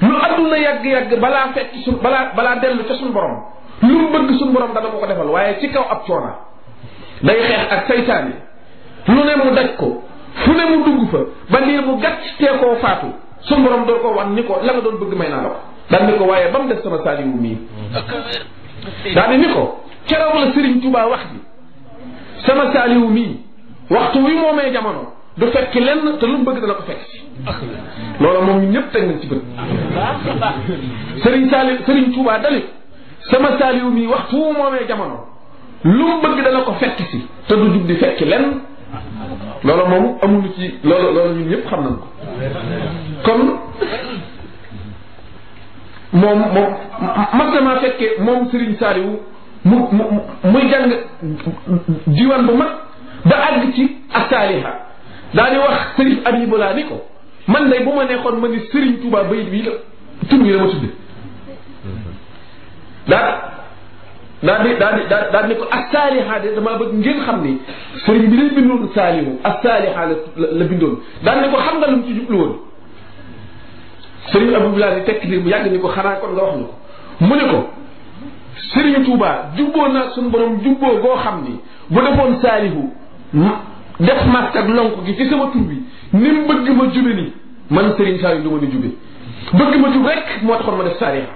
lu adduna yàgg-yàgg balaa fekk suñ balaa balaa dellu ca suñ borom lu mu bëgg suñ borom dana ko ko defal waaye ci kaw ab coona day xeex ak saytaan yi lu ne mu daj ko fu ne mu dugg fa ba liir bu gàtt tee koo faatu suñ borom door ko wan ni ko la nga doon bëgg may naa la ko daan ko waaye ba mu def sama saaliwu mii daane ni ko keroog la Serigne Touba wax ji sama saaliwu mii waxtu wi moomee jamono du fekk lenn te lu mu bëgg dana ko fekk si loola moom ñëpp teg nañ ci bët Serigne Saali Serigne Touba dali sama saaliwu mii waxtu wu moomee jamono lu mu bëgg dana ko fekk si te du jub di fekk lenn loola moom amuñu ci loola loola ñun ñëpp xam nañ ko kon moom moom mas damaa fekke moom Serigne Saliou mu mu muy jàng diwan bu mag ba àgg ci asaaliha daa di wax Serigne Abibulaa ni ko man day bu ma neexoon ma ni Serigne Touba bayit bi la tur bi la ma tudde daa daa di daa di daa daa ni ko asaaliha de damaa bëgg ngeen xam ni Serigne bi lay bindoon saalihu asaaliha la la bindoon daa ni ko xam nga lu mu ci jublu woon sëriñ Abdou Bilal tekki biir bu yàgg ni ko xanaa kon nga wax ñu ko mu ne ko sëriñu Touba jubboo naa suñu borom jubboo goo xam ni bu defoon saalihu def màkk lonk gi ci sama tur bi ni mu bëgg ma jube ni man sëriñ saalihu du ma ni jube bëgg ma jub rek moo taxoon ma def saalihu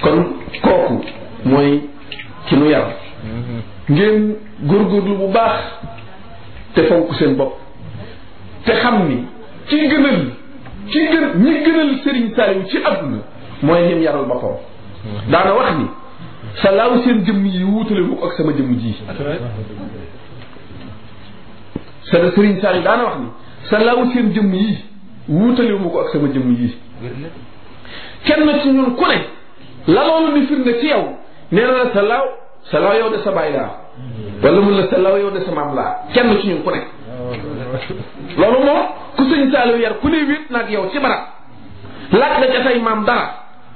kon kooku mooy ci nu yar ngeen góorgóorlu bu baax te fonk seen bopp te xam ni ci gënal ci gën ñi gënal Serigne Saliou ci àdduna mooy ñim yaral boppam daana wax ni sa laaw seen jëmm yi wu ak sama jëmm ji sa Serigne Saliou wax ni sa laaw seen jëmm yi ko ak sama jëmm ji kenn ci ñun ku la loolu di firnde ci yow nee na la sa laaw sa laaw yow de sa baay wala mun la sa laaw yow de sa maam laa kenn ci ñun ku <laughs> loolu moom ku sëñ Saaliw yar ku ne wéet nag yow ci barab laaj na ca say maam dara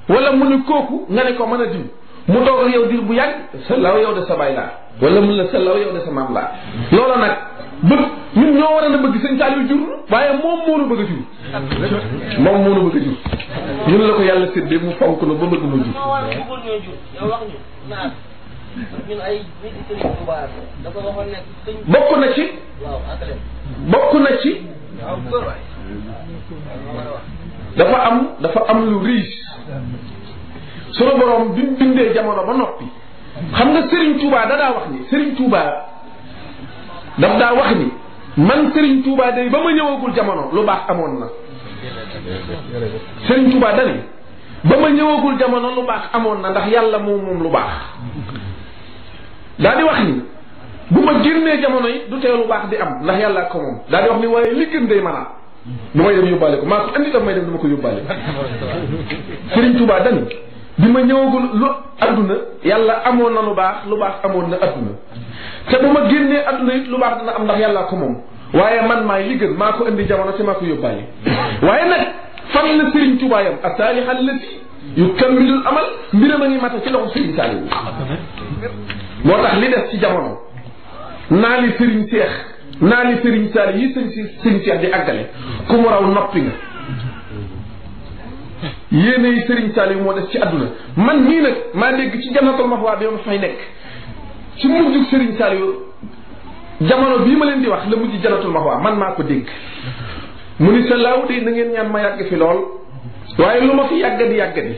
wala mu ne kooku nga ne ko mën a diw mu toog ak yow diir bu yàgg sa law de sa bay laa wala mun la sa law de sa maam laa loola nag bëgg ñun ñoo waroon a bëgg sëñ Saaliw jur waaye moom moo nu bëgg a jur moom moo nu bëgg a jur ñun la ko yàlla séddee mu fonk nu ba bëgg mu jur bokk na ci. bokk na ci. dafa am dafa am lu riis sunu borom bi mu bindee jamono ba noppi xam nga sëriñ Touba da daa wax ni sëriñ Touba daf daa wax ni man Serigne Touba day ba ma ñëwagul jamono lu baax amoon na. Serigne Touba da ba ma ñëwagul jamono lu baax amoon na ndax yàlla moom moom lu baax. daa di wax ni bu ma génnee jamono yi du teelu baax di am ndax yàlla ko moom daa di wax ni waaye li gën day mën a du may dem yóbbaale ko maa ko andi tam may dem du ma ko yóbbaale Sëriñ Tuubaa dan bi ma ñëwagul lu adduna yàlla amoon na lu baax lu baax amoon na adduna te bu ma génnee adduna it lu baax dina am ndax yàlla ko moom waaye man maay li gën maa ko indi jamono te maa ko yóbbaale waaye nag fan la Sëriñ Tuubaa yam asaalihallati yukammilul amal mbirama ngi mata ci loxo Sëriñ Saaliw moo tax li des ci jamono naa li sëriñ seex naa li sëriñ saali yi sëñ sëriñ seex di àggale ku mu raw noppi nga yéene yi sëriñ saali moo des ci àdduna man mii nag maa dégg ci jannatul maxwaa bi ma fay nekk ci mujjug sëriñ saali jamono bii ma leen di wax la mujj jannatul maxwaa man maa ko dégg mu ni sa laaw de na ngeen ñaan ma yàgg fi lool waaye lu ma fi yàggadi yàggadi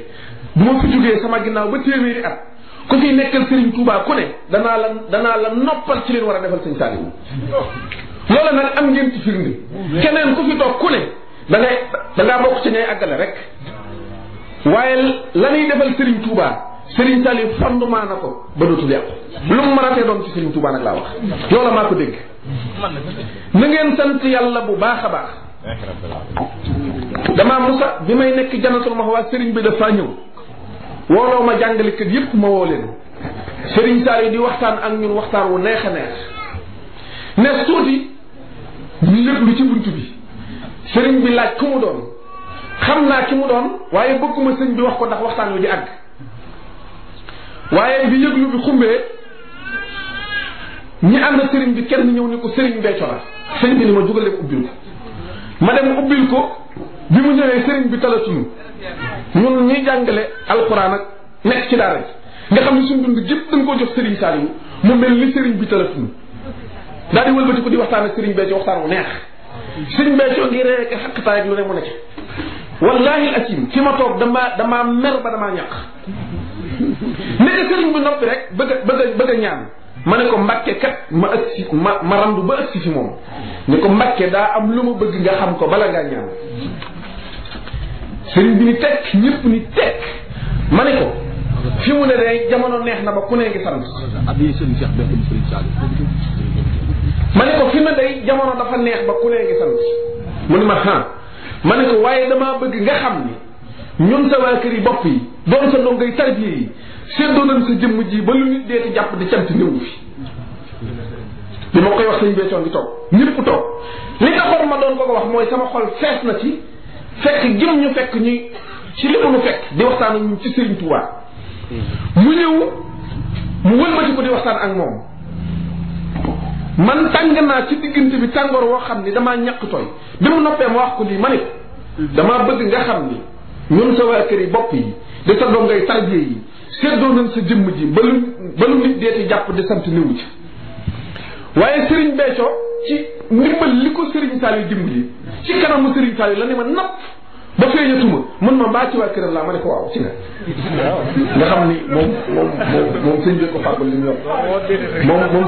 bu ma fi jógee sama ginnaaw ba téeméeri at ku fi nekkal Serigne Touba ku ne danaa la danaa la noppal ci leen war a defal sëñ Saliou loola nag am ngeen ci firnde keneen ku fi toog ku ne da ngay da ngaa bokk ci ngay àggale rek waaye la ñuy defal Serigne tuubaa Serigne Saliou fondement na ko ba dootul yàqu lu mu mënatee doon ci Serigne Touba nag laa wax loola maa ko dégg na ngeen sant yàlla bu baax a baax damaa Moussa bi may nekk janatul ma waa sëriñ bi dafa ñëw wooloo ma jàngalekat yépp ma woo leen sëriñ saar yi di waxtaan ak ñun waxtaan wu neex a neex ne suuti ñu lépp ci bunt bi sëriñ bi laaj ku mu doon xam naa ki mu doon waaye bëgguma sëñ bi wax ko ndax waxtaan wi di àgg waaye bi yëglu bi xumbee ñi na sëriñ bi kenn ñëw ni ko sëriñ becco la sëñ bi ni ma jugal dem ubbil ko ma dem ubbil ko bi mu ñëwee sëriñ bi talatunu ñun ñuy jàngale alxuraan ak nekk ci daara ji nga xam ne suñ dund gépp dañ koo jox Serigne Saliou mu mel ni Serigne bi tërëf ñu di wëlbati ko di waxtaan ak Serigne Béthio waxtaan wu neex Serigne Béthio ngi ree ak xaqtaay ak lu ne mu ne ci wallahi asim fi ma toog damaa damaa mer ba damaa ñàq mais Serigne bu noppi rek bëgg a bëgg bëgg ñaan ma ne ko Mbàkke kat ma agsi ma ma ramdu ba agsi fi moom ne ko Mbàkke daa am lu ma bëgg nga xam ko bala ngaa ñaan sëriñ bi ni tekk ñëpp ni tekk ma ne ko fi mu ne de jamono neex na ba ku ne ngi sant ma ne ko fi mu ne day jamono dafa neex ba ku ne ngi sant mu ne ma ha ma ne ko waaye damaa bëgg nga xam ni ñun sa waa kër yi bopp yi doon sa ndongoy tarbiye yi seddoo nañ sa jëmm ji ba lu nit deeti jàpp di cant néewu fi bi ma koy wax sëñ beecoon bi toog ñëpp toog li nga xor ma doon ko ko wax mooy sama xol fees na ci fekk gëm ñu fekk ñuy ci li mu fekk di waxtaan ak ci Serigne Touba. mu ñëw mu wëlbati ko di waxtaan ak moom. man tàng naa ci diggante bi tàngoor woo xam ni damaa ñàkk tooy bi mu noppee ma wax ko lii ma ne damaa bëgg nga xam ni ñun sa waa kër yi bopp yi di doom ngay tarbiye yi seddoo nañ sa jëmm ji ba lu ba dee ci jàpp di sant niwu ci waaye Serigne Béthio ci ndimbal li ko Serigne Saliou dimbali ci kanamu Serigne Saliou la ne ma napp ba feeñatuma mën ma mbaa ci waa këram laa ma ne ko waaw ci nga nga xam ni moom moom moom moom sëñ bi ko fàggul li mu yor moom moom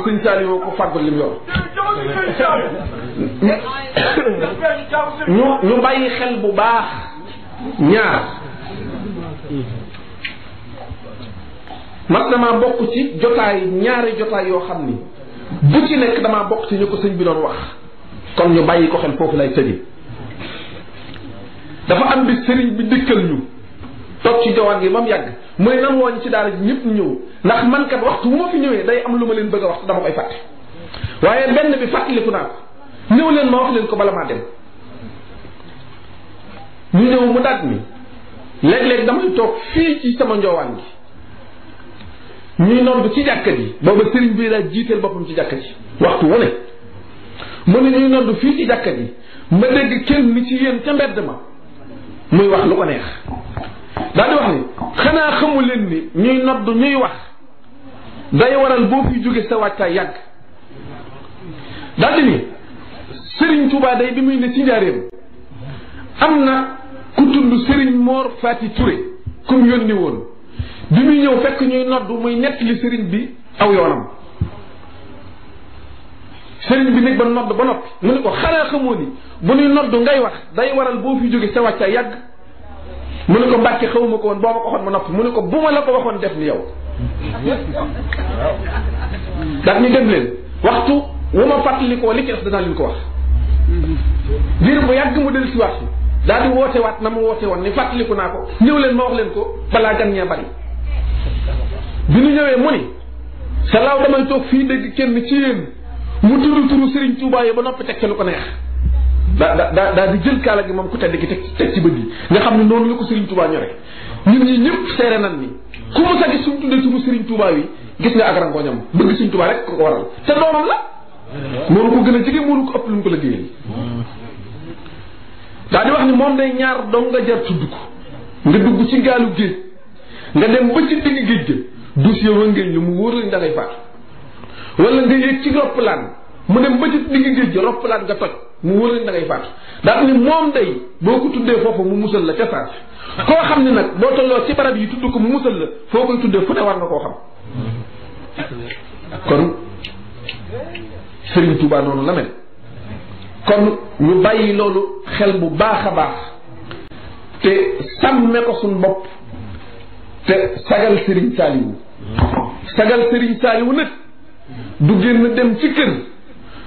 ñu ñu bàyyi xel bu baax ñaar mas damaa bokk ci jotaay ñaari jotaay yoo xam ni bu ci nekk damaa bokk ci ñu ko sëñ bi doon wax kon ñu bàyyi ko xel foofu lay tëjee dafa am bi sëriñ bi dikkal ñu toog ci jawaan gi ba mu yàgg mu ne nan ci daara ji ñëpp ñëw ndax man kat bu ma fi ñëwee day am lu ma leen bëgg wax dama koy fàtte waaye benn bi fàttaliku naa ko leen ma leen ko bala dem ñu ñëw mu daat mi léeg-léeg damay toog fii ci sama njoowaan gi ñuy nodd ci jàkka ji booba sëriñ bi daal jiiteel boppam ci jàkka ji waxtu wu ne mu ne ñuy nodd fii ci jàkka ji ma dégg kenn ni ci yéen ca mbedd ma muy wax lu ko neex daal xanaa xamu leen ni ñuy nodd ñuy wax day waral boo fi jóge sa wàccaay yàgg daal di ni sëriñ Tuubaa day bi muy ne ci njaareem am na ku tudd sëriñ Moor Faati Ture comme yónni woon bi muy ñëw fekk ñuy noddu muy nettali sëriñ bi aw yoonam sëriñ bi nekk ba nodd ba noppi mu ne ko xanaa xamoo ni bu nuy nodd ngay wax day waral boo fi ca sa wàccaay yàgg mu ne ko mbàkke xawuma ko woon boo ma ko waxoon ma noppi mu ne ko bu ma la ko waxoon def ni yow ndax ñu dem leen waxtu wu ma fàttalikoo li ci def danaa leen ko wax biir mu dellu si waat daal di woote waat na mu woote woon ni fàttaliku naa ko ñëw leen ma wax leen ko balaa gan ñaa bari bi ñu ñëwee mu ni salaaw damay toog fii dégg kenn ci yéen mu tudd turu Serigne Touba yi ba noppi teg ca lu ko neex daa daa daa di jël kaala gi moom ku tedd gi teg teg ci bët yi nga xam ne noonu la ko Serigne Touba ñore ñun ñi ñëpp seere nan ni ku mu sa gis suñ tuddee turu Serigne Touba yi gis nga ak rangoñam bëgg Serigne Touba rek ko ko waral te doomam la moonu ko gën a jege moonu ko ëpp lu mu ko liggéeyal daa di wax ni moom day ñaar doom nga jar tudd ko nga dugg ci gaalu géej nga dem ba dossier wëngéej lu mu wóor lañ da ngay faatu nga yéeg ci roppalaan mu dem ba ci digg géej gi roppalaan nga toj mu wóor lañ da ngay faatu daal ni moom day boo ko tuddee foofu mu musal la ca saa si koo xam ni nag boo tolloo ci barab yi tudd ko mu musal la foo koy tuddee fu ne war nga koo xam kon Serigne Touba noonu la mel kon ñu bàyyi loolu xel bu baax a baax te sàmme ko suñ bopp te sagal Serigne Saliou sagal sëriñ Saaliwu nag du génn dem ci kër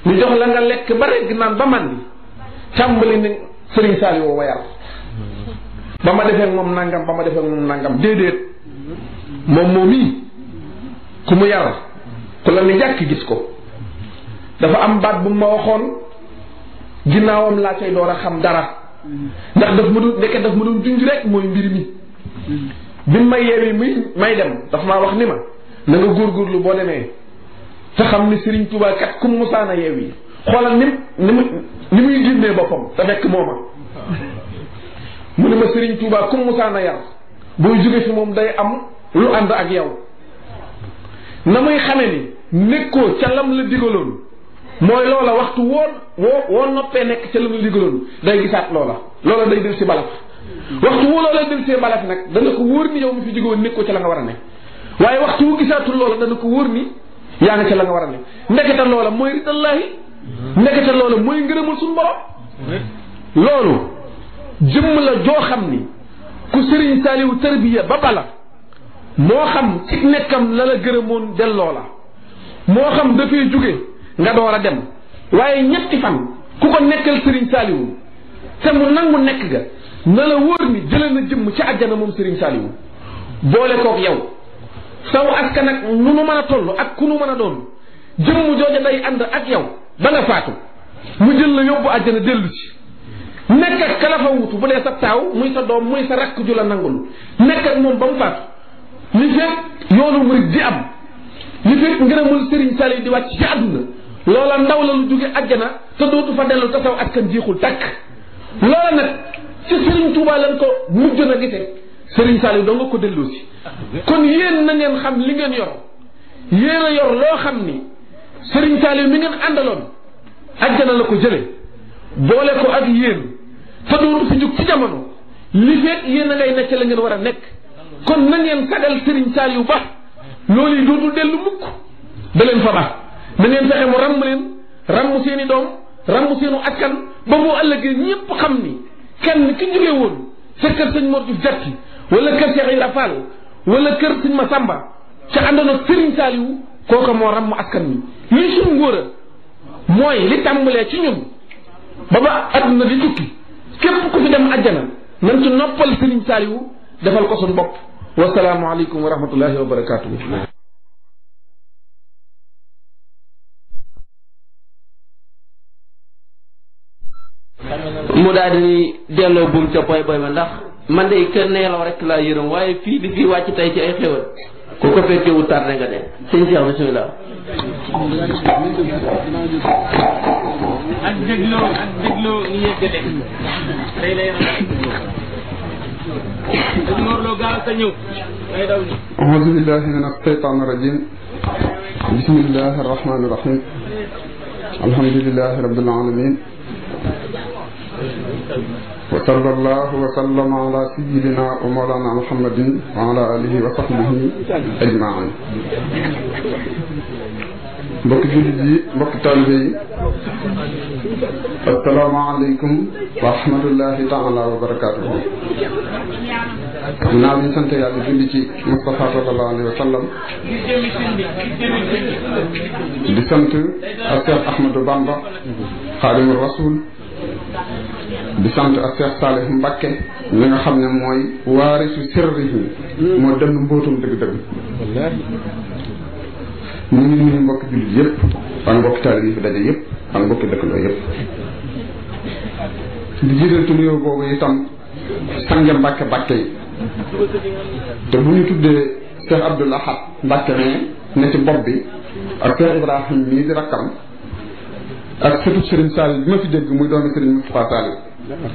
ñu jox la nga lekk ba regg naan ba màndi tàmbali ni sëriñ Saaliwu wayal ba ma defee moom nangam ba ma defee moom nangam déedéet moom moom yi ku mu yar ku la ni jàkk gis ko dafa am baat bu ma waxoon ginnaawam laa koy door a xam dara ndax daf ma doon nekk daf ma doon junj rek mooy mbir mi bi ma yeewi muy may dem daf maa wax ni ma na góor góorgóorlu boo demee te xam ni Serigne Touba kat kum musaana yeewi xoolal ni ni mu ni muy génnee boppam te fekk mooma mu ne ma Serigne Touba kum musaana yar booy jóge ci moom day am lu ànd ak yow na muy xame ni nekkoo ca lam la digaloon mooy loola waxtu woo woo woo noppee nekk ca lam la digaloon day gisaat loola loola day def si balaf waxtu wu loola del see mbalaat nag dana ko wóor ni yow mi fi jóge woon ca la nga war a ne waaye waxtu wu gisaatul loola dana ko wóor ni yaa nga ca la nga war a ne ndekete loola mooy ridallaahi ndekete loola mooy ngërëmal suñu borom loolu jëmm la joo xam ni ku sëriñ saaliwu tarbiya ba bala moo xam ci nekkam la la gërëmoon delloo la moo xam dafay jóge nga door a dem waaye ñetti fan ku ko nekkal sëriñ saaliwu te nangu nekk ga na la wóor ni jëlee na jëmm ci àjjana moom Serigne Saliou boole kook yow saw askan ak nu nu mën a toll ak ku nu mën a doon jëmm jooja day ànd ak yow ba nga faatu mu jël la yóbbu àjjana dellu ci nekk ak kala fa wutu bu dee sa taaw muy sa doom muy sa rakk ju la nangul nekk ak moom ba mu faatu li fekk yoonu murit di am li fekk ngërëmul Serigne Saliou di wàcc ci àdduna loola ndaw la lu jóge àjjana sa dootu fa dellu te saw askan jiixul takk loola nag ci Serigne Touba lañ ko mujj na gisee Serigne Saliou doo nga ko delloo si kon yéen na ngeen xam li ngeen yor yéen a yor loo xam ni Serigne Saliou mi ngeen àndaloon àjjana la ko jële boole ko ak yéen fa doonu fi njug ci jamono li feet yéen a ngay necc la ngeen war a nekk kon na ngeen sagal Serigne Saliou ba loolu yi dootul dellu mukk da leen fa ba da ngeen fexe mu ràmm leen ràmm seen i doom ràmm seenu askan ba mu ëllëgee ñëpp xam ni kenn ki jëlee woon ca kër sëñ Mor Diouf Jatti wala kër Cheikh Ibra Fall wala kër sëñ Massamba ca àndoon ak Serigne kooka moo ràmm askan wi ñun suñu mooy li tàmbalee ci ñun ba ba àdduna di tukki képp ku fi dem àjjana nan ci noppal Serigne Saliou defal ko suñu bopp wasalaamualeykum wa rahmatullahi wa barakaatu. mu daal delloo buum ca boy boy ma ndax man de kër neelaw rek laa yërëm waaye fii di fi wàcc tey ci ay xéwal ku ko fekkee wu tardé nga de sëñ Cheikh bisimilah. ak dégloo ak dégloo ñu yëggale day day dañ morloo gaaw sa ñëw day daw ni auzu billahi min ashaytan rajim bismillahi arrahmani rahim alhamdulillahi rabbil alamin wa sallallahu wa sallama ala sayyidina wa mawlana muhammadin wa ala alihi wa sahbihi ajmain mbokki jullit yi mbokki taalibe yi asalaamaaleykum wa rahmatullahi taala wa barakaatuhu naa ñu sant yàlla julli ci Moustapha sallallahu alayhi wa sallam di sant ak Cheikh Ahmadou Bamba xaadimu rasul di sant ak Cheikh Salif Mbakke li nga xam ne mooy waarisu sirrihi hmm. moo dem mbóotum dëgg-dëgg ñu ngi nuyu mbokki jullit yëpp ak mbokki taalib yi fi daje yëpp ak mbokki dëkkandoo yëpp di jiital ci nuyoo boobu itam sange Mbàkke Mbàkke yi te bu ñu tuddee Cheikh Abdoul Ahad Mbàkke ne ne ci bopp bi ak Cheikh Ibrahim mii di rakkam ak sëtu Serigne Sall bi ma fi dégg muy doomi Serigne Moustapha Sall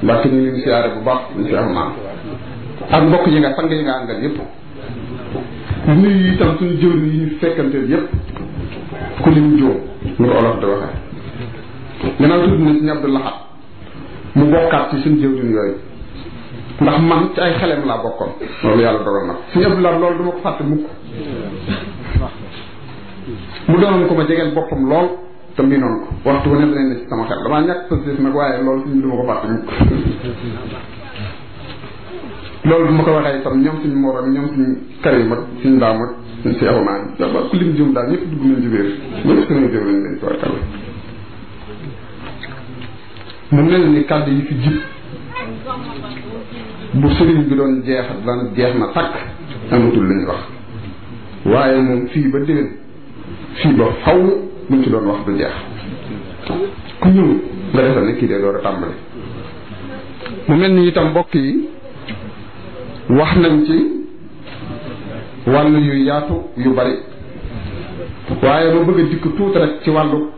ndax ñu ngi leen di bu baax ñu Cheikh Oumar ak mbokk yi nga sang yi nga àndal yëpp nuyu itam suñu jëwriñ yi ñu fekkanteel yëpp ku lim jóom ñu ko olof di waxee gannaaw tudd na Serigne Abdou Lahad mu bokkaat ci suñu jëwriñ yooyu ndax man ci ay xelem laa bokkoon loolu yàlla dogal na Serigne Abdou Lahad loolu du ma ko fàtte mukk mu doonoon ko ma jegeel boppam lool te miinoon ko waxtu wu ne dinañ ne sama xel damaa ñàkk positif nag waaye loolu du ma ko fàtte mukk loolu bu ma ko waxee itam ñoom suñu moroom ñoom suñu karim ak suñu daam ak dugg nañ ci mu mel ni kàddu yi fi jib bu sëriñ bi doon jeex daan jeex na takk amatul lu wax waaye moom fii ba déwén fii ba faw luñ ci doon wax du jeex ku ñëw nga defal ne kii dee door a tàmbali mu mel ni itam mbokk yi wax nañ ci wàll yu yaatu yu bari waaye ma bëgg a dikk tuuti rek ci wàllu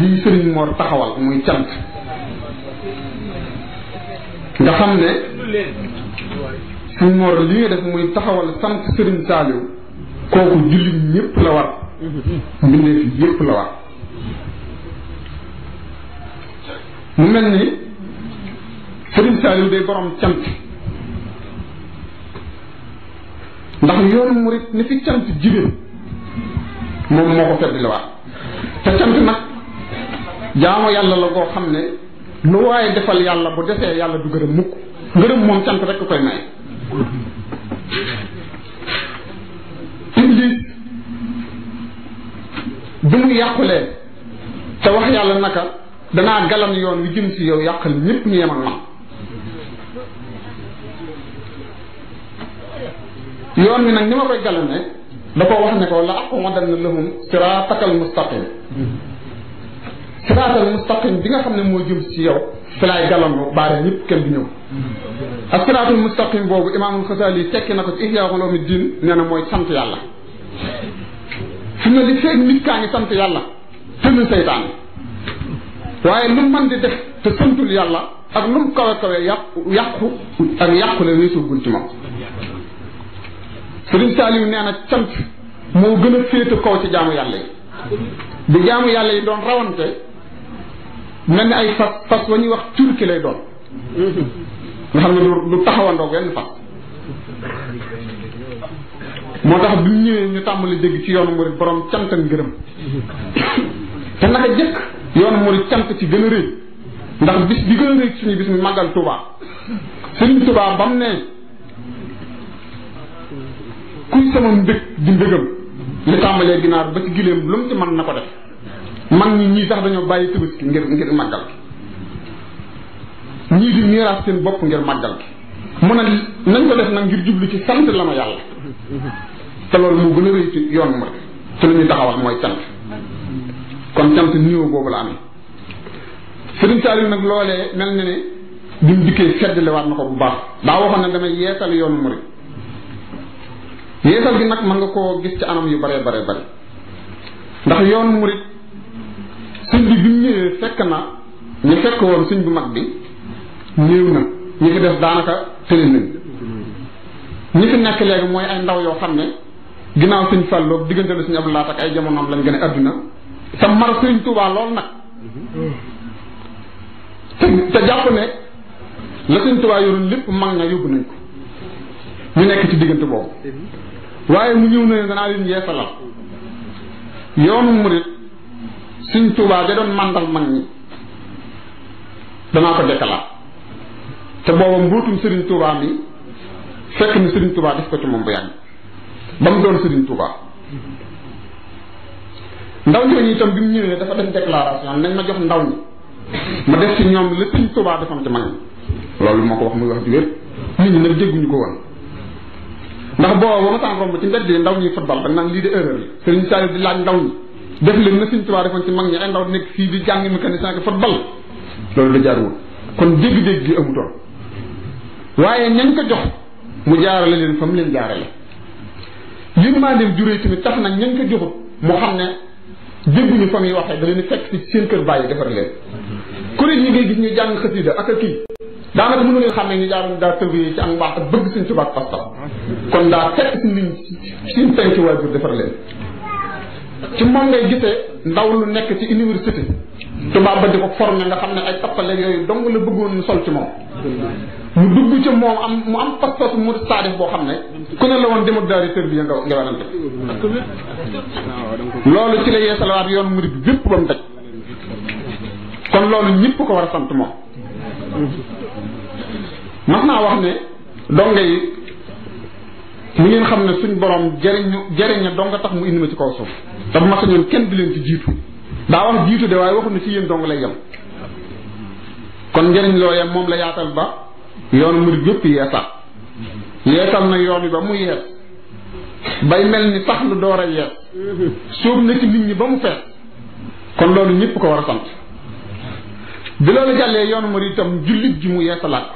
lii sëriñ Mor taxawal muy cant nga xam ne sëriñ Mor li nga def muy taxawal sant sëriñ Saaliw kooku jullit ñépp la war mbindeef yépp la war mu mel ni Sëriñ Saaliw day borom cant ndax yoonu murit ni fi cant jibe moom moo ko fedd la waat te cant nag jaamu yàlla la koo xam ne lu waaye defal yàlla bu desee yàlla du gërëm mukk ngërëm moom cant rekk koy may bi mu yàqulee te wax yàlla naka danaa galan yoon wi jëm si yow yàqal ñépp ñu yem ak man yoon wi nag ni ma koy galane da ko wax ne ko la aqudanna lahum siraatakal mustaqim siraatal mustaqim bi nga xam ne moo jëm si yow fi laay galanlu baare ñëpp kenn du ñëw ak siraatul mustaqim boobu imaamul xasaali tekki na ko ci ihyaa ulumi diin nee na mooy sant yàlla fi mu ne li feeg nit sant yàlla tënul seytaan waaye lu man di def te santul yàlla ak lu mu kawe kawe yàqu yàqu ak yàqu la weesu gul ci moom Sëriñ Saaliw nee na cant moo gën a féete kaw ci jaamu yàlla yi bi jaamu yàlla yi doon rawante mel ni ay fas fas wa ñuy wax turki lay doon mm-hmm. nga xam ne lu taxawandoo benn fas moo tax bi ñëwee ñu tàmbali dégg ci yoonu murid borom cant ak ngërëm te naka jëkk yoonu murid cant ci gën a rëy ndax bis bi gën a rëy suñu bis mi màggal Tuubaa sëriñ Tuubaa bam ne kuy sama mbëg di mbëgam li tàmbalee ginaar ba ci gileem lu mu ci mën na ko def man ñi ñii sax dañoo bàyyi Tabaski ngir ngir màggal gi ñii di niiraas seen bopp ngir màggal gi mu ne nañ ko def nag ngir jublu ci sant la ma yàlla te loolu moo gën a rëy ci yoon ma ci la ñuy mooy cant kon cant niveau boobu la amee Sëriñ Saliou nag loolee mel na ni bi mu dikkee seddale waat na ko bu baax daa waxoon ne damay yeesal yoonu murid yeesal gi nag mën nga koo gis ci anam yu bare bare bare ndax yoonu murid sëñ bi bi mu fekk na ñu fekk woon sëñ bu mag bi néew na ñi fi des daanaka tëli nañ fi nekk léegi mooy ay ndaw yoo xam ne ginnaaw sëñ Fallou diggante la sëñ Abdou Lahat ak ay jamonoom lañ gën a adduna te mar sëriñ Touba lool nag te te jàpp ne la sëñ Touba yoroon lépp mag na yóbbu nañ ko ñu nekk ci diggante boobu waaye mu ñëw na ne danaa leen yeesalal yoonu murit sëñ Touba da doon màndal mag ñi danaa ko dekkalaat te booba mbuutum sëriñ Touba mi fekk ni sëriñ Touba def ko ci bu yàgg ba mu doon Serigne Touba ndaw ñooñu itam bi mu ñëwee dafa def déclaration nañ ma jox ndaw ñi ma def ci ñoom la Serigne Touba defam ci mag ñi loolu moo ko wax muy wax ju wér nit ñi nag dégguñu ko woon ndax boo ba ma saan romb ci mbedd yi ndaw ñuy football dañ naan lii de erreur yi Serigne Saliou di laaj ndaw ñi def leen na Serigne Touba defoon ci mag ñi ay ndaw nekk fii di jàng mécanicien ak football loolu la jaarul kon dégg-dégg gi amutoon waaye ñañ ko jox mu jaarale leen fa leen jaarale yërmandeem juree tamit tax na ñañ ko joxut mu xam ne dégguñu fa muy waxee da leen fekk ci seen kër bàyyi defar leen kuréel yi ngay gis ñu jàng xasida ak a kii daanaka mënu leen xàmmee ñu jaaroon daa tëbee ci am mbaax ak bëgg suñ tubaab pas kon daa fekk si nit suñ penk waajur defar leen ci moom ngay gisee ndaw lu nekk ci université tubaab ba di ko formé nga xam ne ay tappale yooyu dong la bëggoon ñu sol ci moom mu dugg ci moom am mu am pastos mu saadif boo xam ne ku ne la woon demut daari tër bi nga nga wanante loolu ci la yeesalawaat yoon murid bi bépp ba mu daj kon loolu ñëpp ko war a sant moom mas naa wax ne donga yi mu ngeen xam ne suñ borom jëriñu jëriña donga tax mu indi ma ci kaw suuf dafa ma sañoon kenn du leen ci jiitu daa wax jiitu de waaye waxu ne ci yéen dong lay yem kon njëriñ loolee moom la yaatal ba yoonu murid yëpp yeesal yeesal na yoon wi ba mu yees bay mel ni tax lu door a yees sóob na ci nit ñi ba mu fees kon loolu ñëpp ko war a sant bi loolu jàllee yoonu murid itam jullit ji mu yeesalaat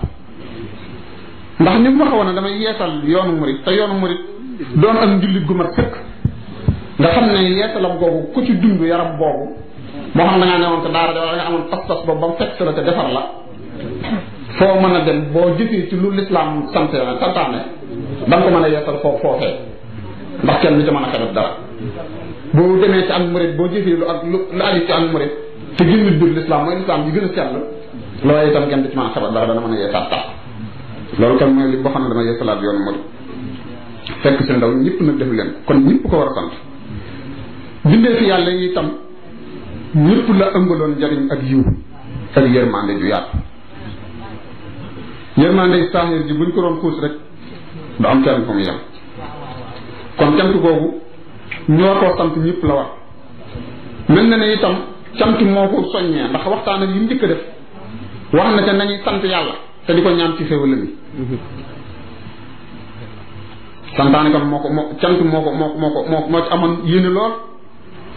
ndax ni mu waxoon ne damay yeesal yoonu murid te yoonu murid doon am njullit gu mat sëkk nga xam ne yeetalam googu ku ci dund yaram boobu moo xam da ngaa newoon te daara de amoon pas boobu ba mu fekk la te defar la foo mën a dem boo jëfee ci lu lislaam sante santaane da nga ko a yeesal kenn lu ci mën a xebet dara boo demee ci boo jëfee lu ak lu lu aju ci ak murit te gën a sell loolu itam kenn du ci a xebet dara dana mën a yeesaat tax loolu kon mooy li boo xam ne dama yeesalaat yoonu murit fekk seen ndaw ñëpp nag def leen kon ñëpp ko war a sant bindee fi yàlla yi itam ñëpp la ëmbaloon njariñ ak yiw ak yërmande ju yaatu yërmande saaxir ji buñ ko doon xuus rek du am kenn fu mu yem kon cant googu ñoo koo sant ñëpp la war na ne itam cant moo ko ndax waxtaan ak yi mu njëkk def wax na ca nañuy sant yàlla te di ko ñaan ci xéwal mi santaane kam moo ko moo cant moo ko moo ko moo ko moo ci amoon yéene lool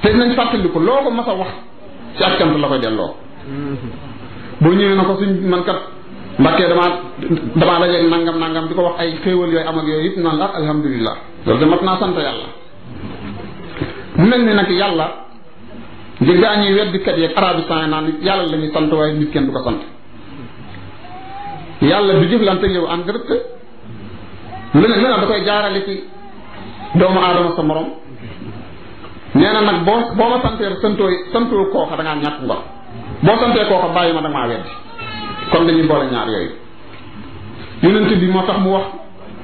te nañ fàttaliku loo ko mas a wax ci ak cant la koy delloo boo ñëwee na ko suñ man kat mbakkee damaa damaa dajeeg nangam nangam di ko wax ay xéewal yooyu am ak yooyu yëpp naan la alhamdulilah loolu de mat naa sant yàlla mu mel ni nag yàlla di gaañuy weddikat yeeg arabistan yi naan yàlla la ñuy sant waaye nit kenn du ko sant yàlla du jëflante yow en ne lu ne da koy jaarale ci doomu aadama sa morom neena nak bo bo ma sante santoo santoo ko da nga ñatt ngor bo sante ko xam bayima dama wedd kon dañuy boole ñaar yooyu yonente bi mo tax mu wax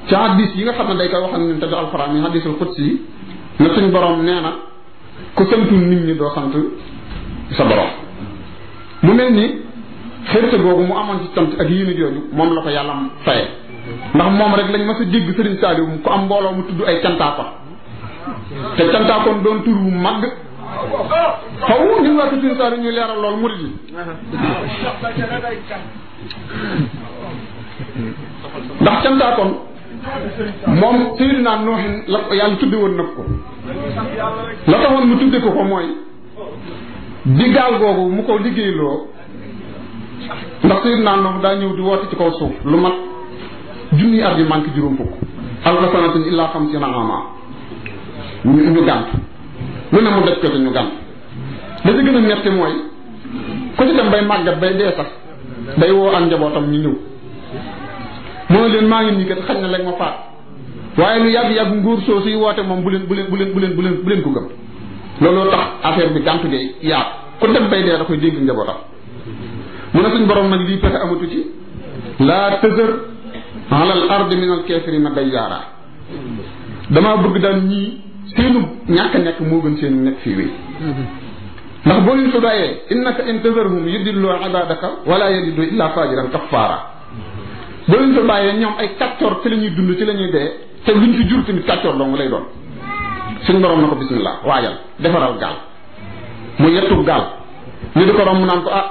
ci hadith yi nga xam ne day koy wax ñun ta du alquran ni hadithul qudsi na suñu borom neena ku santul nit ñi do sant sa borom mu melni ni gogu mu amon ci tant ak yéene joju mom la ko yalla am faye ndax mom rek lañ ma sa dégg serigne Saliou ko am mbolo mu tuddu ay cantaa te cantaakoon doon tur wu màgg xaw ñun waa Kër Saar ñu leeral lool murid yi ndax cantaakoon moom Seydina Noohin la yàlla tudde woon nag ko la taxoon mu tudde ko ko mooy di gaal googu mu ko liggéeyloo ndax Seydina Nooh daa ñëw di woote ci kaw suuf lu mat junniy at yi manque juróom fukk alfa sanatin illaa xamsiina aamaa ñu ñu gànt lu ne mu daj ko te ñu gànt da ci gën metti mooy ku ci dem bay màggat bay dee sax day woo ak njabootam ñu ñëw mooy leen maa ngi nii kat xañ na léegi ma faat waaye lu yàgg-yàgg nguur soo suy woote moom bu leen bu leen bu leen bu leen bu leen bu leen ko gëm looloo tax affaire bi gàntu ge yaat ku dem bay dee da koy dégg njabootam mu ne suñ borom nag lii pexe amatu ci laa tësër alal ardi min al kaafirina dayyaara damaa bëgg daal ñii seenu ñàkk nekk moo gën seenu nekk fii wéy ndax boo leen fi bàyyee innaka in tazarhum yudillu ibadaka wala yalidu illa fajiran kaffaara boo leen fi bàyyee ñoom ay kàccoor ci la ñuy dund ci la ñuy dee te luñ fi jur tamit kàccoor dong lay doon suñ borom na ko bismillah waajal defaral gaal mu yettu gaal ñu di ko romb naan ko ah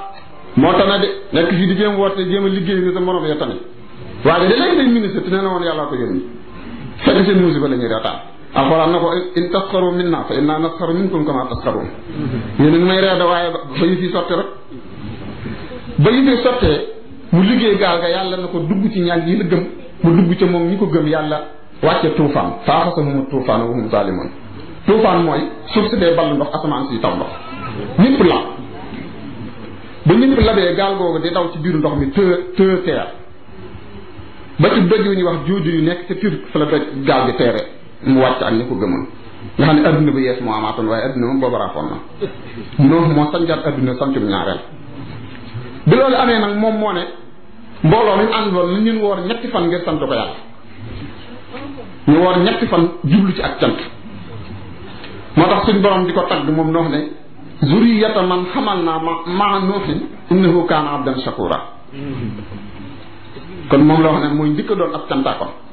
moo tane de nekk fii di jéem woote jéem a liggéey ni sa morom ya tane waaye de léegi day ministre te nee woon yàllaa ko ñuy reetaan alxuraan na ko in tasxaru minna fa inna nasxaru minkum kama tasxaruun yéen a ngi may reeda waaye ba yu fi sotti rek ba yu fi sottee mu liggéey gaal ga yàlla na ko dugg ci ñaan yi la gëm mu dugg ci moom ñi ko gëm yàlla wàcce tuufaan faaxasahum tuufaan wa hum zaalimuun tuufaan mooy suuf si dee ball ndox asamaan si taw ndox ñëpp la ba ñëpp labee gaal googu di daw ci biiru ndox mi të të teer ba ci doj yu ñuy wax jooju yu nekk ca mu wàcc ak ñi ko gëmoon nga xam ne adduna bi yees moo amaatoon waaye adduna moom boobu na noof moo sanjaat adduna sancum ñaareel bi loolu amee nag moom moo ne mbooloo mi àndoon na ñun woor ñetti fan ngir sant ko yàlla ñu woor ñetti fan jublu ci ak cant moo tax suñ borom di ko tagg moom noox ne zuriyata man xamal naa ma ma nooxin ko kaana abdan shakura mm-hmm. kon moom loo xam ne mooy njëkk doon ab cantaakon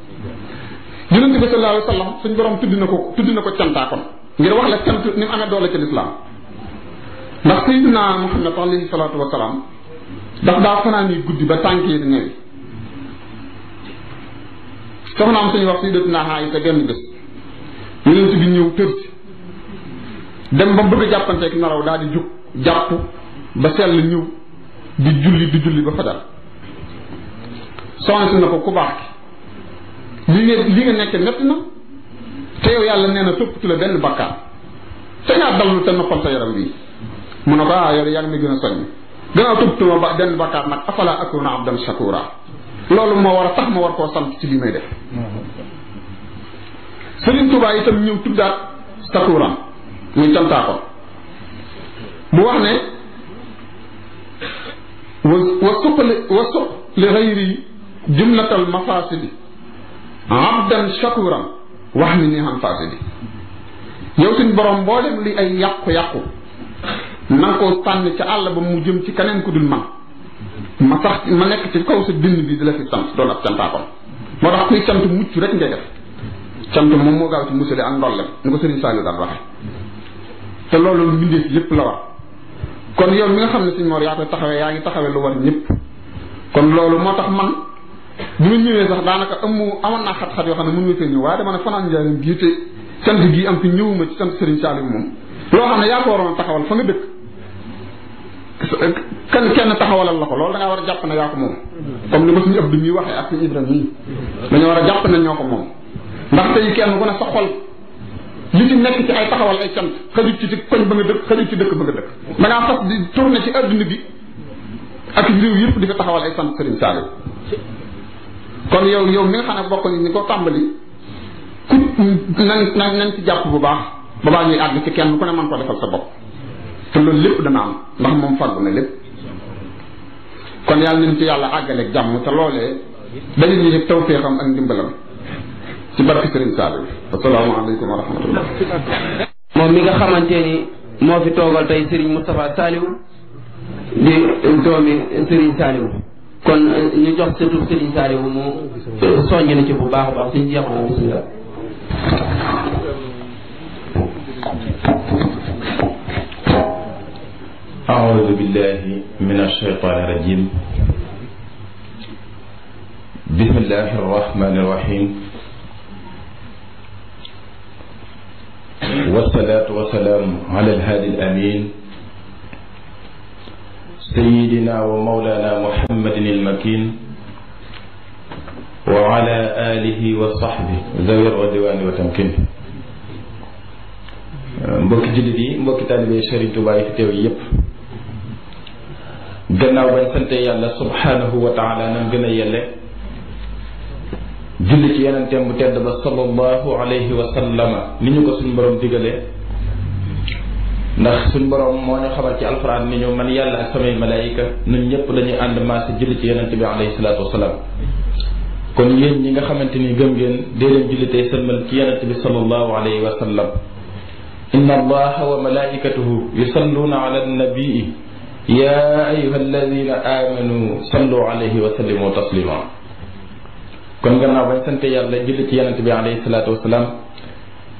yonente bi sallallahu alayhi wa sallam suñ borom tudd na ko tudd na ko cantaakoon ngir wax la cant ni mu amee doole ci lislaam ndax sayyidina muhammad alayhi salaatu wa salaam daf daa fanaan yi guddi ba tànk yi di newi soxnaam suñu wax sayyidatina Aysa genn bés yonente bi ñëw tër ci dem ba bëgg a jàppanteek naraw daal di jug jàpp ba sell ñëw di julli di julli ba fajar soxna si na ko ku baax li nga li nga nekke métti na te yow yàlla nee na toppatu la benn bakkaar te ngaa dallu te noppal sa yaram bii mu na ko ah yow yaa ngi gën a soññ gannaaw toppatu ma ba benn bakkaar nag afala akuna abdan shakura loolu moo war a tax ma war koo sant ci li may def Sëriñ Tuubaa itam ñëw tuddaat sakuram muy cantaa ko mu wax ne wa wa suq wa suq li xayri jumlatal mafaasidi abdan shakuran wax ni ni xam faasidi yow suñ borom mboolem li ay yàqu-yàqu na ko sànni ca àll ba mu jëm ci keneen ku dul man ma tax ma nekk ci kaw sa dënn bi di la fi sant doon ab cantaakoon moo tax kuy cant mucc rek ngay def cant moom moo gaaw ci musale ak ndollem ni ko sëriñ Saliou daan waxe te loolu mbindeef yépp la war kon yow mi nga xam ne suñ moor yaa koy taxawee yaa ngi taxawee lu war ñëpp kon loolu moo tax man bi mu ñëwee sax daanaka ëmm amoon naa xat-xat yoo xam ne mënuñu fee ñëw waaye dama ne fanaan njaarim gii te cant gii am fi ñëwuma ci sant Serigne Saliou moom loo xam ne yaa a taxawal fa nga dëkk kan kenn taxawalal la ko loolu war a jàpp ne yaa ko comme ni ko suñu Abdou mii waxee ak suñu dañoo war a jàpp ne ñoo ko moom ndax tey kenn ku ne sa li ci nekk ay taxawal ay cant ci koñ ba nga dëkk xajut ci dëkk ba nga dëkk ci adduna ak réew yëpp di taxawal ay sant Serigne Saliou kon yow yow mi nga xam ne bokk ni ñu ko tàmbali ku nan nan nan jàpp bu baax ba baa ñuy àgg ci kenn ku ne mën ko defal sa bopp te loolu lépp dana am ndax moom fàggu na lépp kon yàlla nañ ci yàlla àggaleeg jàmm te loolee dañu ñu ci tawféexam ak ndimbalam ci barke Serigne Saliou asalaamaaleykum wa rahmatullah moom mi nga xamante ni moo fi toogal tey Serigne Moustapha Saliou di doomi Serigne Saliou kon ñu jox mu soññ na ci bu baax a baax suñ أعوذ بالله من الشيطان الرجيم بسم الله الرحمن الرحيم والصلاة والسلام على الهادي الأمين سيدنا ومولانا محمد المكين وعلى آله وصحبه ذوي الرضوان والتمكين mbokki jullit yi mbokki taalibe Serigne Touba yi fi teew yépp gannaaw bañ sante yàlla subhanahu wa taala nam gën a yelle julli ci yeneen teem bu tedd ba sallallahu alayhi wa sallama ni ñu ko suñu borom digalee ndax suñ borom moo ñu xamal ci alquran ni ñu man yàlla ak samay malaayika ñun ñëpp dañuy ànd maase julli ci yonente bi alayhi salatu wasalaam kon yéen ñi nga xamante ni gëm ngeen dee leen julli tey sëlmal ci yonente bi salallahu alayhi wa sallam إن الله وملائكته يصلون على النبي يا أيها الذين آمنوا صلوا عليه وسلموا تسليما كن غنا بنتي يالا جلتي يانتبي عليه الصلاة والسلام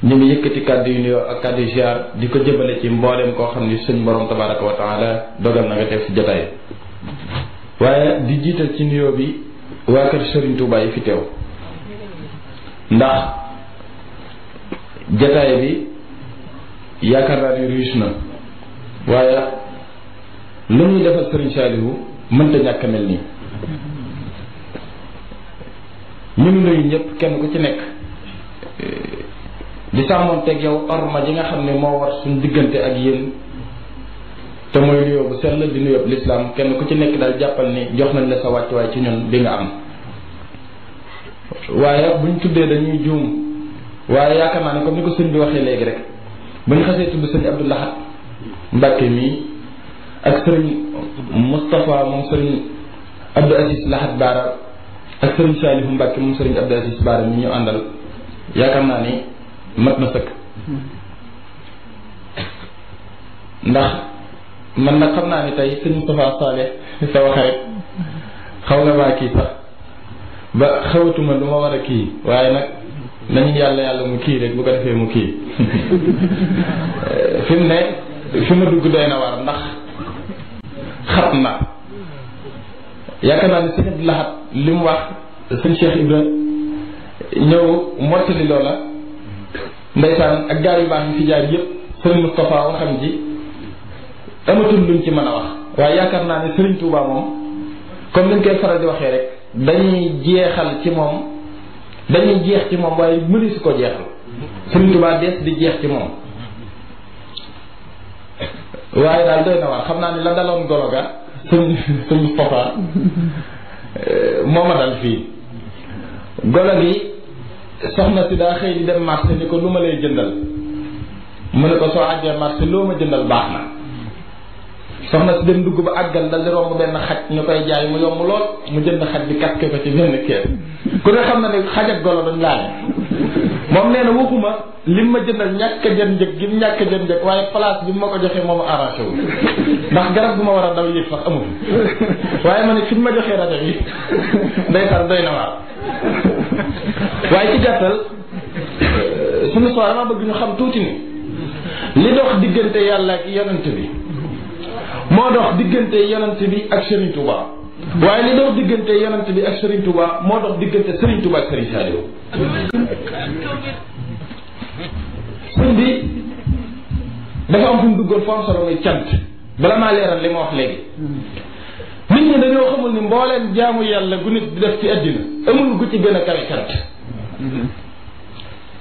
ñu ngi yëkkati kàddu yu nuyoo ak kàddu yu ziar di ko jëbale ci mbooleem koo xam ni suñ borom tabaraka wa taala dogal na nga teew si jotaay waaye di jiital ci nuyoo bi waa kër Serigne Touba yi fi teew ndax jotaay bi yaakaar naa ni na waaye lu ñuy defal Serigne Saliou mënta ñàkk mel nii ñu ngi nuyu ñëpp kenn ku ci nekk. di teg yow orma ji nga xam ne moo war suñ diggante ak yéen te mooy nuyoo bu sell di nuyoo bu lislaam kenn ku ci nekk daal jàppal ni jox nañ la sa wàccuwaay ci ñun bi nga am waaye buñ tuddee dañuy juum waaye yaakaar naa ne comme ni ko sëñ bi waxee léegi rek buñ xasee tudd sëñ Abdou Lahad Mbàkke mii ak sëñ Moustapha moom sëñ Abdou Aziz Lahad Baara ak sëñ Salihu Mbàkke moom sëñ Abdou Aziz Baara mi ñu àndal yaakaar naa ni mat na sëkk ndax man nag xam naa ni tey sëñ Moustapha Saleh sa wax xaw na maa kii sax ba xawatuma lu ma war a kii waaye nag nañu yàlla yàlla mu kii rek bu ko defee mu kii <laughs> fi ne fi ma dugg doy na waar ndax xat na yaakaar naa ne sëñ Abdou Lahad li wax sëñ Cheikh Ibra ñëw mottali loola ndeysaan ak gaay yu baax yi fi jaar yëpp sëriñ Moustapha waxam ji amatul luñ ci man a wax waaye yaakaar naa ne sëriñ Touba moom comme niñ koy faral di waxee rek dañuy jeexal ci moom dañuy jeex ci moom waaye mëni di jeex ci moom waaye daal doy na waar xam naa ni la daloon golo ga sëriñ sëriñ Moustapha <laughs> eh, moo ma dal fii golo gi soxna si daa xëy di dem marché ni ko lu ma lay jëndal mu ne ko soo àggee marché loo ma jëndal baax na soxna si dem dugg ba àggal dal di romb benn xaj ñu koy jaay mu yomb lool mu jënd xaj bi kat ko ci benn kër ku ne xam na ne xaj golo dañ laale moom nee na waxuma lim ma jëndal ñàkk jën njëg gi mu ñàkk jën njëg waaye place bi mu ma ko joxee moom arrangé ndax garab gu ma war a daw yéeg sax amul waaye ma ne fi mu ma joxee rajo bi ndeysaan doy na <laughs> waaye ci gàttal euh, suñu soir dama bëgg ñu xam tuuti ni li dox diggante yàlla ak yonent bi moo dox diggante yonent bi ak Serigne Touba waaye li dox diggante yonent bi ak Serigne Touba moo dox diggante Serigne Touba ak Serigne Saliou sëñ bi dafa am fu mu duggoon foo am solo muy cant bala maa leeral nit ñi dañoo xamul ni mbooleem jaamu yàlla gu nit di def ci àddina amul gu ci gën a kawe karat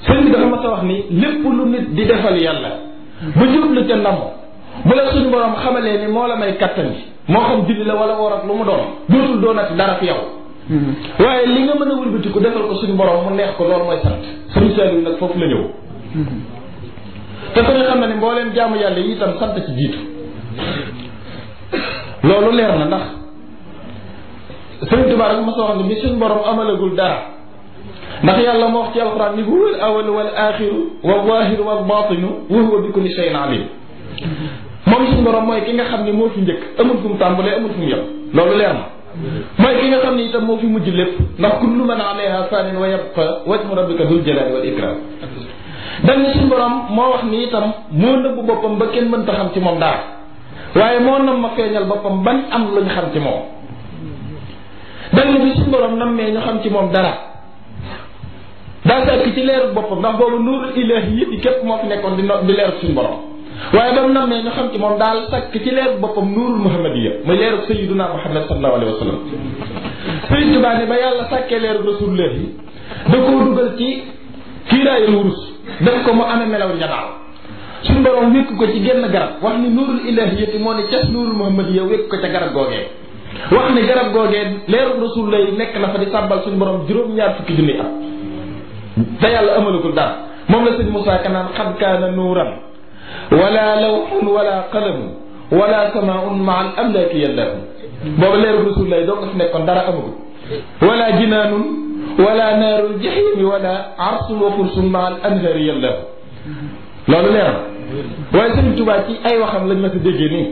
sëñ bi dafa mas wax ni lépp lu nit di defal yàlla ba jublu ca ndamo bu la suñu borom xamalee ni moo la may kàttan bi moo xam julli la wala woor ak lu mu doon dootul doonati dara fi yow waaye li nga mën a wëlbatiku defal ko suñu borom mu neex ko loolu mooy sant suñu seetlu nag foofu la ñëw te ku ne xam na ne mbooleem jaamu yàlla yi tam sant ci jiitu loolu leer na Sëriñ Tuubaa rek mos a wax ne mi suñ borom amalagul dara ndax yàlla moo wax ci alxuraan ni huwa al wal axiru wa zahiru wal batinu wa huwa bi kulli shay'in alim moom suñ borom mooy ki nga xam ne moo fi njëkk amul fu mu tàmbalee amul fu loolu leer ma mooy ki nga xam ne itam moo fi mujj lépp ndax kullu man alayha fanin wa yabqa wajhu rabbika dul jalali wal ikram dañ ne suñ borom moo wax ni itam moo nëbb boppam ba kenn mënta xam ci moom dara waaye moo nam ma feeñal boppam ban am luñ xam ci moom benn bi suñu borom nammee ñu xam ci moom dara daa sàkk ci leeru boppam ndax boobu nuurul ilahi yi képp moo fi nekkoon di di leeru suñu borom waaye ba mu nammee ñu xam ci moom daal sàkk ci leeru boppam nuurul muhammadiya muy leeru sayiduna muhammad sallallahu alayhi wa sallam sëriñ tubaa ne ba yàlla sàkkee leeru rasulullah yi da koo dugal ci kiiraayul wurus def ko mu amee melaw njanaaw suñu borom wékk ko ci genn garab wax ni nuurul ilahiyati moo ne cas nuurul muhammadiya wékk ko ca garab googee wax ne garab googee leerub rasul lay nekk na fa di sàbbal suñu borom juróom-ñaar fukki junni at te yàlla amalagul dara moom la sëñ Moussa kanaan xad kaana nuuran wala lawxun wala qalamun wala samaun maa al amlaaki yallahum booba leerub rasul lay doo nga fi nekkoon dara amagul wala jinaanun wala naarul jaxiimi wala arsun wa fursun maa al anhaari yallahum loolu leeram waaye sëñ Tuubaa ci ay waxam lañ ma sa déggee nii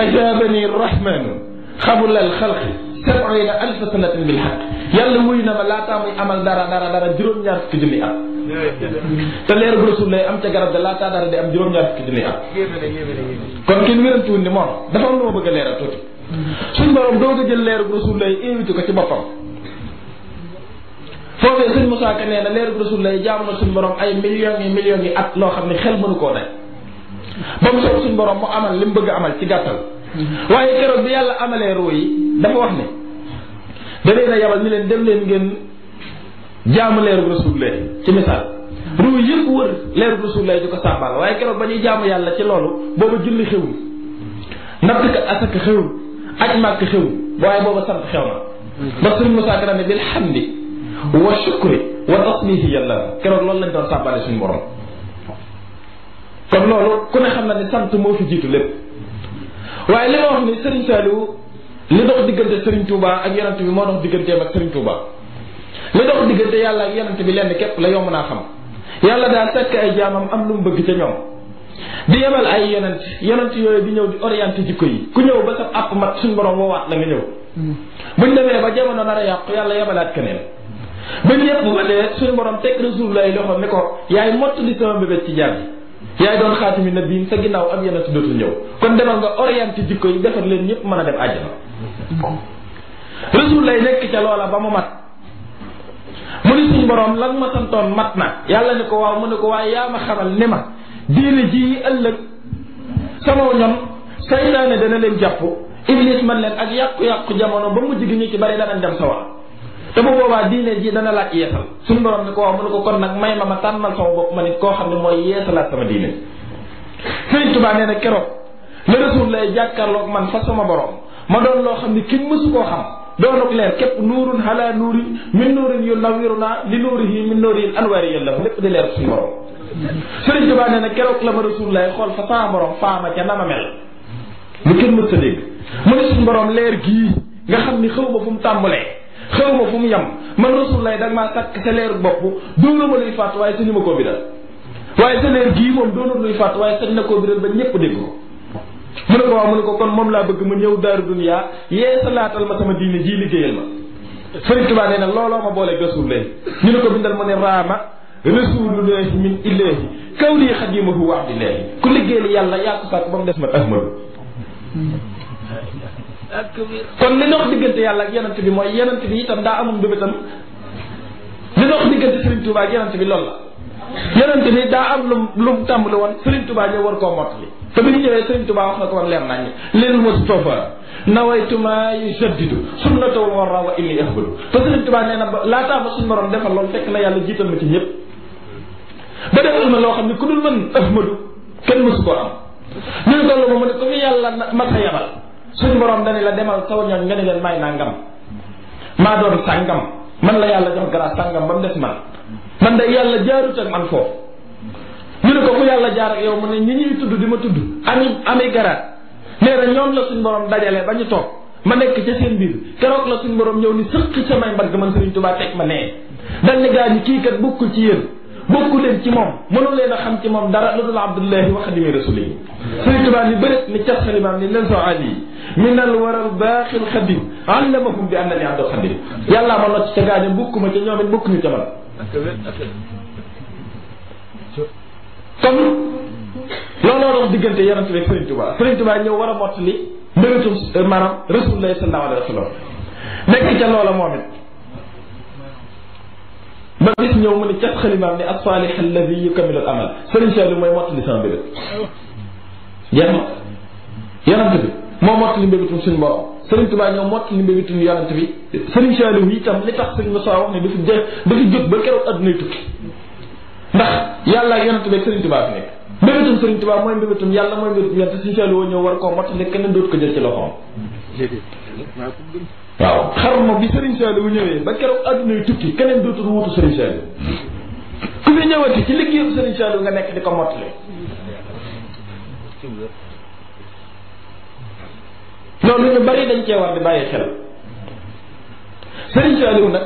ajaabani rahmanu xabulal xalqi sab'iina alfa sanatin bil haqq yàlla wuyu na ma laataa muy amal dara dara dara juróom-ñaar fukki junni at te leeru rasul lay am ca garab de laataa dara di am juróom-ñaar fukki junni at kon kenn wérantuwul ni moom dafa am lu ma bëgg a leeral tuuti suñ borom doo ko jël leeru rasul lay invité ko ci boppam foofee suñ Musaa Ka nee na leeru rasul lay jaamu suñ borom ay millions yi millions yi at loo xam ne xel mënu koo daj ba mu soog suñ borom mu amal li mu bëgg amal ci gàttal Mm-hmm. waaye keroog bi yàlla amalee ruu yi dafa wax ne da leen a yabal leen dem leen ngeen jaamu leeru rasulullah ci misaal mm-hmm. ruu yëpp wër leeru rasulullah di ko sàmbaal waaye keroog ba ñuy jaamu yàlla ci loolu booba julli xewul mm-hmm. natt ka asaka xewul aj màkk waaye booba sant xew na ba suñ Musaa Ka ne bil hamdi wa shukri wa tasbihi yàlla keroog loolu lañ doon sàmbaale suñu borom kon loolu ku ne xam na ne sant moo fi jiitu lépp waaye li ma wax ni Serigne Saliou li dox diggante Serigne Touba ak yonent bi moo dox digganteem ak Serigne Touba li dox diggante yàlla ak yonent bi lenn képp la yomb naa xam yàlla daa sàkk ay jaamam am lu mu bëgg ca ñoom di yemal ay yonent yonent yooyu di ñëw di orienté jikko yi ku ñëw ba sa àpp mat suñ borom woowaat la nga ñëw hmm. buñ demee ba jamono nar a yàqu yàlla yebalaat keneen bañ yëpp ba dee suñ borom teg Rasulullah loxo ni ko yaay mottali sama bébét ci jaam yi yaay doon xaatimi nabiin sa ginnaaw ak yeneen si dootul ñëw kon demal nga orienté jikko yi defar leen ñëpp mën a dem àjjana rasul lay nekk ca loola ba mu mat mu ni suñu borom lan ma santoon mat na yàlla ni ko waaw mu ne ko waaye yaa ma xamal ni ma diine ji ëllëg sama ñoom saytaane dana leen jàpp iblis man leen ak yàqu-yàqu jamono ba mujj gi ñu ci bari danañ dem sa wax te bu boobaa diine ji dana laaj yeesal suñu borom ni ko wax mu ne ko kon nag may ma ma tànnal sama bopp ma nit koo xam ne mooy yeesalaat sama diine Sëriñ Tuubaa nee na keroog la Rasuul lay jàkkaarloog ma loo xam ne kenn mësu koo lépp di leer suñu borom la ma Rasuul lay xool fa sama borom faama ca na ma mel lu kenn mës sa dégg mu ne suñu borom leer gii nga xam ni xaw ma fu mu tàmbalee xew ma fu mu yem man rasul lay dag maa takk sa leer bopp doonoo ma luy fàtt waaye sañu ma koo bidal waaye sa leer gii moom doonul luy fàtt waaye sañ na koo bidal ba ñépp dégg ko mu ne ko waaw mu ne ko kon moom laa bëgg ma ñëw daaru duniyaa yee sa laatal ma sama diine ji liggéeyal ma Sëriñ Tuubaa nee na looloo ma boole rasul ñu ne ko bindal mu ne raama rasulullahi min illahi kaw lii xadimahu wa abdillahi ku liggéeyal yàlla yaa ko sàkk ba mu des man ahmadu kon li dox diggante yàlla ak yonent bi mooy yonent bi itam daa amum mbébétam li dox diggante Serigne Touba ak yonent bi lool la yonent bi daa am lu lu tàmbali woon Serigne Touba ñëw war koo mottali te bi ñu ñëwee Serigne na ko woon leer nañ lil Mustafa nawaytuma yujaddidu sunnatahu warra wa inni ahbadu te Serigne Touba nee na ba laataa ma suñu borom defal loolu fekk na yàlla jiital ma ci ñëpp ba defal ma loo xam ne ku dul mën ahmadu kenn mësu koo am ñu ne ko lu ma mu ne ko fi yàlla masa suñu borom dani la demal taw ñooñ nga ni leen may nangam maa doon sàngam man la yàlla jox grâce sàngam ba mu des man man de yàlla jaarut ak man foofu ñu ne ko ku yàlla jaar ak yow mu ne ñi ñuy tudd di ma tudd ami ami garaat nee na ñoom la suñu borom dajale ba ñu toog ma nekk ca seen biir keroog la suñu borom ñëw ni sëq samay mbagg man Sëriñ Tuubaa teg ma nee dal gaa ñi kii kat bokkul ci yéen bokku leen ci moom mënu leen a xam ci moom dara lu dul abdullahi wa xadimi rasuli sëriñ tubaa ni bëri ni cas xalimaam ni leen soo ali min al waral baaxil xadim allamahum bi annani abdul xadim yàllaa ma locc ca gaañe bukkuma ca ñoom it bukkuñu ca man kon looloo dox diggante yonent bi sëriñ tubaa sëriñ tubaa ñëw war a mottali mbëratum maanaam rasulullahi sallallahu alayhi wa sallam nekk ca loola moom it ba bis ñëw mu ne cat xalimaam ne as-saalih alladi yukamilu al amal Serigne Cheikh bi mooy mottali sama mbébét jeex na bi moo mottali mbébétum suñu borom Serigne Touba ñoo mottali mbébétum yonent bi Serigne Cheikh bi itam li tax Serigne Moussa ba keroog addunay tukki ndax yàlla ak yonent bi ak Serigne Touba fi nekk mbébétum Serigne Touba mooy mbébétum yàlla mooy mbébétum yonent woo ñëw war koo mottali kenn dootu ko jël ci loxoom waaw xarnu bi Serigne Saliou ñëwee ba keroog àdduna yu tukki keneen dootul wutu Serigne Saliou ku fi ñëwati ci liggéeyu Serigne Saliou nga nekk di ko mottali loolu ñu bari dañ cee war di bàyyi xel Serigne Saliou nag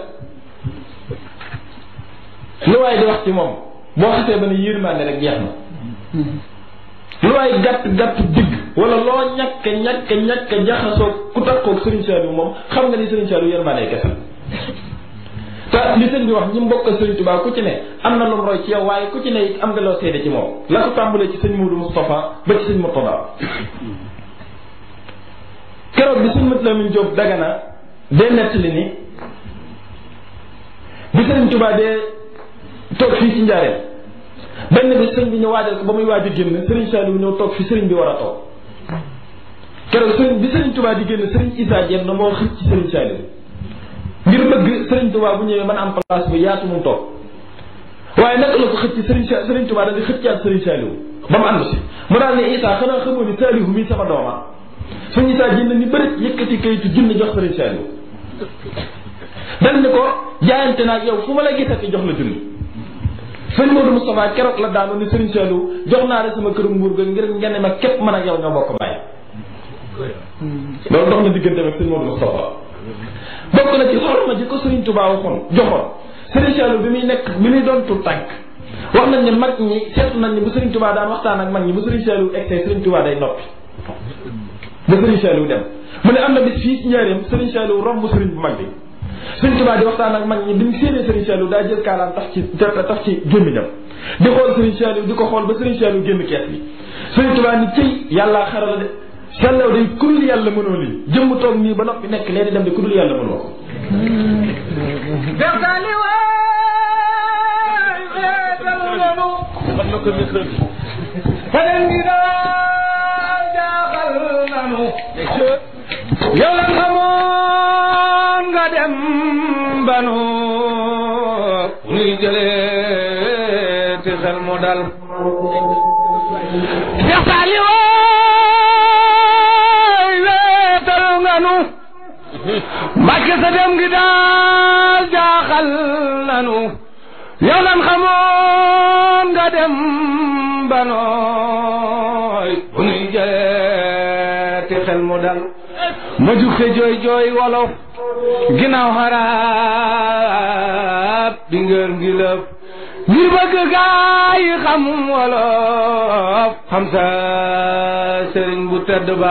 lu waaye di wax ci moom boo xasee ba ne yërmande rek jeex na lu waay gàtt gàtt digg wala loo ñàkk ñàkk ñàkk jaxasoo ku takkoog Serigne Saliou moom xam nga ni Serigne Saliou yërmaande kese te li sëñ bi wax ñi mbokk Serigne Touba ku ci ne am na lu roy ci yow waaye ku ci ne am nga loo seede ci moom la ko tàmbalee ci sëñ Moudou Moustapha ba ci sëñ bi sëñ Mat Lamin dee nettali ni bi Serigne Touba dee toog fii ci njaareem benn bi sëriñ bi ñu waajal ko ba muy waaj a génn sëriñ Saliou ñëw toog fi sëriñ bi war a toog keroog sëriñ bi sëriñ Touba di génn sëriñ Issa Dieng moo xëcc sëriñ Saliou ngir bëgg sëriñ Touba bu ñëwee mën a am place bu yaatu mu toog waaye naka la ko xëcc sëriñ sëriñ Touba da di xëccaat sëriñ Saliou ba mu ànd si mu daal ne Issa xanaa xamoo ni Saliou mii sama dooma sëriñ Issa Dieng ni bëri yëkkati kayitu junni jox sëriñ Saliou dal ni ko jaayante naa yow fu ma la gisati jox la junni sëñ Modou Moustapha keroog la daanu ni sëriñ Saliou jox naa la sama këru nguur ga ngir nga ne ma képp man ak yow ñoo bokk bàyyi loolu dox na diggante ak sëñ Modou Moustapha bokk na ci xool ma ji ko sëriñ Touba waxoon joxoon sëriñ Saliou bi muy nekk bi muy doon tur tànk wax nañ ne mag ñi seetlu nañ ne bu sëriñ Touba daan waxtaan ak mag ñi bu sëriñ Saliou egsee sëriñ Touba day noppi ba sëriñ Saliou dem mu ne am na bis fii ci njaareem sëriñ Saliou romb sëriñ mag bi Sëñ Tuubaa di waxtaan ak mag ñi bi mu séenee Serigne Saliou daa kaalaam tax ci tax ci di xool Serigne Saliou di ko xool ba Serigne Saliou génn kees bi Sëñ Tuubaa ni cëy yàllaa xarala de Saliou day kudul yàlla mënoo lii jëmm toog nii ba noppi nekk leen di dem de kudul yàlla mënoo ko faneen dem ba nu luy jëlee te xel mu dal Seex Saali wooy weetal nga nu Mbàkke sa dem gi daal jaaxal nanu yow lan xamoon nga dem ba nooy bu nuy jëlee te xel mu dal ma jug te jooy jooy wolof ginnaaw xaraab di ngër ngi ngir bëgg gaay xam wolof xam sa sëriñ bu tëdd ba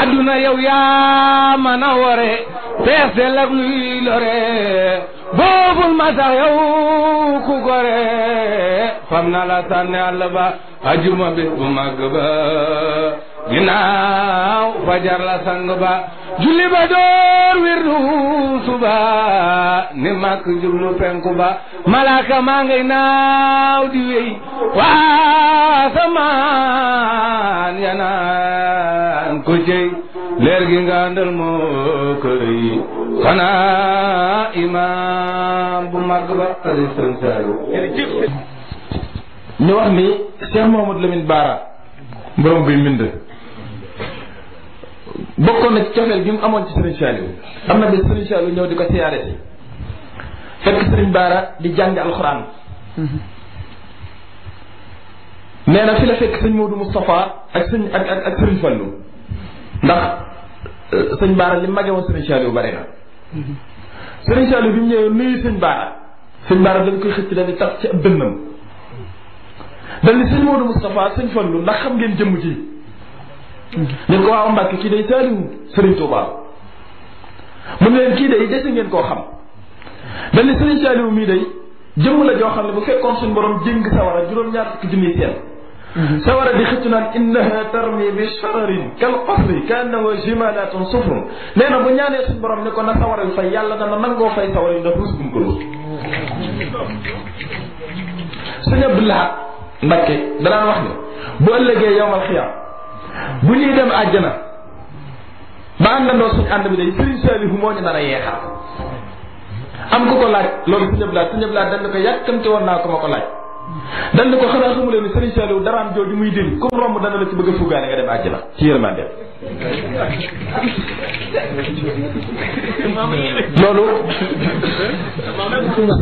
àdduna yow yaa mën a pees de luy lore boobul ma sax gore fam na la sànni àll ba ajuma bis bu màgg ba ginnaaw fajar la sang ba julli ba door wirdu suba ni màkk jublu penku ba malaaka maa ngay naaw di wéy waa samaan yanaan ko jëy leer gi nga àndal moo këy xanaa imaam bu mag ba ali sëñ Saliou ñu wax ni Cheikh Mouhamadou Lamine Bara borom bi mbind bokkoon na cofeel gi mu amoon ci sëriñ Saliou am na bi sëriñ Saliou ñëw di ko siyaare si fekk sëriñ Bara di jàng alxuraan nee fi la fekk sëñ Modou Moustapha ak ak ak ak sëriñ Fallou ndax euh, sëñ Baara li mage woon sëriñ Saliou bari na sëriñ Saliou bi mu ñëwee nuyu sëñ Baara sëñ Baara dañ koy xëcc dañuy tax ci ab dënnam dañ ni sëñ Modou Moustapha sëñ Fallou ndax xam ngeen jëmm ci ñu ko waaw Mbàkke kii day Saliou sëriñ Touba mu ne leen kii day dese ngeen koo xam dañ ni sëriñ Saliou mii day jëmm la joo xam ne bu fekkoon suñ borom jëng sawara juróom-ñaar fukki junniy seen Mhm. sawara di xëcc naan innaha tarmi bi shararin kal qasri ka annahu jimalatun sufrun nee na bu ñaanee suñu borom ne ko na sawaral fay yàlla dana nangoo fay sawara yi ndax ruus bu mu ko ruus sëñ Abdoulahat Mbakke danaan wax ne bu ëllëgee yowmal xiyaam bu ñuy dem àjjana ba àndandoo suñu ànd bi day Sëriñ Saalihu moo ñu nar a yeexal am ku ko laaj loolu sëñ Abdoulahat sëñ Abdoulahat dañ ne ko yàkkamte woon naa ko ma ko laaj dan ni ko xanaa xamu leen ni Serigne Saliou daraam jooju muy dil comme romb dana la ci bëgg a fugaane nga dem àjjana ci yërmande loolu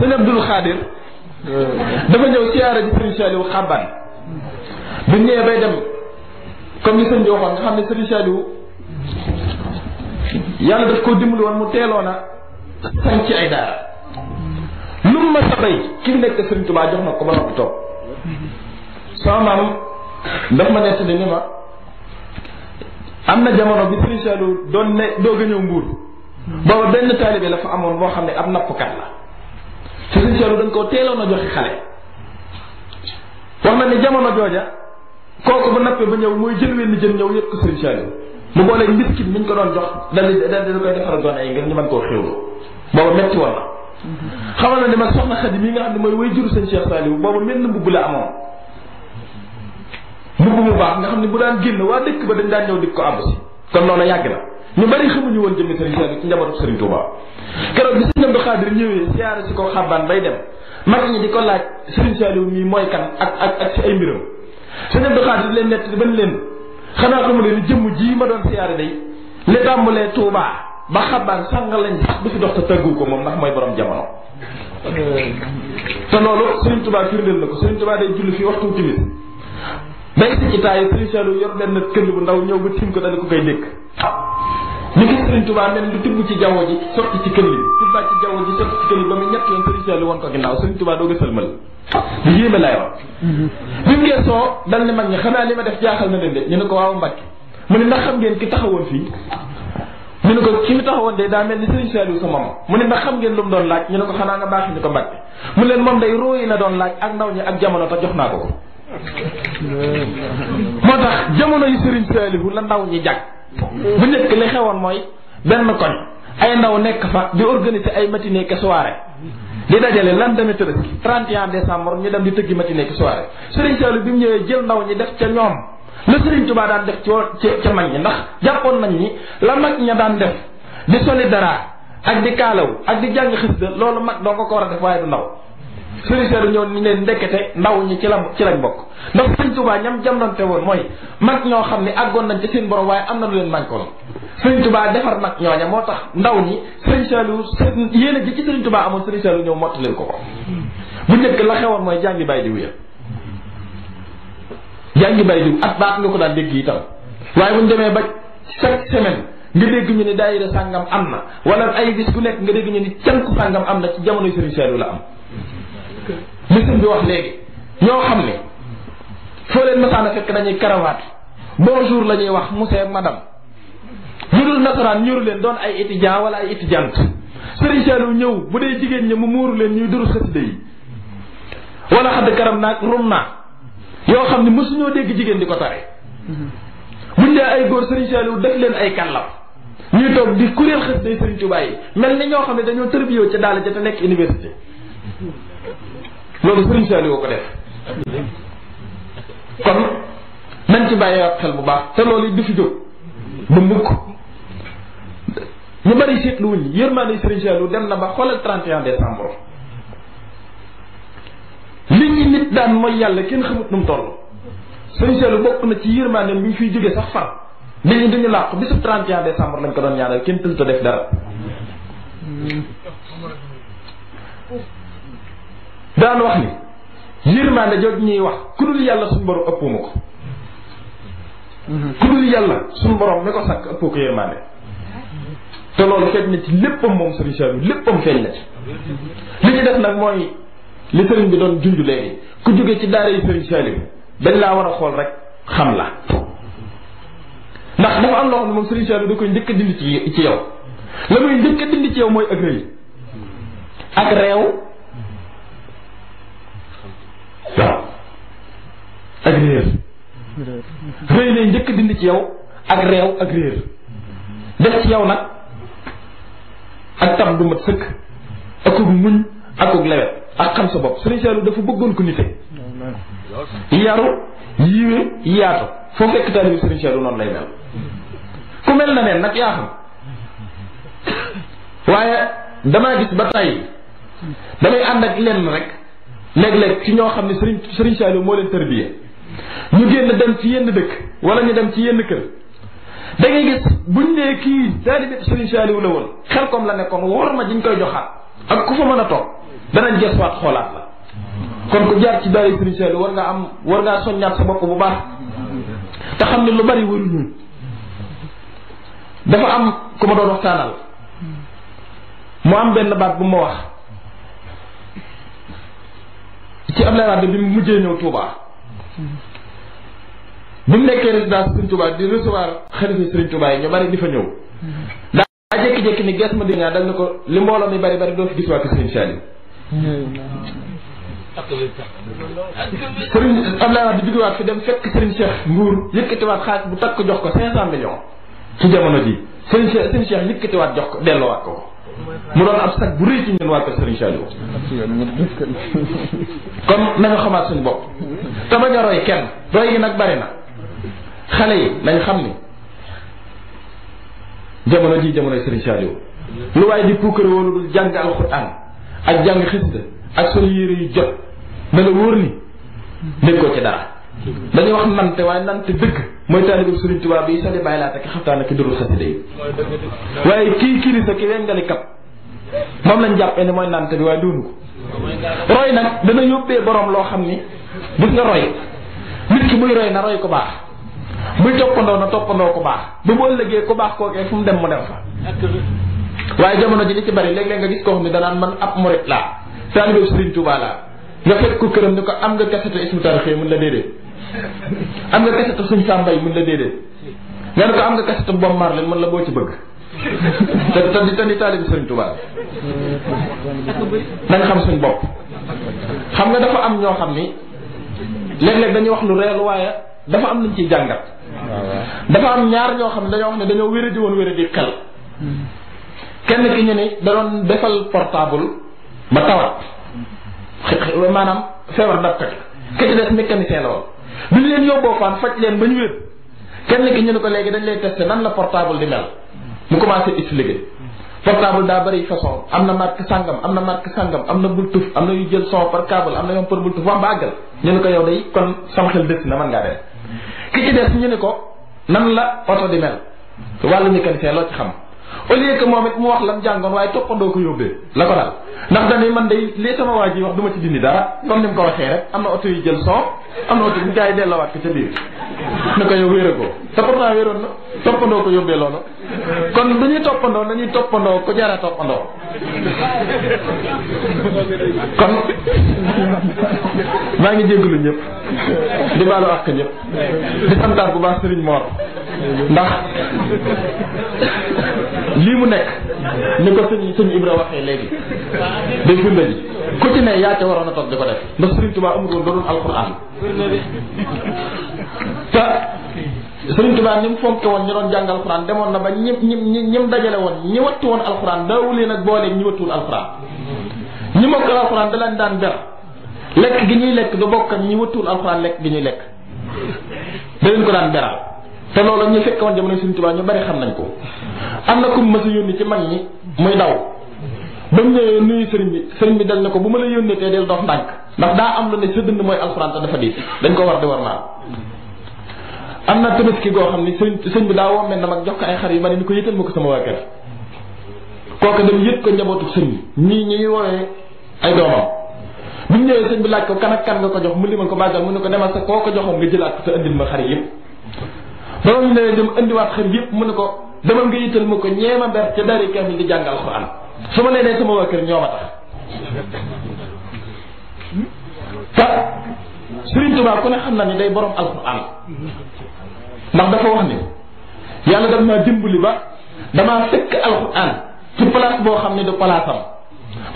sëñ Abdul Xaadir dafa ñëw siyaara ji Serigne Saliou xàmban bi ñëwee bay dem comme ni sëñ bi nga xam ne Serigne yàlla daf koo dimbali mu teeloon a ci ay daara lu ma sa bay ki nekk serigne touba jox na ko ba noppi toog sama maam daf ma nek ni ma amna jamono bi serigne Saliou don ne do gëñu nguur ba booba benn taalibe la fa amone bo xamné ne nap kat la serigne sëriñ dañ ko télo na joxe xalé wax ni jamono jojja koku bu nappé ba ñew moy jël wenn jël ñew yépp ko serigne Saliou mu boole mbiskit ñu ko doon jox dañ dañ ko defal koy doon ay ngir ñu man ko xewlu ba metti wala xamal na ne man soxna Xadi mi nga xam ne mooy way juru sëñ Cheikh Saliou booba menn mbubb la amoon mbubb mu baax nga xam ne bu daan génn waa dëkk ba dañ daan ñëw dik ko àbb si kon noonu yàgg na ñu bari xamuñu woon jëmmi sëriñ Saliou ci njabootu sëriñ Touba keroog bi sëriñ Abdou Khadir ñëwee siyaare si ko xabbaan bay dem mag ñi di ko laaj sëriñ Saliou mii mooy kan ak ak ak si ay mbiram sëriñ Abdou Khadir leen nett ban leen xanaa xamu leen jëmm ji ma doon siyaare day li tàmbalee Touba ba xabaar sànga lañ sax du fi dox te tëggu ko moom ndax mooy borom jamono te loolu Serigne Touba firndeel na ko Serigne Touba day julli fii waxtu timis day si ci taay Serigne Saliou yor bu ndaw ñëw ba tiim ko dana ko koy ñu gis Serigne Touba mel lu tibb ci jaww ji sotti ci këll bi tibbaat ci jaww ji sotti ci këll bi ba mu ñett yoon Serigne Saliou woon ko ginnaaw Serigne Touba doo gësal mal lu yéeme laay wax bi mu geesoo dal ne mag ñi xanaa li ma def jaaxal na leen de ñu ne ko waaw Mbàkke mu ne ndax xam ngeen ki taxawoon fii ñu ne ko ci mu taxawoon de daa mel ni Serigne Saliou sa moom mu ne ndax xam ngeen lu doon laaj ñu ne ko xanaa nga baax ñu ko mbàkke mu leen moom day róoyi na doon laaj ak ndaw ñi ak jamono te jox naa ko ko moo tax jamono yu Serigne Saliou la ndaw ñi jàkk bu nekk li xewoon mooy benn koñ ay ndaw nekk fa di organiser ay matinée ke soirée di dajale lan demee Tabaski 31 décembre ñu dem di tëggi matinée ke soirée Serigne Saliou bi mu ñëwee jël ndaw ñi def ca ñoom la Serigne Touba daan def ci ca mag ñi ndax jàppoon nañ ni la mag ña daan def di soli dara ak di kaalaw ak di jàng xisda loolu mag doo ko ko war a def waaye du ndaw Serigne Seydou ñëw ni leen ndekkete ndaw ñi ci la ci lañ bokk ndax Serigne Touba ñam jamlante woon mooy mag ñoo xam ne àggoon nañ ci seen borom waaye am na lu leen mànkoon Serigne Touba defar mag ñooña moo tax ndaw ñi Serigne Seydou yéen a ji ci Serigne Touba amoon Serigne Seydou ñëw ko ko bu njëkk la xewoon mooy jàngi bàyyi di wuya yaa jàngi bay diw at baax nga ko daan dégg itam waaye bu ñu demee ba chaque semaine nga dégg ñu ne daayira sàngam am na wala ay bis bu nekk nga dégg ñu ni canku sàngam am na ci jamono Serigne Saliou la am lisin bi wax léegi ñoo xam ne foo leen masaana fekk dañuy karawaat bonjour la ñuy wax monsieur madam lu dul nasaraan ñuru leen doon ay étudiant wala ay étudiante Serigne Saliou ñëw bu dee jigéen ñi mu muuru leen ñuy durus xasida yi wala xadd karam naa yoo xam ne mësuñoo dégg jigéen di ko tare buñ dee ay góor Serigne Saliou def leen ay kàllam ñuy toog di kuréel xës day Serigne Touba yi mel ni ñoo xam ne dañoo tërbiyoo ci daal ja te nekk université loolu Serigne Saliou ko def kon nañ ci bàyyi xel bu baax te loolu du fi jóg bu mukk ñu bari seetlu wuñ yërmaande Serigne Saliou dem na ba xoolal 31 décembre li ñu nit daan mooy yàlla kenn xamut nu mu toll sëñ seelu bokk na ci yërmaande bi ñu fiy jógee sax far nit ñi dañu làqu bisub 31 décembre lañ ko doon ñaanal kenn tëlta def dara daan wax ni yërmaande jooju ñuy wax ku dul yàlla suñu borom ëppuma ko ku sàkk ëppoo ko yërmaande te loolu feeñ na ci léppam moom sëñ seelu léppam feeñ na ci li ñu def nag mooy li sëriñ bi doon junj léegi ku jóge ci daara yi sëriñ Salim dañ laa war a xool rek xam la ndax dafa am loo xam ne moom sëriñ Salim da koy njëkk a dindi ci ci yow la muy njëkk a ci yow mooy ak rëy rëy lay njëkk a dindi ci yow ak réew ak réer def ci yow nag ak tam du mat sëkk akuk muñ akuk lewet ak xam sa bopp sëriñ Saliou dafa bëggoon ko nite yaru yiwe yaatu foo fekk taalibi sëriñ Saliou noonu lay mel ku mel na neen nag yaa xam waaye damaa gis ba tey damay ànd ak lenn rek léeg lekk ci ñoo xam ne sëriñ sëriñ Saliou moo leen tërbiye ñu génn dem ci yenn dëkk wala ñu dem ci yenn kër da ngay gis buñ nee kii taalibi sëriñ la woon xel comme la nekkoon war ma diñ koy joxaat ak ku fa mën a toog danañ gesuwaat xoolaat la kon ku jaar ci daari Serigne Saliou war ngaa am war ngaa soññaat sa bopp bu baax te xam ne lu bari waru ñun dafa am ku ma doon waxtaanal mu am benn baat bu ma wax ci Abdoulaye Wade bi mu mujjee ñëw Touba bi mu nekkee résidence Serigne Touba yi ñu bari di fa ñëw a jékki-jékki ni ges ma dinaa dal na ko li mbooloo mi bari bari doo fi gis waa kër Serigne Saliou Serigne Abdoulaye Wade jugewaat fi dem fekk Serigne Cheikh Mbour yëkkatiwaat xaalis bu takk jox ko cinq cent millions ci jamono ji Serigne Cheikh Serigne Cheikh yëkkatiwaat jox ko delloowaat ko mu doon ab sag bu rëy ci ñun waa kër Serigne Saliou kon nañu xamaat suñu bopp te bañ a roy kenn roy gi nag bari na xale yi nañ xam ni jamono ji jamonoy Serigne Saliou lu waaye di puukare woon dul jàng alxuraan ak jàng xisda ak sol yére yu jot na ni nekkoo ci dara dañuy wax nante waaye nante dëgg mooy taalibu Serigne Touba bi sali bàyyi laata ki xaftaan ak durul xasida yi waaye kii kirisa ki wengali kat moom lañ jàppee ne mooy nante bi waaye doonu ko roy nag dana yóbbee boroom loo xam ni gis nga roy nit ki muy roy na roy ko baax buy toppandoo na toppandoo ku baax bu mu ëllëgee ku baax kookee fu mu dem mu dem fa waaye jamono ji li ci bari léeg-léeg nga gis koo xam ne danaan man ab murit laa taalibe Serigne Touba laa nga fekk ko këram ni ko am nga kasatu ismu tarixee mun la déedéet am nga kasatu suñ sàmbay mun la déedéet nga ne ko am nga kasatu bom marlin mun la boo ci bëgg <laughs> te tan di ni Serigne Touba Tuubaa nañ xam suñ bopp xam nga dafa am ñoo xam ni léeg-léeg dañuy wax lu reelu waaye dafa am luñ ciy jàngat. dafa am ñaar ñoo xam ne dañoo wax ne dañoo wéradi woon wéradi xel. kenn ki ñu ne da defal portable ba tawat. maanaam feebar daf tëj. ki ci des mécanicien la woon. ñu leen yóbboo fan faj leen ba ñu wér. kenn ki ñu ne ko léegi dañ lay testé nan la portable di mel. mu commencé expliquer. portable daa bari façon am na marque sàngam am na marque sàngam am na bultuf am na yu jël son par câble am na yoon par bultuf wax ba ñu ne ko yow day kon sama ki ci ñu ni ko nan la oto di mel wàllu mécanicien loo ci xam au que moom it mu wax lan jàngoon waaye toppandoo ko yóbbee la ko daal ndax dañuy man day lii sama waa ji wax du ma ci dindi dara comme ni mu ko waxee rek am na oto yu jël son am na oto yu gars yi dellawaat ko ca biir na ko yow wéeragoo te pourtant wéeroon na toppandoo ko yóbbee loolu kon du ñuy toppandoo nañuy toppandoo ko jara toppandoo kon maa ngi jéggalu ñëpp di baalu àq ñëpp di santaar bu baax Serigne Mor ndax lii mu nekk ni ko sëñ sëñ Ibra waxee léegi day firnde ji ku ci ne yaa ca waroon a toog di ko def ndax Sëriñ Tuubaa amul woon doon alxuraan te Sëriñ ni mu fonke woon ñu doon jàng alxuraan demoon na ba ñi ñi ñi mu dajale woon ñi wattu woon alxuraan daawulee nag booleeg ñi wattuwul alxuraan ñi mokkal alxuraan da daan ber lekk gi ñuy lekk du bokk ak ñi wattuwul alxuraan lekk gi ñuy lekk da ko daan beral te loolu ñu fekk woon jamono Sëriñ Tuubaa ñu bari xam nañ ko am na ku mësa yónni ci mag ñi muy daw ba mu ñëwee nuyu sëriñ bi sëriñ bi dal ne ko bu ma la yónnee tey del dox ndànk ndax daa am la ne sa dënd mooy alxuraan te dafa diis dañ ko war di war naa am na tabaski goo xam ne sëriñ bi daa wommee na mag jox ko ay xar yu bari ni ko yëtal ma ko sama waa kër kooku dem yët ko njabootu sëriñ ñii ñuy woowee ay doomam bu ñu ñëwee sëriñ bi laaj ko kan ak kan nga ko jox mu limal ko bàggal mu ne ko demal koo ko joxoon nga jëlaat ko te andil xar yëpp sama ñu ne dem indiwaat xër yëpp mu ne ko demal nga yital ma ko ñeema ber ca dari kaamil di jàng alxuraan su ma nee nee sama waa kër ñoo ma tax te Serigne ku ne xam na ni day borom alxuraan ndax dafa wax ni yàlla daf maa dimbali ba damaa fekk alxuraan ci place boo xam ne du palaasam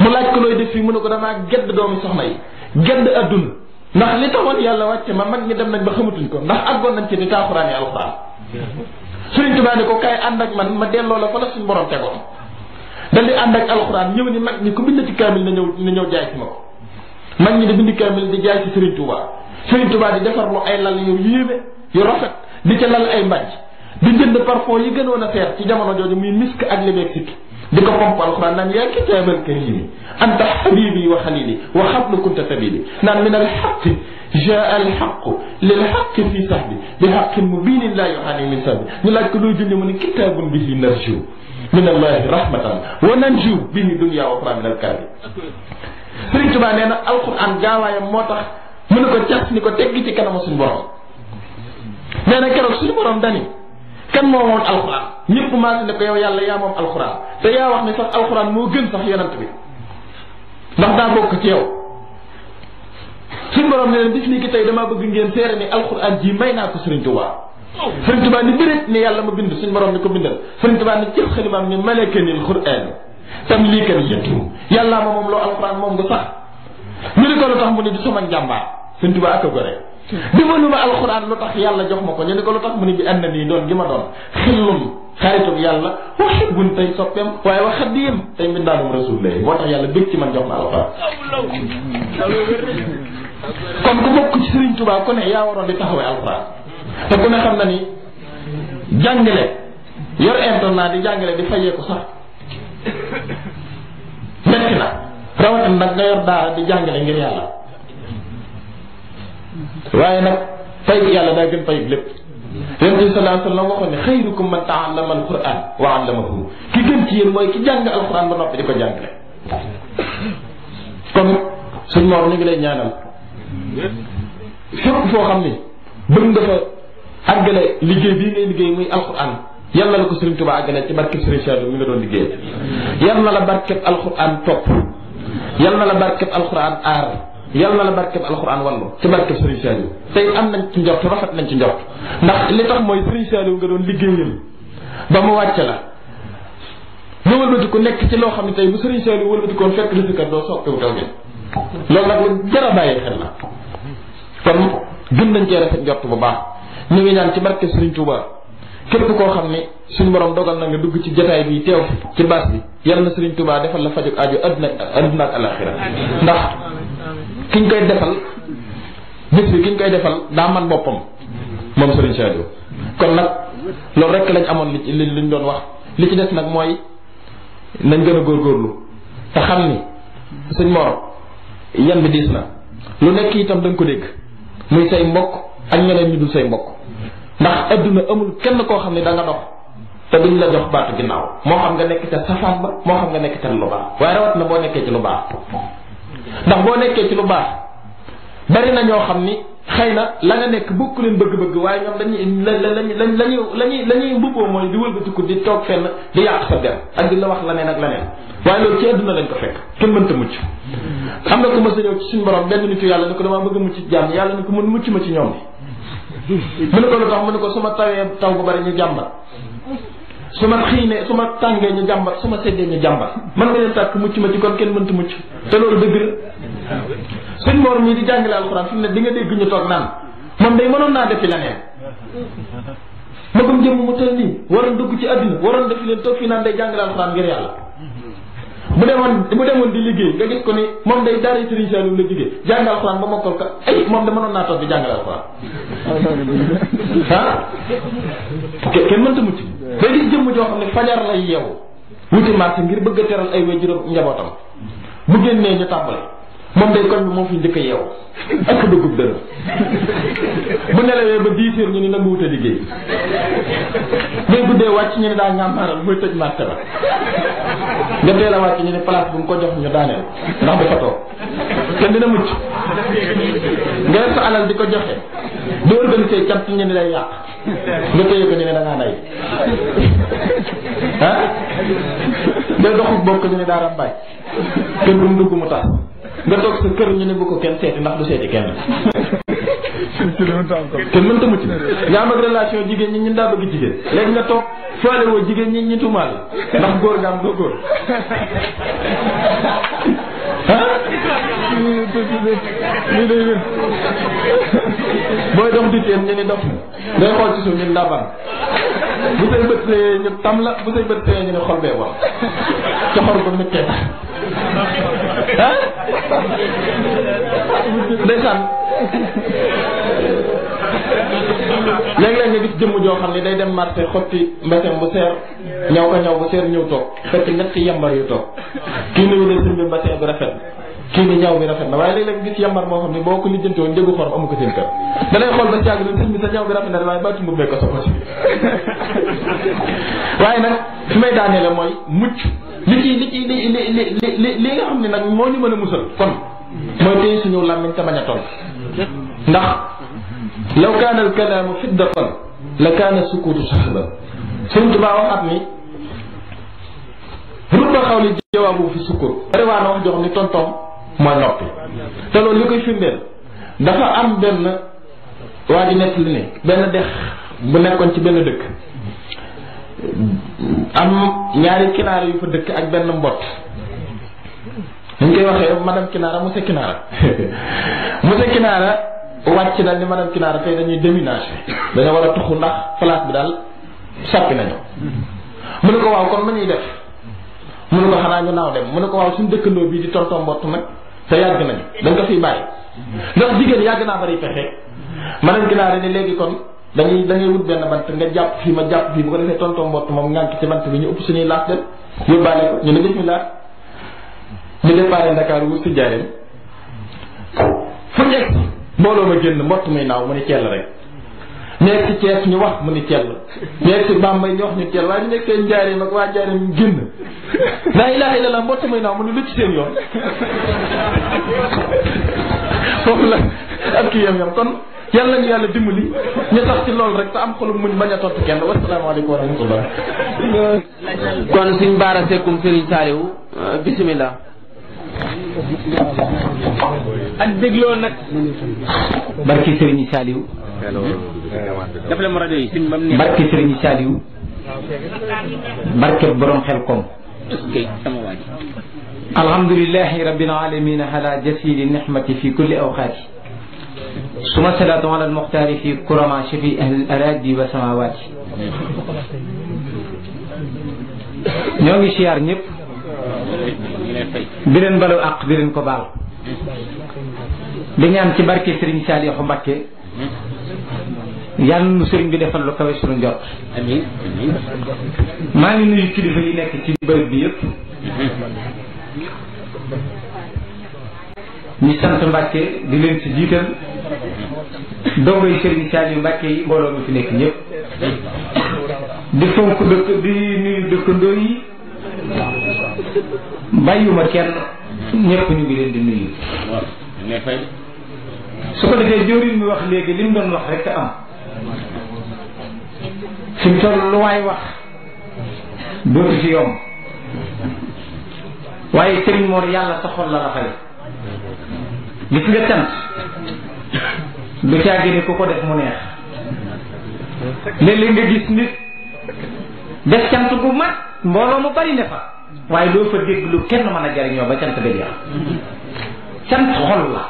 mu laaj ko looy def fii mu ne ko damaa gedd doomi soxna yi gedd adduna ndax li taxoon yàlla wàcce ma mag ñi dem nañ ba xamatuñ ko ndax àggoon nañ ci di taaxuraani alxuraan Sëriñ Tuubaa ne ko kaay ànd ak man ma delloo la fa la suñu borom tegoon dal di ànd ak alxuraan ñëw ni mag ñi ku bind ci kaamil na ñëw na ñëw jaay ci ma ko mag ñi di bind kaamil di jaay ci Sëriñ Tuubaa Sëriñ Tuubaa di defar lu ay lal yu yéeme yu rafet di ca lal ay mbàjj di jënd parfum yi gënoon a seer ci jamono jooju muy misk ak lebeeg sikki diko ko alquran nan ya ki kitaaban karimi anta habibi wa khalili wa khabl kunta tabili nan min alhaq jaa alhaq lilhaq fi sahbi bihaq mubin la yuhani min sahbi ni lak ko julli mun kitabun bihi narju min allah rahmatan wa nanju bihi dunya wa uxra min alkarbi Sëriñ Tuubaa nena alquran gaawaayam moo tax mu ne ko cas ni ko teggi ci kanam sun borom nena kero sun borom dani kan moo moom alxuraan ñëpp maa ne ko yow yàlla yaa moom alxuraan te yaa wax ne sax alxuraan moo gën sax yonent bi ndax daa bokk ci yow suñu borom ne leen bis ni ki tey damaa bëgg ngeen seere ni alxuraan ji may naa ko Sëriñ Tuubaa Sëriñ Tuubaa ni bëreet ni yàlla ma bind suñu borom ni ko bindal Sëriñ Tuubaa ni jël xalimaam ni maleke nil xuraan tam lii kan yëttu yàllaa ma moom loo alxuraan moom nga sax ñu ni ko lu tax mu ni du sama njàmbaar Sëriñ a li ma lu ma alxuraan lu tax yàlla jox ma ko ñu ko lu tax mu ne bi ànd nii doon gi ma doon xillum xaritub yàlla wa xibbun tey soppeem waaye wa xaddiim tey mbindaanum rasulullah moo tax yàlla bëgg ci man jox ma alxuraan kon ku bokk ci Sëriñ Tuubaa ku ne yaa waroon di taxawee alxuraan te ku ne xam na ni jàngale yor internet di jàngale di fayee ko sax metti na rawatina nag nga yor daara di jàngale ngir yàlla waaye nag fay bi yàlla daa gën fay bi lépp yonent bi sallallahu alayhi wa sallam waxoon ne xayrukum man taallama alquran wa allamahu ki gën ci yéen mooy ki jàng alquran ba noppi di ko jàngale kon suñ moom ñu ngi lay ñaanal fépp foo xam ni bëgg nga fa àggale liggéey bii ngay liggéey muy alquran yal na la ko Serigne Touba àggale ci barkeb Serigne Cheikh mi nga doon liggéey yal na la barkeb alquran topp yal na la barkeb alquran aar yàlla na la barkeb alxuraan wallu ci barkeb Serigne Saliou tey am nañ ci njort rafet nañ ci njort ndax li tax mooy Serigne Saliou nga doon liggéey liggéeyal ba mu wàcce la nga wëlbati nekk ci loo xam ne tey bu Serigne Saliou wëlbatikoon fekk la si kat doo soppeeku taw gi loolu nag lu jar a bàyyi xel la kon gën nañ cee rafet njort bu baax ñu ngi ñaan ci barkeb Serigne koo xam ne suñ boroom dogal na nga dugg ci jataay bi teew ci baas bi yal na Serigne Touba defal la fajug aajo adduna adduna ak alaxira ndax ki ñu koy defal bis bi ki koy defal daa man boppam moom Serigne Saliou kon nag loolu rek lañ amoon li li doon wax li ci des nag mooy nañ gën a góor góorgóorlu te xam ni suñ mor yan bi diis na lu nekk itam da ko dégg muy say mbokk ak ñeneen ñu dul say mbokk ndax adduna amul kenn koo xam ne da nga dox te duñ la jox baatu ginnaaw moo xam nga nekk ca safaan ba moo xam nga nekk ca lu baax waaye rawat na boo nekkee ci lu baax ndax boo nekkee ci lu baax bari na ñoo xam ni xëy na la nga nekk bokk leen bëgg-bëgg waaye ñoom dañuy la la lañuy lañuy lañuy mbubboo mooy di wëlbatiku di toog fenn di yàq sa der ak di la wax leneen ak leneen waaye loolu ci àdduna lañ ko fekk kenn mënta mucc. xam nga ku ma sa ñëw ci suñu borom benn nitu yàlla ni ko damaa bëgg a mucc jàmm yàlla ni ko mën mucc ma ci ñoom bi. mu ne ko lu tax mu ne ko suma tawee taw bu bari ñu jàmbat. su ma xiinee su ma tàngee ñu jàmbat su ma seddee ñu jàmbat man nga leen tàkk mucc ma ci kon kenn mënta mucc te loolu dëgg la sëñ Mor mii di jàngale alxuraan fi mu ne di nga dégg ñu toog naan moom day mënoon naa defi leneen magum jëmm mu tël nii waroon dugg ci àddina waroon defi leen toog fii naan day jàngale alxuraan ngir yàlla bu demoon bu demoon di liggéey nga gis ko ni moom day daara Serigne Saliou la jógee jàng alxuraan ba mokkal ko ay moom de manoon naa toog bi jàngale alxuraan ah <laughs> kenn mënta mucc day gis jëmm joo xam ne fajar lay yeewu wuti marché ngir bëgg a teral ay waajuram njabootam bu génnee ñu tàmbale moom day koñ mo fi njëkk yow ak dugub dëna bu nelawee ba 10 heures ñu ni nangu wuté liggéey ngay guddee wacc ñu da nga ñàmbaaral muy tej ma tara nga teel la wacc ñu ni place bu ko jox ñu daaneel ndax dafa tok te dina mucc nga sa alal diko joxé do doo organisé cant ñu ni lay yaq nga téye ko ñu ni da nga nay ha day doxu bokk ñu ne daa bay kër bu mu dugg mu tas nga toog sa kër ñu ne bu ko kenn seeti ndax du seeti kenn. te mënta mucc nga am ak relation jigéen ñi ñun daa bëgg jigéen léegi nga toog faale woo jigéen ñi ñu tuumaal ndax góor nga am doo góor booy dem diteen ñu ni dopp ngay xool ci suuf ñu ndabar bu sëñ bëttee ñu tam la bu sëñ bëttee ñu ni xol bee wax ca xor ko mettee ah ndeysaan léeg-léeg nga gis jëmm joo xam ne day dem marché xotti mbesem bu seer ñaw ko ñaw bu seer ñëw toog fekk ñetti yambar yu toog kii ni wélee sëñ bi mbesem bi rafet kii ni ñaw bi rafet na waaye léeg-léeg gis yambar moo xam ne boo ko lijjanti woon njëgu xorom amu ko seen kër da lay xool ba si yàgg ne sëñ bi sa ñaw bi rafet na waaye bàcc mbub ko sa xosi <laughs> waaye nag fi may daanee mooy mucc li ci li ci li li li li li nga xam ne nag moo ñu mën a musal kon mooy téye suñu làmmiñ te bañ a ndax law kaana al kalaamu fiddatan la kaana sukuutu sahaban Sëriñ Tuubaa wax at ni rubba xawli jawaabu fi sukkuut bari waa na wax jox ni tontoom mooy noppi te loolu li koy firndeel dafa am benn waa ji nekk li ne benn dex bu nekkoon ci benn dëkk am ñaari kinaara yu fa dëkk ak benn mbott dañ koy waxee madame kinaara monsieur kinaara monsieur kinaara wàcc na ni madame Kinaara tey dañuy déménager dañoo war a tuxu ndax place bi daal soppi nañu mu ne ko waaw kon nañuy def mu ne ko xanaa ñu naaw dem mu ne ko waaw suñ dëkkandoo bii di tonton mbott nag te yàgg nañu dañ ko fiy bàyyi ndax jigéen yàgg naa bari pexe madame Kinaara ni léegi kon dañuy dañuy wut benn bant nga jàpp fii ma jàpp fii bu ko defee tonton mbott moom ngànk ci bant bi ñu ëpp suñuy laas dem yóbbaale ko ñu ne bismillah ñu déparé Dakar wut si jaareen fu mbooloo ma génn mbott muy naaw mu ni cell rek nekk ci Cees ñu wax mu ni cell nekk ci Bambey ñu wax ñu cell waaye ñu nekkee njaareem ak waa njaareem génn laa ilaaha illallaah mbott muy naaw mu ni lu ci seen yoon foofu la ak kii yam yam kon yàlla ñu yàlla dimbali ñu tax ci loolu rek te am xolum muñ bañ a tontu kenn wasalaamaaleykum wa rahmatullah kon suñ baara sekkum Serigne Saliou bisimilah ak dégloo nag. barki Serigne Saliou. def la mu rajo yi. barki Serigne Saliou. barke borom xel kom. alhamdulilahi rabbil alamin ala jasiri nixmati fi kulli awqaati. ثم الصلاة على المختار في كرما شفي أهل الأراضي والسماوات ñoo ngi siyaar ñëpp di leen balu àq di leen ko baal di ñaan ci barke Serigne Saliou Mbacké yàlla nu sëriñ bi defal lu kawe suñu njort amiin maa ngi nuyu kilifa yi nekk ci bërëb bi yëpp ñi sant Mbàkke di leen ci jiital dongoy sëriñ Saliou Mbàkke yi mbooloo mi fi nekk ñëpp di fonk di nuyu dëkkandoo yi bàyyuma kenn ñëpp ñu ngi leen di nuyu su ko defee jëwriñ mi wax léegi li mu doon wax rek am fi mu lu waay wax dootu ci yomb waaye sëriñ Mor yàlla sa xol la rafet gis nga cant du caagi ni ku ko def mu neex léeg-léeg nga gis nit def cant bu mag mbooloo mu bari ne fa waaye doo fa dégg lu kenn mën a jariñoo ba cant ba jeex cant xol la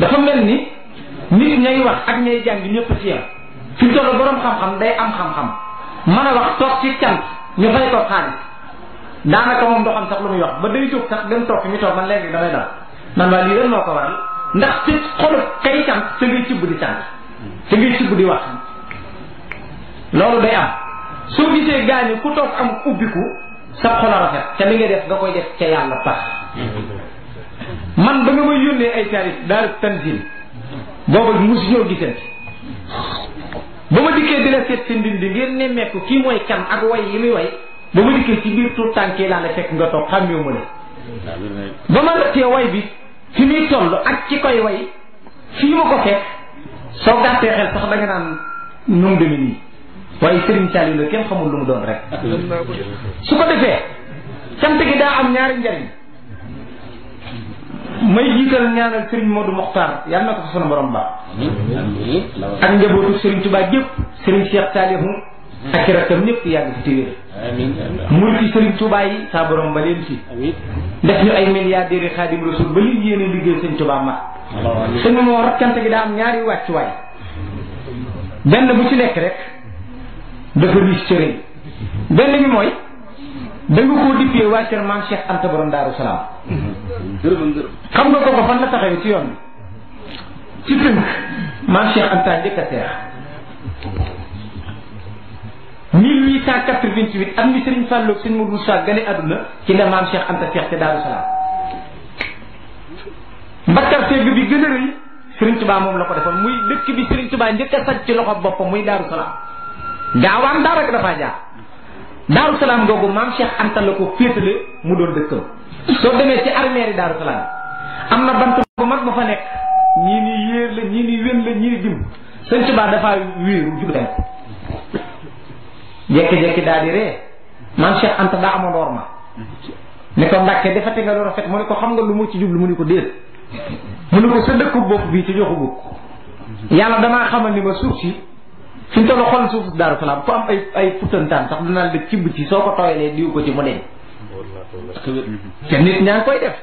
dafa mel ni nit ñay wax ak ñay jàng ñëpp ci yam fi mu toll boroom xam-xam day am xam-xam mën a wax toog ci cant ñu fay toog xaalis daanaka moom doo xam sax lu muy wax ba day jóg sax dem toog fi ñu toog man léegi damay dal nan waa lii lan moo ko waral ndax ci xolu kay cant sa ngay cibb di cant sa ngay cibb di wax loolu day am soo gisee gaañu ku toog am ubbiku sa xol a rafet te li ngay def nga koy def ca yàlla tax man ba nga may yónnee ay tarif daal tanzim booba mosu ñoo gisante ba ma dikkee di la seet si ndindi ngeen nemmeeku kii mooy kan ak way yi muy way ba ma dikkee ci biir tuut tànkee laa la fekk nga toog xam ma ne ba ma la tee way bi fi muy toll ak ci koy way fii ma ko fekk soo gàttee xel sax da naan ñoom deme nii waaye Serigne Saliou la kenn xamul lu mu doon rek su ko defee cant gi daa am ñaari njariñ may jiital ñaanal Serigne Modou Mokhtar yal na ko fa sunu borom ba ak njabootu Serigne Touba yëpp Serigne Cheikh Saliou ak rakkam ñëpp yàgg fi téwéer muy ci Serigne Touba yi saa ba leen si def ñu liggéey Serigne Touba ma suñu moo rakkante gi daa am ñaari wàccuwaay benn bu ci nekk rek dafa riis sëriñ benn bi mooy da nga koo dippee waa kër maam Cheikh Anta Borom Daaru xam nga ko ko fan la taxawee ci yoon bi ci tënk maam Cheikh Anta njëkk a seex 1888 am ni Serigne Fallou ak Serigne Modou Moussa gane àdduna ci la maam Cheikh Anta seex te Daaru Salaam mbakkar bi gën a rëy Serigne Touba moom la ko defoon muy dëkk bi Serigne Touba njëkk a saj ci loxo boppam muy Daaru gaawaam daara rek dafaa jaar daaru salaam maam Cheikh Anta la ko féetale mu doon dëkkam soo demee ci armeeri daaru salaam am na bant bu mag bu fa nekk ñii ni yéer la ñii ni wén la ñii ni dim sëñ Tuubaa dafaa wéeru jug dem jekki-jekki daa di ree maam Cheikh Anta daa amoon orma ne ko Mbàkke defati nga lu rafet mu ne ko xam nga lu mu ci jublu mu ne ko déet mu ne ko sa dëkku bopp bii ci joxu bukk yàlla damaa xamal ni ma suuf si suñ toll xool suuf daaru salaam ku am ay ay putantaan sax danaa dëkk cibb ci soo ko tooyalee diw ko ci mu deñ te nit ñaa ngi koy def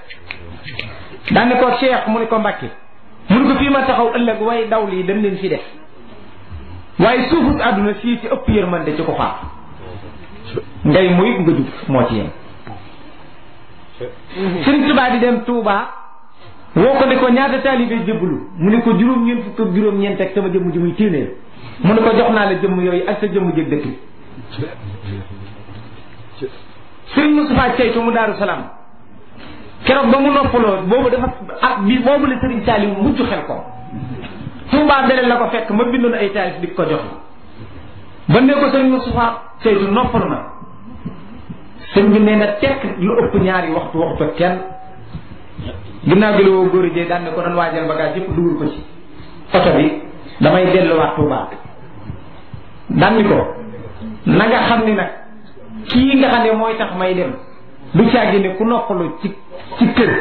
daan ko cheikh mu ne ko mbàkke mu ne ko fii ma taxaw ëllëg waaye daw lii dem leen fi def waaye suufu àdduna sii ci ëpp yërmande ci ko xaar ngay muy nga jub moo ci yem sëñ Tuubaa di dem Tuubaa woo ko ne ko ñaata taalibe jébbalu mu ne ko juróom-ñeent fukk ak juróom-ñeent ak sama jëmm ji muy téeméer mu ne ko jox naa la jëmm yooyu ak sa jëmm jëg dëkk bi sëriñ Ceytu mu Daaru Salaam keroog ba mu noppaloo boobu dafa ak bi boobu la sëriñ Saaliw mujj xel ko Tuubaa beneen la ko fekk ma bindoon ay taalif di ko jox ba ne ko sëriñ Moustapha Ceytu noppalu na sëñ bi nee na tekk lu ëpp ñaari waxtu waxtu kenn ginnaaw gi la woo góor jee daan ne ko doon waajal bagage yëpp dugal ko ci oto bi damay delluwaat Touba dandi ko nanga xam ni nag kii nga xam ne mooy tax may dem du caagi ne ku noppalu ci ci kër